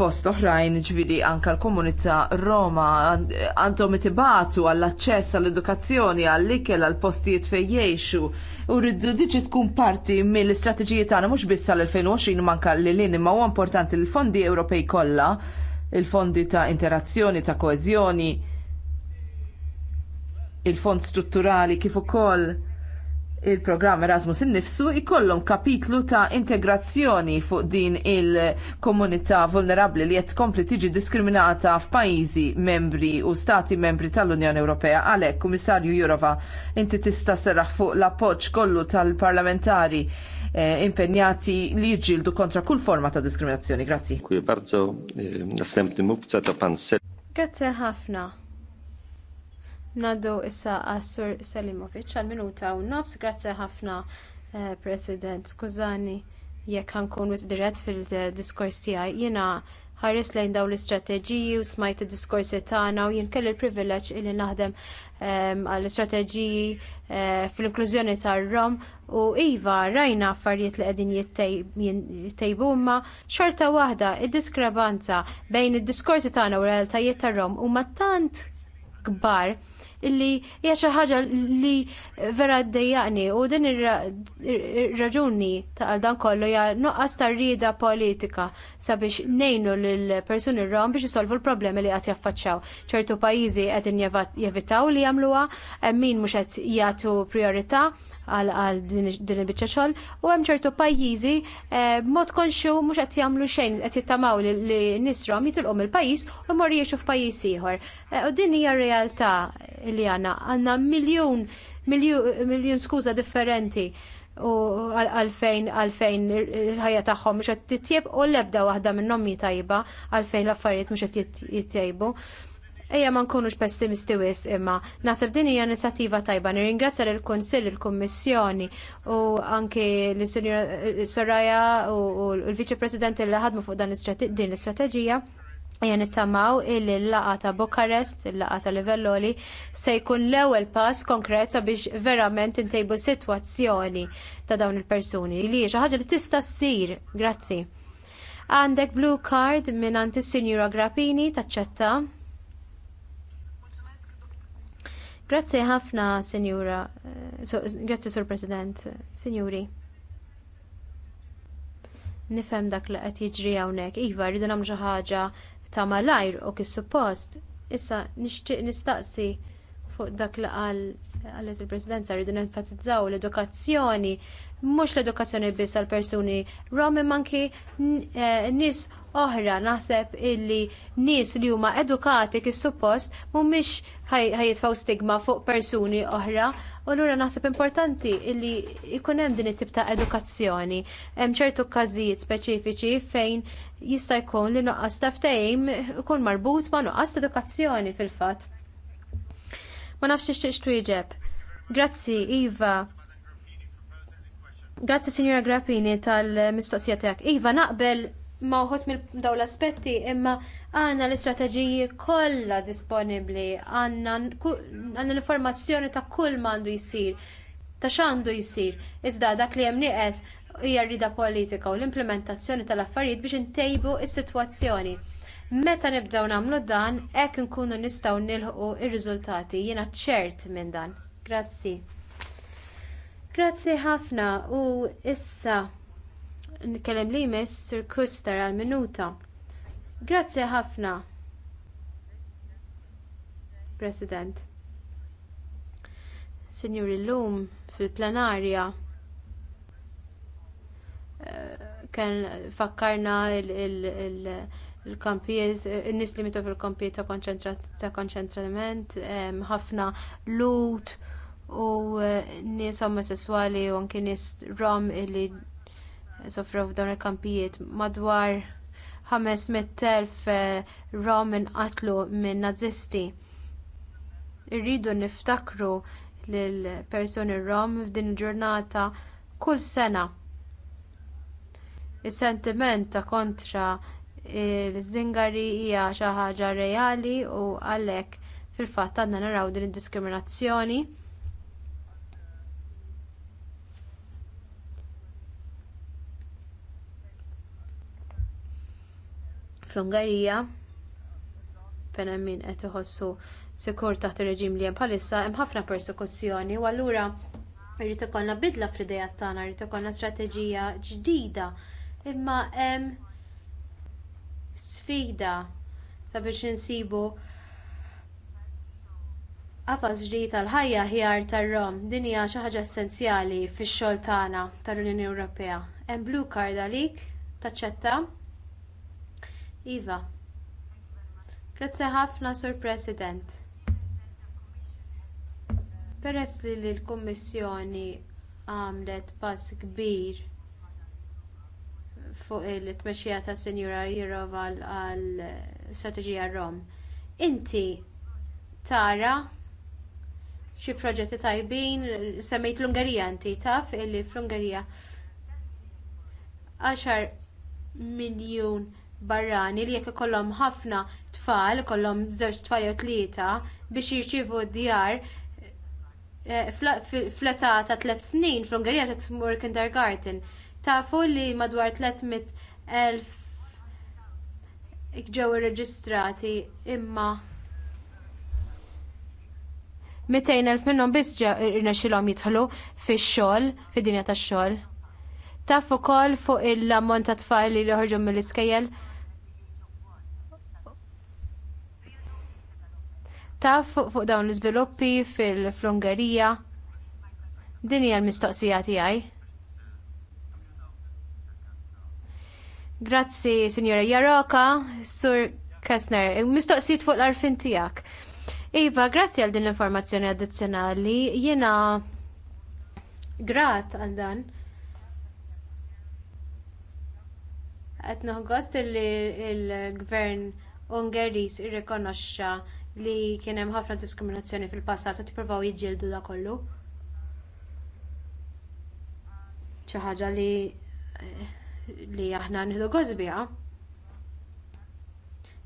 fost oħrajn ġviri anka l-komunità Roma għandhom itibatu għall aċċess għall-edukazzjoni, għall-ikel, għall-postijiet fejn jgħixu. U rridu diġi tkun parti mill-istrateġiji tagħna mhux biss għall-2020 manka lilin imma huwa importanti l-fondi Ewropej kollha, il-fondi ta' interazzjoni, ta' koeżjoni, il-fond strutturali kif ukoll il-programm Erasmus innifsu ikollhom kapitlu ta' integrazzjoni fuq din il-komunità vulnerabbli li qed tkompli tiġi diskriminata f'pajjiżi membri u stati membri tal-Unjoni Ewropea. Għalhekk, Kummissarju Jurova, inti tista' serraħ fuq l-appoġġ kollu tal-parlamentari eh, impenjati li jġildu kontra kull forma ta' diskriminazzjoni. Grazzi. Dziękuję bardzo. E, Grazie ħafna ngħaddu issa għas-sur selimovic għal minuta u nofs grazzi ħafna eh, president skużani jekk ħankun wisq dirett fid-diskors tiegħi jiena ħares lejn dawn l-istrateġiji u smajt id-diskorsi tagħna u jien kelli l-privileġġ li naħdem ehm, għall-istrateġiji eh, fl-inklużjoni tar-rom u iva rajna affarijiet li qegħdin jittejbu xorta waħda id-diskrepanza bejn id-diskorsi tagħna u r-realtajiet tar-rom huma tant kbar illi hija xi ħaġa li vera ddejjaqni u din ir-raġuni ta' dan kollu hija nuqqas ta' rieda politika sabiex ngħinu lill persuni rom biex isolvu l-problemi li qed jaffaċċjaw. ċertu pajjiżi qegħdin jevitaw li jagħmluha, min mhux qed jagħtu priorità għal din il-biċċa xogħol u hemm ċertu pajjiżi eh, b'mod konxu mhux qed jagħmlu xejn qed jittamaw li nisrom jitilqu mill-pajjiż u jmorru jgħixu f'pajjiż ieħor. Eh, u din hija r-realtà li għandna għandna miljun miljun skuża differenti u għalfejn għalfejn il-ħajja tagħhom mhux qed titjeb u l-ebda waħda minnhom tajba għalfejn l-affarijiet mhux qed jittjejbu. Ejja ma nkunux pessimisti wis imma naħseb din hija inizjattiva tajba. Nirringrazzja lill kunsill il-Kummissjoni u anki l-Sinjora eh, Soraya u l-Viċi President li ħadmu fuq dan din l-istrateġija Ejja nittamaw illi l-laqa ta' Bukarest, il-laqa ta' livelloli, se jkun l-ewwel pass konkret sabiex verament intejbu sitwazzjoni ta' dawn il-persuni li xi ħaġa li tista' ssir. Grazzi. Għandek blue card minn anti Sinjura Grappini taċċetta. Grazzi ħafna, Sinjura. Eh, grazzi, Sur President. Sinjuri. Nifhem dak li qed jiġri hawnhekk. Iva, rridu nagħmlu xi ħaġa ta' malajr u kif suppost. Issa nixtieq nistaqsi fuq dak li qal għalet il-presidenza rridu nenfatizzaw l-edukazzjoni mhux l-edukazzjoni biss għall persuni rom imma anki eh, nies oħra naħseb illi nies li huma edukati kif suppost mhumiex ħajjitfgħu stigma fuq persuni oħra u lura naħseb importanti illi jkun hemm din it-tip ta' edukazzjoni. Hemm ċertu każijiet speċifiċi fejn jista' jkun li nuqqas ta' ftehim ikun marbut ma' nuqqas edukazzjoni fil-fatt. Ma nafx ixtieq twieġeb. Grazzi, Iva. Grazzi, Signora Grappini, tal-mistoqsija tiegħek. Iva, naqbel ma' uħot mill dawn l-aspetti imma għandna l-istrateġiji kollha disponibbli għandna l-informazzjoni ta' kull m'għandu jsir ta' x'għandu jsir iżda dak li hemm nieqes hija rrida politika u l-implementazzjoni tal-affarijiet biex intejbu s-sitwazzjoni. Meta nibdew nagħmlu dan, hekk inkunu nistgħu nilħqu r-riżultati jiena ċert minn dan. Grazzi. Grazzi ħafna u issa Nkellem li jmiss Sir Kuster għal minuta. Grazzi ħafna. President. Sinjuri llum fil-plenarja eh, kien fakkarna il-kampijiet, il-nis li mitu fil-kampijiet ta' konċentrament, ħafna lut u eh, nies omosessuali u anki nies rom li sofru f'dawn il-kampijiet madwar 500,000 eh, rom inqatlu min-nażisti irridu niftakru lill-persuni rom f'din il-ġurnata kull sena is-sentiment ta' kontra l-żingari hija xi ħaġa reali u għalhekk fil-fatt għandna naraw din id-diskriminazzjoni fl-ungerija pena min qed iħossu sikur taħt ir-reġim li hemm bħalissa hemm ħafna persekuzzjoni u allura rrid ikollna bidla fl-idejat tagħna rrid ikollna strateġija ġdida imma hemm sfida sabiex insibu qafas ġdida tal-ħajja ħjar tar-rom din hija xi ħaġa essenzjali fix-xogħol tagħna tal-Unjoni Ewropea. Hemm blue card għalik taċċetta iva grazzi ħafna sur president peress li l-kummissjoni għamlet pass kbir fuq it-tmexxija tas-sinjura jourov għall-istrateġija rom inti tara xi proġetti tajbin semmejt l-ungerija inti taf illi fl-ungerija għaxar miljun barrani li jekk ikollhom ħafna tfal, ikollhom żewġ tfal jew tlieta biex jirċievu d-djar eh, fl-età ta' tliet snin fl-Ungerija ta' tmur kindergarten. Tafu li madwar 300,000 ġew irreġistrati imma 200,000 minnhom biss irnexxilhom jidħlu fix-xogħol, fid-dinja tax-xogħol. Taf ukoll fuq il-ammont ta' tfal li joħorġu mill-iskejjel taf fuq dawn l-iżviluppi fil-Ungerija. Din hija l-mistoqsija tiegħi. Grazzi, Signora Jaroka, Sur Kessner. Mistoqsijiet fuq l-arfin tiegħek. Iva, grazzi għal din l-informazzjoni addizzjonali. Jiena grat għal dan. Qed noħgost li l-Gvern Ungeris irrikonoxxa li kien hemm ħafna diskriminazzjoni fil-passat u tippruvaw jiġġieldu dak kollu. Xi ħaġa li eh, li aħna nieħdu gost biha.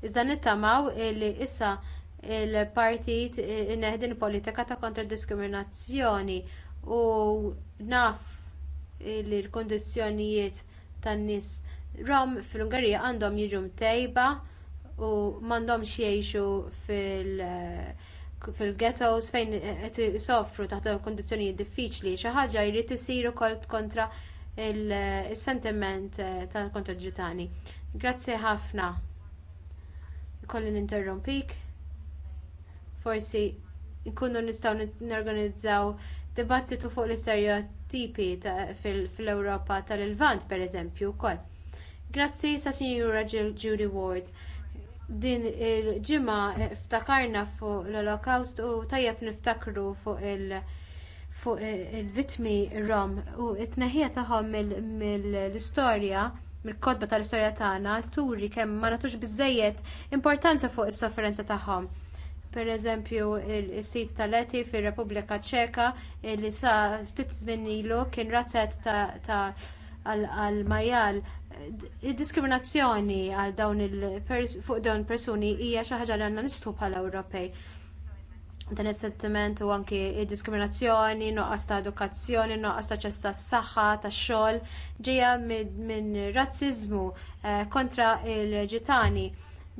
Iżda nittamaw li issa il-partit neħdin politika ta' kontra diskriminazzjoni u naf li l kundizzjonijiet tan-nies rom fl-Ungerija għandhom jiġu mtejba u m'għandhomx jgħixu fil- fil-ghettos fejn qed isofru taħt kundizzjonijiet diffiċli xi ħaġa jrid isir ukoll kontra il-sentiment eh, ta' kontra ġitani. Grazzi ħafna. Ikolli ninterrompik. Forsi nkunu nistgħu norganizzaw dibattitu fuq l-istereotipi fil-Ewropa tal-Ilvant pereżempju wkoll. Grazzi sa' Sinjura Judy Ward din il-ġimgħa ftakarna fuq l olokaust u tajjeb niftakru fuq il- fuq il-vitmi rom u t tneħħija tagħhom mill-istorja mill-kotba tal-istorja tagħna turi kemm ma nagħtux biżżejjed importanza fuq is-sofferenza tagħhom. Pereżempju is-sit tal-Leti fir-Repubblika Ċeka li sa ftit żmien ilu kien razzet ta' għal majal Id-diskriminazzjoni għal dawn fuq dawn persuni hija xi ħaġa li għandna nistħu bħala Ewropej. Dan is-sentiment u anki id-diskriminazzjoni, noqqas ta' edukazzjoni, noqqas ta' ċesta tas-saħħa, tax-xogħol ġejja minn razziżmu eh, kontra l-ġitani.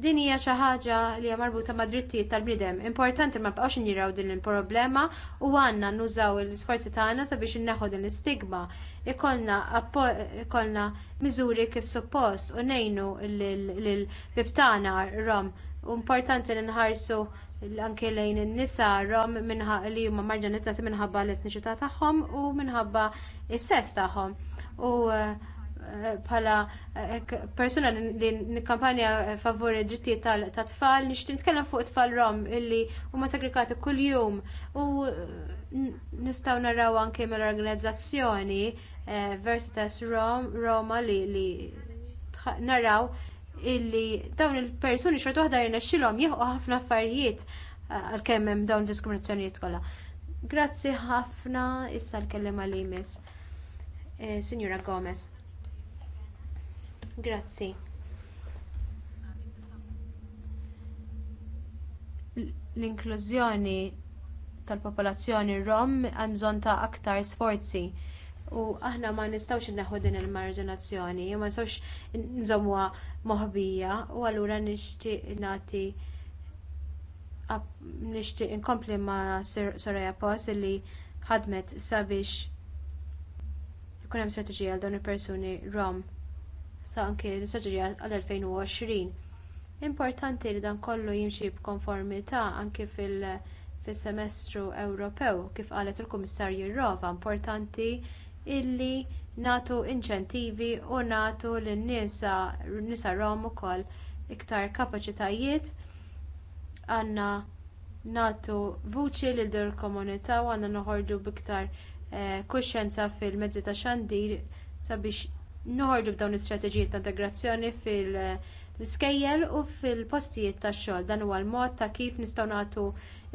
Din hija xi ħaġa li hija marbuta ma' drittijiet tal-bniedem. Importanti ma nbqgħux niraw din il-problema u għandna nużaw l-isforzi tagħna sabiex inneħħu din l-istigma. Ikollna miżuri kif suppost u ngħinu lill-bib tagħna rom. Importanti li nħarsu anke lejn in-nisa rom li huma marġanizzati minħabba l-etniċità tagħhom u minħabba s-sess tagħhom. Eh, Eh, pala eh, persuna li nikkampanja eh, favur id-drittijiet ta' tfal nixtieq nitkellem fuq tfal rom illi huma segregati kuljum u nistgħu naraw anke mill-organizzazzjoni Versitas Roma li naraw illi dawn il-persuni xorta waħda xilom jieħu ħafna affarijiet għalkemm hemm dawn diskriminazzjonijiet kollha. Grazzi ħafna issa l-kellem għal-imis. Signora Gomez. Grazzi. L-inklużjoni tal-popolazzjoni rom hemm bżonn ta' aktar sforzi u aħna ma nistgħux inneħħu din il-marġinazzjoni u ma nistgħux nżommuha moħbija u allura nixtieq nagħti nixtieq inkompli ma' Soraya Post li ħadmet sabiex ikun hemm strateġija għal dawn il-persuni rom sa anke l-istraġija għal 2020 Importanti li dan kollu jimxi b'konformità anke fis-semestru Ewropew kif qalet il-Kummissarju jourova importanti illi nagħtu inċentivi u nagħtu lin-nisa rom ukoll iktar kapaċitajiet għandna nagħtu vuċi lil dawn il-komunità u għandna noħorġu b'iktar eh, kuxjenza fil-mezzi tax-xandir sabiex noħorġu b'dawn l istrateġijiet ta' integrazzjoni fil-iskejjel u fil-postijiet tax-xogħol dan huwa l-mod ta' kif nistgħu nagħtu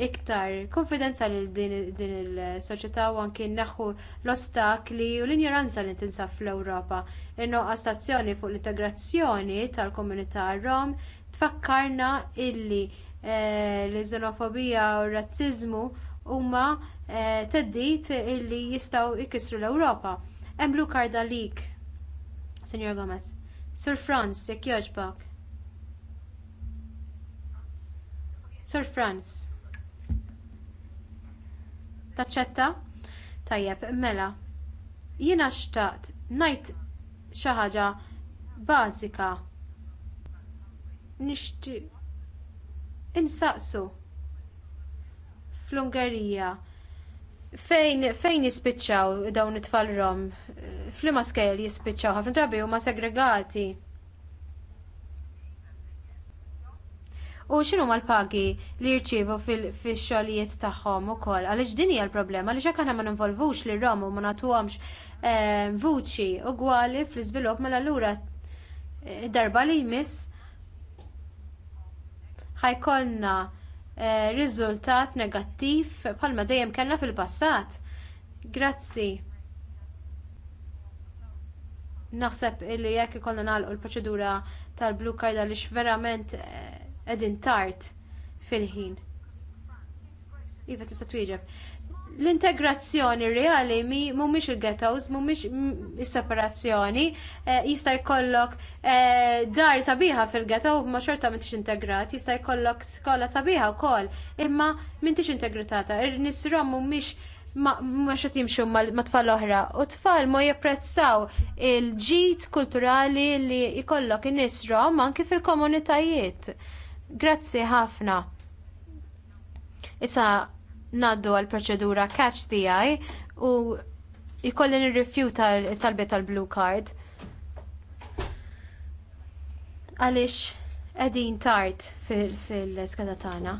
iktar konfidenza lil din is-soċjetà u anki naħu l-ostakli u l-injoranza li tinsab fl-Ewropa. In-noqqas tazzjoni fuq l-integrazzjoni tal-komunità Rom tfakkarna illi eh, l-xenofobija u r-razziżmu huma eh, theddid illi jistgħu jkissru l-Ewropa. Hemm blue għalik Sinjor Gomez. Sur Franz, jekk jogħġbok. Sir Franz. Taċċetta? Tajjeb, mela. Jiena xtaqt ngħid xi ħaġa bażika. Nixtieq insaqsu fl-Ungerija fejn fejn jispiċċaw dawn it-tfal rom flima skejl jispiċċaw ħafna drabi huma segregati. U x'inhu l-pagi li jirċievu fix-xogħlijiet tagħhom ukoll għaliex din hija l-problema għaliex hekk aħna ma ninvolvux lir rom u ma nagħtuhomx eh, vuċi ugwali fl-iżvilupp mela allura eh, darba li jmiss ħajkollna eh, riżultat negattiv bħalma dejjem kellna fil-passat. Grazzi naħseb illi jekk ikollna nagħlqu l-proċedura tal-blue card għaliex verament eh, qegħdin tard fil-ħin. Iva tista' twieġeb. L-integrazzjoni reali mhumiex il-ghettos, mhumiex is-separazzjoni, eh, jista' jkollok eh, dar sabiħa fil-ghetto ma xorta m'intix integrat, jista' jkollok skola sabiħa wkoll, imma m'intix integritata. Ir-nisrom mhumiex ma xa timxu ma tfal oħra u tfal ma japprezzaw il-ġid kulturali li jkollok inisrom anki fil-komunitajiet. Grazzi ħafna. Issa ngħaddu għall proċedura catch the eye u jkolli nirrifjuta talbiet tal-blue card. Għaliex qegħdin tard fil-skeda tagħna.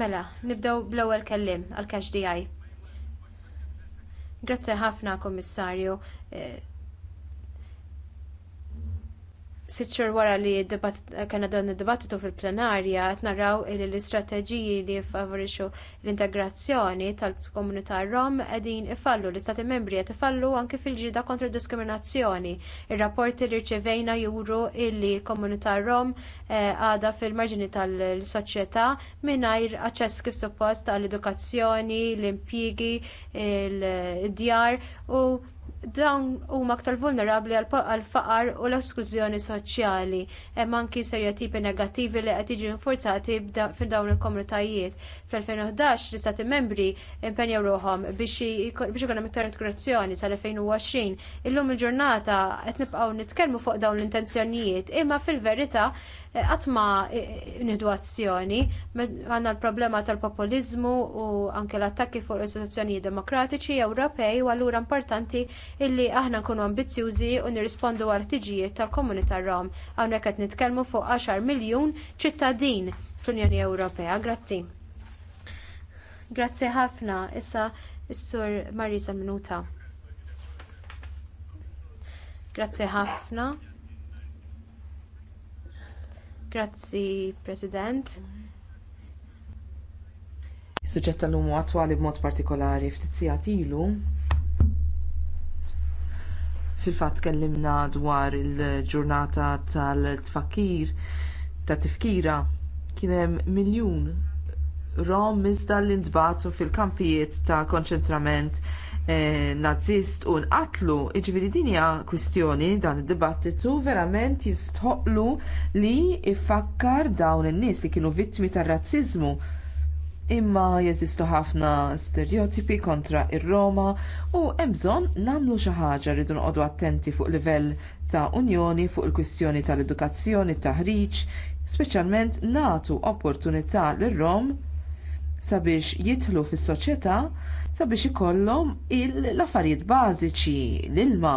Mela, nibdew bl-ewwel kelliem għall-catch DI. Grazzi ħafna, Kummissarju. Eh, sitt xhur wara li kellna dan id-dibattitu fil-plenarja qed naraw li l-istrateġiji li jiffavorixxu l-integrazzjoni tal-komunità rom qegħdin ifallu l-istati membri qed ifallu anke fil-ġida kontra d diskriminazzjoni. Ir-rapporti li rċevejna juru li l-komunità rom eh, għadha fil-marġini tal-soċjetà mingħajr aċċess kif suppost għall edukazzjoni l-impjiegi, id-djar u dawn huma aktar vulnerabbli għal faqar u l-esklużjoni soċjali hemm anki stereotipi negattivi li qed jiġu infurzati fil dawn il-komunitajiet fl-2011 l-istati membri impenjaw ruħhom biex ikun hemm iktar integrazzjoni sal-2020 illum il-ġurnata qed nibqgħu nitkellmu fuq dawn l-intenzjonijiet imma fil-verità eh, qatt ma eh, nieħdu azzjoni għandna l-problema tal-populiżmu u anke l-attakki fuq l-istituzzjonijiet demokratiċi Ewropej u allura importanti illi aħna nkunu ambizzjużi u nirrispondu għal tiġijiet tal-komunità Rom. Hawnhekk qed nitkellmu fuq 10 miljun ċittadin fl-Unjoni Ewropea. Grazzi. Grazzi ħafna. Issa s sur Marisa Minuta. Grazzi ħafna. Grazzi, President. Is-suġġett tal lumu attwali b'mod partikolari ftit sigħat ilu Fil-fatt kellimna dwar il-ġurnata tal-tfakkir, ta' tifkira, kien hemm miljun rom iżda li ntbagħtu fil-kampijiet ta' konċentrament eh, nazzist nazist u nqatlu, iġviri hija kwistjoni dan id-dibattitu verament jistħoqlu li ifakkar dawn in-nies li kienu vittmi tar-razziżmu imma jeżistu ħafna stereotipi kontra ir-Roma u hemm bżonn nagħmlu xi ħaġa rridu noqogħdu attenti fuq livell ta' Unjoni fuq il-kwistjoni tal-edukazzjoni, taħriġ, speċjalment nagħtu opportunità lir-Rom sabiex jidħlu fis-soċjetà sabiex ikollhom l-affarijiet bażiċi, l-ilma,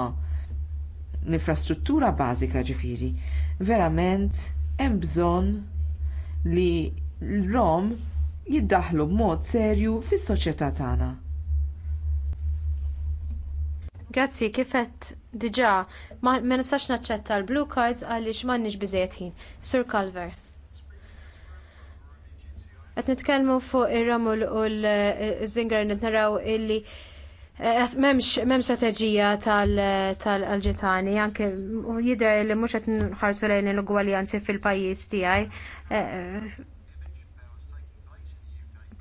l-infrastruttura bażika ġifieri. Verament hemm bżonn li l-Rom jiddaħħlu b'mod serju fis-soċjetà tagħna. Grazzi, kif qed diġà ma nistax naċċetta l-blue cards għaliex m'għandniex biżejjed ħin. Sur Calver. Qed nitkellmu fuq ir-ramul u l-żingar naraw illi eh, eh, M'hemm strateġija tal-ġitani, anke jidher li mhux qed nħarsu lejn l-ugwaljanzi fil-pajjiż tiegħi. Eh,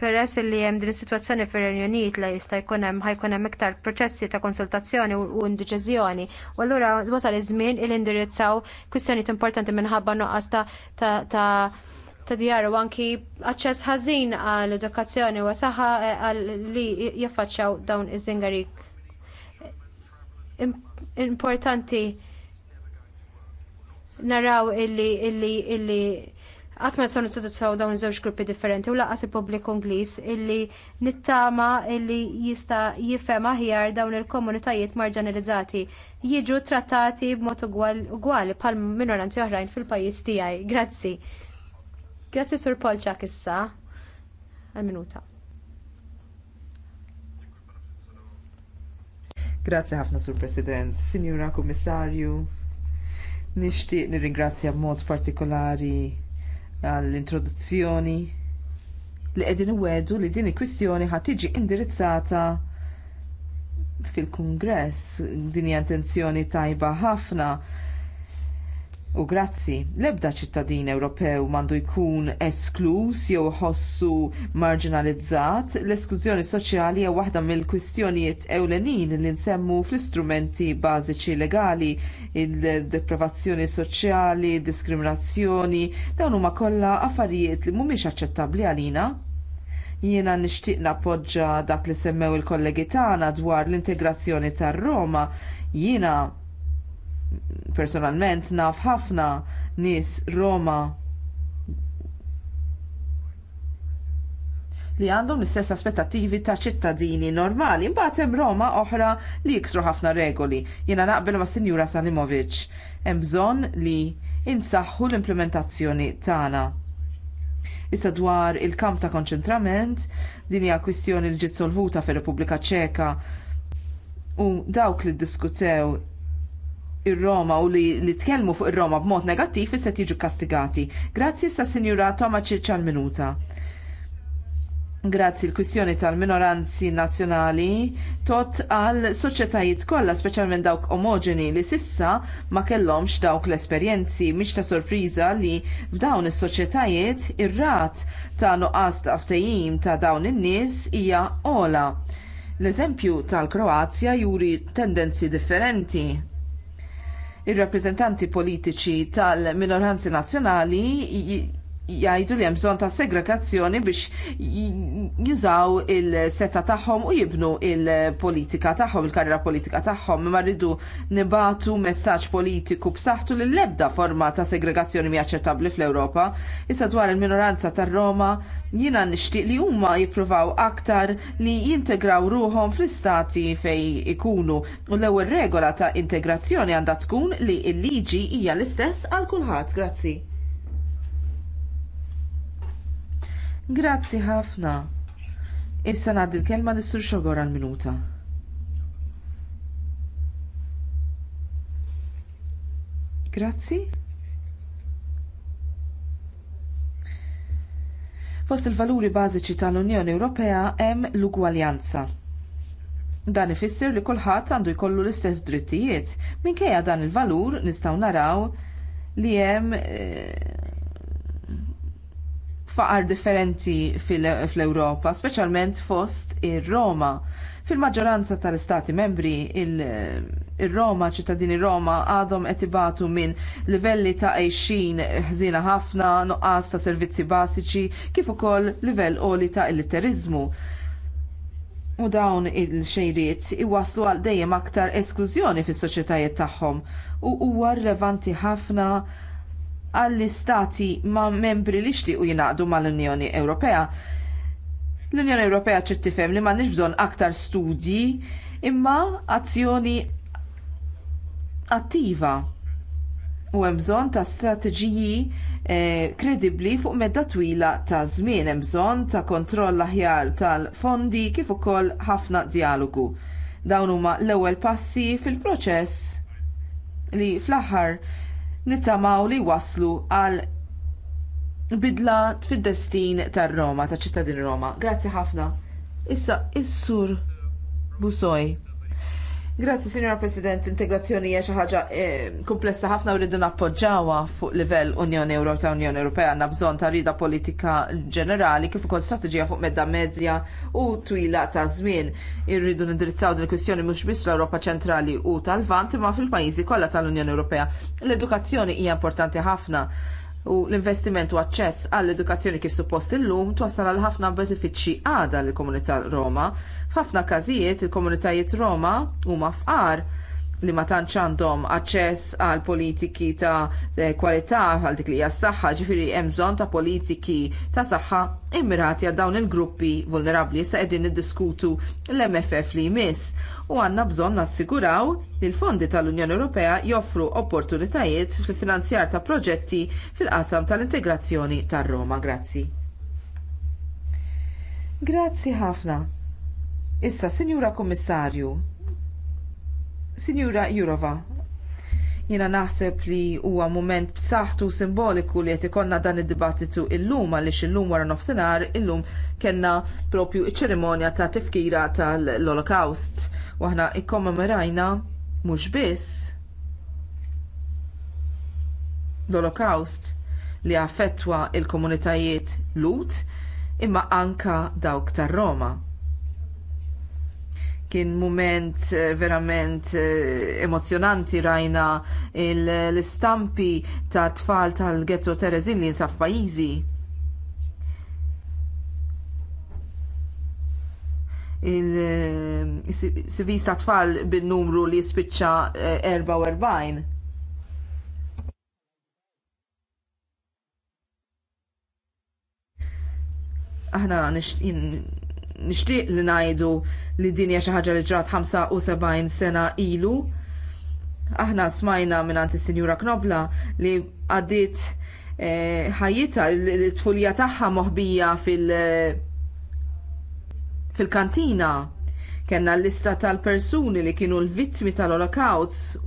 Peress li hemm din is-sitwazzjoni fir-Renju Unit li jista' jkun hemm ħajkun hemm iktar proċessi ta' konsultazzjoni u deċiżjoni. U allura wasal iż-żmien li indirizzaw kwistjonijiet importanti minħabba nuqqas ta' ta' djar u anki aċċess ħażin għall edukazzjoni u saħħa eh, li jiffaċċjaw dawn iż-żingari importanti naraw illi illi illi qatt ma nistgħu nistituzzjaw dawn iż-żewġ gruppi differenti u laqas il-pubbliku Ingliż illi nittama illi jista' jifhem aħjar dawn il-komunitajiet marġanalizzati jiġu trattati b'mod ugwali bħal minoranti oħrajn fil-pajjiż tiegħi. Grazzi. Grazzi Sur Polċak issa għal-minuta. Grazzi ħafna Sur President, Sinjura Kummissarju, nixtieq nirringrazzja b'mod partikolari għall-introduzzjoni li qegħdin iwedu li din il-kwistjoni ħadd tiġi indirizzata fil-Kungress din hija intenzjoni tajba ħafna U grazzi, l-ebda ċittadin Ewropew m'għandu jkun esklus jew ħossu marginalizzat, l-esklużjoni soċjali hija waħda mill-kwistjonijiet ewlenin li nsemmu fl-istrumenti bażiċi legali, il-deprivazzjoni soċjali, diskriminazzjoni, dawn huma kollha affarijiet li mhumiex aċċettabbli għalina. Jiena nixtieq nappoġġa dak li semmew il-kollegi tagħna dwar l-integrazzjoni tar-Roma, jiena personalment naf ħafna nies Roma li għandhom l-istess aspettattivi ta' ċittadini normali, imbagħad hemm Roma oħra li jiksru ħafna regoli. Jiena naqbel ma' Sinjura Salimovic. Hemm bżonn li insaħħu l-implementazzjoni tagħna. Issa dwar il-kamp ta' konċentrament, din hija kwistjoni li ġiet solvuta fir-Repubblika Ċeka u dawk li ddiskutew ir-Roma u li, li tkellmu fuq ir-Roma b'mod negattiv issa tiġu kastigati. Grazzi sa' Sinjura Toma ċirċal minuta Grazzi l-kwistjoni tal-minoranzi nazzjonali tot għal soċjetajiet kollha speċjalment dawk omogeni li sissa ma kellhomx dawk l-esperjenzi mhix ta' sorpriża li f'dawn is-soċjetajiet ir-rat ta' nuqqas ta' ftehim ta' dawn in-nies hija għola. L-eżempju tal-Kroazja juri tendenzi differenti ir-rappreżentanti politiċi tal-minoranzi nazzjonali jgħidu li hemm bżonn ta' segregazzjoni biex jużaw il-seta tagħhom u jibnu il-politika tagħhom, il-karriera politika tagħhom, imma rridu nibatu messaġġ politiku b'saħħtu li l-ebda forma ta' segregazzjoni mi aċċettabbli fl-Ewropa. Issa dwar il-minoranza tar-Roma jiena nixtieq li huma jippruvaw aktar li jintegraw ruhom fl-istati fejn ikunu u l-ewwel regola ta' integrazzjoni għandha tkun li l-liġi hija l-istess għal kulħadd. Grazzi. Grazzi ħafna. Issa ngħaddi l-kelma lis sur Xogor għal-minuta. Grazzi. Fost il-valuri bażiċi tal-Unjoni Ewropea hemm l-ugwaljanza. Dan ifisser li kulħadd għandu jkollu l-istess drittijiet. Minkejja dan il-valur nistgħu naraw li hemm eh, faqar differenti fl-Ewropa, speċjalment fost ir-Roma. Fil-maġġoranza tal-istati membri, il-Roma, ċittadini Roma, għadhom qed ibatu minn livelli ta' għejxin ħżina ħafna, nuqqas ta' servizzi bażiċi, kif ukoll livell qoli ta' illitterizmu. U dawn il-xejriet iwasslu għal dejjem aktar esklużjoni fis-soċjetajiet tagħhom u huwa rilevanti ħafna għall-istati ma' membri li xtiqu jingħaqdu mal-Unjoni Ewropea. L-Unjoni Ewropea trid tifhem li m'għandniex bżonn aktar studji imma azzjoni attiva u hemm bżonn ta' strateġiji eh, kredibbli fuq medda twila ta' żmien hemm bżonn ta' kontroll aħjar tal-fondi kif ukoll ħafna dijalogu. Dawn huma l-ewwel passi fil-proċess li fl-aħħar nittamaw li waslu għal bidla fid-destin tar-Roma, taċ ċittadin Roma. Grazzi ħafna. Issa, issur sur Busoj. Grazzi, Signora President, integrazzjoni hija xi ħaġa eh, komplessa ħafna u rridu nappoġġawha fuq livell Unjoni Ewro ta' Unjoni Ewropea għandna bżonn ta' rida politika ġenerali kif ukoll strateġija fuq medda medja u twila ta' żmien. Irridu nindirizzaw din il-kwistjoni mhux biss l-Ewropa ċentrali u tal-Vant imma fil-pajjiżi kollha tal-Unjoni Ewropea. L-edukazzjoni hija importanti ħafna u l-investiment u aċċess għall-edukazzjoni kif suppost illum twassal għal ħafna benefiċċji għada lill komunità Roma. F'ħafna każijiet il-komunitajiet Roma huma fqar li ma tantx għandhom aċċess għal politiki ta' eh, kwalità għal dik li hija s-saħħa, ġifieri hemm bżonn ta' politiki ta' saħħa immirati għal dawn il-gruppi vulnerabbli sa qegħdin niddiskutu l-MFF li jmiss u għandna bżonn nassiguraw li l-fondi tal-Unjoni Ewropea joffru opportunitajiet fil-finanzjar ta' proġetti fil-qasam tal-integrazzjoni tar-Roma. Grazzi. Grazzi ħafna. Issa, Sinjura Kommissarju, Sinjura Jurova, Jiena naħseb li huwa mument b'saħħtu simboliku li qed ikollna dan id-dibattitu illum għaliex illum wara nofsinhar illum kellna propju ċ-ċerimonja ta' tifkira tal-Holocaust u aħna ikkommemorajna mhux biss l-Holocaust li affettwa l komunitajiet Lut imma anke dawk tar-Roma kien mument eh, verament eh, emozjonanti rajna l-istampi ta' tfal tal-ghetto Terezin li jinsab pajizi. il-sivis eh, ta' tfal bin-numru li jispiċċa 44. Aħna nixtieq li ngħidu li din hija xi ħaġa li ġrat 75 sena ilu. Aħna smajna minn is-Sinjura Knobla li għaddiet ħajjita l-tfulja tagħha moħbija fil- e, kantina kellna l-lista tal-persuni li kienu l-vittmi tal-Holocaust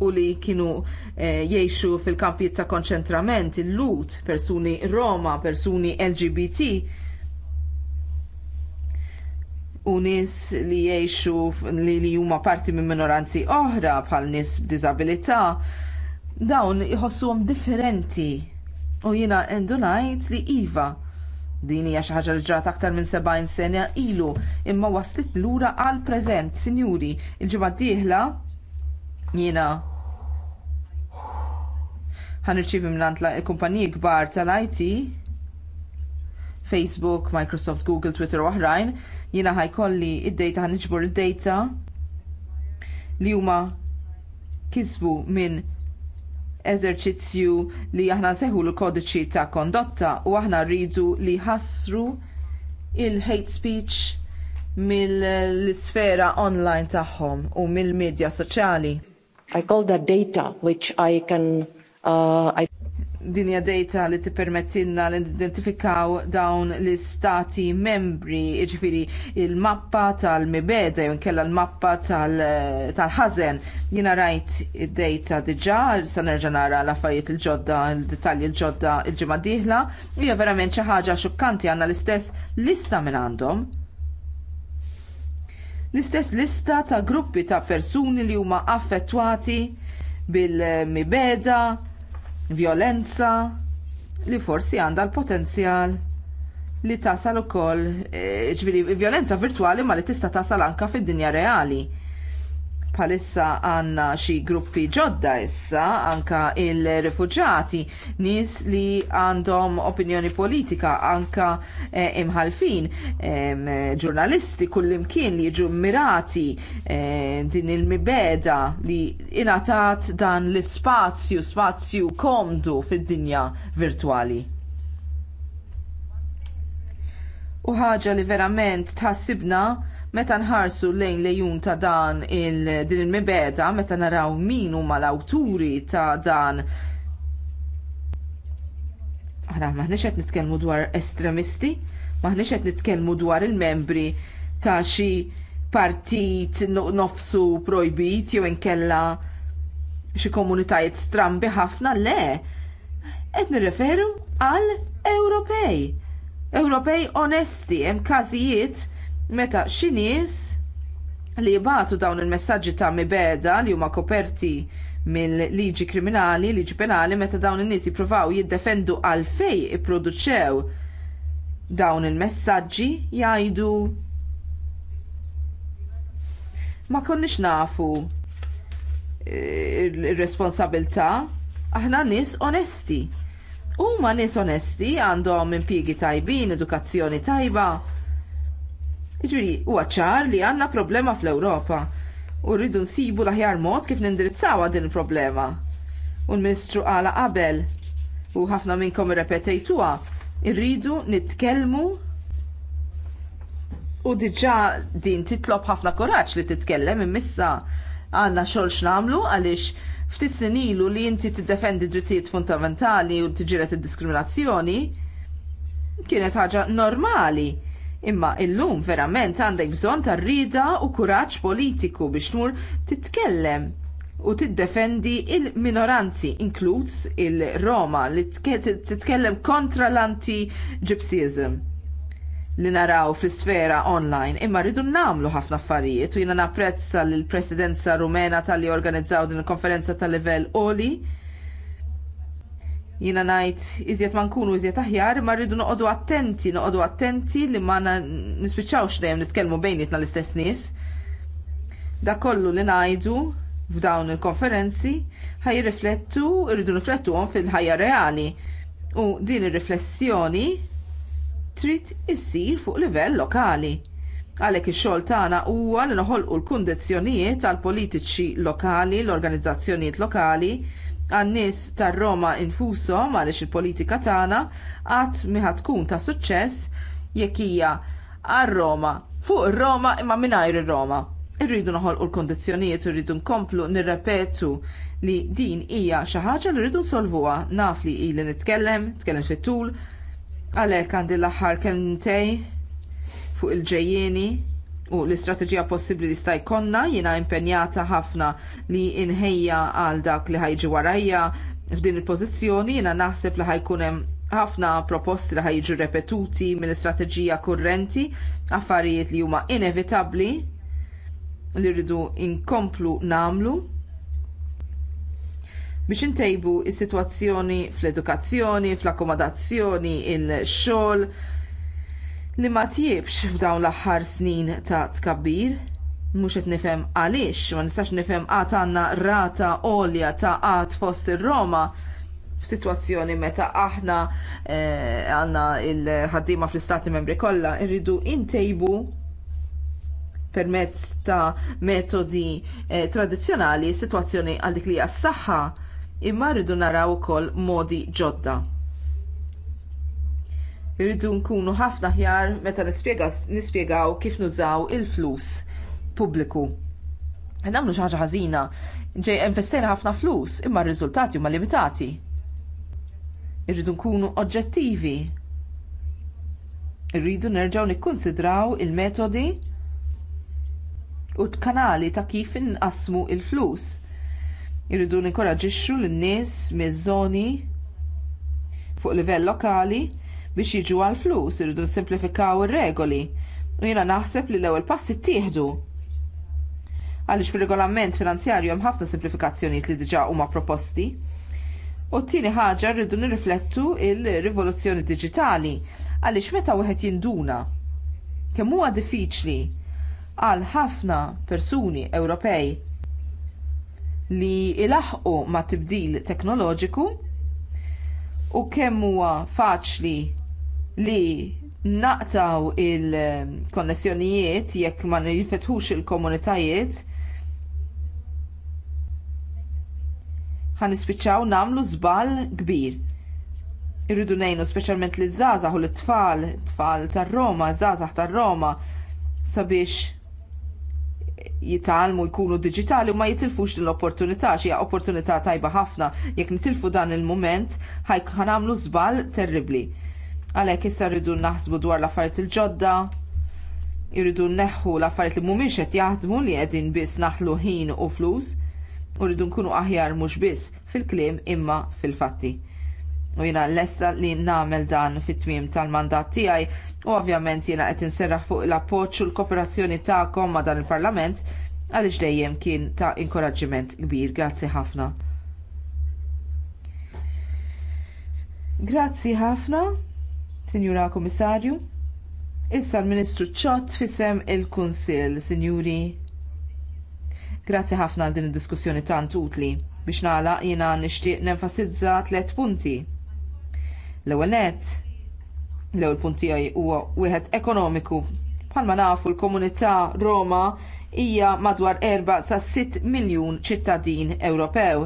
u li kienu eh, jgħixu fil-kampijiet ta' konċentrament, il-lut, persuni Roma, persuni LGBT, u nies li jgħixu li li huma parti minn minoranzi oħra bħal nies b'diżabilità dawn iħossuhom differenti u jiena għandu ngħid li iva din hija xi ħaġa li ġrat aktar minn 70 sena ilu imma waslit lura għal preżent sinjuri il-ġimgħa d-dieħla jiena ħanirċievi mingħand kumpaniji kbar tal-IT Facebook, Microsoft, Google, Twitter u oħrajn Jiena ħajkolli id-data ħanġbu id-data li huma kisbu minn eżerċizzju li aħna seħu l-kodiċi ta' kondotta u aħna rridu li ħassru il-hate speech mill-sfera online tagħhom u mill-medja soċjali. I call that data which I can uh, I dinja data li t-permettinna li identifikaw dawn l-istati membri, jiġifieri il-mappa tal-mibeda, jew kella l-mappa tal-ħazen. jina Jiena rajt id diġa, diġà, nerġa' nara l-affarijiet il-ġodda, il-detalji il-ġodda il-ġimgħa dieħla, hija verament xi ħaġa xukkanti għandna l-istess lista minn għandhom. L-istess lista ta' gruppi ta' persuni li huma affettwati bil-mibeda, vjolenza li forsi għandha l-potenzjal li tasal ukoll eh, ġifieri vjolenza virtwali ma li tista' tasal anke fid-dinja reali. Palissa għanna xi gruppi ġodda issa anka il-refugġati nies li għandhom opinjoni politika anka eh, imħalfin eh, ġurnalisti kullimkien li jiġu mirati eh, din il-mibeda li ingħatat dan l-spazju spazju komdu fid-dinja virtwali. U ħaġa li verament tħassibna Meta nħarsu lejn lejun ta' dan il-din il-mibeda, meta naraw min huma l-awturi ta' dan Aħna maħniex qed nitkellmu dwar estremisti, maħniex qed nitkellmu dwar il-membri ta' xi partit nofsu projbit jew inkella xi komunitajiet strambi ħafna le qed nirreferu għal Ewropej. Ewropej onesti hemm każijiet meta xi nies li jibatu dawn il-messaġġi ta' mibeda li huma koperti mill-liġi kriminali, liġi penali, meta dawn in-nies jippruvaw jiddefendu għalfejn ipproduċew dawn il-messaġġi jgħidu ma konniex nafu eh, ir-responsabilità aħna nies onesti. Huma nies onesti għandhom impjiegi tajbin, edukazzjoni tajba Jiġri, huwa ċar li għandna problema fl-Ewropa u rridu nsibu l-aħjar mod kif nindirizzaw din il-problema. U l-Ministru għala qabel u ħafna minnkom irrepetejtuha irridu nitkellmu u diġà din titlob ħafna koraġġ li titkellem immissa għanna xol x'namlu għaliex ftit senilu ilu li inti tiddefendi drittijiet fundamentali u tiġiret id-diskriminazzjoni kienet ħaġa normali Imma illum verament għandek bżonn ta' rida u kuraġġ politiku biex tmur titkellem u tiddefendi l minoranzi inkluż il-Roma li titkellem kontra l-anti-gypsyism li naraw fl-sfera online imma rridu nagħmlu ħafna affarijiet u jiena napprezza lill presidenza rumena talli organizzaw din il-konferenza tal livell Oli Jiena ngħid iżjed ma nkunu iżjed aħjar, ma rridu noqogħdu attenti, noqogħdu attenti li ma nispiċċawx dejjem nitkellmu bejnietna l-istess nies. Dak kollu li ngħidu f'dawn il-konferenzi ħajriflettu, rridu riflettuhom fil-ħajja reali. U din ir-riflessjoni trid issir fuq livell lokali. Għalhekk ix-xogħol tagħna huwa li noħolqu l-kundizzjonijiet għall politiċi lokali, l-organizzazzjonijiet lokali għan-nies tar-Roma infushom għaliex il-politika tagħna qatt miħa tkun ta' suċċess jekk hija għar-Roma, fuq ir-Roma imma mingħajr ir-Roma. Irridu noħolqu l kundizzjonijiet u rridu nkomplu nirrepetu li din hija xi ħaġa li rridu nsolvuha naf li ili nitkellem, tkellem fit-tul, għalhekk għandi l-aħħar kelmtej fuq il-ġejjieni u l-istrateġija possibbli li sta' jkollna jiena impenjata ħafna li inħejja għal dak li ħajġi warajja f'din il-pożizzjoni jiena naħseb li ħajkun hemm ħafna proposti li ħajġu repetuti mill-istrateġija kurrenti, affarijiet li huma inevitabbli li rridu inkomplu nagħmlu biex intejbu s-sitwazzjoni fl-edukazzjoni, fl-akkomodazzjoni, il-xogħol, li ma tjibx f'dawn l-aħħar snin ta' tkabbir. Mhux qed nifhem għaliex, ma nistax nifhem għad għandna rata għolja ta' għad fost ir-Roma f'sitwazzjoni meta aħna eh, għandna il l ħaddiema fl-istati membri kollha irridu ntejbu permezz ta' metodi eh, tradizzjonali sitwazzjoni għal dik li hija s-saħħa imma rridu naraw ukoll modi ġodda. Irridu nkunu ħafna ħjar meta nispjegaw kif nużaw il-flus pubbliku. Namlu xi ħaġa ħażina, ġej investejna ħafna flus imma r-riżultati huma limitati. Irridu nkunu oġġettivi. Irridu nerġgħu nikkunsidraw il-metodi u t kanali ta' kif inqasmu l flus Irridu ninkoraġixxu lin-nies miż-żoni fuq livell lokali biex jiġu għall flus irridu nsimplifikaw ir-regoli. U jiena naħseb li l-ewwel pass ittieħdu. Għaliex fir-regolament finanzjarju hemm ħafna simplifikazzjonijiet li diġà huma proposti. U t-tieni ħaġa rridu nirriflettu l rivoluzzjoni diġitali għaliex meta wieħed jinduna kemm huwa diffiċli għal ħafna persuni Ewropej li ilaħqu mat tibdil teknoloġiku u kemm huwa faċli li naqtaw il-konnessjonijiet jekk ma nifetħux il-komunitajiet ħanispiċċaw nagħmlu żball kbir. Irridu ngħinu speċjalment li żgħażagħ u l-tfal, tfal tar-Roma, żgħażagħ tar-Roma sabiex jitalmu jkunu digitali u ma jitilfux din l-opportunità xi opportunità tajba ħafna jekk nitilfu dan il-mument ħanamlu żball terribbli Għalhekk issa rridu naħsbu dwar l-affarijiet il-ġodda, irridu neħħu l-affarijiet li mhumiex qed jaħdmu li qegħdin biss naħlu ħin u flus, u rridu nkunu aħjar mhux biss fil-kliem imma fil-fatti. U jiena lesta li nagħmel dan fit-tmiem tal-mandat tiegħi u ovvjament jiena qed inserraħ fuq l-appoġġ u l-kooperazzjoni tagħkom ma' dan il-Parlament għaliex dejjem kien ta' inkoraġġiment kbir. Grazzi ħafna. Grazzi ħafna. Sinjura Komissarju, issa l-Ministru ċott fisem il-Kunsil, Sinjuri. Grazzi ħafna għal din id-diskussjoni tant utli biex nagħlaq jiena nixtieq nenfasizza tliet punti. L-ewwel nett, l-ewwel punt tiegħi huwa wieħed ekonomiku. Bħalma nafu l-komunità Roma hija madwar 4 sa 6 miljun ċittadin Ewropew.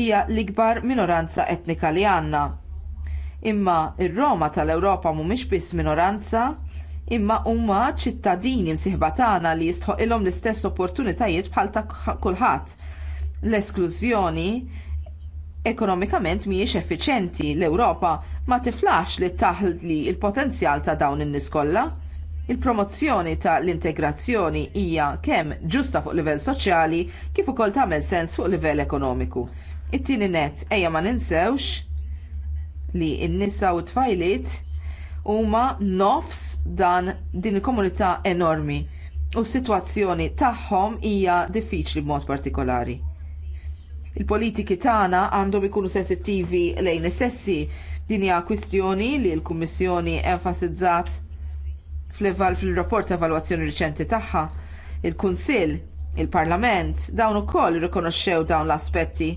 Hija l-ikbar minoranza etnika li għandna Imma ir-Roma tal-Ewropa mhumiex biss minoranza, imma huma ċittadini msiħba tagħna li jistħoqilhom l-istess opportunitajiet bħal ta' kulħadd. L-esklużjoni ekonomikament mhijiex effiċjenti l-Ewropa ma tiflax li taħli l potenzjal ta' dawn in-nies kollha. Il-promozzjoni tal integrazzjoni hija kemm ġusta fuq livell soċjali kif ukoll tagħmel sens fuq livell ekonomiku. It-tieni net ejja ma ninsewx li n-nisa u t-tfajlit huma nofs dan din il-komunità enormi u s-sitwazzjoni tagħhom hija diffiċli b'mod partikolari. Il-politiki tagħna għandhom ikunu sensittivi lejn is-sessi. Din hija kwistjoni li l-Kummissjoni enfasizzat fl-eval fil-rapport ta' evalwazzjoni riċenti tagħha. Il-Kunsill, il-Parlament dawn ukoll irrikonoxxew dawn l-aspetti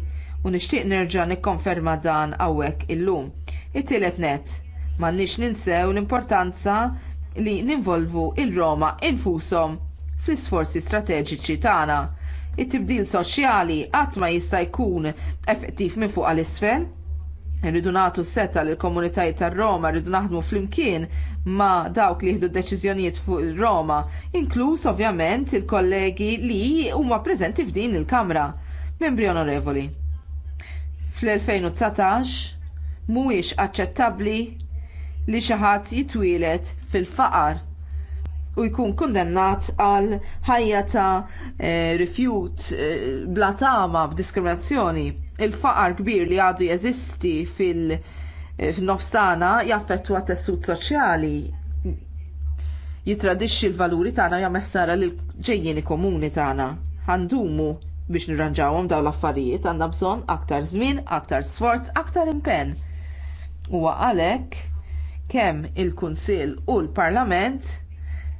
u nixtieq nerġa' nikkonferma dan hawnhekk illum. It-tielet nett m'għandniex ninsew l-importanza li ninvolvu l roma infushom fl-isforzi strateġiċi tagħna. It-tibdil soċjali qatt ma jista' jkun effettiv minn fuq għall isfel Irridu nagħtu setta lill komunitajiet tar-Roma rridu naħdmu flimkien ma' dawk li jieħdu deċiżjonijiet fuq ir Roma, inkluż ovvjament il-kollegi li huma preżenti f'din il-Kamra. Membri onorevoli, fl-2019 mhuwiex aċċettabbli li xi ħadd jitwieled fil-faqar u jkun kundennat għal ħajja ta' eh, rifjut eh, bla tama b'diskriminazzjoni. Il-faqar kbir li għadu jeżisti fil-nofs eh, tagħna jaffettwa t-tessut soċjali jitradixxi l-valuri tagħna jagħmel ħsara lil ġejjieni komuni tagħna. Ħandumu biex nirranġawhom dawn l-affarijiet għandha bżonn aktar żmien, aktar sforz, aktar impenn. Huwa għalhekk kemm il-Kunsill u l-Parlament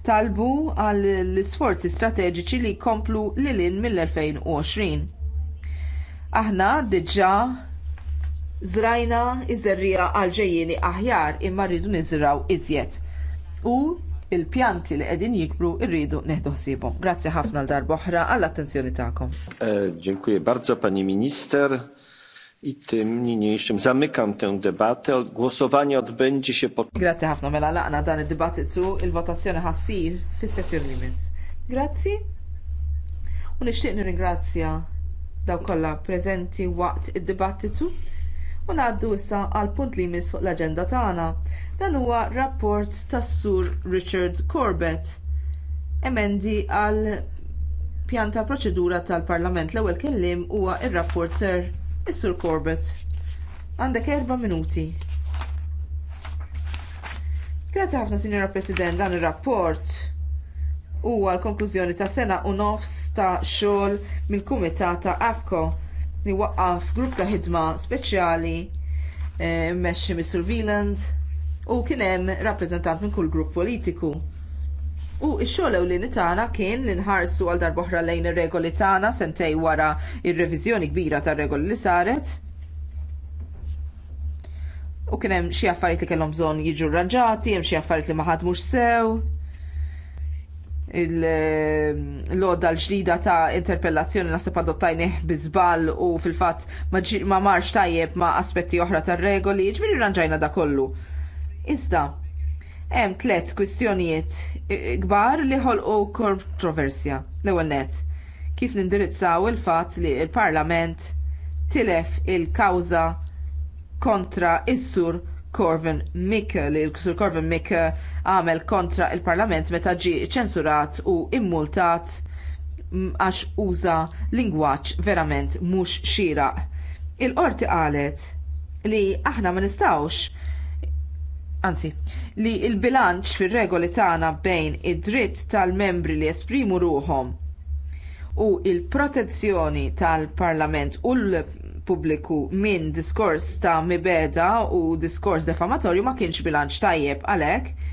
talbu għal l-isforzi strateġiċi li jkomplu lilin mill-2020. Aħna diġà żrajna iżerrija għal ġejjieni aħjar imma rridu niżraw iżjed. U il-pjanti li qegħdin jikbru rridu neħdu ħsiebhom. Grazzi ħafna l boħra għall-attenzjoni tagħkom. Eh, dziękuję bardzo pani minister. I tym niniejszym zamykam tę debatę. Głosowanie odbędzie się po... Grazie ħafna mela laqna dan id-dibattitu il-votazzjoni ħassir fis-sessjoni li miss. Grazzi. U nixtieq nirringrazzja daw kollha preżenti waqt id-dibattitu u ngħaddu issa għal punt li jmiss fuq l-aġenda tagħna. Dan huwa rapport tas-Sur Richard Corbett. Emendi għal pjanta proċedura tal-Parlament l-ewwel kelliem huwa r rapporter is-Sur Corbett. Għandek erba' minuti. Grazzi ħafna, Sinjora President, dan ir-rapport huwa l-konklużjoni ta' sena u nofs ta' xogħol mill-Kumitat ta' AFCO li waqqaf grupp ta' ħidma speċjali e, eh, mmexxi mis surveillance u kien hemm rappreżentant minn kull grupp politiku. U x-xogħol ewlieni tagħna kien li nħarsu għal oħra lejn ir-regoli tagħna sentej wara ir-reviżjoni kbira tar-regoli li saret. U kien hemm xi affarijiet li kellhom bżonn jiġu rranġati, hemm xi affarijiet li ma ħadmux sew l-loda l-ġdida ta' interpellazzjoni nasib adottajnih bizbal u fil-fat ma marx tajjeb ma' aspetti oħra tar regoli, ġviri jiġifieri ranġajna da' kollu. Iżda, hemm tliet kwistjonijiet kbar li ħolqu kontroversja. L-ewwel nett, kif nindirizzaw il-fatt li l-Parlament tilef il-kawża kontra is-sur Corvin Mikke li l-Sur Corvin Mikke għamel kontra il parlament meta ġie ċensurat u immultat għax uża lingwaġġ verament mhux xieraq. Il-qorti qalet li aħna ma nistgħux anzi, li l bilanċ fir regoli tagħna bejn id-dritt tal-membri li esprimu ruhom u l protezzjoni tal-Parlament u l pubbliku minn diskors ta' mibeda u diskors defamatorju ma kienx bilanċ tajjeb għalhekk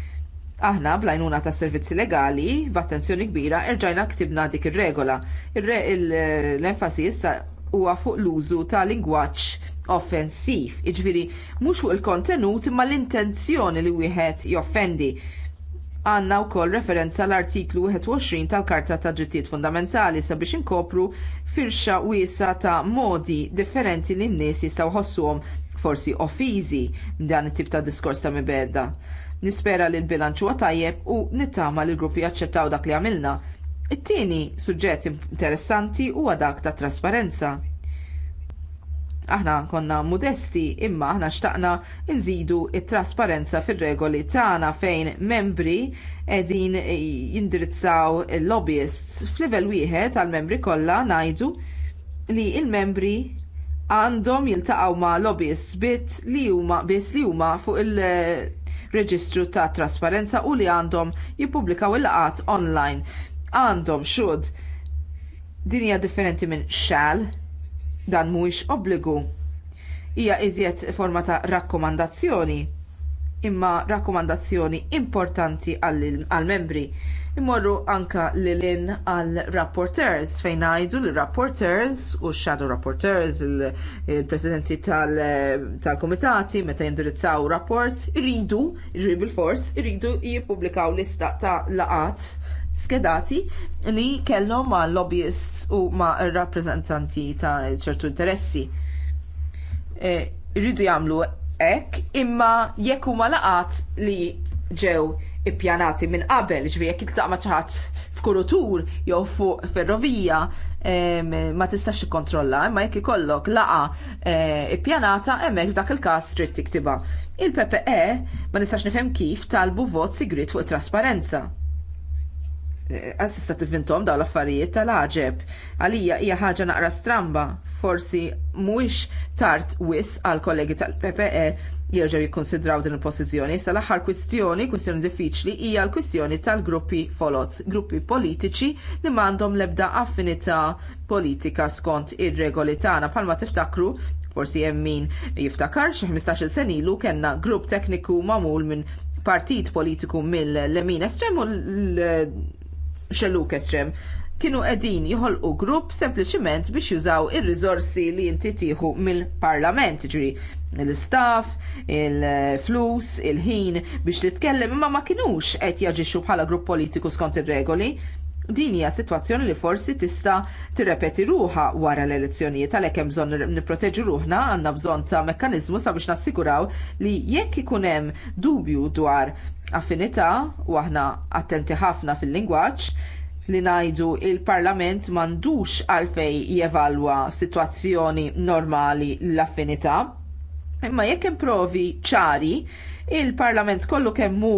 aħna blajnuna ta' servizzi legali, b'attenzjoni kbira, irġajna ktibna dik ir-regola. L-enfasi issa huwa fuq l-użu ta' lingwaġġ offensiv, jiġifieri mhux fuq il-kontenut imma l-intenzjoni li wieħed joffendi għandna wkoll referenza l-artiklu 21 tal-Karta ta' Drittijiet Fundamentali sabiex inkopru firxa wiesa ta' modi differenti li n-nies jistgħu ħossuhom forsi offiżi dan it-tip ta' diskors ta' mibeda. Nispera li l-bilanċ huwa tajjeb u nittama li l-gruppi jaċċettaw dak li għamilna. It-tieni suġġett interessanti huwa dak tat trasparenza. Aħna konna modesti imma aħna xtaqna nżidu t trasparenza fir-regoli tagħna fejn membri qegħdin jindirizzaw lobbyists f'livell wieħed għall membri kollha ngħidu li l membri għandhom jiltaqgħu ma' lobbyists bit li huma biss li huma fuq il-reġistru ta' trasparenza u li għandhom jippubblikaw il-laqat online. Għandhom xud dinja differenti minn xal Dan mhuwiex obbligu. Hija iżjed forma ta' rakkomandazzjoni imma rakkomandazzjoni importanti għall membri Immorru anke lilin għal rapporteurs fejn ngħidu l-rapporteurs u x-hadow rapporteurs u x shadow rapporteurs il-presidenti tal-komitati meta jindirizzaw rapport iridu, irridu bil iridu jippubblikaw lista ta' laqat skedati li kellhom ma' lobbyists u ma' rappreżentanti ta' ċertu interessi. Irridu e, jagħmlu hekk imma jekk huma laqat li ġew ippjanati minn qabel, ġvi jekk iltaqma ċaħat f'kurutur jew fuq ferrovija e, ma tistax ikkontrolla, imma jekk ikollok laqa e, ippjanata hemmhekk f'dak il-każ trid tiktibha. Il-PPE ma nistax nifhem kif talbu vot sigrit fuq it trasparenza assista tivintom daw l-affarijiet tal aġeb Għalija hija ħaġa naqra stramba, forsi mhuwiex tard wis għal kollegi tal-PPE jerġgħu jikkonsidraw din il-pożizzjoni. Issa l-aħħar kwistjoni, kwistjoni diffiċli, hija l-kwistjoni tal-gruppi folots, gruppi politiċi li m'għandhom l-ebda affinità politika skont ir-regoli tagħna bħalma tiftakru forsi hemm min jiftakar xi 15-il sen ilu kellna grupp tekniku magħmul minn partit politiku mill-lemin estrem u l xelluk estrem kienu qegħdin joħolqu grupp sempliċiment biex jużaw ir-riżorsi li inti tieħu mill-parlament, ġri l-istaff, il-flus, il-ħin biex titkellem imma ma kinux qed jaġixxu bħala grupp politiku skont ir-regoli. Din hija sitwazzjoni li forsi tista' tirrepeti ruha wara l-elezzjonijiet għalhekk hemm bżonn nipproteġu ruħna għandna bżonn ta' mekkaniżmu sabiex nassiguraw li jekk ikun hemm dubju dwar affinità u aħna attenti ħafna fil-lingwaġġ li ngħidu l parlament m'għandux għalfejn jevalwa sitwazzjoni normali l-affinità. Imma jekk improvi ċari il-Parlament kollu kemm hu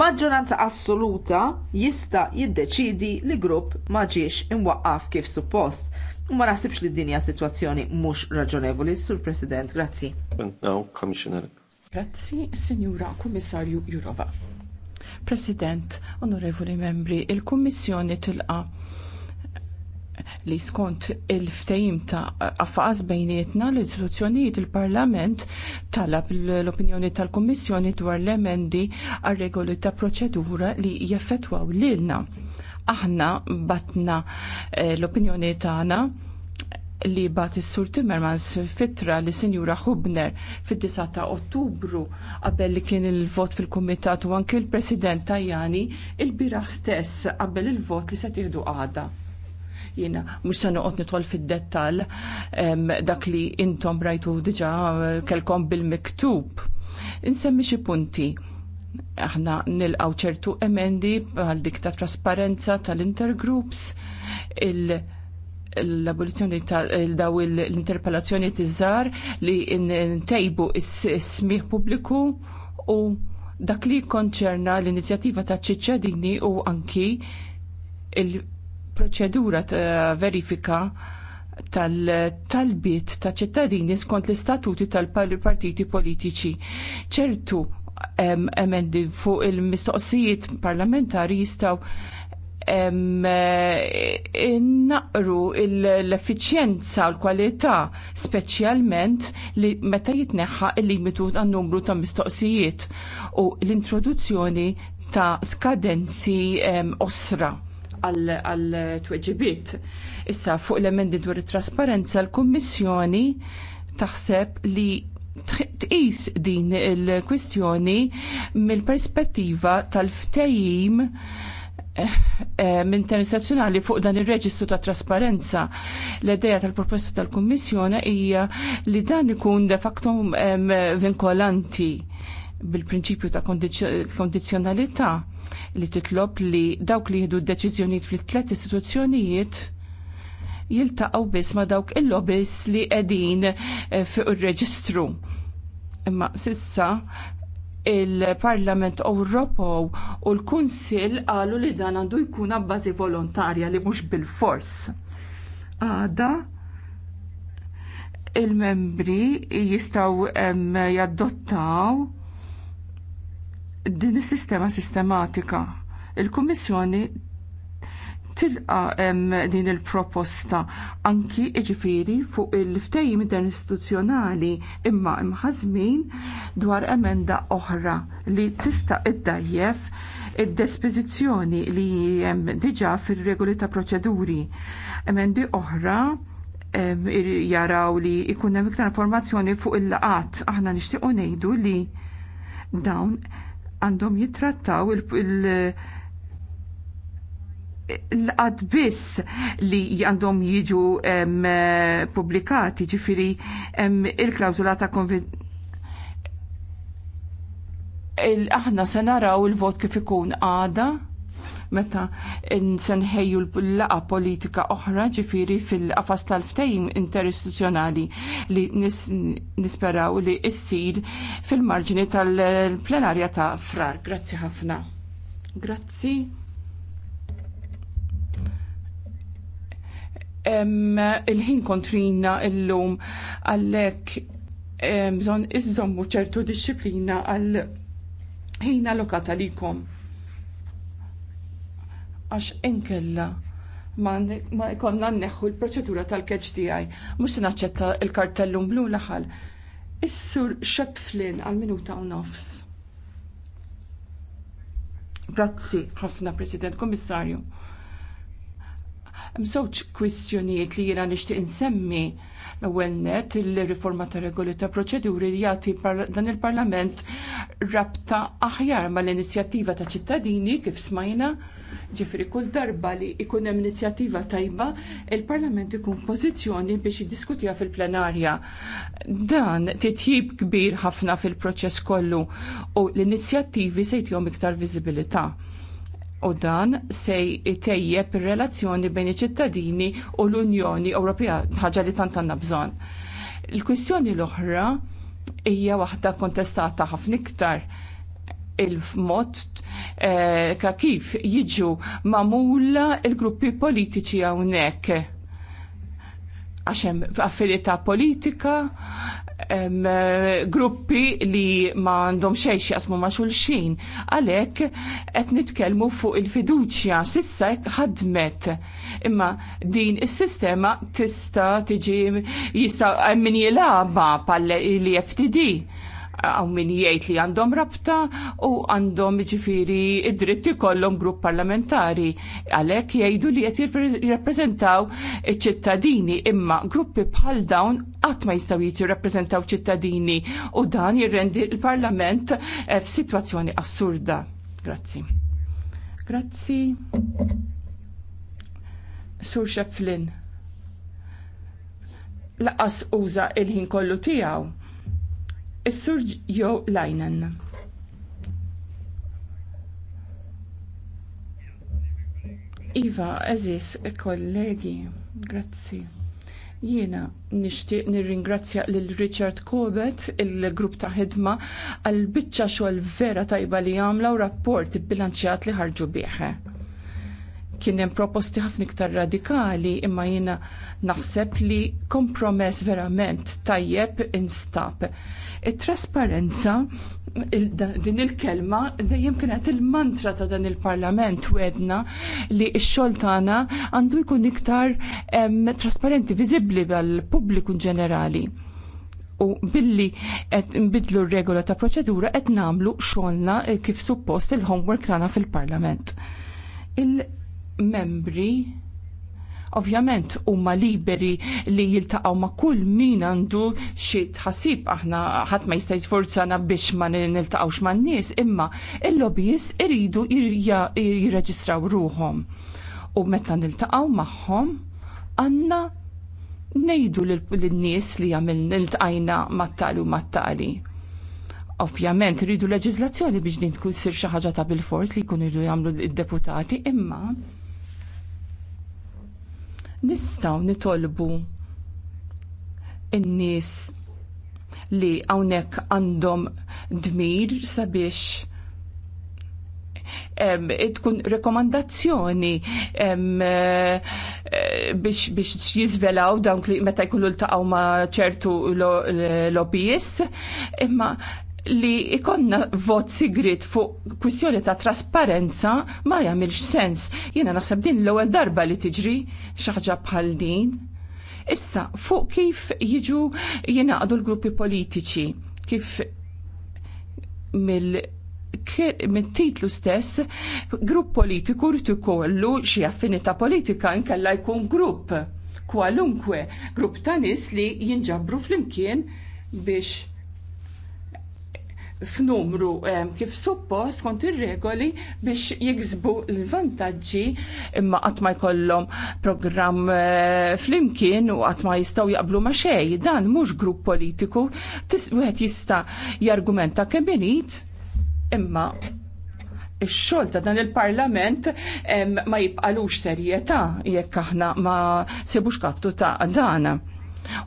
maġġoranza assoluta jista' jiddeċiedi li grupp ma ġiex imwaqqaf kif suppost. U ma naħsibx li dinja sitwazzjoni mhux raġonevoli, Sur President, grazzi. Grazzi, Sinjura Kummissarju Jurova. President, onorevoli membri, il-Kummissjoni tilqa' li skont il-ftejim ta' affaqas bejnietna l-istituzzjonijiet il-Parlament talab l-opinjoni tal-Kommissjoni dwar l-emendi għal regoli ta' proċedura li jeffettwaw lilna. Aħna batna eh, l-opinjoni tagħna li bat is-Sur Timmermans fitra li Sinjura Hubner fid-9 ta' Ottubru qabel li kien il-vot fil-Kumitat u anke l-President Tajani il-biraħ stess qabel il-vot li se tieħdu għada. Jiena mhux se noqgħod nidħol fid-dettall dak li intom rajtu diġà kelkom bil-miktub. Insemmi xi punti aħna nilqaw ċertu emendi għal dik ta' trasparenza tal-intergroups, l-abolizjoni daw l-interpelazzjoni tiżar li ntejbu is-smih pubbliku u dak li konċerna l-inizjattiva ta' ċiċċadini u anki proċedura ta' verifika tal-talbiet ta' ċittadini skont l-istatuti tal-partiti politiċi. ċertu emendi fuq il-mistoqsijiet parlamentari jistaw innaqru l-effiċjenza u l-kwalità speċjalment li meta jitneħħa il-limitu għan numru ta' mistoqsijiet u l-introduzzjoni ta' skadenzi osra għal tweġibiet. Issa fuq l-emendi dwar it-trasparenza l-Kummissjoni taħseb li tqis din il-kwistjoni mill-perspettiva tal-ftejim eh, eh, internazzjonali fuq dan ir-reġistru ta' trasparenza. L-idea tal-proposta tal-Kummissjoni hija li dan ikun de facto vinkolanti bil-prinċipju ta' kondizjonalità li titlob li dawk li jihdu d-deċizjoniet fl-tlet istituzzjonijiet jiltaqgħu biss ma' dawk il-lobbies li qegħdin eh, fuq il reġistru Imma sissa il-Parlament Ewropew u l-Kunsill qalu li dan għandu jkun abbażi volontarja li mhux bil-fors. Għada il-membri jistaw jaddottaw din is-sistema sistematika. Il-Kummissjoni tilqa din il-proposta anki iġifiri fuq il-ftejim interistituzzjonali imma imħazmin dwar emenda oħra li tista' iddajjef id despożizzjoni li hemm diġà fir-regoli ta' proċeduri. Emendi oħra jaraw li jkun hemm iktar informazzjoni fuq il-laqat aħna nixtiequ ngħidu li dawn għandhom jittrattaw il- l-qad biss li għandhom jiġu publikati ġifiri il-klawzula ta' konvenzjoni aħna se naraw il-vot kif ikun għada meta nsenħejju l-laqa politika oħra ġifiri fil-qafas tal-ftejm interistituzjonali li nisperaw li issir fil-marġini tal-plenarja ta' frar. Grazzi ħafna. Grazzi. il-ħin kontrina il-lum għallek bżon iżommu ċertu disċiplina għal ħina lokata likom għax inkella ma ikonna nneħħu l-proċedura tal-keċ tiegħi. Mhux se naċċetta l-kartellum blu laħal. Is-sur Xepflin għal minuta u nofs. Grazzi ħafna President Kommissarju. Msoċ kwistjonijiet li jiena nixtieq insemmi l-ewwel net il-riforma ta' regoli ta' proċeduri jagħti dan il-Parlament rabta aħjar mal-inizjattiva ta' ċittadini kif smajna Ġifri kull darba li ikun hemm inizjattiva tajba, il-Parlament ikun pożizzjoni biex jiddiskutija fil-plenarja. Dan titjib kbir ħafna fil-proċess kollu u l-inizjattivi se jtihom iktar viżibilità u dan se jtejjeb ir-relazzjoni bejn iċ-ċittadini u l-Unjoni Ewropea ħaġa li tant għandna bżonn. Il-kwistjoni l-oħra hija waħda kontestata ħafna iktar il-mod eh, ka kif jiġu mamulla il-gruppi politiċi hawnhekk għaxem affilita politika, em, eh, gruppi li ma għandhom xejx jasmu ma xulxin. Għalek, qed nitkellmu fuq il-fiduċja, sissa ħadmet. Imma din is sistema tista tiġi jista min jilaba pal-FTD għaw min jgħid li għandhom rabta u għandhom ġifiri id-dritti kollom grupp parlamentari. Għalek jgħidu li jgħet jirrappresentaw ċittadini imma gruppi bħal dawn għat ma jistaw jirrappresentaw ċittadini u dan jirrendi l parlament eh, f'sitwazzjoni assurda. Grazzi. Grazzi. Sur Xeflin. laqas uża il-ħin kollu tiegħu Is-Sur Jo Lajnen. Iva, eżis, kollegi, grazzi. Jiena nixtieq nirringrazzja lil Richard Corbett, il-grupp ta' ħidma, għall biċċa xogħol vera tajba li għamla u rapport bilanċjat li ħarġu bieħe kien hemm proposti ħafna iktar radikali imma jiena naħseb li kompromess verament tajjeb instab. It-trasparenza din il-kelma dejjem kienet il-mantra ta' dan il-Parlament wedna li x-xogħol tagħna għandu jkun iktar em, trasparenti, viżibbli għall-pubbliku ġenerali u billi qed nbidlu r-regola ta' proċedura qed nagħmlu xogħolna kif suppost il-homework tagħna fil-Parlament. il homework tagħna fil parlament membri ovvjament huma liberi li jiltaqgħu ma' kull min għandu xi tħassib aħna ħadd ma jista' jisforzana biex ma niltaqgħux man-nies, imma il lobbyist iridu jirreġistraw ruhom. U meta niltaqgħu magħhom għandna ngħidu lin-nies li għamil niltqajna mat-tali u mat-tali. Ovvjament rridu leġiżlazzjoni biex din tkun sir xi ħaġa ta' bil-fors li jkunu irridu jagħmlu d-deputati, imma nistgħu nitolbu in-nies li hawnhekk għandhom dmir sabiex tkun rekomandazzjoni eh, biex biex jizvelaw dawn li meta jkunu ltaqgħu ma' ċertu lobbyist, imma li ikonna vot sigrit fuq kwistjoni ta' trasparenza ma jagħmilx sens. Jiena naħseb din l-ewwel darba li tiġri xi ħaġa bħal din. Issa fuq kif jiġu jingħaqdu l-gruppi politiċi, kif mill mit-titlu stess, grupp politiku rrit ikollu xi affinità politika nkella jkun grupp kwalunkwe grupp ta' nies li jinġabru flimkien biex f'numru ehm, kif suppost kont ir-regoli biex jiksbu l-vantaġġi imma qatt ma jkollhom programm eh, flimkien u qatt ma jistgħu jaqblu ma' xej, Dan mhux grupp politiku, wieħed jista' jargumenta kemm irid imma ix-xogħol ta' dan il-Parlament ehm, ma jibqalux serjetà jekk aħna ma sebux kaptu ta' dan.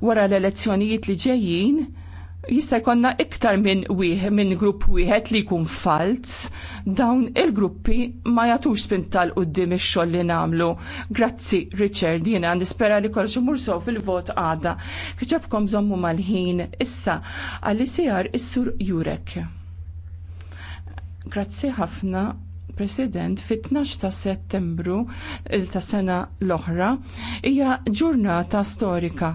Wara l-elezzjonijiet li ġejjin, jista' jkollna iktar minn wieħed minn grupp wieħed li jkun falz, dawn il-gruppi ma jagħtux spinta tal qudiem ix-xogħol li nagħmlu. Grazzi Richard, jiena nispera li kollox imur sew fil-vot għada. Kiċabkom żommu mal-ħin issa għalli sijar is-sur Jurek. Grazzi ħafna President fit-12 ta' Settembru ta' sena l-oħra hija ġurnata storika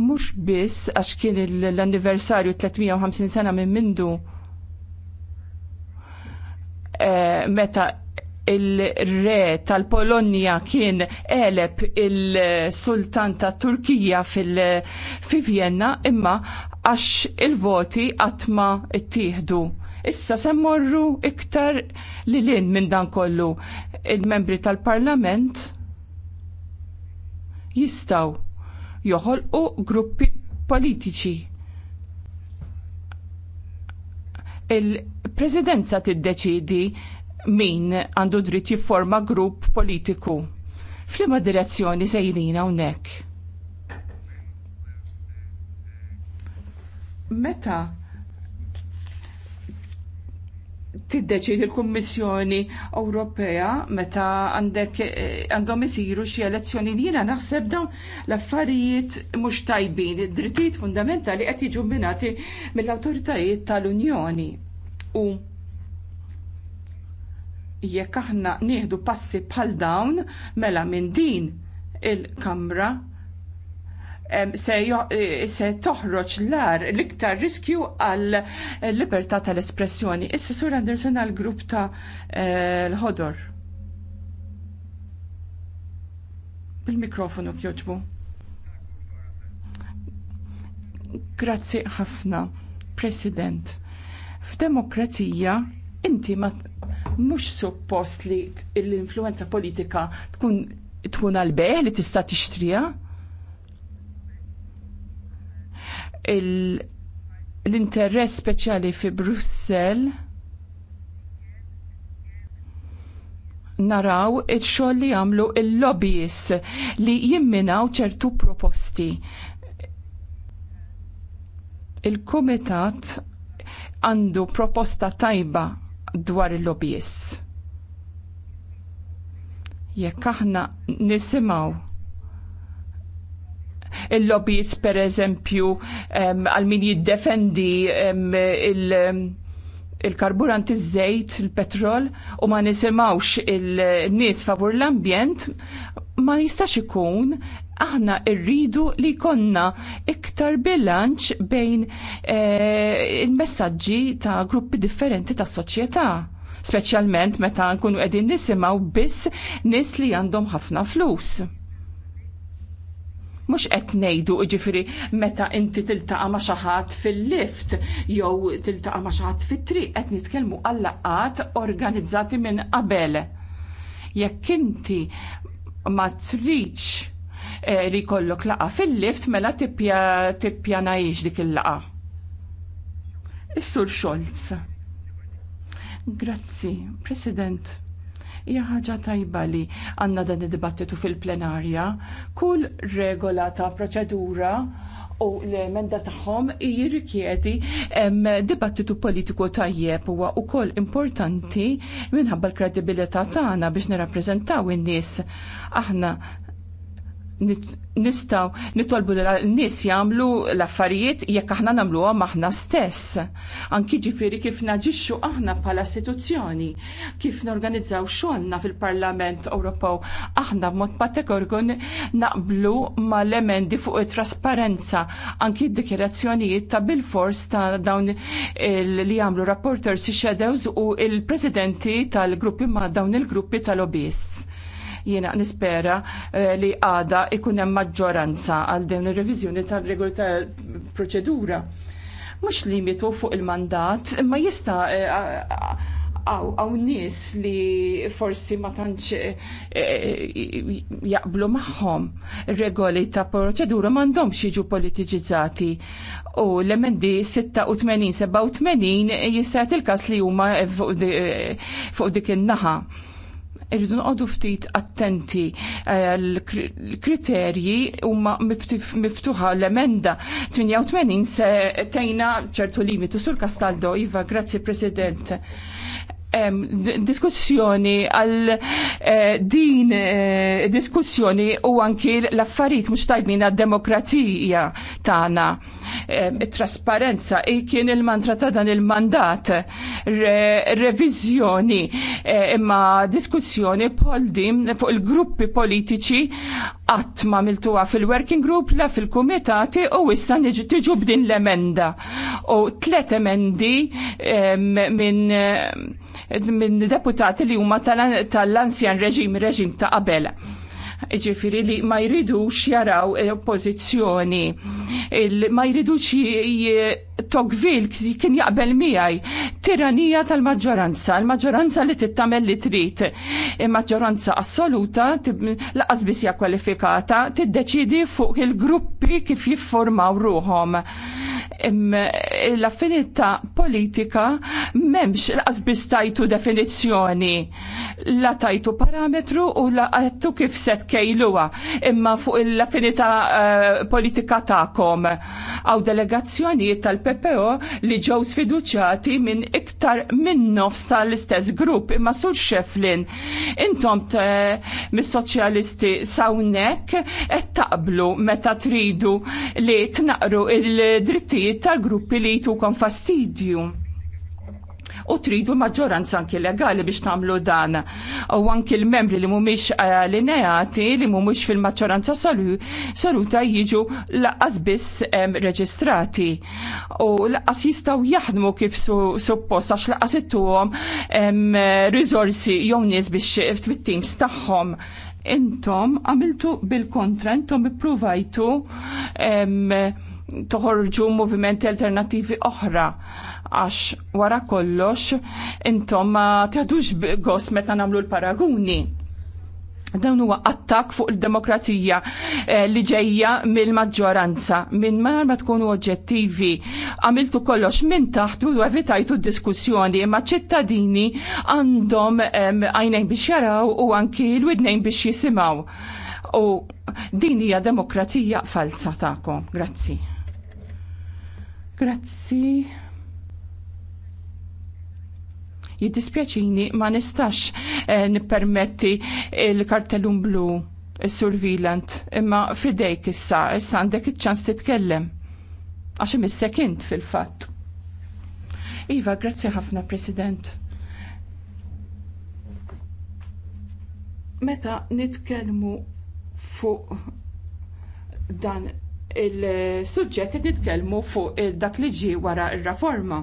Mhux biss għax kien l-anniversarju 350 sena minn mindu eh, meta il-re tal-Polonja kien eleb il-sultan ta' Turkija fil-Vienna imma għax il-voti għatma ittieħdu. Issa semmorru iktar li lin minn dan kollu il-membri tal-parlament jistaw joħolqu gruppi politiċi. Il-Presidenza tiddeċidi min għandu dritt jifforma grupp politiku. Flima direzzjoni sejrina hawnhekk. Meta tiddeċidi l-Kummissjoni Ewropea meta għandek eh, għandhom isiru xi elezzjoni li jiena naħseb dawn l-affarijiet mhux tajbin, id-drittijiet fundamentali qed jiġu minati mill-awtoritajiet tal-Unjoni. U jekk aħna nieħdu passi bħal dawn mela minn din il-Kamra E, se toħroġ l-ar l-iktar riskju għal libertà tal-espressjoni. Issa Sur Anderson għal grupp ta' e, l-ħodor. Bil-mikrofonu kjoġbu. Grazzi ħafna, President. F'demokrazija inti ma mhux suppost li l-influenza politika tkun tkun għalbeħ li tista' tixtrija? l-interess speċjali fi Brussell naraw il-xogħol li jagħmlu il-lobbies li jimminaw ċertu proposti. Il-kumitat għandu proposta tajba dwar il-lobbies. Jekk aħna nisimgħu il lobbyist per eżempju għal min jiddefendi il- il-karburant iż-żejt, il-petrol u ma nisimawx il-nies favur l-ambjent ma jistax ikun aħna rridu li konna iktar bilanċ bejn e, il-messagġi ta' gruppi differenti ta' soċjetà speċjalment meta nkunu qegħdin nisimgħu biss nies li għandhom ħafna flus. Mhux qed ngħidu meta inti tiltaqa' ma' xi ħadd fil-lift jew tiltaqa' ma' xi ħadd fit-triq qed nitkellmu għal laqgħat organizzati minn qabel. Jekk inti ma tridx eh, li jkollok laqa fil-lift mela tippjanajiex dik il-laqa. Is-Sur Scholz. Grazzi, President hija ħaġa tajba li għandna dan id-dibattitu fil-plenarja. Kull regola ta' proċedura u l-emenda tagħhom jirrikjedi dibattitu politiku tajjeb huwa wkoll importanti minħabba l-kredibilità tagħna biex nirrappreżentaw in-nies. Aħna nistaw nitolbu li l-nis jamlu l-affarijiet jekk aħna namlu aħna stess. Anki ġifiri kif naġixxu aħna pala istituzzjoni, kif norganizzaw xogħolna fil-Parlament Ewropew, aħna b'mod patekorgu naqblu ma l-emendi fuq it-trasparenza, anki d-dikjerazzjonijiet ta' bil-fors ta' dawn li jamlu rapporters, shadows u il-presidenti tal-gruppi ma' dawn il-gruppi tal-obis Jiena nispera eh, li għada ikun hemm maġġoranza għal din ir-reviżjoni tal-regoli tal-proċedura. Mhux limitu fuq il-mandat, ma jista' għaw, għaw nis li forsi ma tantx eh, eh, jaqblu maħħom regoli ta' proċedura mandomx jiġu politiċizzati u l-emendi 86-87 jisset il-kas li huma fuq dik in-naħa irridu noqogħdu ftit attenti eh, l-kriterji huma miftuħa l-emenda 88 se tejna ċertu limitu sur Castaldo Iva, grazzi President diskussjoni għal eh, din eh, diskussjoni u anki l-affarijiet mhux tajbin għad-demokrazija tagħna. Trasparenza kien il-mantra ta' dan il-mandat, reviżjoni eh, imma diskussjoni bħal din fuq il-gruppi politiċi qatt ma fil-working group la fil-kumitati u issa niġi tiġu b'din l-emenda. U tlet emendi minn minn deputati li huma tal-ansjan reġim, reġim ta' qabel. Ġifiri li ma jridux jaraw oppozizjoni, ma jridux togvil kien jaqbel miegħi tiranija tal-maġġoranza, l-maġġoranza li tittamel li trid, maġġoranza assoluta laqas biss hija kwalifikata tiddeċidi fuq il-gruppi kif jiffurmaw ruhom l-affinità politika memx l-qasbis tajtu definizjoni. La tajtu parametru u la għattu kif set kejluwa imma fuq l-affinità eh, politika ta'kom. Għaw delegazzjonijiet tal-PPO li ġew sfiduċati minn iktar minn nofs tal-istess grupp imma sur xeflin. Intom mis-soċjalisti sawnek qed taqblu meta tridu li tnaqru il-drittijiet l affarijiet tal-gruppi li jitukom fastidju u tridu maġġoranza anki legali biex tagħmlu dan. U anki l-membri li mhumiex eh, lineati li mhumiex fil-maġġoranza saluta jiġu laqas biss reġistrati. U laqas jistgħu jaħdmu kif suppost għax laqas ittuhom rizorsi jew nies biex fit-teams tagħhom intom għamiltu bil-kontra, intom ippruvajtu toħorġu movimenti alternativi oħra għax wara kollox intom ma tħadux gos meta nagħmlu l-paraguni. Dawn huwa attak fuq il-demokrazija eh, li ġejja mill-maġġoranza minn mar ma tkunu oġġettivi. Għamiltu kollox minn taħt u evitajtu diskussjoni imma ċittadini għandhom għajnejn eh, biex jaraw u anki l-widnejn biex jisimaw. U din hija demokrazija falsa tagħkom. Grazzi. Grazzi. Jiddispjaċini ma nistax eh, nippermetti il-kartellum blu il-surveillant imma fidejk issa, issa għandek iċ-ċans titkellem. Għax imissek int fil-fatt. Iva, grazzi ħafna, President. Meta nitkellmu fuq dan il suġġetti nitkellmu fuq dak li ġie wara r-reforma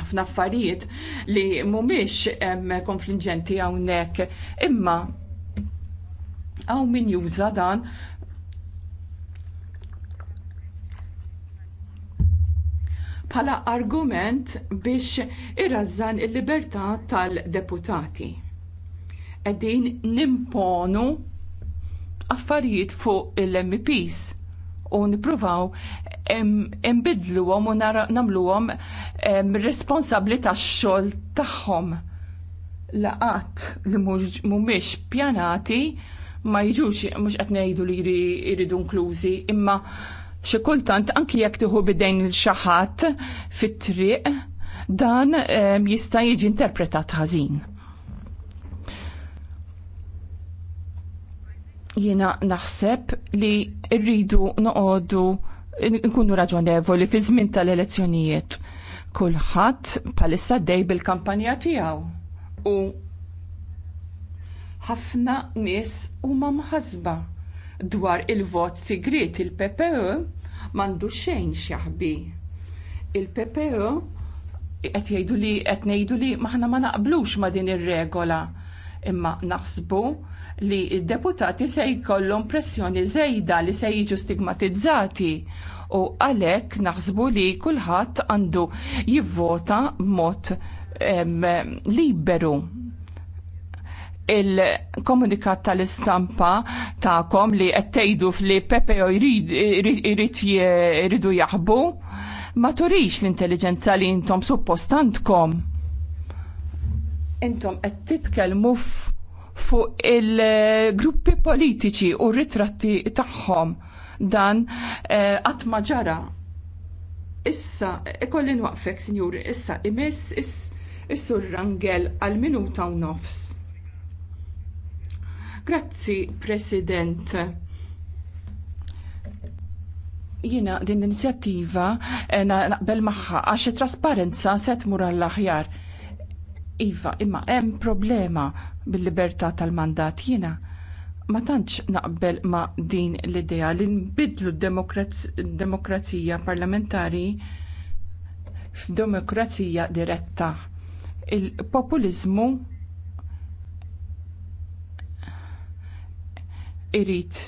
ħafna affarijiet li mhumiex konfliġenti hawnhekk imma hawn min juża dan bħala argument biex irrażżan il-libertà tal-deputati. Qegħdin nimponu affarijiet fuq il-MPs u nipruvaw għom u nagħmluhom responsabbli tax-xogħol tagħhom. Laqat li mhumiex pjanati ma jiġux mhux qed ngħidu li jridu nkluzi imma xi kultant anki jekk tieħu bidejn il xaħat fit-triq dan jista' jiġi interpretat ħażin. Jiena naħseb li rridu noqogħdu nkunu raġonevoli fi żmien tal-elezzjonijiet. Kulħadd bħalissa dej bil-kampanja tiegħu u ħafna nies huma mħasba dwar il-vot sigrit il-PPE m'għandu xejn xjaħbi. Il-PPE qed jgħidu li qed ngħidu li maħna ma naqblux ma din ir-regola imma naħsbu li d-deputati se jkollhom pressjoni żejda li se jiġu stigmatizzati u għalhekk naħsbu li kulħadd għandu jivvota b'mod liberu il-komunikat tal-istampa ta'kom li għettejdu fli Pepe jridu jaħbu, ma turix l-intelligenza li intom suppostantkom. Intom qed titkellmu fuq il-gruppi politiċi u ritratti tagħhom dan eh, qatt ma ġara. Issa, ikolli nwaqfek, sinjuri, issa imiss is-sur Rangel għal minuta u nofs. Grazzi, President jina din l-inizjattiva eh, naqbel maħħa għax trasparenza set mura l aħjar Iva, imma hemm problema bil-libertà tal-mandat jiena ma tantx naqbel ma din l-idea li nbidlu d-demokrazija parlamentari f'demokrazija diretta. Il-populizmu irrit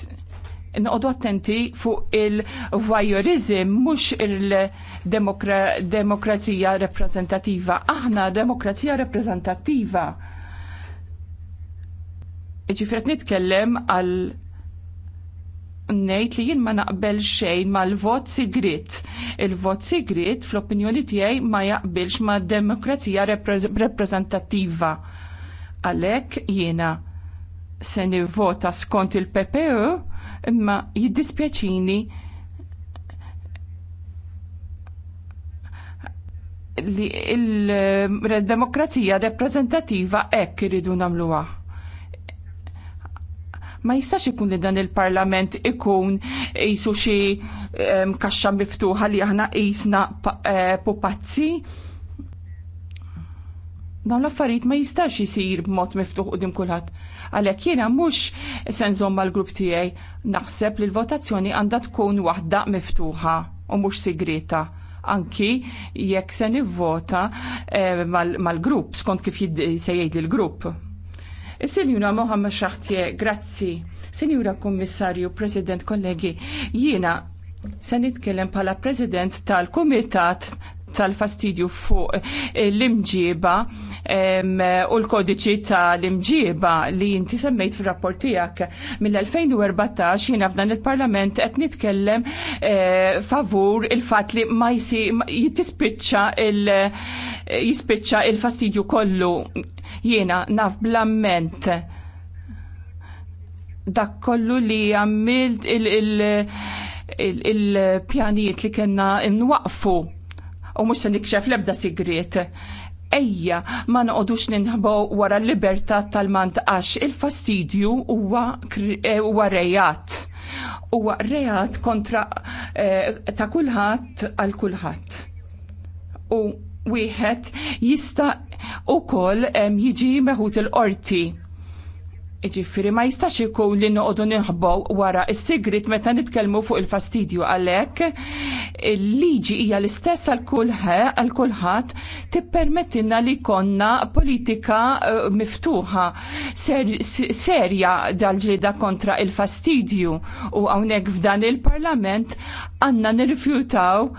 noqogħdu attenti fuq il-voyeurism mhux il-demokrazija -demokra rappreżentattiva. Aħna demokrazija rappreżentattiva Ġifret nitkellem għal ngħid li jien ma naqbel xejn mal-vot sigrit. Il-vot sigrit fl-opinjoni tiegħi ma jaqbilx ma' demokrazija reprezentativa. Għalhekk jiena se nivvota skont il ppu e, imma jiddispjaċini li il-demokrazija reprezentativa hekk iridu nagħmluha. Ma jistax ikun li dan il-Parlament ikun jisu xie kaxxa miftuħa li aħna qisna e, pupazzi. Dawn l-affarijiet ma jistax jisir b'mod miftuħ dim kulħadd. Għalhekk jiena mhux se nżomm mal-grupp tiegħi naħseb li l-votazzjoni għandha tkun waħda miftuħa u mhux segreta anki jekk se nivvota e, mal-grupp skont kif se jgħid il-grupp. Senjura Mohammed Xaħtje, grazzi. Senjura Kommissarju, President, kollegi, jiena se nitkellem pala President tal-Kumitat tal-fastidju fuq eh, l-imġiba u l-kodiċi tal-imġiba li jinti semmejt fil-rapport tiegħek mill-2014 jiena f'dan il-Parlament qed nitkellem eh, favur il-fatt li ma jittispiċċa il jispiċċa il-fastidju kollu jiena naf blamment dak kollu li għamilt il-pjanijiet li kena nwaqfu u mhux se nikxef l-ebda sigriet. Ejja, ma noqdux ninħbu wara l-libertà tal-mant għax il-fastidju huwa eh, rejat. Huwa rejat kontra eh, ta' kulħadd għal kulħadd. U wieħed jista' ukoll jiġi meħud il-qorti Iġifiri ma jistax ikun li noqogħdu ninħbow wara is-sigrit meta nitkellmu fuq il-fastidju għalhekk il-liġi hija l-istess għal kulħadd tippermettilna li konna politika eh, miftuħa serja dal-ġlida kontra il-fastidju u hawnhekk f'dan il-Parlament għandna nirrifjutaw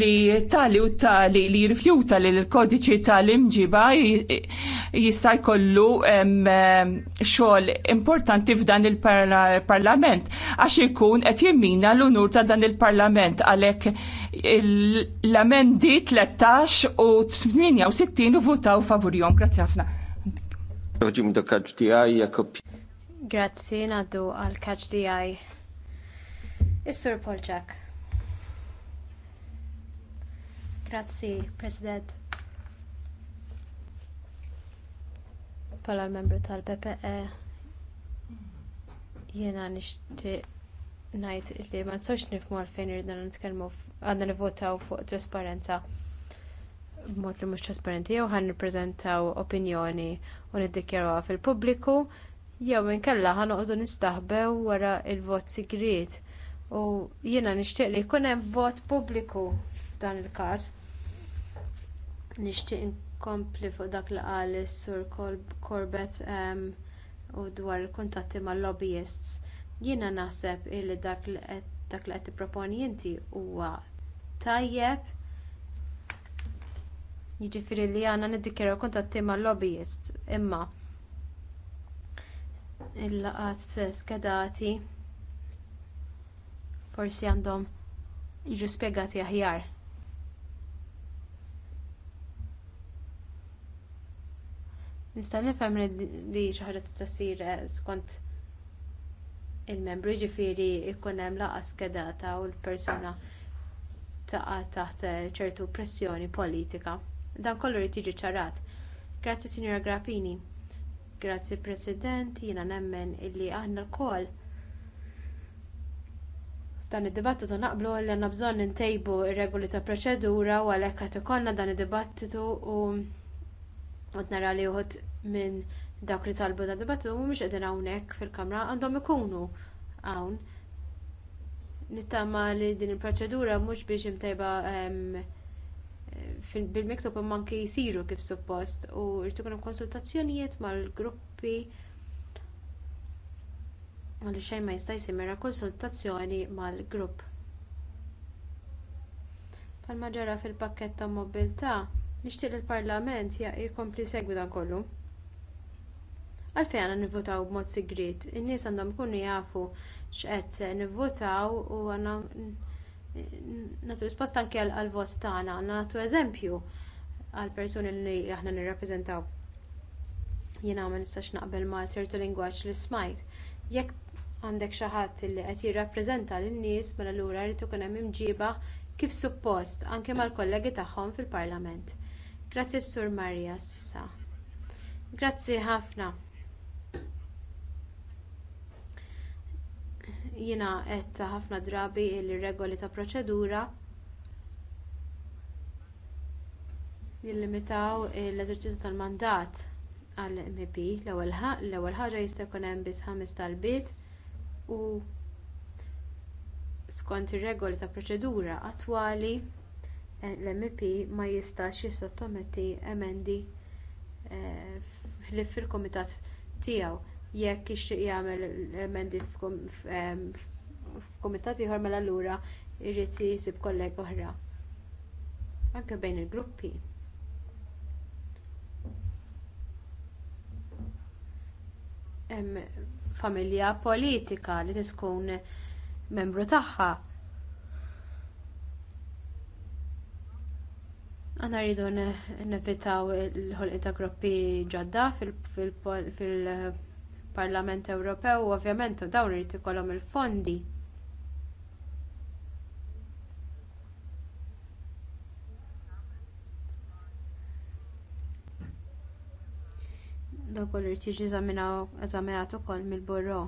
li tali u tali li jirrifjuta li l-kodiċi tal-imġiba eh, jista' jkollu eh, xogħol xogħol importanti f'dan il-Parlament għax ikun qed jimmina l-unur ta' dan il-Parlament għalhekk l-amendi 13 u 68 votaw favurjom. Grazzi ħafna. Jakob. Grazzi naddu għal kaġ DI. Is-Sur Polġak. Grazzi, President. bħala membru tal-PPE jiena nixtieq ngħid li ma nistgħux nifhmu għalfejn iridna nitkellmu għandna nivvotaw fuq trasparenza b'mod li mhux trasparenti jew nippreżentaw opinjoni u niddikjarawha fil-pubbliku jew inkella ħanoqogħdu nistaħbew wara l-vot sigriet u jiena nixtieq li jkun hemm vot pubbliku f'dan il-każ nixtieq inkompli fuq dak li qal is-sur corbett ehm, u dwar il-kuntatti mal-lobbyists jiena naħseb li dak li qed tipproponi inti huwa tajjeb jiġifieri li għandna niddikjaraw kuntatti mal-lobbyists imma il-laqgħat skedati forsi għandhom jiġu spjegati aħjar nista' nifhem li xi ħaġa tista' ssir eh, skont il-membru jiġifieri jkun hemm laqgħa skedata u l-persuna taqa' taħt eh, ċertu pressjoni politika dan kollu jrid jiġi ċarat grazzi sinjura grappini grazzi president jiena nemmen illi aħna l-kol f'dan id-dibattitu naqblu li għandna bżonn intejbu r-regoli ta' proċedura u għalhekk qed ikollna dan id-dibattitu u Għad nara li uħut minn dawk li talbu da dibattu mhumiex għedin hawnhekk fil-kamra għandhom ikunu hawn. Nittama li din il-proċedura mhux biex imtejba bil-miktub imma anke jsiru kif suppost u rrid ikun hemm konsultazzjonijiet mal-gruppi għaliex xejn ma jista' jsir konsultazzjoni mal-grupp. Bħalma ġara fil-pakkett ta' mobilità nixtieq li l-parlament jkompli jsegwi dan kollu għalfejn għandna nivvutaw b'mod sigriet in-nies għandhom ikunu jafu x'qed nivvutaw u għandna nagħtu risposta anke għall-vot tagħna għandna nagħtu eżempju għall-persuni li aħna nirrappreżentaw jiena ma nistax naqbel ma' tertu lingwaġġ li smajt jekk għandek xi ħadd li qed jirrappreżenta lin-nies mela allura jrid ikun hemm imġiba kif suppost anke mal-kollegi tagħhom fil-parlament Grazzi Sur Maria sa. Grazzi ħafna. Jiena qed ħafna drabi l regoli ta' proċedura jillimitaw l-eżerċizzju tal-mandat għall mep l-ewwel ħaġa jista' jkun hemm biss ħames talbiet u skont ir-regoli ta' proċedura attwali l-mep ma jistax jissottometti emendi ħlief eh, fil-kumitat tiegħu jekk jixtieq jagħmel emendi f'kumitat eh, ieħor mela allura jrid isib kolleg oħra anke bejn il-gruppi hemm familja politika li tkun membru tagħha Għana rridu nevitaw il-ħolqin ta' gruppi ġodda fil-Parlament Ewropew u ovvjament dawn irid ikollhom il-fondi. Dawk kollu irid jiġi eżaminat ukoll mill-burro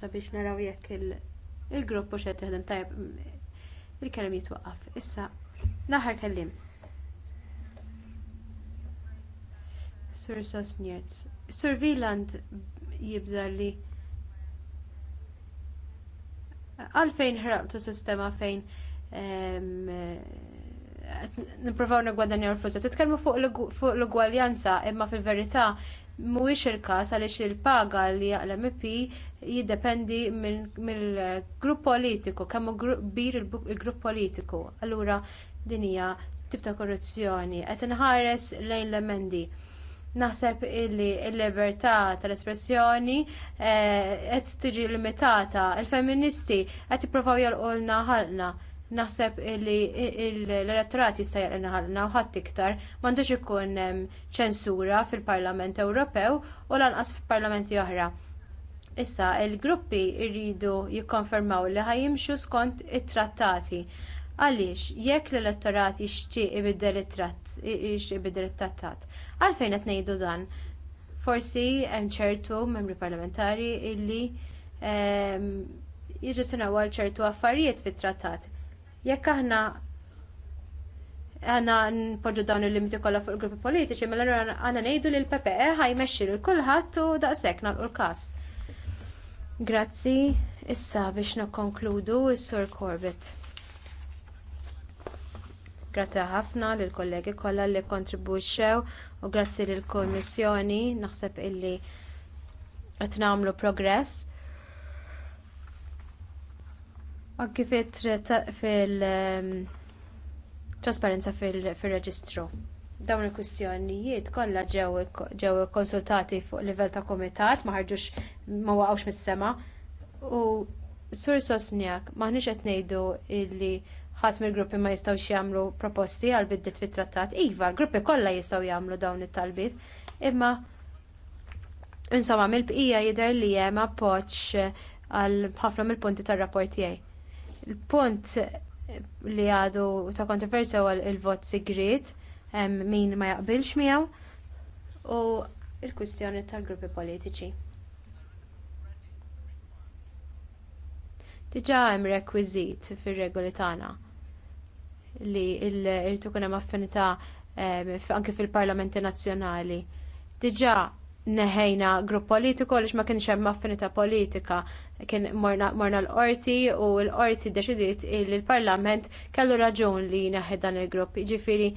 sabiex naraw jekk il gruppu u xed teħdem tajjeb il-kelm jitwaqqaf. Issa, l-aħħar Sur Sosnierz. Sur Wieland jibda li għalfejn ħraqtu sistema fejn nipprovaw nigwadanjaw il-flus. Titkellmu fuq l-ugwaljanza imma fil-verità mhuwiex il-każ għaliex il-paga li jaqla IP jiddependi mill-grupp politiku, kemm kbir il-grupp politiku. Allura din hija tip ta' korruzzjoni. Qed inħares lejn l-emendi naħseb illi l-libertà tal-espressjoni eh, qed tiġi limitata. il femministi qed jippruvaw jalqulna ħalna. Naħseb illi l-elettorat jista' jaqilna ħalna u ħadd iktar m'għandux ikun ċensura fil-Parlament Ewropew u lanqas f'parlamenti oħra. Issa l gruppi jridu jikkonfermaw li ħajimxu skont it-trattati Għaliex, jekk l-elettorat jixtieq ibiddel it-trattat, għalfejn qed ngħidu dan? Forsi hemm ċertu membri parlamentari illi ehm, jiġġezzjonaw għal ċertu affarijiet fit-trattat. Jekk aħna għana npoġġu dawn il-limiti kollha fuq il-gruppi politiċi, mela allura għana ngħidu li l-PPE ħajmexxi lil e kulħadd u daqshekk nagħlqu l-każ. Grazzi, issa biex nikkonkludu s-Sur Corbett grazzi ħafna lill-kollegi kollha li kkontribwixxew u grazzi lill-kummissjoni naħseb illi qed nagħmlu progress anki fit-trasparenza ehm, fir-reġistru dawn il-kwistjonijiet kollha ġew ikkonsultati fuq livell ta' kumitat ma ħarġux ma waqgħux mis-sema u sur sosnjak m'aħniex qed ngħidu li ħadd mill-gruppi ma jistgħux jagħmlu proposti għal bidliet fit-trattat. Iva, l-gruppi kollha jistgħu jagħmlu dawn it-talbiet, imma insomma mill-bqija jidher li hemm appoġġ eh, għal ħafna mill-punti tar-rapport tiegħi. Il-punt li għadu ta' kontroversja huwa l-vot sigriet hemm min ma jaqbilx miegħu u l-kwistjoni tal-gruppi politiċi. Diġà hemm rekwiżit fir-regoli tagħna li irrid ikun hemm affinità eh, anke fil-parlamenti nazzjonali. Diġà neħejna grupp politiku għaliex ma kienx hemm affinità politika. Kien morna l-qorti u l-qorti ddeċidiet li l-Parlament kellu raġun li jneħħi dan il-grupp. Jiġifieri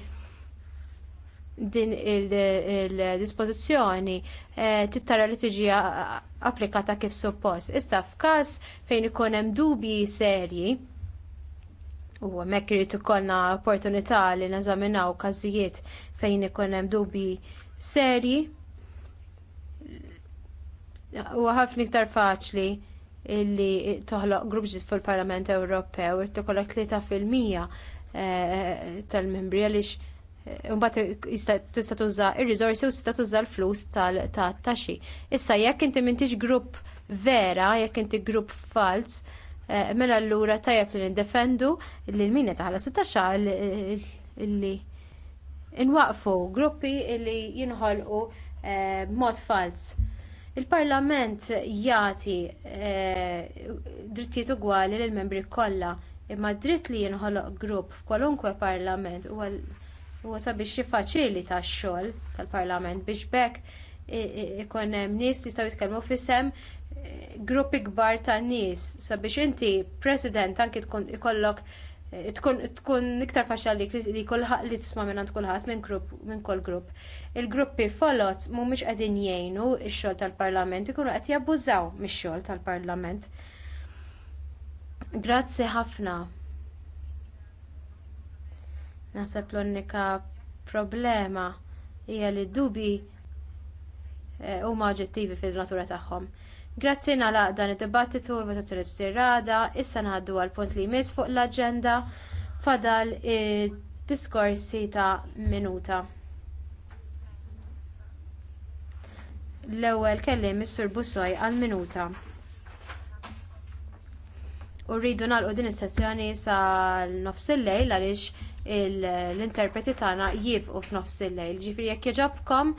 din il-dispożizzjoni eh, tittara li tiġi applikata kif suppost. Issa f'każ fejn ikun hemm dubji serji U hemmhekk irid ikollna opportunità li neżaminaw każijiet fejn ikun hemm dubji serji. Huwa ħafna iktar faċli li toħloq grupp ġdid fil-Parlament Ewropew irid ikollok tlieta fil-mija eh, tal-membri għaliex Imbagħad eh, tista' tuża ir-riżorsi u tista' tuża l-flus tat-taxxi. Issa jekk inti m'intix grupp vera, jekk inti grupp fals, Eh, mela allura tajjeb li nindefendu li l-min taħla 16 li inwaqfu gruppi li jinħolqu eh, b'mod fals. Il-Parlament jagħti eh, drittijiet ugwali lill membri kollha imma dritt li jinħoloq grupp f'kwalunkwe parlament huwa sabiex jiffaċilita x-xogħol tal-Parlament biex b'hekk ikun hemm nies li jistgħu jitkellmu f'isem gruppi kbar ta' nies sabiex inti president anki tkun ikollok eh, tkun iktar faċli li kulħadd li tisma' minn kulħadd minn grupp minn kull grupp. Il-gruppi folot mhumiex qegħdin jgħinu x-xogħol tal-Parlament ikunu qed jabbużaw mix-xogħol tal-Parlament. Grazzi ħafna. Naħseb l-unika problema hija li d-dubi eh, huma oġġettivi fil-natura tagħhom. Grazzi nalaq dan id-dibattitu u l-votazzjoni s-sirrada, issa ngħaddu għal punt li jmiss fuq l-aġenda fadal id-diskorsi ta' minuta. l-ewwel kelliem mis sur bussoj għal minuta u rridu nagħlqu din is-sessjoni sal-nofs il-lejl għaliex l-interpreti tagħna jibqgħu f'nofs il-lejl ġifieri jekk jogħġobkom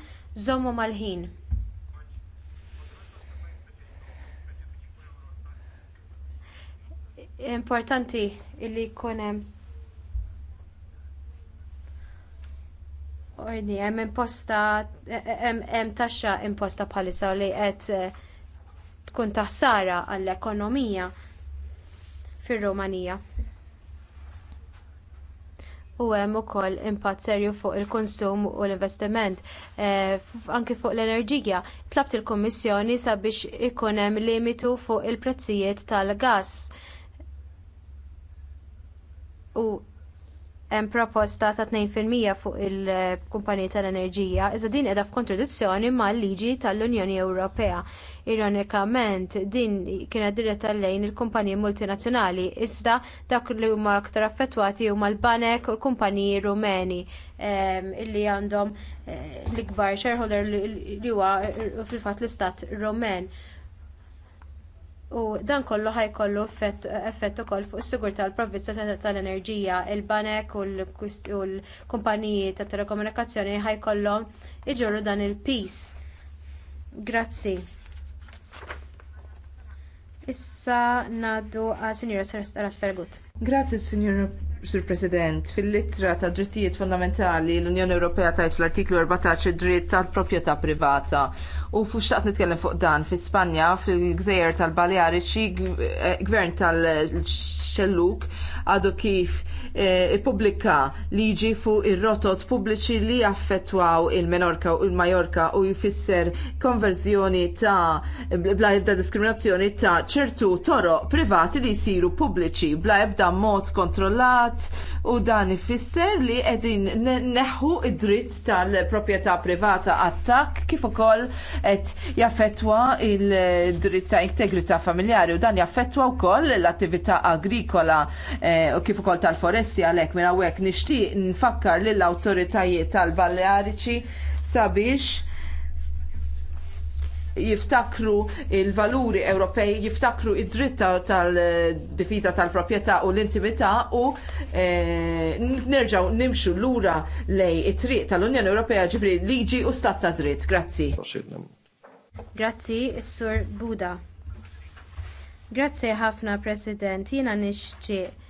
żommu mal-ħin importanti li jkun hemm ordni hemm imposta hemm taxxa imposta bħalissa li qed eh, tkun ta' ħsara għall-ekonomija fir-Rumanija. U hemm ukoll impatt serju fuq il-konsum u l-investiment eh, anke fuq l-enerġija. Tlabt il-Kummissjoni sabiex ikun hemm limitu fuq il-prezzijiet tal-gass u hemm proposta ta' 2% fuq il-kumpaniji tal-enerġija, iżda din qiegħda f'kontradizzjoni mal-liġi tal-Unjoni Ewropea. Ironikament, din kienet diretta lejn il-kumpaniji multinazzjonali, iżda dak li huma aktar affettwati huma l-banek u l-kumpaniji rumeni ehm, illi għandhom eh, l-ikbar shareholder li huwa fil-fatt l-istat rumen. U dan kollu ħajkollu effett ukoll fuq is sigur tal-provvista tal-enerġija, il-banek u l-kumpaniji tat telekomunikazzjoni ħajkollhom iġorru dan il-peace. Grazzi. Issa ngħaddu għal Sinjora Sarasfergut. Grazzi, Sinjora Sur President, fil-littra ta' drittijiet fundamentali l-Unjoni Ewropea tajt fl-artiklu 14 dritt tal-proprjetà privata. U taqt nitkellem fuq dan fi Spanja, fil-gżejjer tal baljariċi eh, gvern tal-Xelluk, għadu kif Eh, ippubblika jiġi fuq ir-rotot pubbliċi li jaffettwaw il-Menorka u l-Majorka u jfisser konverżjoni ta' bla ebda diskriminazzjoni ta' ċertu toroq privati li jsiru pubbliċi bla ebda mod kontrollat u dan ifisser li qegħdin neħħu id-dritt tal-proprjetà privata attakk kif ukoll qed jaffettwa il-dritt ta' integrità familjari u dan jaffettwa wkoll l-attività agrikola eh, u kif ukoll tal-foresti lesti għalhekk minn hawnhekk nixtieq nfakkar lill awtoritajiet tal-Baleariċi sabiex jiftakru il-valuri Ewropej, jiftakru id-dritta tal-difiża tal-proprjetà u l-intimità u e, nerġgħu nimxu lura lejn it-triq tal-Unjoni Ewropea ġifri liġi u stat ta' dritt. Grazzi. Grazzi, is-Sur Buda. Grazzi ħafna President, jiena nixtieq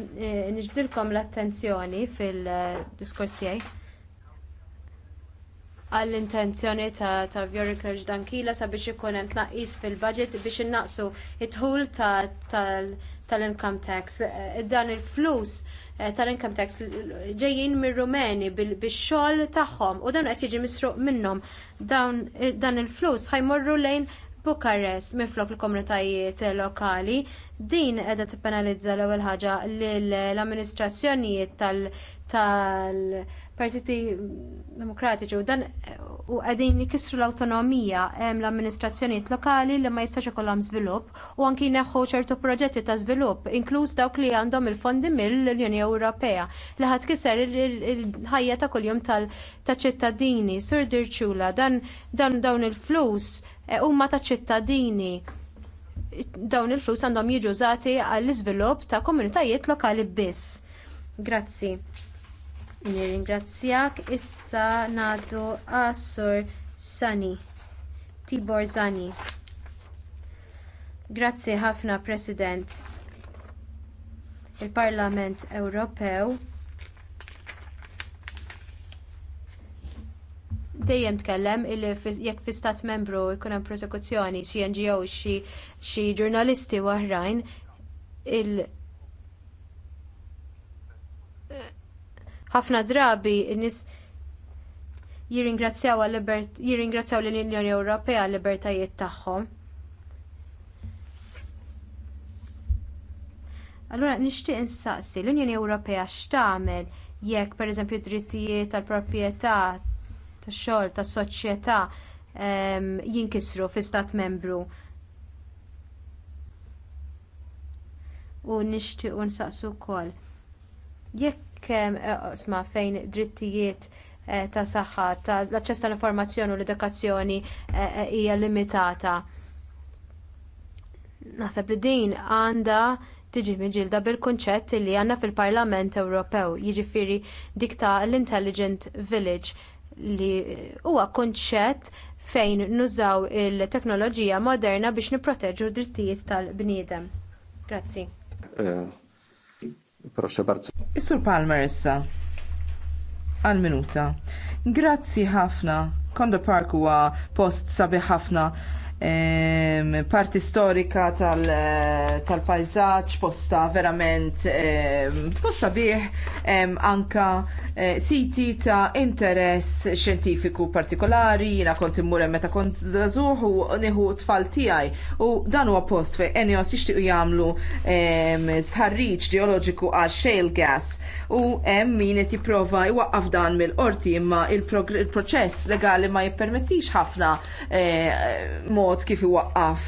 Eh, nixbdilkom l-attenzjoni fil-diskors tiegħi għall-intenzjoni ta' Vjorikers Dankila sabiex ikun hemm tnaqqis fil-budget biex innaqsu t dħul tal-income tax. Eh, dan il-flus eh, tal-income tax ġejjin mir-Rumeni bix-xogħol tagħhom u dan qed jiġi misruq minnhom. Dan il-flus ħajmorru lejn Bukarest minflok il-komunitajiet lokali din qiegħda tippenalizza l-ewwel ħaġa l-amministrazzjonijiet tal-partiti demokratiċi u dan u qegħdin jkissru l-awtonomija hemm l-amministrazzjonijiet lokali li ma jistax ikollhom żvilupp u anki jneħħu ċertu proġetti ta' żvilupp inkluż dawk li għandhom il-fondi mill-Unjoni Ewropea li ħadd kisser il-ħajja ta' kuljum tal-ċittadini. Sur Dirċula dan dawn il-flus E, huma ta' ċittadini dawn il-flus għandhom jiġu żati għall-iżvilupp ta' komunitajiet lokali biss. Grazzi. Nirringrazzjak issa nagħtu għas Sani. Tibor Zani. Grazzi ħafna President. Il-Parlament Ewropew dejjem tkellem illi jekk fi stat membru jkun hemm prosekuzzjoni xi NGO xi ġurnalisti oħrajn il ħafna drabi n-nies jirringrazzjaw lill-Unjoni Ewropea għal-libertajiet tagħhom. Allura nixtieq insaqsi l-Unjoni Ewropea x'tagħmel jekk pereżempju d-drittijiet tal-proprjetà tax-xogħol tas-soċjetà ehm, jinkisru fi stat membru. U nixtiequ nsaqsu wkoll. Jekk ehm, e, sma fejn drittijiet e, ta' saħħa, ta' l-aċċess tal-informazzjoni u l-edukazzjoni e, hija limitata. Naħseb li din għandha tiġi miġilda bil-kunċett li għandna fil-Parlament Ewropew, jiġifieri dik ta' l-Intelligent Village li huwa kunċett fejn nużaw il-teknoloġija moderna biex nipproteġu d-drittijiet tal-bniedem. Grazzi. Eh, proszę bardzo. Isur Palmer issa. Għal minuta. Grazzi ħafna. Kondo Park huwa post sabi ħafna Ehm, parti storika eh, tal-pajzaċ, posta verament ehm, posta bieħ ehm, anka eh, siti ta' interess xjentifiku partikolari, jina kont immur meta kont zazuħ u neħu tfal tijaj u dan huwa post fej enjos jixtiqu jagħmlu stħarriġ ġeoloġiku għal shale gas u hemm min qed jipprova jwaqqaf dan mill-qorti imma il-proċess legali ma jippermettix ħafna eh, mod mod kif iwaqqaf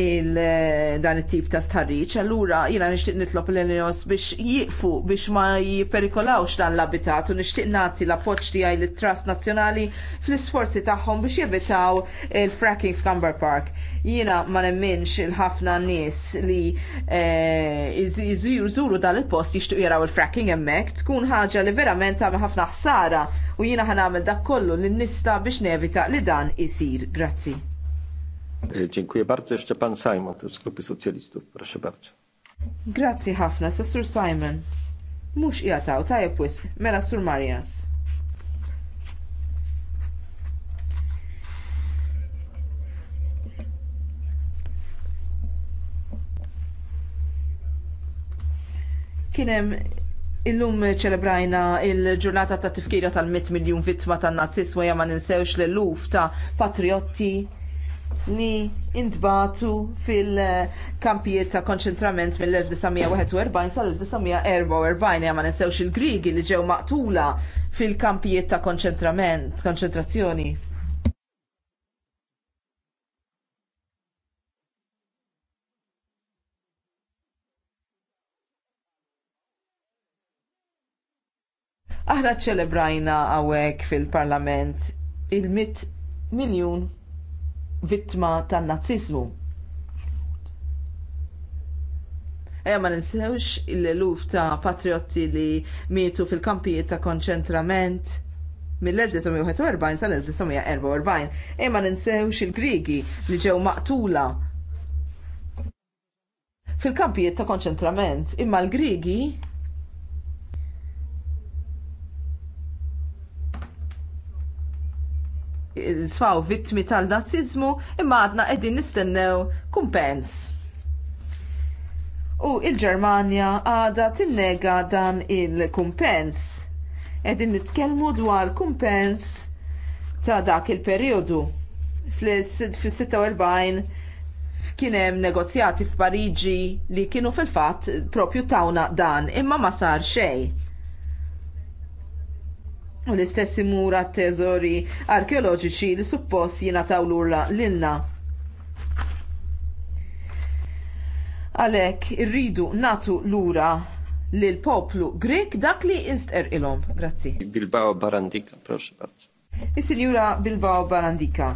eh, dan it-tip ta' stħarriċ. Allura jiena nixtieq nitlob l-Enios biex jiqfu biex ma jiperikolawx dan l-abitat u nixtieq nagħti l-appoġġ tiegħi lit trust Nazzjonali fl-isforzi tagħhom biex jevitaw il-fracking f'Cumber Park. Jiena ma nemminx il-ħafna nies li eh, jżuru dan il-post jixtiequ jaraw il-fracking hemmhekk tkun ħaġa li verament għamel ħafna ħsara u jiena ħanamel dak kollu li nista biex nevita li dan isir. Grazzi. E, dziękuję bardzo. Jeszcze pan Simon z Grupy Socjalistów. Proszę bardzo. Grazzi ħafna, sesur Simon. Mhux jataw, tajjeb wisq, mela Sur Marias. Kien hemm illum ċelebrajna il-ġurnata ta' tifkira tal-100 miljun vittma tan-nazzismu ja ma ninsewx l-eluf ta' patriotti li intbatu fil-kampijiet ta' konċentrament mill-1941 sal-1944 ja ma nensewx il-Grigi li ġew maqtula fil-kampijiet ta' konċentrament, konċentrazzjoni. Aħna ċelebrajna għawek fil-parlament il-mit miljun vittma tan-nazzizmu. Eja ma ninsewx il-luf ta' patriotti li mietu fil-kampijiet ta' konċentrament mill-1941 sal-1944. Eja ma ninsewx il-Grigi li ġew maqtula fil-kampijiet ta' konċentrament imma l-Grigi sfaw vittmi tal nazizmu imma għadna qegħdin nistennew kumpens. U l ġermanja għadha tinnega dan il-kumpens. Qegħdin nitkellmu dwar kumpens ta' dak il-perjodu. Fl-46 kien hemm negozjati f'Pariġi li kienu fil-fatt propju tawna dan imma ma sar xejn u l-istess imur għat-teżori arkeoloġiċi li suppost jingħataw lura lilna. Għalhekk irridu nagħtu lura lill poplu Grek dak li instqer Grazzi. Bilbao Barandika, proxi Is-Sinjura Bilbao Barandika.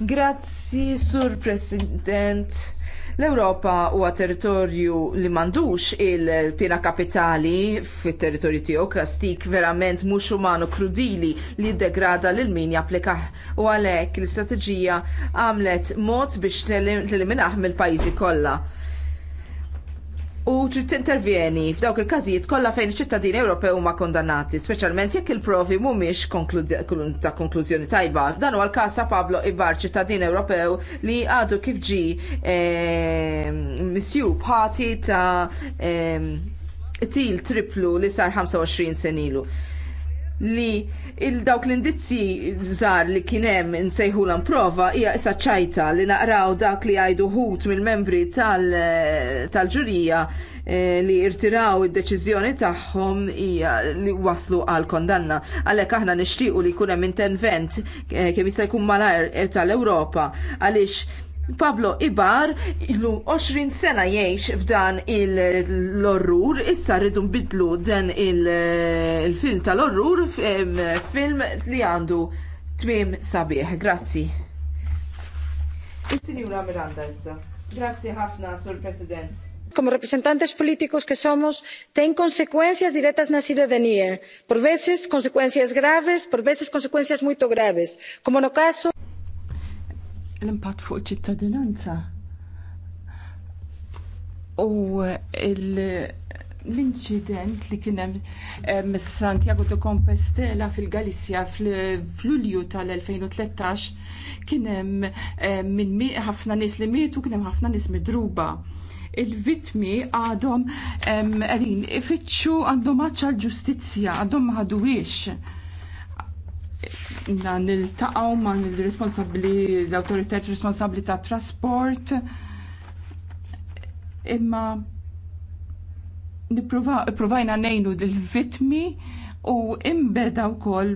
Grazzi, Sur President. L-Ewropa huwa territorju li m'għandux il-pina kapitali fit-territorju tiegħu kastik verament mhux umanu krudili li degrada lil min japplika u għalhekk l-istrateġija għamlet mod biex teliminaħ mill-pajjiżi kollha u trid tintervjeni f'dawk il-każijiet kollha fejn iċ-ċittadini Ewropew huma kondannati, speċjalment jekk il-provi mhumiex ta' konklużjoni tajba. Dan huwa l-każ ta' Pablo Ibar, ċittadin Ewropew li għadu kif ġi ehm, misjub ħati ta' ehm, til triplu li sar 25 senilu. ilu li il-dawk l-indizzi żgħar li kien hemm insejħulhom prova hija issa ċajta li naqraw dak li għajdu ħut mill-membri tal-ġurija eh, li irtiraw id-deċiżjoni tagħhom hija li waslu għal kondanna. Għalhekk aħna nixtiequ li jkun hemm intervent eh, kemm jista' jkun malajr eh, tal-Ewropa għaliex Pablo Ibar illu 20 sena jiex f'dan l-orrur, issa rridu nbidlu dan il-film il film tal orrur film li għandu tmiem sabiħ. Grazzi. Is-Sinjura Miranda issa. Grazzi ħafna, Sur President como representantes políticos que somos, ten consecuencias directas na cidadanía, por veces consecuencias graves, por veces consecuencias moito graves, como no caso l-impatt fuq ċittadinanza u l-inċident li kien hemm eh, Santiago de Compostela fil-Galizja fl ulju tal-2013 kien hemm eh, minn ħafna nies li mietu kien hemm ħafna nies midruba. Il-vitmi għadhom għarin ifittxu għandhom għaċċa l-ġustizzja, għadhom ma nil-taqaw ma l-responsabli, l-autoritet responsabli ta' trasport. Imma niprovajna nejnu l-vitmi u imbeda u kol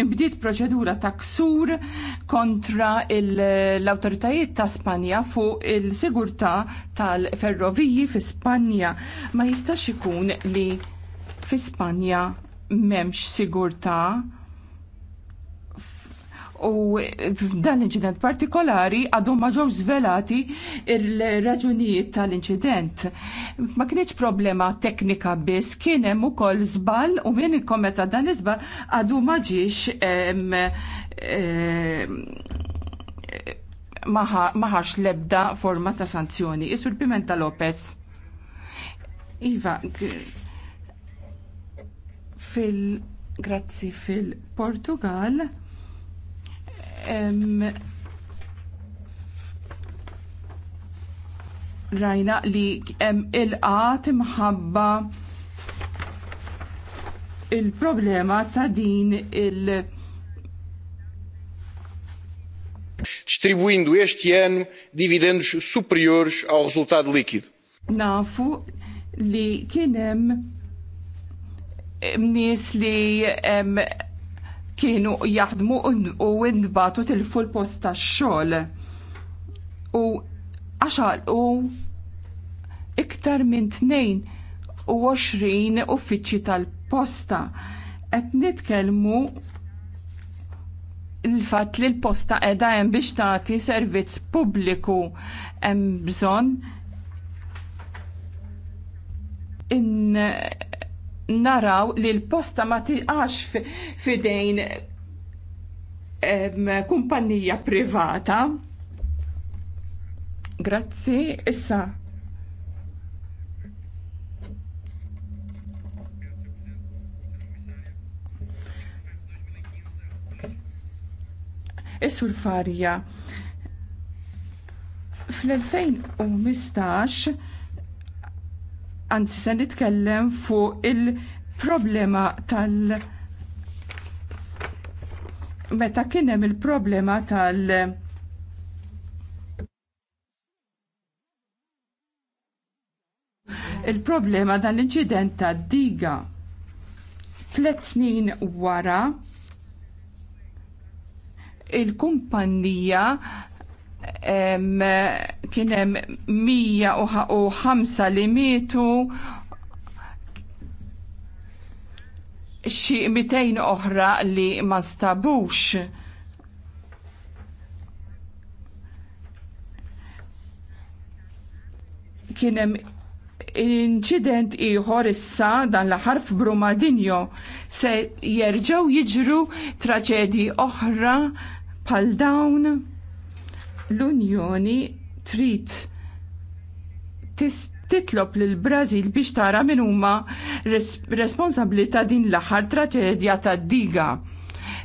imbdiet proċedura ta' ksur kontra l-autoritajiet ta' Spanja fuq il-sigurta tal-ferroviji fi Spanja. Ma jistax ikun li fi Spanja memx sigurta u f'dan l-inċident partikolari għadhom ma ġewx zvelati il-raġunijiet tal-inċident. Ma kienieċ problema teknika biss, kien hemm ukoll żball u min kometa dan iżball għadu ma ġiex maħax lebda forma ta' sanzjoni. Isur Pimenta Lopez. Iva, fil grazzi fil-Portugal rajna li il ilqat imħabba il-problema ta' din il- distribuindo este ano dividendos superiores ao resultado líquido. Nafu li kienem nis li kienu jaħdmu u indbatu tilfu l-post ta' xogħol U u iktar minn u 22 uffiċċji tal-posta. Qed nitkellmu il-fatt li l-posta qiegħda hemm biex tagħti servizz pubbliku hemm bżonn in naraw li l-posta ma tiqax fidejn kumpanija privata. Grazzi, issa. Issu l-farja. Fl-2015 anzi se nitkellem fuq il-problema tal- meta kien hemm il-problema tal- il-problema dan l-inċident ta' diga tliet snin wara il-kumpanija kien hemm 105 li mietu xi 200 oħra li ma stabux. Kien hemm inċident ieħor issa dan l-aħħar f'Brumadinjo se jerġgħu jiġru traġedji oħra bħal dawn l-Unjoni trid titlob lil brażil biex tara min huma responsabbli ta' din l-aħħar traġedja tad diga.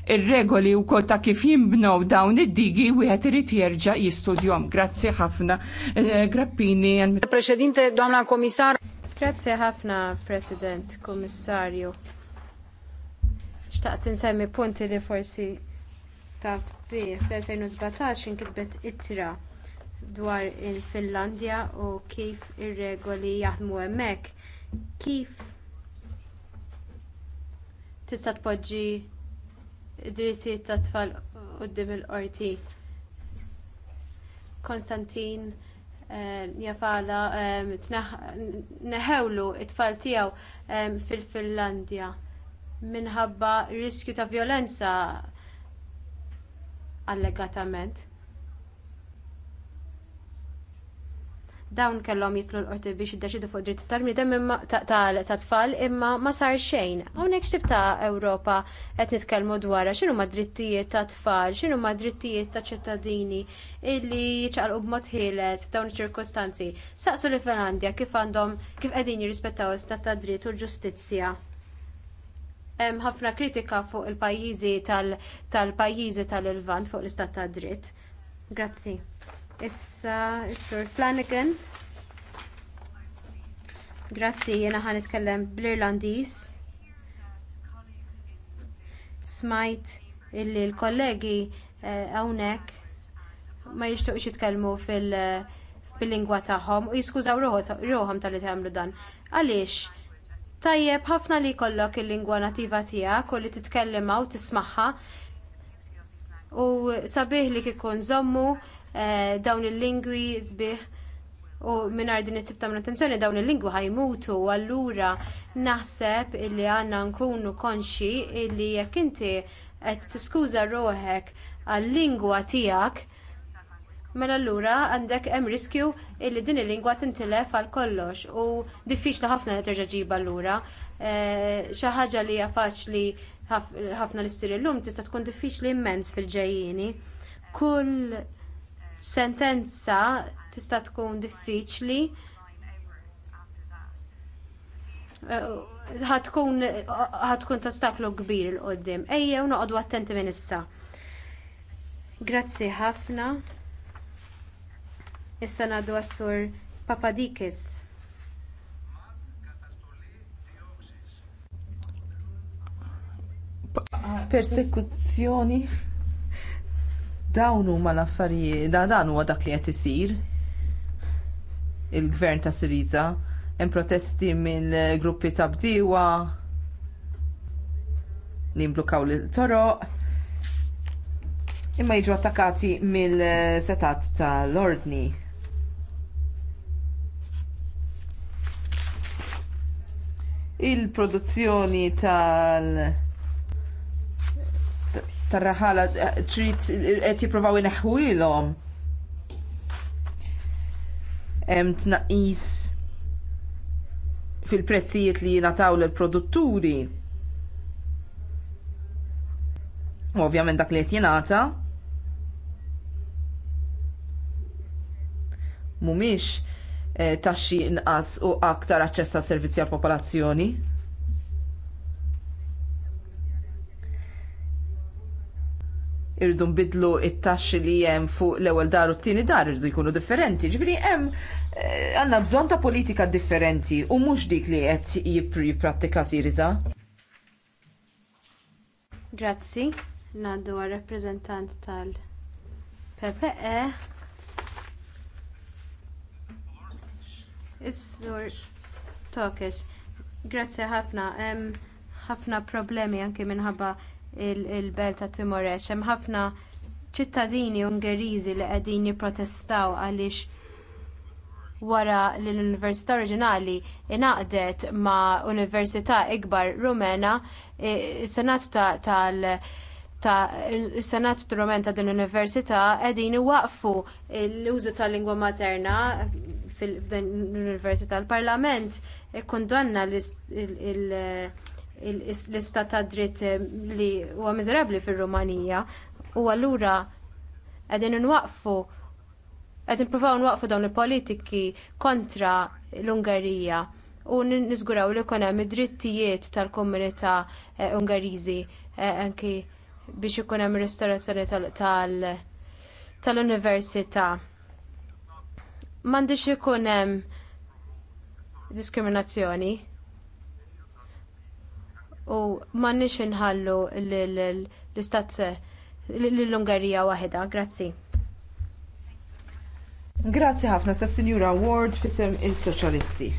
Ir-regoli wkoll ta' kif jimbnew dawn id-digi wieħed irid jerġa' jistudjahom. Grazzi ħafna. Eh, Grappini. Preċedinte, domna komissar. Grazzi ħafna, President, Komissarju. Xtaqt insemmi punti li forsi taf bih fl-2017 inkitbet ittra dwar il-finlandja u kif ir-regoli jaħdmu hemmhekk kif tista' tpoġġi d-drittijiet tat-tfal quddiem il-qorti konstantin eh, jafala eh, neħewlu t tfal tiegħu eh, fil-finlandja minħabba riskju ta' vjolenza allegatament dawn kellhom jitlu l-qorti biex jiddeċidu fuq dritt tal-bniedem ta' tfal imma ma sar xejn. Hawnhekk xtib ta' Ewropa qed nitkellmu dwar x'inhu ma' drittijiet ta' tfal, x'inhu ma' drittijiet ta' ċittadini illi jiċċaqalqu b'mod ħieles f'dawn iċ ċirkustanzi Saqsu li Finlandja kif għandhom kif qegħdin jirrispettaw l-istat ta' dritt u l-ġustizzja hemm ħafna kritika fuq il-pajjiżi tal-pajjiżi tal-Ilvant fuq l-istat ta' dritt. Grazzi. Issa is-Sur Flanagan. Grazzi, jiena ħan nitkellem bl-Irlandiż. Smajt illi l-kollegi eh, hawnhekk ma jixtuqx jitkellmu fil-lingwa tagħhom u jiskużaw ruħhom tal-li tagħmlu dan. Għaliex? Tajjeb ħafna li jkollok il-lingwa nattiva tiegħek u li titkellimha u tismagħha. U sabiħ li kikun żommu eh, dawn il-lingwi sbiħ u mingħajr din it ta' attenzjoni dawn il-lingwi ħajmutu u allura naħseb illi għandna nkunu konxi illi jekk inti qed tiskuża ruħek għal-lingwa tiegħek mela allura għandek hemm riskju li din il-lingwa tintilef għal kollox u diffiċli ħafna li terġa' ġiba allura. Eh, xi ħaġa li hija faċli ħafna li ssir illum tista' tkun diffiċli immens fil-ġejjieni. Kull sentenza tista' tkun diffiċli eh, ħatkun ħatkun tastaklu kbir il-qoddim. u noqogħdu attenti minn issa. Grazzi ħafna. Issa ngħaddu għas-Sur Papadakis. Persekuzzjoni dawn huma l-affarijiet da dan huwa dak li qed isir il-gvern ta' Siriza hemm protesti mill-gruppi ta' bdiewa li mblukaw l-toroq imma jiġu attakkati mill-setat tal-ordni. il-produzzjoni tal- tar-raħala eh, trid qed jippruvaw ineħħuilhom. Hemm tnaqqis fil-prezzijiet li jingħataw lill produtturi U ovvjament dak li qed jingħata mhumiex Eh, taxxi inqas u aktar aċċess għas servizzi għall popolazzjoni. Irridu nbidlu t taxxi li hemm fuq l-ewwel dar u t-tieni dar irridu jkunu differenti. Ġifieri hemm eh, għandna bżonn ta' politika differenti u mhux dik li qed jipprattika Siriza. Grazzi, ngħaddu għar rappreżentant tal-PPE Is-sur Tokes, grazzi ħafna. Hemm ħafna problemi anki minħabba l belt ta' Timores. Hemm ħafna ċittadini Ungeriżi li qegħdin jipprotestaw għaliex wara li l-Università Oriġinali ingħaqdet ma' Università Ikbar Rumena, e, is-Senat tal-Senat Rumen ta' din l-Università qegħdin iwaqfu l-użu tal-lingwa materna fil-Università. L-Parlament kondonna l-istat ta' dritt eh, li huwa miżerabbli fir-Rumanija u allura qegħdin nwaqfu qegħdin provaw nwaqfu dawn il-politiki kontra l-Ungerija u niżguraw li jkun hemm id-drittijiet tal-komunità eh, Ungariżi eh, anki biex ikun hemm ristorazzjoni tal-università m'għandix ikun hemm diskriminazzjoni u m'għandniex inħallu l-istat lill-Ungerija waħedha. Grazzi. Grazzi ħafna sa' Sinjura Ward fisem is-Soċjalisti.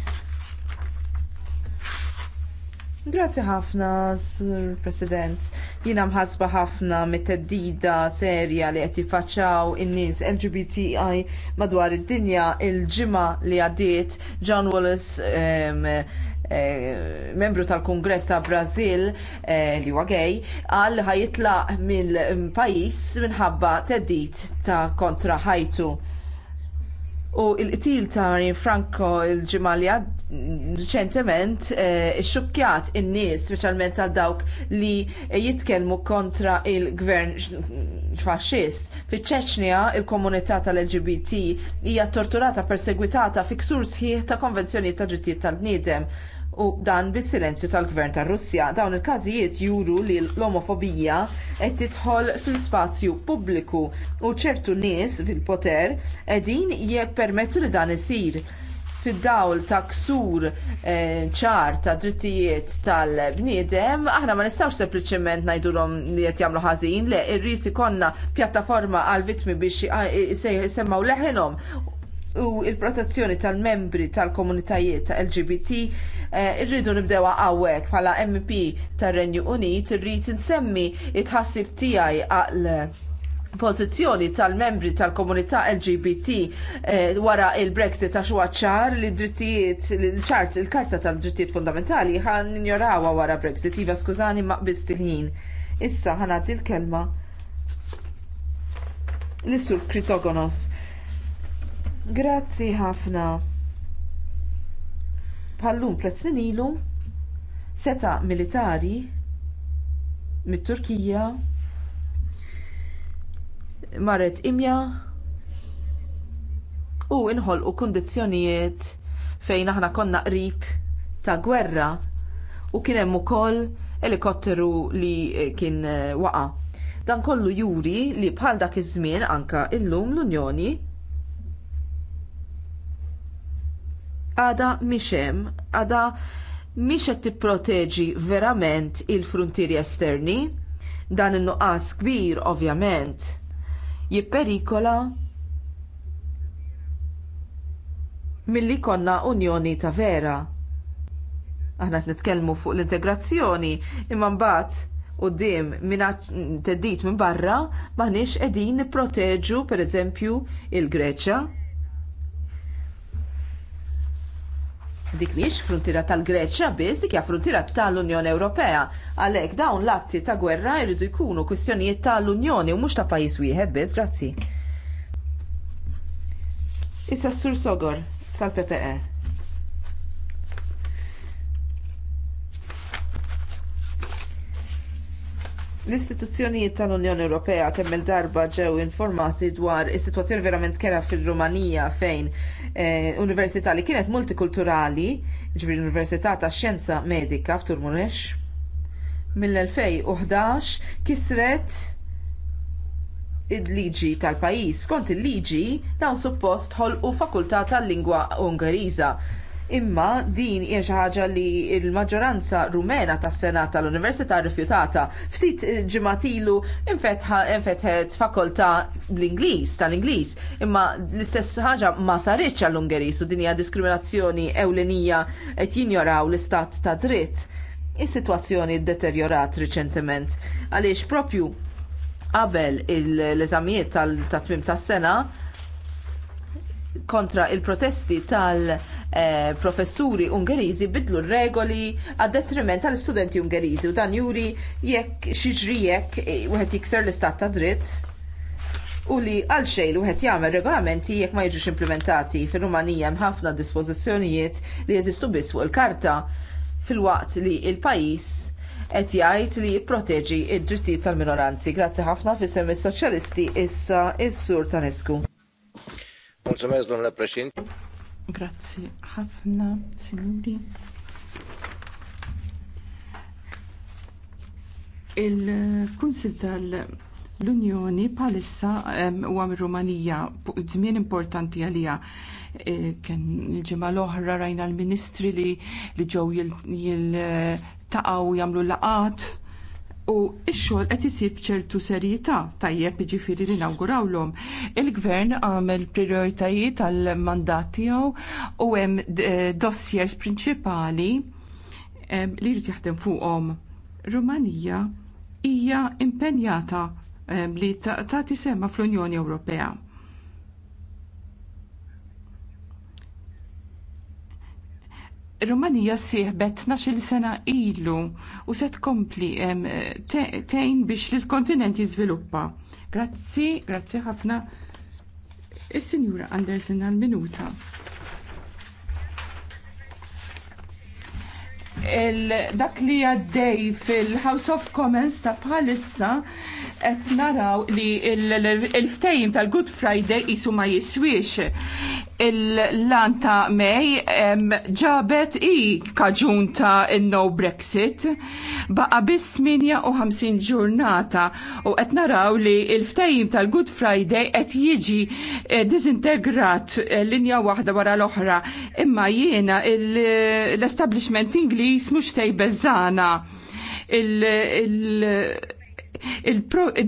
Grazzi ħafna, Sur President. Jiena mħasba ħafna mit-teddida serja li qed jiffaċċaw in-nies LGBTI madwar id-dinja il-ġimgħa li għaddiet John Wallace um, membru tal-Kongress ta' Brazil eh, li huwa gay għal ħajitlaq mill-pajjiż minħabba teddit ta' kontra ħajtu. U il-qtil ta' Franco il-ġimalja reċentement eh, xukjat in-nies, speċjalment għal dawk li jitkellmu kontra il-gvern faxxist. Fiċ-Ċeċnija, il-komunità tal-LGBT hija torturata, persegwitata fi ksur sħiħ ta' konvenzjoni ta' drittijiet tal-bniedem u dan bis-silenzju tal-Gvern tar-Russja. Dawn il-każijiet juru li l-omofobija qed tidħol fil-spazju pubbliku u ċertu nies fil-poter qegħdin jippermettu li dan isir fid-dawl ta' ksur eh, ċar ta' drittijiet tal-bniedem, aħna ma nistawx sempliċement ngħidulhom li qed jagħmlu ħażin, le irrid ikollna pjattaforma għal vittmi biex semmaw leħenhom u l protezzjoni tal-membri tal-komunitajiet ta' LGBT eh, irridu nibdewa għawek bħala MP tar-Renju Unit irrid insemmi it-ħassib tiegħi għal pożizzjoni tal-membri tal-komunità LGBT eh, wara l brexit għax huwa ċar li drittijiet ċart il-karta tal-drittijiet fundamentali ħan ignorawha wara Brexit iva skużani ma qbist il-ħin. Issa ħanat il-kelma l-sur Chrysogonos. Grazzi ħafna. Bħallum tliet snin ilu seta militari mit-Turkija marret imja u nħolqu kundizzjonijiet fejn aħna konna qrib ta' gwerra u kien hemm ukoll elikotteru li kien eh, waqa' dan kollu juri li bħal dak iż-żmien anke llum l-Unjoni għada miexem, għada miex qed tipproteġi verament il-frontieri esterni, dan in-nuqqas kbir ovvjament jipperikola milli jkollna unjoni ta' vera. Aħna qed nitkellmu fuq l-integrazzjoni imma mbagħad quddiem minn teddit minn barra maħniex qegħdin nipproteġu pereżempju l greċja Dik miex frontiera tal-Greċja biss, dik hija frontiera tal-Unjoni Ewropea. Għalhekk dawn l-atti ta' gwerra jridu jkunu kwistjonijiet tal-Unjoni u mhux ta' pajjiż wieħed biss, grazzi. Issa s-Sur Sogor tal-PPE. L-istituzzjonijiet tal-Unjoni Ewropea kemm il-darba ġew informati dwar is-sitwazzjoni verament kera fir-Rumanija fejn eh, università li kienet multikulturali, ġbir Università ta' Xjenza Medika f'Turmunex, mill-2011 kisret il-liġi tal-pajis. Skont il-liġi dawn suppost ħolqu fakultà tal-lingwa Ungeriża imma din hija xi ħaġa li l-maġġoranza rumena tas-Senat tal-Università rrifjutata. Ftit ġimgħat ilu infetħet fakoltà bl-Ingliż tal-Ingliż, imma l-istess ħaġa ma saritx għall-Ungeris u din hija diskriminazzjoni ewlenija qed jinjoraw l-istat ta' dritt. Is-sitwazzjoni ddeterjorat riċentement għaliex propju qabel l-eżamijiet tal-tatmim tas-sena kontra il-protesti tal-professuri Ungeriżi bidlu r regoli għad detriment tal-studenti Ungeriżi u dan juri jekk xiġri jekk e, wieħed jikser l-istat ta' dritt u li għal xejn wieħed jagħmel regolamenti jekk ma jiġux implementati fir-Rumanija hemm ħafna dispożizzjonijiet li jeżistu biss fuq il-karta fil-waqt li l pajjiż qed jgħid li jipproteġi d drittijiet tal-minoranzi. Grazzi ħafna fis-semmi soċjalisti issa is-sur Tanescu. Mulțumesc, domnule președinte. Grazzi ħafna, signori. Il-Kunsil tal-Unjoni palissa huwa għam mir-Rumanija żmien importanti għalija e, kien il-ġimgħa l-oħra rajna l-ministri li li ġew jiltaqgħu jagħmlu laqat u x-xogħol qed isib ċertu serjetà tajjeb jiġifieri li nawgurawlhom. Il-gvern għamel prioritajiet għall mandat tiegħu u hemm eh, dossiers prinċipali li jrid jaħdem fuqhom. Rumanija hija impenjata li tagħti sema fl-Unjoni Ewropea Rumanija sieħbet 12 sena ilu u se tkompli tejn biex l-kontinent jiżviluppa. Grazzi, grazzi ħafna. Is-Sinjura Andersen għal-minuta. dak li għaddej fil-House of Commons ta' bħalissa qed naraw li il-ftejim tal-Good Friday isu ma jiswix il-lan ta' May ġabet i kaġun ta' no Brexit baqa biss 58 ġurnata u qed naraw li il-ftejim tal-Good Friday qed jiġi eh, disintegrat eh, linja waħda wara l-oħra imma jiena l-establishment Ingli Paris mhux se jbeżżana il,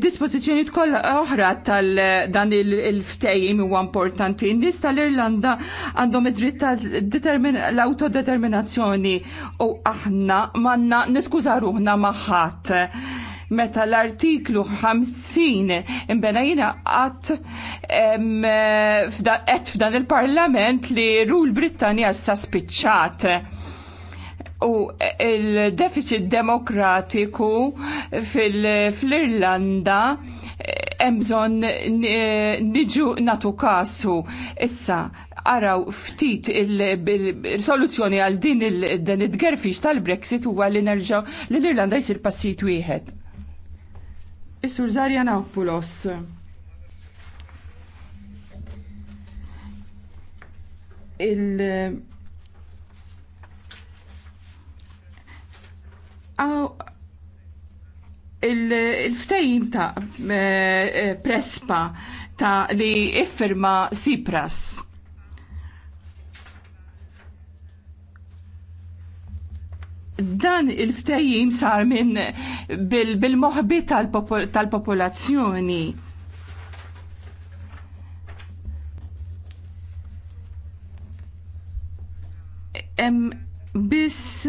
dispozizjoni kollha oħra tal-dan il-ftejim huwa importanti. Nis tal-Irlanda għandhom id-dritt tal-autodeterminazzjoni u aħna manna niskuża ruħna maħat. Meta l-artiklu 50 imbena jina għat f'dan il-parlament li rul Brittanja issa spiċċat u il-deficit demokratiku fil-Irlanda eh, hemm bżonn eh, niġu natu kasu. Issa araw ftit il-soluzzjoni għal din il-dan it-gerfix tal-Brexit huwa li nerġa' li l-Irlanda jsir passit wieħed. Isur sur Zarja il- il-ftejim ta' e, prespa ta' li iffirma Sipras. dan il-ftejjim sar minn bil-moħbi bil moħbi tal popolazzjoni Em bis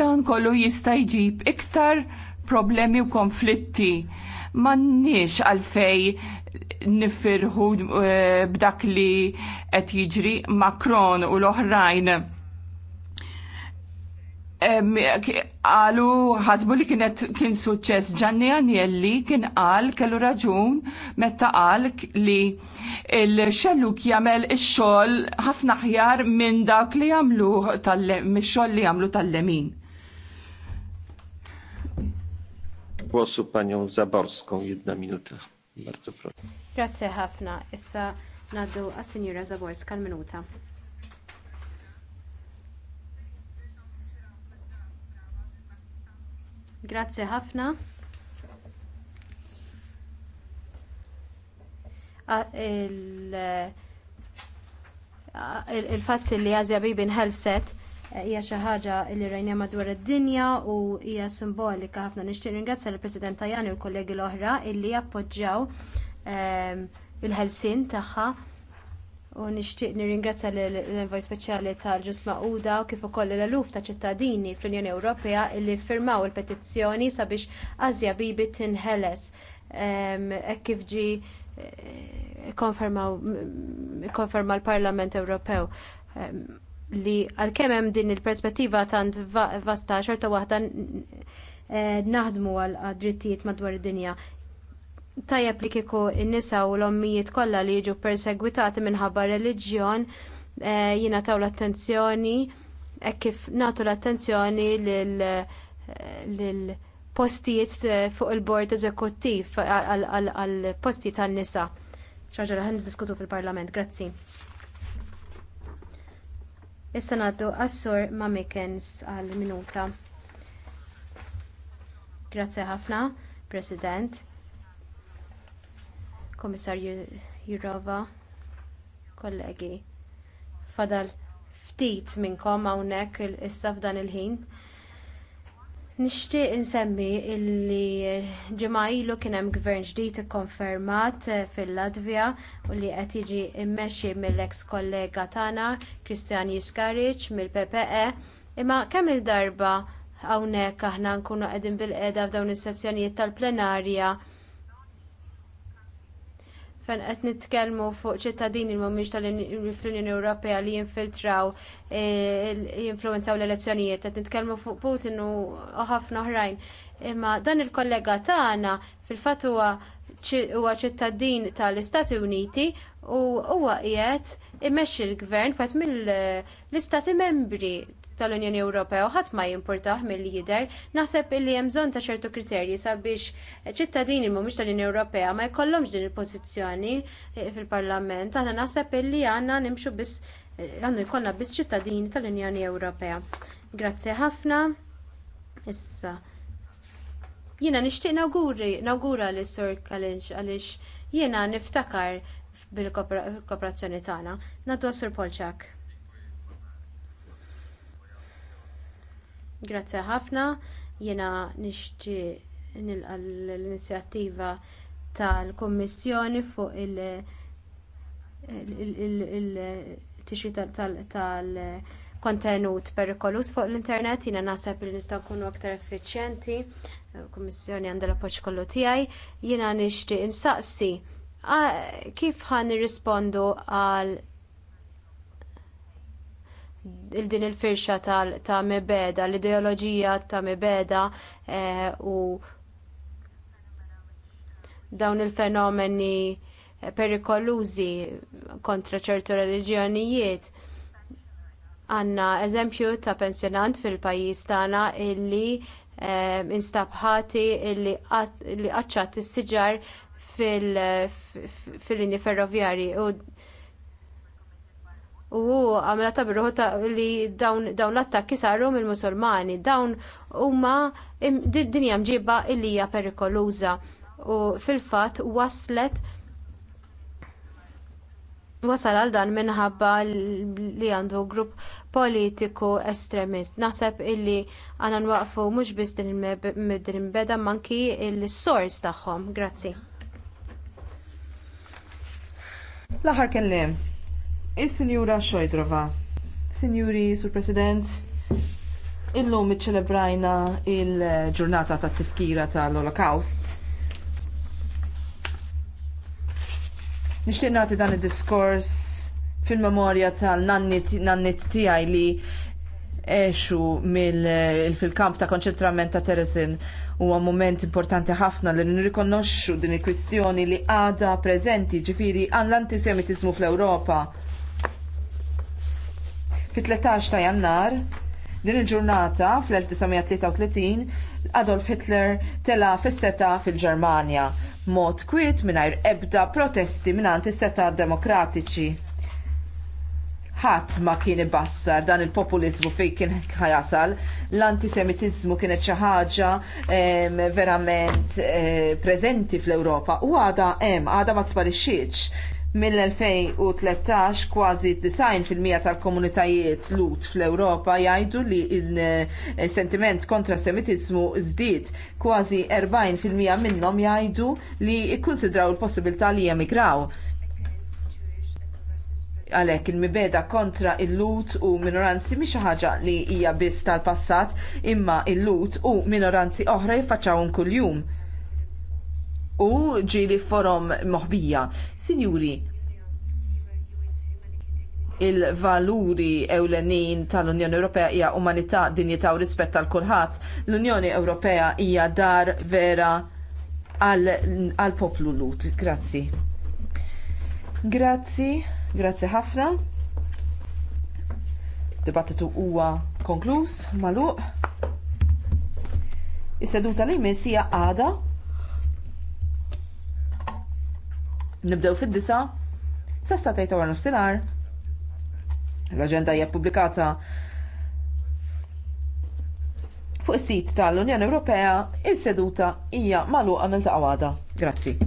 Dan kollu jista' jġib iktar problemi u konflitti. Mannix għalfej nifirħu eh, b'dak li qed jiġri Macron u l-oħrajn għalu ħasbu li kienet kien suċċess Gianni Agnelli kien qal kellu raġun meta qal li il-xelluk jagħmel ix-xogħol ħafna ħjar minn dak li jagħmlu mix-xogħol li jagħmlu tal-lemin. Głosu panią Zaborską, jedna minuta. Bardzo proszę. Grazie ħafna. Issa naddu għas-Sinjura Zaborska minuta Grazzi ħafna. Il-fatt li Asia Bibi nħelset eh, hija xi ħaġa li rajna madwar id-dinja u hija simbolika ħafna nixtieq ringrazzja lill-President Tajani u l-kollegi l-oħra illi appoġġjaw ehm, il-ħelsien tagħha u nixtieq nirringrazzja l-envoj speċjali tal-ġus Magħquda u kif ukoll l-eluf ta' ċittadini fl-Unjoni Ewropea li ffirmaw il-petizzjoni sabiex Asja Bibi tinħeles hekk e kif ġie konferma l-Parlament Ewropew li għalkemm hemm din il-perspettiva tant vasta xorta waħda e, naħdmu għal drittijiet madwar id-dinja tajjeb li kieku n-nisa u l-ommijiet kollha li jiġu persegwitati minħabba reliġjon eh, jina taw l-attenzjoni e kif nagħtu l-attenzjoni lil eh, postijiet eh, fuq il-bord eżekuttiv għal postijiet tan nisa ċaġa li diskutu fil-parlament, grazzi. Issa ngħaddu għas-sur Mamikens għal minuta. Grazzi ħafna, President kummissarju jourov kollegi fadal ftit minnkom hawnhekk issa f'dan il-ħin nixtieq insemmi li ġimgħa ilu kien hemm gvern ġdid ikkonfermat eh, fil-latvja u li qed jiġi mmexxi mill-eks kollega tagħna christian jiskaric mill-ppe imma kemm il-darba hawnhekk aħna nkunu qegħdin bil-qiegħda f'dawn is-sezzjonijiet tal-plenarja fejn qed nitkellmu fuq ċittadini li mhumiex tal-Unjoni Ewropea li jinfiltraw eh, jinfluwenzaw l-elezzjonijiet, qed nitkellmu fuq Putin u ħafna oħrajn. Imma dan il-kollega tagħna fil-fatt huwa ċittadin tal-Istati Uniti u huwa qiegħed imexxi l-gvern fatt mill-Istati Membri tal-Unjoni Ewropea u ħadd ma jimpurtah mill-jidher, naħseb illi hemm bżonn ta' ċertu kriterji sabiex ċittadini mhumiex tal-Unjoni Ewropea ma jkollhomx din il-pożizzjoni eh, fil-Parlament. Aħna naħseb illi għandna nimxu biss eh, għandu jkollna biss ċittadini tal-Unjoni Ewropea. Grazzi ħafna. Issa. Jiena nixtieq nawguri, nawgura lis sur Kalinx għaliex jiena niftakar bil-kooperazzjoni tagħna. Nadu Sur Polċak. Grazzi ħafna, jiena nixtieq nilqa l-inizjattiva tal-Kummissjoni fuq il tixi tal-kontenut perikolus fuq l-internet jiena naħseb li nistgħu nkunu aktar effiċjenti kummissjoni għandha l-appoġġ kollu tiegħi jiena nixtieq insaqsi kif ħan nirrispondu għal il-din il-firxa ta' mibeda, l-ideoloġija ta' mibeda eh, u dawn il-fenomeni perikolużi kontra ċertu reliġjonijiet. Għanna eżempju ta' pensjonant fil-pajjiż tagħna illi eh, instab ħati illi qaċċat is-siġar fil-linji ferroviari u u għamela ta' ta' li dawn, dawn l-attakki saru mill-musulmani, dawn huma dinja mġiba illija hija perikoluża u fil-fatt waslet wasal għal dan minħabba li għandu grupp politiku estremist. Naħseb illi għana nwaqfu mhux biss din il-beda manki il-sors tagħhom. Grazzi. L-aħħar kelliem. Is-Sinjura Xojdrova. Sinjuri, Sur President, illum iċċelebrajna il-ġurnata tat tifkira tal-Holocaust. Nixtieq nagħti dan id-diskors fil-memorja tal-nannit tiegħi li eċu fil-kamp ta' konċentrament ta' Teresin huwa mument importanti ħafna li nirrikonnoxxu din il-kwistjoni li għada preżenti ġifiri l antisemitiżmu fl-Ewropa Fit-13 ta' jannar din il-ġurnata fl-1933 Adolf Hitler tela fis-seta fil-Ġermanja mod kwiet mingħajr ebda protesti mingħand is-seta demokratiċi. Ħadd ma kien ibassar dan il-populiżmu fejn kien ħajasal, l-antisemitiżmu kienet xi ħaġa verament eh, preżenti fl-Ewropa u għada hemm għada ma tsparixxietx. Mill-2013 kważi 90% tal-komunitajiet lut fl-Ewropa jgħidu li il-sentiment kontra semitiżmu żdied. Kważi 40% minnhom jgħidu li jikkunsidraw il-possibilità li jemigraw. Għalhekk il-mibeda kontra l il lut u minoranzi mhix ħaġa li hija biss tal-passat imma l lut u minoranzi oħra jiffaċċawhom kuljum u ġieli forom moħbija. Sinjuri, il-valuri ewlenin tal-Unjoni Ewropea hija umanità, dinjità u rispett għal kulħadd. L-Unjoni Ewropea hija dar vera għall poplu lut. Grazzi. Grazzi, grazzi ħafna. Dibattitu huwa konkluż, magħluq. Is-seduta li jmiss hija għada Nibdew fid-disa, sessa tajta għar nofsinhar? L-agenda hija publikata fuq is-sit tal-Unjoni Ewropea, is-seduta hija magħluqa mill-taqwada. Grazzi.